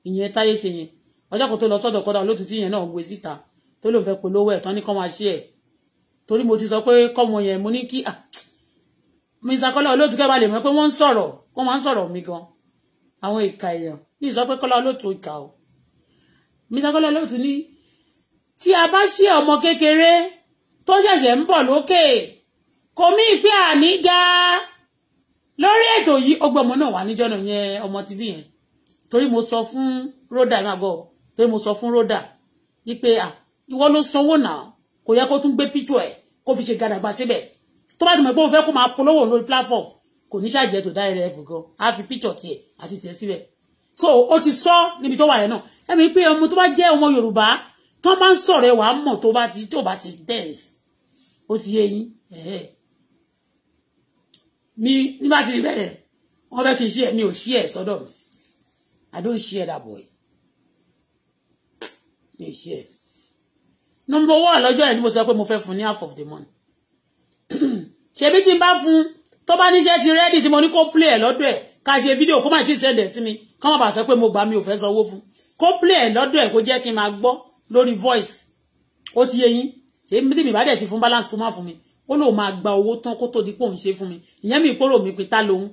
ìyẹn táyé ṣe yẹn ọjọ́ kan tó lọ sọ́dọ̀ Kọ́lá Olótù tí ìyẹn náà gbé síta tó lòun fẹ́ polówó ẹ̀ tán ní kọ́ máa ṣe ẹ̀ torí mo ti sọ pé kọ́mọ yẹn mo ní kí ah mr kọ́lá olóòtú kẹ́ bá lè mọ̀ pé wọ́n ń sọ̀rọ̀ wọ́n máa ń sọ̀rọ̀ mi gan àwọn ìka èèyàn ní ìsọ pé kọ́lá olóòtú ìka o mr kọ́lá olóòtú ní tí a bá ṣe ọmọ kékeré tó ṣẹ̀ṣẹ̀ ń bọ̀ lókè kò mí ìpè àní ga lórí ètò yìí ọgbọ́n ọmọ náà wà níjọ́ yẹn ọmọ tv yẹn torí mo sọ fún rhoda ìmọ̀ àgọ́ torí mo sọ fún rhoda wípé à ìwọ ló sanwó náà kò yẹ kó tún gbé píjọ ẹ̀ kó fi ṣe gàdàgbà síbẹ̀ tó bá ti mọ̀ pé o fẹ́ kó máa polówó lórí platform kò ní ṣàjẹ́ tó dáre rẹ̀ fùgọ́ á fi píṣọ̀ tiẹ̀ àti tiẹ̀ síbẹ̀ so o ti sọ níbi tó wà yẹn náà ẹ̀mí pé ọmọ tó bá jẹ́ ọmọ Yorùbá tó máa ń sọ̀rọ̀ ẹ̀ wàá mọ̀ tó bá ti tó bá ti dẹ́ẹ̀sì ó ti yé yín ẹ̀ẹ́ mi nígbà tí bẹ́ẹ̀ wọ́n fẹ́ kí n ṣe ẹ̀ mi ò ṣí ẹ̀ sọ́dọ̀ mi I don't share that boy mi ò ṣí ẹ̀ number one lọ́jọ́ yẹn tí mo sọ pé mo fẹ́ fún ní half of the money ṣebí tí n bá fún tó bá níṣẹ́ ti rẹ́dì tí mo ní kó play ẹ̀ lọ́dọ̀ ẹ̀ ká ṣe fídíò kó má ti sẹ́ndẹ̀ sí mi kó má bàa sọ pé mo gbà mi ò fẹ́ sanwó fún kó play ẹ̀ lọ́dọ̀ ẹ̀ kó jẹ́ kí n máa gbọ́ lórí voice ó ti yé yín ṣebí tí mi bá dẹ̀ ti fún balance kó má fún mi ó lóun máa gba owó tán kó tó di pé òun ṣe fún mi ìyẹn mi ìpòrò mi pé ta lòun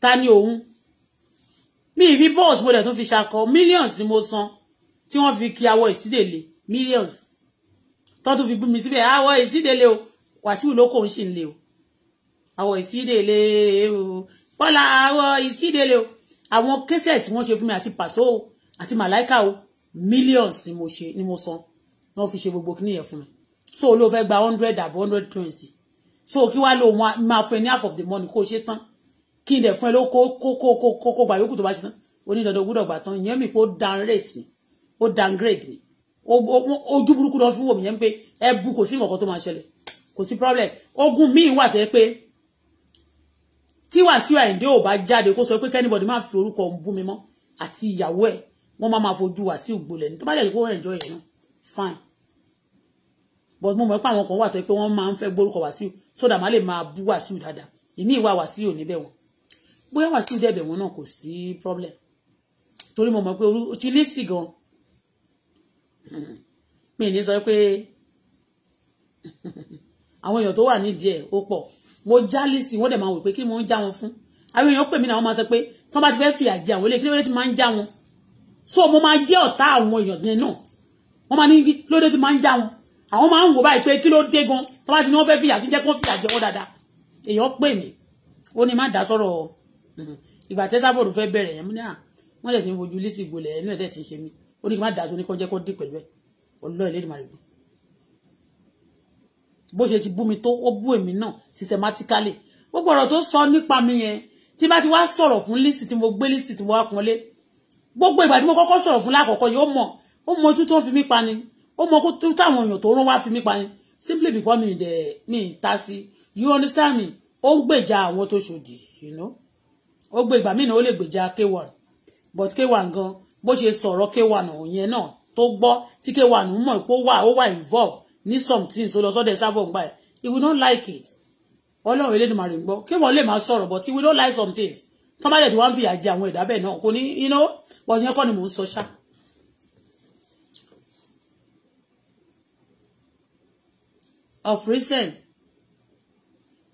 ta ni òun mi ì fi bọ́ọ̀sì mo dẹ̀ tún fi ṣakọ millions ni mo san tí wọ́n fi kí awọ ìsídèlè millions tó tún fi gbú mi síbẹ̀ awọ o wàsíù ló kò ń ṣì ń le o àwọ̀ ìsídèlè o bọ́lá àwọ̀ ìsídèlè o àwọn kẹsẹ̀ tí wọ́n ṣe fún mi àti pàṣọ o àti màláìka o millions ni mo ṣe ni mo san ni wọ́n fi ṣe gbogbo kíníyẹn fún mi so ló fẹ́ gba hundred àbí hundred twenty so kí wàá lò wọn máa fún ẹ ní half of the money kó o ṣe tán kí n dẹ̀ fún ẹ ló kó kó kó kó kó kó gbà yókù tó bá ṣe tán onídàndàn gbúdọ̀ gbà tán ìyẹn mi kó downrate mi ó downgrade mi ojú burúkú lọ fún wò mí yẹn pé ẹ bu kò sí nǹkan tó máa ṣẹlẹ̀ kò sí problem ogun míì wà tẹ́ pé tí Wàsíù Àyìndé ò bá jáde kó sọ pé kẹ́nìbọ̀dì máa fi orúkọ bú mi mọ́ àti ìyàwó ẹ̀ wọ́n máa máa fojú Wàsíù gbolẹ̀ ní tó bá dẹ̀ kó ẹ̀jọ́ yẹn fine but mo mọ̀ pé àwọn kan wà tẹ́ pé wọ́n máa ń fẹ́ gbórúkọ Wàsíù sódà má lè máa bú Wàsíù dáadáa ìní ìwà Wàsíù níbẹ̀ wọn bóyá Wàsíù dẹ̀bẹ̀ wọn náà kò sí problem torí mo mọ̀ pé orú ti ní sí gan hmm. mi ní sọ pé àwọn èèyàn tó wà nídìí ẹ̀ ó pọ̀ mo jálè sí wọ́n dẹ̀ máa wò pé kí mo ń já wọn fún àwọn èèyàn pè mí náà wọ́n máa sọ pé tí wọ́n bá ti fẹ́ fi àjẹ àwọn eléyìí kí lóde ti máa ń já wọn so mo máa jẹ́ ọ̀tá àwọn èèyàn yẹn náà wọ́n máa ní lóde ti máa ń já wọn àwọn máa ń wò báyìí pé kí ló dé gan tí wọ́n bá ti ní wọ́n fẹ́ fi àjẹ jẹ́ kó fi àjẹ wọn dáadáa èèyàn pè mí ó ní má dá sọ̀rọ̀ ìgbà tẹ́sàbọ̀dù bó ṣe ti bú mi tó ó bú èmi náà systematically gbogbo ọ̀rọ̀ tó sọ nípa mi yẹn tí bá ti wá sọ̀rọ̀ fún lísì tí mo gbé lísì tí mo wá pọ́nlé gbogbo ìgbà tí mo kọ́kọ́ sọ̀rọ̀ fún lákọ̀ọ́kọ́ yìí ó mọ̀ ó mọ ojú tó fi mí pa ó mọ ojú táwọn èèyàn tó rán wá fi mí pa simply because mi dẹ̀ mi ta sí you understand me ó ń gbèjà àwọn tó ṣòdì you know ó gbé ìgbà míì náà ó lè gbèjà k1 but k1 gan bó ṣe sọ̀rọ̀ k1 òun yẹn náà tó gbọ́ tí k1 mọ̀ pé ó wà ó wà involve ní something so lọ sọ́dẹ̀ sábọ̀ gbà ẹ̀ he will not like it ọlọ́run Elédùmarè ń gbọ́ kí wọ́n lè máa sọ̀rọ̀ but he will not like something tọ́mọ́lẹ̀ tí wọ́n ń fìyà jẹ àwọn ẹ̀dá bẹ́ẹ̀ náà kò ní you know but yẹn kọ́ ni mò ń sọ ṣá. of recent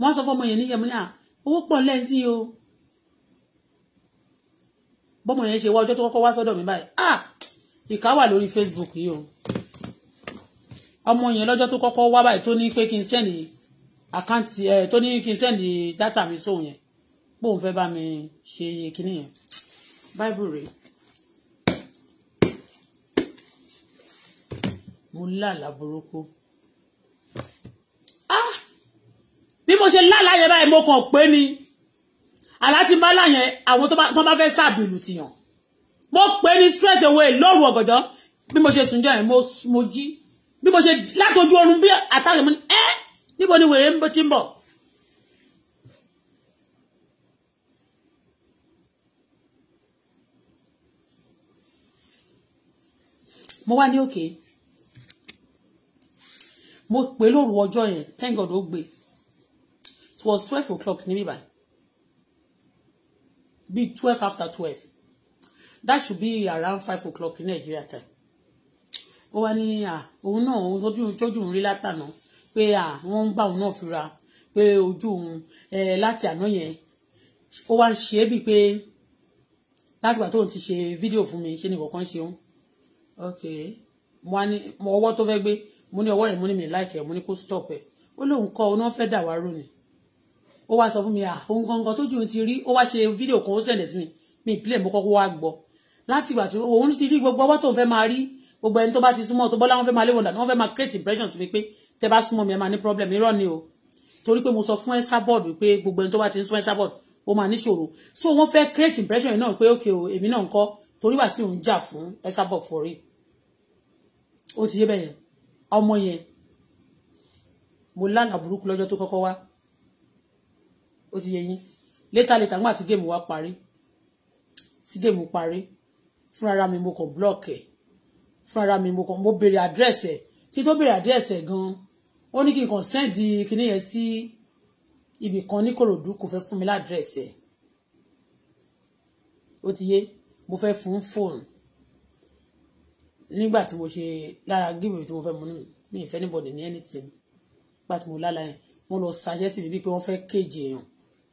wọ́n sọ fọ́mọ yẹn níyẹn mo ní à ah, owó pọ̀ lẹ́sìn o bọ́mọ yẹn ṣe wá ọjọ́ tó kọ́kọ́ wá sọ́dọ̀ mi báyìí ah ìkà wà lórí Facebook yìí o ọmọ yẹn lọ́jọ́ tó kọ́kọ́ wá báyìí tó ní pé kí n sẹ́ndì àkáǹtì ẹ̀ tó ní kí n sẹ́ndì dátà mi sóun yẹn bóun fẹ́ bá mi ṣe iye kíní yẹn báìbù rèé mo lálàá burúkú ah bí mo ṣe lálàá yẹn báyìí mo kàn pé ni àlá tí bá láyẹn àwọn tó bá fẹ́ sábìlù tìyàn mo pè ní straight away lóru ọ̀gànjọ́ bí mo ṣe sùn jẹ́ yẹn mo jí bí mo ṣe látọjú ọrùn bí àtàrí mo ní ẹ́ níbo ni wèrè ń bó ti ń bọ̀. mo wá ní òkè mo pè lóru ọjọ́ yẹn thank God ó gbé it was twelve o'clock ní bíbá bíi twelve after twelve that should be around five o'clock in Nigeria time ó wá ní à òun náà òun tójú tójú ń rí látànà pé à wọ́n ń bá òun náà fura pé ojú òun ẹ láti àná yẹn ó wá ń ṣe é bíi pé láti ìgbà tóun ti ṣe fídíò fún mi ṣe ni kọ̀ọ̀kan ṣe òun ok mo ní mo ọwọ́ tó fẹ́ gbé mo ní ọwọ́ yẹn mo ní mi láìkẹ́ mo ní kó stop ẹ̀ ó lóun kọ́ ọ náà fẹ́ dà wá rónì ó wá sọ fún mi à òun gangan tójú ti rí ó wá ṣe fídíò kan ó sẹ̀lẹ̀ sí mi mi ìpìlẹ̀ mo kọ́kọ́ wá gbọ́ láti ìgbà tí òun ti rí gbogbo ọwọ́ tóun fẹ́ máa rí gbogbo ẹni tó bá ti súnmọ́ tó bọ́lá wọn fẹ́ máa léwọ̀n dànù wọ́n fẹ́ máa create impression sí mi pé tẹ bá súnmọ́ mi ẹ máa ní problem irọ́ ni o torí pé mo sọ fún ẹ́sà bọ́ọ̀dù pé gbogbo ẹni tó bá ti ń sún ẹ́sà bọ́ọ̀dù ó máa níṣòro so wọ́n fẹ́ create impression yìí náà pé ok o èmi náà ń kọ́ torí wà sí òun jà fún ẹ́sà bọ́ọ̀dù for real ó ti yé bẹ́yẹn ọmọ yẹn mo lánàá burúkú lọ́jọ́ tó kọ́kọ́ wá ó ti yé yín létà létà ńgbà tí géèmù wa parí tí géèmù parí fúnra mi mo kàn blọ́ọ̀kì ẹ̀ fúnra mi mo kàn mo béèrè address ẹ̀ kí tó béèrè àdírẹ́sì ẹ̀ gan-an ó ní kí n kàn sẹ́ǹdì kinní yẹn sí ibì kan ní Kòròdú kò fẹ́ fún mi ládírẹ́sì ẹ̀ ó ti yé mo fẹ́ fún fóònù nígbà tí mo ṣe lára gíwèé tí mo fẹ́ mú nù ní ìfẹ́ anybody ní anything nígbà tí mo lálá yẹn mo lọ sàṣẹ́tì mi bíi pé wọ́n fẹ́ kéje èèyàn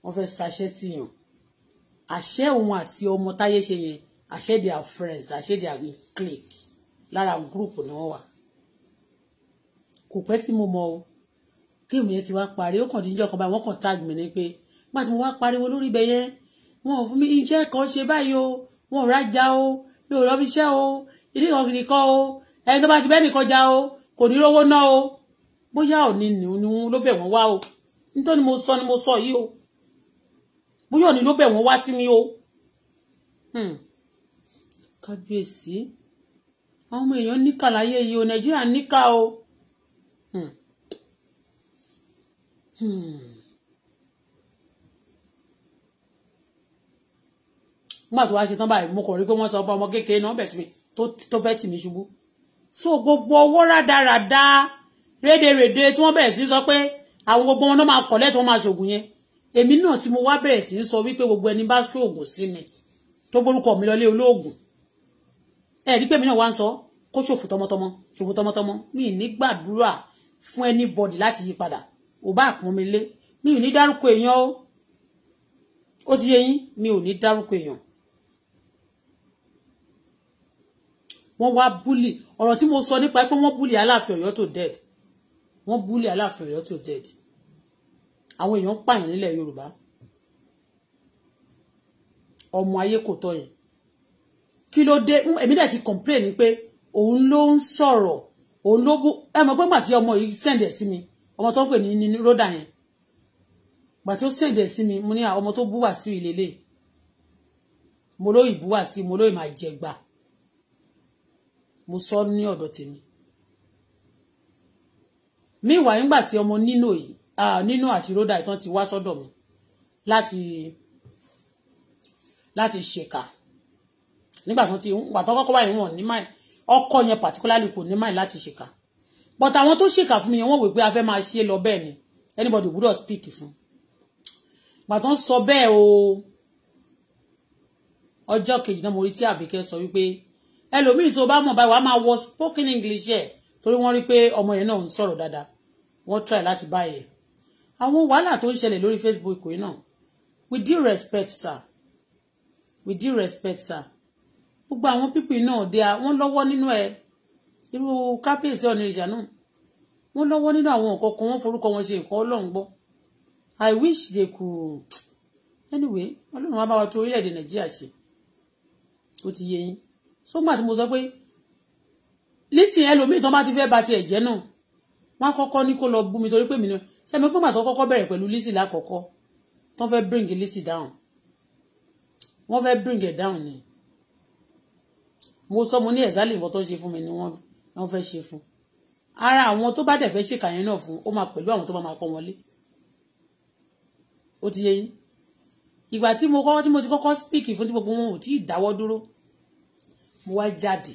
wọ́n fẹ́ sàṣẹ́tì èèyàn àṣẹ òun àti ọmọ táyé ṣe yẹn àṣẹ their friends àṣẹ their clique lára gúrùpù ni wọ́n wà kò pẹ́ tí mo mọ̀ o géèmù yẹn ti wá parí ó kàn díjọ́ kan báyìí wọ́n kàn tag mi ni pé nígbà tí mo wá pariwo lórí ibẹ̀ yẹn wọn ò fún mi iṣẹ́ kan ṣe báyìí o wọn ò rájà o mi ò rọ́bí iṣẹ́ o ilé kan kiri kan o ẹni tó bá ti bẹ́ẹ̀ nìkan já o kò ní rówó ná o bóyá òní ni òun ló bẹ̀ wọ́n wá o nítorí mo sọ ni mo sọ yìí o bóyá òní ló bẹ̀ wọ́n wá sí mi o hmm. kábíyèsí àwọn ọmọ èèyàn níkà láyé yìí o nàìjíríà níkà o. Hmm. Hmm. nígbà tó wá ṣe tán báyìí mo kàn rí pé wọ́n sọ ọba ọmọ kékeré náà bẹ̀ sí mi tó fẹ́ tì mí ṣubú. so gbogbo ọwọ́ rádaràda rédèrèdè tí wọ́n bẹ̀rẹ̀ sí sọ pé àwọn gbogbo wọn náà máa kọ̀ lẹ́tọ̀ wọn máa ṣògùn yẹn èmi náà tí mo wá bẹ̀rẹ̀ sí sọ wípé gbogbo ẹni bá ṣògùn sí mi tó gbórúkọ mi lọlé olóògùn ẹ rí pé mi náà wá ń sọ kó ṣòfò tọmọtọmọ ṣòfò tọmọtọmọ mi ní gbàdúrà fún anybody láti yí padà ò bá àpọn mi lé mi ò ní dárúkọ èèyàn o ó ti yé yín mi ò ní dárúkọ èèyàn wọ́n wá búlì ọ̀rọ̀ tí mo sọ nípa pé wọ́n búlì aláàfin ọ̀yọ́ tó dead wọ́n búlì aláàfin ọ̀yọ́ tó dead àwọn èèyàn pààyàn nílẹ̀ yorùbá ọmọ ayé kò tọ́ yẹn kí ló dé èmi dẹ̀ ti complain pé òun ló ń sọ̀rọ̀ òun ló bú ẹ mọ̀ pé gbà tí ọmọ yìí send ẹ̀ sí mi ọmọ tó ń pè ní ní rọ́dà yẹn gbà tí ó send ẹ̀ sí mi mo ní ọmọ tó bú wà sí ìlélẹ̀ mo lóyìn bú wà sí mo lóyìn máa jẹ gbà mo sọ ní ọ̀dọ̀ tèmi míwàá nígbà tí ọmọ nínú yìí nínú àti rọ́dà ìtàn ti wá sọ́dọ̀ mi láti láti ṣèkà nígbà tó ti gbà tó kọ́kọ́ báyìí wọ́n ní máì ọkọ yẹn particularly kò ní máì láti ṣèkà but àwọn tó ṣèkà fún mi yẹn wọ́n wò pé a fẹ́ máa ṣe é lọ bẹ́ẹ̀ ni anybody gbọ́dọ̀ speak fún gbà tó ń sọ bẹ́ẹ̀ o ọjọ́ kejì náà mo rí tí àbíkẹ́ sọ wípé ẹlòmíì tó bá mọ̀ báyìí wàá máa wọ spoken english ẹ̀ torí wọ́n rí pé ọmọ yẹn náà ń sọ̀rọ̀ dáadáa wọ́n try láti báyẹ̀ àwọn wàhálà tó ń ṣẹlẹ̀ lórí facebook yìí náà We do respect sir We do respect sir gbogbo àwọn pípì náà dé a wọ́n lọ́wọ́ nínú ẹ̀ irú kábíyèsí Ọ̀nìrìṣà náà wọ́n lọ́wọ́ nínú àwọn nǹkan kan wọ́n forúkọ wọn ṣe nǹkan ọlọ́run gbọ́ I wish they could anyway ọlọ́run á bá wa tó orílẹ̀-èdè Nàìjíríà ṣe ó ti yé yín sógbà tí mo sọ pé lísìn ẹlòmíì tó bá ti fẹ́ ba ti ẹ̀jẹ̀ náà wọ́n á kọ́kọ́ ní kó lọ bú mi torí pé mi náà ṣe mi pọ́nmà tó kọ́kọ́ bẹ̀rẹ̀ pẹ̀lú lísìn lákọ̀ọ́kọ́ tó fẹ́ bring lísìn down wọ́n fẹ́ bring it down ni mo sọ mo ní ẹ̀zálì ìbọn tó ń ṣe fún mi ni wọ́n fẹ́ ṣe fún ara àwọn tó bá dẹ̀ fẹ́ ṣèkà yẹn náà fún ó máa pẹ̀lú àwọn tó máa pọ̀ wọlé ó ti yé yín ìgbà tí mo kọ́kọ́ tí mo ti kọ́kọ́ speak fún tí gbogbo wọn ò tí ì dáwọ́ dúró mo wá jáde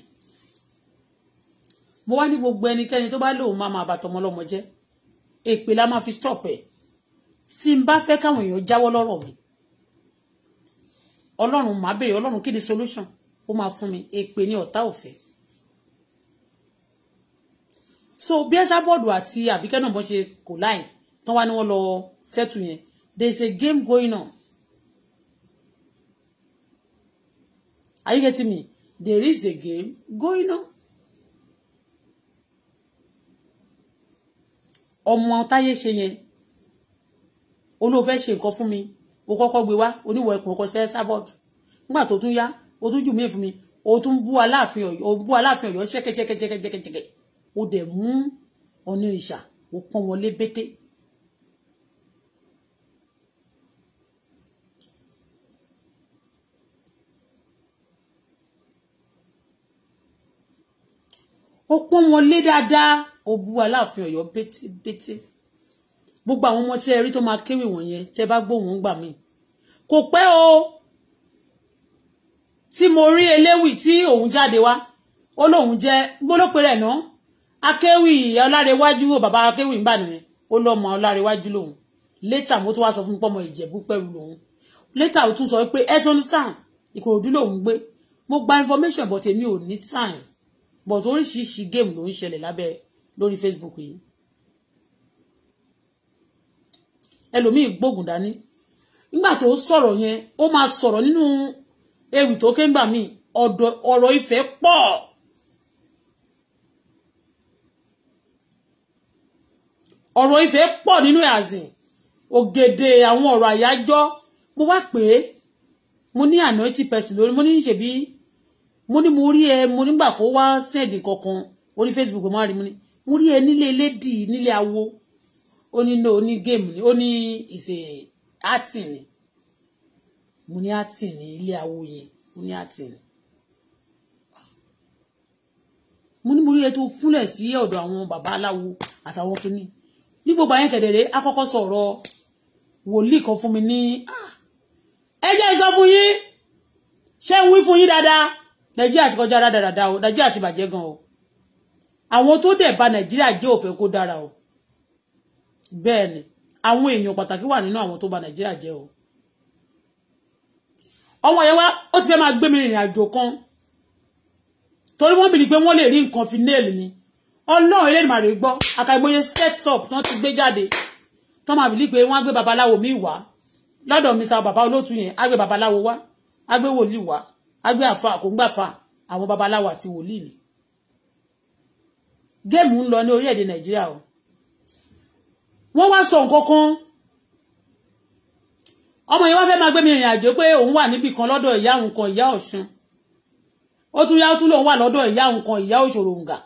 mo wá ní gbogbo ẹnikẹ́ni tó bá lóun máa máa bàtọ̀ ọmọ ọlọ́mọ jẹ́ èpè la máa fi stop ẹ̀ tí n bá fẹ́ káwọn èèyàn jáwọ́ lọ́rọ̀ mi ọlọ́run màá béèrè ọlọ́run kí ni solution ó máa fún mi èpè ní ọ̀tá òfẹ́ so bí ẹsà bọ́ọ̀dù àti àbíkẹ́ náà bọ́ ṣe kò láì tán wá ní wọ́n lọ sẹ́tù yẹn there is a game going on are you getting me there is a game going on ọmọ táyé ṣe yẹn olóòfẹ́ ṣe nǹkan fún mi o kọ́kọ́ gbé wá oníwọ̀ ẹ̀kùn ọkọ̀ sẹ́ sábọ̀dù nígbà tó tún yá o tún jù mí fún mi o tún bú aláàfin Ọ̀yọ́ o bú aláàfin Ọ̀yọ́ ṣẹkẹṣẹkẹṣẹkẹṣẹkẹ o dẹ̀ mú onírìṣà o pọ́n wọn lé bété. ó pọ́n wọn lé dáadáa ó bú aláàfin Ọ̀yọ́ bétébété gbogbo àwọn ọmọ tí ẹ rí tó máa kéwì wọ̀nyẹn tẹ bá gbóhùn gbà mí kò pẹ́ o tí mo rí eléwì tí òun jáde wá ó lóun jẹ́ gbólópin rẹ̀ náà akéwì ọlárewájú ò bàbá akéwì ń bà nìyẹn ó lọ́mọ ọlárewájú lòun létà mo tún wá sọ fún pọ́mọ ìjẹ̀bú pẹ̀lú lòun létà ó tún sọ pé ẹtún sàn ìkòròdú lòun gbé mo gba information but èmi ò ní time but oríṣiríṣi game ló ń ṣẹlẹ̀ lábẹ́ lórí Facebook yìí ẹlòmíì gbógun dání nígbà tó sọ̀rọ̀ yẹn ó máa sọ̀rọ̀ nínú ewì tó ké ńgbà míì ọ̀rọ̀ ìfẹ́ pọ̀. ọ̀rọ̀ ìfẹ́ pọ̀ nínú ẹ̀hàzìn ògèdè àwọn ọ̀rọ̀ àyájọ́ mo wá pé mo ní ànáìtì pẹ̀sì lórí mo ní ṣèbí mo ní mo rí ẹ mo nígbà kó wá sẹ́ẹ̀dì kankan orí Facebook mo rí mo ní mo rí ẹ nílé elédìí nílé awo ó ní no ó ní géèmù ó ní ìṣe átì ni mo ní àtì ní ilé awo yẹn mo ní àtì ní. mo ní mo rí ètò kúnlẹ̀ sí ọ̀dọ̀ àwọn bàbá aláwo àtàwọn tó ní ní gbogbo àyẹn kẹ̀dẹ̀rẹ́ akọ́kọ́ sọ̀rọ̀ wòlíì kan fún mi ní ah, ẹ jẹ́ ìsọ fún yín ṣé ń wí fún yín dáadáa nàìjíríà ti kọjá rádaràda o nàìjíríà ti bàjẹ́ gan o àwọn tó dẹ̀ ba nàìjíríà jẹ́ òfẹ́ kó dára o bẹ́ẹ̀ ni àwọn èèyàn pàtàkì wà nínú àwọn tó ba nàìjíríà jẹ́ o ọmọ yẹn wá ó ti fẹ́ máa gbé mi rìnrìn àjò kan torí wọ́n bìrì pé wọ́n lè rí nǹkan fi nail ni ọlọ́run ilé ìmàrè gbọ́ àkàìgbóye set up tán ti gbé jáde tán máa bìlí pé wọ́n á gbé babaláwo mi wá lọ́dọ̀ mi sa bàbá olóòtú yẹn á gbé babaláwo wá á gbé wòlíì wá á gbé àfa kò ń gbàfa àwọn babaláwo àti wòlíì ni géèmù ń lọ ní orílẹ̀-èdè nàìjíríà o wọ́n wá sọ nǹkan kan ọmọ yẹn wá fẹ́ máa gbé mi rìn àjò pé òun wà níbì kan lọ́dọ̀ ìyá òun kan ìyá ọ̀ṣun ó tún yá ó tún lòun wà lọ́dọ̀ ìyá òun kan ìyá òṣòro ǹgà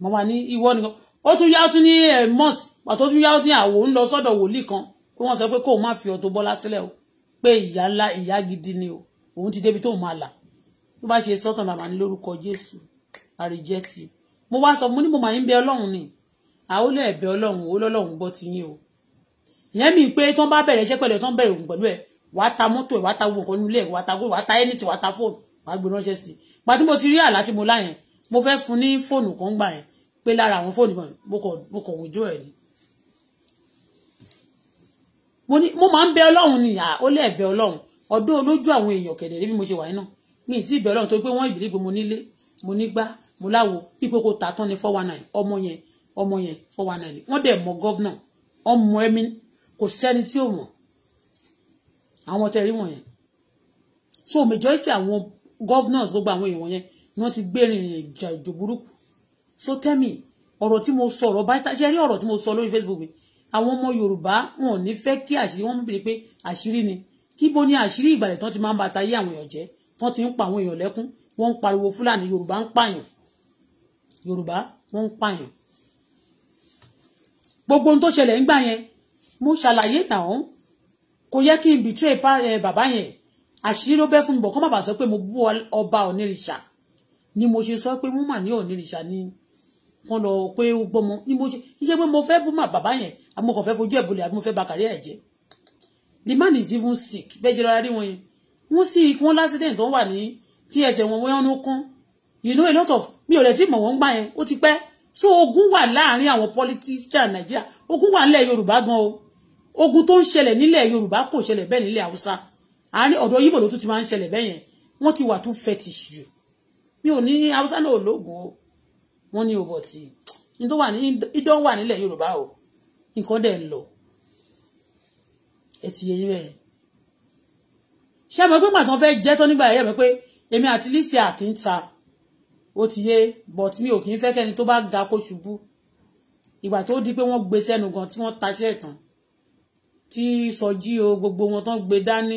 mo wà ní ìwọ nìkan ó tún yá ó tún ní ẹ mọ́s pàtó tún yá ó tún àwò ń lọ sọ́dọ̀ wòlíì kan pé wọ́n sọ pé kóun má fi Auto Bọ́lá sílẹ̀ o pé ìyá ńlá ìyá gidi ni o òun ti débi tóun máa là tó bá ṣe sọ́tàn làmà ní lórúkọ Jésù àrèjẹ́tì mo wá sọ mo ní mo mà ń bẹ Ọlọ́run ni àólẹ̀ ẹ̀bẹ̀ Ọlọ́run ó lọ́lọ́run gbọ́ ti yín o ìyẹn mi pé tó ń bá bẹ̀rẹ̀ iṣẹ́ pẹ̀lú ẹ̀ tó ń bẹ̀rẹ̀ ògùn pẹ̀lú ẹ̀ wà á ta mọ́tò ẹ̀ wà á ta gbogbo nǹkan nílé ẹ̀ wà á ta gbogbo wà á ta ẹnìtì wà á ta fóònù wà á gbé ránṣẹ́ sí i gba tí mo ti rí àlá tí mo lá yẹn mo fẹ́ fún ní fóònù kan gbà yẹn pé lára àwọn fóònù kan mo kọ̀ wòjó ẹ̀ ni. mo ní mo máa ń bẹ ọlọ́run ni ó lé ẹ̀bẹ̀ ọlọ́run ọdún olójú àwọn èèyàn kẹ̀dẹ̀ débi mo ṣe wà yín náà mi ì tí ì bẹ ọmọ yẹn ọmọ yẹn four one nine wọ́n dẹ̀ mọ gọ́vnà ọmọ ẹ̀mí kò sẹ́ni tí ò mọ̀ àwọn tẹ̀rí wọ̀nyẹn so majority àwọn governors gbogbo àwọn èèyàn wọ̀nyẹn ni wọ́n ti gbé rìnrìn ìjà ìjò burúkú so tell me ọ̀rọ̀ tí mo sọ ọ̀rọ̀ báyìí ṣe rí ọ̀rọ̀ tí mo sọ lórí Facebook mi àwọn ọmọ Yorùbá wọn ò ní fẹ́ kí àṣírí wọn bìrì pé àṣírí ni kíbo ni àṣírí ìgbàlẹ̀ tán ti máa ń ba tayé àwọn èèyàn jẹ́ tán ti ń pa àwọn èèyàn lẹ́kún wọ́n ń pariwo Fúlàní Yorùbá ń pààyàn Yorùbá wọ́n ń pààyàn gbogbo ohun tó ṣẹlẹ̀ ńgbà yẹn mo ṣàlàyé náà kò yẹ kí n betray eh, bàbá yẹn àṣírí ló bẹ́ fún mi bọ̀ kọ́ bàbá sọ pé mo bú ọba onírìṣà ni mo ṣe sọ pé wọ́n mà ní onírìṣà ni wọ́n lọ pé ó gbọ́mọ ni mo ṣe ṣe pé mo fẹ́ bú mà bàbá yẹn àbí mo kàn fojú ẹ̀ bolẹ̀ àbí mo fẹ́ ba kàrí ẹ̀ jẹ́ the man is even sick bẹ́ẹ̀ ṣe lọ́ra rí wọn yẹn wọ́n sì wọ́n lásìdẹ̀ǹ tó wà ní tí ẹsẹ̀ wọn wọ́n ń kán you know a lot of mi ò rẹ̀ tí mọ̀ wọ́n gbà yẹn ó ti pẹ́ so ogun wà láàárín àwọn politician Nàìjíríà ogun wà nílẹ̀ Yorùbá gan o ogun tó ń ṣẹlẹ̀ nílẹ̀ yorùbá kò ṣẹlẹ̀ bẹ́ẹ̀ nílẹ̀ haúsá àárín ọ̀dọ̀ yíbò ló tún ti máa ń ṣẹlẹ̀ bẹ́ẹ̀ yẹn wọ́n ti wà tún fetish jù mi ò ní haúsá náà lóògùn o wọ́n ní òbọ̀ tí idán wà nílẹ̀ yorùbá o nǹkan dẹ̀ ń lọ ẹ ti yẹ yín bẹ́ẹ̀ ṣé àmọ́ pé màtán fẹ́ jẹ́ tó nígbà ẹ̀yẹ́ mi pé èmi àti lisi àkínta ó ti yé but mi ò kì í fẹ́ kẹ́ni tó bá ga kó ṣubú ìgbà tó di pé wọ́n gbé sẹ́nu gan tí wọ́n taṣẹ́ ìtàn tí sọjí o gbogbo wọn tán gbé dání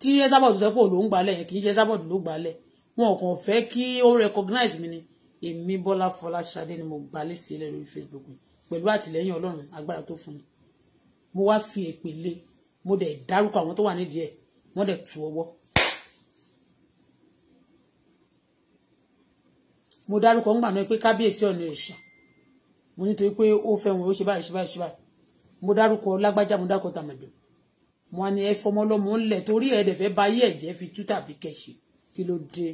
tí ẹsábọ̀dù sẹ́pọ̀ ló ń gbálẹ̀ kì í ṣe ẹsábọ̀dù ló gbálẹ̀ wọn ò kàn fẹ́ kí ó recognize mi ni èmi bọ́lá fọláṣadé ni mo gbálẹ̀ sílẹ̀ lórí facebook mi pẹ̀lú àtìlẹ́yìn ọlọ́run agbára tó fún mi mo wá fi èpè mo dẹ̀ dárúkọ àwọn tó wà nídìí ẹ̀ wọ́n dẹ̀ tu ọwọ́ mo dárúkọ ńgbà náà pé kábíyèsí ọ̀nà ẹ̀ṣà mo nítorí pé ó fẹ́ wọn ó ṣe báyìí ṣe báyìí ṣe báyìí mo dárúkọ lágbájá mo dárúkọ tàmàdù wọn ni ẹ fọmọ ọlọmọ ńlẹ torí ẹ dẹfẹ bá yí ẹjẹ fi tú tàbí kẹṣe kí ló dé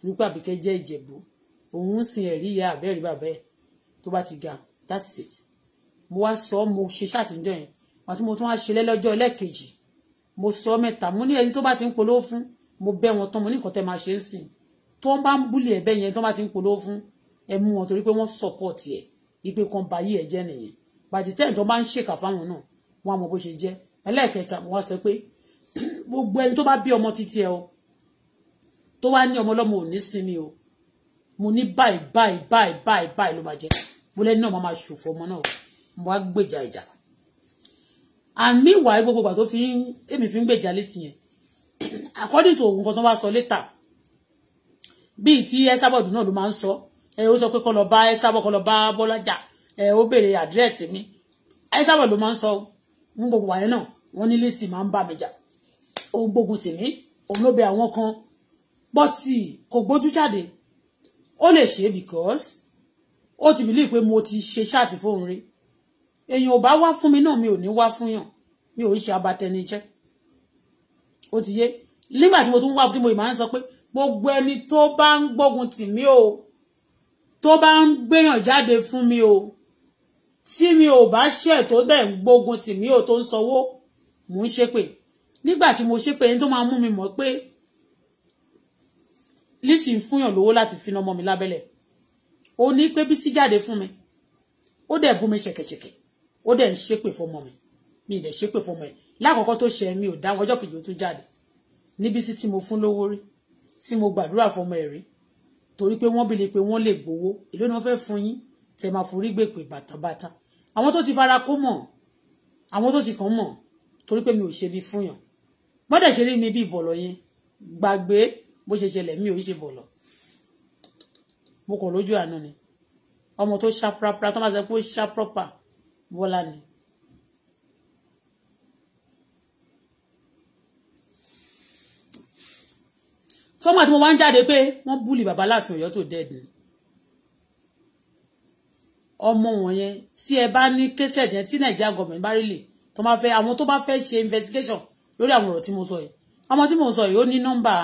torípé àbíkẹ jẹ ìjẹ̀bú òun sin ẹrí ìyá àbẹrí bàbá tó bá ti ga that's it mo wá sọ mo ṣe ṣàtìjọ yẹn àti mo tún wá ṣe lẹ́lọ́jọ́ ẹlẹ́ẹ̀kejì mo sọ mẹ́ta mo ní ẹni tó bá ti ń polówó fún mo bẹ́ wọn tán mo ní nǹkan tẹ́ máa ṣe ń sìn tó wọ́n bá ń búlì ẹ̀bẹ́ yẹn tó bá ti ń polówó fún ẹ mú wọn torí pé wọ́n support ẹ̀ ipe kan bayé ẹ̀ jẹ́ nìyẹn bàtí tẹ́ǹtì tó bá ń ṣèkà fáwọn náà wọn àmọ́ bó ṣe jẹ́ ẹlẹ́ẹ̀kẹta wọn sọ pé gbogbo ẹni tó bá bí ọmọ títí ẹ o tó wá ní ọmọ ọlọ́mọ ò ní sinmi o mo ní báyìí báyìí báyìí báyìí báyìí ló máa jẹ mo lẹ́ni náà máa ṣòfò ọmọ náà mo wá gbèjà ìjà and meanwhile gbogbo ìgbà tó fi ń èmi fi ń gbèjà létí yẹn according to nǹkan tó bá sọ later bíi ti ẹ sábọ̀dù náà ló máa ń sọ ẹ ó sọ pé kọ́ lọ bá ẹ sábọ̀ kọ́ lọ bá bọ́lájà ẹ ó béèrè àdírẹ́sì mi ẹ̀sàbọ̀ ló máa ń sọ ohun gbogbo wáyé náà wọ́n ní lẹ́sìn máa ń bá mi jà òun gbógun tèmi òun ló bẹ àwọn kan bọ́tì kò gbójú jáde ó lè ṣe because ó ti bìlí pé mo ti ṣe ṣáàtì fóun rí èèyàn ò bá wá fún mi náà mi ò ní wá fún yàn mi ò ń ṣe abatẹnijẹ́ ó ti yé nígbà tí mo tún wá fún mo máa ń sọ pé gbogbo ẹni tó bá ń gbógun tì mí o tó bá ń gbéyàn jáde fún mi o tí mi ò bá ṣẹ̀ tó dẹ̀ ń gbógun tì mí ò tó ń sanwó mò ń ṣépè nígbà tí mo ṣépè ẹni tó máa mú mi mọ̀ pé Lizzy ń fúnyàn lówó láti fi ọmọ mi lábẹ́lẹ̀ ó ní pé Bísí jáde fún mi ó dẹ̀ bú mi ṣẹ̀kẹ̀ṣẹ̀kẹ̀ ó dẹ̀ ń ṣépè fọmọ mi mi dẹ̀ ṣépè fọmọ ẹ̀ lákọ̀ọ́kọ́ tó ṣe mi ò dáwọ́ ọjọ́ kejì ó tún jáde ní Bísí tí mo fún lówó rí tí mo gbàdúrà fọmọ ẹ̀ rí torí pé wọ́n bí le pé wọ́n lè gbowó èló ni wọ́n fẹ́ fún yín tẹ máa forí gbèpè bata, àwọn tó ti fara kó mọ̀ àwọn tó ti kàn mọ̀ torí pé mi ò ṣe bí fúnyàn gbọ́dọ̀ ṣe rí mi bí ìbọ̀lọ̀ yẹn gbàgbé bó ṣe ṣẹlẹ̀ mi ò ṣe bọ̀lọ̀ mo kàn lójú àánú ni ọmọ tó ṣá prapra tó máa sọ pé ó ṣá proper bọ́lá ni. mo máa ń jáde pé wọ́n búlì bàbá láàfin ọ̀yọ́ tó dẹ́ẹ̀dì ni ọmọ wọ̀nyẹn tí ẹ bá ní kẹsẹ̀ yẹn tí nàìjíríà gọ̀ọ̀mẹ̀ bá rí lè tó máa fẹ́ àwọn tó bá fẹ́ ṣe investigation lórí àwọn ọ̀rọ̀ tí mo sọ yìí ọmọ tí mo sọ yìí ó ní nọ́mbà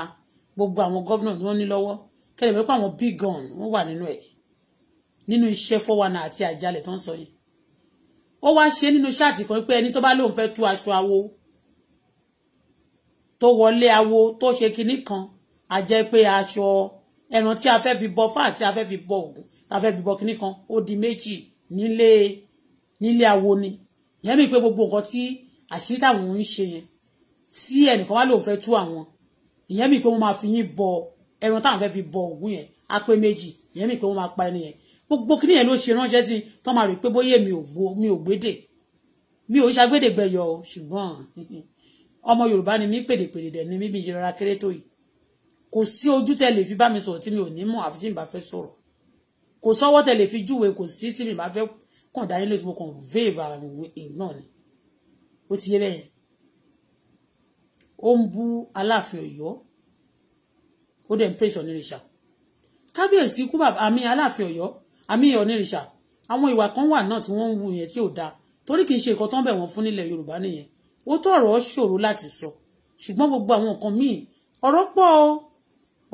gbogbo àwọn gọ́vnà tí wọ́n ní lọ́wọ́ kẹlẹ̀ mẹ́pọ̀ àwọn big gun wọ́n wà nínú ẹ̀ nínú iṣẹ́ fọ́wọ́nà àti àjálẹ̀ tó ń sọ yìí ó wá ṣe nínú ṣáàtì kan pé ẹni tó bá lóun fẹ́ tú aṣọ awo tó wọlé awo tó ṣe kinní kan àjẹ́ pé aṣọ ẹran tí a fẹ́ fi bọ fún àti a fẹ́ fi bọ ògùn láfẹ́ bíbọ kínní kan ó di méjì nílé nílé awo ni ìyẹn mi pé gbogbo nǹkan tí àṣírí táwọn ń ṣe yẹn tí ẹnìkan wá lòun fẹ́ tú àwọn ìyẹn mi pé mo máa fi yín bọ ẹran táwọn fẹ́ fi bọ ògùn yẹn á pé méjì ìyẹn mi pé mo máa pa ẹni yẹn gbogbo kínní yẹn ló ṣe ránṣẹ́ sí tó máa rí pé bóyá mi ò gbó mi ò gbédè mi ò ṣàgbédè gbẹyọ ṣùgbọ́n ọmọ Yorùbá ni mí pèdèpèdè dẹ̀ ni mí bí ìṣe rárá tó yìí kò sí ojú tẹ́ lè fi bá mi sọ̀rọ̀ tí mi ò ní mọ̀ àfi tí n bá fẹ́ sọ̀rọ̀ kò sọ́wọ́ tẹ̀lé fi júwe kò sí tí mi bá fẹ́ kàn dání lójú mo kàn véèvà náà ni ó ti yé bẹ́yẹn ó ń bú aláàfin ọ̀yọ́ ó dẹ̀ ń pèsè onírìṣà kábíyèsí kú bàbá àmì aláàfin ọ̀yọ́ àmì onírìṣà àwọn ìwà kan wà náà tí wọ́n ń wù yẹn tí ò dáa torí kì í ṣe nǹkan tó bẹ̀ wọ́n fún nílẹ̀ yorùbá nìyẹn ó tó ọ̀rọ̀ ṣòro láti sọ ṣùgbọ́n gbogbo àwọn nǹkan míì ọ̀rọ̀ pọ̀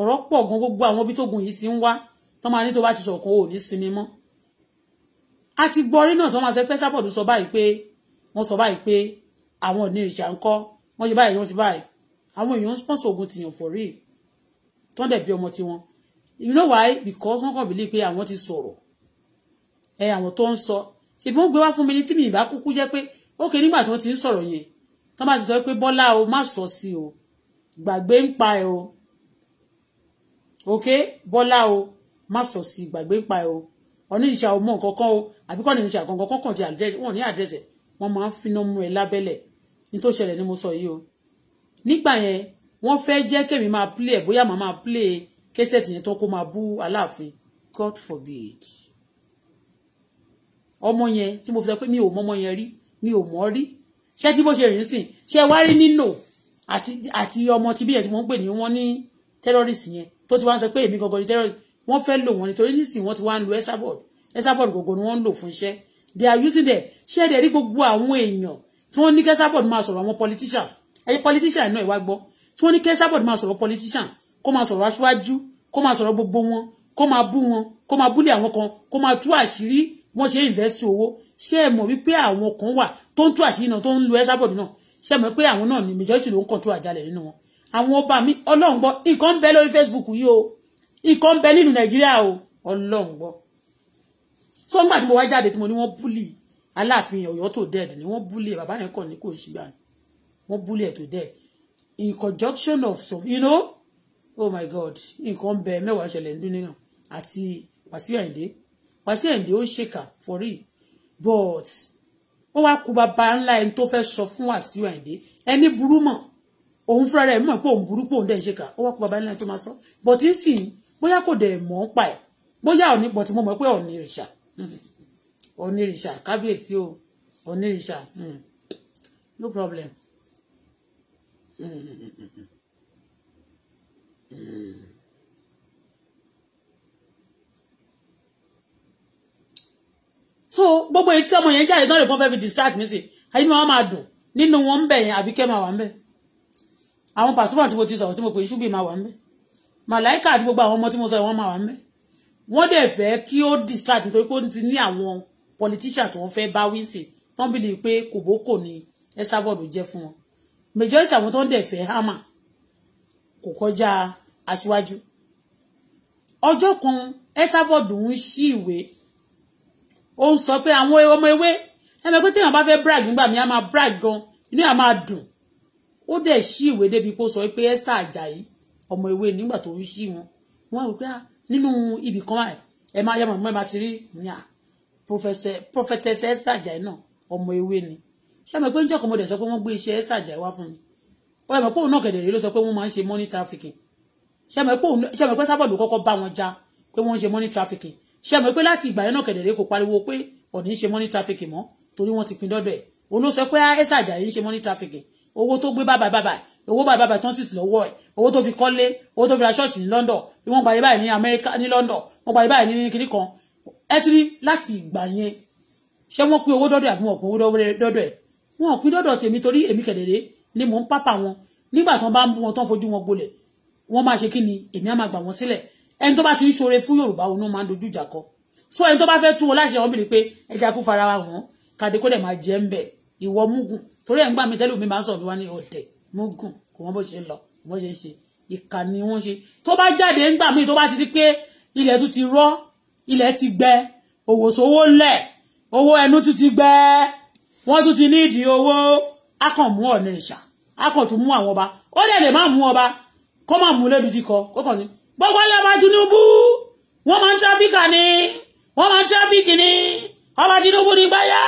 ọ̀rọ̀ pọ̀ gan gbogbo àwọn ibi yìí ti ń wá tó máa ní tó bá ti sọ̀kan ò ní sinmi mọ́ a ti gbọ́ orí náà tó máa ṣe pẹ́ sábọ̀dù sọ báyìí pé wọ́n sọ báyìí pé àwọn òní ìṣà ń kọ́ wọ́n ṣe báyìí wọ́n ṣe báyìí àwọn èèyàn ń sponsor ogun tìyàn for real tó ń dẹ̀ bí ọmọ tiwọn you know why because wọ́n kàn bí lè pé àwọn ti sọ̀rọ̀ ẹ àwọn tó ń sọ ṣèbí wọ́n gbé wá fún mi ní tí mi ìbá kúkú jẹ́ pé ó kè nígbà tí wọ́n ti ń sọ̀rọ̀ yẹn tó bá ti sọ pé Bọ́lá o má ok Bọ́lá o má sọ sí gbàgbé ń pa ẹ o oníṣà ọmọ nǹkan kan o àbí kọ́ oníṣà kankan kankan ti àdírẹ́sì wọn ní àdírẹ́sì wọn máa ń finá mú ẹ lábẹ́lẹ̀ ní tó ṣẹlẹ̀ ni mo sọ yìí o nígbà yẹn wọ́n fẹ́ jẹ́ kẹ́mi máa play ẹ̀ bóyá màá máa play kẹ́sẹ̀tì yẹn tán kó máa bú aláàfin God forbid ọmọ yẹn tí mo fi sọ pé mi ò mọ ọmọ yẹn rí mi ò mọ̀ rí ṣé tí bó ṣe rìn sìn ṣé wá rí nínú àti àti ọmọ tí bí yẹn tí wọ́n ń pè ní wọ́n ní tẹ́rọ́rìsì yẹn tó ti wá ń sọ pé èmi gangan ni tẹ́rọ́rìsì wọ́n fẹ́ lò wọ́n nítorí nísìnyí wọ́n ti wá ń lo Esabod Esabod gbogbo ni wọ́n ń lò fún iṣẹ́ they are using them ṣé ẹ̀dẹ̀ rí gbogbo àwọn èèyàn tí wọ́n ní kí Esabod máa sọ̀rọ̀ àwọn politician ẹ̀yẹ politician náà ìwà gbọ́ tí wọ́n ní kí Esabod máa sọ̀rọ̀ politician kó máa sọ̀rọ̀ aṣáájú kó máa sọ̀rọ̀ gbogbo wọn kó máa bú wọn kó máa búlé àwọn kan kó máa tú àṣírí wọ́n ṣe invest owó ṣé ẹ mọ̀ wípé àwọn kan wà tó ń tú àṣírí náà tó ń lo Esabod náà ṣé ẹ mọ̀ pé àwọn náà ni majority ló ń control àjálẹ̀ nínú wọn àwọn ọba mi ọlọ́run gbọ́ nǹkan ń bẹ lórí Facebook yìí o nǹkan ń bẹ nínú nàìjíríà o ọlọ́run gbọ́ so nígbà tí mo wá jáde tí mo ní wọ́n búlì aláàfin ọ̀yọ́ tó dead ni wọ́n búlì bàbá yẹn kàn ní kò sí gbà ni wọ́n búlì ẹ̀ tó dead in conjunction of some you know oh my god nǹkan ń bẹ mẹ́wàá ṣẹlẹ̀ ń dún nínú àti Wàsíù Àyìndé Wàsíù Àyìndé ó ṣèkà for real but ó wá kú bàbá ńlá ẹni tó fẹ́ sọ fún Wàsíù Àyìndé ẹni burú mọ̀ òun fúnra rẹ̀ mọ̀ pé òun burú pé òun dẹ̀ ń ṣèkà ó wá kú bàbá ńlá ẹni tó máa sọ but ń sìn bóyá kò dẹ̀ mọ̀ ń pa ẹ̀ bóyá òní bọ̀ tí mo mọ̀ pé òní rìṣà òní rìṣà kábíyèsí o òní rìṣà hmm. no problem. so gbogbo etí ọmọ yẹn jáde náà lè kàn fẹ́ fi distract mi sí ayé mi wọn máa dùn nínú wọn ń bẹ̀ yẹn àbí kẹ́ máa wà ń bẹ̀ àwọn pàṣípàǹtì mo ti sọ̀rọ̀ tí mo pè é ṣúgbìn máa wà ń bẹ̀ màláìka àti gbogbo àwọn ọmọ tí mo sọ ìwọ́n máa wà mẹ́ wọ́n dẹ̀ fẹ́ kí ó distract nítorí pé ó ti ní àwọn politician tó ń fẹ́ bá wíńsì tán bìlì pé kòbókò ni ẹ sábọ̀dù jẹ́ fún wọn majority àwọn tó ń dẹ̀ fẹ́ hàmà kò kọjá aṣíwájú ọjọ́ kan ẹ sábọ̀dù ń ṣí ìwé ó ń sọ pé àwọn ọmọ ewé ẹ mọ̀ pé téèyàn bá fẹ́ brag nígbà mi á máa brag gan inú ẹ̀ máa dùn ó dẹ̀ ṣí ìwé débi pé ó sọ pé Esther Ajayi ọmọ ewé nígbà tó ń ṣí wọn wọn rò pé ah, nínú ibì kan báyìí ẹ máa yá màmá ẹ máa ti rí ní à ah, prophetess Esther Ajayi náà ọmọ ewé ni ṣé mo pé ń jọkọ̀ mo dẹ̀ sọ pé wọ́n gbé iṣẹ́ Esther Ajayi wá fún mi ó yẹ mọ̀ pé òun náà kẹ̀dẹ̀ rèé ló sọ pé wọ́n máa ń ṣe money trafficking ṣé mo pé sábọ̀dù kọ́kọ́ bá wọn já pé wọ́n ń ṣe money trafficking ṣé mo pé láti ìgbà yẹn náà kẹ̀dẹ̀ rèé kò pariwo pé ọ̀nì ń ṣe money trafficking mọ́ torí wọ́n ti pin dọ́dọ̀ ẹ̀ òun ló sọ pé ah, Esther Ajayi ń ṣe money trafficking owó tó gbé bàbà bàbà owó bàbà bàbà tán sì lọ́wọ́ ẹ̀ owó tó fi kọ́lé owó tó fi ra ṣọ́ọ̀ṣì ní London bí wọ́n gbàyè báyìí ní America ní London wọ́n gbàyè báyìí ní kinní kan ẹ ti rí láti ìgbà yẹn ṣé wọ́n pín owó dọ́dọ̀ àbí wọ́n pín owó dọ́dọ̀ ẹ̀ wọ́n pín dọ́dọ̀ tèmi torí èmi kẹ̀dẹ̀dẹ̀ ni mò ń pápá wọn nígbà tán bá ń bú wọn tán fojú wọn gbolẹ̀ wọ́n máa ṣe kí ni èmi á máa gbà wọ́n sílẹ̀ ẹni tó bá ti ń ṣoore fún Yorùbá òun náà máa ń dojú ìjà kọ so ẹni tó bá fẹ́ tú wọn láṣẹ wọn bìrì pé ẹja kú fara wa wọn kàdé kó dẹ̀ máa jẹ́ ń bẹ̀ ìwọ mugun torí ẹ̀ ń gbà mí tẹ́lẹ̀ mi máa ń sọ̀rọ̀ wá ní ọ̀tẹ̀ mugun kò wọ́n bó ṣe lọ wọ́n ṣe ń ṣe ìkà ni wọ́n ṣe tó bá jáde ńgbà míì tó bá ti di pé ilẹ̀ tún ti rọ́ ilẹ̀ ti gbẹ òwò sówó lẹ̀ owó ẹnu tún ti gbẹ wọ́n tún ti ní ìdí owó akànmú ọ̀nà ìṣà akàntún mú àwọn ọba ó dẹ̀ lè má mú ọba kó má mú lẹ́dùjì kọ kó kàn ní gbogbo ayé ọba Tinubu wọ́n máa ń tráfíkà ni wọ́n máa ń tráfíkì ni ọba Tinubu ni gbáyà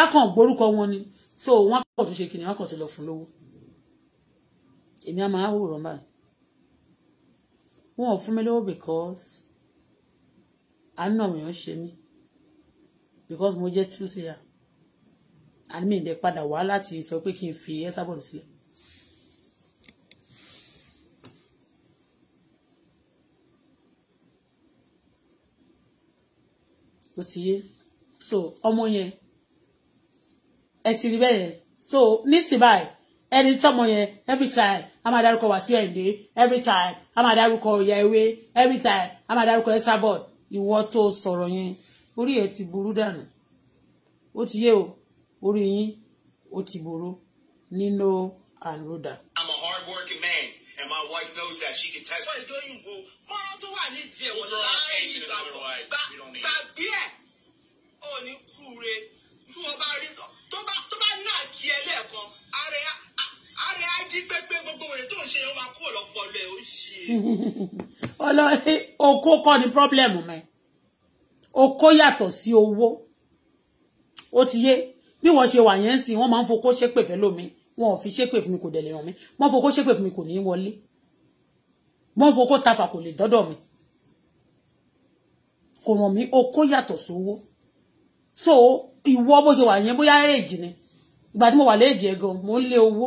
akàn gborúkọ wọn ni so wọ́n kàn tún ṣe kìnìún akàn ti lọ fún lówó èmi á máa wòrán báyìí wọn ò fún mi lówó because àánú àwọn èèyàn ṣe mí because mo jẹ́ tú sí ya àní mi ìdẹ padà wá láti sọ pé kí n fi ẹ sábọ̀ sílẹ̀. ó ti yé so ọmọ yẹn ẹ ti rí bẹ́ẹ̀ yẹn so nísìnyí báyìí ẹni tọ́mọ yẹn every time a máa dárúkọ wá sí ẹ̀ǹdé every time a máa dárúkọ ọ̀yà ewé every time a máa dárúkọ ẹ̀sàbọ̀d ìwọ tó sọ̀rọ̀ yẹn orí ẹ̀ ti burú dànù ó ti yé o orí yín ó ti burú nínú àlódà. I'm a hard-working man and my wife knows that she can test. wọ́n ìjọ yìí fọ́nrán tó wà ní ìdí ẹ̀wọ̀n láàyè ìgbàgbọ́ gbàgbé ẹ̀ ò ní kúure tí wọ́n bá rí tán tó bá tó bá náà kí ẹ lẹ́ẹ̀kan ààrẹ ààrẹ ají pépé gbogbo wèrè tó ń ṣe yẹn máa kúrò lọ́pọ̀lọ́ ẹ̀ ó ṣe. ọlọ́rin oko kọ́ ni pọ́blẹ́mù mẹ́ oko yàtọ̀ sí owó ó ti yé bí wọ́n ṣe wà yẹn ń sìn wọ́n máa ń fokó ṣépè fẹ́ lómi wọn ò fi ṣépè fún mi kò dẹ̀ lè ràn mí wọ́n fokó ṣépè fún mi kò ní wọlé wọ́n fokó tafà kò lè dọ́dọ̀ mi kò ràn mí oko yàtọ̀ sówó so ìwọ bó ṣe wà yẹn bóyá èjì ni ìgbà tí mo wà léèjì ẹ mo ń lé owó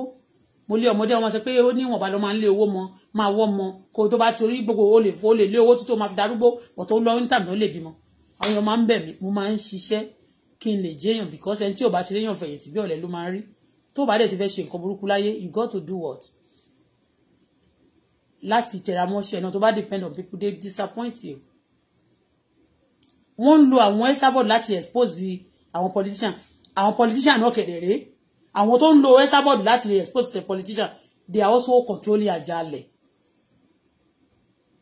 mo lé ọmọdé ọmọ sọ pé ó ní ìwọ̀nba ló máa ń lé owó mọ máa wọ́ mọ kó tó bá ti gbogbo ó lè fó lè lé owó títí ó máa fi darúgbó pọ̀ tó lọ ní tàbí lè bímọ àwọn èèyàn máa ń bẹ̀ mí mo máa ń ṣiṣẹ́ kí n lè jẹ́ èèyàn because ẹni tí ò bá ti réyàn fẹ̀yìntì bí ọ̀lẹ́ ló máa ń rí tó bá dẹ̀ ti fẹ́ ṣe nǹkan burúkú láyé you got to do what láti tẹ̀ramọ́ṣẹ́ náà tó bá depend on people they disappoint you wọ́n ń lo àwọn ẹ́sàbọ̀d láti expose àwọn politician àwọn politician náà kẹ̀dẹ̀ rèé àwọn tó ń lo ẹ́sàbọ̀dù láti lè expose the politician they are also controlling àjálẹ̀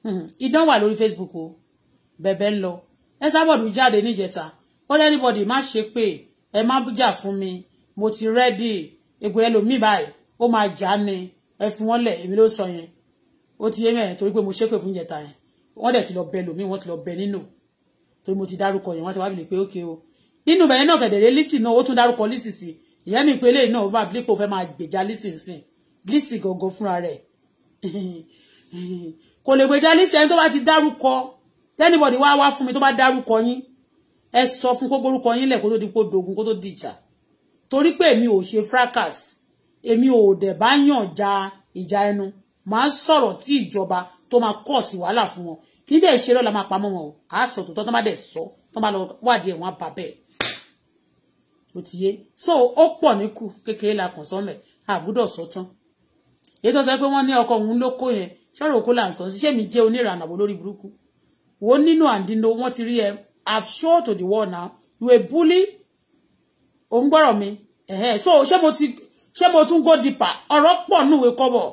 hmm. idán wà lórí Facebook o bẹ̀bẹ̀ ń lọ ẹ́sàbọ̀dù jáde níjẹta all anybody má ṣe pé ẹ má jà fún mi mo ti rẹ́dì egbò ẹlòmíì báyìí ó máa jà ni ẹ fi wọ́n lẹ̀ èmi ló sọ yẹn ó ti yé mẹ́rin torí pé mo ṣépè fún ìjẹta yẹn wọ́n dẹ̀ ti lọ bẹ lòmíì wọ́n ti lọ bẹ nínú torí mo ti dárúkọ yẹn wọ́n ti wá bìlì pé ókè o nínú bẹ̀yẹn náà kẹ̀dẹ̀rẹ́ lítì náà ó tún dárúkọ lítì sí ìyẹn mi pé eléyìí náà ó máa blipo fẹ́ máa gbèjà lítì sìn lítì gangan fúnra rẹ̀ kò lè gbèjà lítì ẹni tó bá ti dárúkọ tẹ́nibọ̀dì wá wá fún mi tó bá dárúkọ yín ẹ sọ fún kó gbórúkọ yín lẹ̀ kó tó di kó dogun kó tó di ìjà torí pé èmi ò ṣe fracas èmi ò dẹ̀ bá yàn ja ìjà ẹnu máa sọ̀rọ̀ tí ìjọba tó máa kọ̀ sí wàhálà fún wọn kí dẹ̀ ṣe lọ́la máa pamọ́ wọn o àá sọ tòótọ́ tó má dẹ̀ sọ tó má lọ wádìí ẹ̀wọ̀n abàbẹ́ẹ̀ ó ti yé so ó pọ̀ ní kù kékeré la kàn sọ́mẹ̀ àbúdọ̀ sọ́tán èyí tó sọ pé wọ́n ní ọkọ òun ló kó yẹn ṣọ́rọ̀ òkú là ń sọ ṣiṣẹ́ mi jẹ́ oníranàwó lórí burúkú wo nínú àdínlò wọ́n ti rí ẹ I've shown to the world now you a bully òun gbọ́rọ̀ mi ẹ̀hẹ́ so ṣé mo ti ṣé mo tún go deeper ọ̀rọ̀ pọ̀ núwèé kọ́bọ̀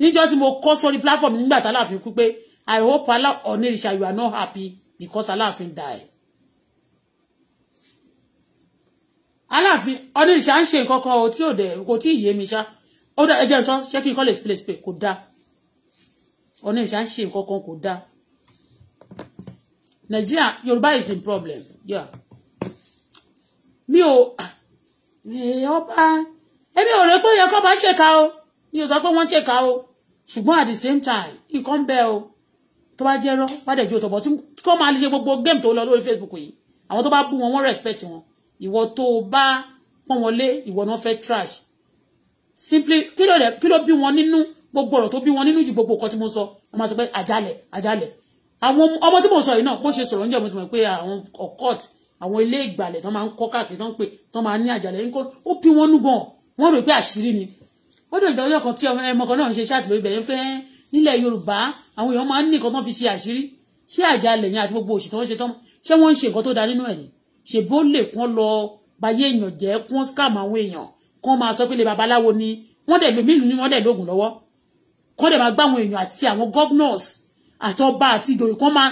níjọ́ tí mo kọ́ sórí platform nígbà tá láàfin kú pé I hope Allah onírìṣà you are not happy because Allah Aláàfin die aláàfin ọdún ìṣá ń ṣe nǹkan kan o tí ò dẹ̀ kò tí ì yé mi ṣá ó dá ẹjẹ́ sọ ṣé kí n kọ́ lè play play kò dáa ọdún ìṣá ń ṣe nǹkan kan kò dáa Nigeria Yorùbá is in problem yeah. mi ò ah, eh, ọba èmi ò rẹ pé ó yẹ kó bá ṣèkà o mi ò sọ pé wọ́n ṣèkà o ṣùgbọ́n at the same time nǹkan ń bẹ o tó bá jẹ́rọ́ wádẹ̀ ju òtọ̀bọ̀ tí kò máa lè ṣe gbogbo game tó lọ lórí Facebook yìí àwọn tó bá bú wọn wọ́n respect wọn ìwọ tó o bá pọ́n wọn lé ìwọ náà fẹ́ trash simply kí ló rẹ̀ kí ló bí wọn nínú gbogbo ọ̀rọ̀ tó bí wọn nínú ju gbogbo nǹkan tí mo sọ wọ́n máa sọ pé àjálẹ̀ àjálẹ̀ àwọn ọmọ tí mo sọ yìí náà bó ṣe sọ̀rọ̀ níjẹ́ mo ti mọ̀ pé àwọn ọ̀kọ́t àwọn ilé ìgbàlẹ̀ tó máa ń kọ́ káàkiri tó ń pè tó máa ń ní àjálẹ̀ nǹkan ó bí wọn nú gan wọ́n rò pé àṣírí ni ó dò ìdájọ́ kan tí ọmọ kan náà ń ṣe ṣàtìlóyìn pé nílẹ̀ Yorùbá àwọn èèyàn máa ń ní nǹkan tó fi ṣe àṣírí ṣé àjálẹ̀ ni àti gbogbo òṣì tó ń ṣe tán ṣé wọ́n ń ṣe nǹkan tó da nínú ẹ̀ ni ṣèbó lè kán lọ báyé èèyàn jẹ́ kán scam àwọn èèyàn kán máa sọ pé lè babaláwo ni wọ́n dẹ̀ lómi ìlú ni wọ́n dẹ̀ lóògùn lọ́wọ́ kán dẹ̀ máa gbá àwọn èèyàn àti àwọn governors àtọba àti ìdòyè kán máa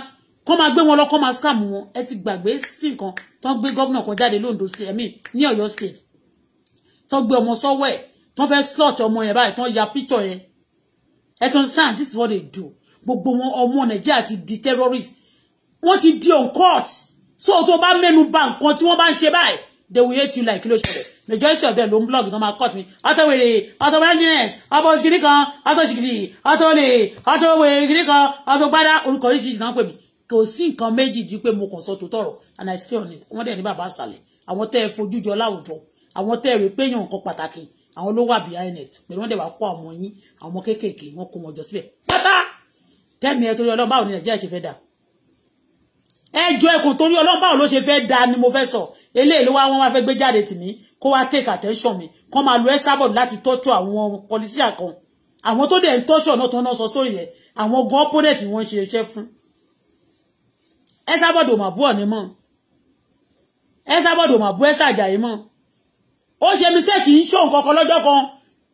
kán máa gbé wọn lọ kán máa scam wọn ẹ ti gbàgbé sí nǹkan tán gbé governor kan jáde lóńdó state ẹ̀mí ní Ọ̀yọ́ state tán gbé ọmọ sọ́wọ́ ẹ̀ tán fẹ́ slot ọmọ yẹn báyìí tán ya picture yẹn ẹ tán sàn this is what they do gbogbo wọn ọmọ Nàìjíríà ti di terrorist wọ́n ti di on court so to bá mẹ́nu bà nǹkan tí wọ́n bá ń ṣe they will hate you like kí ló majority of them ló ń blog náà máa cut mi ọtọ wèrè ọtọ wellness ọtọ ṣìkìrì kan ọtọ ṣìkìrì ọtọ olè ọtọ wèrè kan ọtọ gbádá orúkọ oríṣiríṣi náà pè mí kò sí nǹkan méjì ju pé mo kàn sọ tòótọ́ ọ̀rọ̀ and i stay on it wọ́n dẹ̀ ní bàbá àṣàlẹ̀ àwọn tẹ́ ẹ fojú jọ láwùjọ àwọn tẹ́ ẹ rí pé yàn nǹkan pàtàkì àwọn ló wà behind it pẹ̀lú wọ́n dẹ̀ wá kó àwọn yín àwọn ọmọ kéékèèké wọ́n kó wọn jọ síbẹ̀ pátá tẹ́mi ẹ torí ọlọ́run báwo ni nàìjíríà ṣe fẹ́ dà ẹjọ́ ẹkùn torí ọlọ́run báwo ló ṣe fẹ́ da ni mo fẹ́ sọ eléyìí ló wá wọn wá fẹ́ gbé jáde tì mí kó wá take attention mi kán máa lo ẹ́sàbọ̀dù láti tọ́jú àwọn politician kan àwọn tó dẹ̀ ń tọ́jú ọ̀nà tó ń sọ sórí yẹn àwọn gan opponent wọn ṣe iṣẹ́ fún ẹ́sàbọ̀dù mà bú ọ̀ní mọ́ ẹ́sàbọ̀dù mà bú ẹ́sà àjàyí mọ́ ó ṣe mistake ń ṣó nǹkan kan lọ́jọ́ kan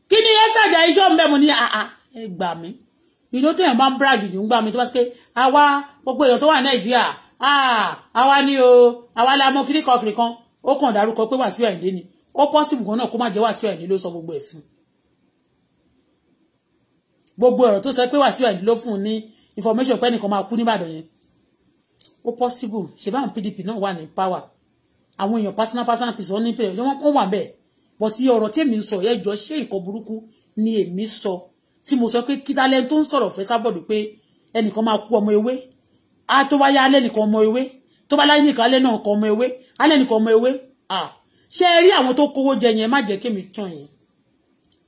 kí ni ẹ́sà àjàyí ṣó ń bẹ́ mu ní àà ẹ gbà mí ìlú tó yẹn bá ń brag jù ń gbà mí tó bá sí pé àwa gbogbo èèyàn tó wà Nàìjíríà Ah, àwa ni o àwa la mọ kíní kan kìnìkan ó kàn dárúkọ pé wàásù àìdé ni ó pọ́sibù kan náà kó má jẹ́ wàásù àìdé ló sọ gbogbo ẹ̀ fún gbogbo ọ̀rọ̀ tó sọ pé wàásù àìdé ló fún un ní information pé ẹnìkan máa kú nìbàdàn yẹn ó pọ́sibù ṣe báwọn PDP náà wà ní power àwọn èèyàn personal personal peace wọ́n ní pé wọ́n wà bẹ́ẹ̀ bọ̀tí ọ̀rọ̀ tèmi ń sọ yẹn ṣé nǹkan burúkú ni èmi sọ tí mo sọ pé kítalẹ́ tó ń sọ̀rọ̀ fẹ́ sábọ̀dù pé ẹnìkan máa kú ọmọ ewé a ah, tó bá yá alẹ́ nìkan ọmọ ewé tó bá láyé nìkan alẹ́ náà kan ọmọ ewé alẹ́ nìkan ọmọ ewé à ah, ṣé ẹ rí àwọn tó kówó jẹ yẹn má jẹ́ kémi tán yẹn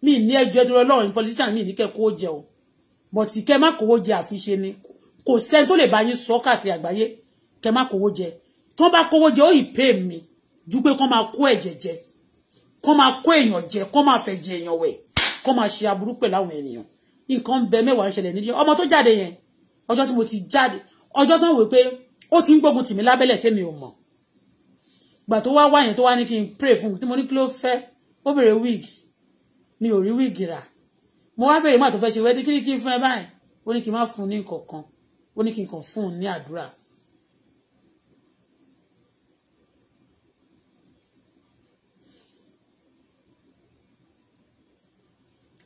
mi ní ẹjọ́ ẹdúró ọlọ́run politician mi ní kẹ́ kówó jẹ o but kẹ́ má kówó jẹ àfiṣe ni kò sẹ́ni tó lè bá yín sọ káàkiri àgbáyé kẹ́ má kówó jẹ tó bá kówó jẹ ó ì pè mí ju pé kán máa kó ẹ̀jẹ̀ jẹ kán máa kó èèyàn jẹ kán máa fẹ̀jẹ̀ èèyàn wẹ̀ kán máa ṣe aburú pẹ̀láwọn ènìyàn nǹkan bẹ mẹ́wàá ń ṣẹlẹ̀ nídìí ọmọ tó jáde yẹn ọjọ́ tí mo ti jáde ọjọ́ tán wò pé ó ti ń gbógun tì mí lábẹ́lẹ̀ tẹ́mi ò mọ̀ gbà tó wá wáyẹn tó wá ní kí n pray fún un tí mo ní kí ló fẹ́ ó béèrè wig mi ò rí wig rà mo wá béèrè má tó fẹ́ ṣe wẹ́dí kí ni kí n fún ẹ báyìí ó ní kí n má fún un ní nǹkan kan ó ní kí n kàn fún un ní àdúrà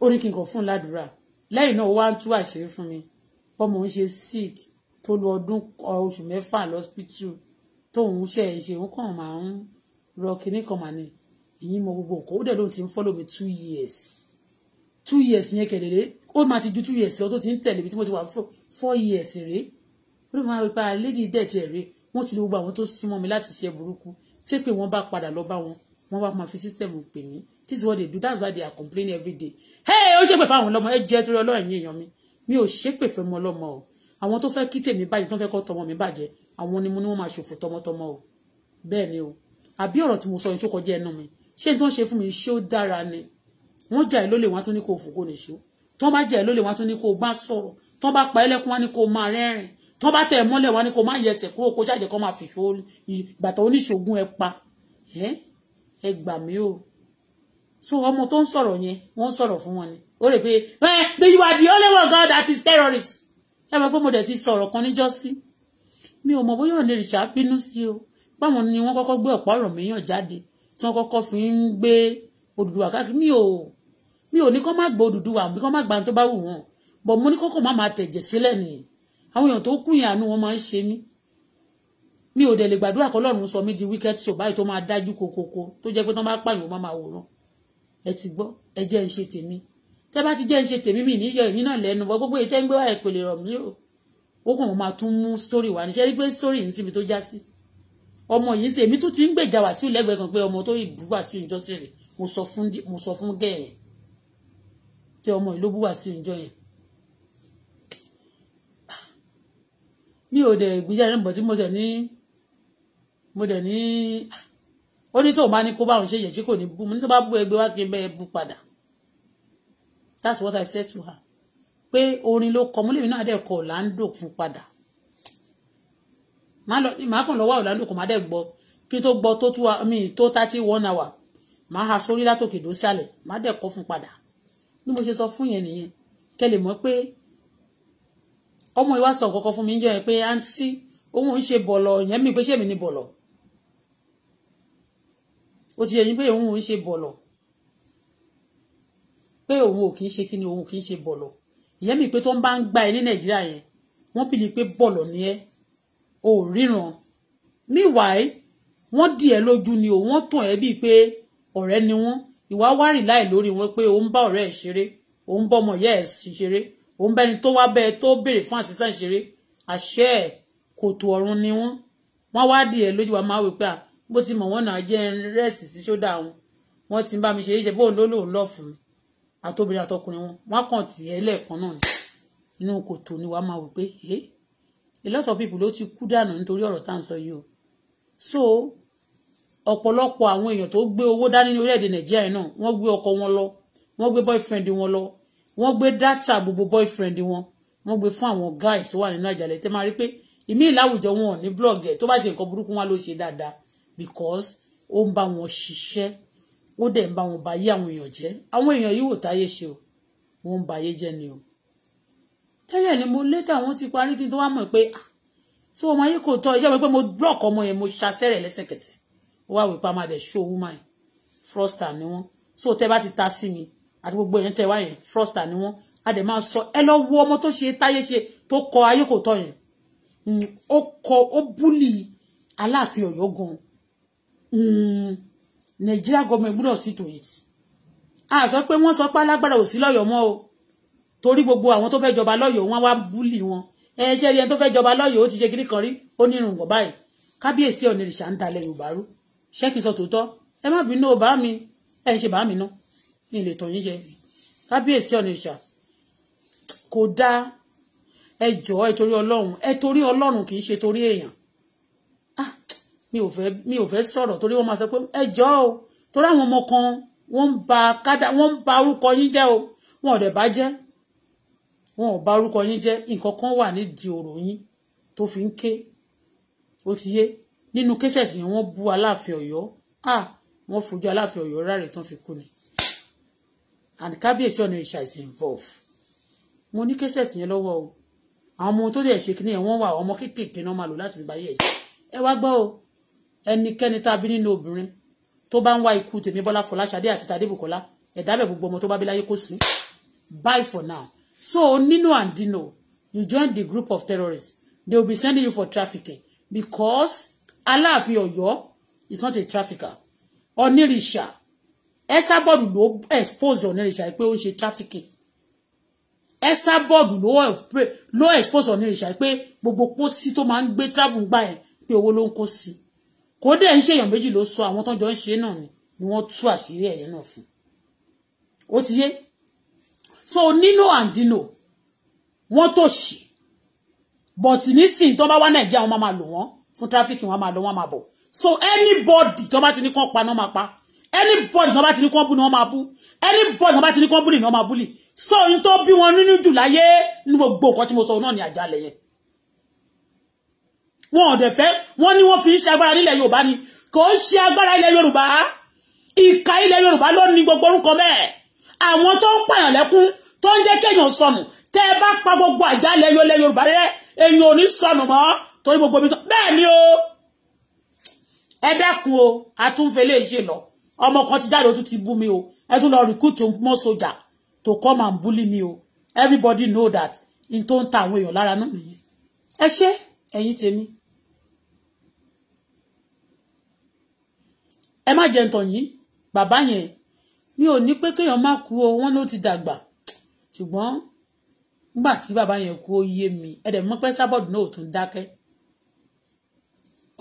ó ní kí n kàn fún un ládùúrà lẹ́yìn náà ó wá tú àṣírí fún mi bọ́mọ ń ṣe sick tó lu ọdún oṣù mẹ́fà lọ́sípítù tóun ṣe é ṣe òun kàn máa ń rọ kinní kan màá ní ìyín mọ gbogbo nǹkan ó dẹ̀ lóun ti ń follow mi two years two years yẹn kẹ̀dẹ̀dẹ̀ ó máa ti ju two years lọ tó ti ń tẹ̀lé mi tí mo ti wà fún four years rèé ó lè máa pa lady dead rèé wọ́n ti lu gbogbo àwọn tó súnmọ́ mi láti ṣe burúkú tí pé wọ́n bá padà lọ bá wọn wọ́n bá máa fi system pè mí this is what they do that's why they are complaining every day hey ó ṣépè fáwọn ọlọ́mọ ẹ jẹ́ torí ọlọ́run yín èèyàn mi mi ò ṣépè fẹ́ mọ ọlọ́mọ o àwọn tó fẹ́ kí tèmi bàjẹ́ tó fẹ́ kọ́ tọmọ mi bàjẹ́ àwọn ni mo ní wọ́n máa ṣòfò tọmọtọmọ o bẹ́ẹ̀ ni o àbí ọ̀rọ̀ tí mo sọ yìí tó kọjá ẹnu mi ṣé n tó ń ṣe fún mi ṣé ó dára ni wọ́n jà ẹ́ lólè wọ́n á tún ní kó fòkó nìṣó tó bá jà ẹ́ lólè wọ́n á tún ní kó bá sọ̀rọ̀ tó bá pa ẹlẹ́kùn wọ́n á ní kó máa rẹ́rìn tó bá tẹ̀ mọ́lẹ̀ wọ́n á ní kó máa yẹsẹ̀ kúrò kó jáde kó máa fìṣó ìgbàtà oníṣògùn ẹ pa ẹ gbà mí o so ọmọ tó ń sọ̀rọ̀ yẹn wọ́n sọ̀rọ̀ fún wọn ni ó rè pé ẹ you are the only one God that is terrorist ẹ rọ pé mo dẹ̀ ti sọ̀rọ̀ kan níjọ́ sí mi ò mọ̀ bóyá òní ìrìṣà bínú sí o báwọn ni wọ́n kọ́kọ́ gbé ọ̀pá ọ̀rọ̀ mìíràn jáde tí wọ́n kọ́kọ́ fi ń gbé Odùduwà káàkiri mi ò mi ò ní kọ́ má gbọ́ Odùduwà àbí kọ́ má gbà tó bá wù wọ́n bọ̀ mo ní kọ́kọ́ má máa tẹ̀jẹ̀ sílẹ̀ nìyẹn àwọn èèyàn tó kú ìyànú wọn máa ń ṣe mí mi ò dẹ̀ lè gbàdúrà kọ́ lọ́run sọ mí di wicked so báyìí tó máa dájú kokoko tó jẹ́ pé tó máa pààyàn ó máa máa wòran ẹ ti gbọ́ ẹ jẹ́ ń ṣe tèmi tẹ́ bá ti jẹ́ ń ṣe tèmi mi níyọ ẹ̀yìn náà lẹ́nu bọ́ gbogbo ètẹ́ ń gbé wá ẹ̀ pèlè rọ̀ mí o ó kàn máa tún mú sítórì wá níṣẹ́ pé sítórì yìí síbi tó já sí ọmọ yìí ṣe èmi tún ti ń gbèjà Wàsíù lẹ́gbẹ̀ẹ́ kan pé ọmọ tó ìbú Wàsíù ìjọ sí rẹ̀ mo sọ fún gẹ̀ẹ́ tí ọmọ ìlú bú Wàsíù ìjọ yẹn mi ò dẹ̀ gbìyà náà tí mo dẹ̀ ní mo dẹ̀ ní ó ní tó bá ní kó bá òun ṣe yẹ̀ tí kò ní bú mo ní tó bá bú ẹgbẹ́ wá kí n bẹ́ẹ̀ bú padà that's what I said to her pé orin ló kọ múlẹ̀mí náà dẹ̀ kọ Orlando fún padà màá kàn lọ́wọ́ Orlando kò má dẹ̀ gbọ́ kí tó gbọ́ tó two mi tó thirty one hour màá ha sórí látòkè dó sálẹ̀ màá dẹ̀ kọ́ fún padà bí mo ṣe sọ fún yẹn nìyẹn kẹ́ lè mọ̀ pé ọmọ ìwà sọ kọ̀ọ̀kan fún mi jọ yẹn pé àǹtí òun ń ṣe bọ̀lọ̀ yẹn mi pé ṣèmi ni bọ̀lọ̀ ó ti yẹ yín pé òun ń ṣe bọ̀lọ̀ pé òun ò kì í ṣe kí ni òun kì í ṣe bọ̀lọ̀ ìyẹn mi pé tó ń bá ń gba ẹ ní nàìjíríà yẹn wọ́n bìlì pé bọ̀lọ̀ ni ẹ́ ò ríran meanwhile wọ́n dì ẹ́ lójú ni òun wọ́n tàn ẹ́ bíi pé ọ̀rẹ́ ni wọ́n ìwà wá rì láì lórí wọn pé òun bá ọ̀rẹ́ ẹ̀ ṣeré òun bá ọmọ ìyá ẹ̀ ṣeré òun bẹ́ni tó wá bẹ́ẹ̀ tó béèrè fún àṣìṣàn ṣeré àṣẹ ẹ̀ kòtò ọ̀run ni wọ́n wọ́n wá dì ẹ́ lójú wa máa wí pé à bó ti mọ̀ wọ́n náà jẹ́ rẹ́ẹ̀sì sí ṣódà wọn wọ́n ti bá mi ṣe é ṣe bóun ló lòun lọ́ọ̀ fún mi àtòbìnrin àtọkùnrin wọn wọn kàn tì ẹ́ lẹ́ẹ̀kan náà ni inú kòtò ni wàá máa wò pé ẹ a lot of people ló ti kú dànù nítorí ọ̀rọ̀ tá à ń sọ yìí o so ọ̀pọ̀lọpọ̀ àwọn èèyàn tó gbé owó dání ní orílẹ̀-èdè nàìjíríà yìí náà wọ́n gbé ọkọ wọn lọ wọ́n gbé boyfriend wọn lọ wọ́n gbé data gbogbo boyfriend wọn wọ́n gbé fún àwọn guys tó wà nínú àjàlẹ̀ tẹ́ máa rí pé ìmí ìláwùjọ wọn ò ní blog ẹ̀ tó bá ṣe nǹkan burúkú wọn ló ṣe dáadáa because ó ń bá wọn ṣiṣẹ́ ó dẹ̀ ń bá wọn bá yé àwọn èèyàn jẹ́ àwọn èèyàn yìí wò táyé ṣe o wọ́n ń ba ayé jẹ́ ni o tẹ́lẹ̀ ni mo létà wọ́n ti parí kí n tó wá mọ̀ pé tí ah, ọmọ ayé kò tọ́ iṣẹ́ mi pé mo block ọmọ yẹn mo ṣàṣẹ́rẹ̀ lẹ́sẹ̀kẹsẹ̀ ó wá wípé a máa dẹ̀ show woman froster ni wọ́n so tẹ́ bá ti ta sí mi àti gbogbo yẹn tẹ́ wá yẹn froster ni wọ́n a dẹ̀ máa sọ ẹ lọ wo ọmọ tó ṣe táyé ṣe tó kọ ayé kò tọ́ yẹn hmm, ó kọ ó búlì aláàfin ọ̀yọ́ gan hmm, Nigeria government gbọ́dọ̀ sí to it a sọ pé wọ́n sọ pé alágbára ò sí lọ́yọ̀ọ́ mọ́ o torí gbogbo àwọn tó fẹ́ jọba lọ́yọ̀ọ́ wọ́n wá búlì wọn ẹ ṣe ẹni tó fẹ́ jọba lọ́yọ̀ọ́ ó ti ṣe kiri kan rí ó ní irun wọ̀ báyìí kábíyèsí ọ̀nìrìṣà ń dalẹ̀ yorùbá rú ṣẹ́kì sọ tòótọ́ ẹ má bínú o bá mi ẹ ń ṣe bá mi ná ní ilé tọ̀yìn jẹ kábíyèsí ọ̀nìrìṣà kò dáa ẹ jọ̀ọ́ ẹ torí ọlọ́run ẹ torí tori kì í ṣe torí èèyàn mi ò fẹ́ mi ò fẹ́ sọ̀rọ̀ torí wọ́n máa sọ pé ẹ jọ̀ọ́ o torí àwọn ọmọ kan wọ́n ń ba kádà wọ́n ń ba orúkọ yín jẹ́ o wọn ò dẹ̀ bá jẹ́ wọn ò ba orúkọ yín jẹ́ nǹkan kan wà nídìí ọ̀rọ̀ yín tó fi ń ké ó ti yé nínú késẹ̀tì yẹn wọ́n bú aláàfin ọ̀yọ́ wọ́n fojú aláàfin ọ̀yọ́ rárẹ̀ tán fi kú ni and kábíyèsí ọ̀nà ìṣà is involved mo ní késẹ̀tì yẹn lọ́wọ́ o àwọn ọmọ tó dẹ̀ ṣe kí ni ẹ̀ wọ́n wà ọmọ kéékèèké náà máa lò láti fi ẹ̀ ẹ wá gbọ́ o ẹnikẹ́ni tá a bí nínú obìnrin tó bá ń wá ikú tèmi bọ́lá fọláṣadé àti tàdé bùkọ́lá ẹ̀dábẹ̀ gbogbo ọmọ tó bá bí láyé kó sí bye for now so nino and dino you join the group of terrorists they will be sending you for trafficking because aláàfin ọ̀yọ́ is not a trafficker onírìṣà Esabod ló expose onírìṣà pé ó ń ṣe trafficking Esabod ló ló expose onírìṣà pé gbogbo pósí tó máa ń gbé travel gbà yẹn pé owó ló ń kó sí i kò dẹ̀ ń ṣèyàn méjì ló sọ àwọn tọ́jọ́ ń ṣe náà ni ni tú àṣírí ẹ̀yẹ náà fún ó ti yé so nínú àǹdínò wọ́n tó ṣì but nísìnyí tó bá wá nàìjíríà wọ́n máa lò wọ́n fún tráfíkì wọ́n máa lọ wọ́n máa bọ̀ so anybody tó bá ti ní kán pa náà máa pa anybody tó bá ti ní kán bú ni wọ́n máa bú anybody tó bá ti ní kán bú ni wọ́n máa bú lì so n tó bí wọn nínú jù láyé ní gbogbo nǹkan tí mo sọ náà ni àjálẹ̀ yẹn wọn ò dẹ̀ fẹ́ wọ́n ní wọ́n fi ń ṣe agbára nílẹ̀ yorùbá ni kò ń ṣe agbára ilẹ̀ yorùbá ìka ilẹ̀ yorùbá ló ní gbogbo orúkọ bẹ́ẹ̀ àwọn tó ń pààyàn lẹ́kún tó ń jẹ́ kéèyàn sọnù tẹ́ ẹ bá pa gbogbo àjà ilẹ̀ yorùbá rẹ èèyàn ò ní sọnù mọ́ torí gbogbo ibi tán bẹ́ẹ̀ ni o ẹ dákun o àtúnfẹ́ lè ṣe lọ ọmọ kan ti jáde ó tún ti bú mi o ẹ tún lọ recruit mọ́ sójà to come and bully me o everybody know that in tó ń ta àwọn èèyàn lára náà nìyẹn ẹ ṣé ẹ̀yin tèmi ẹ má jẹ́ ntàn yìí bàbá yẹn mi ò ní pé kéèyàn má kú o wọ́n ló ti dàgbà ṣùgbọ́n nígbà tí bàbá yẹn kú ó yé mi ẹ dẹ̀ mọ̀ pé sábọ̀dù náà ò tún dákẹ́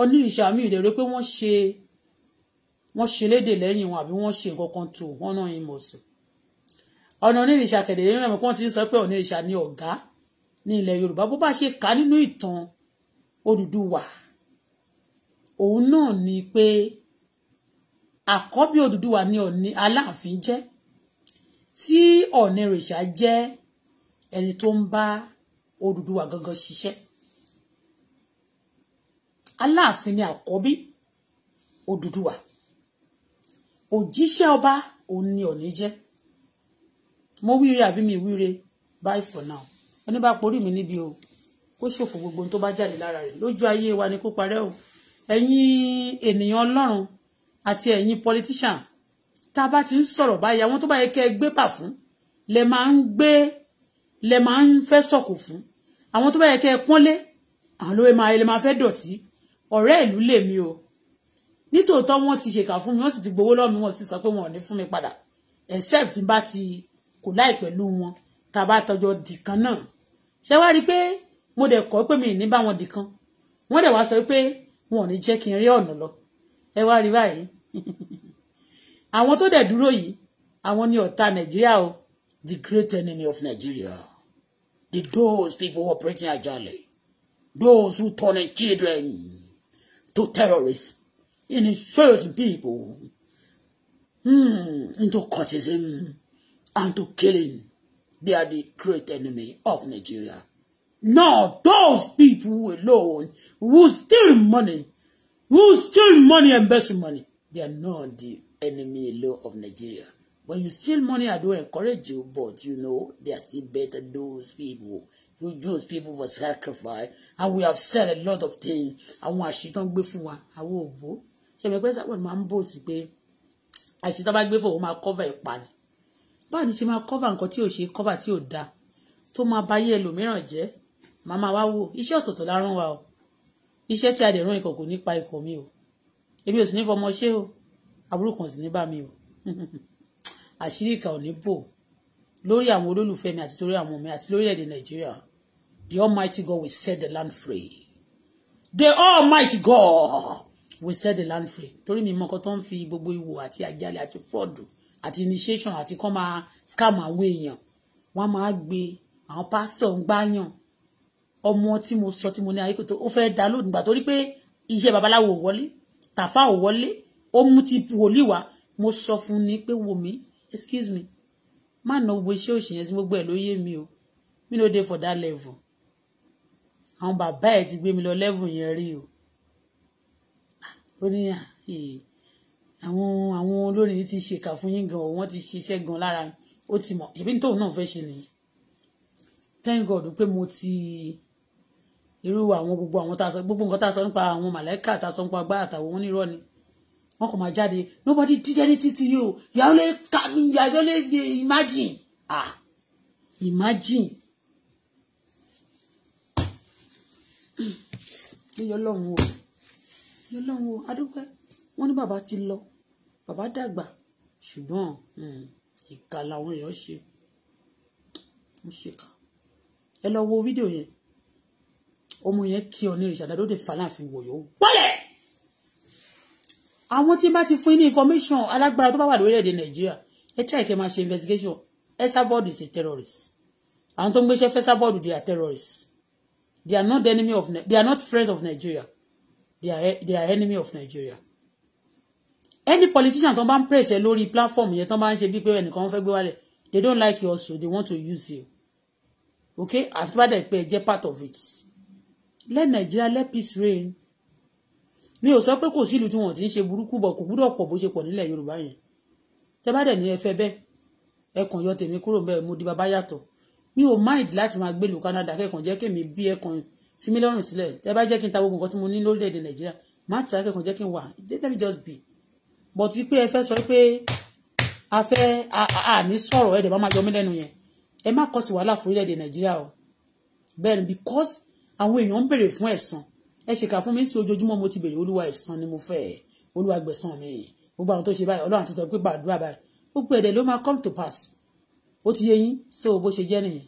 onírìṣà mi ìdẹ̀ rẹ pé wọ́n ṣe wọ́n ṣe léde lẹ́yìn wọn àbí wọ́n ṣe nǹkan kan tó wọ́n náà yín mọ̀ sùn ọ̀nà onírìṣà kẹ̀dẹ̀rẹ́ nínú ẹ̀mọ́ kan ti ń sọ pé onírìṣà ni ọ̀gá ní ilẹ̀ yorùbá bó bá ṣe kà nínú ìtàn Odùduwà òun náà ni pé àkọ́bí wa ni Ọ̀ọ̀ni Aláàfin jẹ́ tí Ọ̀ọ̀ni rìṣà jẹ́ ẹni tó ń bá Odùduwà gangan ṣiṣẹ́ Aláàfin ni àkọ́bí Odùduwà òjíṣẹ́ ọba òun ni Ọ̀ọ̀ni jẹ́ mo wíire àbí mi wíire bye for now ẹni bá porí mi níbi o kó ṣòfò gbogbo ohun tó bá jáde lára rẹ̀ lójú ayé wa ni kó parẹ́ o ẹ̀yin ènìyàn Ọlọ́run àti ẹ̀yin politician tá a bá ti ń sọ̀rọ̀ báyìí àwọn tó bá yẹ kẹ́ ẹ gbé pà fún lẹ máa ń gbé lẹ máa ń fẹ́ sọ̀kò fún àwọn tó bá yẹ kẹ́ ẹ pọ́nlé àwọn ló máa lè máa fẹ́ dọ̀tí ọ̀rẹ́ ìlú lèmi o nítòótọ́ wọ́n ti ṣèkà fún mi wọ́n sì ti gbowó lọ́wọ́ mi wọ́n sì sọ pé wọn ò ní fún mi padà except bá ti kò láì pẹ̀lú wọn tá a bá tọjọ́ dìkan náà ṣé wá rí i pé mo dẹ̀ kọ́ pé mi ì ní bá wọn dìkan wọ́n dẹ̀ wá sọ pé wọn ò ní jẹ́ kí n rí ọ̀nà lọ ẹ wá rí báyìí àwọn tó dẹ̀ dúró yìí àwọn ni ọ̀tá nàìjíríà o the great enemy of Nigeria the those people operating ajali those who turning children to terrorists in insulting people hmm, into cultism and to killing they are the great enemy of Nigeria now those people alone who steal money who steal money and best money, they are not the enemy law of Nigeria. When you steal money, I do encourage you, but you know, they are still better those people who use people for sacrifice. And we have said a lot of things. Àwọn àṣìtàn gbé fún wa, àwọn òbó. Ṣé ẹ̀mí pẹ́ sábà that ń bò sí pé I should gbé fún òun máa cover ìpani. Báwo But ṣe máa cover and continue, she cover tí da. To my buy báyé ẹlòmíràn jẹ́? Màmá wa wo iṣẹ́ ọ̀tọ̀ọ̀tọ̀ la rán wa iṣẹ́ tí a dẹ̀ rán ikọ̀ kò ní pa ikọ̀ mi o èmi ò sì ní fọmọ ṣé o àbúrò kan sì ní bá mi o àṣírí ìkà ò ní bò lórí àwọn olólùfẹ́ mi àti torí àwọn ọmọ mi àti lórílẹ̀‐èdè nàìjíríà the almighty God will set the land free the almighty God will set the land free torí mi mọ nǹkan tó ń fi gbogbo ìwò àti àjálẹ̀ àti fọ́ọ̀dù àti initiation àti kọ́ máa scam àwọn èèyàn wọ́n máa gbé àwọn pásítọ̀ ń gbáyàn ọmọ tí mo sọ tí mo ní ayékòtò ó fẹ́ dá lónìí gbà torí pé iṣẹ́ babaláwo wọlé tàfà ò wọlé ó mú ti wòlíì wá mo sọ fún ni pé wò mí excuse me má na gbogbo iṣẹ́ òṣìyẹn tí gbogbo ẹ̀ ló yé mi o mi no dey for that level àwọn bàbá ẹ̀ ti gbé mi lọ level yẹn rí o ó ní ah, eh, àwọn àwọn olórin ti ṣèkà fún yín gan o wọ́n ti ṣiṣẹ́ gan lára ó ti mọ̀ ṣèbí tóun náà fẹ́ ṣe nìyí thank god pé mo ti irú àwọn gbogbo àwọn tá a sọ gbogbo nǹkan tá a sọ nípa àwọn màlẹ́kà tá a sọ nípa gbá àtàwọn onírọ́ ni wọn kò máa jáde nobody did anything to you you only can you only imagine ah imagine yíyọ lọ́run o yíyọ lọ́run o adúpẹ́ wọ́n ní bàbá ti lọ bàbá dàgbà ṣùgbọ́n hmm, ìkà làwọn èèyàn ṣe ń ṣèkà ẹ lọ wo fídíò yẹn ọmọ yẹn kí ọ ní ìrìnsà dàdó de fàlàfin wòyó wọlẹ̀ àwọn tí ti fún yín information alágbára tó bá wà lórílẹ̀‐èdè nàìjíríà ẹ try kẹ́ máa ṣe investigation Esabod is a terrorist àwọn tó ń gbéṣẹ́ f'Esabod they are terrorists they are not enemy of they are not friends of Nigeria they are they are enemy of Nigeria any politician tó bá ń praise ẹ lórí platform yẹn tó bá ń ṣe bí pé ẹnìkan fẹ́ gbé wálẹ̀ they don't like you also they want to use you okay after tó bá dẹ̀ part of it let Nigeria let peace reign mi ò sọ pé kò sílùú tí wọn ti ń ṣe burúkú bọ̀ kò gbúdọ̀ pọ̀ bó ṣe pọ̀ nílẹ̀ Yorùbá yẹn tẹ bá dẹ̀ ní ẹfẹ bẹ́ẹ̀ ẹ kàn yọ tèmi kúrò bẹ́ẹ̀ mo di bàbá yàtọ̀ mi ò mind láti máa gbé lu Canada kẹ́kàn jẹ́ kémi bí ẹ kàn fi mí lọ́rùn sílẹ̀ tẹ bá jẹ́ kí n ta gbogbo nǹkan tí mo ní lórílẹ̀‐èdè Nàìjíríà má ta kẹ́kàn jẹ́ kí n wà let me just be but wípé ẹ fẹ́ sọ pé a fẹ́ àní sọ̀rọ̀ ẹ̀ dẹ̀ bá máa yọ mí lẹ́nu yẹn ẹ má kọ́ sí wàhálà fún orílẹ̀‐èdè Nàìjíríà o bẹ́ẹ̀ ni because àwọn èèyàn ń béèrè fún ẹ̀san ẹ ṣèkà fún mi sí ojoojúmọ́ mo ti béèrè olúwa ẹ̀san ni mo fẹ́ olúwa gbẹ̀san mi gbogbo àwọn tó ṣe báyìí ọlọ́run ti sọ pé gbàdúrà báyìí gbogbo ẹ̀dẹ̀ ló máa come to pass ó ti yé yín so bó ṣe jẹ́ nìyẹn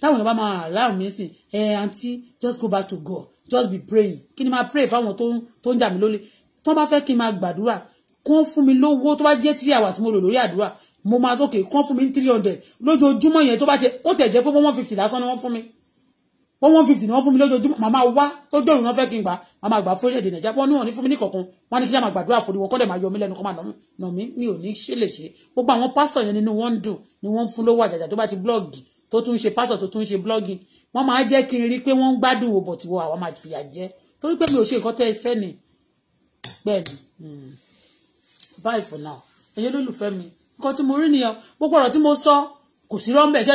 táwọn èèyàn bá máa láàrú mi sìn ẹ àǹtí just go back to God just be praying kí ni máa pray fáwọn tó ń jà mí lólè tó bá fẹ́ kí n máa gbàdúrà kún fún mi lówó tó bá jẹ́ three hours mo lò lórí àdúrà mo máa tókè kún fún mi ní three hundred lójoojúmọ́ yẹn tó bá ti kó tẹ̀ jẹ́ pé one fifty lásán ni wọ́n fún mi wọ́n one fifty ni wọ́n fún mi lójoojúmọ́ màmá wá tọ́jú òrùn náà fẹ́ kí n gbà màmá gbà fún èdè nàìjíríà wọ́n ní wọ́n ní fún mi ní kọ̀ọ̀kan wọ́n ní kí n máa gbàdúrà fún wọn kọ́dẹ̀ máa yọ mí lẹ́nu kọ́ máa nà mí mi ò ní ṣe lè ṣe gbogbo àwọn pásítọ̀ yẹn nínú wọn ń dùn ni wọ́n ń fún lówó àjàjà tó bá ti blọ́ọ̀gì tó tún ṣe pásítọ̀ tó tún ṣe blọ́ọ̀gì wọ́n máa jẹ́ kí n rí pé wọ́n ń gbádùn hmm. for now ẹ̀yẹ́ lólùfẹ́ mi nǹkan tí mo rí nìyẹn gbogbo ọ̀rọ̀ tí mo sọ kò sí rọ́ńbẹ̀ ṣe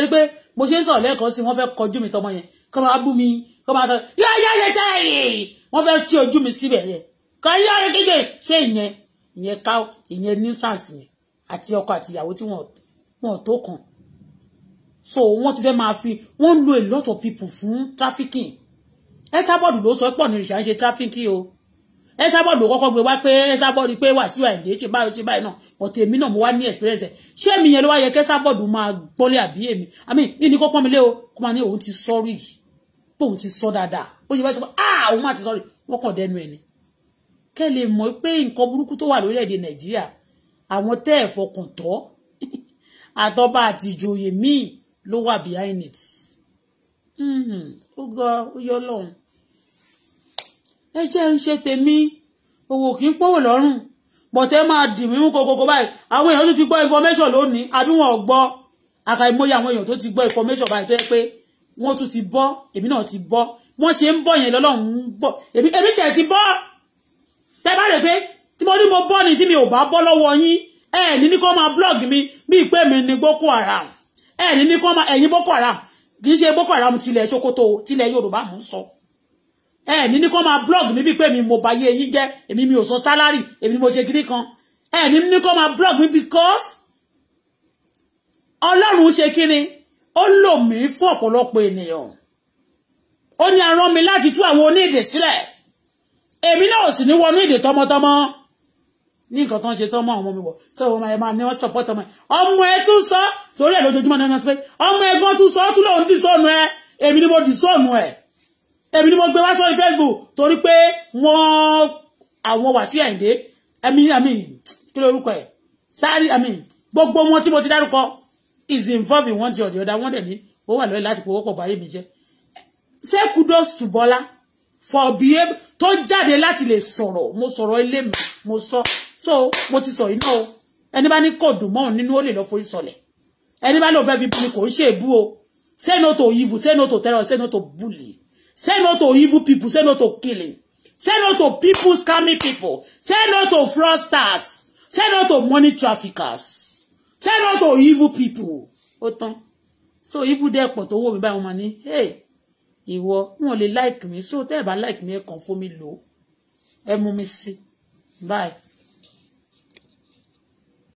rí mi tọmọ kọ́ máa bú mi kọ́ máa sọ yóò yá lè tẹ́ yìí wọ́n fẹ́ tí ojú mi síbẹ̀ yẹn kọ́ yá lè kéde ṣé ìyẹn ìyẹn ká ìyẹn nuisance yẹn àti ọkọ àti ìyàwó tí wọ́n tó kàn so wọ́n ti fẹ́ máa fi wọ́n lo a lot of people fún trafficking ẹsábọ́ọ̀dù ló sọ pọ̀ ní ìṣà ń ṣe tráfíkì o ẹsábọ́ọ̀dù ló kọ́kọ́ gbé wá pé ẹsábọ́ọ̀dù pé wà síwà ìdè ṣe báyìí ṣe báyìí náà but èmi náà mo wá ní experience ẹ̀ ṣé èmi yẹn ló wá yẹ kẹsábọ́ọ̀dù máa gbọ́lé àbí èmi àmì ìní kó pọ́n mi lé o kó máa ní òun ti sọ́rí yìí tóun ti sọ dáadáa ó yẹ bá ti sọ ah òun máa ti sọ rí wọn kàn dẹnu ẹ ni kẹ́ lè mọ̀ pé nǹkan burúkú tó wà lórílẹ̀‐èdè nàìjíríà àwọn tẹ́ ẹ̀ fọkàn tọ́ àtọ́ba àti ìjòyè míì ló wà behind it mm-hmm. ó gọ ó yọ lọ́hùn ẹ jẹ́ ń ṣe tèmi owó kì í pọ́wọ́ lọ́rùn bọ̀tẹ́ máa dì mí mú kokoko báyìí àwọn èèyàn tó ti gbọ́ information lónìí àbí wọn ò gbọ́ àkàìmọye àwọn èèyàn tó ti gbọ́ information báyìí tó yẹ pé wọ́n tún ti bọ́ èmi náà ti bọ́ wọ́n ṣe ń bọ́ yẹn lọ́lọ́run ń bọ́ èmi èmi tẹ̀ ti bọ́ tẹ bá rè pé tí mo ní mo bọ́ ni tí mi ò bá bọ́ lọ́wọ́ yín ẹ ní ní kó máa blog mi bí ìpè mi ní Boko Haram ẹ ní ní kó máa ẹ̀yin Boko Haram kì í ṣe Boko Haram tilẹ̀ Sokoto tilẹ̀ Yorùbá mò ń sọ ẹ ní ní kó máa blog mi bí ìpè mi mo bá yé yín jẹ́ èmi mi ò sọ sálárì èmi ni mo ṣe kiri kan ẹ ní ní kó máa blog mi because ọlọ́run ṣe kí ó lò mí fún ọ̀pọ̀lọpọ̀ ènìyàn ó ní arán mi láti tú àwọn onídè sílẹ̀ èmi náà sì ní wọnú ìdè tọmọtọmọ ní nǹkan kan ṣe tán mọ́ àwọn ọmọ mi wọ̀ sọ ọmọ ẹ máa ní wọ́n support ọmọ ẹ ọmọ ẹ tún sọ torí ẹ lójoojúmọ́ náà sọ pé ọmọ ẹ gan tún sọ tún lòun dì sọ́ọ̀nù ẹ èmi ni mo dì sọ́ọ̀nù ẹ èmi ni mo gbé wá sórí Facebook torí pé wọ́n àwọn Wàsíù Àyìndé ẹ̀mí àmì kí ló orúkọ ẹ̀ Sàárì àmì gbogbo wọn tí mo ti dárúkọ is involved in one thing or the other one dẹ̀ ní ó wà lọ́yẹ̀ láti pòwọ́pọ̀ báyé mi jẹ́ say kudos to bola for behave tó jáde láti lè sọ̀rọ̀ mo sọ̀rọ̀ ilé mi mo sọ so mo ti sọ iná o ẹni bá ní kò dùn mọ́ nínú ó lè lọ forí sọlẹ̀ ẹni bá lóun fẹ́ fi bí kò ń ṣe èbú o say no to evil say no to terror say no to bully say no to evil people say no to killing say no to people scamming people say no to fraudsters say no to money traffickers say no to evil people otan. so evil dẹ̀ pọ̀ tó wò mí báyìí wọ́n máa hey ìwọ wọn lè like me. so tẹ́ ba like me ẹ̀ kàn fún mi lò ó mi sí bye.